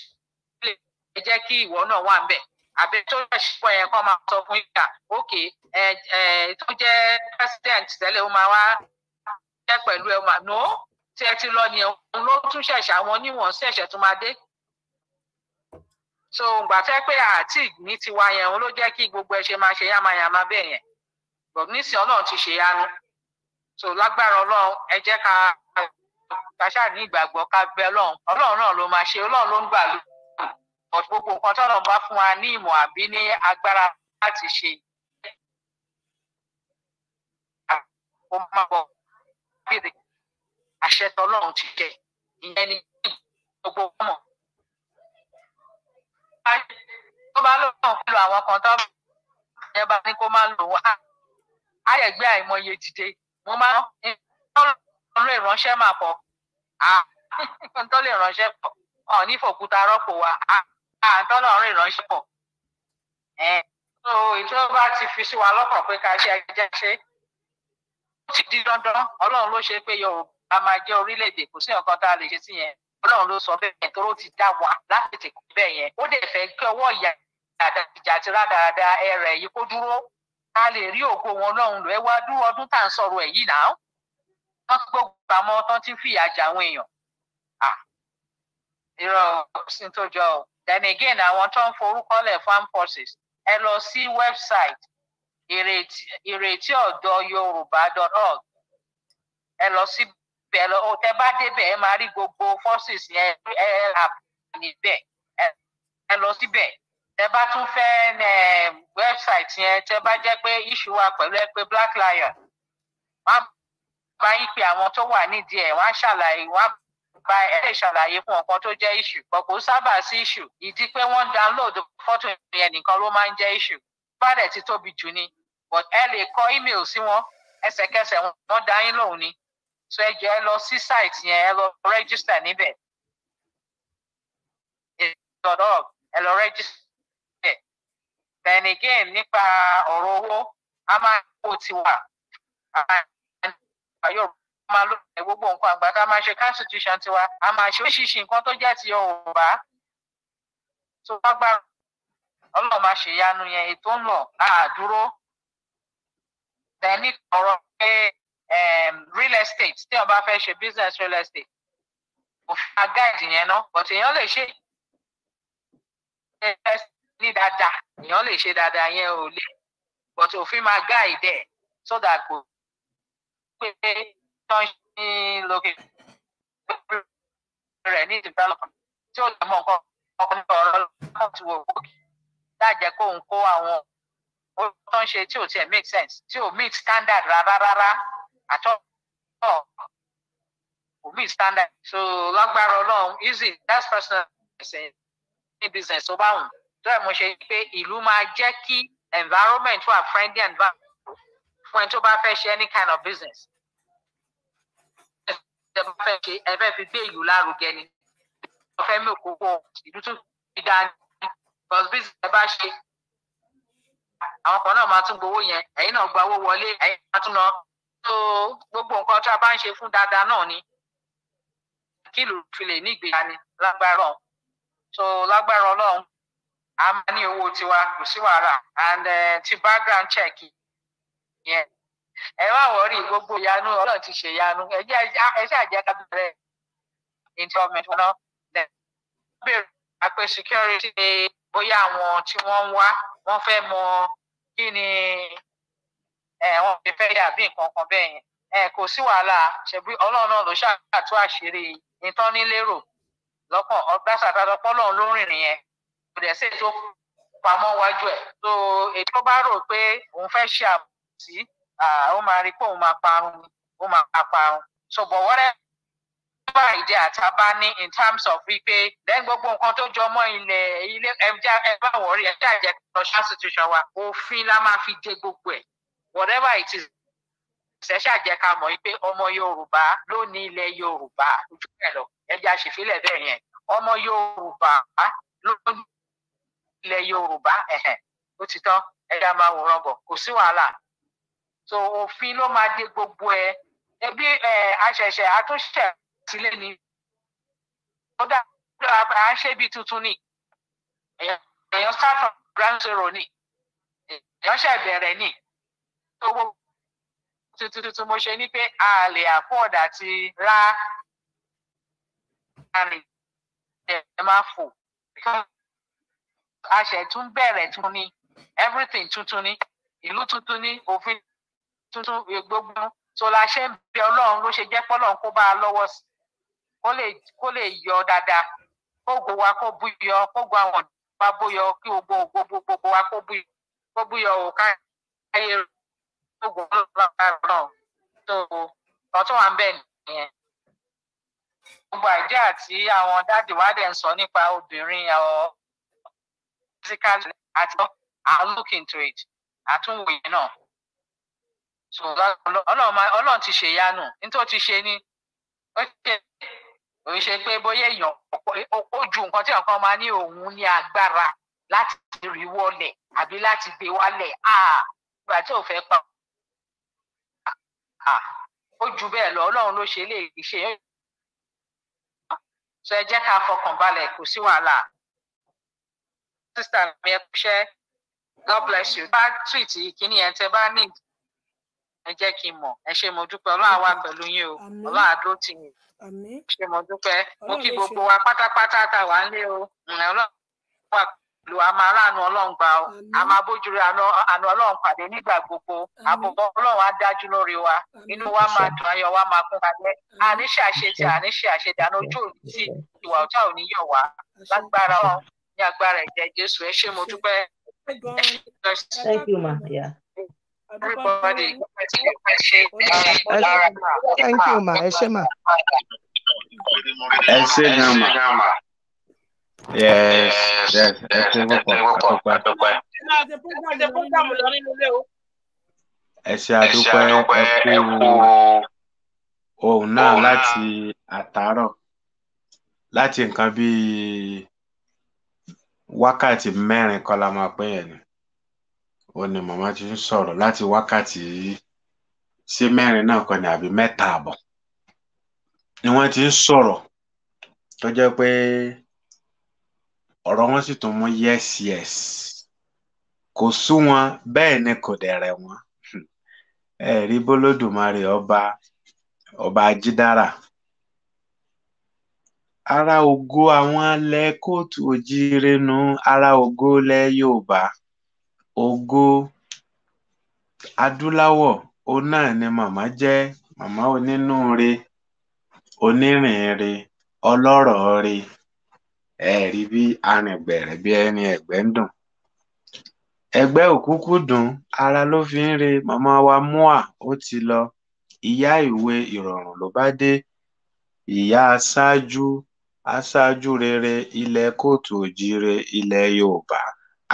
ó lè ẹ jẹ́ kí ìwọ náà wà ńbẹ̀ àbẹ tó yẹ ṣùpọ̀ yẹn kọ́ máa sọ fún ìgbà òkè ẹ ẹ tó jẹ́ president tẹ́lẹ̀ ó máa wá jẹ́ pẹ̀lú ẹ̀ máa nù ó tí ẹ ti lọ yẹn òun ló tún ṣẹ̀ṣẹ̀ àwọn oníwọ̀n ṣẹ̀ṣẹ̀ tún máa dé. so ìgbà fẹ́ pé àti ní tiwa yẹn òun ló jẹ́ kí gbogbo ẹ ṣe máa ṣe yámayàmá bẹ́ẹ̀ yẹn but nísìnyí ọlọ́run ti ṣe yanu so lágbára ọlọ́run ẹ jẹ́ ká ká ṣáà ní ìgbàgbọ́ ká bẹ ọlọ́run ọlọ́run náà ló máa ṣe ọlọ́run ló ń gbà lù gbogbo nǹkan tọ́lọ̀ bá fún wa ní ìmọ̀ àbí ní agbára láti ṣe ó máa bọ̀ bí àṣẹ tọlọ́run ti jẹ ìyẹn ni gbogbo mọ̀. tó bá lóun lo àwọn kan tó yẹn bá ní kó máa lò wá àyẹ̀gbẹ́ àìmọye dìde mo máa ń lọ́rùn ìránṣẹ́ mà pọ̀ tó lè ránṣẹ́ pọ̀ ọ̀ ní fòkúta rọ́pò wa àtọ́ lọ́rùn ìránṣẹ́ pọ̀ ètò bá ti fi sí wa lọ́kàn pé ká ṣe ẹjẹ́ ṣe ó ti di dandan ọlọ́run ló ṣe pé yorùbá a máa jẹ́ orílẹ̀-èdè kò sí nǹkan tá a lè ṣe sí yẹn ọlọ́run ló sọ bẹ́ẹ̀ tó ló ti dá wa láti tètè bẹ́ẹ̀ yẹn ó dẹ̀ fẹ́ kí ọwọ́ ìyá ìjà àti rádaràda ẹ̀rẹ̀ yìí kó dúró a lè rí ògo wọn lọ́run lọ ẹ wá dúró ọdún tá à ń sọ̀rọ̀ ẹ̀ yìí náà wọ́n ti gbógun pamọ́ tán ti fìyà jà àwọn èèyàn irọ́ sí tó jọ o then again àwọn tó ń forúkọlẹ̀ farm forces ẹ lọ sí website ìrètí ọ̀dọ́ yorùbá ẹ lọ síbẹ̀ ibẹ̀ lọ tẹ bá débẹ̀ ẹ máa rí gbogbo forces yẹn ẹ rà níbẹ̀ ẹ lọ síbẹ̀ tẹ bá tún fẹ́ website yẹn tẹ bá jẹ́ pé issue wa pẹ̀lú ẹ pé Black Lion wọ́n bá yín pé àwọn tó wà nídìí ẹ̀ wọ́n á ṣàlàyé wọ́n á bá ẹ lè ṣàlàyé fún ọ̀kan tó jẹ́ issue kò sábà sí issue ìdí pé wọ́n download fọ́tò yẹn nìkan ló máa ń jẹ́ issue bá dẹ̀ ti tóbi jù ni but ẹ lè kọ email sí wọn ẹsẹ̀kẹsẹ̀ wọ́n dá yín lóhùn ni so ẹ jọ ẹ lọ sí site yẹn ẹ lọ register níbẹ̀ org ẹ lọ register níbẹ̀ then again nípa ọ̀rọ̀ owó a máa kó tiwa a yóò máa lò ní gbogbo nǹkan àgbà tá a máa ṣe constitution tiwa a máa ṣe oríṣiríṣi nǹkan tó jẹ́ ti Yorùbá tó bá gbà Ọlọ́run máa ṣèyanu yẹn ètò ń lọ àdúró then ní ọ̀rọ̀ pé um, real estate tí wọn bá fẹ́ ṣe business real estate òfin guide yẹn ná but èèyàn lè ṣe ní dáadáa èèyàn lè ṣe dáadáa yẹn ò lè but òfin máa guide ẹ so that kò pé tó ń ṣe lókè rẹ ní development tí ó lè mọ nǹkan ọkùnrin ọ̀rọ̀ lọ́wọ́ tí wò ó kì í dájẹ́ kó ń kó àwọn ó tó ń ṣe tí ò tiẹ̀ make sense tí ò meet standard rárá rárá at all will be standard so lágbára Ọlọ́run easy that's personal in business tó bá wù tó ẹ mo ṣe pé ìlú máa jẹ́ kí environment wà friendly environment fún ẹni tó bá any kind of business ẹ bá fẹ́ ṣe ẹ because business ẹ bá ṣe àwọn kan náà máa tún gbowó yẹn ẹ̀yin náà gba owó wọlé ẹ̀yin máa tún so gbogbo nǹkan tá a bá ń ṣe fún dáadáa náà ni kílù fi lè ní ìgbéga ni lágbára ọ̀hún so lágbára ọlọ́run a máa ní owó tiwa kò sí wàhálà and uh, ti background check yẹn ẹ má wọrí gbogbo ìyanu ọlọ́run ti ṣe ìyanu ẹ jẹ́ ẹ ṣe àjẹ́ kábíyèrè interment wọn náà bẹ̀rẹ̀ àpè security bóyá àwọn tí wọ́n ń wá wọ́n fẹ́ mọ kí ni wọn fi fẹ́ yà bí nǹkan kan bẹ́ẹ̀ yẹn kò sí wàhálà ṣebí ọlọ́run náà ló ṣàtú àṣírí ìtàn lọ́kàn ọgbàṣàtàdọ́pọ̀ lọ́run ló rìn nìyẹn kò dẹ̀ sí ètò pamọ́ wájú ẹ̀ tó ètò bá rò pé òun fẹ́ ṣe àbùsí ó máa rí pé òun máa parun ó máa parun ṣùgbọ́n wọ́rẹ́ bá ìdí àtàbá ní in terms of wípé lẹ́yìn gbogbo nǹkan tó jọ mọ́ ilẹ̀ ilé ẹ̀já ẹ̀bá wọ̀rí ẹ̀já ìjẹ́ lọ ṣáà situation wa òfin la máa fi dé gbogbo ẹ̀ whatever it is ṣe ṣàjẹ́ ká mọ̀ pé ọmọ yorùbá ló ní ilẹ̀ yorùbá ojú ẹ̀ lọ ẹja ṣèfilẹ̀ bẹ́ẹ̀ yẹn ọmọ yorùbá ló ní ilẹ̀ yorùbá ó ti tán ẹja máa wòran bọ̀ kò sí wàhálà so òfin ló máa dé gbogbo ẹ ẹbí àṣẹ̀ṣẹ̀ àtúnṣe sílé ni ó dá à ń ṣe tuntun ni èèyàn start from ground zero ni èèyàn ṣẹ̀ bẹ̀rẹ̀ owó tuntun tuntun mo ṣe ní pé a lè afford àti ra àrìn ẹ máa fò a ṣe tún bẹ̀rẹ̀ tún ni everything tuntun ni ìlú tuntun ni òfin tuntun gbogbo tó la ṣe ń bẹ ọlọ́run ló ṣe jẹ́ pọ́lọ́run kó bá a lọ́wọ́ sí kó lè yọ dáadáa kó gbó wa kó bú yọ kó gbó àwọn wa bó yọ kí gbogbo gbogbo wa kó bú yọ kó bú yọ òkà rẹ oògùn lára náà tó ọtún wà ń bẹ nìyẹn gbogbo àìdí àti àwọn dáàdì wa dẹ̀ ń sọ nípa obìnrin àwọn physical àti àwọn look into it àtúnwòye náà so ọlọ́run ti ṣe yánu nítorí ti ṣe ni ó ṣe òun ṣe pé bóyá èèyàn ó ju nǹkan tí nǹkan máa ní òun ní agbára láti rí wọlẹ̀ àbí láti gbé wálẹ̀ àà ìgbà tí ò fẹ́ pa ó ju bẹ́ẹ̀ lọ ọlọ́run ló ṣe lè ṣe é sọ ẹ jẹ́ ká fọkàn balẹ̀ kò sí wàhálà sísá mi ẹ ṣe god bless you bá túwìtì kíní ẹ tẹ bá ní ẹ jẹ́ kí n mọ̀ ẹ ṣé mo dúpẹ́ ọlọ́run wà pẹ̀lú yín o ọlọ́run àdó tì yín ṣé mo dúpẹ́ mo kí gbogbo wa pátápátá tá a wà ń lé o ọlọ́run wà pẹ̀lú lò á máa ránu ọlọ́run gbà ọ́ á máa bójú rẹ̀ àánú ọlọ́run pàdé nígbà gbogbo àbùbọ ọlọ́run á dájú lórí wa inú wa máa dùn ayọ̀ wa máa kún kalẹ̀ àníṣe àṣetì àníṣe àṣedànù ojú òní tí ìwà ọ̀tá ò ní yọ̀ wá lágbára wọn ní agbára ẹ̀jẹ̀ jésù ẹ ṣé mo dúpẹ́ thank you ma yeah. everybody thank you ma ẹ ṣé ma. ma. Yes, yes, náà láti láti nǹkan bíi wákàtí máa yẹn ni. Ó ní màmá ti ń láti wákàtí sí náà kan ní àbí Ni ti ń tó pé. Pe ọ̀rọ̀ wọn sì tún mú yes yes kò sú wọn bẹ́ẹ̀ ni kò dẹ̀rẹ̀ wọn hmm. ẹ̀rí bólódùmarè ọba ọba ajídára ara ògo àwọn alẹ́ kóòtù òjíire nu ara ògo lẹ Yorùbá ògo adúláwọ̀ òun náà ni màmá jẹ́ màmá onínúure onírìnre ọlọ́rọ̀ọ́re ẹ rí bí arìngbẹ̀rẹ̀ bí ẹni ẹ̀gbẹ́ ń dùn ẹgbẹ́ òkúkú dùn ara ló fi ń re màmá wa mua ó ti lọ ìyá ìwé ìrọ̀rùn ló bá dé ìyá aṣáájú aṣáájú rere ilẹ̀ kóòtù òjíire ilẹ̀ yorùbá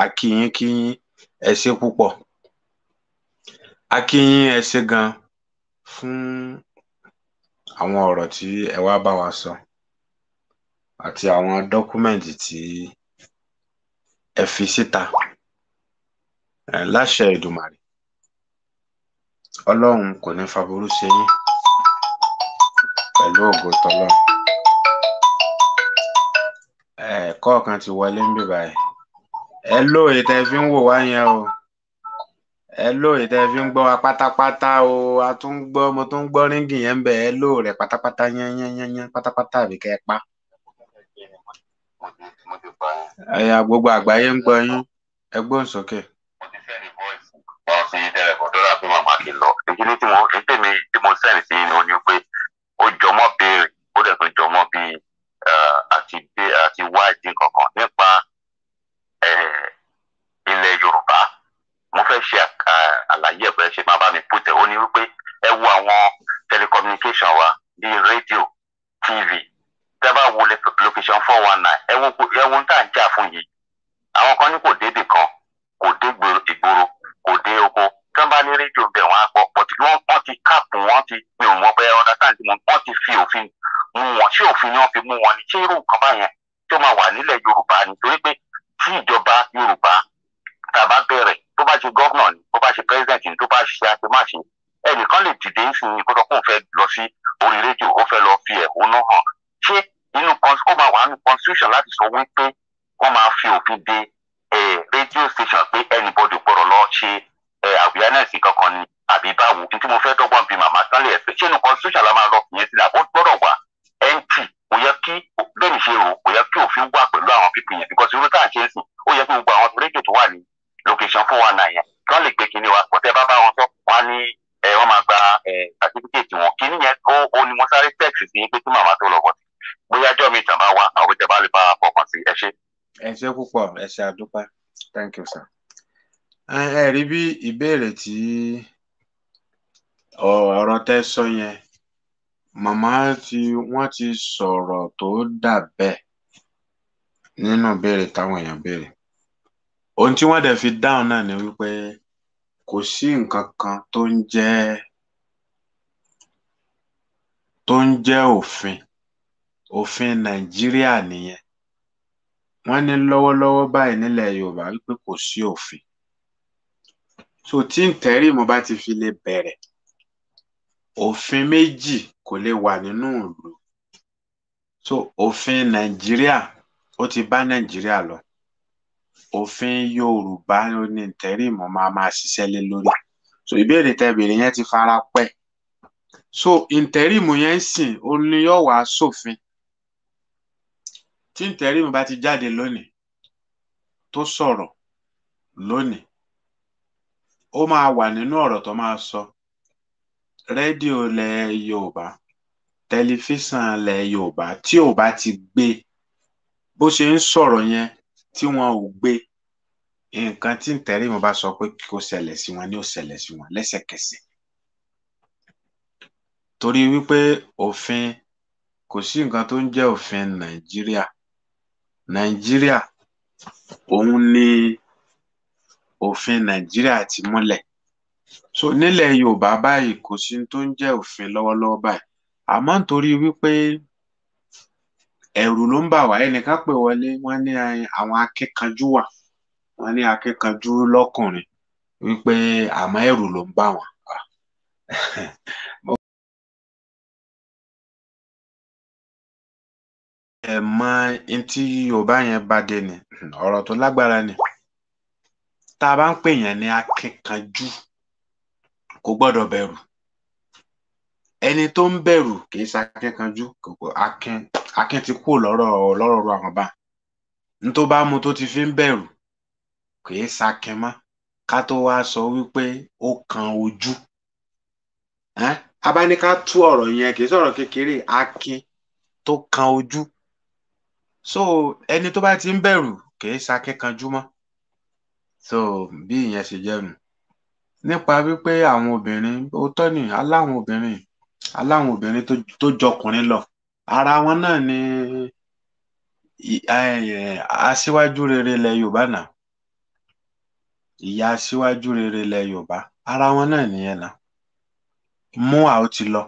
akínyínkínyín ẹ púpọ̀ akínyín ẹ gan fún àwọn ọ̀rọ̀ tí ẹ wá bá wa sọ. So àti àwọn dọ́kúmẹ́ǹtì tí ẹ fi síta láṣẹ Èdùmàrè Ọlọ́run kò ní faburú ṣe yín pẹ̀lú ògo tọlọ́run kọ̀ọ̀kan ti wọlé ń bì báyìí ẹ lóye tẹ́ fi ń wò wá yẹn o ẹ lóye tẹ́ fi ń gbọ́ wa pátápátá o a tún ń gbọ́ mo tún gbọ́ ríngì yẹn ń bẹ ẹ lóò rẹ pátápátá yán yán yán pátápátá àbí kẹ́ ẹ pa mo ti mo ti pa yín. ẹ̀yin gbogbo àgbáyé ń gbọ́ yín ẹ gbóhùn sókè. fi tẹ̀lé kọ́ dọ́là pé màmá kì í lọ èyí ni tí mo ètè mi tí mo sẹ́ni sí ni ó ní pé ó jọmọ́ béèrè ó dẹ̀ tún jọmọ́ bí àti dé àti wá ìdí kankan nípa ilẹ̀ Yorùbá mo fẹ́ ṣe àlàyé ẹ̀ ṣe máa bá mi pùtẹ́ ó ní wípé ẹ wo àwọn telecommunication wa bíi rédíò tv tẹ́bà wo location four one nine ẹ̀wọ̀n ẹ̀wọ̀n tá à ń jà fún yìí àwọn kan ní kò débì kan kò dé ìgboro kò dé oko tó ń bá ní rédíò bẹ̀ wọ́n á gbọ́ pọ̀tí wọ́n ti káàpù wọ́n ti mi ò mọ̀ ọ̀dà táǹtì wọn wọ́n ti fi òfin mú wọn ṣé òfin ni wọ́n fi mú wọn ni ṣé irú nǹkan báyẹn tó máa wà nílẹ̀ Yorùbá ni torí pé tí ìjọba Yorùbá tàbá bẹ̀rẹ̀ tó bá ṣe gọ́vnà ni tó bá ṣe pírẹ́sidẹ̀ntì ni tó bá ṣe àṣemáṣe ẹnìkan lè dìde ìsìn ìkọ́tọ̀ kó fẹ́ lọ sí orí rédíò ó fẹ́ lọ fi ẹ̀hónú hàn ṣé nínú ó máa wà nínú constitution láti sọ wípé wọ́n máa fi òfin de radio station pé anybody gbọ́dọ̀ lọ ṣe awareness kankan ni àbí báwo ní tí mo fẹ́ dọ́gbọ́n bíi màmá sálẹ̀ ẹ̀sìn ṣé nínú constitution la máa lọ ìyẹn sílẹ̀ àbó gbọ́dọ̀ wà entry kò yẹ kí bẹ́ẹ̀ ṣe rò kò yẹ kí òfin wà pẹ̀lú àwọn pípín yẹn because irú tá à ń ṣe é sìn ó yẹ kí gbogbo àwọn rédíò tó wà ní location four one nine yẹn kí wọ́n lè gbé kinní wa kọ̀tẹ́ bá bá wọn sọ wọn ní wọ́n máa gba certificate wọn kinní yẹn ó ní mo sáré text sí pé kí màmá tó lọ bọ̀ sí bóyá jọ́ mi tàbá wa àwọn ìjọba lè bá fọkàn sí ẹ ṣe. ẹ ṣe púpọ̀ ẹ ṣe àdúpẹ́ thank you sir. ẹ rí bí ìbéèrè tí ọ̀rọ̀ tẹ́ sọ yẹn màmá tí wọ́n ti sọ̀rọ̀ tó dà bẹ́ẹ̀ nínú béèrè táwọn èèyàn béèrè ohun tí wọ́n dẹ̀ fi dáhùn náà ni wípé kò sí nǹkan kan tó ń jẹ́ tó ń jẹ́ òfin òfin nàìjíríà nìyẹn wọn ní lọ́wọ́lọ́wọ́ báyìí nílẹ̀ yorùbá wípé kò sí òfin so tí ntẹríìmù bá ti fi lè bẹ̀rẹ̀ òfin méjì kò lè wà nínú ìlú so òfin nàìjíríà ó ti bá nàìjíríà lọ òfin yorùbá ní ntẹríìmù máa máa ṣiṣẹ́ lé lórí so ìbéèrè tẹbìrì yẹn ti fara pẹ́ so ntẹríìmù yẹn ń sìn ó ní yóò wá sófin tí ntẹ̀rí mi bá ti jáde lónìí tó sọ̀rọ̀ lónìí ó máa wà nínú ọ̀rọ̀ tó máa sọ rédíò ilẹ̀ Yorùbá tẹlifíṣàn ilẹ̀ Yorùbá tí ò bá ti gbé bó ṣe ń sọ̀rọ̀ yẹn tí wọn ò gbé nǹkan tí ntẹ̀rí mi bá sọ pé kò ṣẹlẹ̀ sí wọn ni ó ṣẹlẹ̀ sí wọn lẹ́sẹ̀kẹsẹ̀ torí wípé òfin kò sí nǹkan tó ń jẹ́ òfin Nàìjíríà nàìjíríà òun ni òfin nàìjíríà ti múlẹ̀ so nílẹ̀ yorùbá báyìí kò sí tó ń jẹ́ òfin lọ́wọ́lọ́wọ́ báyìí àmọ́ nítorí wípé ẹ̀rù ló ń bà wá ẹnìkan pè wọlé wọn ní àwọn akíkanjú wà wọn ní akíkanjú lọkùnrin wípé àmọ́ ẹ̀rù ló ń bà wọ́n Ẹ mọ n tí Yorùbá yẹn bá dé ni, ọ̀rọ̀ tó lágbára ni. Tá a bá ń pèèyàn ní akínkanjú, kò gbọ́dọ̀ bẹ̀rù. Ẹni tó ń bẹ̀rù kì í ṣakínkanjú, akin akin ti kúrò lọ́rọ̀ lọ́rọ̀ irú àwọn báun. N tó bá mu tó ti fi ń bẹ̀rù kì í ṣakin mọ́ ká tó wá sọ wí pé ó kan ojú. Tá a bá ní ká tú ọ̀rọ̀ yẹn kì í ṣọ̀rọ̀ kékeré, akin tó kan ojú so ẹni tó bá ti ń bẹ̀rù kìí ṣakẹ́kanjú mọ́ so bí ìyẹn ṣe jẹ́ nu nípa wípé àwọn obìnrin òótọ́ ni aláwọn obìnrin aláwọn obìnrin tó jọkùnrin lọ ara wọn náà ni aṣíwájú rere ilẹ̀ Yorùbá náà ìyá aṣíwájú rere ilẹ̀ Yorùbá ara wọn náà nìyẹn náà mú àwọn ti lọ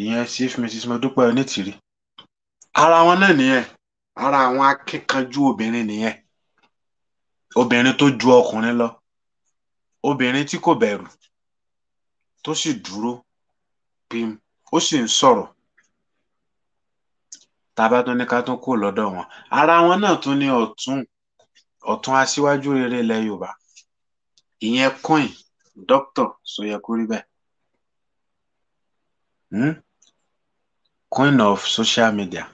ìyẹn chief mrs Modúpẹ́ Onítìrí ara wọn náà nìyẹn ara àwọn akínkanjú obìnrin nìyẹn obìnrin tó ju ọkùnrin lọ obìnrin tí kò bẹ̀rù tó sì dúró pim ó sì ń sọ̀rọ̀ tàbá tó ní ká tún kó lọ́dọ̀ wọn ara wọn náà tún ní ọ̀tún ọ̀tún aṣíwájú rere ilẹ̀ Yorùbá ìyẹn coin Doctor Soyekori bẹ́ẹ̀ hmm? coin of social media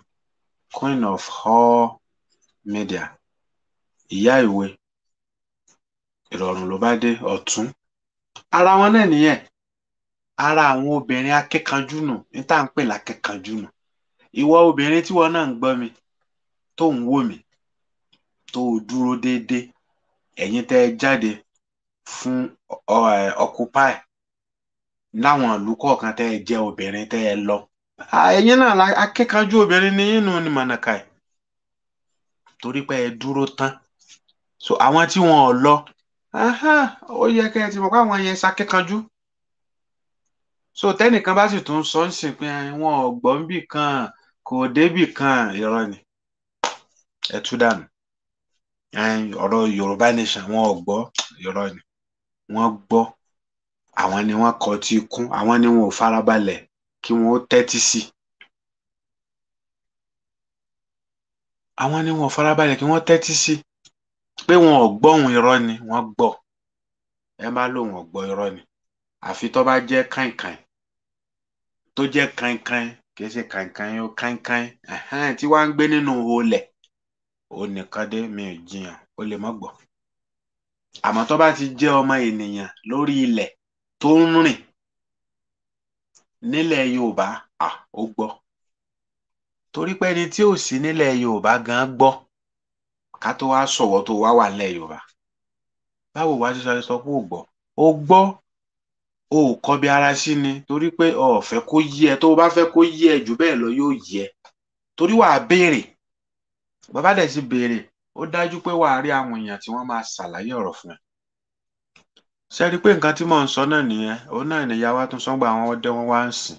queen of all media ìyá ìwé ìrọ̀rùn ló bá dé ọ̀tún ara wọn náà nìyẹn ara àwọn obìnrin akẹ́kánjú nù ní tá à ń pè lákẹ́kánjú nù ìwọ obìnrin tí wọn náà ń gbọ́ mi tó ń wò mí tó o dúró déédéé ẹ̀yin tẹ́ ẹ jáde fún occupy láwọn ìlú kọ̀ọ̀kan tẹ́ ẹ jẹ́ obìnrin tẹ́ ẹ lọ ẹ̀yin náà akẹ́kọ̀ọ́jú obìnrin ní inú ni mọ̀nàkà ẹ̀ torí pé ẹ dúró tán so àwọn tí wọn ò lọ ó yẹ kẹ́ ẹ ti mọ̀ pé àwọn yẹn ṣakẹ́kọ̀ọ́jú so tẹ́nìkan bá sì tún sọ ń sìn pé wọn ò gbọ́ ń bì kan kò débì kan irọ́ ni ẹ tú dànù ọ̀rọ̀ Yorùbá nation wọn ò gbọ́ irọ́ ni wọ́n gbọ́ àwọn ni wọ́n kọtí ikún àwọn ni wọn ò farabalẹ̀ kí wọn ó tẹ́tí sí i àwọn ni wọn ò farabalẹ̀ kí wọ́n tẹ́tí sí i pé wọn ò gbọ́hùn irọ́ ni wọ́n gbọ́ ẹ má lò wọ́n gbọ́ irọ́ ni àfi tó bá jẹ́ kàìnkàìn tó jẹ́ kàìnkàìn kìí ṣe kàìnkàìn o kàìnkàìn tí wàá ń gbé nínú olè òun nìkan dé mi ò jiyàn ó lè mọ́ gbọ́ àmọ́ tó bá ti jẹ́ ọmọ ènìyàn lórí ilẹ̀ tó ń rìn nílẹ̀ yorùbá à ó gbọ́ torí pé ẹni tí ò sí nílẹ̀ yorùbá gan gbọ́ ká tó wá sọ̀wọ́ tó wá wà nílẹ̀ yorùbá báwo wá ṣe sọ pé ò gbọ́ ó gbọ́ o ò kọbi ara sí ni torí pé o ò fẹ́ kó yé ẹ tó o bá fẹ́ kó yé ẹ jù bẹ́ẹ̀ lọ yóò yé ẹ torí wàá béèrè bàbá dẹ̀ sì béèrè ó dájú pé wàá rí àwọn èèyàn tí wọ́n máa ṣàlàyé ọ̀rọ̀ fún ẹ ṣe rí i pé nǹkan tí mò ń sọ náà nìyẹn òun náà nìyá wa tún sọ́gbà àwọn ọdẹ wọn wá ń sìn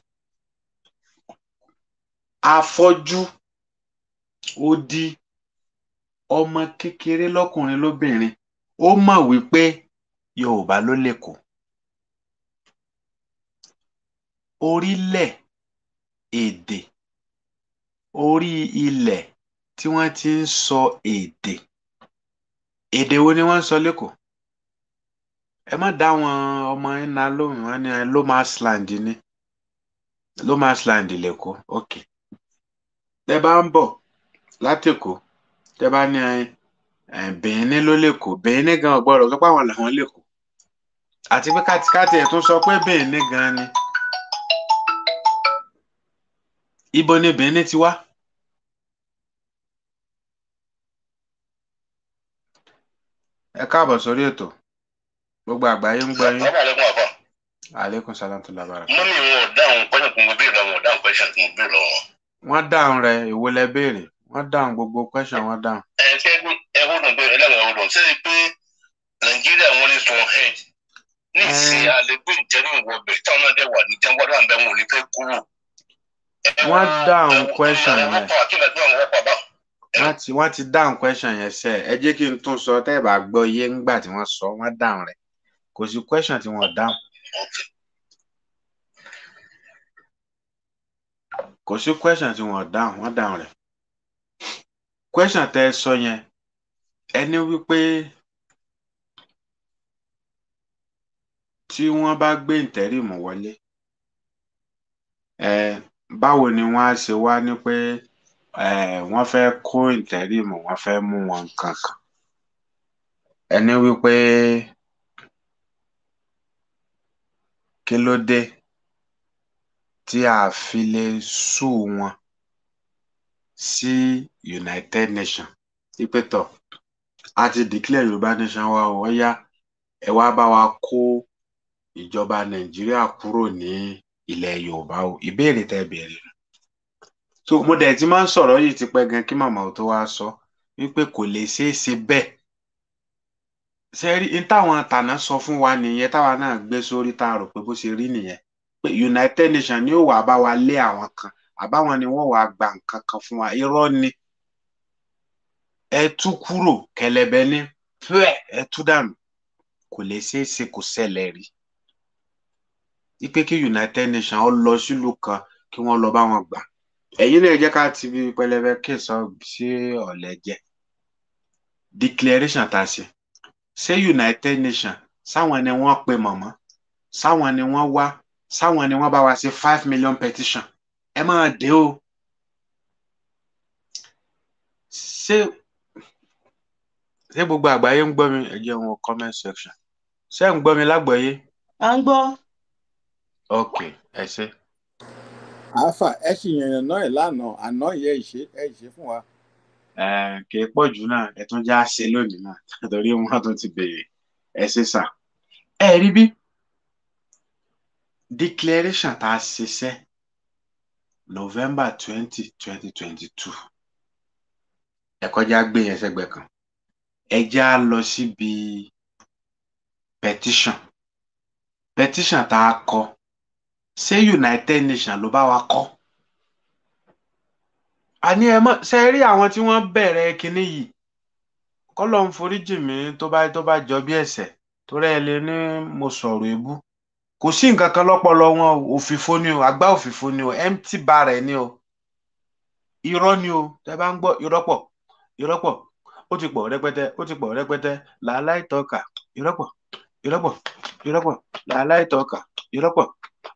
afọ́jú odi ọmọ kékeré lọ́kùnrin lóbìnrin ó mọ̀ wípé Yorùbá ló lèkó orílẹ̀ èdè orí ilẹ̀ tí wọ́n ti ń sọ èdè èdè wo ni wọ́n ń sọ lÉkòó ẹ má dá wọn ọmọ yín na lóhùn wọn ni lomas ni lomas lẹkọọ ok tẹ bá ń bọ̀ látẹkọ tẹ bá ní Benin ló lẹkọọ Benin gan ọgbọrọ àwọn làwọn lẹkọọ àti pé sọ pé gan ni ibo ni Benin ti wá. ẹ káàbọ̀ sórí ètò. gbogbo àgbáyé ń gbọ́ yín. aleykum salaam tó labara. mú mi wọn dáhùn question tí mo béèrè lọ́wọ́ wọn dáhùn question tí mo béèrè lọ́wọ́. wọ́n dáhùn rẹ̀ èwo lẹ béèrè wọ́n dáhùn gbogbo question wọ́n dáhùn. ẹ ṣe ẹ wọ́dùn pé ẹlẹ́wọ̀n wọ́dùn ṣé pé nàìjíríà wọ́n ní strong head ní ìsìn àlégbé ìjẹ́rú ìwọ̀bẹ̀ táwọn náà dẹ̀ wà ní jẹ́ wọ́dùn àbẹ̀ wọn ò ní fẹ́ kúrò. wọ́n dáhùn question yẹn wọ́n ti dáhùn question yẹn sẹ́ẹ̀ ẹ jẹ́ kí n tún sọ tẹ́ ẹ bá gbọ́ iye ńgbà tí wọ́n sọ wọ́n dáhùn rẹ̀ kò you question tí wọ́n down. kò you question tí wọ́n down. wọ́n down le? question tell ẹ any we pay. wípé tí wọ́n bá gbé ìtẹrímù wọlé ẹ báwo ni wọ́n á ṣe wá ní pé ẹ wọ́n fẹ́ kó ìtẹrímù wọ́n fẹ́ mú wọn kankan ẹni wípé. kí ló dé tí a fi lè sú wọn sí united nations wípé tọ a ti declare yorùbá nation wa ó yá ẹ wá bá wa kó ìjọba nàìjíríà kúrò ní ilẹ̀ yorùbá o ìbéèrè tẹ béèrè so mo dẹ̀ ti máa ń sọ̀rọ̀ yìí tipẹ́ gan kí màmá ò tó wá sọ wípé kò lè ṣeé ṣe bẹ́ẹ̀ ṣe rí n táwọn tàná sọ fún wa nìyẹn táwa náà gbé sórí tá a rò pé bó ṣe rí nìyẹn pé United Nations ni ó wàá bá wa lé àwọn kan àbáwọn ni wọ́n wàá gba nǹkan kan fún wa irọ́ ni ẹ tú kúrò kẹlẹbẹ ní pẹ ẹ tú dànù kò lè ṣeé ṣe kò ṣẹlẹ̀ rí ipe kí United Nations ọ lọ sílùú kan kí wọ́n lọ bá wọn gbà ẹ̀yin náà jẹ́ ká ti bí pẹlẹbẹ kéèsàn sí ọ̀lẹ́jẹ̀ declaration tá ṣe ṣé United Nations sáwọn ni wọ́n pe mọ̀mọ́ sáwọn ni wọ́n wá sáwọn ni wọ́n bá wa ṣe five million petition ẹ máa dé o ṣé ṣé gbogbo àgbáyé ń gbọ́ mi ẹ wọn comment section ṣé ń gbọ́ mi lágbọ́yé. à ń gbọ́. ok ẹ ṣe. àáfà ẹ ṣì yànnàná ẹ lánàá àná yẹ ìṣe ẹ ìṣe fún wa kì í pọ̀ jù náà ẹ tún já ṣe lónìí náà torí wọn tún ti béèrè ẹ ṣe sà ẹ rí bí declaration tá a ṣiṣẹ́ November twenty twenty twenty two ẹ kọjá gbé yẹn sẹ́gbẹ̀ kan ẹ já lọ síbi petition petition tá a kọ ṣé United Nations ló bá wa kọ àní ẹ mọ ṣe rí àwọn tí wọ́n bẹ̀rẹ̀ kinní yìí kọlọ ń foríjì mí tó bá tó bá jọ bí ẹ̀ṣẹ̀ tó rẹ lé ní mo sọ̀rọ̀ ebú kò sí nǹkan kan lọ́pọlọ wọn òfìfo ni o àgbá òfìfo ni o empty bar ẹ ni o irọ́ ni o tẹ bá ń gbọ́ irọ́ pọ̀ irọ́ pọ̀ ó ti pọ̀ rẹpẹtẹ ó ti pọ̀ rẹpẹtẹ làálàá ìtọ́ka irọ́ pọ̀ irọ́ pọ̀ irọ́ pọ̀ làálàá ìtọ́ka irọ́ pọ̀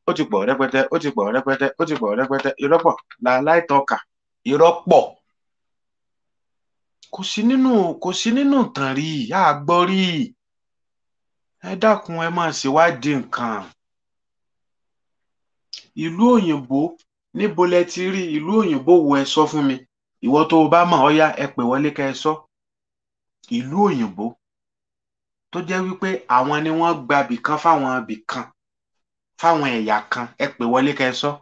ó ti pọ̀ rẹpẹtẹ ó ti pọ̀ rẹpẹtẹ ó ti pọ̀ rẹpẹtẹ irọ́ pọ̀ làálàá ìtọ́ka irọ́ pọ̀ kò sí nínú kò sí nínú tàn rí a gbọ́ rí ẹ dákun ẹ máa ṣèwádìí nǹkan ìlú òyìnbó níbo lẹ ti rí ìlú òyìnbó wo ẹ sọ fún mi ìwọ tó o bá mọ̀ ọ yá ẹ pè wọlé ká ẹ sọ ìlú òyìnbó tó jẹ́ wípé àwọn ni wọ́n gba bìkan fáwọn bìkan fáwọn ẹ̀yà kan ẹ pè wọlé ká ẹ sọ. So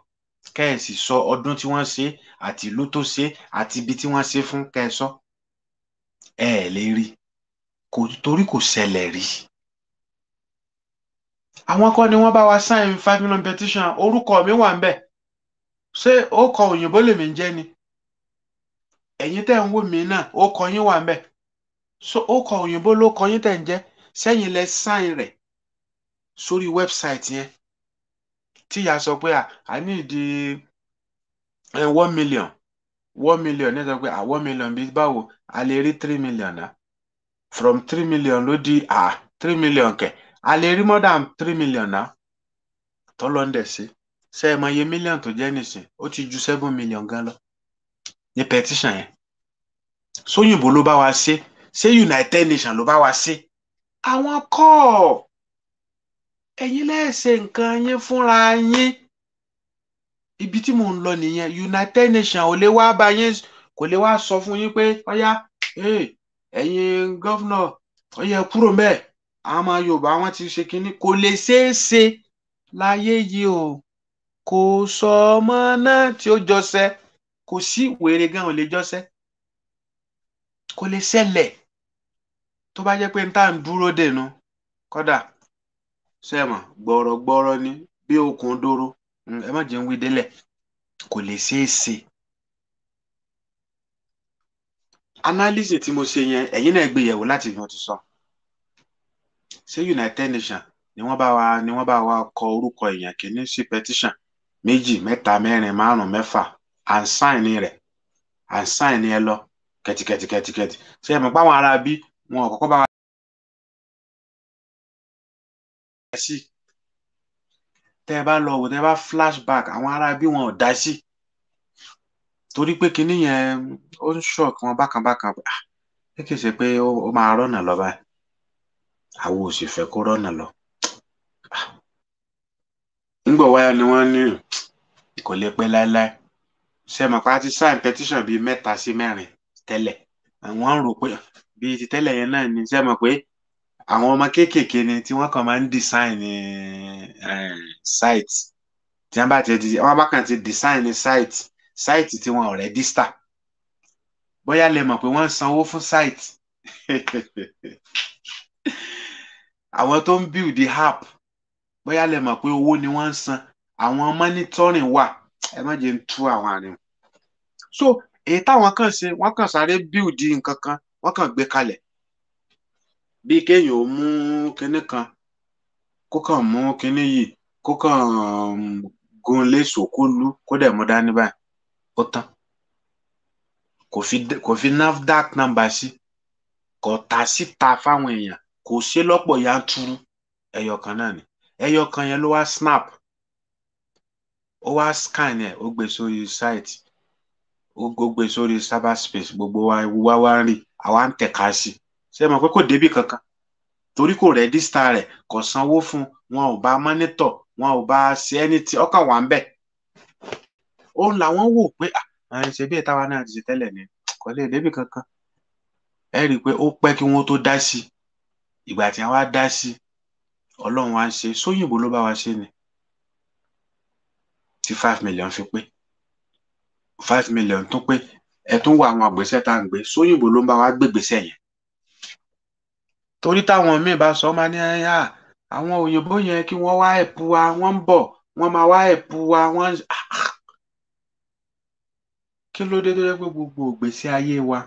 kẹ́ẹ̀sì sọ ọdún tí wọ́n ṣe àti ìlú tó ṣe àti ibi tí wọ́n ṣe fún kẹ́ẹ̀sọ́ ẹ ẹ̀ lè rí kò torí kò ṣẹlẹ̀ rí àwọn kan ni wọ́n bá wa sign five million petition orúkọ mi wà ń bẹ̀ ṣé ó kọ òyìnbó lèmi ń jẹ́ ni ẹ̀yin tẹ́ ń wò mí náà ó kọ yín wà ń bẹ̀ so ó kọ òyìnbó ló kọ yín tẹ̀ ń jẹ́ sẹ́yìn lẹ sign rẹ̀ sórí wẹ́bsáìtì yẹn tí ìyá sọ pé à ní ìdí one million one million ní sọ pé à ah, one million bíi báwo a lè rí three million náà from three million ló di a ah, three million kẹ̀ a lè rí more than three million náà tọ́lọ́ ń dẹ̀ sí ṣe é mọ iye million tó jẹ́ nìsín ó ti ju seven million gan lọ ní petition yẹn sóyìnbó ló bá wa ṣe ṣé United Nations ló bá wa ṣe àwọn kọ́ọ̀ ẹ̀yin lẹ́ẹ̀ṣẹ̀ nǹkan yín fúnra yín ibi tí mò ń lọ nìyẹn United Nations ò lè wá bá yín kò lè wá sọ fún yín pé ọyá eh, ẹ̀yin gọ́fúnà ọyẹ kúrò mẹ́ẹ̀ àwọn ọmọ Yorùbá wọn ti ṣe kínní kò lè ṣeé ṣe láyé yìí o kò sọ ọmọ náà tí ó jọsẹ kò sí wèrè gan ò lè jọsẹ kò lè ṣẹlẹ̀ tó bá jẹ́ pé n tá ń dúró dènù kódà sẹ́mọ̀ gbọ́rọ̀gbọ́rọ̀ ni bí okùn dóró ẹ má jẹun wí délẹ̀ kò lè ṣeé ṣe. analysis tí mo ṣe yẹn ẹ̀yin náà gbé yẹ̀wò láti yan ti sọ ṣé United Nations ni wọ́n bá wa ni wọ́n bá wa kọ orúkọ èèyàn kìíní sí petition méjì mẹ́ta mẹ́rin márùn-ún mẹ́fà and sign rẹ̀ and sign ẹ lọ kẹ̀tìkẹ̀tìkẹ̀tìkẹ̀tì ṣé ẹ mọ̀ pé àwọn ará bí wọn ò kọ́kọ́ bá wa. sí tẹ́ ẹ bá lọ wò tẹ́ ẹ bá flashback àwọn ará bí wọn ò dá sí torí pé kinní yẹn ó ń shock wọn bákan bákan pé ah, kì í ṣe pé ó máa rọ́nà lọ báyìí àwọn ò sì fẹ́ kó rọ́nà lọ. nígbà ah. wáyà ni wọ́n ní kò lè pẹ́ láéláé ṣe mọ̀ pé a ti sign petition bíi mẹ́ta sí mẹ́rin tẹ́lẹ̀ wọ́n rò pé bíi ti tẹ́lẹ̀ yẹn náà ni ṣe mọ̀ pé àwọn ọmọ kéékèèké ni tí wọ́n kàn máa ń design eh, site tí wọ́n bá ti di wọ́n bá kàn ti design site site tí wọ́n ọ̀rẹ́ dista bóyá lè mọ̀ pé wọ́n ń sanwó fún site àwọn tó ń build the app bóyá lè mọ̀ pé owó ni wọ́n ń san àwọn monitoring wà ẹ má jẹ́ ń tú àwọn àrùn so èyí táwọn kàn ṣe wọ́n kàn sáré build nǹkan kan wọ́n kàn gbé kalẹ̀ bí kéèyàn ó mú kinní kan kó kàn mú kinní yìí kó kàn um, gun léṣo kó lú kó dẹ̀ mú dání báyìí ó tán kò fi kò fi NAFDAC number sí kò ta síta fáwọn èèyàn kò ṣe lọ́pọ̀ yanturu ẹyọ kan náà ni ẹyọ kan yẹn ló wá snap ó wá scan ẹ ó gbé sórí site ó gbé sórí cyberspace gbogbo wa wá wá ń rí àwa ń tẹ̀ka sí ṣe mọ̀ pé kò débì kankan torí kò rẹ́dísítà rẹ̀ kò sanwó fún wọn ò bá mọ́nítọ̀ wọn ò bá ṣe ẹni tí ọkàn wà ń bẹ̀. òun làwọn wò pé àrùn ah, ṣe bí ẹ̀ táwa náà ti ṣe tẹ́lẹ̀ ni kò lè débì kankan ẹ rí i pé ó pẹ́ kí wọ́n tó dá sí i ìgbà tí wọ́n á dá sí i ọlọ́run wa ń ṣe sóyìnbó ló bá wa ṣe ni tí five million fi pé five million tún pé ẹ tún wọ àwọn àgbésẹ̀ tá à ń gbé sóyìnbó ló ń bá wa gbé gbèsè yẹn torí táwọn míì bá sọ ọ́ máa ní ẹ̀yà àwọn òyìnbó yẹn kí wọ́n wá ẹ̀pù wa wọ́n ń bọ̀ wọ́n máa wá ẹ̀pù wa wọ́n ń ah, ah. kí ló dé tó jẹ́ pé gbogbo ìgbésí ayé wa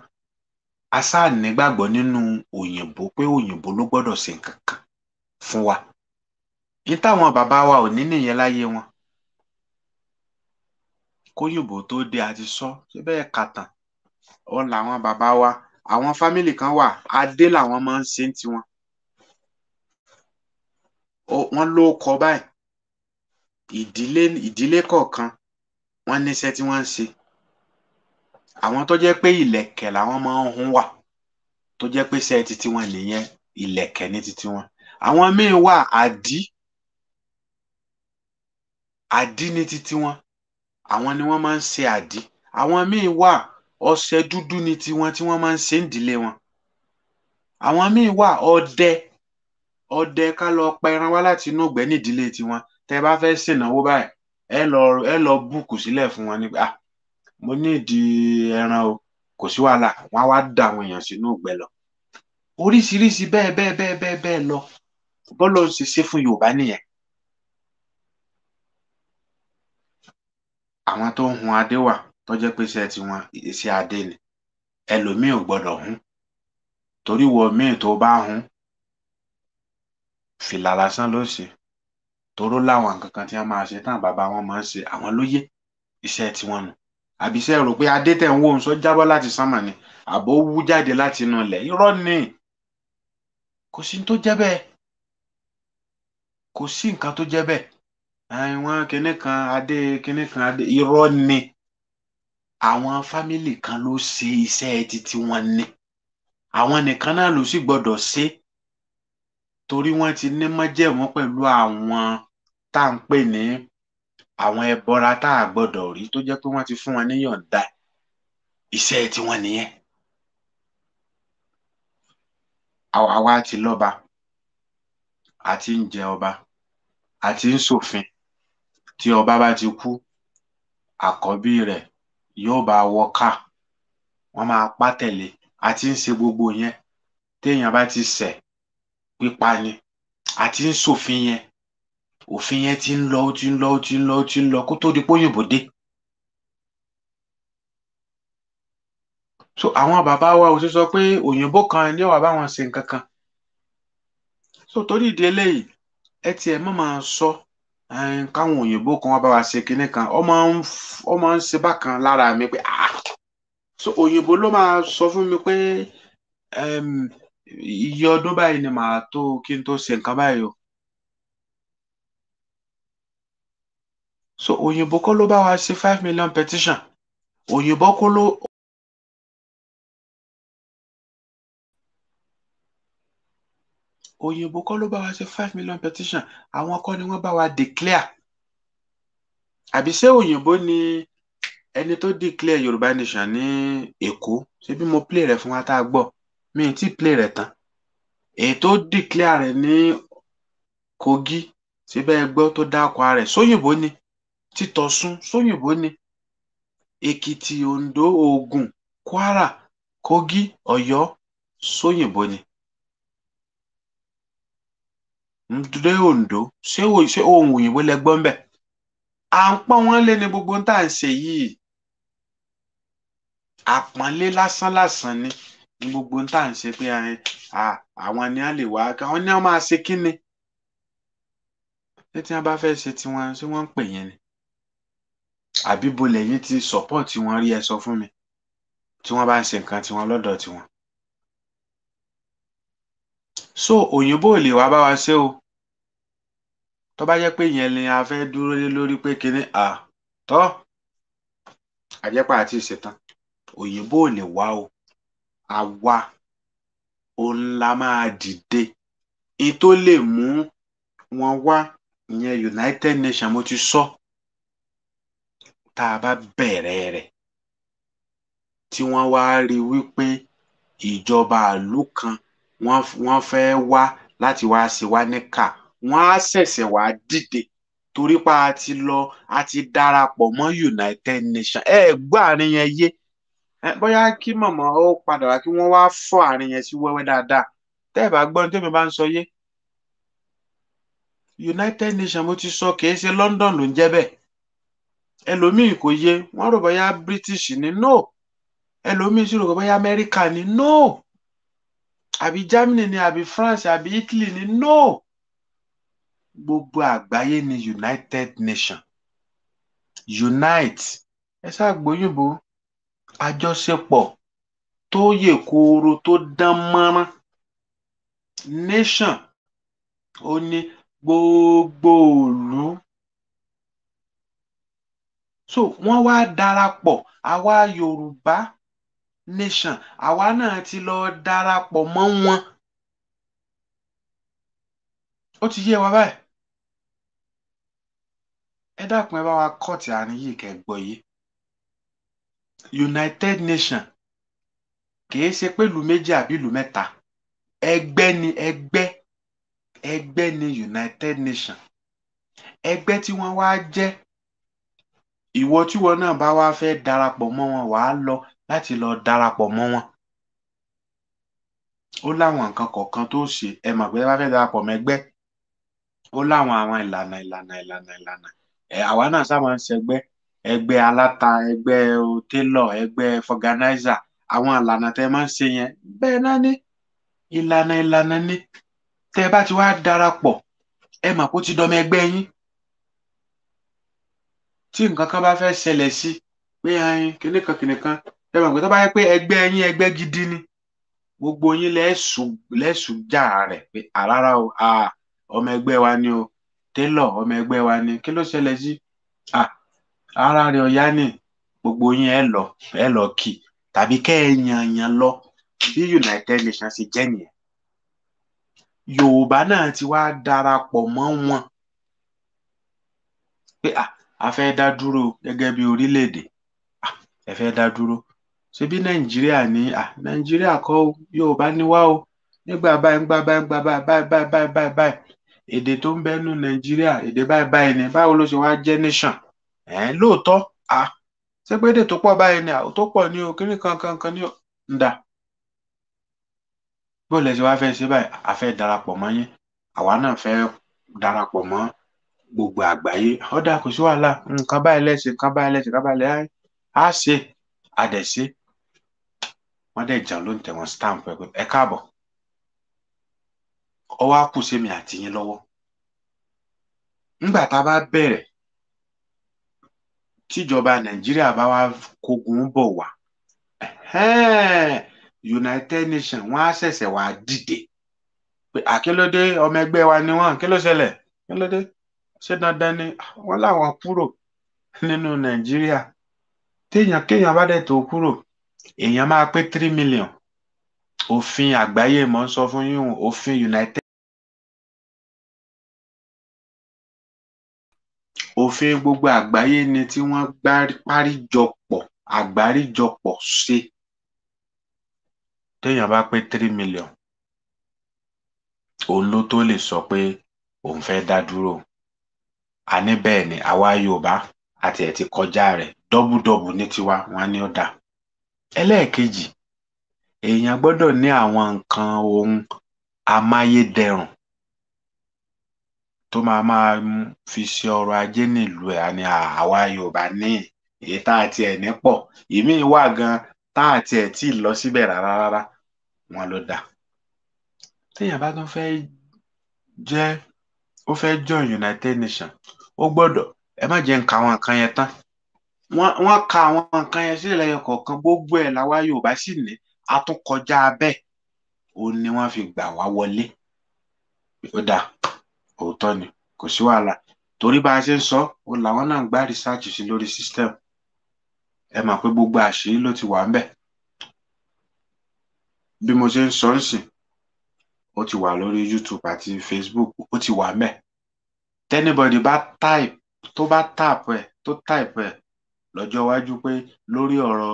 a sáà nígbàgbọ́ nínú òyìnbó pé òyìnbó ló gbọ́dọ̀ ṣe nǹkan kan fún wa ní táwọn bàbá wa ò ní nìyẹn láyé wọn kóyìnbó tó dé àti sọ síbẹ̀ kàtàn ó làwọn bàbá wa àwọn fámìlì kan wà adé làwọn máa ń ṣe tiwọn wọ́n ló kọ báyìí ìdílé ìdílé kọ̀ọ̀kan wọ́n níṣẹ́ tí wọ́n ń ṣe àwọn tó jẹ́ pé ìlẹ̀kẹ̀ làwọn máa ń hun wà tó jẹ́ pé iṣẹ́ titi wọn nìyẹn ìlẹ̀kẹ̀ ní titi wọn àwọn míín wà àdí àdí ní titi wọn àwọn ni wọ́n máa ń ṣe àdí àwọn míín wà ọṣẹ dúdú ni tiwọn tí wọ́n máa ń ṣe ń ìdílé wọn àwọn míì wà ọdẹ ọdẹ ká lọ pa ẹran wá láti inú ìgbẹ́ nídìílé tiwọn tẹ́ bá fẹ́ ṣènáwó báyìí ẹ lọ ẹ lọ búùkù sílẹ̀ fún wọn nígbà mo ní ìdí ẹran o kò sí wàhálà wọn á wá dà àwọn èèyàn sínú ìgbẹ́ lọ oríṣiríṣi bẹ́ẹ̀ bẹ́ẹ̀ bẹ́ẹ̀ bẹ́ẹ̀ bẹ́ẹ̀ lọ bọlọ ṣe ṣe fún Yorùbá nìyẹn àwọn tó ń hun adé wà tó jẹ́ pé iṣẹ́ tiwọn iṣẹ́ adé ni ẹlòmíín ò gbọ́dọ̀ hún torí wọ míín tó bá hún fìlà lásán ló ṣe toró láwọn nǹkan kan tí wọ́n máa ṣe táwọn bàbá wọn máa ń ṣe àwọn lóye iṣẹ́ tiwọn nù àbí iṣẹ́ rò pé adé tẹ̀ ń wò ń sọ jábọ́ láti sánmà ni àbò wú jáde láti inú ilẹ̀ irọ́ ni kò sí tó jẹ́ bẹ́ẹ̀ kò sí nǹkan tó jẹ́ bẹ́ẹ̀ àwọn kinní kan adé kinní kan adé irọ́ ni àwọn fámìlì kan ló ṣe iṣẹ́ títí wọn ni àwọn nìkan náà ló sì gbọ́dọ̀ ṣe torí wọ́n ti ní mọ́jẹ̀mú pẹ̀lú àwọn tá à ń pè ní àwọn ẹbọra tá a gbọ́dọ̀ rí tó jẹ́ pé wọ́n ti fún wọn níyọ̀ǹda iṣẹ́ tiwọn nìyẹn àwa ti lọ́ba àti ń jẹ ọba àti ń ṣòfin tí ọba bá ti kú àkọ́bí rẹ̀ yóò bá wọ ká wọ́n máa pa tẹ̀lé àti ń ṣe gbogbo yẹn téèyàn bá ti ṣẹ̀ pípa ni àti ń ṣòfin yẹn òfin yẹn ti ń lọ ó ti ń lọ ó ti ń lọ ó ti ń lọ kó tó di póyìnbó dé. so àwọn bàbá wa ò sì sọ pé òyìnbó kan ilé wa báwọn ṣe nǹkan kan so torí ìdí eléyìí ẹ tiẹ̀ mọ̀ máa sọ. So, káwọn òyìnbó kan wá bá wa ṣe kinní kan ó máa ń ṣe bákan lára mi pé ah so òyìnbó ló máa sọ fún mi pé iye ọdún báyìí ni màá tó kí n tó ṣe nǹkan báyìí o. so òyìnbó kọ́ ló bá wa ṣe five million petition òyìnbó kọ́ ló òyìnbó kọ́ ló bá wa ṣe five million petition àwọn kọ́ ni wọ́n bá wa declare àbí ṣé òyìnbó ni ẹni tó declare yorùbá nation ní èkó ṣé bí mo play rẹ̀ fún wa tá a gbọ́ mi ti play rẹ̀ tán èyí tó declare rẹ̀ ní kogi síbẹ̀ gbọ́ tó dákọ̀ rẹ̀ sóyìnbó ni títọ̀sún sóyìnbó ni èkìtì ondo ogun kwara kogi ọ̀yọ́ sóyìnbó ni nítorí Ondo ṣé ohun òyìnbó lẹ gbọ́ ńbẹ̀ à ń pọ́n wọ́n lé ní gbogbo tá à ń ṣe yìí àpọ́nlé lásánlásán ni ní gbogbo tá à ń ṣe pé àwọn ni wọ́n lè wá àwọn ni wọ́n máa ṣe kí ni ṣé tí wọ́n bá fẹ́ ṣe tiwọn ṣé wọ́n ń pè yẹn ni àbí bo lẹ́yìn ti support wọn rí ẹ sọ fún mi tí wọ́n bá ń ṣe nǹkan tiwọn lọ́dọ̀ tiwọn so òyìnbó ò lè wá bá wa ṣe o tó bá jẹ́ pé ìyẹn ni a fẹ́ dúró lé lórí pé kinní àtọ́ àjẹpà àti ìṣètàn òyìnbó ò lè wá o àwa òun la máa dìde èyí tó lè mú wọn wá ìyẹn United Nations mo ti sọ tá a bá bẹ̀rẹ̀ rẹ̀ tí wọ́n wá rí wípé ìjọba ìlú kan wọ́n fẹ́ wá láti wá sí wa níkà wọ́n á ṣẹ̀ṣẹ̀ wá dìde torí pa a ti lọ a ti darapọ̀ mọ́ United Nations ẹ gbọ́ àárín yẹn yé bóyá kí mọ̀mọ́ ó padà wá kí wọ́n wá fọ́ àárín yẹn sí wẹ́wẹ́ dáadáa tẹ́ ẹ bá gbọ́ ní tèmi bá ń sọ yé United Nations mo ti sọ kìí ṣe London ló ń jẹ́ bẹ́ẹ̀ ẹlòmíì kò yé wọ́n rò bóyá British ni no ẹlòmíì sì rò bóyá America ni no àbí Germany ni àbí France àbí Italy ni no gbogbo àgbáyé ni united nation unite ẹ ṣàgbóyìnbó àjọṣepọ̀ tó yè kooro tó dán mọ́rán nation ó ní gbogbo òlú so wọ́n wá darapọ̀ àwa yorùbá nation àwa náà ti lọ darapọ̀ mọ́ wọn ó ti yé wa báyìí ẹ dákun ẹ bá wa kọ́ọ̀tì àárín yìí kẹ́ gbọ́ United Nations kìí ṣe pé ìlú méjì àbí ìlú mẹ́ta ẹgbẹ́ ni ẹgbẹ́ ẹgbẹ́ ni United Nations ẹgbẹ́ tí wọ́n wá jẹ́ ìwọ tí wọn náà bá wá fẹ́ darapọ̀ mọ́ wọn wàá lọ láti lọ darapọ̀ mọ́ wọn ó láwọn nǹkan kọ̀ọ̀kan tó ṣe ẹ mọ̀ pé bá fẹ́ darapọ̀ mọ́ ó láwọn àwọn ìlànà ìlànà ìlànà ìlànà àwa náà sábà ń ṣẹgbẹ́ ẹgbẹ́ aláta ẹgbẹ́ télọ̀ ẹgbẹ́ fọganáìzà àwọn ìlànà tẹ máa ń ṣe yẹn bẹ́ẹ̀ náà ni ìlànà ìlànà ni tẹ bá ti wá darapọ̀ ẹ mà kó ti dọmọ ẹgbẹ́ yín tí nǹkan kan bá fẹ́ ṣẹlẹ̀ sí pé ẹyin kinní kan kinní kan ẹ mọ̀ pé tó bá yẹ pé ẹgbẹ́ yín ẹgbẹ́ gidi ni gbogbo yín lẹ́sùn lẹ́sùn já rẹ̀ pé àrárá o ọmọ ẹgbẹ́ wa ni o télọ̀ ọmọ ẹgbẹ wa ni kí ló ṣẹlẹ̀ sí ara rẹ̀ ọ̀yá ni gbogbo yín ẹ lọ ẹ lọ kì tàbí kẹ́ ẹ yan yan lọ bí United Nations ṣe jẹ́ nìyẹn Yorùbá náà ti wá darapọ mọ wọn pé a fẹ́ dá dúró gẹ́gẹ́ bí orílẹ̀-èdè ẹ fẹ́ dá dúró ṣebí Nàìjíríà ní Nàìjíríà kọ́ o Yorùbá ni wá o nígbà báyìí nígbà báyìí nígbà báyìí báyìí báyìí báyìí èdè tó ń bẹnu nàìjíríà èdè báyìí báyìí ni báwo ló ṣe wá jẹ́ nation ẹ lóòótọ́ a ṣé pé èdè tó pọ̀ báyìí ni àwọn tó pọ̀ ní o kíní kankan kan ní o ń dà bó lẹ ṣe wá fẹ́ ṣe báyìí a fẹ́ darapọ̀ mọ́ yín àwa náà fẹ́ darapọ̀ mọ́ gbogbo àgbáyé ọdà kò sí wàhálà nǹkan báyìí lẹsẹ nǹkan báyìí lẹsẹ nǹkan báyìí lẹsẹ á ṣe á ṣe wọn dẹ jàn ló ń tẹ stamp ẹ káàbọ̀ ọwọ́ á kù sí mi àti yín lọ́wọ́ nígbà tá a bá bẹ̀rẹ̀ tíjọba nàìjíríà bá wá kógun bọ̀ wá United Nations wọ́n á ṣẹ̀ṣẹ̀ wá dìde pé àkílódé ọmọ ẹgbẹ́ wa ni wọ́n kí ló ṣẹlẹ̀ kí ló dé ṣé dandan ni ah, wọ́n láwọn kúrò nínú nàìjíríà téèyàn kéèyàn bá dẹ̀ tó kúrò èèyàn máa pé three million òfin àgbáyé mò ń sọ fún yín òfin United Òfin gbogbo àgbáyé ni tí wọ́n páríjọpọ̀ àgbáríjọpọ̀ ṣe téèyàn bá pé three million òun ló tó lè sọ pé òun fẹ́ dá dúró. A ní bẹ́ẹ̀ ni àwa Yorùbá a tiẹ̀ ti kọjá rẹ̀ dọ́búdọbù ní tiwa wọn á ó dáa. Ẹlẹ́ẹ̀kejì, èèyàn gbọ́dọ̀ ní àwọn nǹkan ohun amáyédẹrùn tó máa máa fi ṣe ọrọ̀ ajé nílùú ẹ̀ ni àwa yorùbá ní èyí tá a tiẹ̀ ní pọ̀ èmi wà gan tá a tiẹ̀ tí ì lọ síbẹ̀ rárá rárá wọn ló dà téèyàn bá tún fẹ́ jẹ́ ó fẹ́ join United Nations ó gbọ́dọ̀ ẹ má jẹ́ ń ka àwọn nǹkan yẹn tán wọ́n ka àwọn nǹkan yẹn sílẹ̀ lẹ́yìn kọ̀ọ̀kan gbogbo ẹ̀ làwa yorùbá sì ní atúnkọjá bẹ́ẹ̀ ó ní wọ́n fi gbà wá wọlé ó dáa òótọ́ ni kò sí wàhálà torí bá a ṣe ń sọ ó làwọn náà ń gbá research sí lórí system ẹ mà pé gbogbo àṣírí ló ti wà ń bẹ̀ bí mo ṣe ń sọ ń sìn ó ti wà lórí YouTube àti Facebook ó ti wà ń bẹ̀ tẹ́nibọ̀dì bá type tó bá tap ẹ̀ tó type ẹ̀ lọ́jọ́ iwájú pé lórí ọ̀rọ̀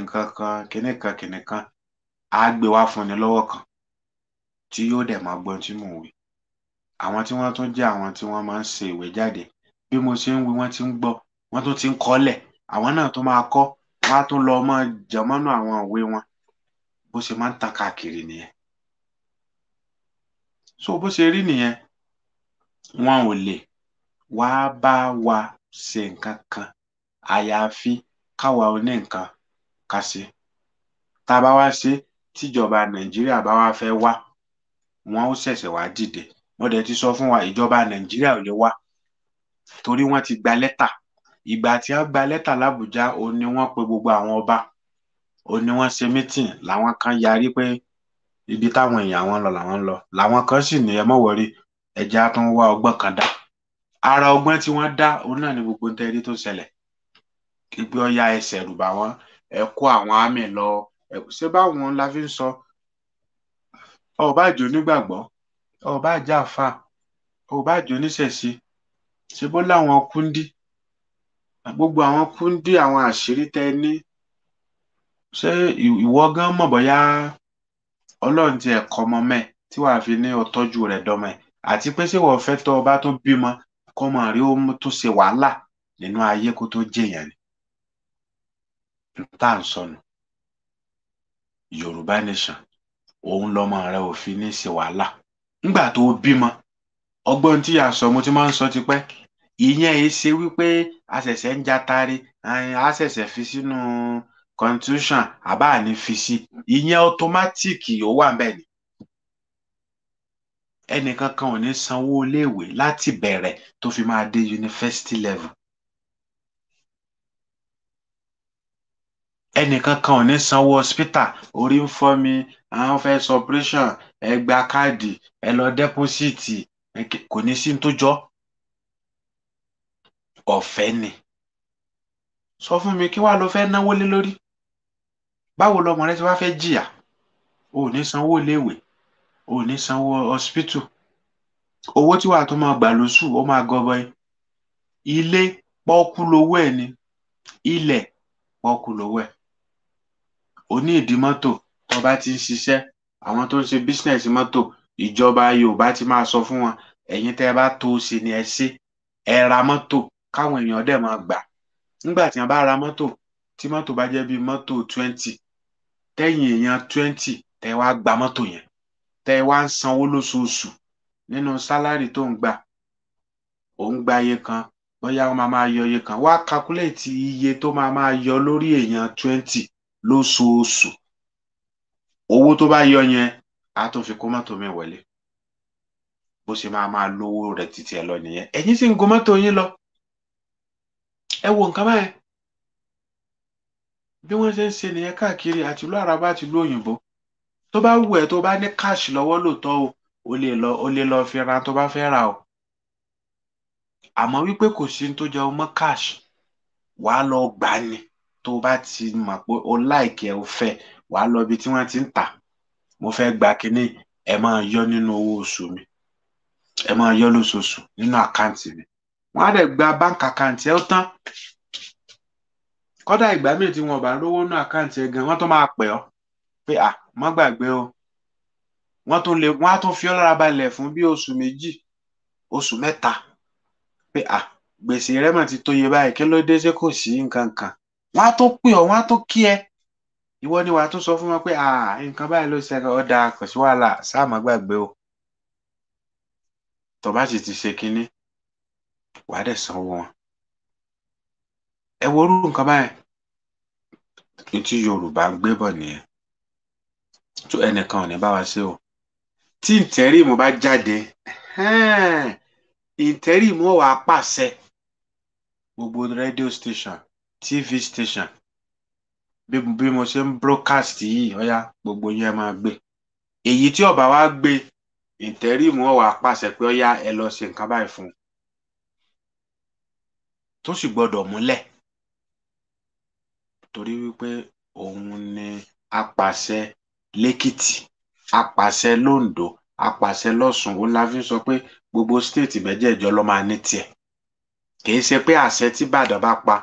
nǹkan kan kinní kan kinní kan á gbé wá fún ni kan tí yóò dẹ̀ máa gbọ́n tí mò ń wí àwọn tí wọ́n tún jẹ́ àwọn tí wọ́n máa ń ṣe ìwé jáde bí mo ṣe ń wí wọ́n ti ń gbọ́ wọ́n tún ti ń kọ́lẹ̀ àwọn náà tún máa kọ́ wọ́n á tún lọ mọ́ jẹ̀mọ́nú àwọn ìwé wọn bó ṣe máa ń tàn káàkiri nìyẹn so bó ṣe rí nìyẹn wọn ò lè wá bá wa ṣe nǹkan kan àyàfi káwa oní nǹkan ká ṣe tá a bá wá ṣe tíjọba nàìjíríà bá wá fẹ́ wá wọn ó ṣẹ̀ṣẹ̀ wá dìde wọ́n dẹ̀ ti sọ fún wa ìjọba nàìjíríà ò lè wá torí wọ́n ti gba lẹ́tà ìgbà tí a gba lẹ́tà làbújá ò ní wọ́n pe gbogbo àwọn ọba ò ní wọ́n ṣe mítìn làwọn kan yarí pé ibi táwọn èèyàn wọn lọ làwọn lọ làwọn kan sì ní ẹ ẹja tó ń wá ọgbọ́n kan dá ara ọgbọ́n tí wọ́n dá òun náà ni gbogbo ntẹ́rí tó ṣẹlẹ̀ ibi ọya ẹsẹ̀ rùbà wọn ẹ kó àwọn àmì lọ ṣé báwọn la fi ń sọ ọba ìjọ nígbàgbọ́ ọba Jafa ọba àjọníṣẹ̀ṣe ṣe bó láwọn kúndí gbogbo àwọn kúndí àwọn àṣírí tẹ ní ṣé ìwọ gan mọ̀ bóyá ọlọ́run ti ẹ̀kọ́ ọmọ mẹ́ tí wàá fi ní ọtọ́jú rẹ̀ dọ́mọ ẹ̀ àti pé ṣé wọ́n fẹ́ tọ́ ọba tó bímọ kọ́mọ rí ó tó ṣe wàhálà nínú ayé kó tó jèèyàn ni tá à ń sọnù yorùbá nation òun lọmọ rẹ ò fi ní ṣe wàhálà nígbà tó bímọ ọgbọ́n tí a sọ mo ti máa ń sọ tipẹ́ ìyẹn èé ṣe wípé a ṣẹ̀ṣẹ̀ ń jatare a ṣẹ̀ṣẹ̀ fi sínú constitution àbá ní fi sí ìyẹn ọtọmátìkì ó wà bẹ́ẹ̀ ni ẹnìkan kan ò ní sanwó iléèwé láti bẹ̀rẹ̀ tó fi máa dé yunifásitì level ẹnìkan kan ò ní sanwó hospital orí ń fọ́ mi àwọn fẹ́ sọ operation ẹ gba káàdì ẹ lọ dẹ́pọ́sìtì kò ní sí tó jọ́ ọ̀fẹ́ ni sọ fún mi kí wàá lọ fẹ́ náwó lé lórí báwo lọmọ rẹ ti wá fẹ́ jìyà o ò ní sanwó iléèwé o ò ní sanwó hospital owó tí wàá tó máa gbà lóṣù ó máa gọbọi ilé pọ́ọ́kú lowó ẹ̀ ni ilẹ̀ pọ́ọ́kú lowó ẹ̀ o ní ìdí mọ́tò tó bá ti ń ṣiṣẹ́ àwọn tó ń ṣe business mọ́tò ìjọba yorùbá ti máa sọ fún wọn ẹ̀yin tẹ́ ẹ bá tó o ṣe ni ẹ ṣe ẹ ra mọ́tò káwọn èèyàn dẹ̀ máa gbà nígbà tí wọ́n bá ra mọ́tò tí mọ́tò bá jẹ́ bíi mọ́tò twenty tẹ́yìn èèyàn twenty tẹ́ wá gba mọ́tò yẹn tẹ́ wá ń sanwó lóṣooṣù nínú sálárì tó ń gbà ò ń gba iye kan bóyá wọ́n máa máa yọ iye kan wá kakuléètì iye tó máa máa yọ lórí èèyàn twenty lóṣooṣù owó tó bá yọ yẹn á tún fi kó mọ́tò mi wọlé bó ṣe máa máa lówó rẹ̀ títí ẹ lọ nìyẹn ẹ̀yin sì ń gun mọ́tò yín lọ ẹ wo nǹkan báyẹn bí wọ́n ṣe ń ṣe nìyẹn káàkiri àtìlú àràbà àtìlú òyìnbó tó bá wù ẹ́ tó bá ní káàṣì lọ́wọ́ lóòótọ́ o o lè lọ o lè lọ fi ra tó bá fẹ́ rà o àmọ́ wípé kò sí tó jẹ ọmọ káàṣì wàá lọ gbà ni tó bá ti mọ̀ pé o láìkẹ́ o fẹ́ wà á lọ ibi tí wọ́n ti ń tà mo fẹ́ gba kinní ẹ máa yọ nínú owó oṣù mi ẹ máa yọ lóṣooṣù nínú àkáǹtì mi wọ́n á dẹ̀ gba báǹkì àkáǹtì ẹ ó tán kódà ìgbà míì tí wọn ò bá rówó nínú àkáǹtì ẹ gan wọ́n tó máa pè ọ́ pé à má gbàgbé o wọ́n tún lè wọ́n á tún fi ọ́ lára balẹ̀ fún bí oṣù méjì oṣù mẹ́ta pé à gbèsè rẹ ti tó báyìí kí ló dé ṣé kò sí nǹkan kan wọ́n á tún pè ọ́ wọ́n á tún kí ẹ ìwọ ni wàá tún sọ fún wọn pé nǹkan báyìí ló ṣẹlẹ̀ ọ̀dà kò sí wàhálà sáàmà gbàgbé o tó bá sì ti ṣe kínní wàá dẹ̀ sanwó wọn. ẹ wo orú nǹkan báyìí ní tí yorùbá ń gbé bọ̀ nìyẹn tó ẹnìkan ò ní bá wa ṣe o tí ìtẹ́rìmù bá jáde ìtẹ́rìmù ò wá pàṣẹ gbogbo rédíò station tv station bí bí mo ṣe ń broadcast yìí ọyá gbogbo yẹn máa gbé èyí tí ọba wa gbé ìtẹrímù ọwà pàṣẹ pé ọyá ẹ lọ ṣe nǹkan báyìí fún un tó sì gbọ́dọ̀ múlẹ̀ torí wípé òun londo apàṣẹ lọ́sùn òun sọ pé gbogbo stéètì mẹ́jẹ̀ẹ̀jọ ló máa ní tiẹ̀ kì í ṣe pé àṣẹ tí bá pa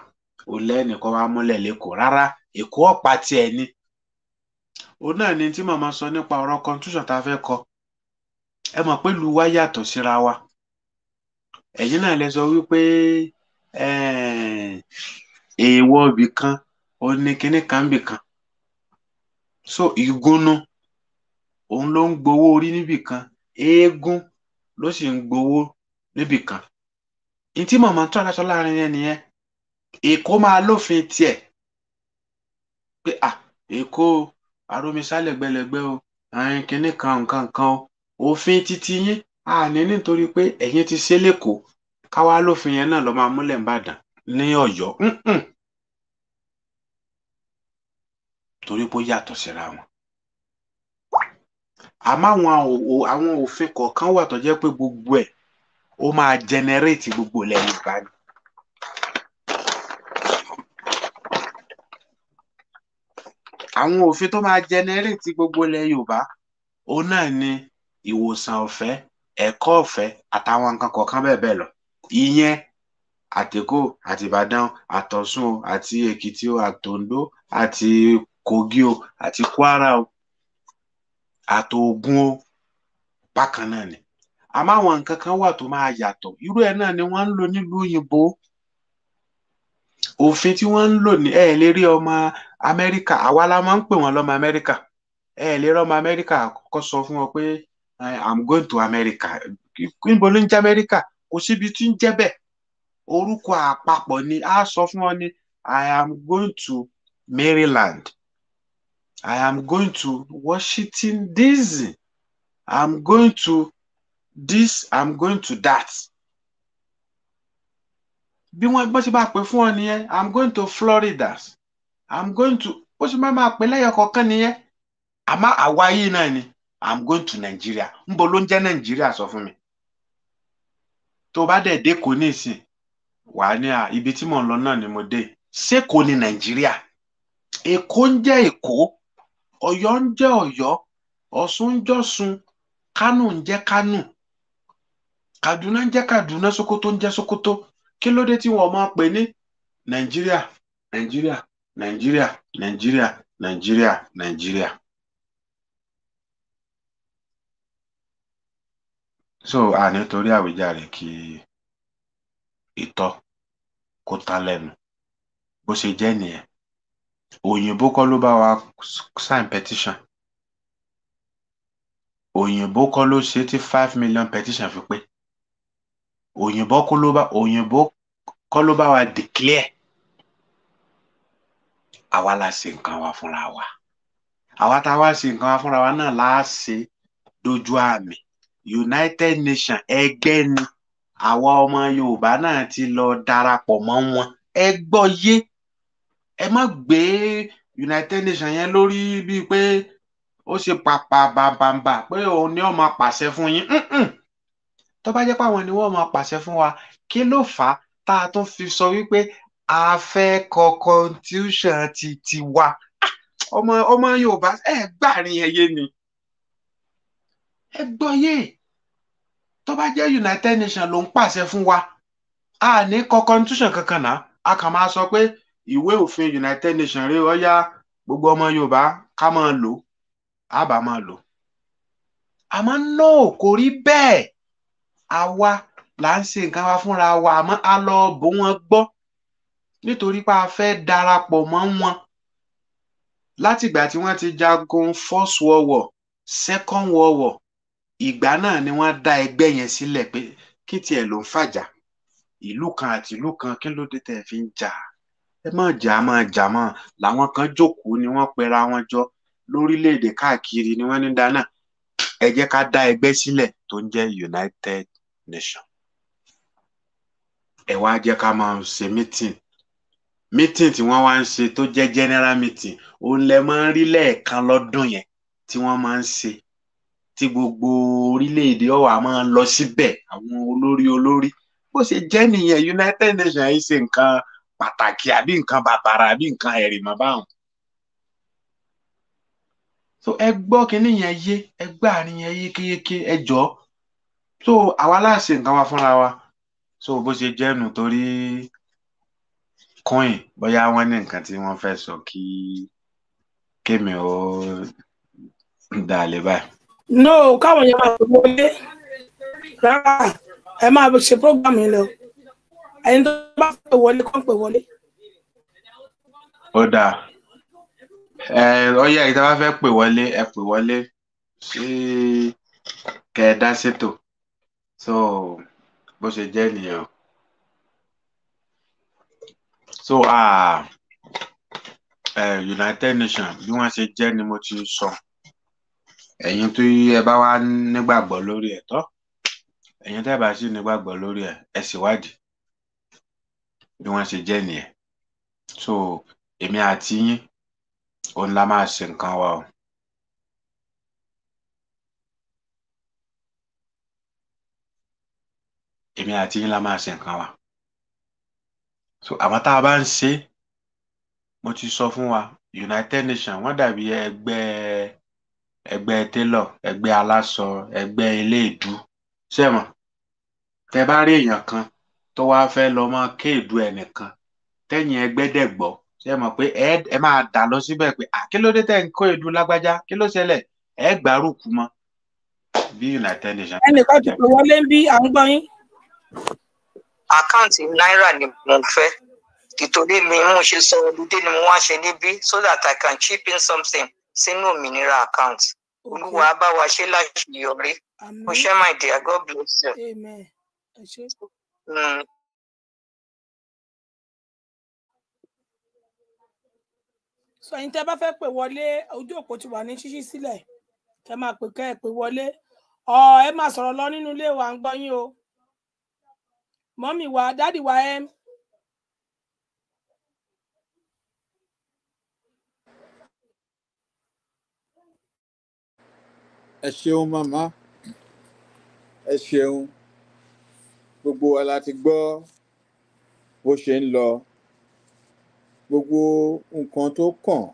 múlẹ̀ lẹ́kọ̀ọ́ èkó ọ̀pá ẹ̀ ni òun náà ni tí màmá sọ nípa ọ̀rọ̀ constitution tá a fẹ́ kọ ẹ mọ̀ pé wa yàtọ̀ síra wa ẹ̀yin náà sọ wípé eh, èèwọ̀ ibì kan ó ní kinní kan so ìgúnnu òun ló ń gbowó orí níbì kan eégún ló sì ń gbowó níbì kan màmá tó láàrin yẹn pé à èkó o àròmísá lẹ́gbẹ̀lẹ́gbẹ̀ o àrin kinní kan nǹkan kan o òfin titi yín àní nítorí pé ẹ̀yin ti ṣe lẹ́kọ̀ọ́ káwá lófin yẹn náà lọ máa múlẹ̀ ńbàdàn ní ọ̀yọ́ torí pé ó yàtọ̀ síra wọn àmọ́ àwọn àwọn òfin kọ̀ọ̀kan wà tó jẹ́ pé gbogbo ẹ̀ ó máa jẹnẹrétì gbogbo ilẹ̀ Yorùbá ni àwọn òfin tó máa jẹnẹrétì gbogbo ilẹ̀ yorùbá òun náà ni ìwòsàn ọ̀fẹ́ ẹ̀kọ́ ọ̀fẹ́ àtàwọn nǹkan kọ̀ọ̀kan bẹ́ẹ̀ bẹ́ẹ̀ lọ ìyẹn àtẹ̀kọ́ àti ìbàdàn àtọ̀sùn àti èkìtì àtòǹdó àti kogi o àti kwara o àtògùn o bákan náà ni àmọ́ àwọn nǹkan kan wà tó máa yàtọ̀ irú ẹ̀ náà ni wọ́n ń lò nílùú òyìnbó òfin tí wọ́n ń lò ní ẹ̀ ọmọ amẹ́ríkà àwa la máa ń pè wọ́n lọ́mọ amẹ́ríkà ẹ lè rọ́mọ amẹ́ríkà kọ́ sọ fún wọn pé i'm going to america níbo ló ń jẹ́ amẹ́ríkà kò síbi tí ń jẹ́ bẹ́ẹ̀ orúkọ àpapọ̀ ni a sọ fún wọn ni i am going to maryland i am going to washington dc i'm going to this i'm going to that bí wọ́n bó ṣe bá pè fún ọ nìyẹn i'm going to florida i'm going to ó sì máa máa pè lẹ́yọ kọ̀ọ̀kan nìyẹn àmọ́ àwa yìí náà ni i'm going to nàìjíríà ńbo ló ń jẹ́ nàìjíríà sọ fún mi tó bá dẹ̀ dé kò ní ìsìn wà á ní à ibi tí mò ń lọ náà ni mo dé ṣé kò ní nàìjíríà èkó ń jẹ́ èkó ọ̀yọ́ ń jẹ́ ọ̀yọ́ ọ̀ṣun ń jọ́ṣun kánò ń jẹ́ kánò kàdúná ń jẹ́ kàdúná sókótó ń jẹ́ sókótó kí ló dé tí wọ́n máa pè ní nàìjíríà nàìjíríà Nigeria, Nigeria, Nigeria, Nigeria. so a nítorí àwíjàre kí ìtọ kó ta lẹ́nu bó ṣe jẹ́ nìyẹn òyìnbó kọ́ ló bá wa sign petition òyìnbó kọ́ ló ṣe tí five million petition fi pé òyìnbó kọ́ ló bá òyìnbó kọ́ ló bá wa declare àwa la ṣe nǹkan wa fúnra wa àwa tá a wá ṣe nǹkan wa fúnra wa náà la ṣe dojú àmì United Nations ẹgbẹ́ ni àwa ọmọ Yorùbá náà ti lọ darapọ̀ mọ́ wọn ẹ gbọ́ yé ẹ má gbé United Nations yẹn lórí bíi pé ó ṣe pàpà bàbàbà pé òun ni ó máa pàṣẹ fún yín tó bá jẹ́ pé àwọn ni wọ́n máa pàṣẹ fún wa kí ló fà á tá a tún fi sọ wípé a fẹ́ kọ constitution ti tiwa ah, ọmọ ọmọ yorùbá ẹ gbàrin ẹyẹ ni ẹ gbọ́ yé tó bá jẹ́ united nations ló ń pàṣẹ fún wa a ní kọ constitution kankan náà a kàn máa sọ pé ìwé òfin united nations rẹ ó yá gbogbo ọmọ yorùbá ká máa lò á bá máa lò àmọ́ náà kò rí bẹ́ẹ̀ àwa là ń ṣe nǹkan wa fúnra wa àmọ́ a lọ bó wọn gbọ́ nítorí pé a fẹ́ darapọ̀ mọ́ wọn látìgbà tí wọ́n ti jagun first world war second world war ìgbà náà ni wọ́n dá ẹgbẹ́ yẹn sílẹ̀ pé kí tiẹ̀ ló ń fàjà ìlú kan àti ìlú kan kí ló dé tẹ̀ fi ń jà ẹ má jà má jà má làwọn kan jókòó ni wọ́n pera wọn jọ lórílẹ̀‐èdè káàkiri ni wọ́n ní dáná ẹ jẹ́ ká dá ẹgbẹ́ sílẹ̀ tó ń jẹ́ United Nations ẹ wá jẹ́ ká máa ṣe meeting meeting tí wọ́n wá ń ṣe tó jẹ́ general meeting òun lẹ máa ń rí lẹ́ẹ̀kan lọ́dún yẹn tí wọ́n máa ń ṣe tí gbogbo orílẹ̀-èdè ọ̀wà máa ń lọ síbẹ̀ àwọn olórí olórí bó ṣe jẹ́ nìyẹn United Nations yìí ṣe nǹkan pàtàkì àbí nǹkan bàbàrà àbí nǹkan ẹ̀rìmọ̀ so ẹ gbọ́ kínní yẹn yé ẹ gbọ́ àárín yẹn yékéyéké ẹ jọ so àwa láṣẹ nǹkan wa fúnra wa so bó ṣe jẹ́ nù torí coin bóyá wọ́n ní nǹkan tí wọ́n fẹ́ sọ kí kémi ó dà lé báyìí. no káwọn yẹn máa tó wọlé rárá ẹ máa ṣe program yìí lọ ẹni tó bá fẹ́ wọlé kàn pé wọlé. ó dáa ẹ ọyẹ ìta bá fẹ́ pè wọlé ẹ pè wọlé sí kẹ ẹ dá ṣètò so bó ṣe jẹ́ nìyẹn o so uh, uh, United Nations bí wọ́n ṣe jẹ́ ni mo ti sọ ẹ̀yin tó ẹ bá wá nígbàgbọ́ lórí ẹ̀ tọ́ ẹ̀yin tẹ́ bá sì nígbàgbọ́ lórí ẹ̀ ẹ sì wádìí bí wọ́n ṣe jẹ́ nìyẹn so èmi àti yín òun la máa ṣe nǹkan wa o. èmi àti yín la máa ṣe nǹkan wa so àmọ́ tá a bá ń ṣe mo ti sọ fún wa United Nations wọ́n dàbí ẹgbẹ́ ẹgbẹ́ tailor ẹgbẹ́ aláṣọ ẹgbẹ́ eléèdú sẹ́mọ̀ tẹ bá rí èèyàn kan tó wáá fẹ́ lọ mọ́ kéèdú ẹnìkan tẹ́yìn ẹgbẹ́ dẹ̀ gbọ́ sẹ́mọ̀ pé ẹ ẹ máa dà lọ síbẹ̀ pé kí ló dé tẹ̀ ń kó èdú lágbájá kí ló ṣẹlẹ̀ ẹ gbárùkù mọ́ bí United Nations. ẹnìkan ti pè wọlé ń bí à ń gbọ́ yín àkáǹtì náírà ni mo fẹ́ ìtòlé mi mo ṣe sọ olùdé ni mo wá ṣe níbí so that i can chip in something sínú òmìnira àkáǹtì olúwa bá wa ṣe láṣeyọrí mo ṣe my dear god bless you. Amen. Mm. sọ yín tẹ́ bá fẹ́ pè wọlé ojú òpó ti wà ní ṣíṣí sílẹ̀ tẹ́ máa pè kẹ́ ẹ pè wọlé ọ ẹ máa sọ̀rọ̀ lọ nínú ilé wa ń gbọ́ yín o mọ́mì why? Daddy, why eh? ẹ́. ẹ ṣeun màmá ẹ ṣeun gbogbo wa la ti gbọ́ bó ṣe ń lọ gbogbo nǹkan tó kàn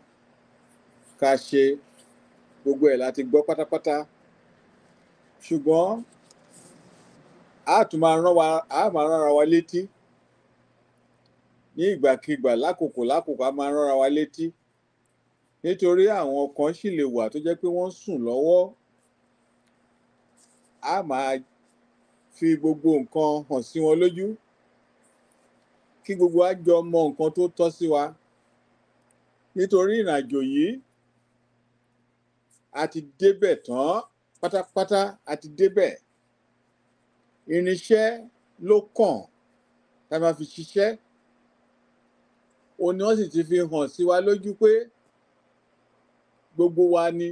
ká ṣe gbogbo ẹ̀ la ti gbọ́ pátápátá ṣùgbọ́n a tún máa rán wa a máa rán ara wa létí ní ìgbàkigbà lákòókò lákòókò a máa rán ara wa létí nítorí àwọn kan sì lè wà tó jẹ́ pé wọ́n sùn lọ́wọ́ a máa fi gbogbo nǹkan hàn sí wọn lójú kí gbogbo wa jọ mọ nǹkan tó tọ́ sí wa nítorí ìrìnàjò yìí a ti débẹ̀ tán pátápátá a ti débẹ̀ irinṣẹ́ ló kàn tá a máa fi ṣiṣẹ́ òun ni wọ́n sì ti fi hàn sí wa lójú pé gbogbo wa ni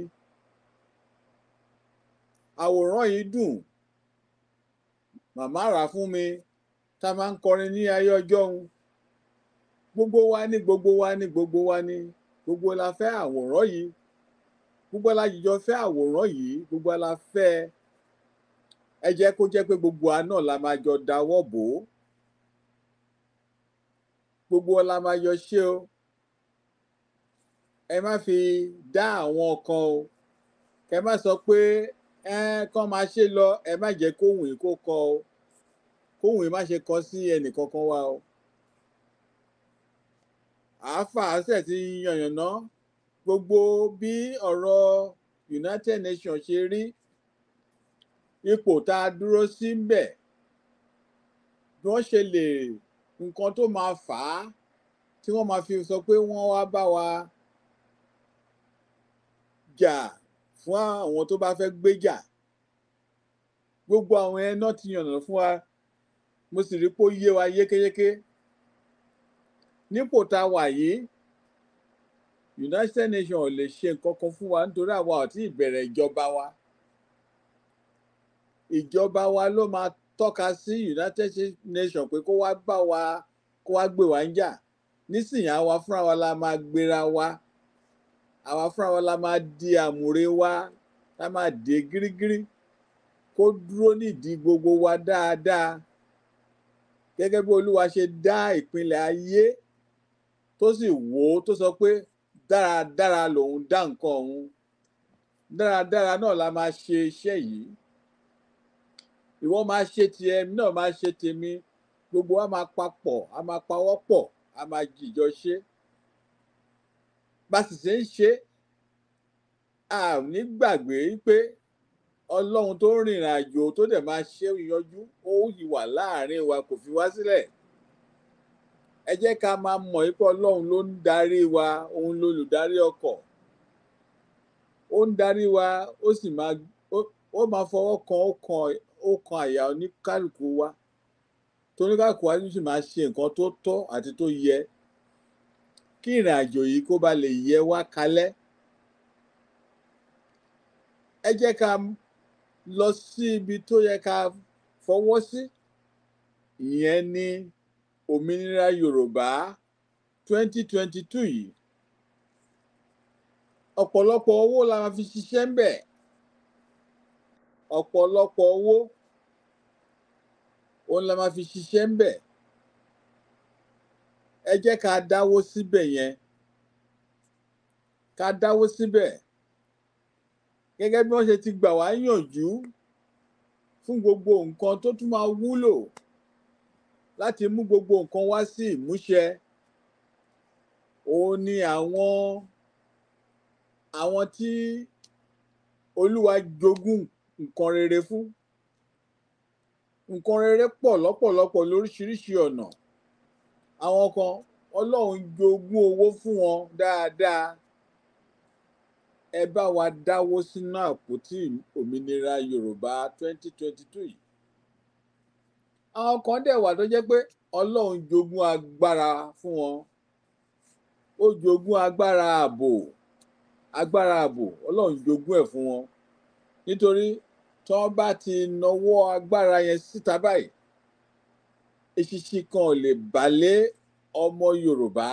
àwòrán yìí dùn màmá rà fún mi tá a máa ń kọrin ní ayé ọjọ́ òun gbogbo wa ni gbogbo wa ni gbogbo wa ni gbogbo la fẹ́ àwòrán yìí gbogbo la jìjọ fẹ́ àwòrán yìí gbogbo la fẹ́ ẹ ẹ jẹ́ kó jẹ́ pé gbogbo wa náà la máa jọ dáwọ́ bò ó gbogbo wa la máa jọ ṣe o ẹ má fi dá àwọn kan o kẹ má sọ pé ẹ kàn máa ṣe lọ ẹ má jẹ́ kóhùn yìí kó kọ o kóhùn yìí má ṣe kọ sí ẹnìkankan wa o àáfà àṣẹ ti yànnàná gbogbo bí ọ̀rọ̀ United Nations ṣe rí ipò tá a dúró sí ń bẹ̀ bí wọ́n ṣe lè nǹkan tó máa fà á tí wọ́n máa fi sọ pé wọ́n wá bá wa jà fún àwọn tó bá fẹ́ gbéjà gbogbo àwọn ẹ̀ náà ti yànnà fún wa mo sì rí pé ó yé wa yékéyéké nípò tá a wà yìí United Nations ò lè ṣe nǹkan kan fún wa nítorí àwa ò tí ì bẹ̀rẹ̀ ìjọba wa ìjọba wa ló máa tọ́ka sí united nations pé kó wá bá wa kó wá gbé wa ń jà nísìnyí àwa fúnra wa la máa gbéra wa àwa fúnra wa la máa di àmúre wa la máa dé gírígírí kó dúró nídìí gbogbo wa dáadáa gẹ́gẹ́ bí olúwa ṣe dá ìpínlẹ̀ ayé tó sì wò ó tó sọ pé dáradára lòun dá nǹkan òun dáradára náà la máa ṣe iṣẹ́ yìí ìwọ máa ṣe tiẹ̀ èmi náà máa ṣe tèmi gbogbo wa máa papọ̀ a máa pawọ́ pọ̀ a máa jìjọ ṣe bá sì ṣe ń ṣe a ní gbàgbé pé ọlọ́run tó rìnrìn àjò tó dẹ̀ máa ṣe ìyọjú ó yí wà láàrin wa kò fi wá sílẹ̀ ẹ jẹ́ ká máa mọ̀ pé ọlọ́run ló ń darí wa òun lolùdarí ọkọ̀ ó ń darí wa ó sì máa ó máa fọwọ́ kan ọkàn ó kan àyà oníkálukú wa tóníkálukú wa sì máa ṣe nǹkan tó tọ́ àti tó yẹ kí ìrìn àjò yìí kó ba lè yẹ wá kalẹ̀ ẹ jẹ́ ká lọ sí ibi tó yẹ ká fọwọ́ sí ìyẹn ní òmìnira Yorùbá 2022 yìí ọ̀pọ̀lọpọ̀ owó la máa fi ṣiṣẹ́ ń bẹ̀ẹ́ ọ̀pọ̀lọpọ̀ owó òun la máa fi ṣiṣẹ́ ń bẹ̀ ẹ jẹ́ ká dáwó síbẹ̀ yẹn ká dáwó síbẹ̀ gẹ́gẹ́ bí wọ́n ṣe ti gbà wá yànjú fún gbogbo nǹkan tó tún máa wúlò láti mú gbogbo nǹkan wá sí ìmúṣẹ òun ni àwọn àwọn tí olúwa jogún nǹkan rere fún nǹkan rere pọ̀ lọ́pọ̀lọpọ̀ lóríṣiríṣi ọ̀nà àwọn kan ọlọ́run jogún owó fún wọn dáadáa ẹ bá wa dáwó sínú àpótí òmìnira yorùbá 2022 yìí àwọn kan dẹ̀ wà tó jẹ́ pé ọlọ́run jogún agbára fún wọn ó jogún agbára ààbò agbára ààbò ọlọ́run jogún ẹ̀ fún wọn nítorí tó bá ti nawọ́ agbára yẹn síta báyìí eṣinṣin kan ò lè balẹ̀ ọmọ Yorùbá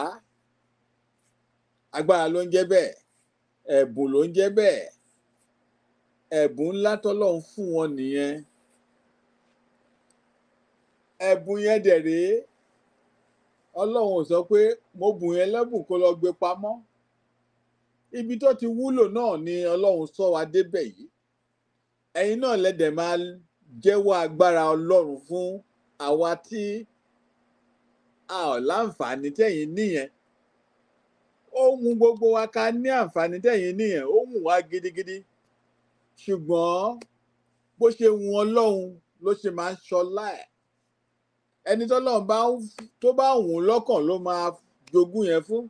agbára ló ń jẹ́ bẹ́ẹ̀ ẹ̀bùn ló ń jẹ́ bẹ́ẹ̀ ẹ̀bùn ńlá tọ́lọ́run fún wọn nìyẹn ẹ̀bùn yẹn dẹ̀ rèé ọlọ́run sọ pé mo bùn yẹn lẹ́bùn kó lọ gbé pamọ́ ibi tó ti wúlò náà ni ọlọ́run sọ wa débẹ̀ yìí ẹ̀yin náà lẹ́dẹ̀ máa jẹ́wọ́ agbára ọlọ́run fún àwa tí a ò láǹfààní tẹ̀yin nìyẹn ohun gbogbo wa ká ní àǹfààní tẹ̀yin nìyẹn ohun wa gidigidi ṣùgbọ́n bó ṣe wù ọlọ́run ló ṣe máa ń ṣọlá ẹ̀ ẹni tọ́lọ́run bá tó bá wù ú lọ́kàn ló máa jogún yẹn fún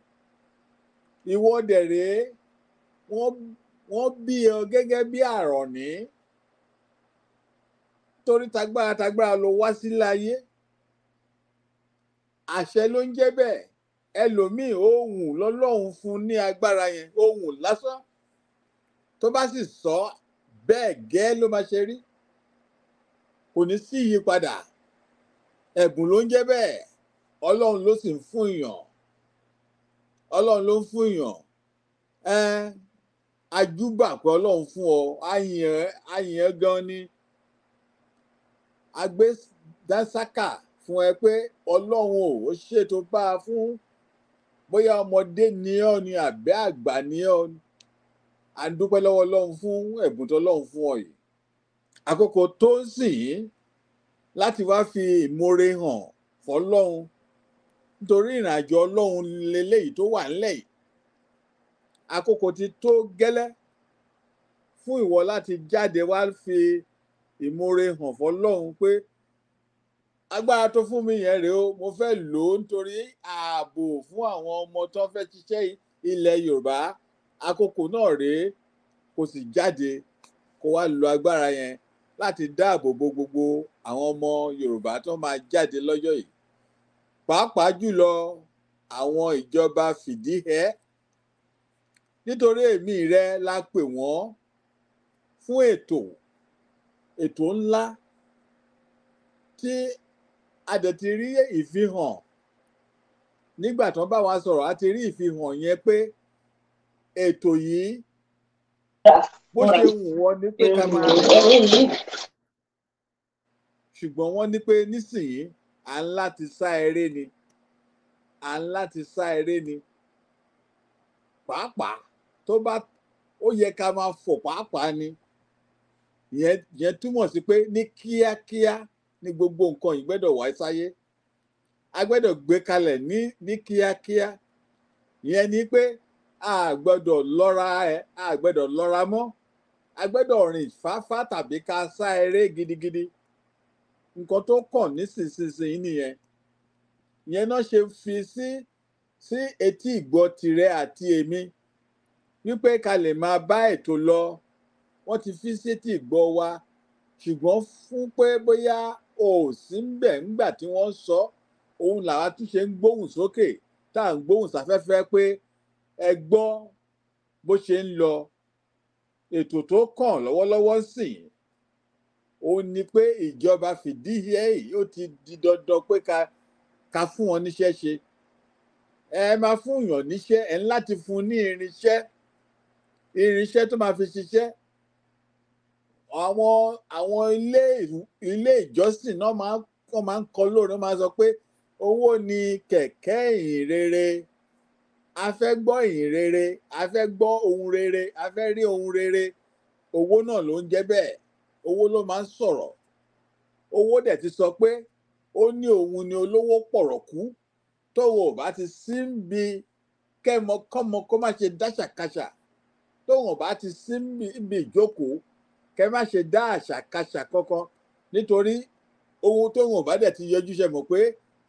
ìwọ rèé wọ́n bí ọ gẹ́gẹ́ bí àrọ̀ní torí tagbára tagbára ló wá sí láyé àṣẹ ló ń jẹ́ bẹ́ẹ̀ ẹlòmíì ohun lọ́lọ́run fún ní agbára yẹn ohun lásán tó bá sì sọ bẹ́ẹ̀ gẹ́ ló máa ṣe rí kò ní sí ìyípadà ẹ̀bùn ló ń jẹ́ bẹ́ẹ̀ ọlọ́run ló sì ń fún èèyàn ọlọ́run ló ń fún èèyàn ẹ ajúbà pé ọlọ́run fún ọ àyàn ẹ gan ni a gbé dásákà fún ẹ pé ọlọ́run ò ó ṣètò bá a fún bóyá ọmọdé ni ọ ni àbẹ́ àgbà ni ọ à ń dúpẹ́ lọ́wọ́ ọlọ́run fún ẹ̀bùn tó lọ́run fún ọ yìí àkókò tó ń sìn láti wá fi ìmoore hàn fọlọ́run nítorí ìrìnàjò ọlọ́run lélẹ́yìí tó wà ńlẹ̀ yìí àkókò ti tó gẹ́lẹ́ fún ìwọ láti jáde wá fi ìmoore hàn fọlọ́run pé agbára tó fún mi yẹn rèé o mo fẹ́ lò ó nítorí ààbò fún àwọn ọmọ tó fẹ́ ṣiṣẹ́ ilẹ̀ yorùbá àkókò náà rèé kò sì jáde kó wá lo agbára yẹn láti dáàbò bo gbogbo àwọn ọmọ yorùbá tó máa jáde lọ́jọ́ yìí pàápàá jùlọ àwọn ìjọba fìdíhẹ nítorí èmi rẹ la pè wọ́n fún ètò ètò ńlá tí a dẹ̀ ti rí ìfihàn nígbà tó bá wa sọ̀rọ̀ a ti rí ìfihàn yẹn pé ètò yìí bó ṣe wù wọ́n ní pé ká máa ṣùgbọ́n wọ́n ní pé nísìnyí à ń láti sá eré ni à ń láti sá eré ni pàápàá tó bá ó yẹ ká máa fò pàápàá ni. yẹn túmọ̀ sí pé ní kíákíá ni gbogbo nǹkan yìí gbẹ́dọ̀ wá sáyé a gbé kalẹ̀ ní kíákíá yẹn ni pé a gbọ́dọ̀ lọ́ra a gbọ́dọ̀ lọ́ra mọ́ a gbọ́dọ̀ rìn fáfá tàbí ká sá gidigidi nǹkan tó kàn nísinsìnyí nìyẹn yẹn náà ṣe fi sí sí etí ìgbọ́ tirẹ̀ àti èmi wípé lè máa bá wọ́n ti fi sétí gbọ́ wa ṣùgbọ́n fún pé bóyá o ò sí ń bẹ̀ ńgbà tí wọ́n sọ òun làwa tún ṣe ń gbóhùn sókè tá à ń gbóhùn sáfẹ́fẹ́ pé ẹ gbọ́ bó ṣe ń lọ ètò tó kàn lọ́wọ́lọ́wọ́ sìn ó ní pé ìjọba fìdíhe yìí ó ti di dandan pé ká ká fún wọn níṣẹ́ ṣe ẹ máa fún yàn níṣẹ́ ẹ ń láti fún ní irinṣẹ́ irinṣẹ́ tó máa fi ṣiṣẹ́ àwọn àwọn ilé ilé ìjọsìn náà máa wọn máa ń kọ lóore wọn máa sọ pé owó ni kẹ̀kẹ́ ìyìn rere a fẹ́ gbọ́ ìyìn rere a fẹ́ gbọ́ ohun rere a fẹ́ rí ohun rere owó náà ló ń jẹ́ bẹ́ẹ̀ owó ló máa ń sọ̀rọ̀ owó dẹ̀ ti sọ pé ó ní òun ni olówó pọ̀rọ̀kú tóun ò bá ti sí ń bi kẹ́mọkọ́mọ kó má ṣe dáṣàkáṣà tóun ò bá ti sí ń bi ìjókòó kẹ má ṣe dá àṣàkáṣà kọ́kọ́ nítorí ohun tó wọn ò bá dẹ̀ ti yọjú ṣe mọ̀ pé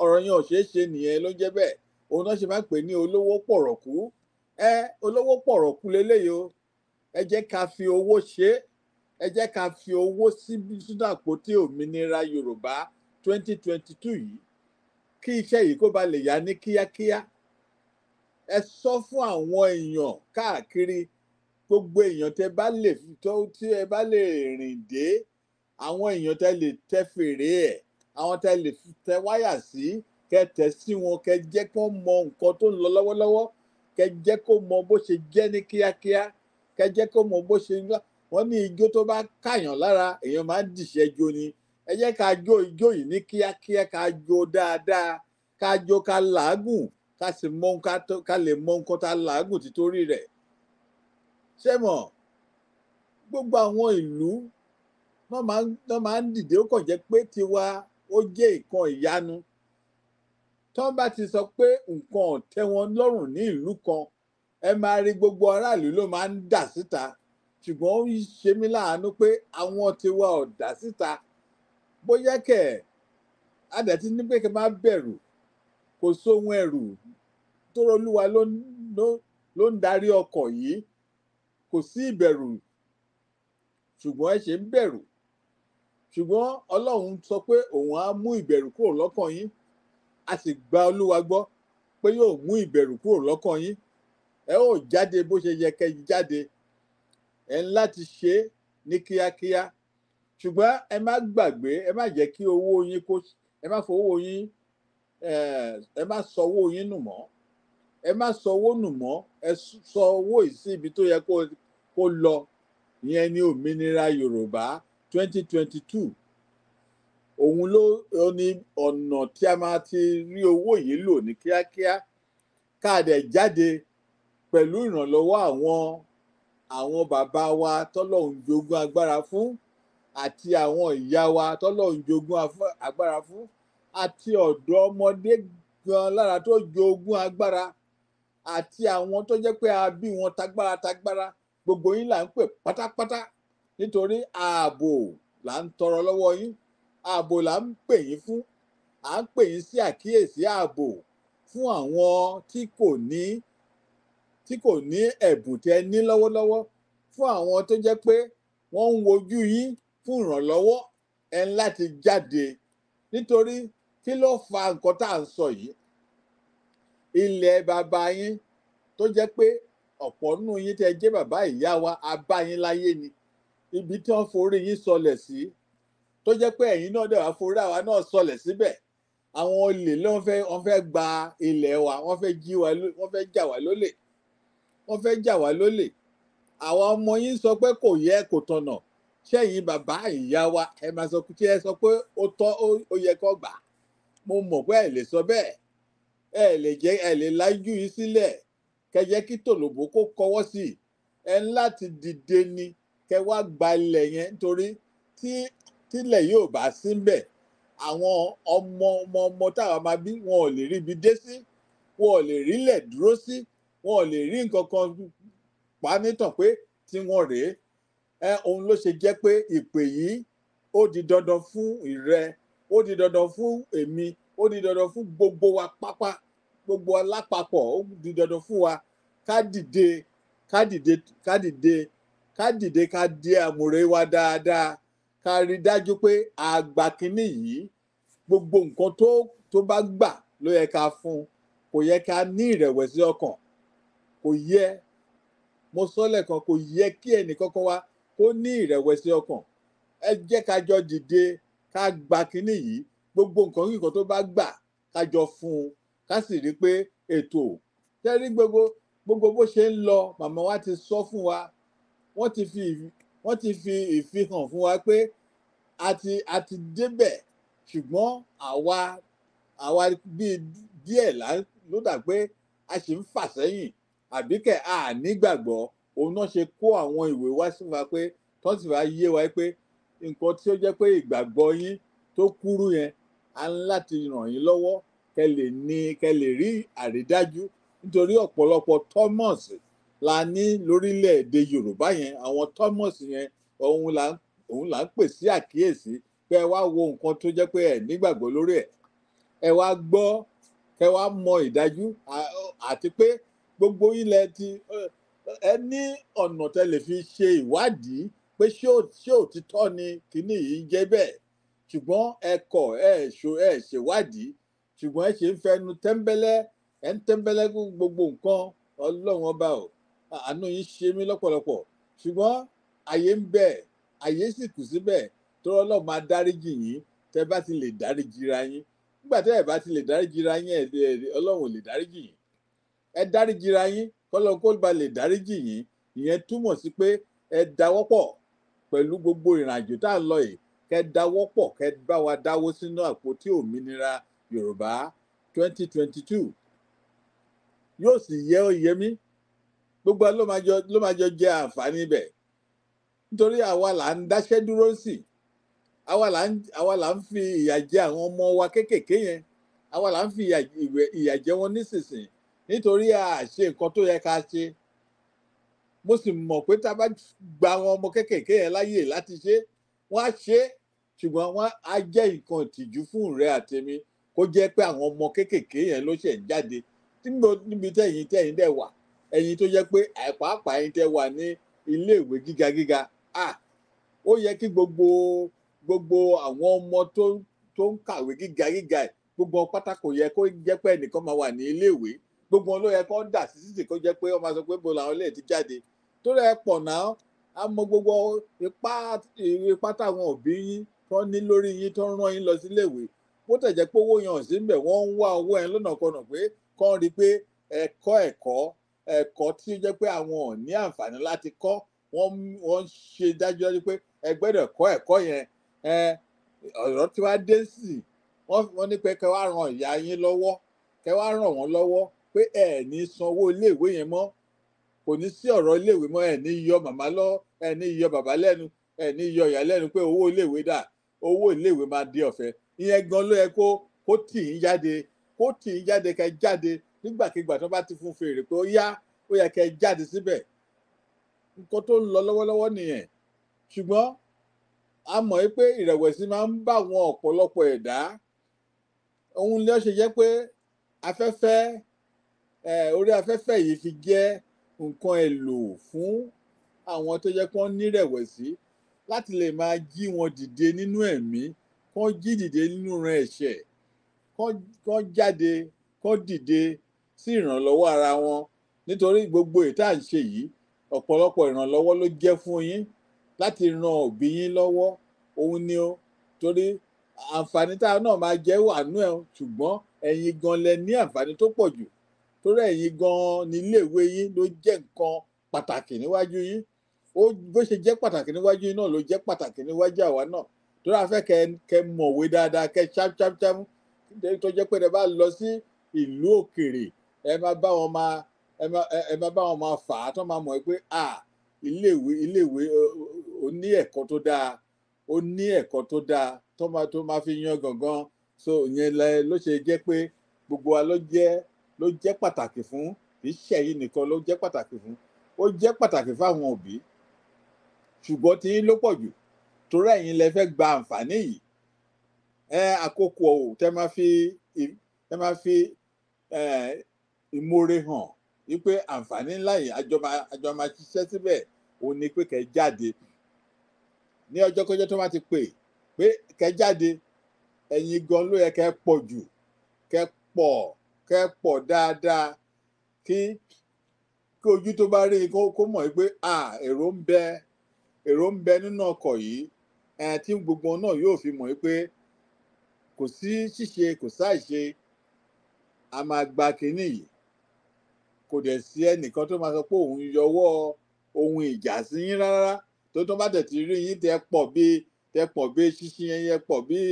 ọ̀rọ̀ yẹn ò ṣeé ṣe nìyẹn ló jẹ́ bẹ́ẹ̀ òun náà ṣe máa ń pè ní olówó pọ̀rọ̀kú ẹ olówó pọ̀rọ̀kú leléyìí o ẹ jẹ́ ká fi owó ṣe ẹ jẹ́ ká fi owó sínú àpótí òmìnira Yorùbá 2022 yìí kí iṣẹ́ yìí kó ba lè yá ní kíákíá ẹ sọ fún àwọn èèyàn káàkiri gbogbo èèyàn tẹ bá lè tó tí ẹ bá lè rìn dé àwọn èèyàn tẹ lè tẹ fèrè ẹ àwọn tẹ lè tẹ wáyà sí kẹ tẹ sí wọn kẹ jẹ kó mọ nǹkan tó ń lọ lọ́wọ́lọ́wọ́ kẹ jẹ kó mọ bó ṣe jẹ ní kíákíá kẹ jẹ kó mọ bó ṣe ńlá wọn ní ijó tó bá kàyàn lára èèyàn máa ń dìṣẹ jo ni ẹ jẹ ká jó ijó yìí ní kíákíá ká jó dáadáa ká jó ká làágùn ká sì mọ ká lè mọ nǹkan tá làágùn títorí rẹ̀ sẹ́mọ̀ gbogbo àwọn ìlú náà máa ń dìde ó kàn jẹ́ pé tiwa ó jẹ́ nǹkan ìyanu tí wọ́n bá ti sọ pé nǹkan ò tẹ́ wọn lọ́rùn ní ìlú kan ẹ máa rí gbogbo aráàlú ló máa ń dà síta ṣùgbọ́n ó ṣe mí láàánú pé àwọn tiwa ò dà síta bóyá kẹ̀ adẹ̀tí ní pé kẹ́ má bẹ̀rù kò sóhun ẹ̀rù tó rọlúwa ló ń darí ọkọ̀ yìí kò sí ìbẹ̀rù ṣùgbọ́n ẹ ṣe ń bẹ̀rù ṣùgbọ́n ọlọ́run sọ pé òun á mú ìbẹ̀rù kúrò lọ́kàn yín a sì gba olúwa gbọ́ pé yóò mú ìbẹ̀rù kúrò lọ́kàn yín ẹ ó jáde bó ṣe yẹ kẹ́ jáde ẹ ń láti ṣe é ní kíákíá ṣùgbọ́n ẹ má gbàgbé ẹ má jẹ́ kí owó yín kó ẹ má fowó yín ẹ má sọ owó yín nù mọ́ ẹ má sọ owó nù mọ́ ẹ sọ owó yìí sí tó yẹ kó lọ ìyẹn ní òmìnira yorùbá twenty twenty two òun ló ní ọ̀nà tí a máa ti rí owó yìí lò ní kíákíá káàdì jáde pẹ̀lú ìrànlọ́wọ́ àwọn àwọn bàbá wa tọ́lọ́hun jogún agbára fún àti àwọn ìyá wa tọ́lọ́hun jogún agbára fún àti ọ̀dọ́ ọmọdé gan lára tó jogún agbára àti àwọn tó jẹ́ pé a bí wọn tagbára tagbára gbogbo yín là ń pè pátápátá nítorí ààbò là ń tọrọ lọ́wọ́ yín ààbò là ń pè yín fún à ń pè yín sí àkíyèsí ààbò fún àwọn tí kò ní tí kò ní ẹ̀bùn tẹ́ ní lọ́wọ́lọ́wọ́ fún àwọn tó jẹ́ pé wọ́n ń wojú yín fún ìrànlọ́wọ́ ẹ̀ ń láti jáde nítorí kí ló fa nǹkan tá à ń sọ yìí ilẹ̀ bàbá yín tó jẹ́ pé ọ̀pọ̀ nù yín tẹ́ jẹ́ bàbá ìyá wa abá yín láyé ni ibi tí wọ́n forí yín sọlẹ̀ sí tó jẹ́ pé ẹ̀yin náà dẹ̀ wá forí àwa náà sọlẹ̀ síbẹ̀ àwọn olè ló fẹ́ wọ́n fẹ́ gba ilẹ̀ wa wọ́n fẹ́ jí wa wọ́n fẹ́ jà wá lólè wọ́n fẹ́ jà wá lólè àwọn ọmọ yín sọ pé kò yẹ kò tọ̀nà ṣẹ́yìn bàbá ìyá wa ẹ máa sọ pé ó tọ́ ó yẹ kó gbà mo mọ̀ pé ẹ lè sọ bẹ́ẹ̀ ẹ lè jẹ́ ẹ lè lájú yìí sílẹ̀ kẹjẹ́ kí tòlòbó kó kọwọ́ sí i ẹ ń láti dìde ni kẹ wá gba ilẹ̀ yẹn nítorí tí tílẹ̀ yóò bá síbẹ̀ àwọn ọmọ ọmọ ọmọ táwa máa bí wọn ò lè rí ibi dé sí wọn ò lè rílẹ̀ dúró sí wọn ò lè rí nǹkan kan pa nítàn pé tí wọ́n rèé ẹ òun ló ṣe jẹ́ pé ìpè yìí ó di dandan fún ìrẹ ó di dandan fún èmi ó di dandan fún gbogbo wa pápá gbogbo alápapọ̀ ó di dandan fún wa ká dìde ká dìde ká dìde ká dìde ká di àmúre wa dáadáa ká rí dájú pé àgbà kínní yìí gbogbo nǹkan tó tó bá gbà ló yẹ ká fún kò yẹ ká ní ìrẹ̀wẹ̀sì ọkàn kò yẹ mo sọ lẹ́ẹ̀kan kò yẹ kí ẹnìkankan wa kó ní ìrẹ̀wẹ̀sì ọkàn ẹ jẹ́ ká jọ dìde ká gba kínní yìí gbogbo nǹkan nǹkan tó bá gbà ká jọ fún un ká sì rí i pé ètò tẹ́rí gbogbo gbogbo bó ṣe ń lọ màmá wa ti sọ fún wa wọ́n ti fi wọ́n ti fi ìfihàn fún wa pé a ti a ti débẹ̀ ṣùgbọ́n àwa àwa bíi díẹ̀ ló dà pé a sì ń fà sẹ́yìn àbí kẹ̀ a nígbàgbọ́ òun náà ṣe kó àwọn ìwé wá sí wa pé tó sì wá yé wa pé nǹkan tí ó jẹ́ pé ìgbàgbọ́ yín tó kúrú yẹn á ń láti ràn yín lọ́wọ́ kẹ lè ní kẹ lè rí àrídájú nítorí ọ̀pọ̀lọpọ̀ Thomas la ní lórílẹ̀‐èdè Yorùbá yẹn àwọn Thomas yẹn òun là òun là ń pè sí àkíyèsí pé ẹ wá wo nǹkan tó jẹ́ pé ẹ nígbàgbọ́ lórí ẹ̀ ẹ wá gbọ́ kẹ wá mọ ìdájú àti pé gbogbo ilẹ̀ ti ẹ ní ọ̀nà tẹ lè fi ṣe ìwádìí pé ṣé òtítọ́ ni kíní yìí jẹ́ bẹ́ẹ̀ ṣùgbọ́n ẹ kọ̀ ẹ ṣèwádìí ṣùgbọ́n ẹ ṣe ń fẹnu tẹ́ńbẹ́lẹ́ ẹ ń tẹ́ńbẹ́lẹ́ gbogbo nǹkan ọlọ́run ọba o àánú yìí ṣe mí lọ́pọ̀lọpọ̀ ṣùgbọ́n àyè ń bẹ àyè sì kù síbẹ̀ tó ọlọ́run máa dáríjì yín tẹ́ bá ti lè dáríjì ra yín nígbà tẹ́ ẹ̀ bá ti lè dáríjì ra yín ọlọ́run ò lè dáríjì yín ẹ dáríjì ra yín kọ́lọ́ kó ba lè dáríjì yín ìyẹn túmọ̀ sí pé ẹ dáwọ́pọ̀ pẹ̀lú gbogbo ìrìnàjò tá à ń lọ yìí kẹ́ dáwọ́pọ̀ kẹ́ bá wa dáwó sínú àpótí òmìnira yorùbá twenty twenty two yóò sì yẹ oyè mí gbogbo ló máa jọ ló máa jọ jẹ àǹfààní ibẹ̀ nítorí àwa là ń dáṣẹ́ dúró sí àwa là ń àwa là ń fi ìyà jẹ àwọn ọmọ wa kéékèèké yẹn àwa là ń fi ìyà jẹ wọn nísinsìnyí nítorí a ṣe nǹkan tó yẹ ká ṣe mo sì mọ̀ pé tá a bá gba àwọn ọmọ kéékèèké yẹn láyè láti ṣe wọ́n á ṣe ṣùgbọ́n wọ́n á jẹ́ nǹkan ìtìjú fún rẹ àtẹ̀mí kó jẹ́ pé àwọn ọmọ kéékèèké yẹn ló ṣẹ̀ jáde níbi tẹ̀yìn tẹ̀yìn dẹ̀ wà ẹ̀yin tó jẹ́ pé àìpàápàá ẹ̀yin tẹ̀ wà ní iléèwé gíga gíga ó yẹ kí gbogbo gbogbo àwọn ọmọ tó ń kàwé gíga gíga ẹ̀ gbogbo pátá yẹ kó jẹ́ pé ẹnìkan máa wà ní iléèwé gbogbo ló yẹ kó dà sí títì kó jẹ́ pé wọ́n sọ pé bó làwọn ti jáde tó rẹ̀ pọ̀ náà á mọ gbogbo ipá táwọn òbí yín tó ní lórí yín tó ń rán yín lọ síléèwé bó tẹ̀ jẹ́ pé owó yan sí ń wọ́n ń wá owó ẹ̀ lọ́nà kọnà pé kán rí i pé ẹ̀kọ́ ẹ̀kọ́ ẹ̀kọ́ tí ó jẹ́ pé àwọn ò ní àǹfààní láti kọ́ wọ́n ń ṣe dájúdájú pé ẹ gbẹ́dọ̀ kọ́ ẹ̀kọ́ yẹn ọ̀rọ̀ tí wàá dé sí wọ́n ní pé kẹ́ wàá ran ìyá yín lọ́wọ́ kẹ́ wàá ràn wọ́n lọ́wọ́ pé ẹ̀ ní sanwó iléèwé yẹn mọ́ kò ní sí ọ̀rọ̀ iléèwé mọ́ ẹ̀ ní yọ màmá lọ ẹ̀ ní yọ bàbá lẹ́nu ẹ̀ ní yọ ìyá lẹ́nu pé owó iléèwé dà owó iléèwé máa di ọ̀fẹ́ ìyẹn gan ló yẹ kó kó tì í jáde kó tì í jáde kẹ jáde nígbàkigbà tó bá ti fún fèrè pé ó yá ó yẹ kẹ jáde síbẹ̀ nǹkan tó ń lọ lọ́wọ́lọ́wọ́ nìyẹn ṣùgbọ́n a mọ̀ pé ìrẹ̀wẹ̀sì máa ń bá àwọn ọ̀pọ̀lọpọ̀ ẹ̀dá ohun ló ṣe jẹ́ pé afẹ́fẹ́ orí afẹ́fẹ́ yìí fi jẹ́ nǹkan èlò fún àwọn tó yẹ kó nírẹ̀wẹ̀sì láti lè máa jí wọn dìde nínú ẹ̀mí. E kọ́ jí dìde nínú ran ẹ̀ṣẹ̀ kọ́ jáde kọ́ dìde sí ìrànlọ́wọ́ ara wọn nítorí gbogbo ètò à ń ṣe yìí ọ̀pọ̀lọpọ̀ ìrànlọ́wọ́ ló jẹ́ fún yín láti ran òbí yín lọ́wọ́ òun ni o torí àǹfààní tá a náà máa jẹ́ wà nú ẹ̀ ṣùgbọ́n ẹ̀yin gan lẹ ní àǹfààní tó pọ̀ jù torí ẹ̀yin gan ni iléèwé yín ló jẹ́ nǹkan pàtàkì níwájú yín ó bó ṣe jẹ́ pàtàkì níwájú yín náà ló jẹ́ pàtàkì níwájú àwa náà tó rà fẹ́ kẹ́ kẹ́ mọ̀wé dáadáa kẹ́ ṣámṣámṣám nítorí tó jẹ́ pé ẹ bá lọ sí ìlú òkèrè ẹ máa bá wọn máa ẹ máa bá wọn máa fà á tó máa mọ̀ pé à iléèwé iléèwé ó ní ẹ̀kọ́ tó dáa ó ní ẹ̀kọ́ tó dáa tó máa tó máa fi yan gangan so ìyẹn ló ṣe jẹ́ pé gbogbo wa ló jẹ́ ló jẹ́ pàtàkì fún kì í ṣẹ̀yìn nìkan ló jẹ́ pàtàkì fún ó jẹ́ pàtàkì fáwọn òbí ṣùgbọ́n tí ló pọ̀ jù torí ẹ̀yin lẹ fẹ́ gba àǹfààní yìí ẹ àkókò o tẹ máa fi tẹ máa fi ìmoore hàn wípé àǹfààní ńlá yìí síbẹ̀ òun ni pé kẹ́ jáde ní ti pè pé jáde gan ló yẹ kẹ́ jù kẹ́ dáadáa kí kí ojú tó bá rí kó mọ̀ Eh, tí gbogbo náà yóò fi mọ̀ pé kò sí ṣíṣe kò sáìṣe a máa gba kínní yìí kò dẹ̀ sí ẹnìkan tó máa sọ pé òun yọwọ́ ohun ìjà sí yín rárá tó tó bá tẹ̀ ti rí yín tẹ pọ̀ bíi tẹ pọ̀ bíi ṣíṣí yẹn yẹ pọ̀ bíi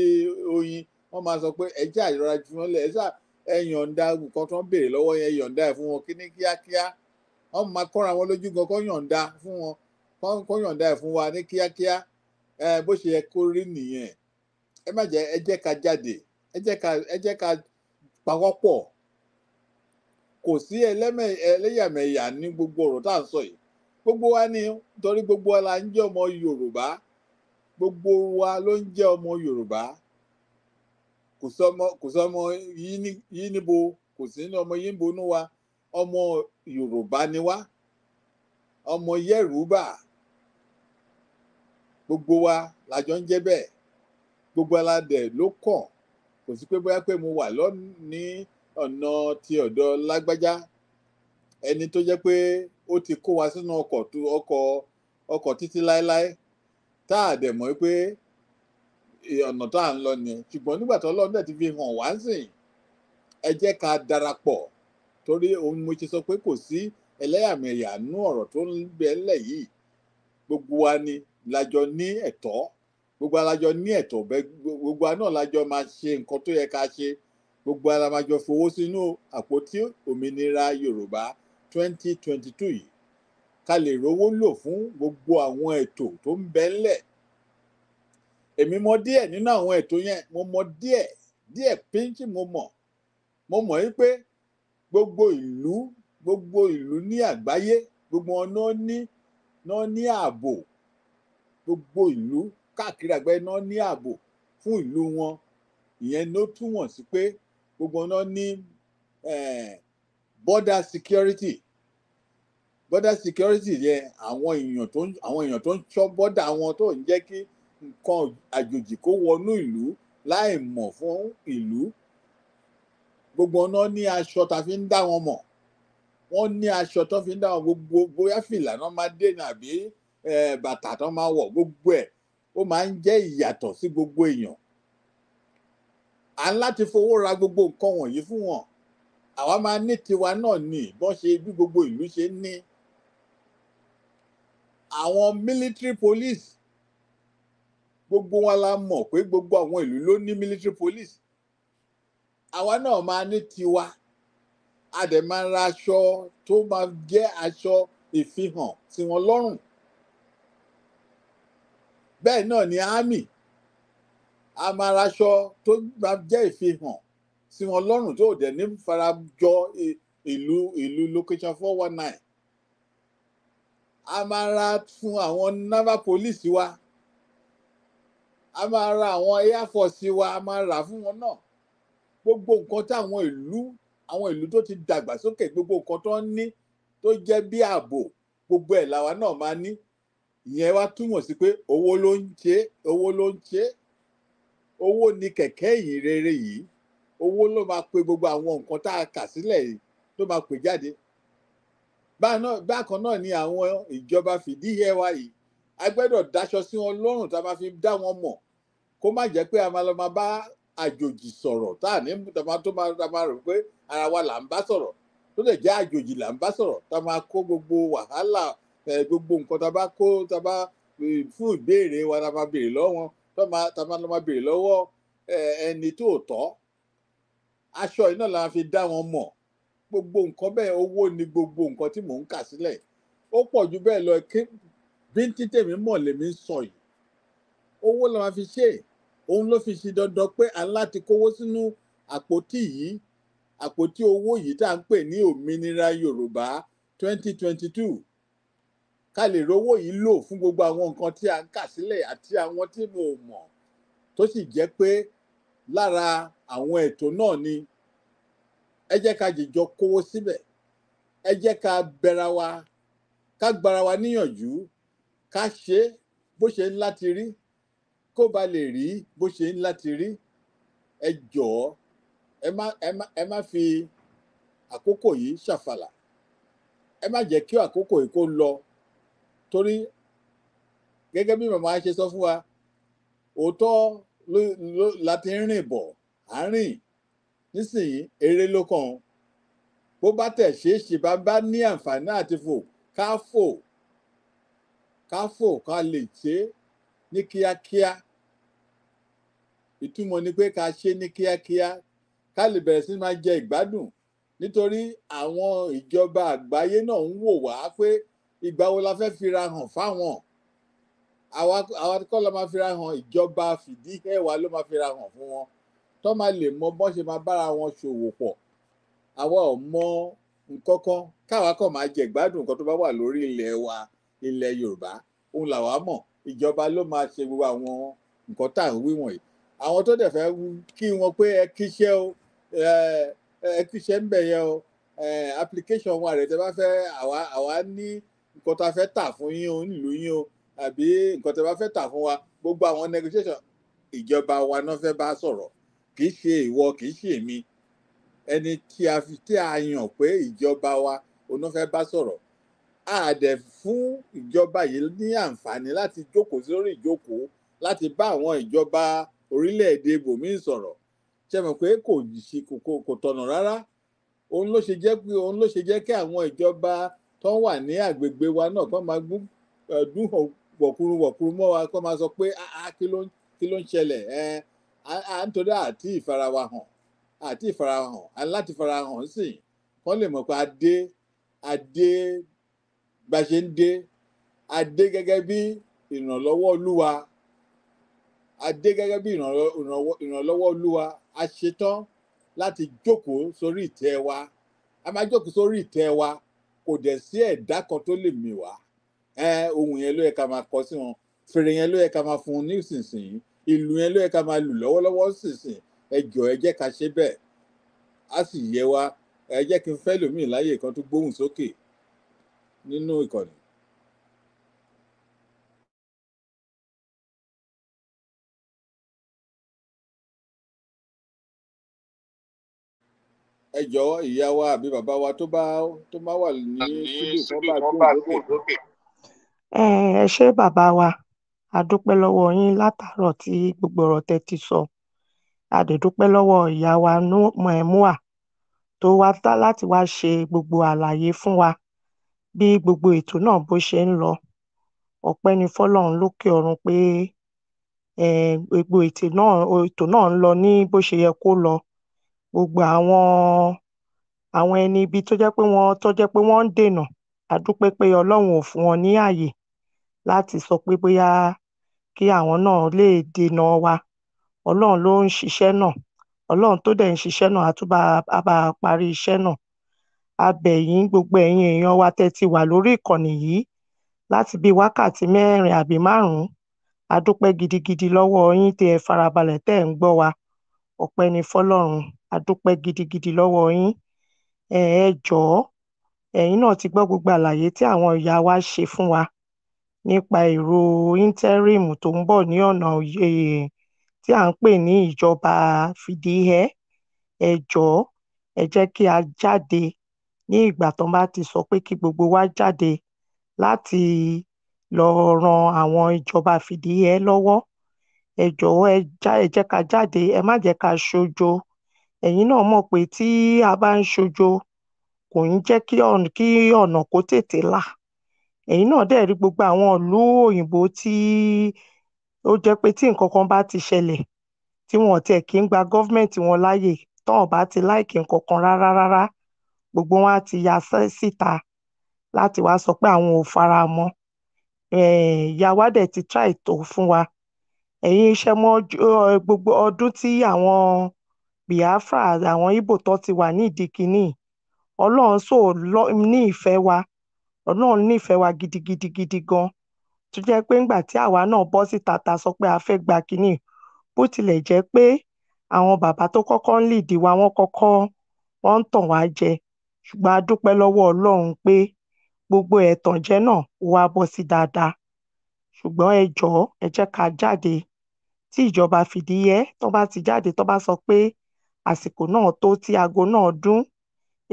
oyin wọ́n máa sọ pé ẹjẹ́ àìrọ́ra ju wọn lẹ̀ ẹ̀ṣà ẹ yọ̀ǹda nǹkan tó ń béèrè lọ́wọ́ yẹn yọ̀ǹda ẹ̀ fún wọn kí kíákíá wọ́n máa kọ́ra wọn lójú gan kọ́ yọ̀ǹda fún wa ní kíákíá bó ṣe yẹ kó rí nìyẹn ẹ má jẹ́ ẹ jẹ́ ká jáde ẹ ká ẹ ká ní gbogbo ọ̀rọ̀ tá sọ yìí gbogbo wa ni torí gbogbo wa la ń jẹ́ ọmọ Yorùbá gbogbo wa ló ń jẹ́ ọmọ Yorùbá kò yìí níbo kò sí ní ọmọ yìí níbo wa ọmọ Yorùbá ọmọ Yorùbá. gbogbo wa lájọ ń jẹ́ bẹ́ẹ̀ gbogbo aládẹ̀ ló kàn kò sí pé bóyá pé mo wà lọ́ní ọ̀nà ti ọ̀dọ̀ lágbájá ẹni tó jẹ́ pé ó ti kó wa sínú ọkọ̀ ọkọ̀ ọkọ̀ títí láéláé tá a dẹ̀ mọ̀ pé e, ọ̀nà tá lọ ni ṣùgbọ́n nígbà tó ti fi hàn wá sìn ẹ jẹ́ ká darapọ̀ torí ohun mo ṣe sọ pé kò sí ẹlẹ́yàmẹ̀yà nú ọ̀rọ̀ gbogbo wa ni lájọ ní ẹ̀tọ́ gbogbo alájọ ní ẹ̀tọ́ gbogbo náà lájọ máa ṣe nǹkan tó yẹ ká ṣe gbogbo alámájọ fowó sínú àpótí òmìnira yorùbá 2022 yìí ká lè rówó lò fún gbogbo àwọn ètò tó ń bẹ ńlẹ̀ èmi mọ díẹ̀ nínú àwọn ètò yẹn mo mọ díẹ̀ díẹ̀ pínkì mo mọ̀ mo mọ̀ yí pé gbogbo ìlú gbogbo ìlú ní àgbáyé gbogbo wọn náà ní náà ní ààbò gbogbo ìlú káàkiri àgbáyé náà ní ààbò fún ìlú wọn ìyẹn ló túmọ̀ sí pé gbogbo náà ní eh, border security border security yẹ àwọn èèyàn tó ń àwọn èèyàn tó ń ṣọ́ border wọn tó ń jẹ́ kí nǹkan àjòjì kó wọnú ìlú láì mọ̀ fún ìlú gbogbo náà ní aṣọ tá fi ń dá wọn mọ̀ wọ́n ní aṣọ tó fi ń dá wọn gbogbo bóyá fìlà náà máa dé nàbí bàtà tó máa wọ̀ gbogbo ẹ̀ ó máa ń jẹ́ ìyàtọ̀ sí gbogbo èèyàn à ń láti fowó ra gbogbo nǹkan wọ̀nyí fún wọn àwa máa ní tiwa náà ní bọ́n ṣe bí gbogbo ìlú ṣe ní àwọn military police gbogbo wọn la mọ̀ pé gbogbo àwọn ìlú ló ní military police àwa náà máa ní tiwa a dẹ̀ máa ra aṣọ tó máa jẹ́ aṣọ ìfihàn sí lọ́rùn bẹ́ẹ̀ náà ni ami a máa raṣọ tó máa jẹ́ ìfihàn sí wọn lọ́rùn tó dẹ̀ ní farajọ ìlú ìlú location four one nine a máa fún àwọn naval police wa amara máa ra àwọn air force wa a máa rà fún wọn náà gbogbo nǹkan táwọn ìlú àwọn ìlú tó ti dàgbàsókè gbogbo nǹkan tó ń ní tó jẹ́ bí ààbò gbogbo ẹ̀ làwa náà máa ní ìyẹn wá túmọ̀ sí pé owó ló ń ṣe owó ló ń ṣe owó ni kẹ̀kẹ́ ìyìn rere yìí owó ló máa pe gbogbo àwọn nǹkan tá a kà sílẹ̀ yìí tó máa pè jáde bákan náà ni àwọn ìjọba fìdí ẹ̀ wá yìí a gbẹ́dọ̀ dáṣọ sí wọn lọ́rùn tá a máa fi dá wọn mọ̀ kó má jẹ́ pé a máa lọ máa bá àjòjì sọ̀rọ̀ tá a ní tó máa rò pé ara wa là ń bá sọ̀rọ̀ tó lè jẹ́ àjòjì là ń bá sọ̀rọ̀ tá a máa kó gbogbo wàhálà gbogbo nǹkan tá a bá kó tá a bá fún ìbéèrè wa tá a máa béèrè lọ́wọ́ tá a máa lọ́ máa béèrè lọ́wọ́ ẹni tó tọ́ aṣọ yìí la fi dá wọn mọ̀ gbogbo nǹkan bẹ́ẹ̀ owó ni gbogbo nǹkan tí mò ń kà sílẹ̀ ó pọ̀ ju bẹ́ẹ̀ lọ kí bíntí tèmi mọ̀ lèmi ń sọ yìí owó la máa fi ṣe òun ló fi ṣe dandan pé a láti kówó sínú àpótí yìí àpótí owó yìí tá à ń pè ní òmìnira Yorùbá twenty twenty two ká lè rówó yìí lò fún gbogbo àwọn nǹkan tí a ń kà sílẹ̀ àti àwọn tí mo mọ̀ tó sì jẹ́ pé lára àwọn ètò náà ni ẹ jẹ́ ká jìjọ kówó síbẹ̀ ẹ jẹ́ ká bẹra wa ká gbara wa níyànjú ká ṣe bó ṣe ń láti rí kó ba lè rí bó ṣe ń láti rí ẹ jọ̀ọ́ ẹ má fi àkókò yìí ṣàfàlà ẹ má jẹ́ kí àkókò yìí kó lọ torí gẹ́gẹ́ bí màmá ṣe sọ fún wa òótọ́ láti rìn bọ̀ à ń rìn nísìnyí eré ló kàn bó bá tẹ̀ ṣeé ṣe bá bá ní àǹfààní àti fò ká fò ká fò ká lè ṣe ní kíákíá ìtumọ̀ ni pé ká ṣe ní kíákíá ká lè bẹ̀rẹ̀ sí máa jẹ ìgbádùn nítorí àwọn ìjọba àgbáyé náà ń wò wá pé ìgbà wo la fẹ́ fira hàn fáwọn àwa kọ́ la máa fira hàn ìjọba fìdíhẹ́ wa ló máa fira hàn fún wọn tó máa lè mọ bọ́n ṣe máa bára wọn ṣòwò pọ̀ àwa ò mọ nǹkan kan káwa kàn máa jẹ ìgbádùn nǹkan tó bá wà lórí ilẹ̀ wa ilẹ̀ Yorùbá òun làwa mọ̀ ìjọba ló máa ṣe gbogbo àwọn nǹkan tá à ń wí wọ̀nyí àwọn tó dẹ̀ fẹ́ kí wọn pé ẹ kíṣẹ́ o ẹ kíṣẹ́ ń bẹ̀ o application wa rẹ̀ tẹ́ bá fẹ́ àwa ní nǹkan tá a fẹ́ tà fún yín o nílùú yín o àbí nǹkan tá a bá fẹ́ tà fún wa gbogbo àwọn negotiation ìjọba wa náà fẹ́ bá sọ̀rọ̀ kì í ṣe ìwọ kì í ṣe èmi ẹni tí a fi tí a yàn pé ìjọba wa oná fẹ́ bá sọ̀rọ̀ a dẹ̀ fún ìjọba yìí ní àǹfààní láti jókòó sórí ìjókòó láti bá àwọn ìjọba orílẹ̀-èdè bòmíì sọ̀rọ̀ ṣe mọ̀ pé kò tọ̀nà rárá òun ló ṣe jẹ́ kí àwọn ìjọba tó wà ní àgbègbè wa náà kó máa gún eh, ẹ̀dùn wọ̀kúrú wọ̀kúrú mọ́ wa kó máa sọ pé kí ló ń ṣẹlẹ̀ ẹ̀ eh, à ń torí àti ìfarawa hàn àti ìfarahàn aláti farahàn sí kán lè mọ̀ pé adé adé gbàṣẹ ń dé adé gẹ́gẹ́ bí ìrànlọ́wọ́ olúwa adé gẹ́gẹ́ bí ìrànlọ́wọ́ olúwa a ṣetán láti jókòó sórí ìtẹ́ wa a máa jókòó sórí ìtẹ́ wa kò dẹ̀ sí ẹ̀dá kan tó lè mì wá ohun yẹn ló yẹ ká máa kọ sí wọn fèrè yẹn ló yẹ ká máa fún un ní ìsinsìnyí ìlú yẹn ló yẹ ká máa lù lọ́wọ́lọ́wọ́ sínsìn ẹ jọ̀ọ́ ká ṣe bẹ́ẹ̀ á sì yẹ wa ẹ jẹ́ kí n fẹ́ lòmíì láyè kan tó gbóhùn sókè nínú ìkànnì. ẹ jọ̀wọ́ ìyá wa àbí bàbá wa tó bá tó má wà ní síbí kan bá gbóhùn lókè. ẹ ṣé bàbá wa a dúpẹ́ lọ́wọ́ yín látàárọ̀ tí gbogbo ọ̀rọ̀ tẹ́ ti sọ a dẹ̀ dúpẹ́ lọ́wọ́ ìyá wa mọ̀ẹ́múà eh, tó wá láti wá ṣe gbogbo àlàyé fún wa bí gbogbo ètò náà bó ṣe ń lọ ọpẹ́ ni fọ́lọ́run lókè ọ̀run pé eh, gbogbo ètò náà ń lọ ní bó ṣe yẹ kó lọ gbogbo àwọn àwọn ẹni ibi tó jẹ́ pé wọ́n tó jẹ́ pé wọ́n ń dènà a dúpẹ́ pé ọlọ́run ò fún wọn ní àyè láti sọ pé bóyá kí àwọn náà lè dènà wa ọlọ́run ló ń ṣiṣẹ́ náà ọlọ́run tó dẹ̀ ń ṣiṣẹ́ náà àtúbà á parí iṣẹ́ náà a gbogbo ẹ̀yin èèyàn wa tẹ́ ti wà lórí ìkànnì yìí láti bíi wákàtí mẹ́rin àbí márùn-ún a dúpẹ́ gidigidi lọ́wọ́ yín tẹ́ ẹ farabalẹ̀ tẹ́ ẹ ń gbọ́ wa ọpẹ́ ní fọlọ́run a dúpẹ́ gidigidi lọ́wọ́ yín um ẹ jọ̀ọ́ ẹ̀yin náà ti gbọ́ gbogbo àlàyé tí àwọn ìyá wa ṣe fún wa nípa èrò íńtẹ́ríìmù tó ń bọ̀ ní ọ̀nà um tí à ń pè ní ìjọba fìdíhẹẹ́ ẹ jọ̀ọ́ ẹ jẹ́ kí a jáde ní ìgbà tán bá ti sọ pé kí gbogbo wa jáde láti lọ ran àwọn ìjọba fìdíhẹẹ́ lọ́wọ́ ẹ jọ̀wọ́ ẹ jẹ́ ká jáde ẹ má jẹ́ ká ṣojo ẹ̀yin náà mọ̀ pé tí a bá ń ṣojo kò ń jẹ́ kí ọ̀nà kó tètè là ẹ̀yin náà dẹ̀ rí gbogbo àwọn ìlú òyìnbó tí ó jẹ́ pé tí nǹkan kan bá ti ṣẹlẹ̀ tí wọn tiẹ̀ kí ń gba gọ́fìmẹ̀ntì wọn láàyè tán ọ̀bá ti láìkí nǹkan kan rárá rárá gbogbo wọn á ti ya síta láti wá sọ pé àwọn ò fara mọ́ ìyá wa dẹ̀ ti try tó fún wa ẹ̀yin iṣẹ́ mọ́ gbogbo ọdún tí àwọn biafra àtàwọn ibo tó ti wà nídìí kínní ọlọ́run sọ ní ìfẹ́ wa ọlọ́run nífẹ̀ẹ́ wa gidigidi gidi gan tó jẹ́ pé ńgbà tí àwa náà bọ́ síta ta sọ pé a fẹ́ gba kínní bó tilẹ̀ jẹ́ pé àwọn bàbá tó kọ́kọ́ ń lìdí wa wọ́n kọ́kọ́ wọ́n ń tàn wá jẹ ṣùgbọ́n a dúpẹ́ lọ́wọ́ ọlọ́run pé gbogbo ẹ̀tànjẹ náà ó wá bọ́ sí dáadáa ṣùgbọ́n ẹ jọ̀ọ́ ẹ jẹ́ ká jáde tí ìjọba fìdí yẹ tó bá ti jáde tó bá sọ pé àsìkò náà tó tí aago náà dún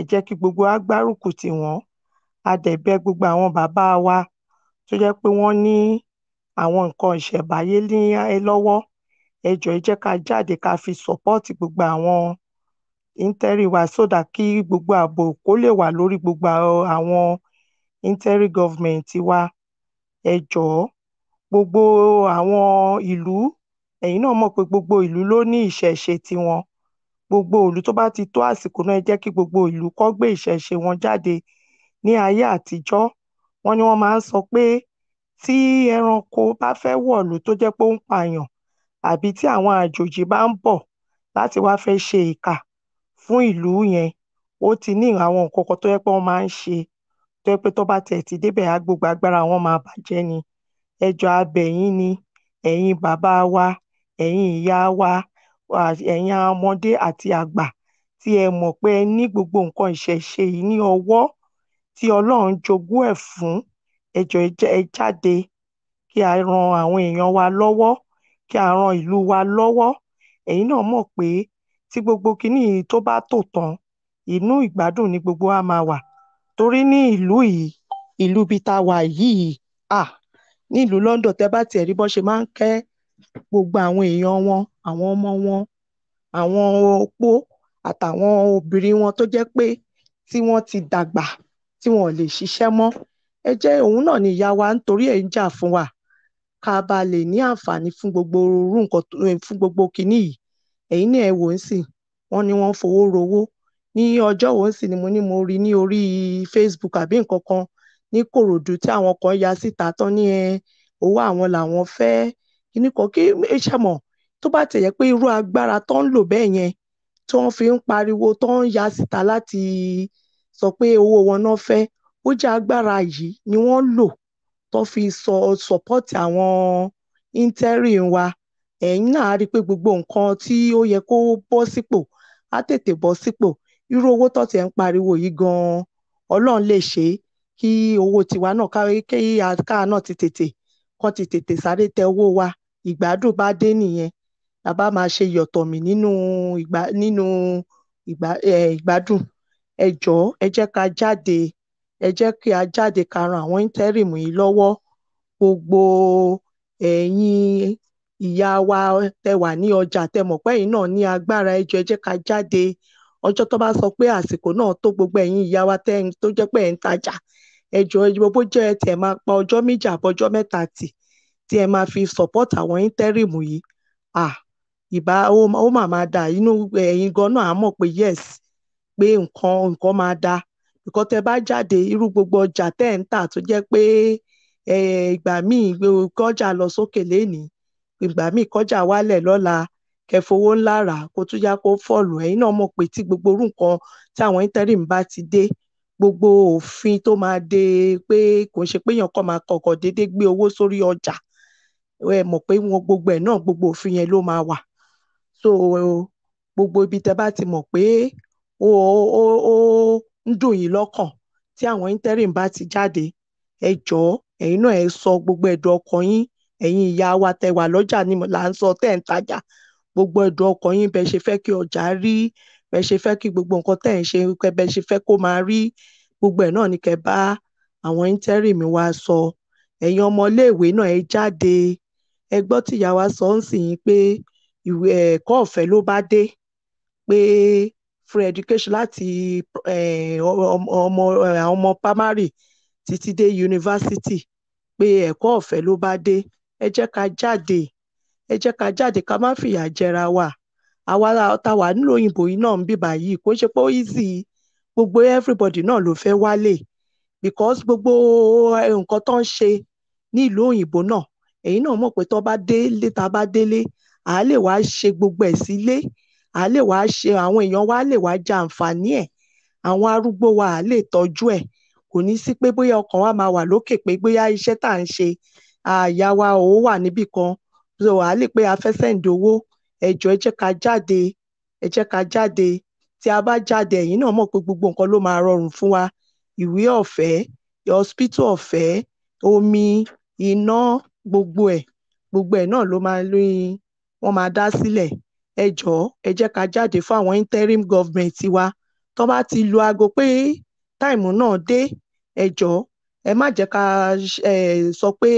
ẹ jẹ́ kí gbogbo wa gbárùkù tì wọ́n a dẹ̀ bẹ gbogbo àwọn bàbá wa tó jẹ́ pé wọ́n ní àwọn nǹkan ìṣẹ̀ǹbáyé ní lọ́wọ́ ẹ jọ̀ọ́ ẹ jẹ́ ká jáde ká fi sọ́pọ́ọ̀tì gbogbo àwọn íńtẹ́rì wa sódà kí gbogbo ààbò kó lè wà lórí gbogbo àwọn íńtẹ́rì gọ́fìmẹ̀ǹtì wa ẹ jọ̀ọ́ gbogbo àwọn ìlú ẹ̀yin náà mọ̀ pé gbogbo ìlú ló ní ìṣẹ̀ṣe tiwọn gbogbo ìlú tó bá ti tó àsìkò náà ẹ jẹ́ kí gbogbo ìlú kó gbé ìṣẹ̀ṣe wọn jáde ní ayé àtijọ́ wọ́n ní wọ́n máa ń sọ pé tí ẹranko bá fẹ́ wọ̀lú tó jẹ́ pé ó ń pààyàn àbí tí àwọn àjòjì bá ń bọ̀ láti wá fẹ́ ṣe ìkà fún ìlú yẹn ó ti ní àwọn nǹkan kan tó jẹ́ pé wọ́n máa ń ṣe tó jẹ́ pé tó bá tiẹ̀ ti débẹ̀ á gbogbo agbára wọn máa bàjẹ́ ni ẹjọ́ abẹ̀yìn ni ẹ̀yin bàbá wa ẹ̀yin ìyá wa ẹ̀yin ọmọdé àti àgbà tí ẹ mọ̀ pé ẹ ní gbogbo nǹkan ìṣẹ̀ṣe yìí ní ọwọ́ tí Ọlọ́run jogún ẹ̀ fún ẹ jọ̀ọ́ ẹ jáde kí á ran àwọn èèyàn wa lọ́wọ́, kí á ran ìlú wa lọ́wọ́. Ẹ̀yin náà mọ̀ pé tí gbogbo kiní yìí tó bá tò tán, inú ìgbádùn ni gbogbo wa máa wà torí ní ìlú yìí, ìlú ibi tá a wà yìí háà nílùú London tẹ́ ẹ bá tiẹ̀ rí bọ́n ṣe máa ń kẹ́ gbogbo àwọn èèyàn wọn àwọn ọmọ wọn àwọn opó àtàwọn obìnrin wọn tó jẹ́ pé tí wọ́n ti dàgbà tí wọn ò lè ṣiṣẹ́ mọ́ ẹ jẹ́ òun náà ni ìyá wa nítorí ẹ̀ ń jà fún wa ká ba lè ní àǹfààní fún gbogbo irú nǹkan eh, fún gbogbo kinní yìí ẹ̀yin náà ẹ wò ó sì wọ́n ní wọ́n fowó rowó ní ọjọ́ wo sì ni mo ní mo rí ní orí Facebook àbí nǹkan kan ní Kòròdú tí àwọn kan ya síta tán ní ẹ owó àwọn làwọn fẹ́ kíní kan kí ẹ ṣe mọ̀ tó bá ti jẹ́ pé irú agbára tó ń lò bẹ́ẹ̀ yẹn tó ń fi ń pariwo tó ń ya síta láti sọ pé owó wọn náà fẹ́ ó jẹ́ agbára yìí ni wọ́n lò tó fi sọ sọ́pọ́ọ̀tì àwọn interim wa ẹ̀yìn náà á rí i pé gbogbo nǹkan tí ó yẹ kó bọ́ sípò á tètè bọ́ sípò irú owó tó ti ń pariwo yìí gan-an ọlọ́run lè ṣe é kí owó tiwa náà káà náà ti tètè kan ti tètè sáré tẹ owó wa ìgbádùn bá dé nìyẹn bàbá máa ṣe yọ̀tọ̀mí nínú ìgbà nínú ìgbà ìgbádùn ẹ jọ̀ọ́ ẹ jẹ́ ká jáde ẹ jẹ́ kí a jáde ká ran àwọn interim yìí lọ́wọ́ gbogbo ẹ̀yin ìyá wa tẹ wà ní ọjà tẹ mọ̀ pẹ́yìn náà ní agbára ẹ jọ̀ọ́ ẹ jẹ́ ká jáde ọjọ́ tó bá sọ pé àsìkò náà tó gbogbo ẹ̀yin ìyá wa tẹ́ tó jẹ́ pé ẹ̀ ń tajà ẹ jọ̀ọ́ jẹ́ ẹ máa pa ọjọ́ méjì àbọ̀jọ́ mẹ́ta tì tí ẹ máa fi support àwọn interim yìí ah ìbá ó mà máa dáa inú eh, ẹ̀yin gan náà á mọ̀ pé yes pé nǹkan nǹkan máa dáa nǹkan tẹ́ bá jáde irú gbogbo ọjà tẹ́ ń tà tó jẹ́ pé ìgbà míì kọjà lọ sókè lénìí ìgbà míì kọjà wálẹ̀ lọ́la kẹfowó ńlá rà kó tún yá kó fọ̀lù ẹ̀yin náà mọ̀ pé tí gbogbo orú nǹkan táwọn interim bá ti dé gbogbo òfin tó máa de pé kò ń ṣe pé èèyàn kàn máa kọ̀kọ̀ déédéé gbé owó sórí ọjà ẹ mọ̀ pé wọn gbogbo ẹ̀ náà gbogbo òfin yẹn ló máa wà so gbogbo ibi tẹ́ bá ti mọ̀ pé ó ó ó ń dùn yín lọ́kàn tí àwọn interim bá ti jáde ẹ jọ̀ọ́ ẹ̀yin náà ẹ sọ gbogbo ẹ̀dùn ọkàn yín ẹ̀yin ìyá wa tẹ́ wà lọ́jà ni là ń sọ tẹ́ ń tajà gbogbo ẹ̀dùn ọkàn yín bẹ́ẹ̀ ṣe fẹ́ kí ọjà rí bẹ́ẹ̀ ṣe fẹ́ kí gbogbo nǹkan tẹ́ ń ṣe bẹ́ẹ̀ ṣe fẹ́ kó máa rí gbogbo ẹ̀ náà ni kẹ́ bá àwọn interim wa sọ ẹ̀yin ọmọléèwé náà ẹ jáde ẹ gbọ́ tìyá sọ ń sìn yín pé ìwé ẹ̀kọ́ ọ̀fẹ́ ló bá dé pé free education láti eh, ọmọ eh, ọmọ primary títí dé yunifásitì pé ẹ̀kọ́ ọ̀fẹ́ ló bá dé ẹ jẹ́ ká jáde ẹ jẹ́ ká jáde ká má fìyà jẹra wa àwa tá wà nílò òyìnbó yìí náà ń bíbà yìí kò ṣe pé ó easy gbogbo everybody náà ló fẹ́ wálé because gbogbo eh, nǹkan tó ń ṣe nílùú òyìnbó náà ẹ̀yin náà mọ̀ pé tó bá délé tá a bá délé à á lè wá ṣe gbogbo ẹ̀ sílé à á lè wá ṣe àwọn èèyàn wa á lè wá jẹ àǹfààní ẹ̀ àwọn arúgbó wa à lè tọ́jú ẹ̀ kò ní sí pé bóyá ọkàn wa máa wà lókè pé bóyá iṣẹ́ tá à ń ṣe àyà wa ò wà níbì kan so à lè pé a fẹ́ sẹ́ǹdì owó ẹ jọ̀ọ́ ẹ jẹ́ ká jáde ẹ jẹ́ ká jáde tí a bá jáde ẹ̀yin náà mọ̀ pé gbogbo nǹkan ló máa rọrùn fún wa ìwé ọ̀fẹ́ hospital ọ̀fẹ́ omi iná gbogbo ẹ̀ gbogbo ẹ̀ náà ló máa lóyin wọ́n máa dá sílẹ̀ ẹ jọ̀ọ́ ẹ jẹ́ ká jáde fáwọn interim government wa tó bá ti lu aago pé táìmù náà dé ẹ jọ̀ọ́ ẹ má jẹ́ ká sọ pé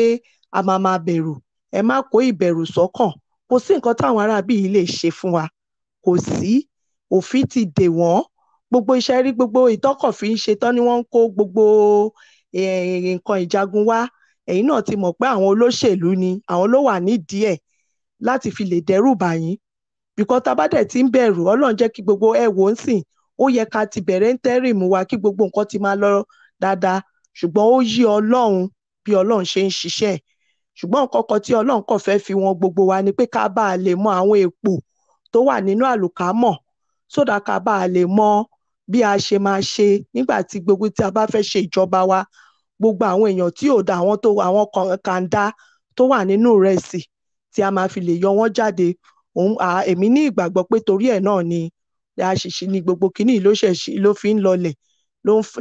a máa máa bẹ̀rù ẹ má kó ìbẹ̀rù sọ́kàn kò sí nǹkan táwọn aráabí yìí lè ṣe fún wa kò sí òfin ti dè wọ́n gbogbo iṣẹ́ rí gbogbo ìtọ́kọ̀fín ń ṣe tán ni wọ́n ń kó gbogbo nǹkan ìjagun wá ẹ̀yin náà ti mọ̀ pé àwọn olóṣèlú ni àwọn ló wà nídìí ẹ̀ láti fi lè dẹ́rù bà yín bìkọ́ tá a bá dẹ̀ ti ń bẹ̀rù ọlọ́run jẹ́ kí gbogbo ẹ̀ wò ń sìn ó yẹ ká ti bẹ̀rẹ̀ ń tẹ́rìm wa kí gbogbo nǹkan ti máa lọ dáadáa ṣùgbọ́n ó yí ọlọ́run bí ọlọ́run ṣe ń ṣiṣẹ́ ṣùgbọ́n nǹkan kan tí ọlọ́run kàn fẹ́ fi wọn gbogbo wa ni pé ká bá a lè mọ àwọn èèpo tó wà nínú àlùkámọ̀ sódà ká bá a lè mọ bí a ṣe máa ṣe nígbà tí gbogbo tí a bá fẹ́ ṣe ìjọba wa gbogbo àwọn èèyàn tí ò da àwọn tó àwọn tó wà nínú rẹ̀ sí tí a máa fi lè yọ wọ́n jáde òun à èmi ní ìgbàgbọ́ pé torí ẹ̀ náà ni àṣìṣe ni gbogbo kínní ló ṣẹ̀ṣì ló fi ń lọlẹ̀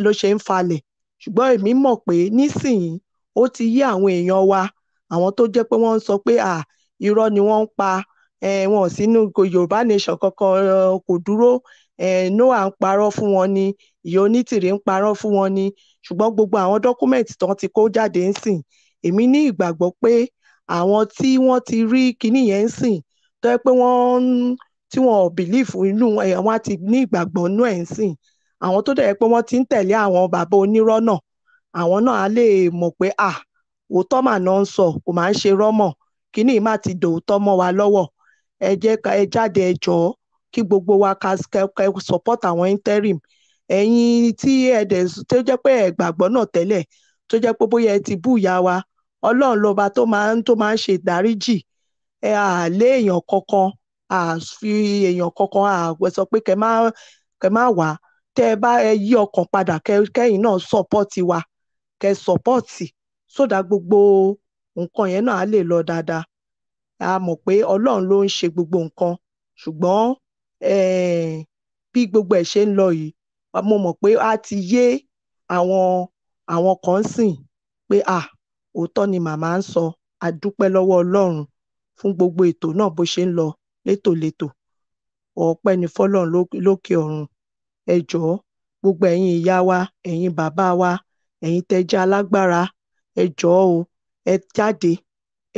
ló ṣe ń falẹ̀ ṣùgbọ́n èmi mọ̀ pé nísìnyí ó ti yí àwọn èèyàn wa àwọn tó jẹ́ pé wọ́n ń sọ pé à irọ́ ni wọ́n ń pa wọn sínú Yorùbá nation kankan kò dúró Noah ń parọ́ fún wọn ni ìyá onítìrí ń parọ́ fún wọn ni ṣùgbọ́n gbogbo àwọn dọ́kúmẹ̀ntì tán ti kó jáde ń sìn èmi ní ìgbàgbọ́ pé àwọn tí wọ́n ti rí kinní yẹn ń sìn tó yẹ pé wọ́n tí wọn ò bìlífù inú ẹ̀ wọ́n á ti ní ìgbàgbọ́ inú ẹ̀ ń sìn àwọn tó dẹ̀ yẹ pé wọ́n ti ń tẹ̀lé àwọn bàbá onírọ́ náà àwọn náà á lè mọ̀ pé à òótọ́ mà náà ń sọ kò máa ń ṣe rọ́mọ̀ kinní má ti dòótọ́ mọ́ wa lọ́wọ́ ẹ jẹ́ ẹ jáde ẹ jọ̀ọ́ kí gbogbo wa ká support àwọn interim ẹ̀yin tí ẹ dẹ̀ tó jẹ́ pé ẹ gbàgbọ́ náà tẹ́lẹ̀ tó jẹ́ pé bóyá ẹ ti bú ìyá wa ọlọ́run lọba tó máa ń tó máa ń ṣe ìdáríjì ẹ à lé èèyàn kankan à fi èèyàn kankan à sọ pé kẹ má kẹ má wá tẹ ẹ bá ẹ yí ọkàn padà kẹyìn náà sọpọ́ọ̀tì wa kẹ sọpọ́ọ̀tì sódà gbogbo nǹkan yẹn náà á lè lọ dáadáa a mọ̀ pé ọlọ́run ló ń ṣe gbogbo nǹkan ṣùgbọ́n bí gbogbo ẹ̀ ṣe ń lọ yìí mo mọ̀ pé a ti yé àwọn àwọn kan sìn pé ah òótọ́ ni màmá ń sọ á dúpẹ́ lọ́wọ́ ọlọ́run fún gbogbo ètò náà bó ṣe ń lọ létòlétò ọpẹ́ ní fọlọ́run lókè ọ̀run ẹ jọ̀ọ́ gbogbo ẹ̀yin ìyá wa ẹ̀yin bàbá wa ẹ̀yin tẹ́ jẹ́ alágbára ẹ jọ̀ọ́ o ẹ jáde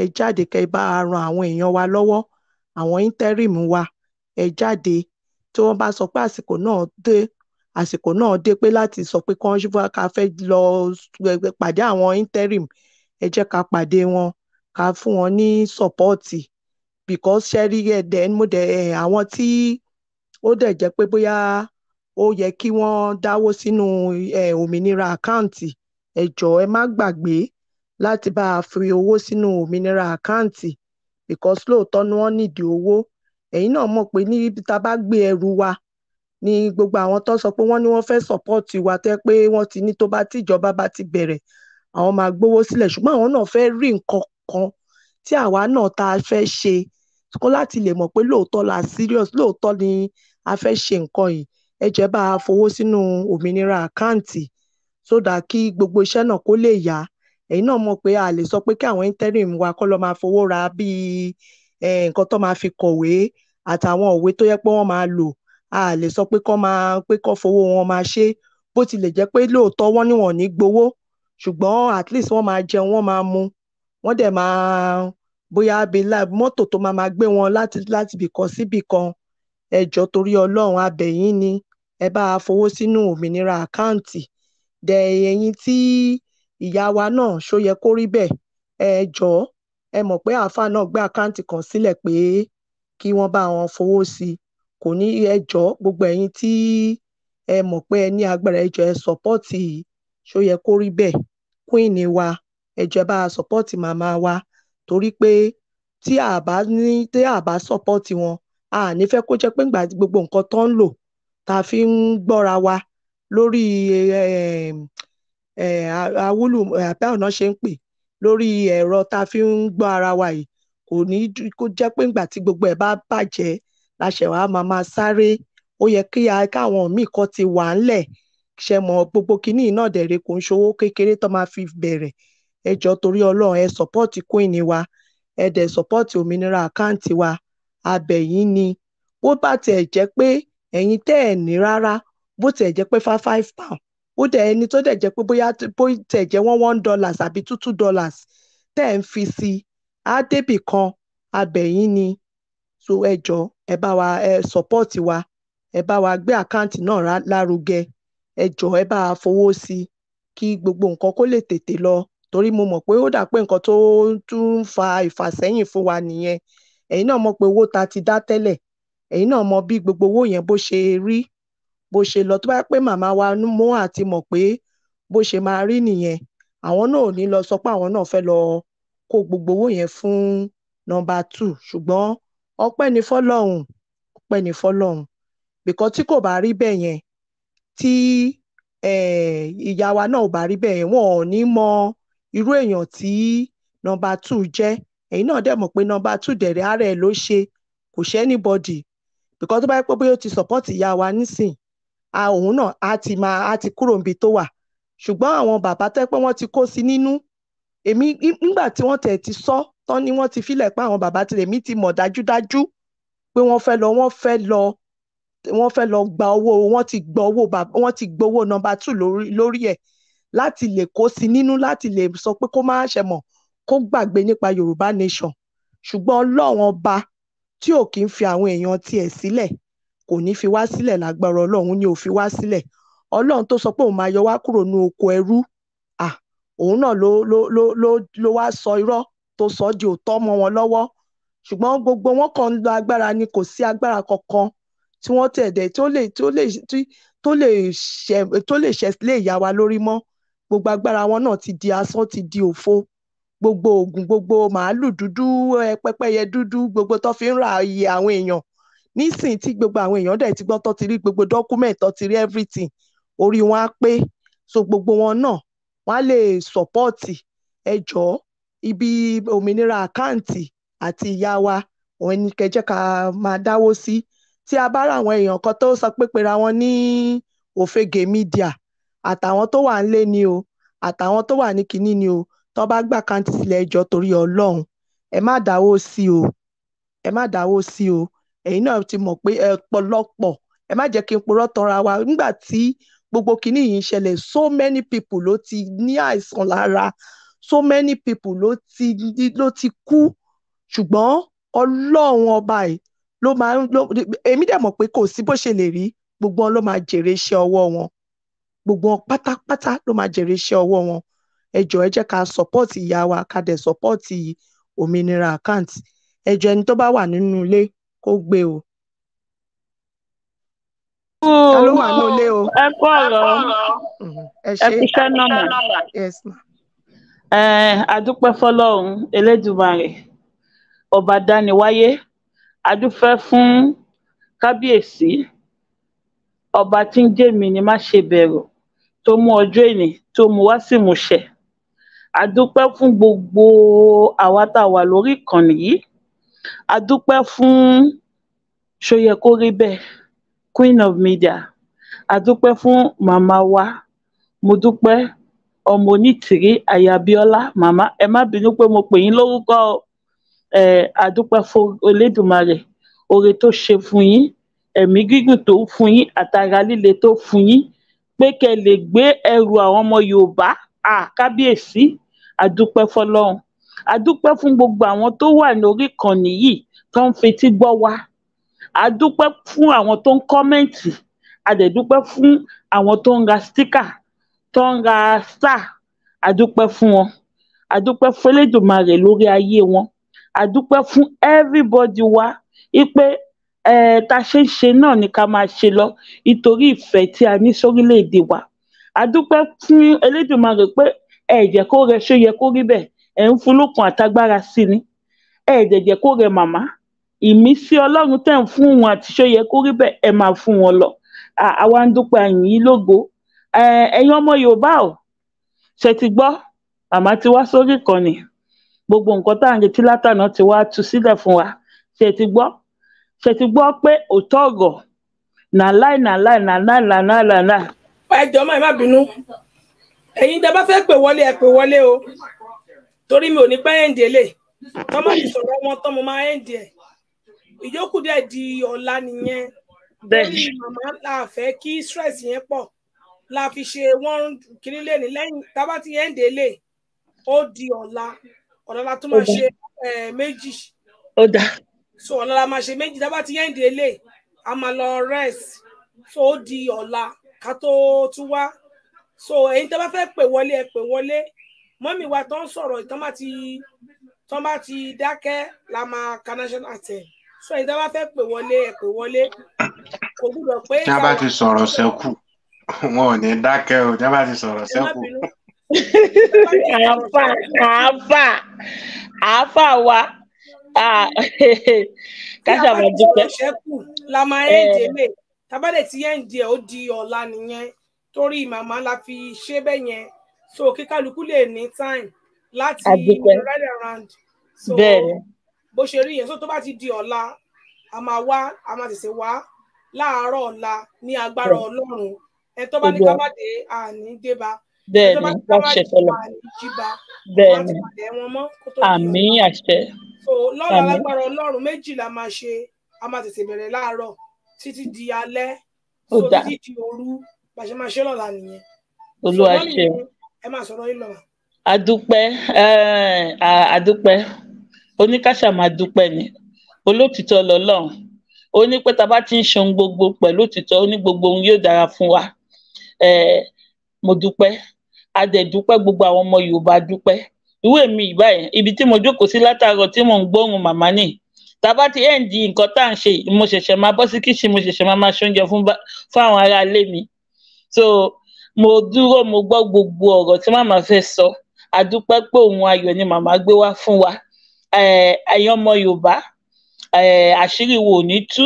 ẹ jáde kẹ́ ẹ bá ran àwọn èèyàn wa lọ́wọ́ àwọn íńtẹ́rìmù wa ẹ jáde tí wọ́n bá sọ pé àsìkò náà dé àsìkò náà dé pé láti sọ pé kán ká fẹ́ lọ pàdé àwọn interim ẹ jẹ́ ká pàdé wọn ká fún wọn ní sọ́pọ́ọ̀tì because ṣẹ́rí ẹ̀dẹ̀ mo dẹ̀ àwọn tí ó dẹ̀ jẹ́ pé bóyá ó yẹ kí wọ́n dáwó sínú òmìnira àkáǹtì ẹ jọ̀ọ́ ẹ má gbàgbé láti bá a fi owó sínú òmìnira àkáǹtì because lóòótọ́ ni wọ́n nídìí owó ẹ̀yin náà mọ̀ pé ní tá a bá gbé ẹrù wa ni gbogbo àwọn tó sọ pé wọ́n ní wọ́n fẹ́ sọ́pọ́ọ̀tì wa tẹ́ pé wọ́n ti ní tó bá tíjọba bá ti bẹ̀rẹ̀ àwọn máa gbowó sílẹ̀ ṣùgbọ́n àwọn náà fẹ́ẹ́ rí nǹkan kan tí àwa náà tá a fẹ́ ṣe kó láti lè mọ̀ pé lóòótọ́ la serious lóòótọ́ ni a fẹ́ ṣe nǹkan yìí ẹ jẹ́ bá a fowó sínú òmìnira àkáǹtì sódà kí gbogbo iṣẹ́ náà kó lè yá ẹ̀yin náà mọ̀ pé a lè sọ pé kí àwọn interim wa kọ́ lọ́ọ́ máa fowó ra bíi nǹkan tó máa fi kọ̀wé àtàwọn òwe tó yẹ pé wọ́n máa lò a lè sọ pé kọ́ máa pé kọ́ fowó wọn máa ṣe bó tilẹ̀ jẹ́ pé lóòótọ́ wọ́n níwọ̀n ní gbowó ṣùgbọ́n at least wọ́n máa jẹun wọ́n máa mu wọ́n dẹ̀ máa bóyá bí mọ́tò tó máa máa gbé wọn láti láti bìkan síbìkan ẹ jọ̀ọ́ torí Ọlọ́run abẹ̀yìn ni ẹ bá a fowó sínú òmìnira àkáǹtì dẹ̀ ẹ̀yin tí ìyá wa náà ṣó yẹ kó rí bẹ́ẹ̀ ẹ jọ̀ọ́ ẹ mọ̀ pé àáfàá náà gbé àkáǹtì kan sílẹ̀ pé kí wọ́n bá wọn fowó sí i kò ní ẹ gbogbo ẹ̀yin tí ẹ mọ̀ pé ẹ ní agbára ẹ ẹ sọ́pọ́ọ̀tì yìí ṣó yẹ kó rí bẹ́ẹ̀ queen wa ẹ jọ̀ọ́ a support màmá wa torí pé tí a bá ní tí a bá support wọn a ní fẹ́ kó jẹ́ pé ńgbà gbogbo nǹkan tó ń lò tá fi ń gbọ́ra wa lórí ehm, eh, awúlù àbẹ́ eh, ọ̀nà ṣe ń pè lórí ẹ̀rọ tá fi ń gbọ́ ara wa yìí kò ní kó jẹ́ pé ńgbà tí gbogbo ẹ̀ bá bàjẹ́ la ṣẹ̀ wá máa máa sáré ó yẹ kí káwọn míì kan ti wà ńlẹ̀ ṣe mọ̀ gbogbo kínní náà dẹ̀rẹ̀ kò ń ṣòwò kékeré tó máa fi bẹ̀rẹ̀ ẹ jọ torí ọlọ́run ẹ sọ́pọ́ọ̀tì queen wa ẹ dẹ̀ sọ́pọ́ọ̀tì òmìnira àkáǹtì wa abẹ̀yìn ni bó bá tiẹ̀ jẹ́ pé ẹ̀yin tẹ́ ẹ̀ ní rárá bó tiẹ̀ jẹ́ pé five five pound ó dẹ̀ ẹni tó dẹ̀ jẹ́ pé bóyá bó tiẹ̀ jẹ́ one one dollars àbí two two dollars tẹ́ ẹ̀ ń fi sí i á débì kan abẹ̀yìn ni so ẹ jọ ẹ bá wa ẹ sọ́pọ́ọ̀tì wa ẹ bá wa gbé àkáǹtì náà lárugẹ ẹ jọ̀ọ́ ẹ bá a fọwọ́ sí i kí gbogbo nǹkan kó lè tètè lọ torí mo mọ̀ pé ó dà pé nǹkan tó tún ń fa ìfàsẹ́yìn fún wa nìyẹn ẹ̀yin náà mọ̀ pé owó ta ti dá tẹ́lẹ̀ ẹ̀yin náà mọ̀ bí gbogbo owó yẹn bó ṣe rí bó ṣe lọ tó bá pé màmá wa mú àti mọ̀ pé bó ṣe máa rí nìyẹn àwọn náà ò ní lọ sọ pé àwọn náà fẹ́ lọ kó gbogbo owó yẹn fún nọmba two ṣùgbọ́n ọpẹ́ ni fọ́lọ́hun ọpẹ́ ni fọ́lọ́hun bìkọ́ tí kò bá rí bẹ́ẹ̀ yẹn tí eh, ìyá wa náà ò bá rí bẹ́ẹ̀ wọn ò ní mọ irú èèyàn tí nọmba two jẹ́ ẹ̀yin náà dẹ̀ mọ̀ pé nọmba two dẹ̀rẹ̀ ara ẹ̀ ló ṣe kò ṣe anybody because tó bá yẹ bóyá ó ti support ìyá wa nísìn òun náà á ti máa á ti kúrò níbi tó wà ṣùgbọ́n àwọn bàbá tó yẹ pé wọ́n ti kó sí nínú èmi nígbà tí wọ́n tẹ̀ ti sọ tán ni wọ́n ti filẹ̀ pé àwọn bàbá tirẹ̀ mi ti mọ̀ dájúdájú pé wọ́n fẹ́ lọ wọ́n fẹ́ lọ wọ́n fẹ́ lọ gba owó wọ́n ti gba owó wọ́n ti gbowó nọ́mbà two lórí lórí ẹ̀ láti lè kó sí nínú láti lè sọ pé kó má ṣe mọ̀ kó gbàgbé nípa Yorùbá nation ṣùgbọ́n Ọlọ́run ọba tí ò kí ń fi àwọn èèyàn tiẹ̀ sílẹ̀ kò ní fi wá sílẹ̀ lágbára Ọlọ́run ni ò fi wá sílẹ̀ Ọlọ́run tó sọ pé òun máa yọ wá kúrò ní oko ẹrú à òun náà ló ló ló ló ló wá sọ irọ́ tó sọ di òótọ́ mọ́ wọn lọ́wọ́ ṣùgbọ́n gbogbo wọn kàn ń lo agbára ni kò sí agbára kankan tí wọ́n tẹ̀dẹ̀ tó lè tó lè tó lè ṣẹ tó lè ṣẹ lè yà wá lórí mọ́ gbogbo agbára wọn náà ti di asán ti di òfo gbogbo oògùn gbogbo màálù dúdú pẹ́pẹ́yẹ dúdú gbogbo tó fi ń ra iye àwọn èèyàn nísìnyí tí gbogbo àwọn èèyàn dẹ̀ ti gbọ́ tó ti rí gbogbo document tó ti rí everything orí wọn á pé so gbogbo wọn náà wọn á lè sọpọ́ọ̀tì ẹjọ́ ibi òmìnira àkáǹtì àti ìyá wa òun ni kẹjẹ́ ká máa dáwó sí. Si tí a bá ra àwọn èèyàn kan tó sọ pé pera wọn ní òfegè mídíà àtàwọn tó wà nílé ni o àtàwọn tó wà ní kinní ni o tó bá gbà káǹtì sílẹ̀ ẹjọ́ torí ọlọ́run ẹ má dáwó sí o ẹ má dáwó sí o ẹ̀yin náà ti mọ̀ pé ẹ ẹ má jẹ́ kí n purọ́ tanra wa nígbà tí gbogbo kinní yìí ń ṣẹlẹ̀ so many people ló ti ní àìsàn lára so many people ló ti ló ti kú ṣùgbọ́n ọlọ́run ọba yìí ló máa ń èmi dẹ̀ mọ̀ pé kò sí bó ṣe lè rí gbogbo wọn ló máa jèrè iṣẹ́ ọwọ́ wọn gbogbo wọn pátápátá ló máa jèrè iṣẹ́ ọwọ́ wọn ẹ ẹ jẹ́ ká sọ́pọ́ọ̀tì ìyá wa ká dẹ̀ sọ́pọ́ọ̀tì òmìnira àkáǹtì ẹ jọ̀ọ́ ẹni tó bá wà nínú ilé kó gbé o. ta ló ọ̀rọ̀ ẹ ṣe iṣẹ́ nọ́mà. àdúpẹ́ fọlọ́run elédùmarè ọba dániwáyé a dúpẹ́ fún kábíyèsí ọba tí ń jèmi ni má ṣe bẹ̀rù tó mú ọjọ́ èní tó mú wá sí ìmúṣẹ a fún gbogbo àwa tá a wà lórí ìkànnì yìí a dúpẹ́ fún ṣòyẹkórìbẹ queen of media a dúpẹ́ fún màmá wa mo dúpẹ́ ọmọ onítìrí àyàbíọlá màmá ẹ má bínú pé mo pè yín lórúkọ o àdúpẹ́ fún Elédùmarè oore tó ṣe fún yín ẹ̀mí gígùn tó fún yín àtara líle tó fún yín pé kẹ́ lè gbé ẹrù àwọn ọmọ Yorùbá à kábíyèsí àdúpẹ́ fọ́lọ́run àdúpẹ́ fún gbogbo àwọn tó wà lórí ìkànnì yìí tó ń fetí gbọ́ wa àdúpẹ́ fún àwọn tó ń kọ́mẹ̀ǹtì àdẹ̀dúpẹ́ fún àwọn tó ń ra stíkà tó ń ra star àdúpẹ́ fún wọn àdúpẹ́ fún Elédùmarè lórí ayé wọn a dúpẹ́ fún everybody wa wípé um ta ṣe ń ṣe náà ni ká máa ṣe lọ nítorí ìfẹ́ tí a ní sórílẹ̀-èdè wa a dúpẹ́ fún Elédùmarè pé ẹ jẹ́ kó rẹ ṣó yẹ kó rí bẹ́ẹ̀ ẹ̀ ń fún lókun àtagbára sí ni ẹ dẹ̀ jẹ́ kó rẹ màmá ìmísí Ọlọ́run tẹ̀ ń fún wọn àti ṣó yẹ kó rí bẹ́ẹ̀ ẹ máa fún wọn lọ àwa ń dúpẹ́ àyìn lógo ẹ̀yin ọmọ Yorùbá o ṣe ti gbọ́ màmá ti wá sórí ìkànnì. gbogbo nǹkan tá à ń retí látànà ti wá sílẹ̀ fún wa ṣe ti gbọ́ ṣe ti gbọ́ pé òótọ́ ọ̀gọ̀ nà láì nà láì nà ẹjọ máa má bínú bá pè wọlé ẹ pè wọlé o torí mi ò ní pẹ́ ẹǹdì lè. tọmọ sọ̀rọ̀ wọn tọmọ máa ẹǹdì ẹ ìjókòó dẹ̀ di nìyẹn lórí màmá la kí stress yẹn la fi ṣe wọn kiri ọ̀la la tún máa ṣe méjì so ọ̀la la máa ṣe méjì dábàá ti yẹ́ǹdì eléyìí a máa lọ rest so ó di ọ̀la ká tó tún wá so èyí tó bá fẹ́ pè wọlé ẹ pè wọlé mọ́mì wa tó ń sọ̀rọ̀ ìtàn bá ti tán bá ti dákẹ́ la máa ka national anthem so èyí tó bá fẹ́ pè wọlé ẹ pè wọlé kò gbúdọ̀ pé. tí a bá ti sọ̀rọ̀ sẹ́kù wọn ò ní dákẹ́ o tí a bá ti sọ̀rọ̀ sẹ́kù àáfà àáfà àáfà wa káṣà máa dúpẹ́. la máa ń dé lè tábàdé tí yẹn ń di ẹ̀ ó di ọ̀la nìyẹn torí màmá la fi ṣe bẹ́ẹ̀ yẹn so kí kálukú lè ní time láti ride around so bó ṣe rí yẹn so tó bá ti di ọ̀la a máa wá a máa tẹ̀sẹ̀ wá láàárọ̀ ọ̀la ní agbára ọlọ́run ẹ tó bá ní ká àní dé bẹ́ẹ̀ni láṣẹ tọlọ bẹ́ẹ̀ni àmín àṣẹ. lọ́la lágbára ọlọ́run méjì la máa ṣe a máa tètè bẹ̀rẹ̀ láàárọ̀ títí di alẹ́ so títí di òru bá a ṣe máa ṣe lọ́la nìyẹn. olúwa ṣe ẹ máa sọ̀rọ̀ yín lọ́la. adúpẹ́ adúpẹ́ oníkàṣà máa dúpẹ́ ni olótìtọ́ lọ́lọ́run ó ní pé tá a gbogbo pẹ̀lú òtítọ́ ó gbogbo ohun yóò dára fún wa mo dúpẹ́ a dẹ̀ dúpẹ́ gbogbo àwọn ọmọ yorùbá dúpẹ́ ìwé mi ìbáyẹn ibi tí mo jókòó sí látàárọ̀ tí mò ń gbóhùn màmá nì tàbá ti ẹ̀ ń di nǹkan tá à ń ṣe mo ṣẹ̀ṣẹ̀ máa bọ́ sí kíṣì mo ṣẹ̀ṣẹ̀ máa máa ṣoúnjẹ fún àwọn ará ilé mi so mo dúró mo gbọ́ gbogbo ọ̀rọ̀ tí màmá fẹ́ sọ a dúpẹ́ pé òun ayọ̀ ni màmá gbé wá fún wa ẹ̀yin ọmọ yorùbá àṣírí wo ò ní tú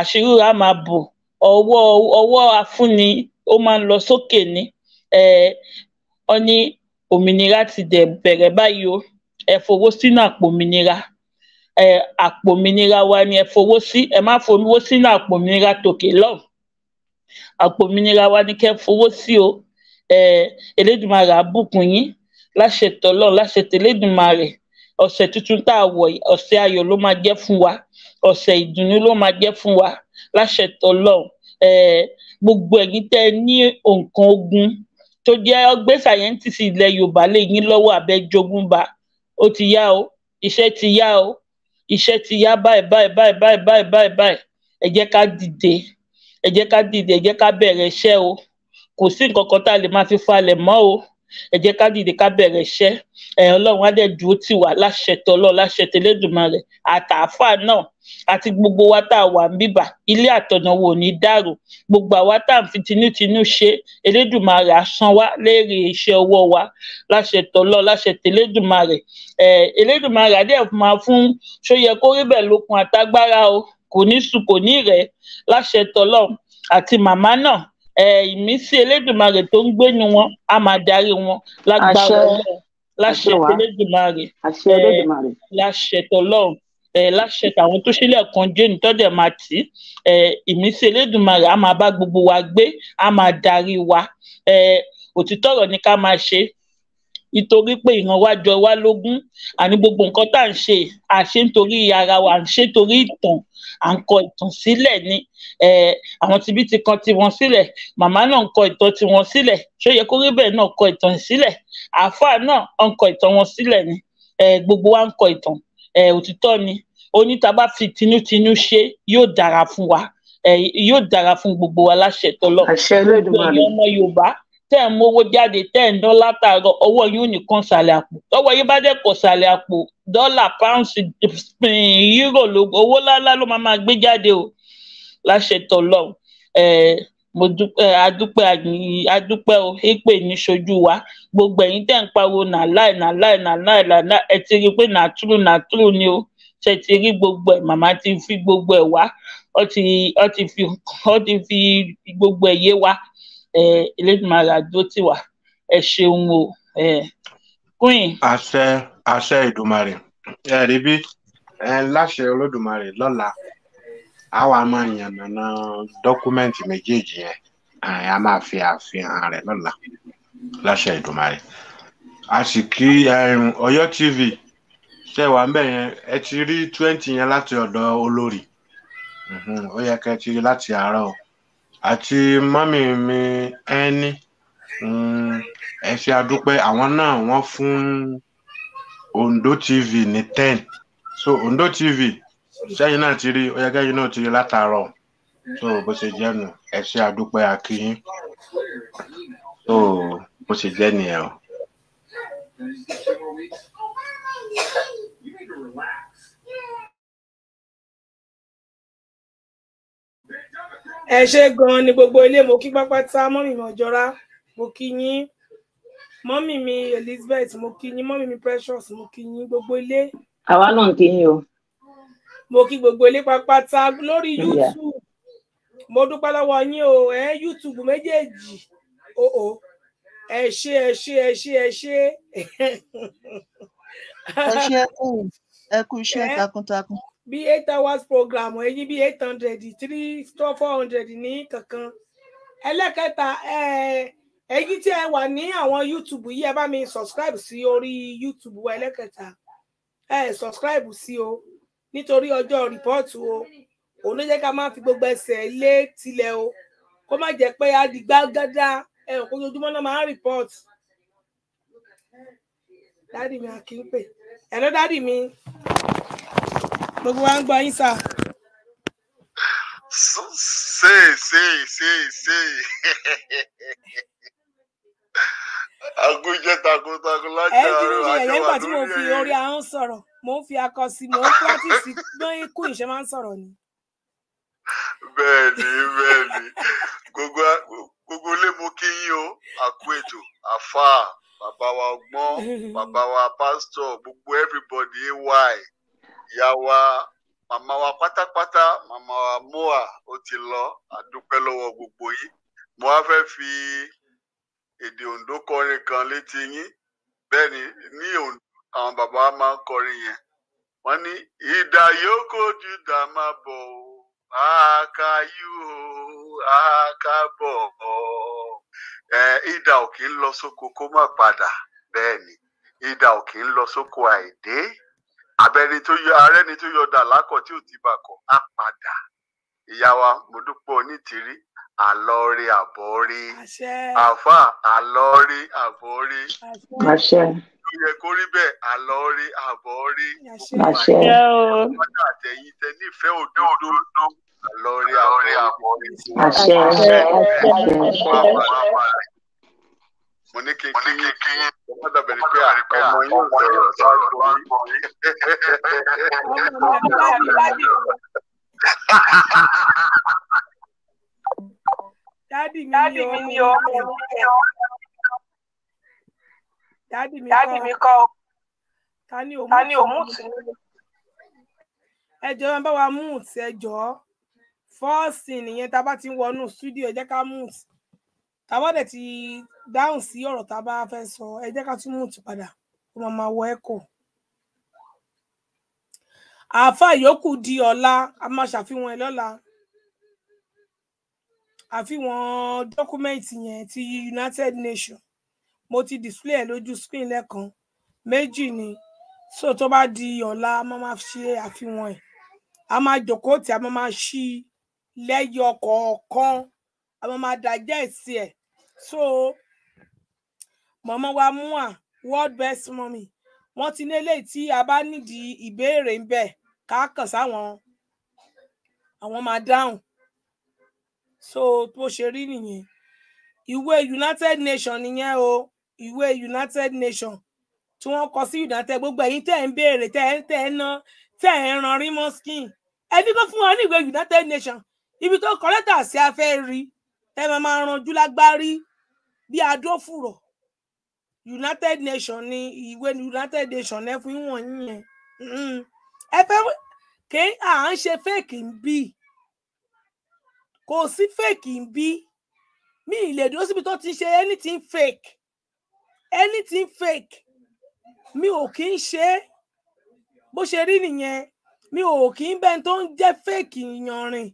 àṣírí ra máa bò ọwọ́ afúnni ó máa ń lọ sókè ni ó ní òmìnira ti dé bẹ̀rẹ̀ báyìí o ẹ fowó sínú àpò òmìnira ẹ àpò òmìnira wa ni ẹ fowó sí ẹ má fowó sínú àpò òmìnira tòkè lọ́hùn àpò òmìnira wa ni kẹ́ fowó sí o ẹ Elédùmarè á bùkún yín láṣetọ Ọlọ́run láṣetọ Elédùmarè ọ̀sẹ̀ tuntun tá a wọ̀ yìí ọ̀sẹ̀ ló máa jẹ́ fún wa ọ̀sẹ̀ ìdùnnú ló máa jẹ́ fún wa láṣetọ Ọlọ́run ẹ gbogbo ẹ̀yin tẹ́ ní nǹkan ogun tó jẹ́ ọgbẹ́ sáyẹ́ǹtìsì ilẹ̀ yorùbá lè yín lọ́wọ́ abẹ́jogúnba ó ti yá o iṣẹ́ ti yá o iṣẹ́ ti yá báyìí báyìí báyìí báyìí báyìí báyìí báyìí ẹ jẹ́ ká dìde ẹ jẹ́ ká dìde ẹ jẹ́ ká bẹ̀rẹ̀ iṣẹ́ o kò sí nǹkan kan tá a lè máa fi falẹ̀ mọ́ o ẹ jẹ́ ká dìde ká bẹ̀rẹ̀ iṣẹ́ ẹ̀ ọlọ́run á dẹ̀ dúró tì wá láṣẹ tọ́lọ́ láṣẹ tẹlẹ́dùnmọ́ rẹ̀ àtàáfà náà àti gbogbo wa tá a wà ń bíbà ilé àtọ̀nà wo ní dàrú gbogbo àwa tá à ń fi tinútinú ṣe elédùnmarè àsan wa léèrè iṣẹ́ ọwọ́ wa láṣẹ tọlọ láṣẹ tẹlẹdùnmarè ẹ elédùnmarè adé máa fún ṣóyẹ kó rí bẹ́ẹ̀ lókun àtagbára o kò ní sùn kò ní rẹ̀ láṣẹ tọlọ àti màmá náà ẹ ìmísí elédùnmarè tó ń gbénu wọn á máa darí wọn lágbára Ọlọ́run láṣẹ tẹlẹdùnmarè láṣẹ tọlọ́run láṣẹ tàwọn tó ṣílẹ̀kùn jẹ́ni tọ́dẹ̀ máa tì í ìmísí Elédùmarè á máa bá gbogbo wa gbé á máa darí wa òtítọ́ ọ̀rọ̀ ni ká máa ṣe nítorí pé ìran wa jọ wá lógún àní gbogbo nǹkan tá à ń ṣe à ń ṣe nítorí ara wa à ń ṣe nítorí ìtàn à ń kọ ìtàn sílẹ̀ ni àwọn tibí ti kan tiwọn sílẹ̀ màmá náà ń kọ ìtàn tiwọn sílẹ̀ ṣóyẹ kórébẹ náà kọ ìtàn sílẹ̀ àáfàá náà ń kọ ìtàn wọn sílẹ̀ ni gbogbo wa ń kọ ìtàn òtítọ́ ni onítàbá fi tinútinú ṣe yóò dára fún wa yóò dára fún gbogbo wa láṣẹ tọlọ gbogbo ẹ̀yin ọmọ Yorùbá tẹ́ ń mówó jáde tẹ́ ń dán látàárọ̀ ọwọ́ yóò nìkan sàlẹ̀ àpò tọ́wọ́ yóò bá dẹ̀ kọ̀ sàlẹ̀ àpò dọ́là pounds euro owó lálá ló máa gbé jáde o láṣẹ tọlọ mo dúpẹ́ adúpẹ́ adúpẹ́ o èpè ní ṣojú wa gbogbo ẹ̀yin tẹ́ ń pariwo nàláì nàláì nàláì nàláì ẹ ti rí i pé nàtúrù nàtúrù ni o ṣe ti rí gbogbo ẹ̀ màmá ti fi gbogbo ẹ̀ wá ọ ti ọ ti fi ọ ti fi gbogbo ẹ̀ yé wa Elédùmarè àdó tì wá ẹ ṣeun o queen. àṣẹ àṣẹ ìdùmarè ẹ rí bí ẹ láṣẹ olódùmarè lọ́la a wá máa yànnàná dọ́kúmẹ́ǹtì méjèèjì yẹn a máa fi àfihàn rẹ̀ lọ́la láṣẹ ìdùmarè a sì kí Ọ̀yọ́ TV ṣe wà ń bẹ̀ yẹn ẹ ti rí twenty yẹn láti ọ̀dọ̀ olórí mhm, ó yẹ kẹ́ ti rí láti àárọ̀ o àti mọ́mì mi ẹni mm, ẹ ṣe adúpẹ́ àwọn náà wọ́n fún Ondo TV ní ten so Ondo TV sẹ́yìn náà ti rí ó yẹ kẹ́yìn náà ti rí látàárọ̀ so bó ṣe jẹ́ nu ẹ ṣe adúpẹ́ akínyín so bó ṣe jẹ́ nìyẹn o you need to relax. ẹ ṣe gan-an ni gbogbo ilé mo kí pápátá mọ́mì mi ọ̀jọ́ra mo kí yín mọ́mì mi Elizabeth mo kí yín mọ́mì mi Precious mo kí yín gbogbo ilé. àwa náà kí yín o. mo kí gbogbo ilé pápátá lórí YouTube mo dúpẹ́ lọ́wọ́ yín o ẹ YouTube méjèèjì o oh, o oh. ẹ ṣé ẹ ṣé ẹ ṣé ẹ ṣé. ẹ bí eight hours program èyí bí eight hundred three to four hundred ní kankan ẹlẹ́kẹta èyí tí ẹ wà ní àwọn youtube yìí ẹ bá mi subscribe sí orí youtube wa ẹlẹ́kẹta ẹ subscribe sí o nítorí ọjọ́ rìpọ́ọ̀tù o òun ló jẹ́ ká máa fi gbogbo ẹsẹ̀ lé tilẹ̀ o kó má jẹ́ pé adigbágádá ẹ̀ kó ojoojúmọ́ náà máa ń rìpọ́ọ̀tù dáàdì mi àkínpè. Hello, dádì mi. Gbogbo wa ń gbọ́ yín sá. Ṣé ṣé ṣé ṣé agúnjẹ takuntakun láti àárọ̀ àjọwà lórí ẹ̀. Ẹ̀yin nígbà tí mo fi orí ahọ́n sọ̀rọ̀, mo ń fi akọ sí, mo ń pírátìsì gbọ́n ikú ìṣe máa ń sọ̀rọ̀ ni. Bẹ́ẹ̀ni bẹ́ẹ̀ni, gbogbo ilé mo kí yín o, àkú ètò, àfáà bàbá wa ọgbọ́n bàbá wa pásítọ̀ gbogbo everybody ay ìyá wa màmá wa pátápátá màmá wa moa ó ti lọ àdúpẹ́ lọ́wọ́ gbogbo yìí mo wá fẹ́ fi èdè Oǹdó kọrin kan létí yín bẹ́ẹ̀ ni ní Oǹdó àwọn bàbá wa máa ń kọrin yẹn wọ́n ní ìdá yòókù ju dà máa bọ̀ ọ́ àkàyù àkàbọ̀ ọ́ ìdà ò kì í lọ sóko kó má padà bẹ́ẹ̀ ni ìdà ò kì í lọ sóko àìdé abẹ́ni tó yọ arẹ́ni tó yọ dà lákọ̀ tí ò ti bà kọ̀ á padà ìyá mo dúpọ̀ onítìrí àlọ́ọ̀rí àbọ̀ọ̀rí àfà àlọ́ọ̀rí àbọ̀ọ̀rí tó yẹ kó rí bẹ́ẹ̀ àlọ́ọ̀rí àbọ̀ọ̀rí gbogbo àyè àtẹ̀yìn tẹ nífẹ̀ẹ́ òdòdó lórí Gloria, àṣẹ àṣẹ mo ní kí n kí n kí n ọmọ dàbẹ̀rẹ̀ pé ọmọ yóò Daddy, Daddy, dádì mi ni o dádì mi kọ́ ta ni òmùtù ẹ jọ̀ọ́ bá wa mú fọ́ọ̀sì nìyẹn tá a bá ti ń wọnú stúdíò ẹ jẹ́ ká mute tá a bá dẹ̀ ti dáhùn sí ọ̀rọ̀ tá a bá fẹ́ sọ ẹ jẹ́ ká tún mute padà kó máa máa wọ ẹ̀kọ́. àáfàá yòókù di ọ̀la a máa ṣàfihàn ẹ̀ lọ́la àfihàn dọ́kúmẹ́ǹtì yẹn ti United Nations mo ti display ẹ̀ lójú screen lẹ́kan méjì ni so tó bá di ọ̀la a máa ṣe àfihàn ẹ̀ a máa jòkó tí a máa ṣí i lẹ́yọ kọ̀ọ̀kan àwọn máa dàjẹ́ ìsì ẹ̀ so mọ̀mọ́ wa mua world best mummy wọ́n ti ní eléyìí tí a bá nídìí ìbéèrè ń bẹ̀ ká kàn sáwọn àwọn máa dáhùn so bó ṣe rí nìyẹn ìwé United Nations nìyẹn o ìwé United Nations tí wọ́n kọ sí United gbogbo ẹ̀yin tẹ́ ẹ ń béèrè tẹ́ ẹ ń tẹ́ ẹ ná tẹ́ ẹ ń ran rímọ skin ẹni kó fún wọn ní ìwé United Nations ibi tó kọ lẹ́tà sí afẹ́ rí ẹ máa máa ranjú lágbárí bí adófùrọ̀ united nations ni ìwé united nations ẹ fún ìwọ̀n yẹn ẹ fẹ́ ké à ń ṣe fẹ́ẹ̀kì ń bí kò sí fẹ́ẹ̀kì ń bí mi ìlèdó síbi tó ti ṣe anything fake anything fake mi ò kí ń ṣe é bó ṣe rí nìyẹn mi ò kí ń bẹ́ẹ̀ tó ń jẹ́ fake ìyanrìn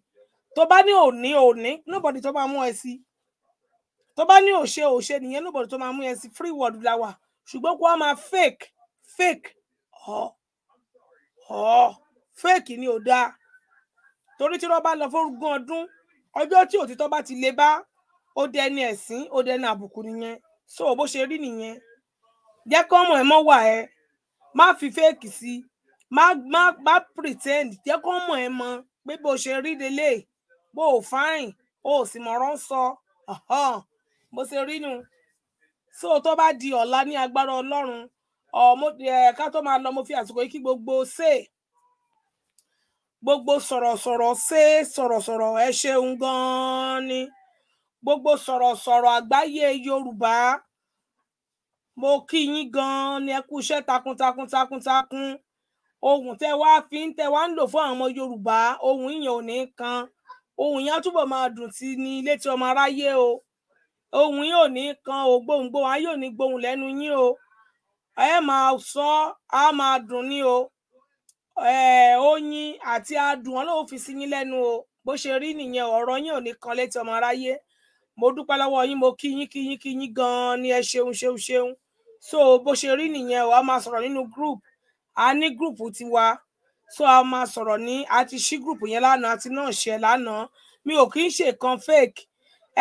tó bá ní òní òní nobody tó máa mú ẹ sí tó bá ní òṣè òṣè nìyẹn nobody tó máa mú ẹ sí free word, la wà ṣùgbọ́n kó wá máa fake fake ọ̀ ọ̀ fake ni ò dáa torí tí wọ́n bá lọ fórúgún ọdún ọjọ́ tí òtítọ́ bá ti lè bá ó dẹni ẹ̀sín ó dẹni àbùkù nìyẹn so bó ṣe rí nìyẹn jẹ́ kí ọmọ ẹ̀ mọ́ wà ẹ́ má fi fake sí má má má pretend jẹ́ kí ọmọ ẹ̀ mọ̀ pé bó ṣe rí lélẹ́yìí bó o fáìn o ò sì mọ̀rọ̀ ń sọ bó ṣe rí nu so tó bá di ọ̀la ní agbára ọlọ́run ká tó máa lọ mo fi àsìkò yìí kí gbogbo ṣe gbogbo sọ̀rọ̀sọ̀rọ̀ ṣe sọ̀rọ̀sọ̀rọ̀ ẹ ṣeun gan-an ni gbogbo sọ̀rọ̀sọ̀rọ̀ àgbáyé yorùbá mo kí yín gan-an ni ẹ kú iṣẹ́ takuntakun takuntakun ohun tẹ wá fi ń tẹ wá ń lò fún àwọn ọmọ yorùbá ohun ìyẹn ò ní kan ohun yẹn á túbọ̀ máa dùn sí ní létí ọmọ aráyé o ohun yìí ò ní kan o gbohùngbohùn ayé ò ní gbohùn lẹ́nu yín o ẹ máa sọ á máa dùn ní o oyin àti adùn ọlọ́run fi sí yín lẹ́nu o bó ṣe rí nìyẹn ọ̀rọ̀ yín ò ní kan létí ọmọ aráyé mo dúpẹ́ lọ́wọ́ yín mo kí yín kí yín kí yín gan-an ni ẹ ṣeun ṣeun ṣeun so bó ṣe rí nìyẹn o a máa sọ̀rọ̀ nínú group a ní group tiwa so a máa sọ̀rọ̀ ní àti ṣí gúrùpù yẹn lánàá àti náà ṣe lánàá mi ò kì í ṣe kan fake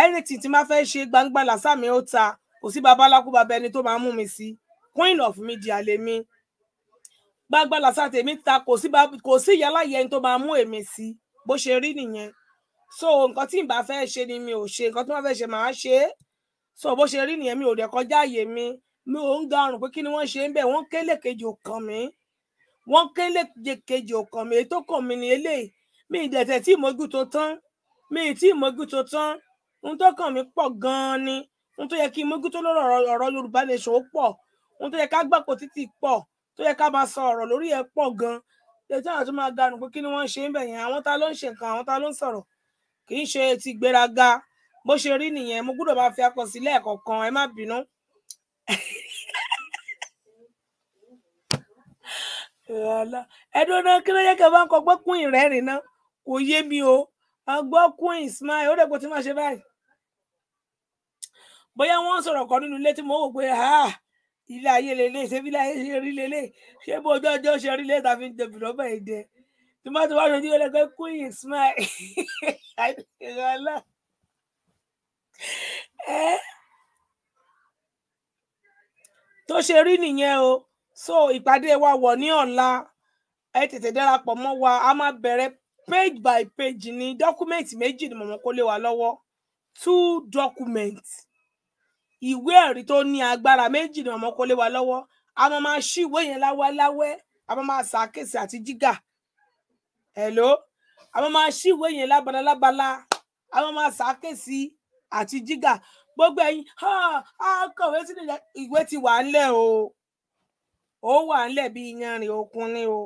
anything tí máa fẹ́ ṣe gbangba làsàmì ó ta kò sí babaláku baba ẹni tó máa mú mi sí queen of media lèmi gbangba làsà tèmi ta kò sí kò sí ìyáláyé ẹni tó máa mú èmi sí bó ṣe rí nìyẹn so nǹkan tí n bá fẹ́ ṣe ni mi ò ṣe nǹkan tí wọ́n fẹ́ ṣe màá ṣe é so bó ṣe rí nìyẹn mi ò dẹ̀ kọjá àyè mi mi ò ń ga ọrùn pé kí ni wọ́n ṣe ń bẹ̀ wọ́n kélékejì ò kàn mí wọ́n kélé kejì ọkàn mi èyí tó kàn mí ni eléyìí mi ì dẹ̀tẹ̀ tí ìmọ̀gù tó tán mi ì tí ìmọ̀gù tó tán ohun tó kàn mí pọ̀ gan-an ni ohun tó yẹ kí ìmọ̀gù tó lọ́rọ̀ ọ̀rọ̀ Yorùbá nation ó pọ̀ ohun tó yẹ ká gbàpò títì pọ̀ tó yẹ ká máa sọ ọ̀rọ̀ lórí ẹ̀ pọ̀ gan-an tẹ̀tí àwọn tó máa dànù pé kí ni wọ́n ṣe ń bẹ̀ yẹn àwọn ta ló ń ṣe nǹkan àwọn ta ló ń sọ̀rọ̀ kì í ṣe ti gbéraga bó ṣe rí nìyẹn mo gbọ́dọ̀ máa fi akọ sílẹ̀ kọ̀ọ̀kan ẹ má bínú ẹdùn náà kí ló yẹ kí ẹ bá ń kọ gbọ́ kún ìrẹ́rìn náà kò yé mi o gbọ́ kún ìsmáì ó dẹ̀kun tí máa ṣe báyìí bóyá wọ́n sọ̀rọ̀ kan nínú ilé tí mo wò pé ilé ayé lélẹ̀ ṣé bí ilé ayé ṣe rí lélẹ̀ ṣé bó ojú ọjọ́ ṣe rí lélẹ̀ tàbí jẹ̀bi lọ́bẹ̀ èdè tí wọ́n ti wá ṣojú ẹlẹ́gbẹ́ kún ìsmáì tó ṣe rí nìyẹn o so ìpàdé wa wọ̀ ní ọ̀la ẹ tètè darapọ̀ mọ́ wa a máa bẹ̀rẹ̀ page by page ní dọ́kúmẹ̀ntì méjì ni mọ̀mọ́ kó lé wa lọ́wọ́ two documents ìwé ẹ̀rí tó ní agbára méjì ni mọ̀mọ́ kó lé wa lọ́wọ́ a máa máa ṣí ìwé yẹn láwẹ́láwẹ́ a máa máa ṣàkíyèsí àti jígà hello a máa máa ṣí ìwé yẹn lábalábala a máa máa ṣàkíyèsí àti jígà gbogbo ẹ̀yin akọ̀wé sínú ìwé ti wà ńlẹ̀ o ó wà ńlẹ̀ bí iyanrìn òkun ni o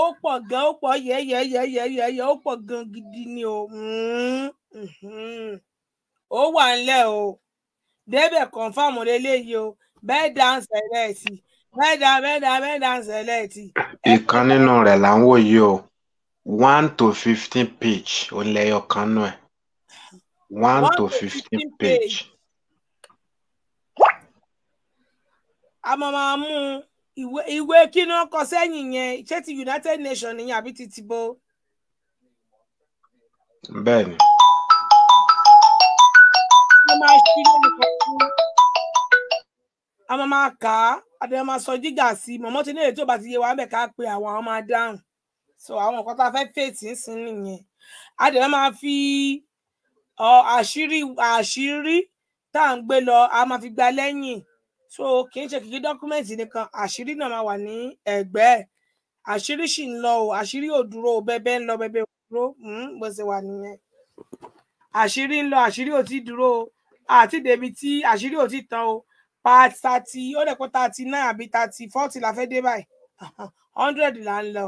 ó pọ̀ gan ó pọ̀ yẹ́yẹ́yẹ́yẹ́yẹ́ ó pọ̀ gan gidi ni o hmm, hmm. ó wà ńlẹ̀ o débẹ̀ kọ̀ǹfàmù lélẹ́yìí o bẹ́ẹ̀ dá ń sẹ̀lẹ̀ sí bẹ́ẹ̀ dá bẹ́ẹ̀ dá bẹ́ẹ̀ dá ń sẹ̀lẹ̀ sí. ìkan nínú rẹ̀ là ń wò yìí o one to fifteen page ó lẹ́yọ̀ kan náà one to fifteen page. page a máa máa mú ìwé ìwé kí náà kọ sẹ́yìn yẹn ṣé ti United Nations nìyẹn àbí ti tìbò. bẹ́ẹ̀ni. a máa ṣí a máa máa kà á àdéhùn máa sọ jígà sí mọ̀mọ́ tí ní èyí tó bá ti yé wa ń bẹ̀ ká pe àwọn àwọn máa dáhùn so àwọn nǹkan tá a fẹ́ fèsì ń sin nìyẹn àdéhùn máa fi àṣírí àṣírí tá à ń gbé lọ a máa fi gba lẹ́yìn so kì í ṣe kìkì dọ́kúmẹ́ǹtì nìkan àṣírí náà máa wà ní ẹ̀gbẹ́ ẹ̀ àṣírí sì ń lọ o àṣírí ò dúró o bẹ́bẹ́ ń lọ bẹ́bẹ́ ò dúró hmm, bó ṣe wà nìyẹn àṣírí ń lọ àṣírí ò tí dúró o àti débi tí àṣírí ò tí tán o part thirty ó dẹ̀ kó thirty nine àbí thirty forty la fẹ́ dé báyìí hundred là ń lọ.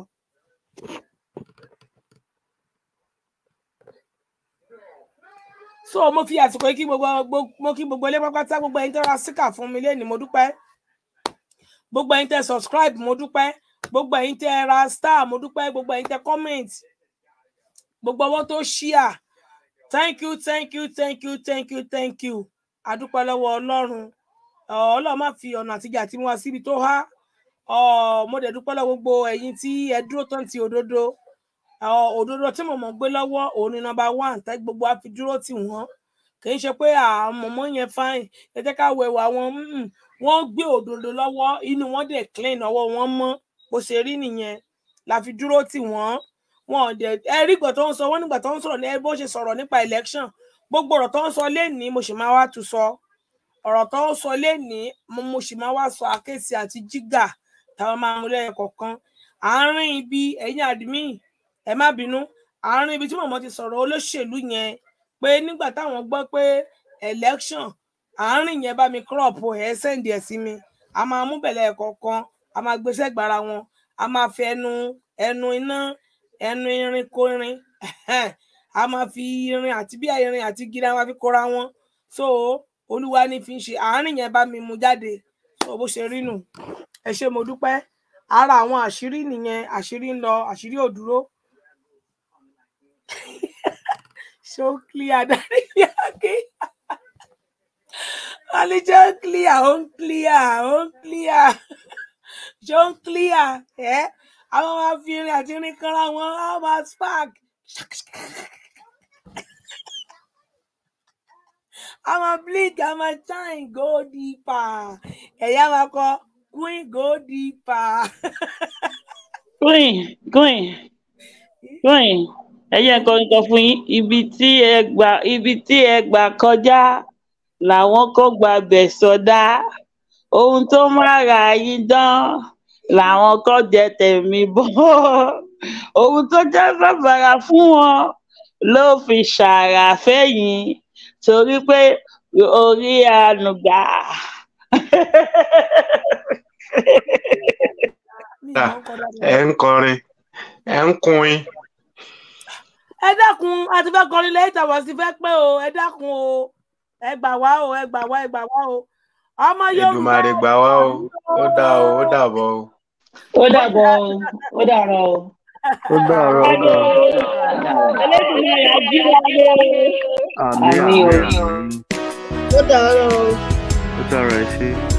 so mo fi àsìkò yìí kí gbogbo mo kí gbogbo ilé pápátá gbogbo ẹ̀yin tẹ́ ra síkà fún mi lẹ́nu mo dúpẹ́ gbogbo ẹ̀yin tẹ́ subscribe mo dúpẹ́ gbogbo ẹ̀yin tẹ́ ra star mo dúpẹ́ gbogbo ẹ̀yin tẹ́ comment gbogbo ọwọ́ tó ṣíà thank you thank you thank you thank you thank you adúpẹ́ lọ́wọ́ ọlọ́run ọlọ́run má fi ọ̀nà àtijọ́ àti mú wa síbi tó há mo dẹ̀ dúpẹ́ lọ́wọ́ gbogbo ẹ̀yin tí ẹ dúró tán ti òdodo òdodo tí mọ̀mọ́ gbé lọ́wọ́ òun ni nọmba one tẹ́ gbogbo á fi dúró tì wọ́n kì í ṣe pé àwọn mọ̀mọ́ yẹn fine ẹ jẹ́ ká wẹ̀wà wọn wọ́n gbé òdodo lọ́wọ́ inú wọn dẹ̀ clean ọwọ́ wọn mọ́ bó ṣe rí nìyẹn la fi dúró tì wọ́n wọn ò dẹ̀ ẹ rí ìgbà tó ń sọ wọ́n nígbà tó ń sọ̀rọ̀ ní bó ṣe sọ̀rọ̀ nípa election gbogbo ọ̀rọ̀ tó ń sọ lénìí mo sì máa wá tu sọ ọ̀rọ̀ tó ń sọ lénìí mo sì máa wá sọ àkẹ́sì àti jígà táwọn máa mú lẹ́yìn kọ̀ọ̀kan àárín ibi ẹ̀yìn àdìmíì ẹ má bínú àárín ibi tí mọ̀mọ́ ti sọ̀rọ̀ olóṣèlú yẹn pé nígbà táwọn gbọ́ pé election àárín yẹn bá mi crop ẹ̀ sẹ́ǹdì ẹ̀ sí mi a máa mú bẹ̀lẹ̀ kọ̀ọ̀kan a máa gbéṣẹ́ gbára wọn a máa fi ẹnu ẹnu iná ẹnu irin kó irin a máa fi irin àti bí irin àti gíga a máa fi kóra wọn so olúwa ní fi ń ṣe àárín yẹn bá mi mú jáde so bó ṣe rí nù ẹ ṣé mo dúpẹ́ ara àwọn àṣírí nìyẹn àṣírí ń lọ àṣírí ò dúró so clear daddy mi ake alejò ń clear eh? ó clear ó clear jọ ń clear ẹ àwọn máa fi irin àti irin kanra wọn á máa spark a máa I'm a máa shine go deeper ẹ̀yà máa kọ queen go deeper. queen queen eh? queen ẹ jẹ́ n kọrin kan fún yín ibi tí ẹ gbà ibi tí ẹ gbà kọjá làwọn kò gbà bẹ̀ sọdá ohun tó mára yín dán làwọn kò jẹ tẹ̀mí bọ́ ohun tó jẹ́ bàbàrà fún wọn ló fi ṣàrà fẹ́yìn torí pé orí ànùgbà. ẹ ń kọrin ẹ ń kọrin ẹ dákun àti fẹ́ kọrin lẹ́yìn tàwọn sì fẹ́ pé o ẹ dákun o ẹ gbà wá o ẹ gbà wá ẹ gbà wá o ọmọ Yorùbá Èdùmàrè gbà wá o ó dà o ó dàbọ̀ o. ó dàbọ̀ o ó dàrọ̀ o. ó dàrọ̀ ó dàrọ̀. Elédùmarè ají wa lé. àmín àmín. ó dàrọ̀ o. ó dàrọ̀ ẹ ṣé.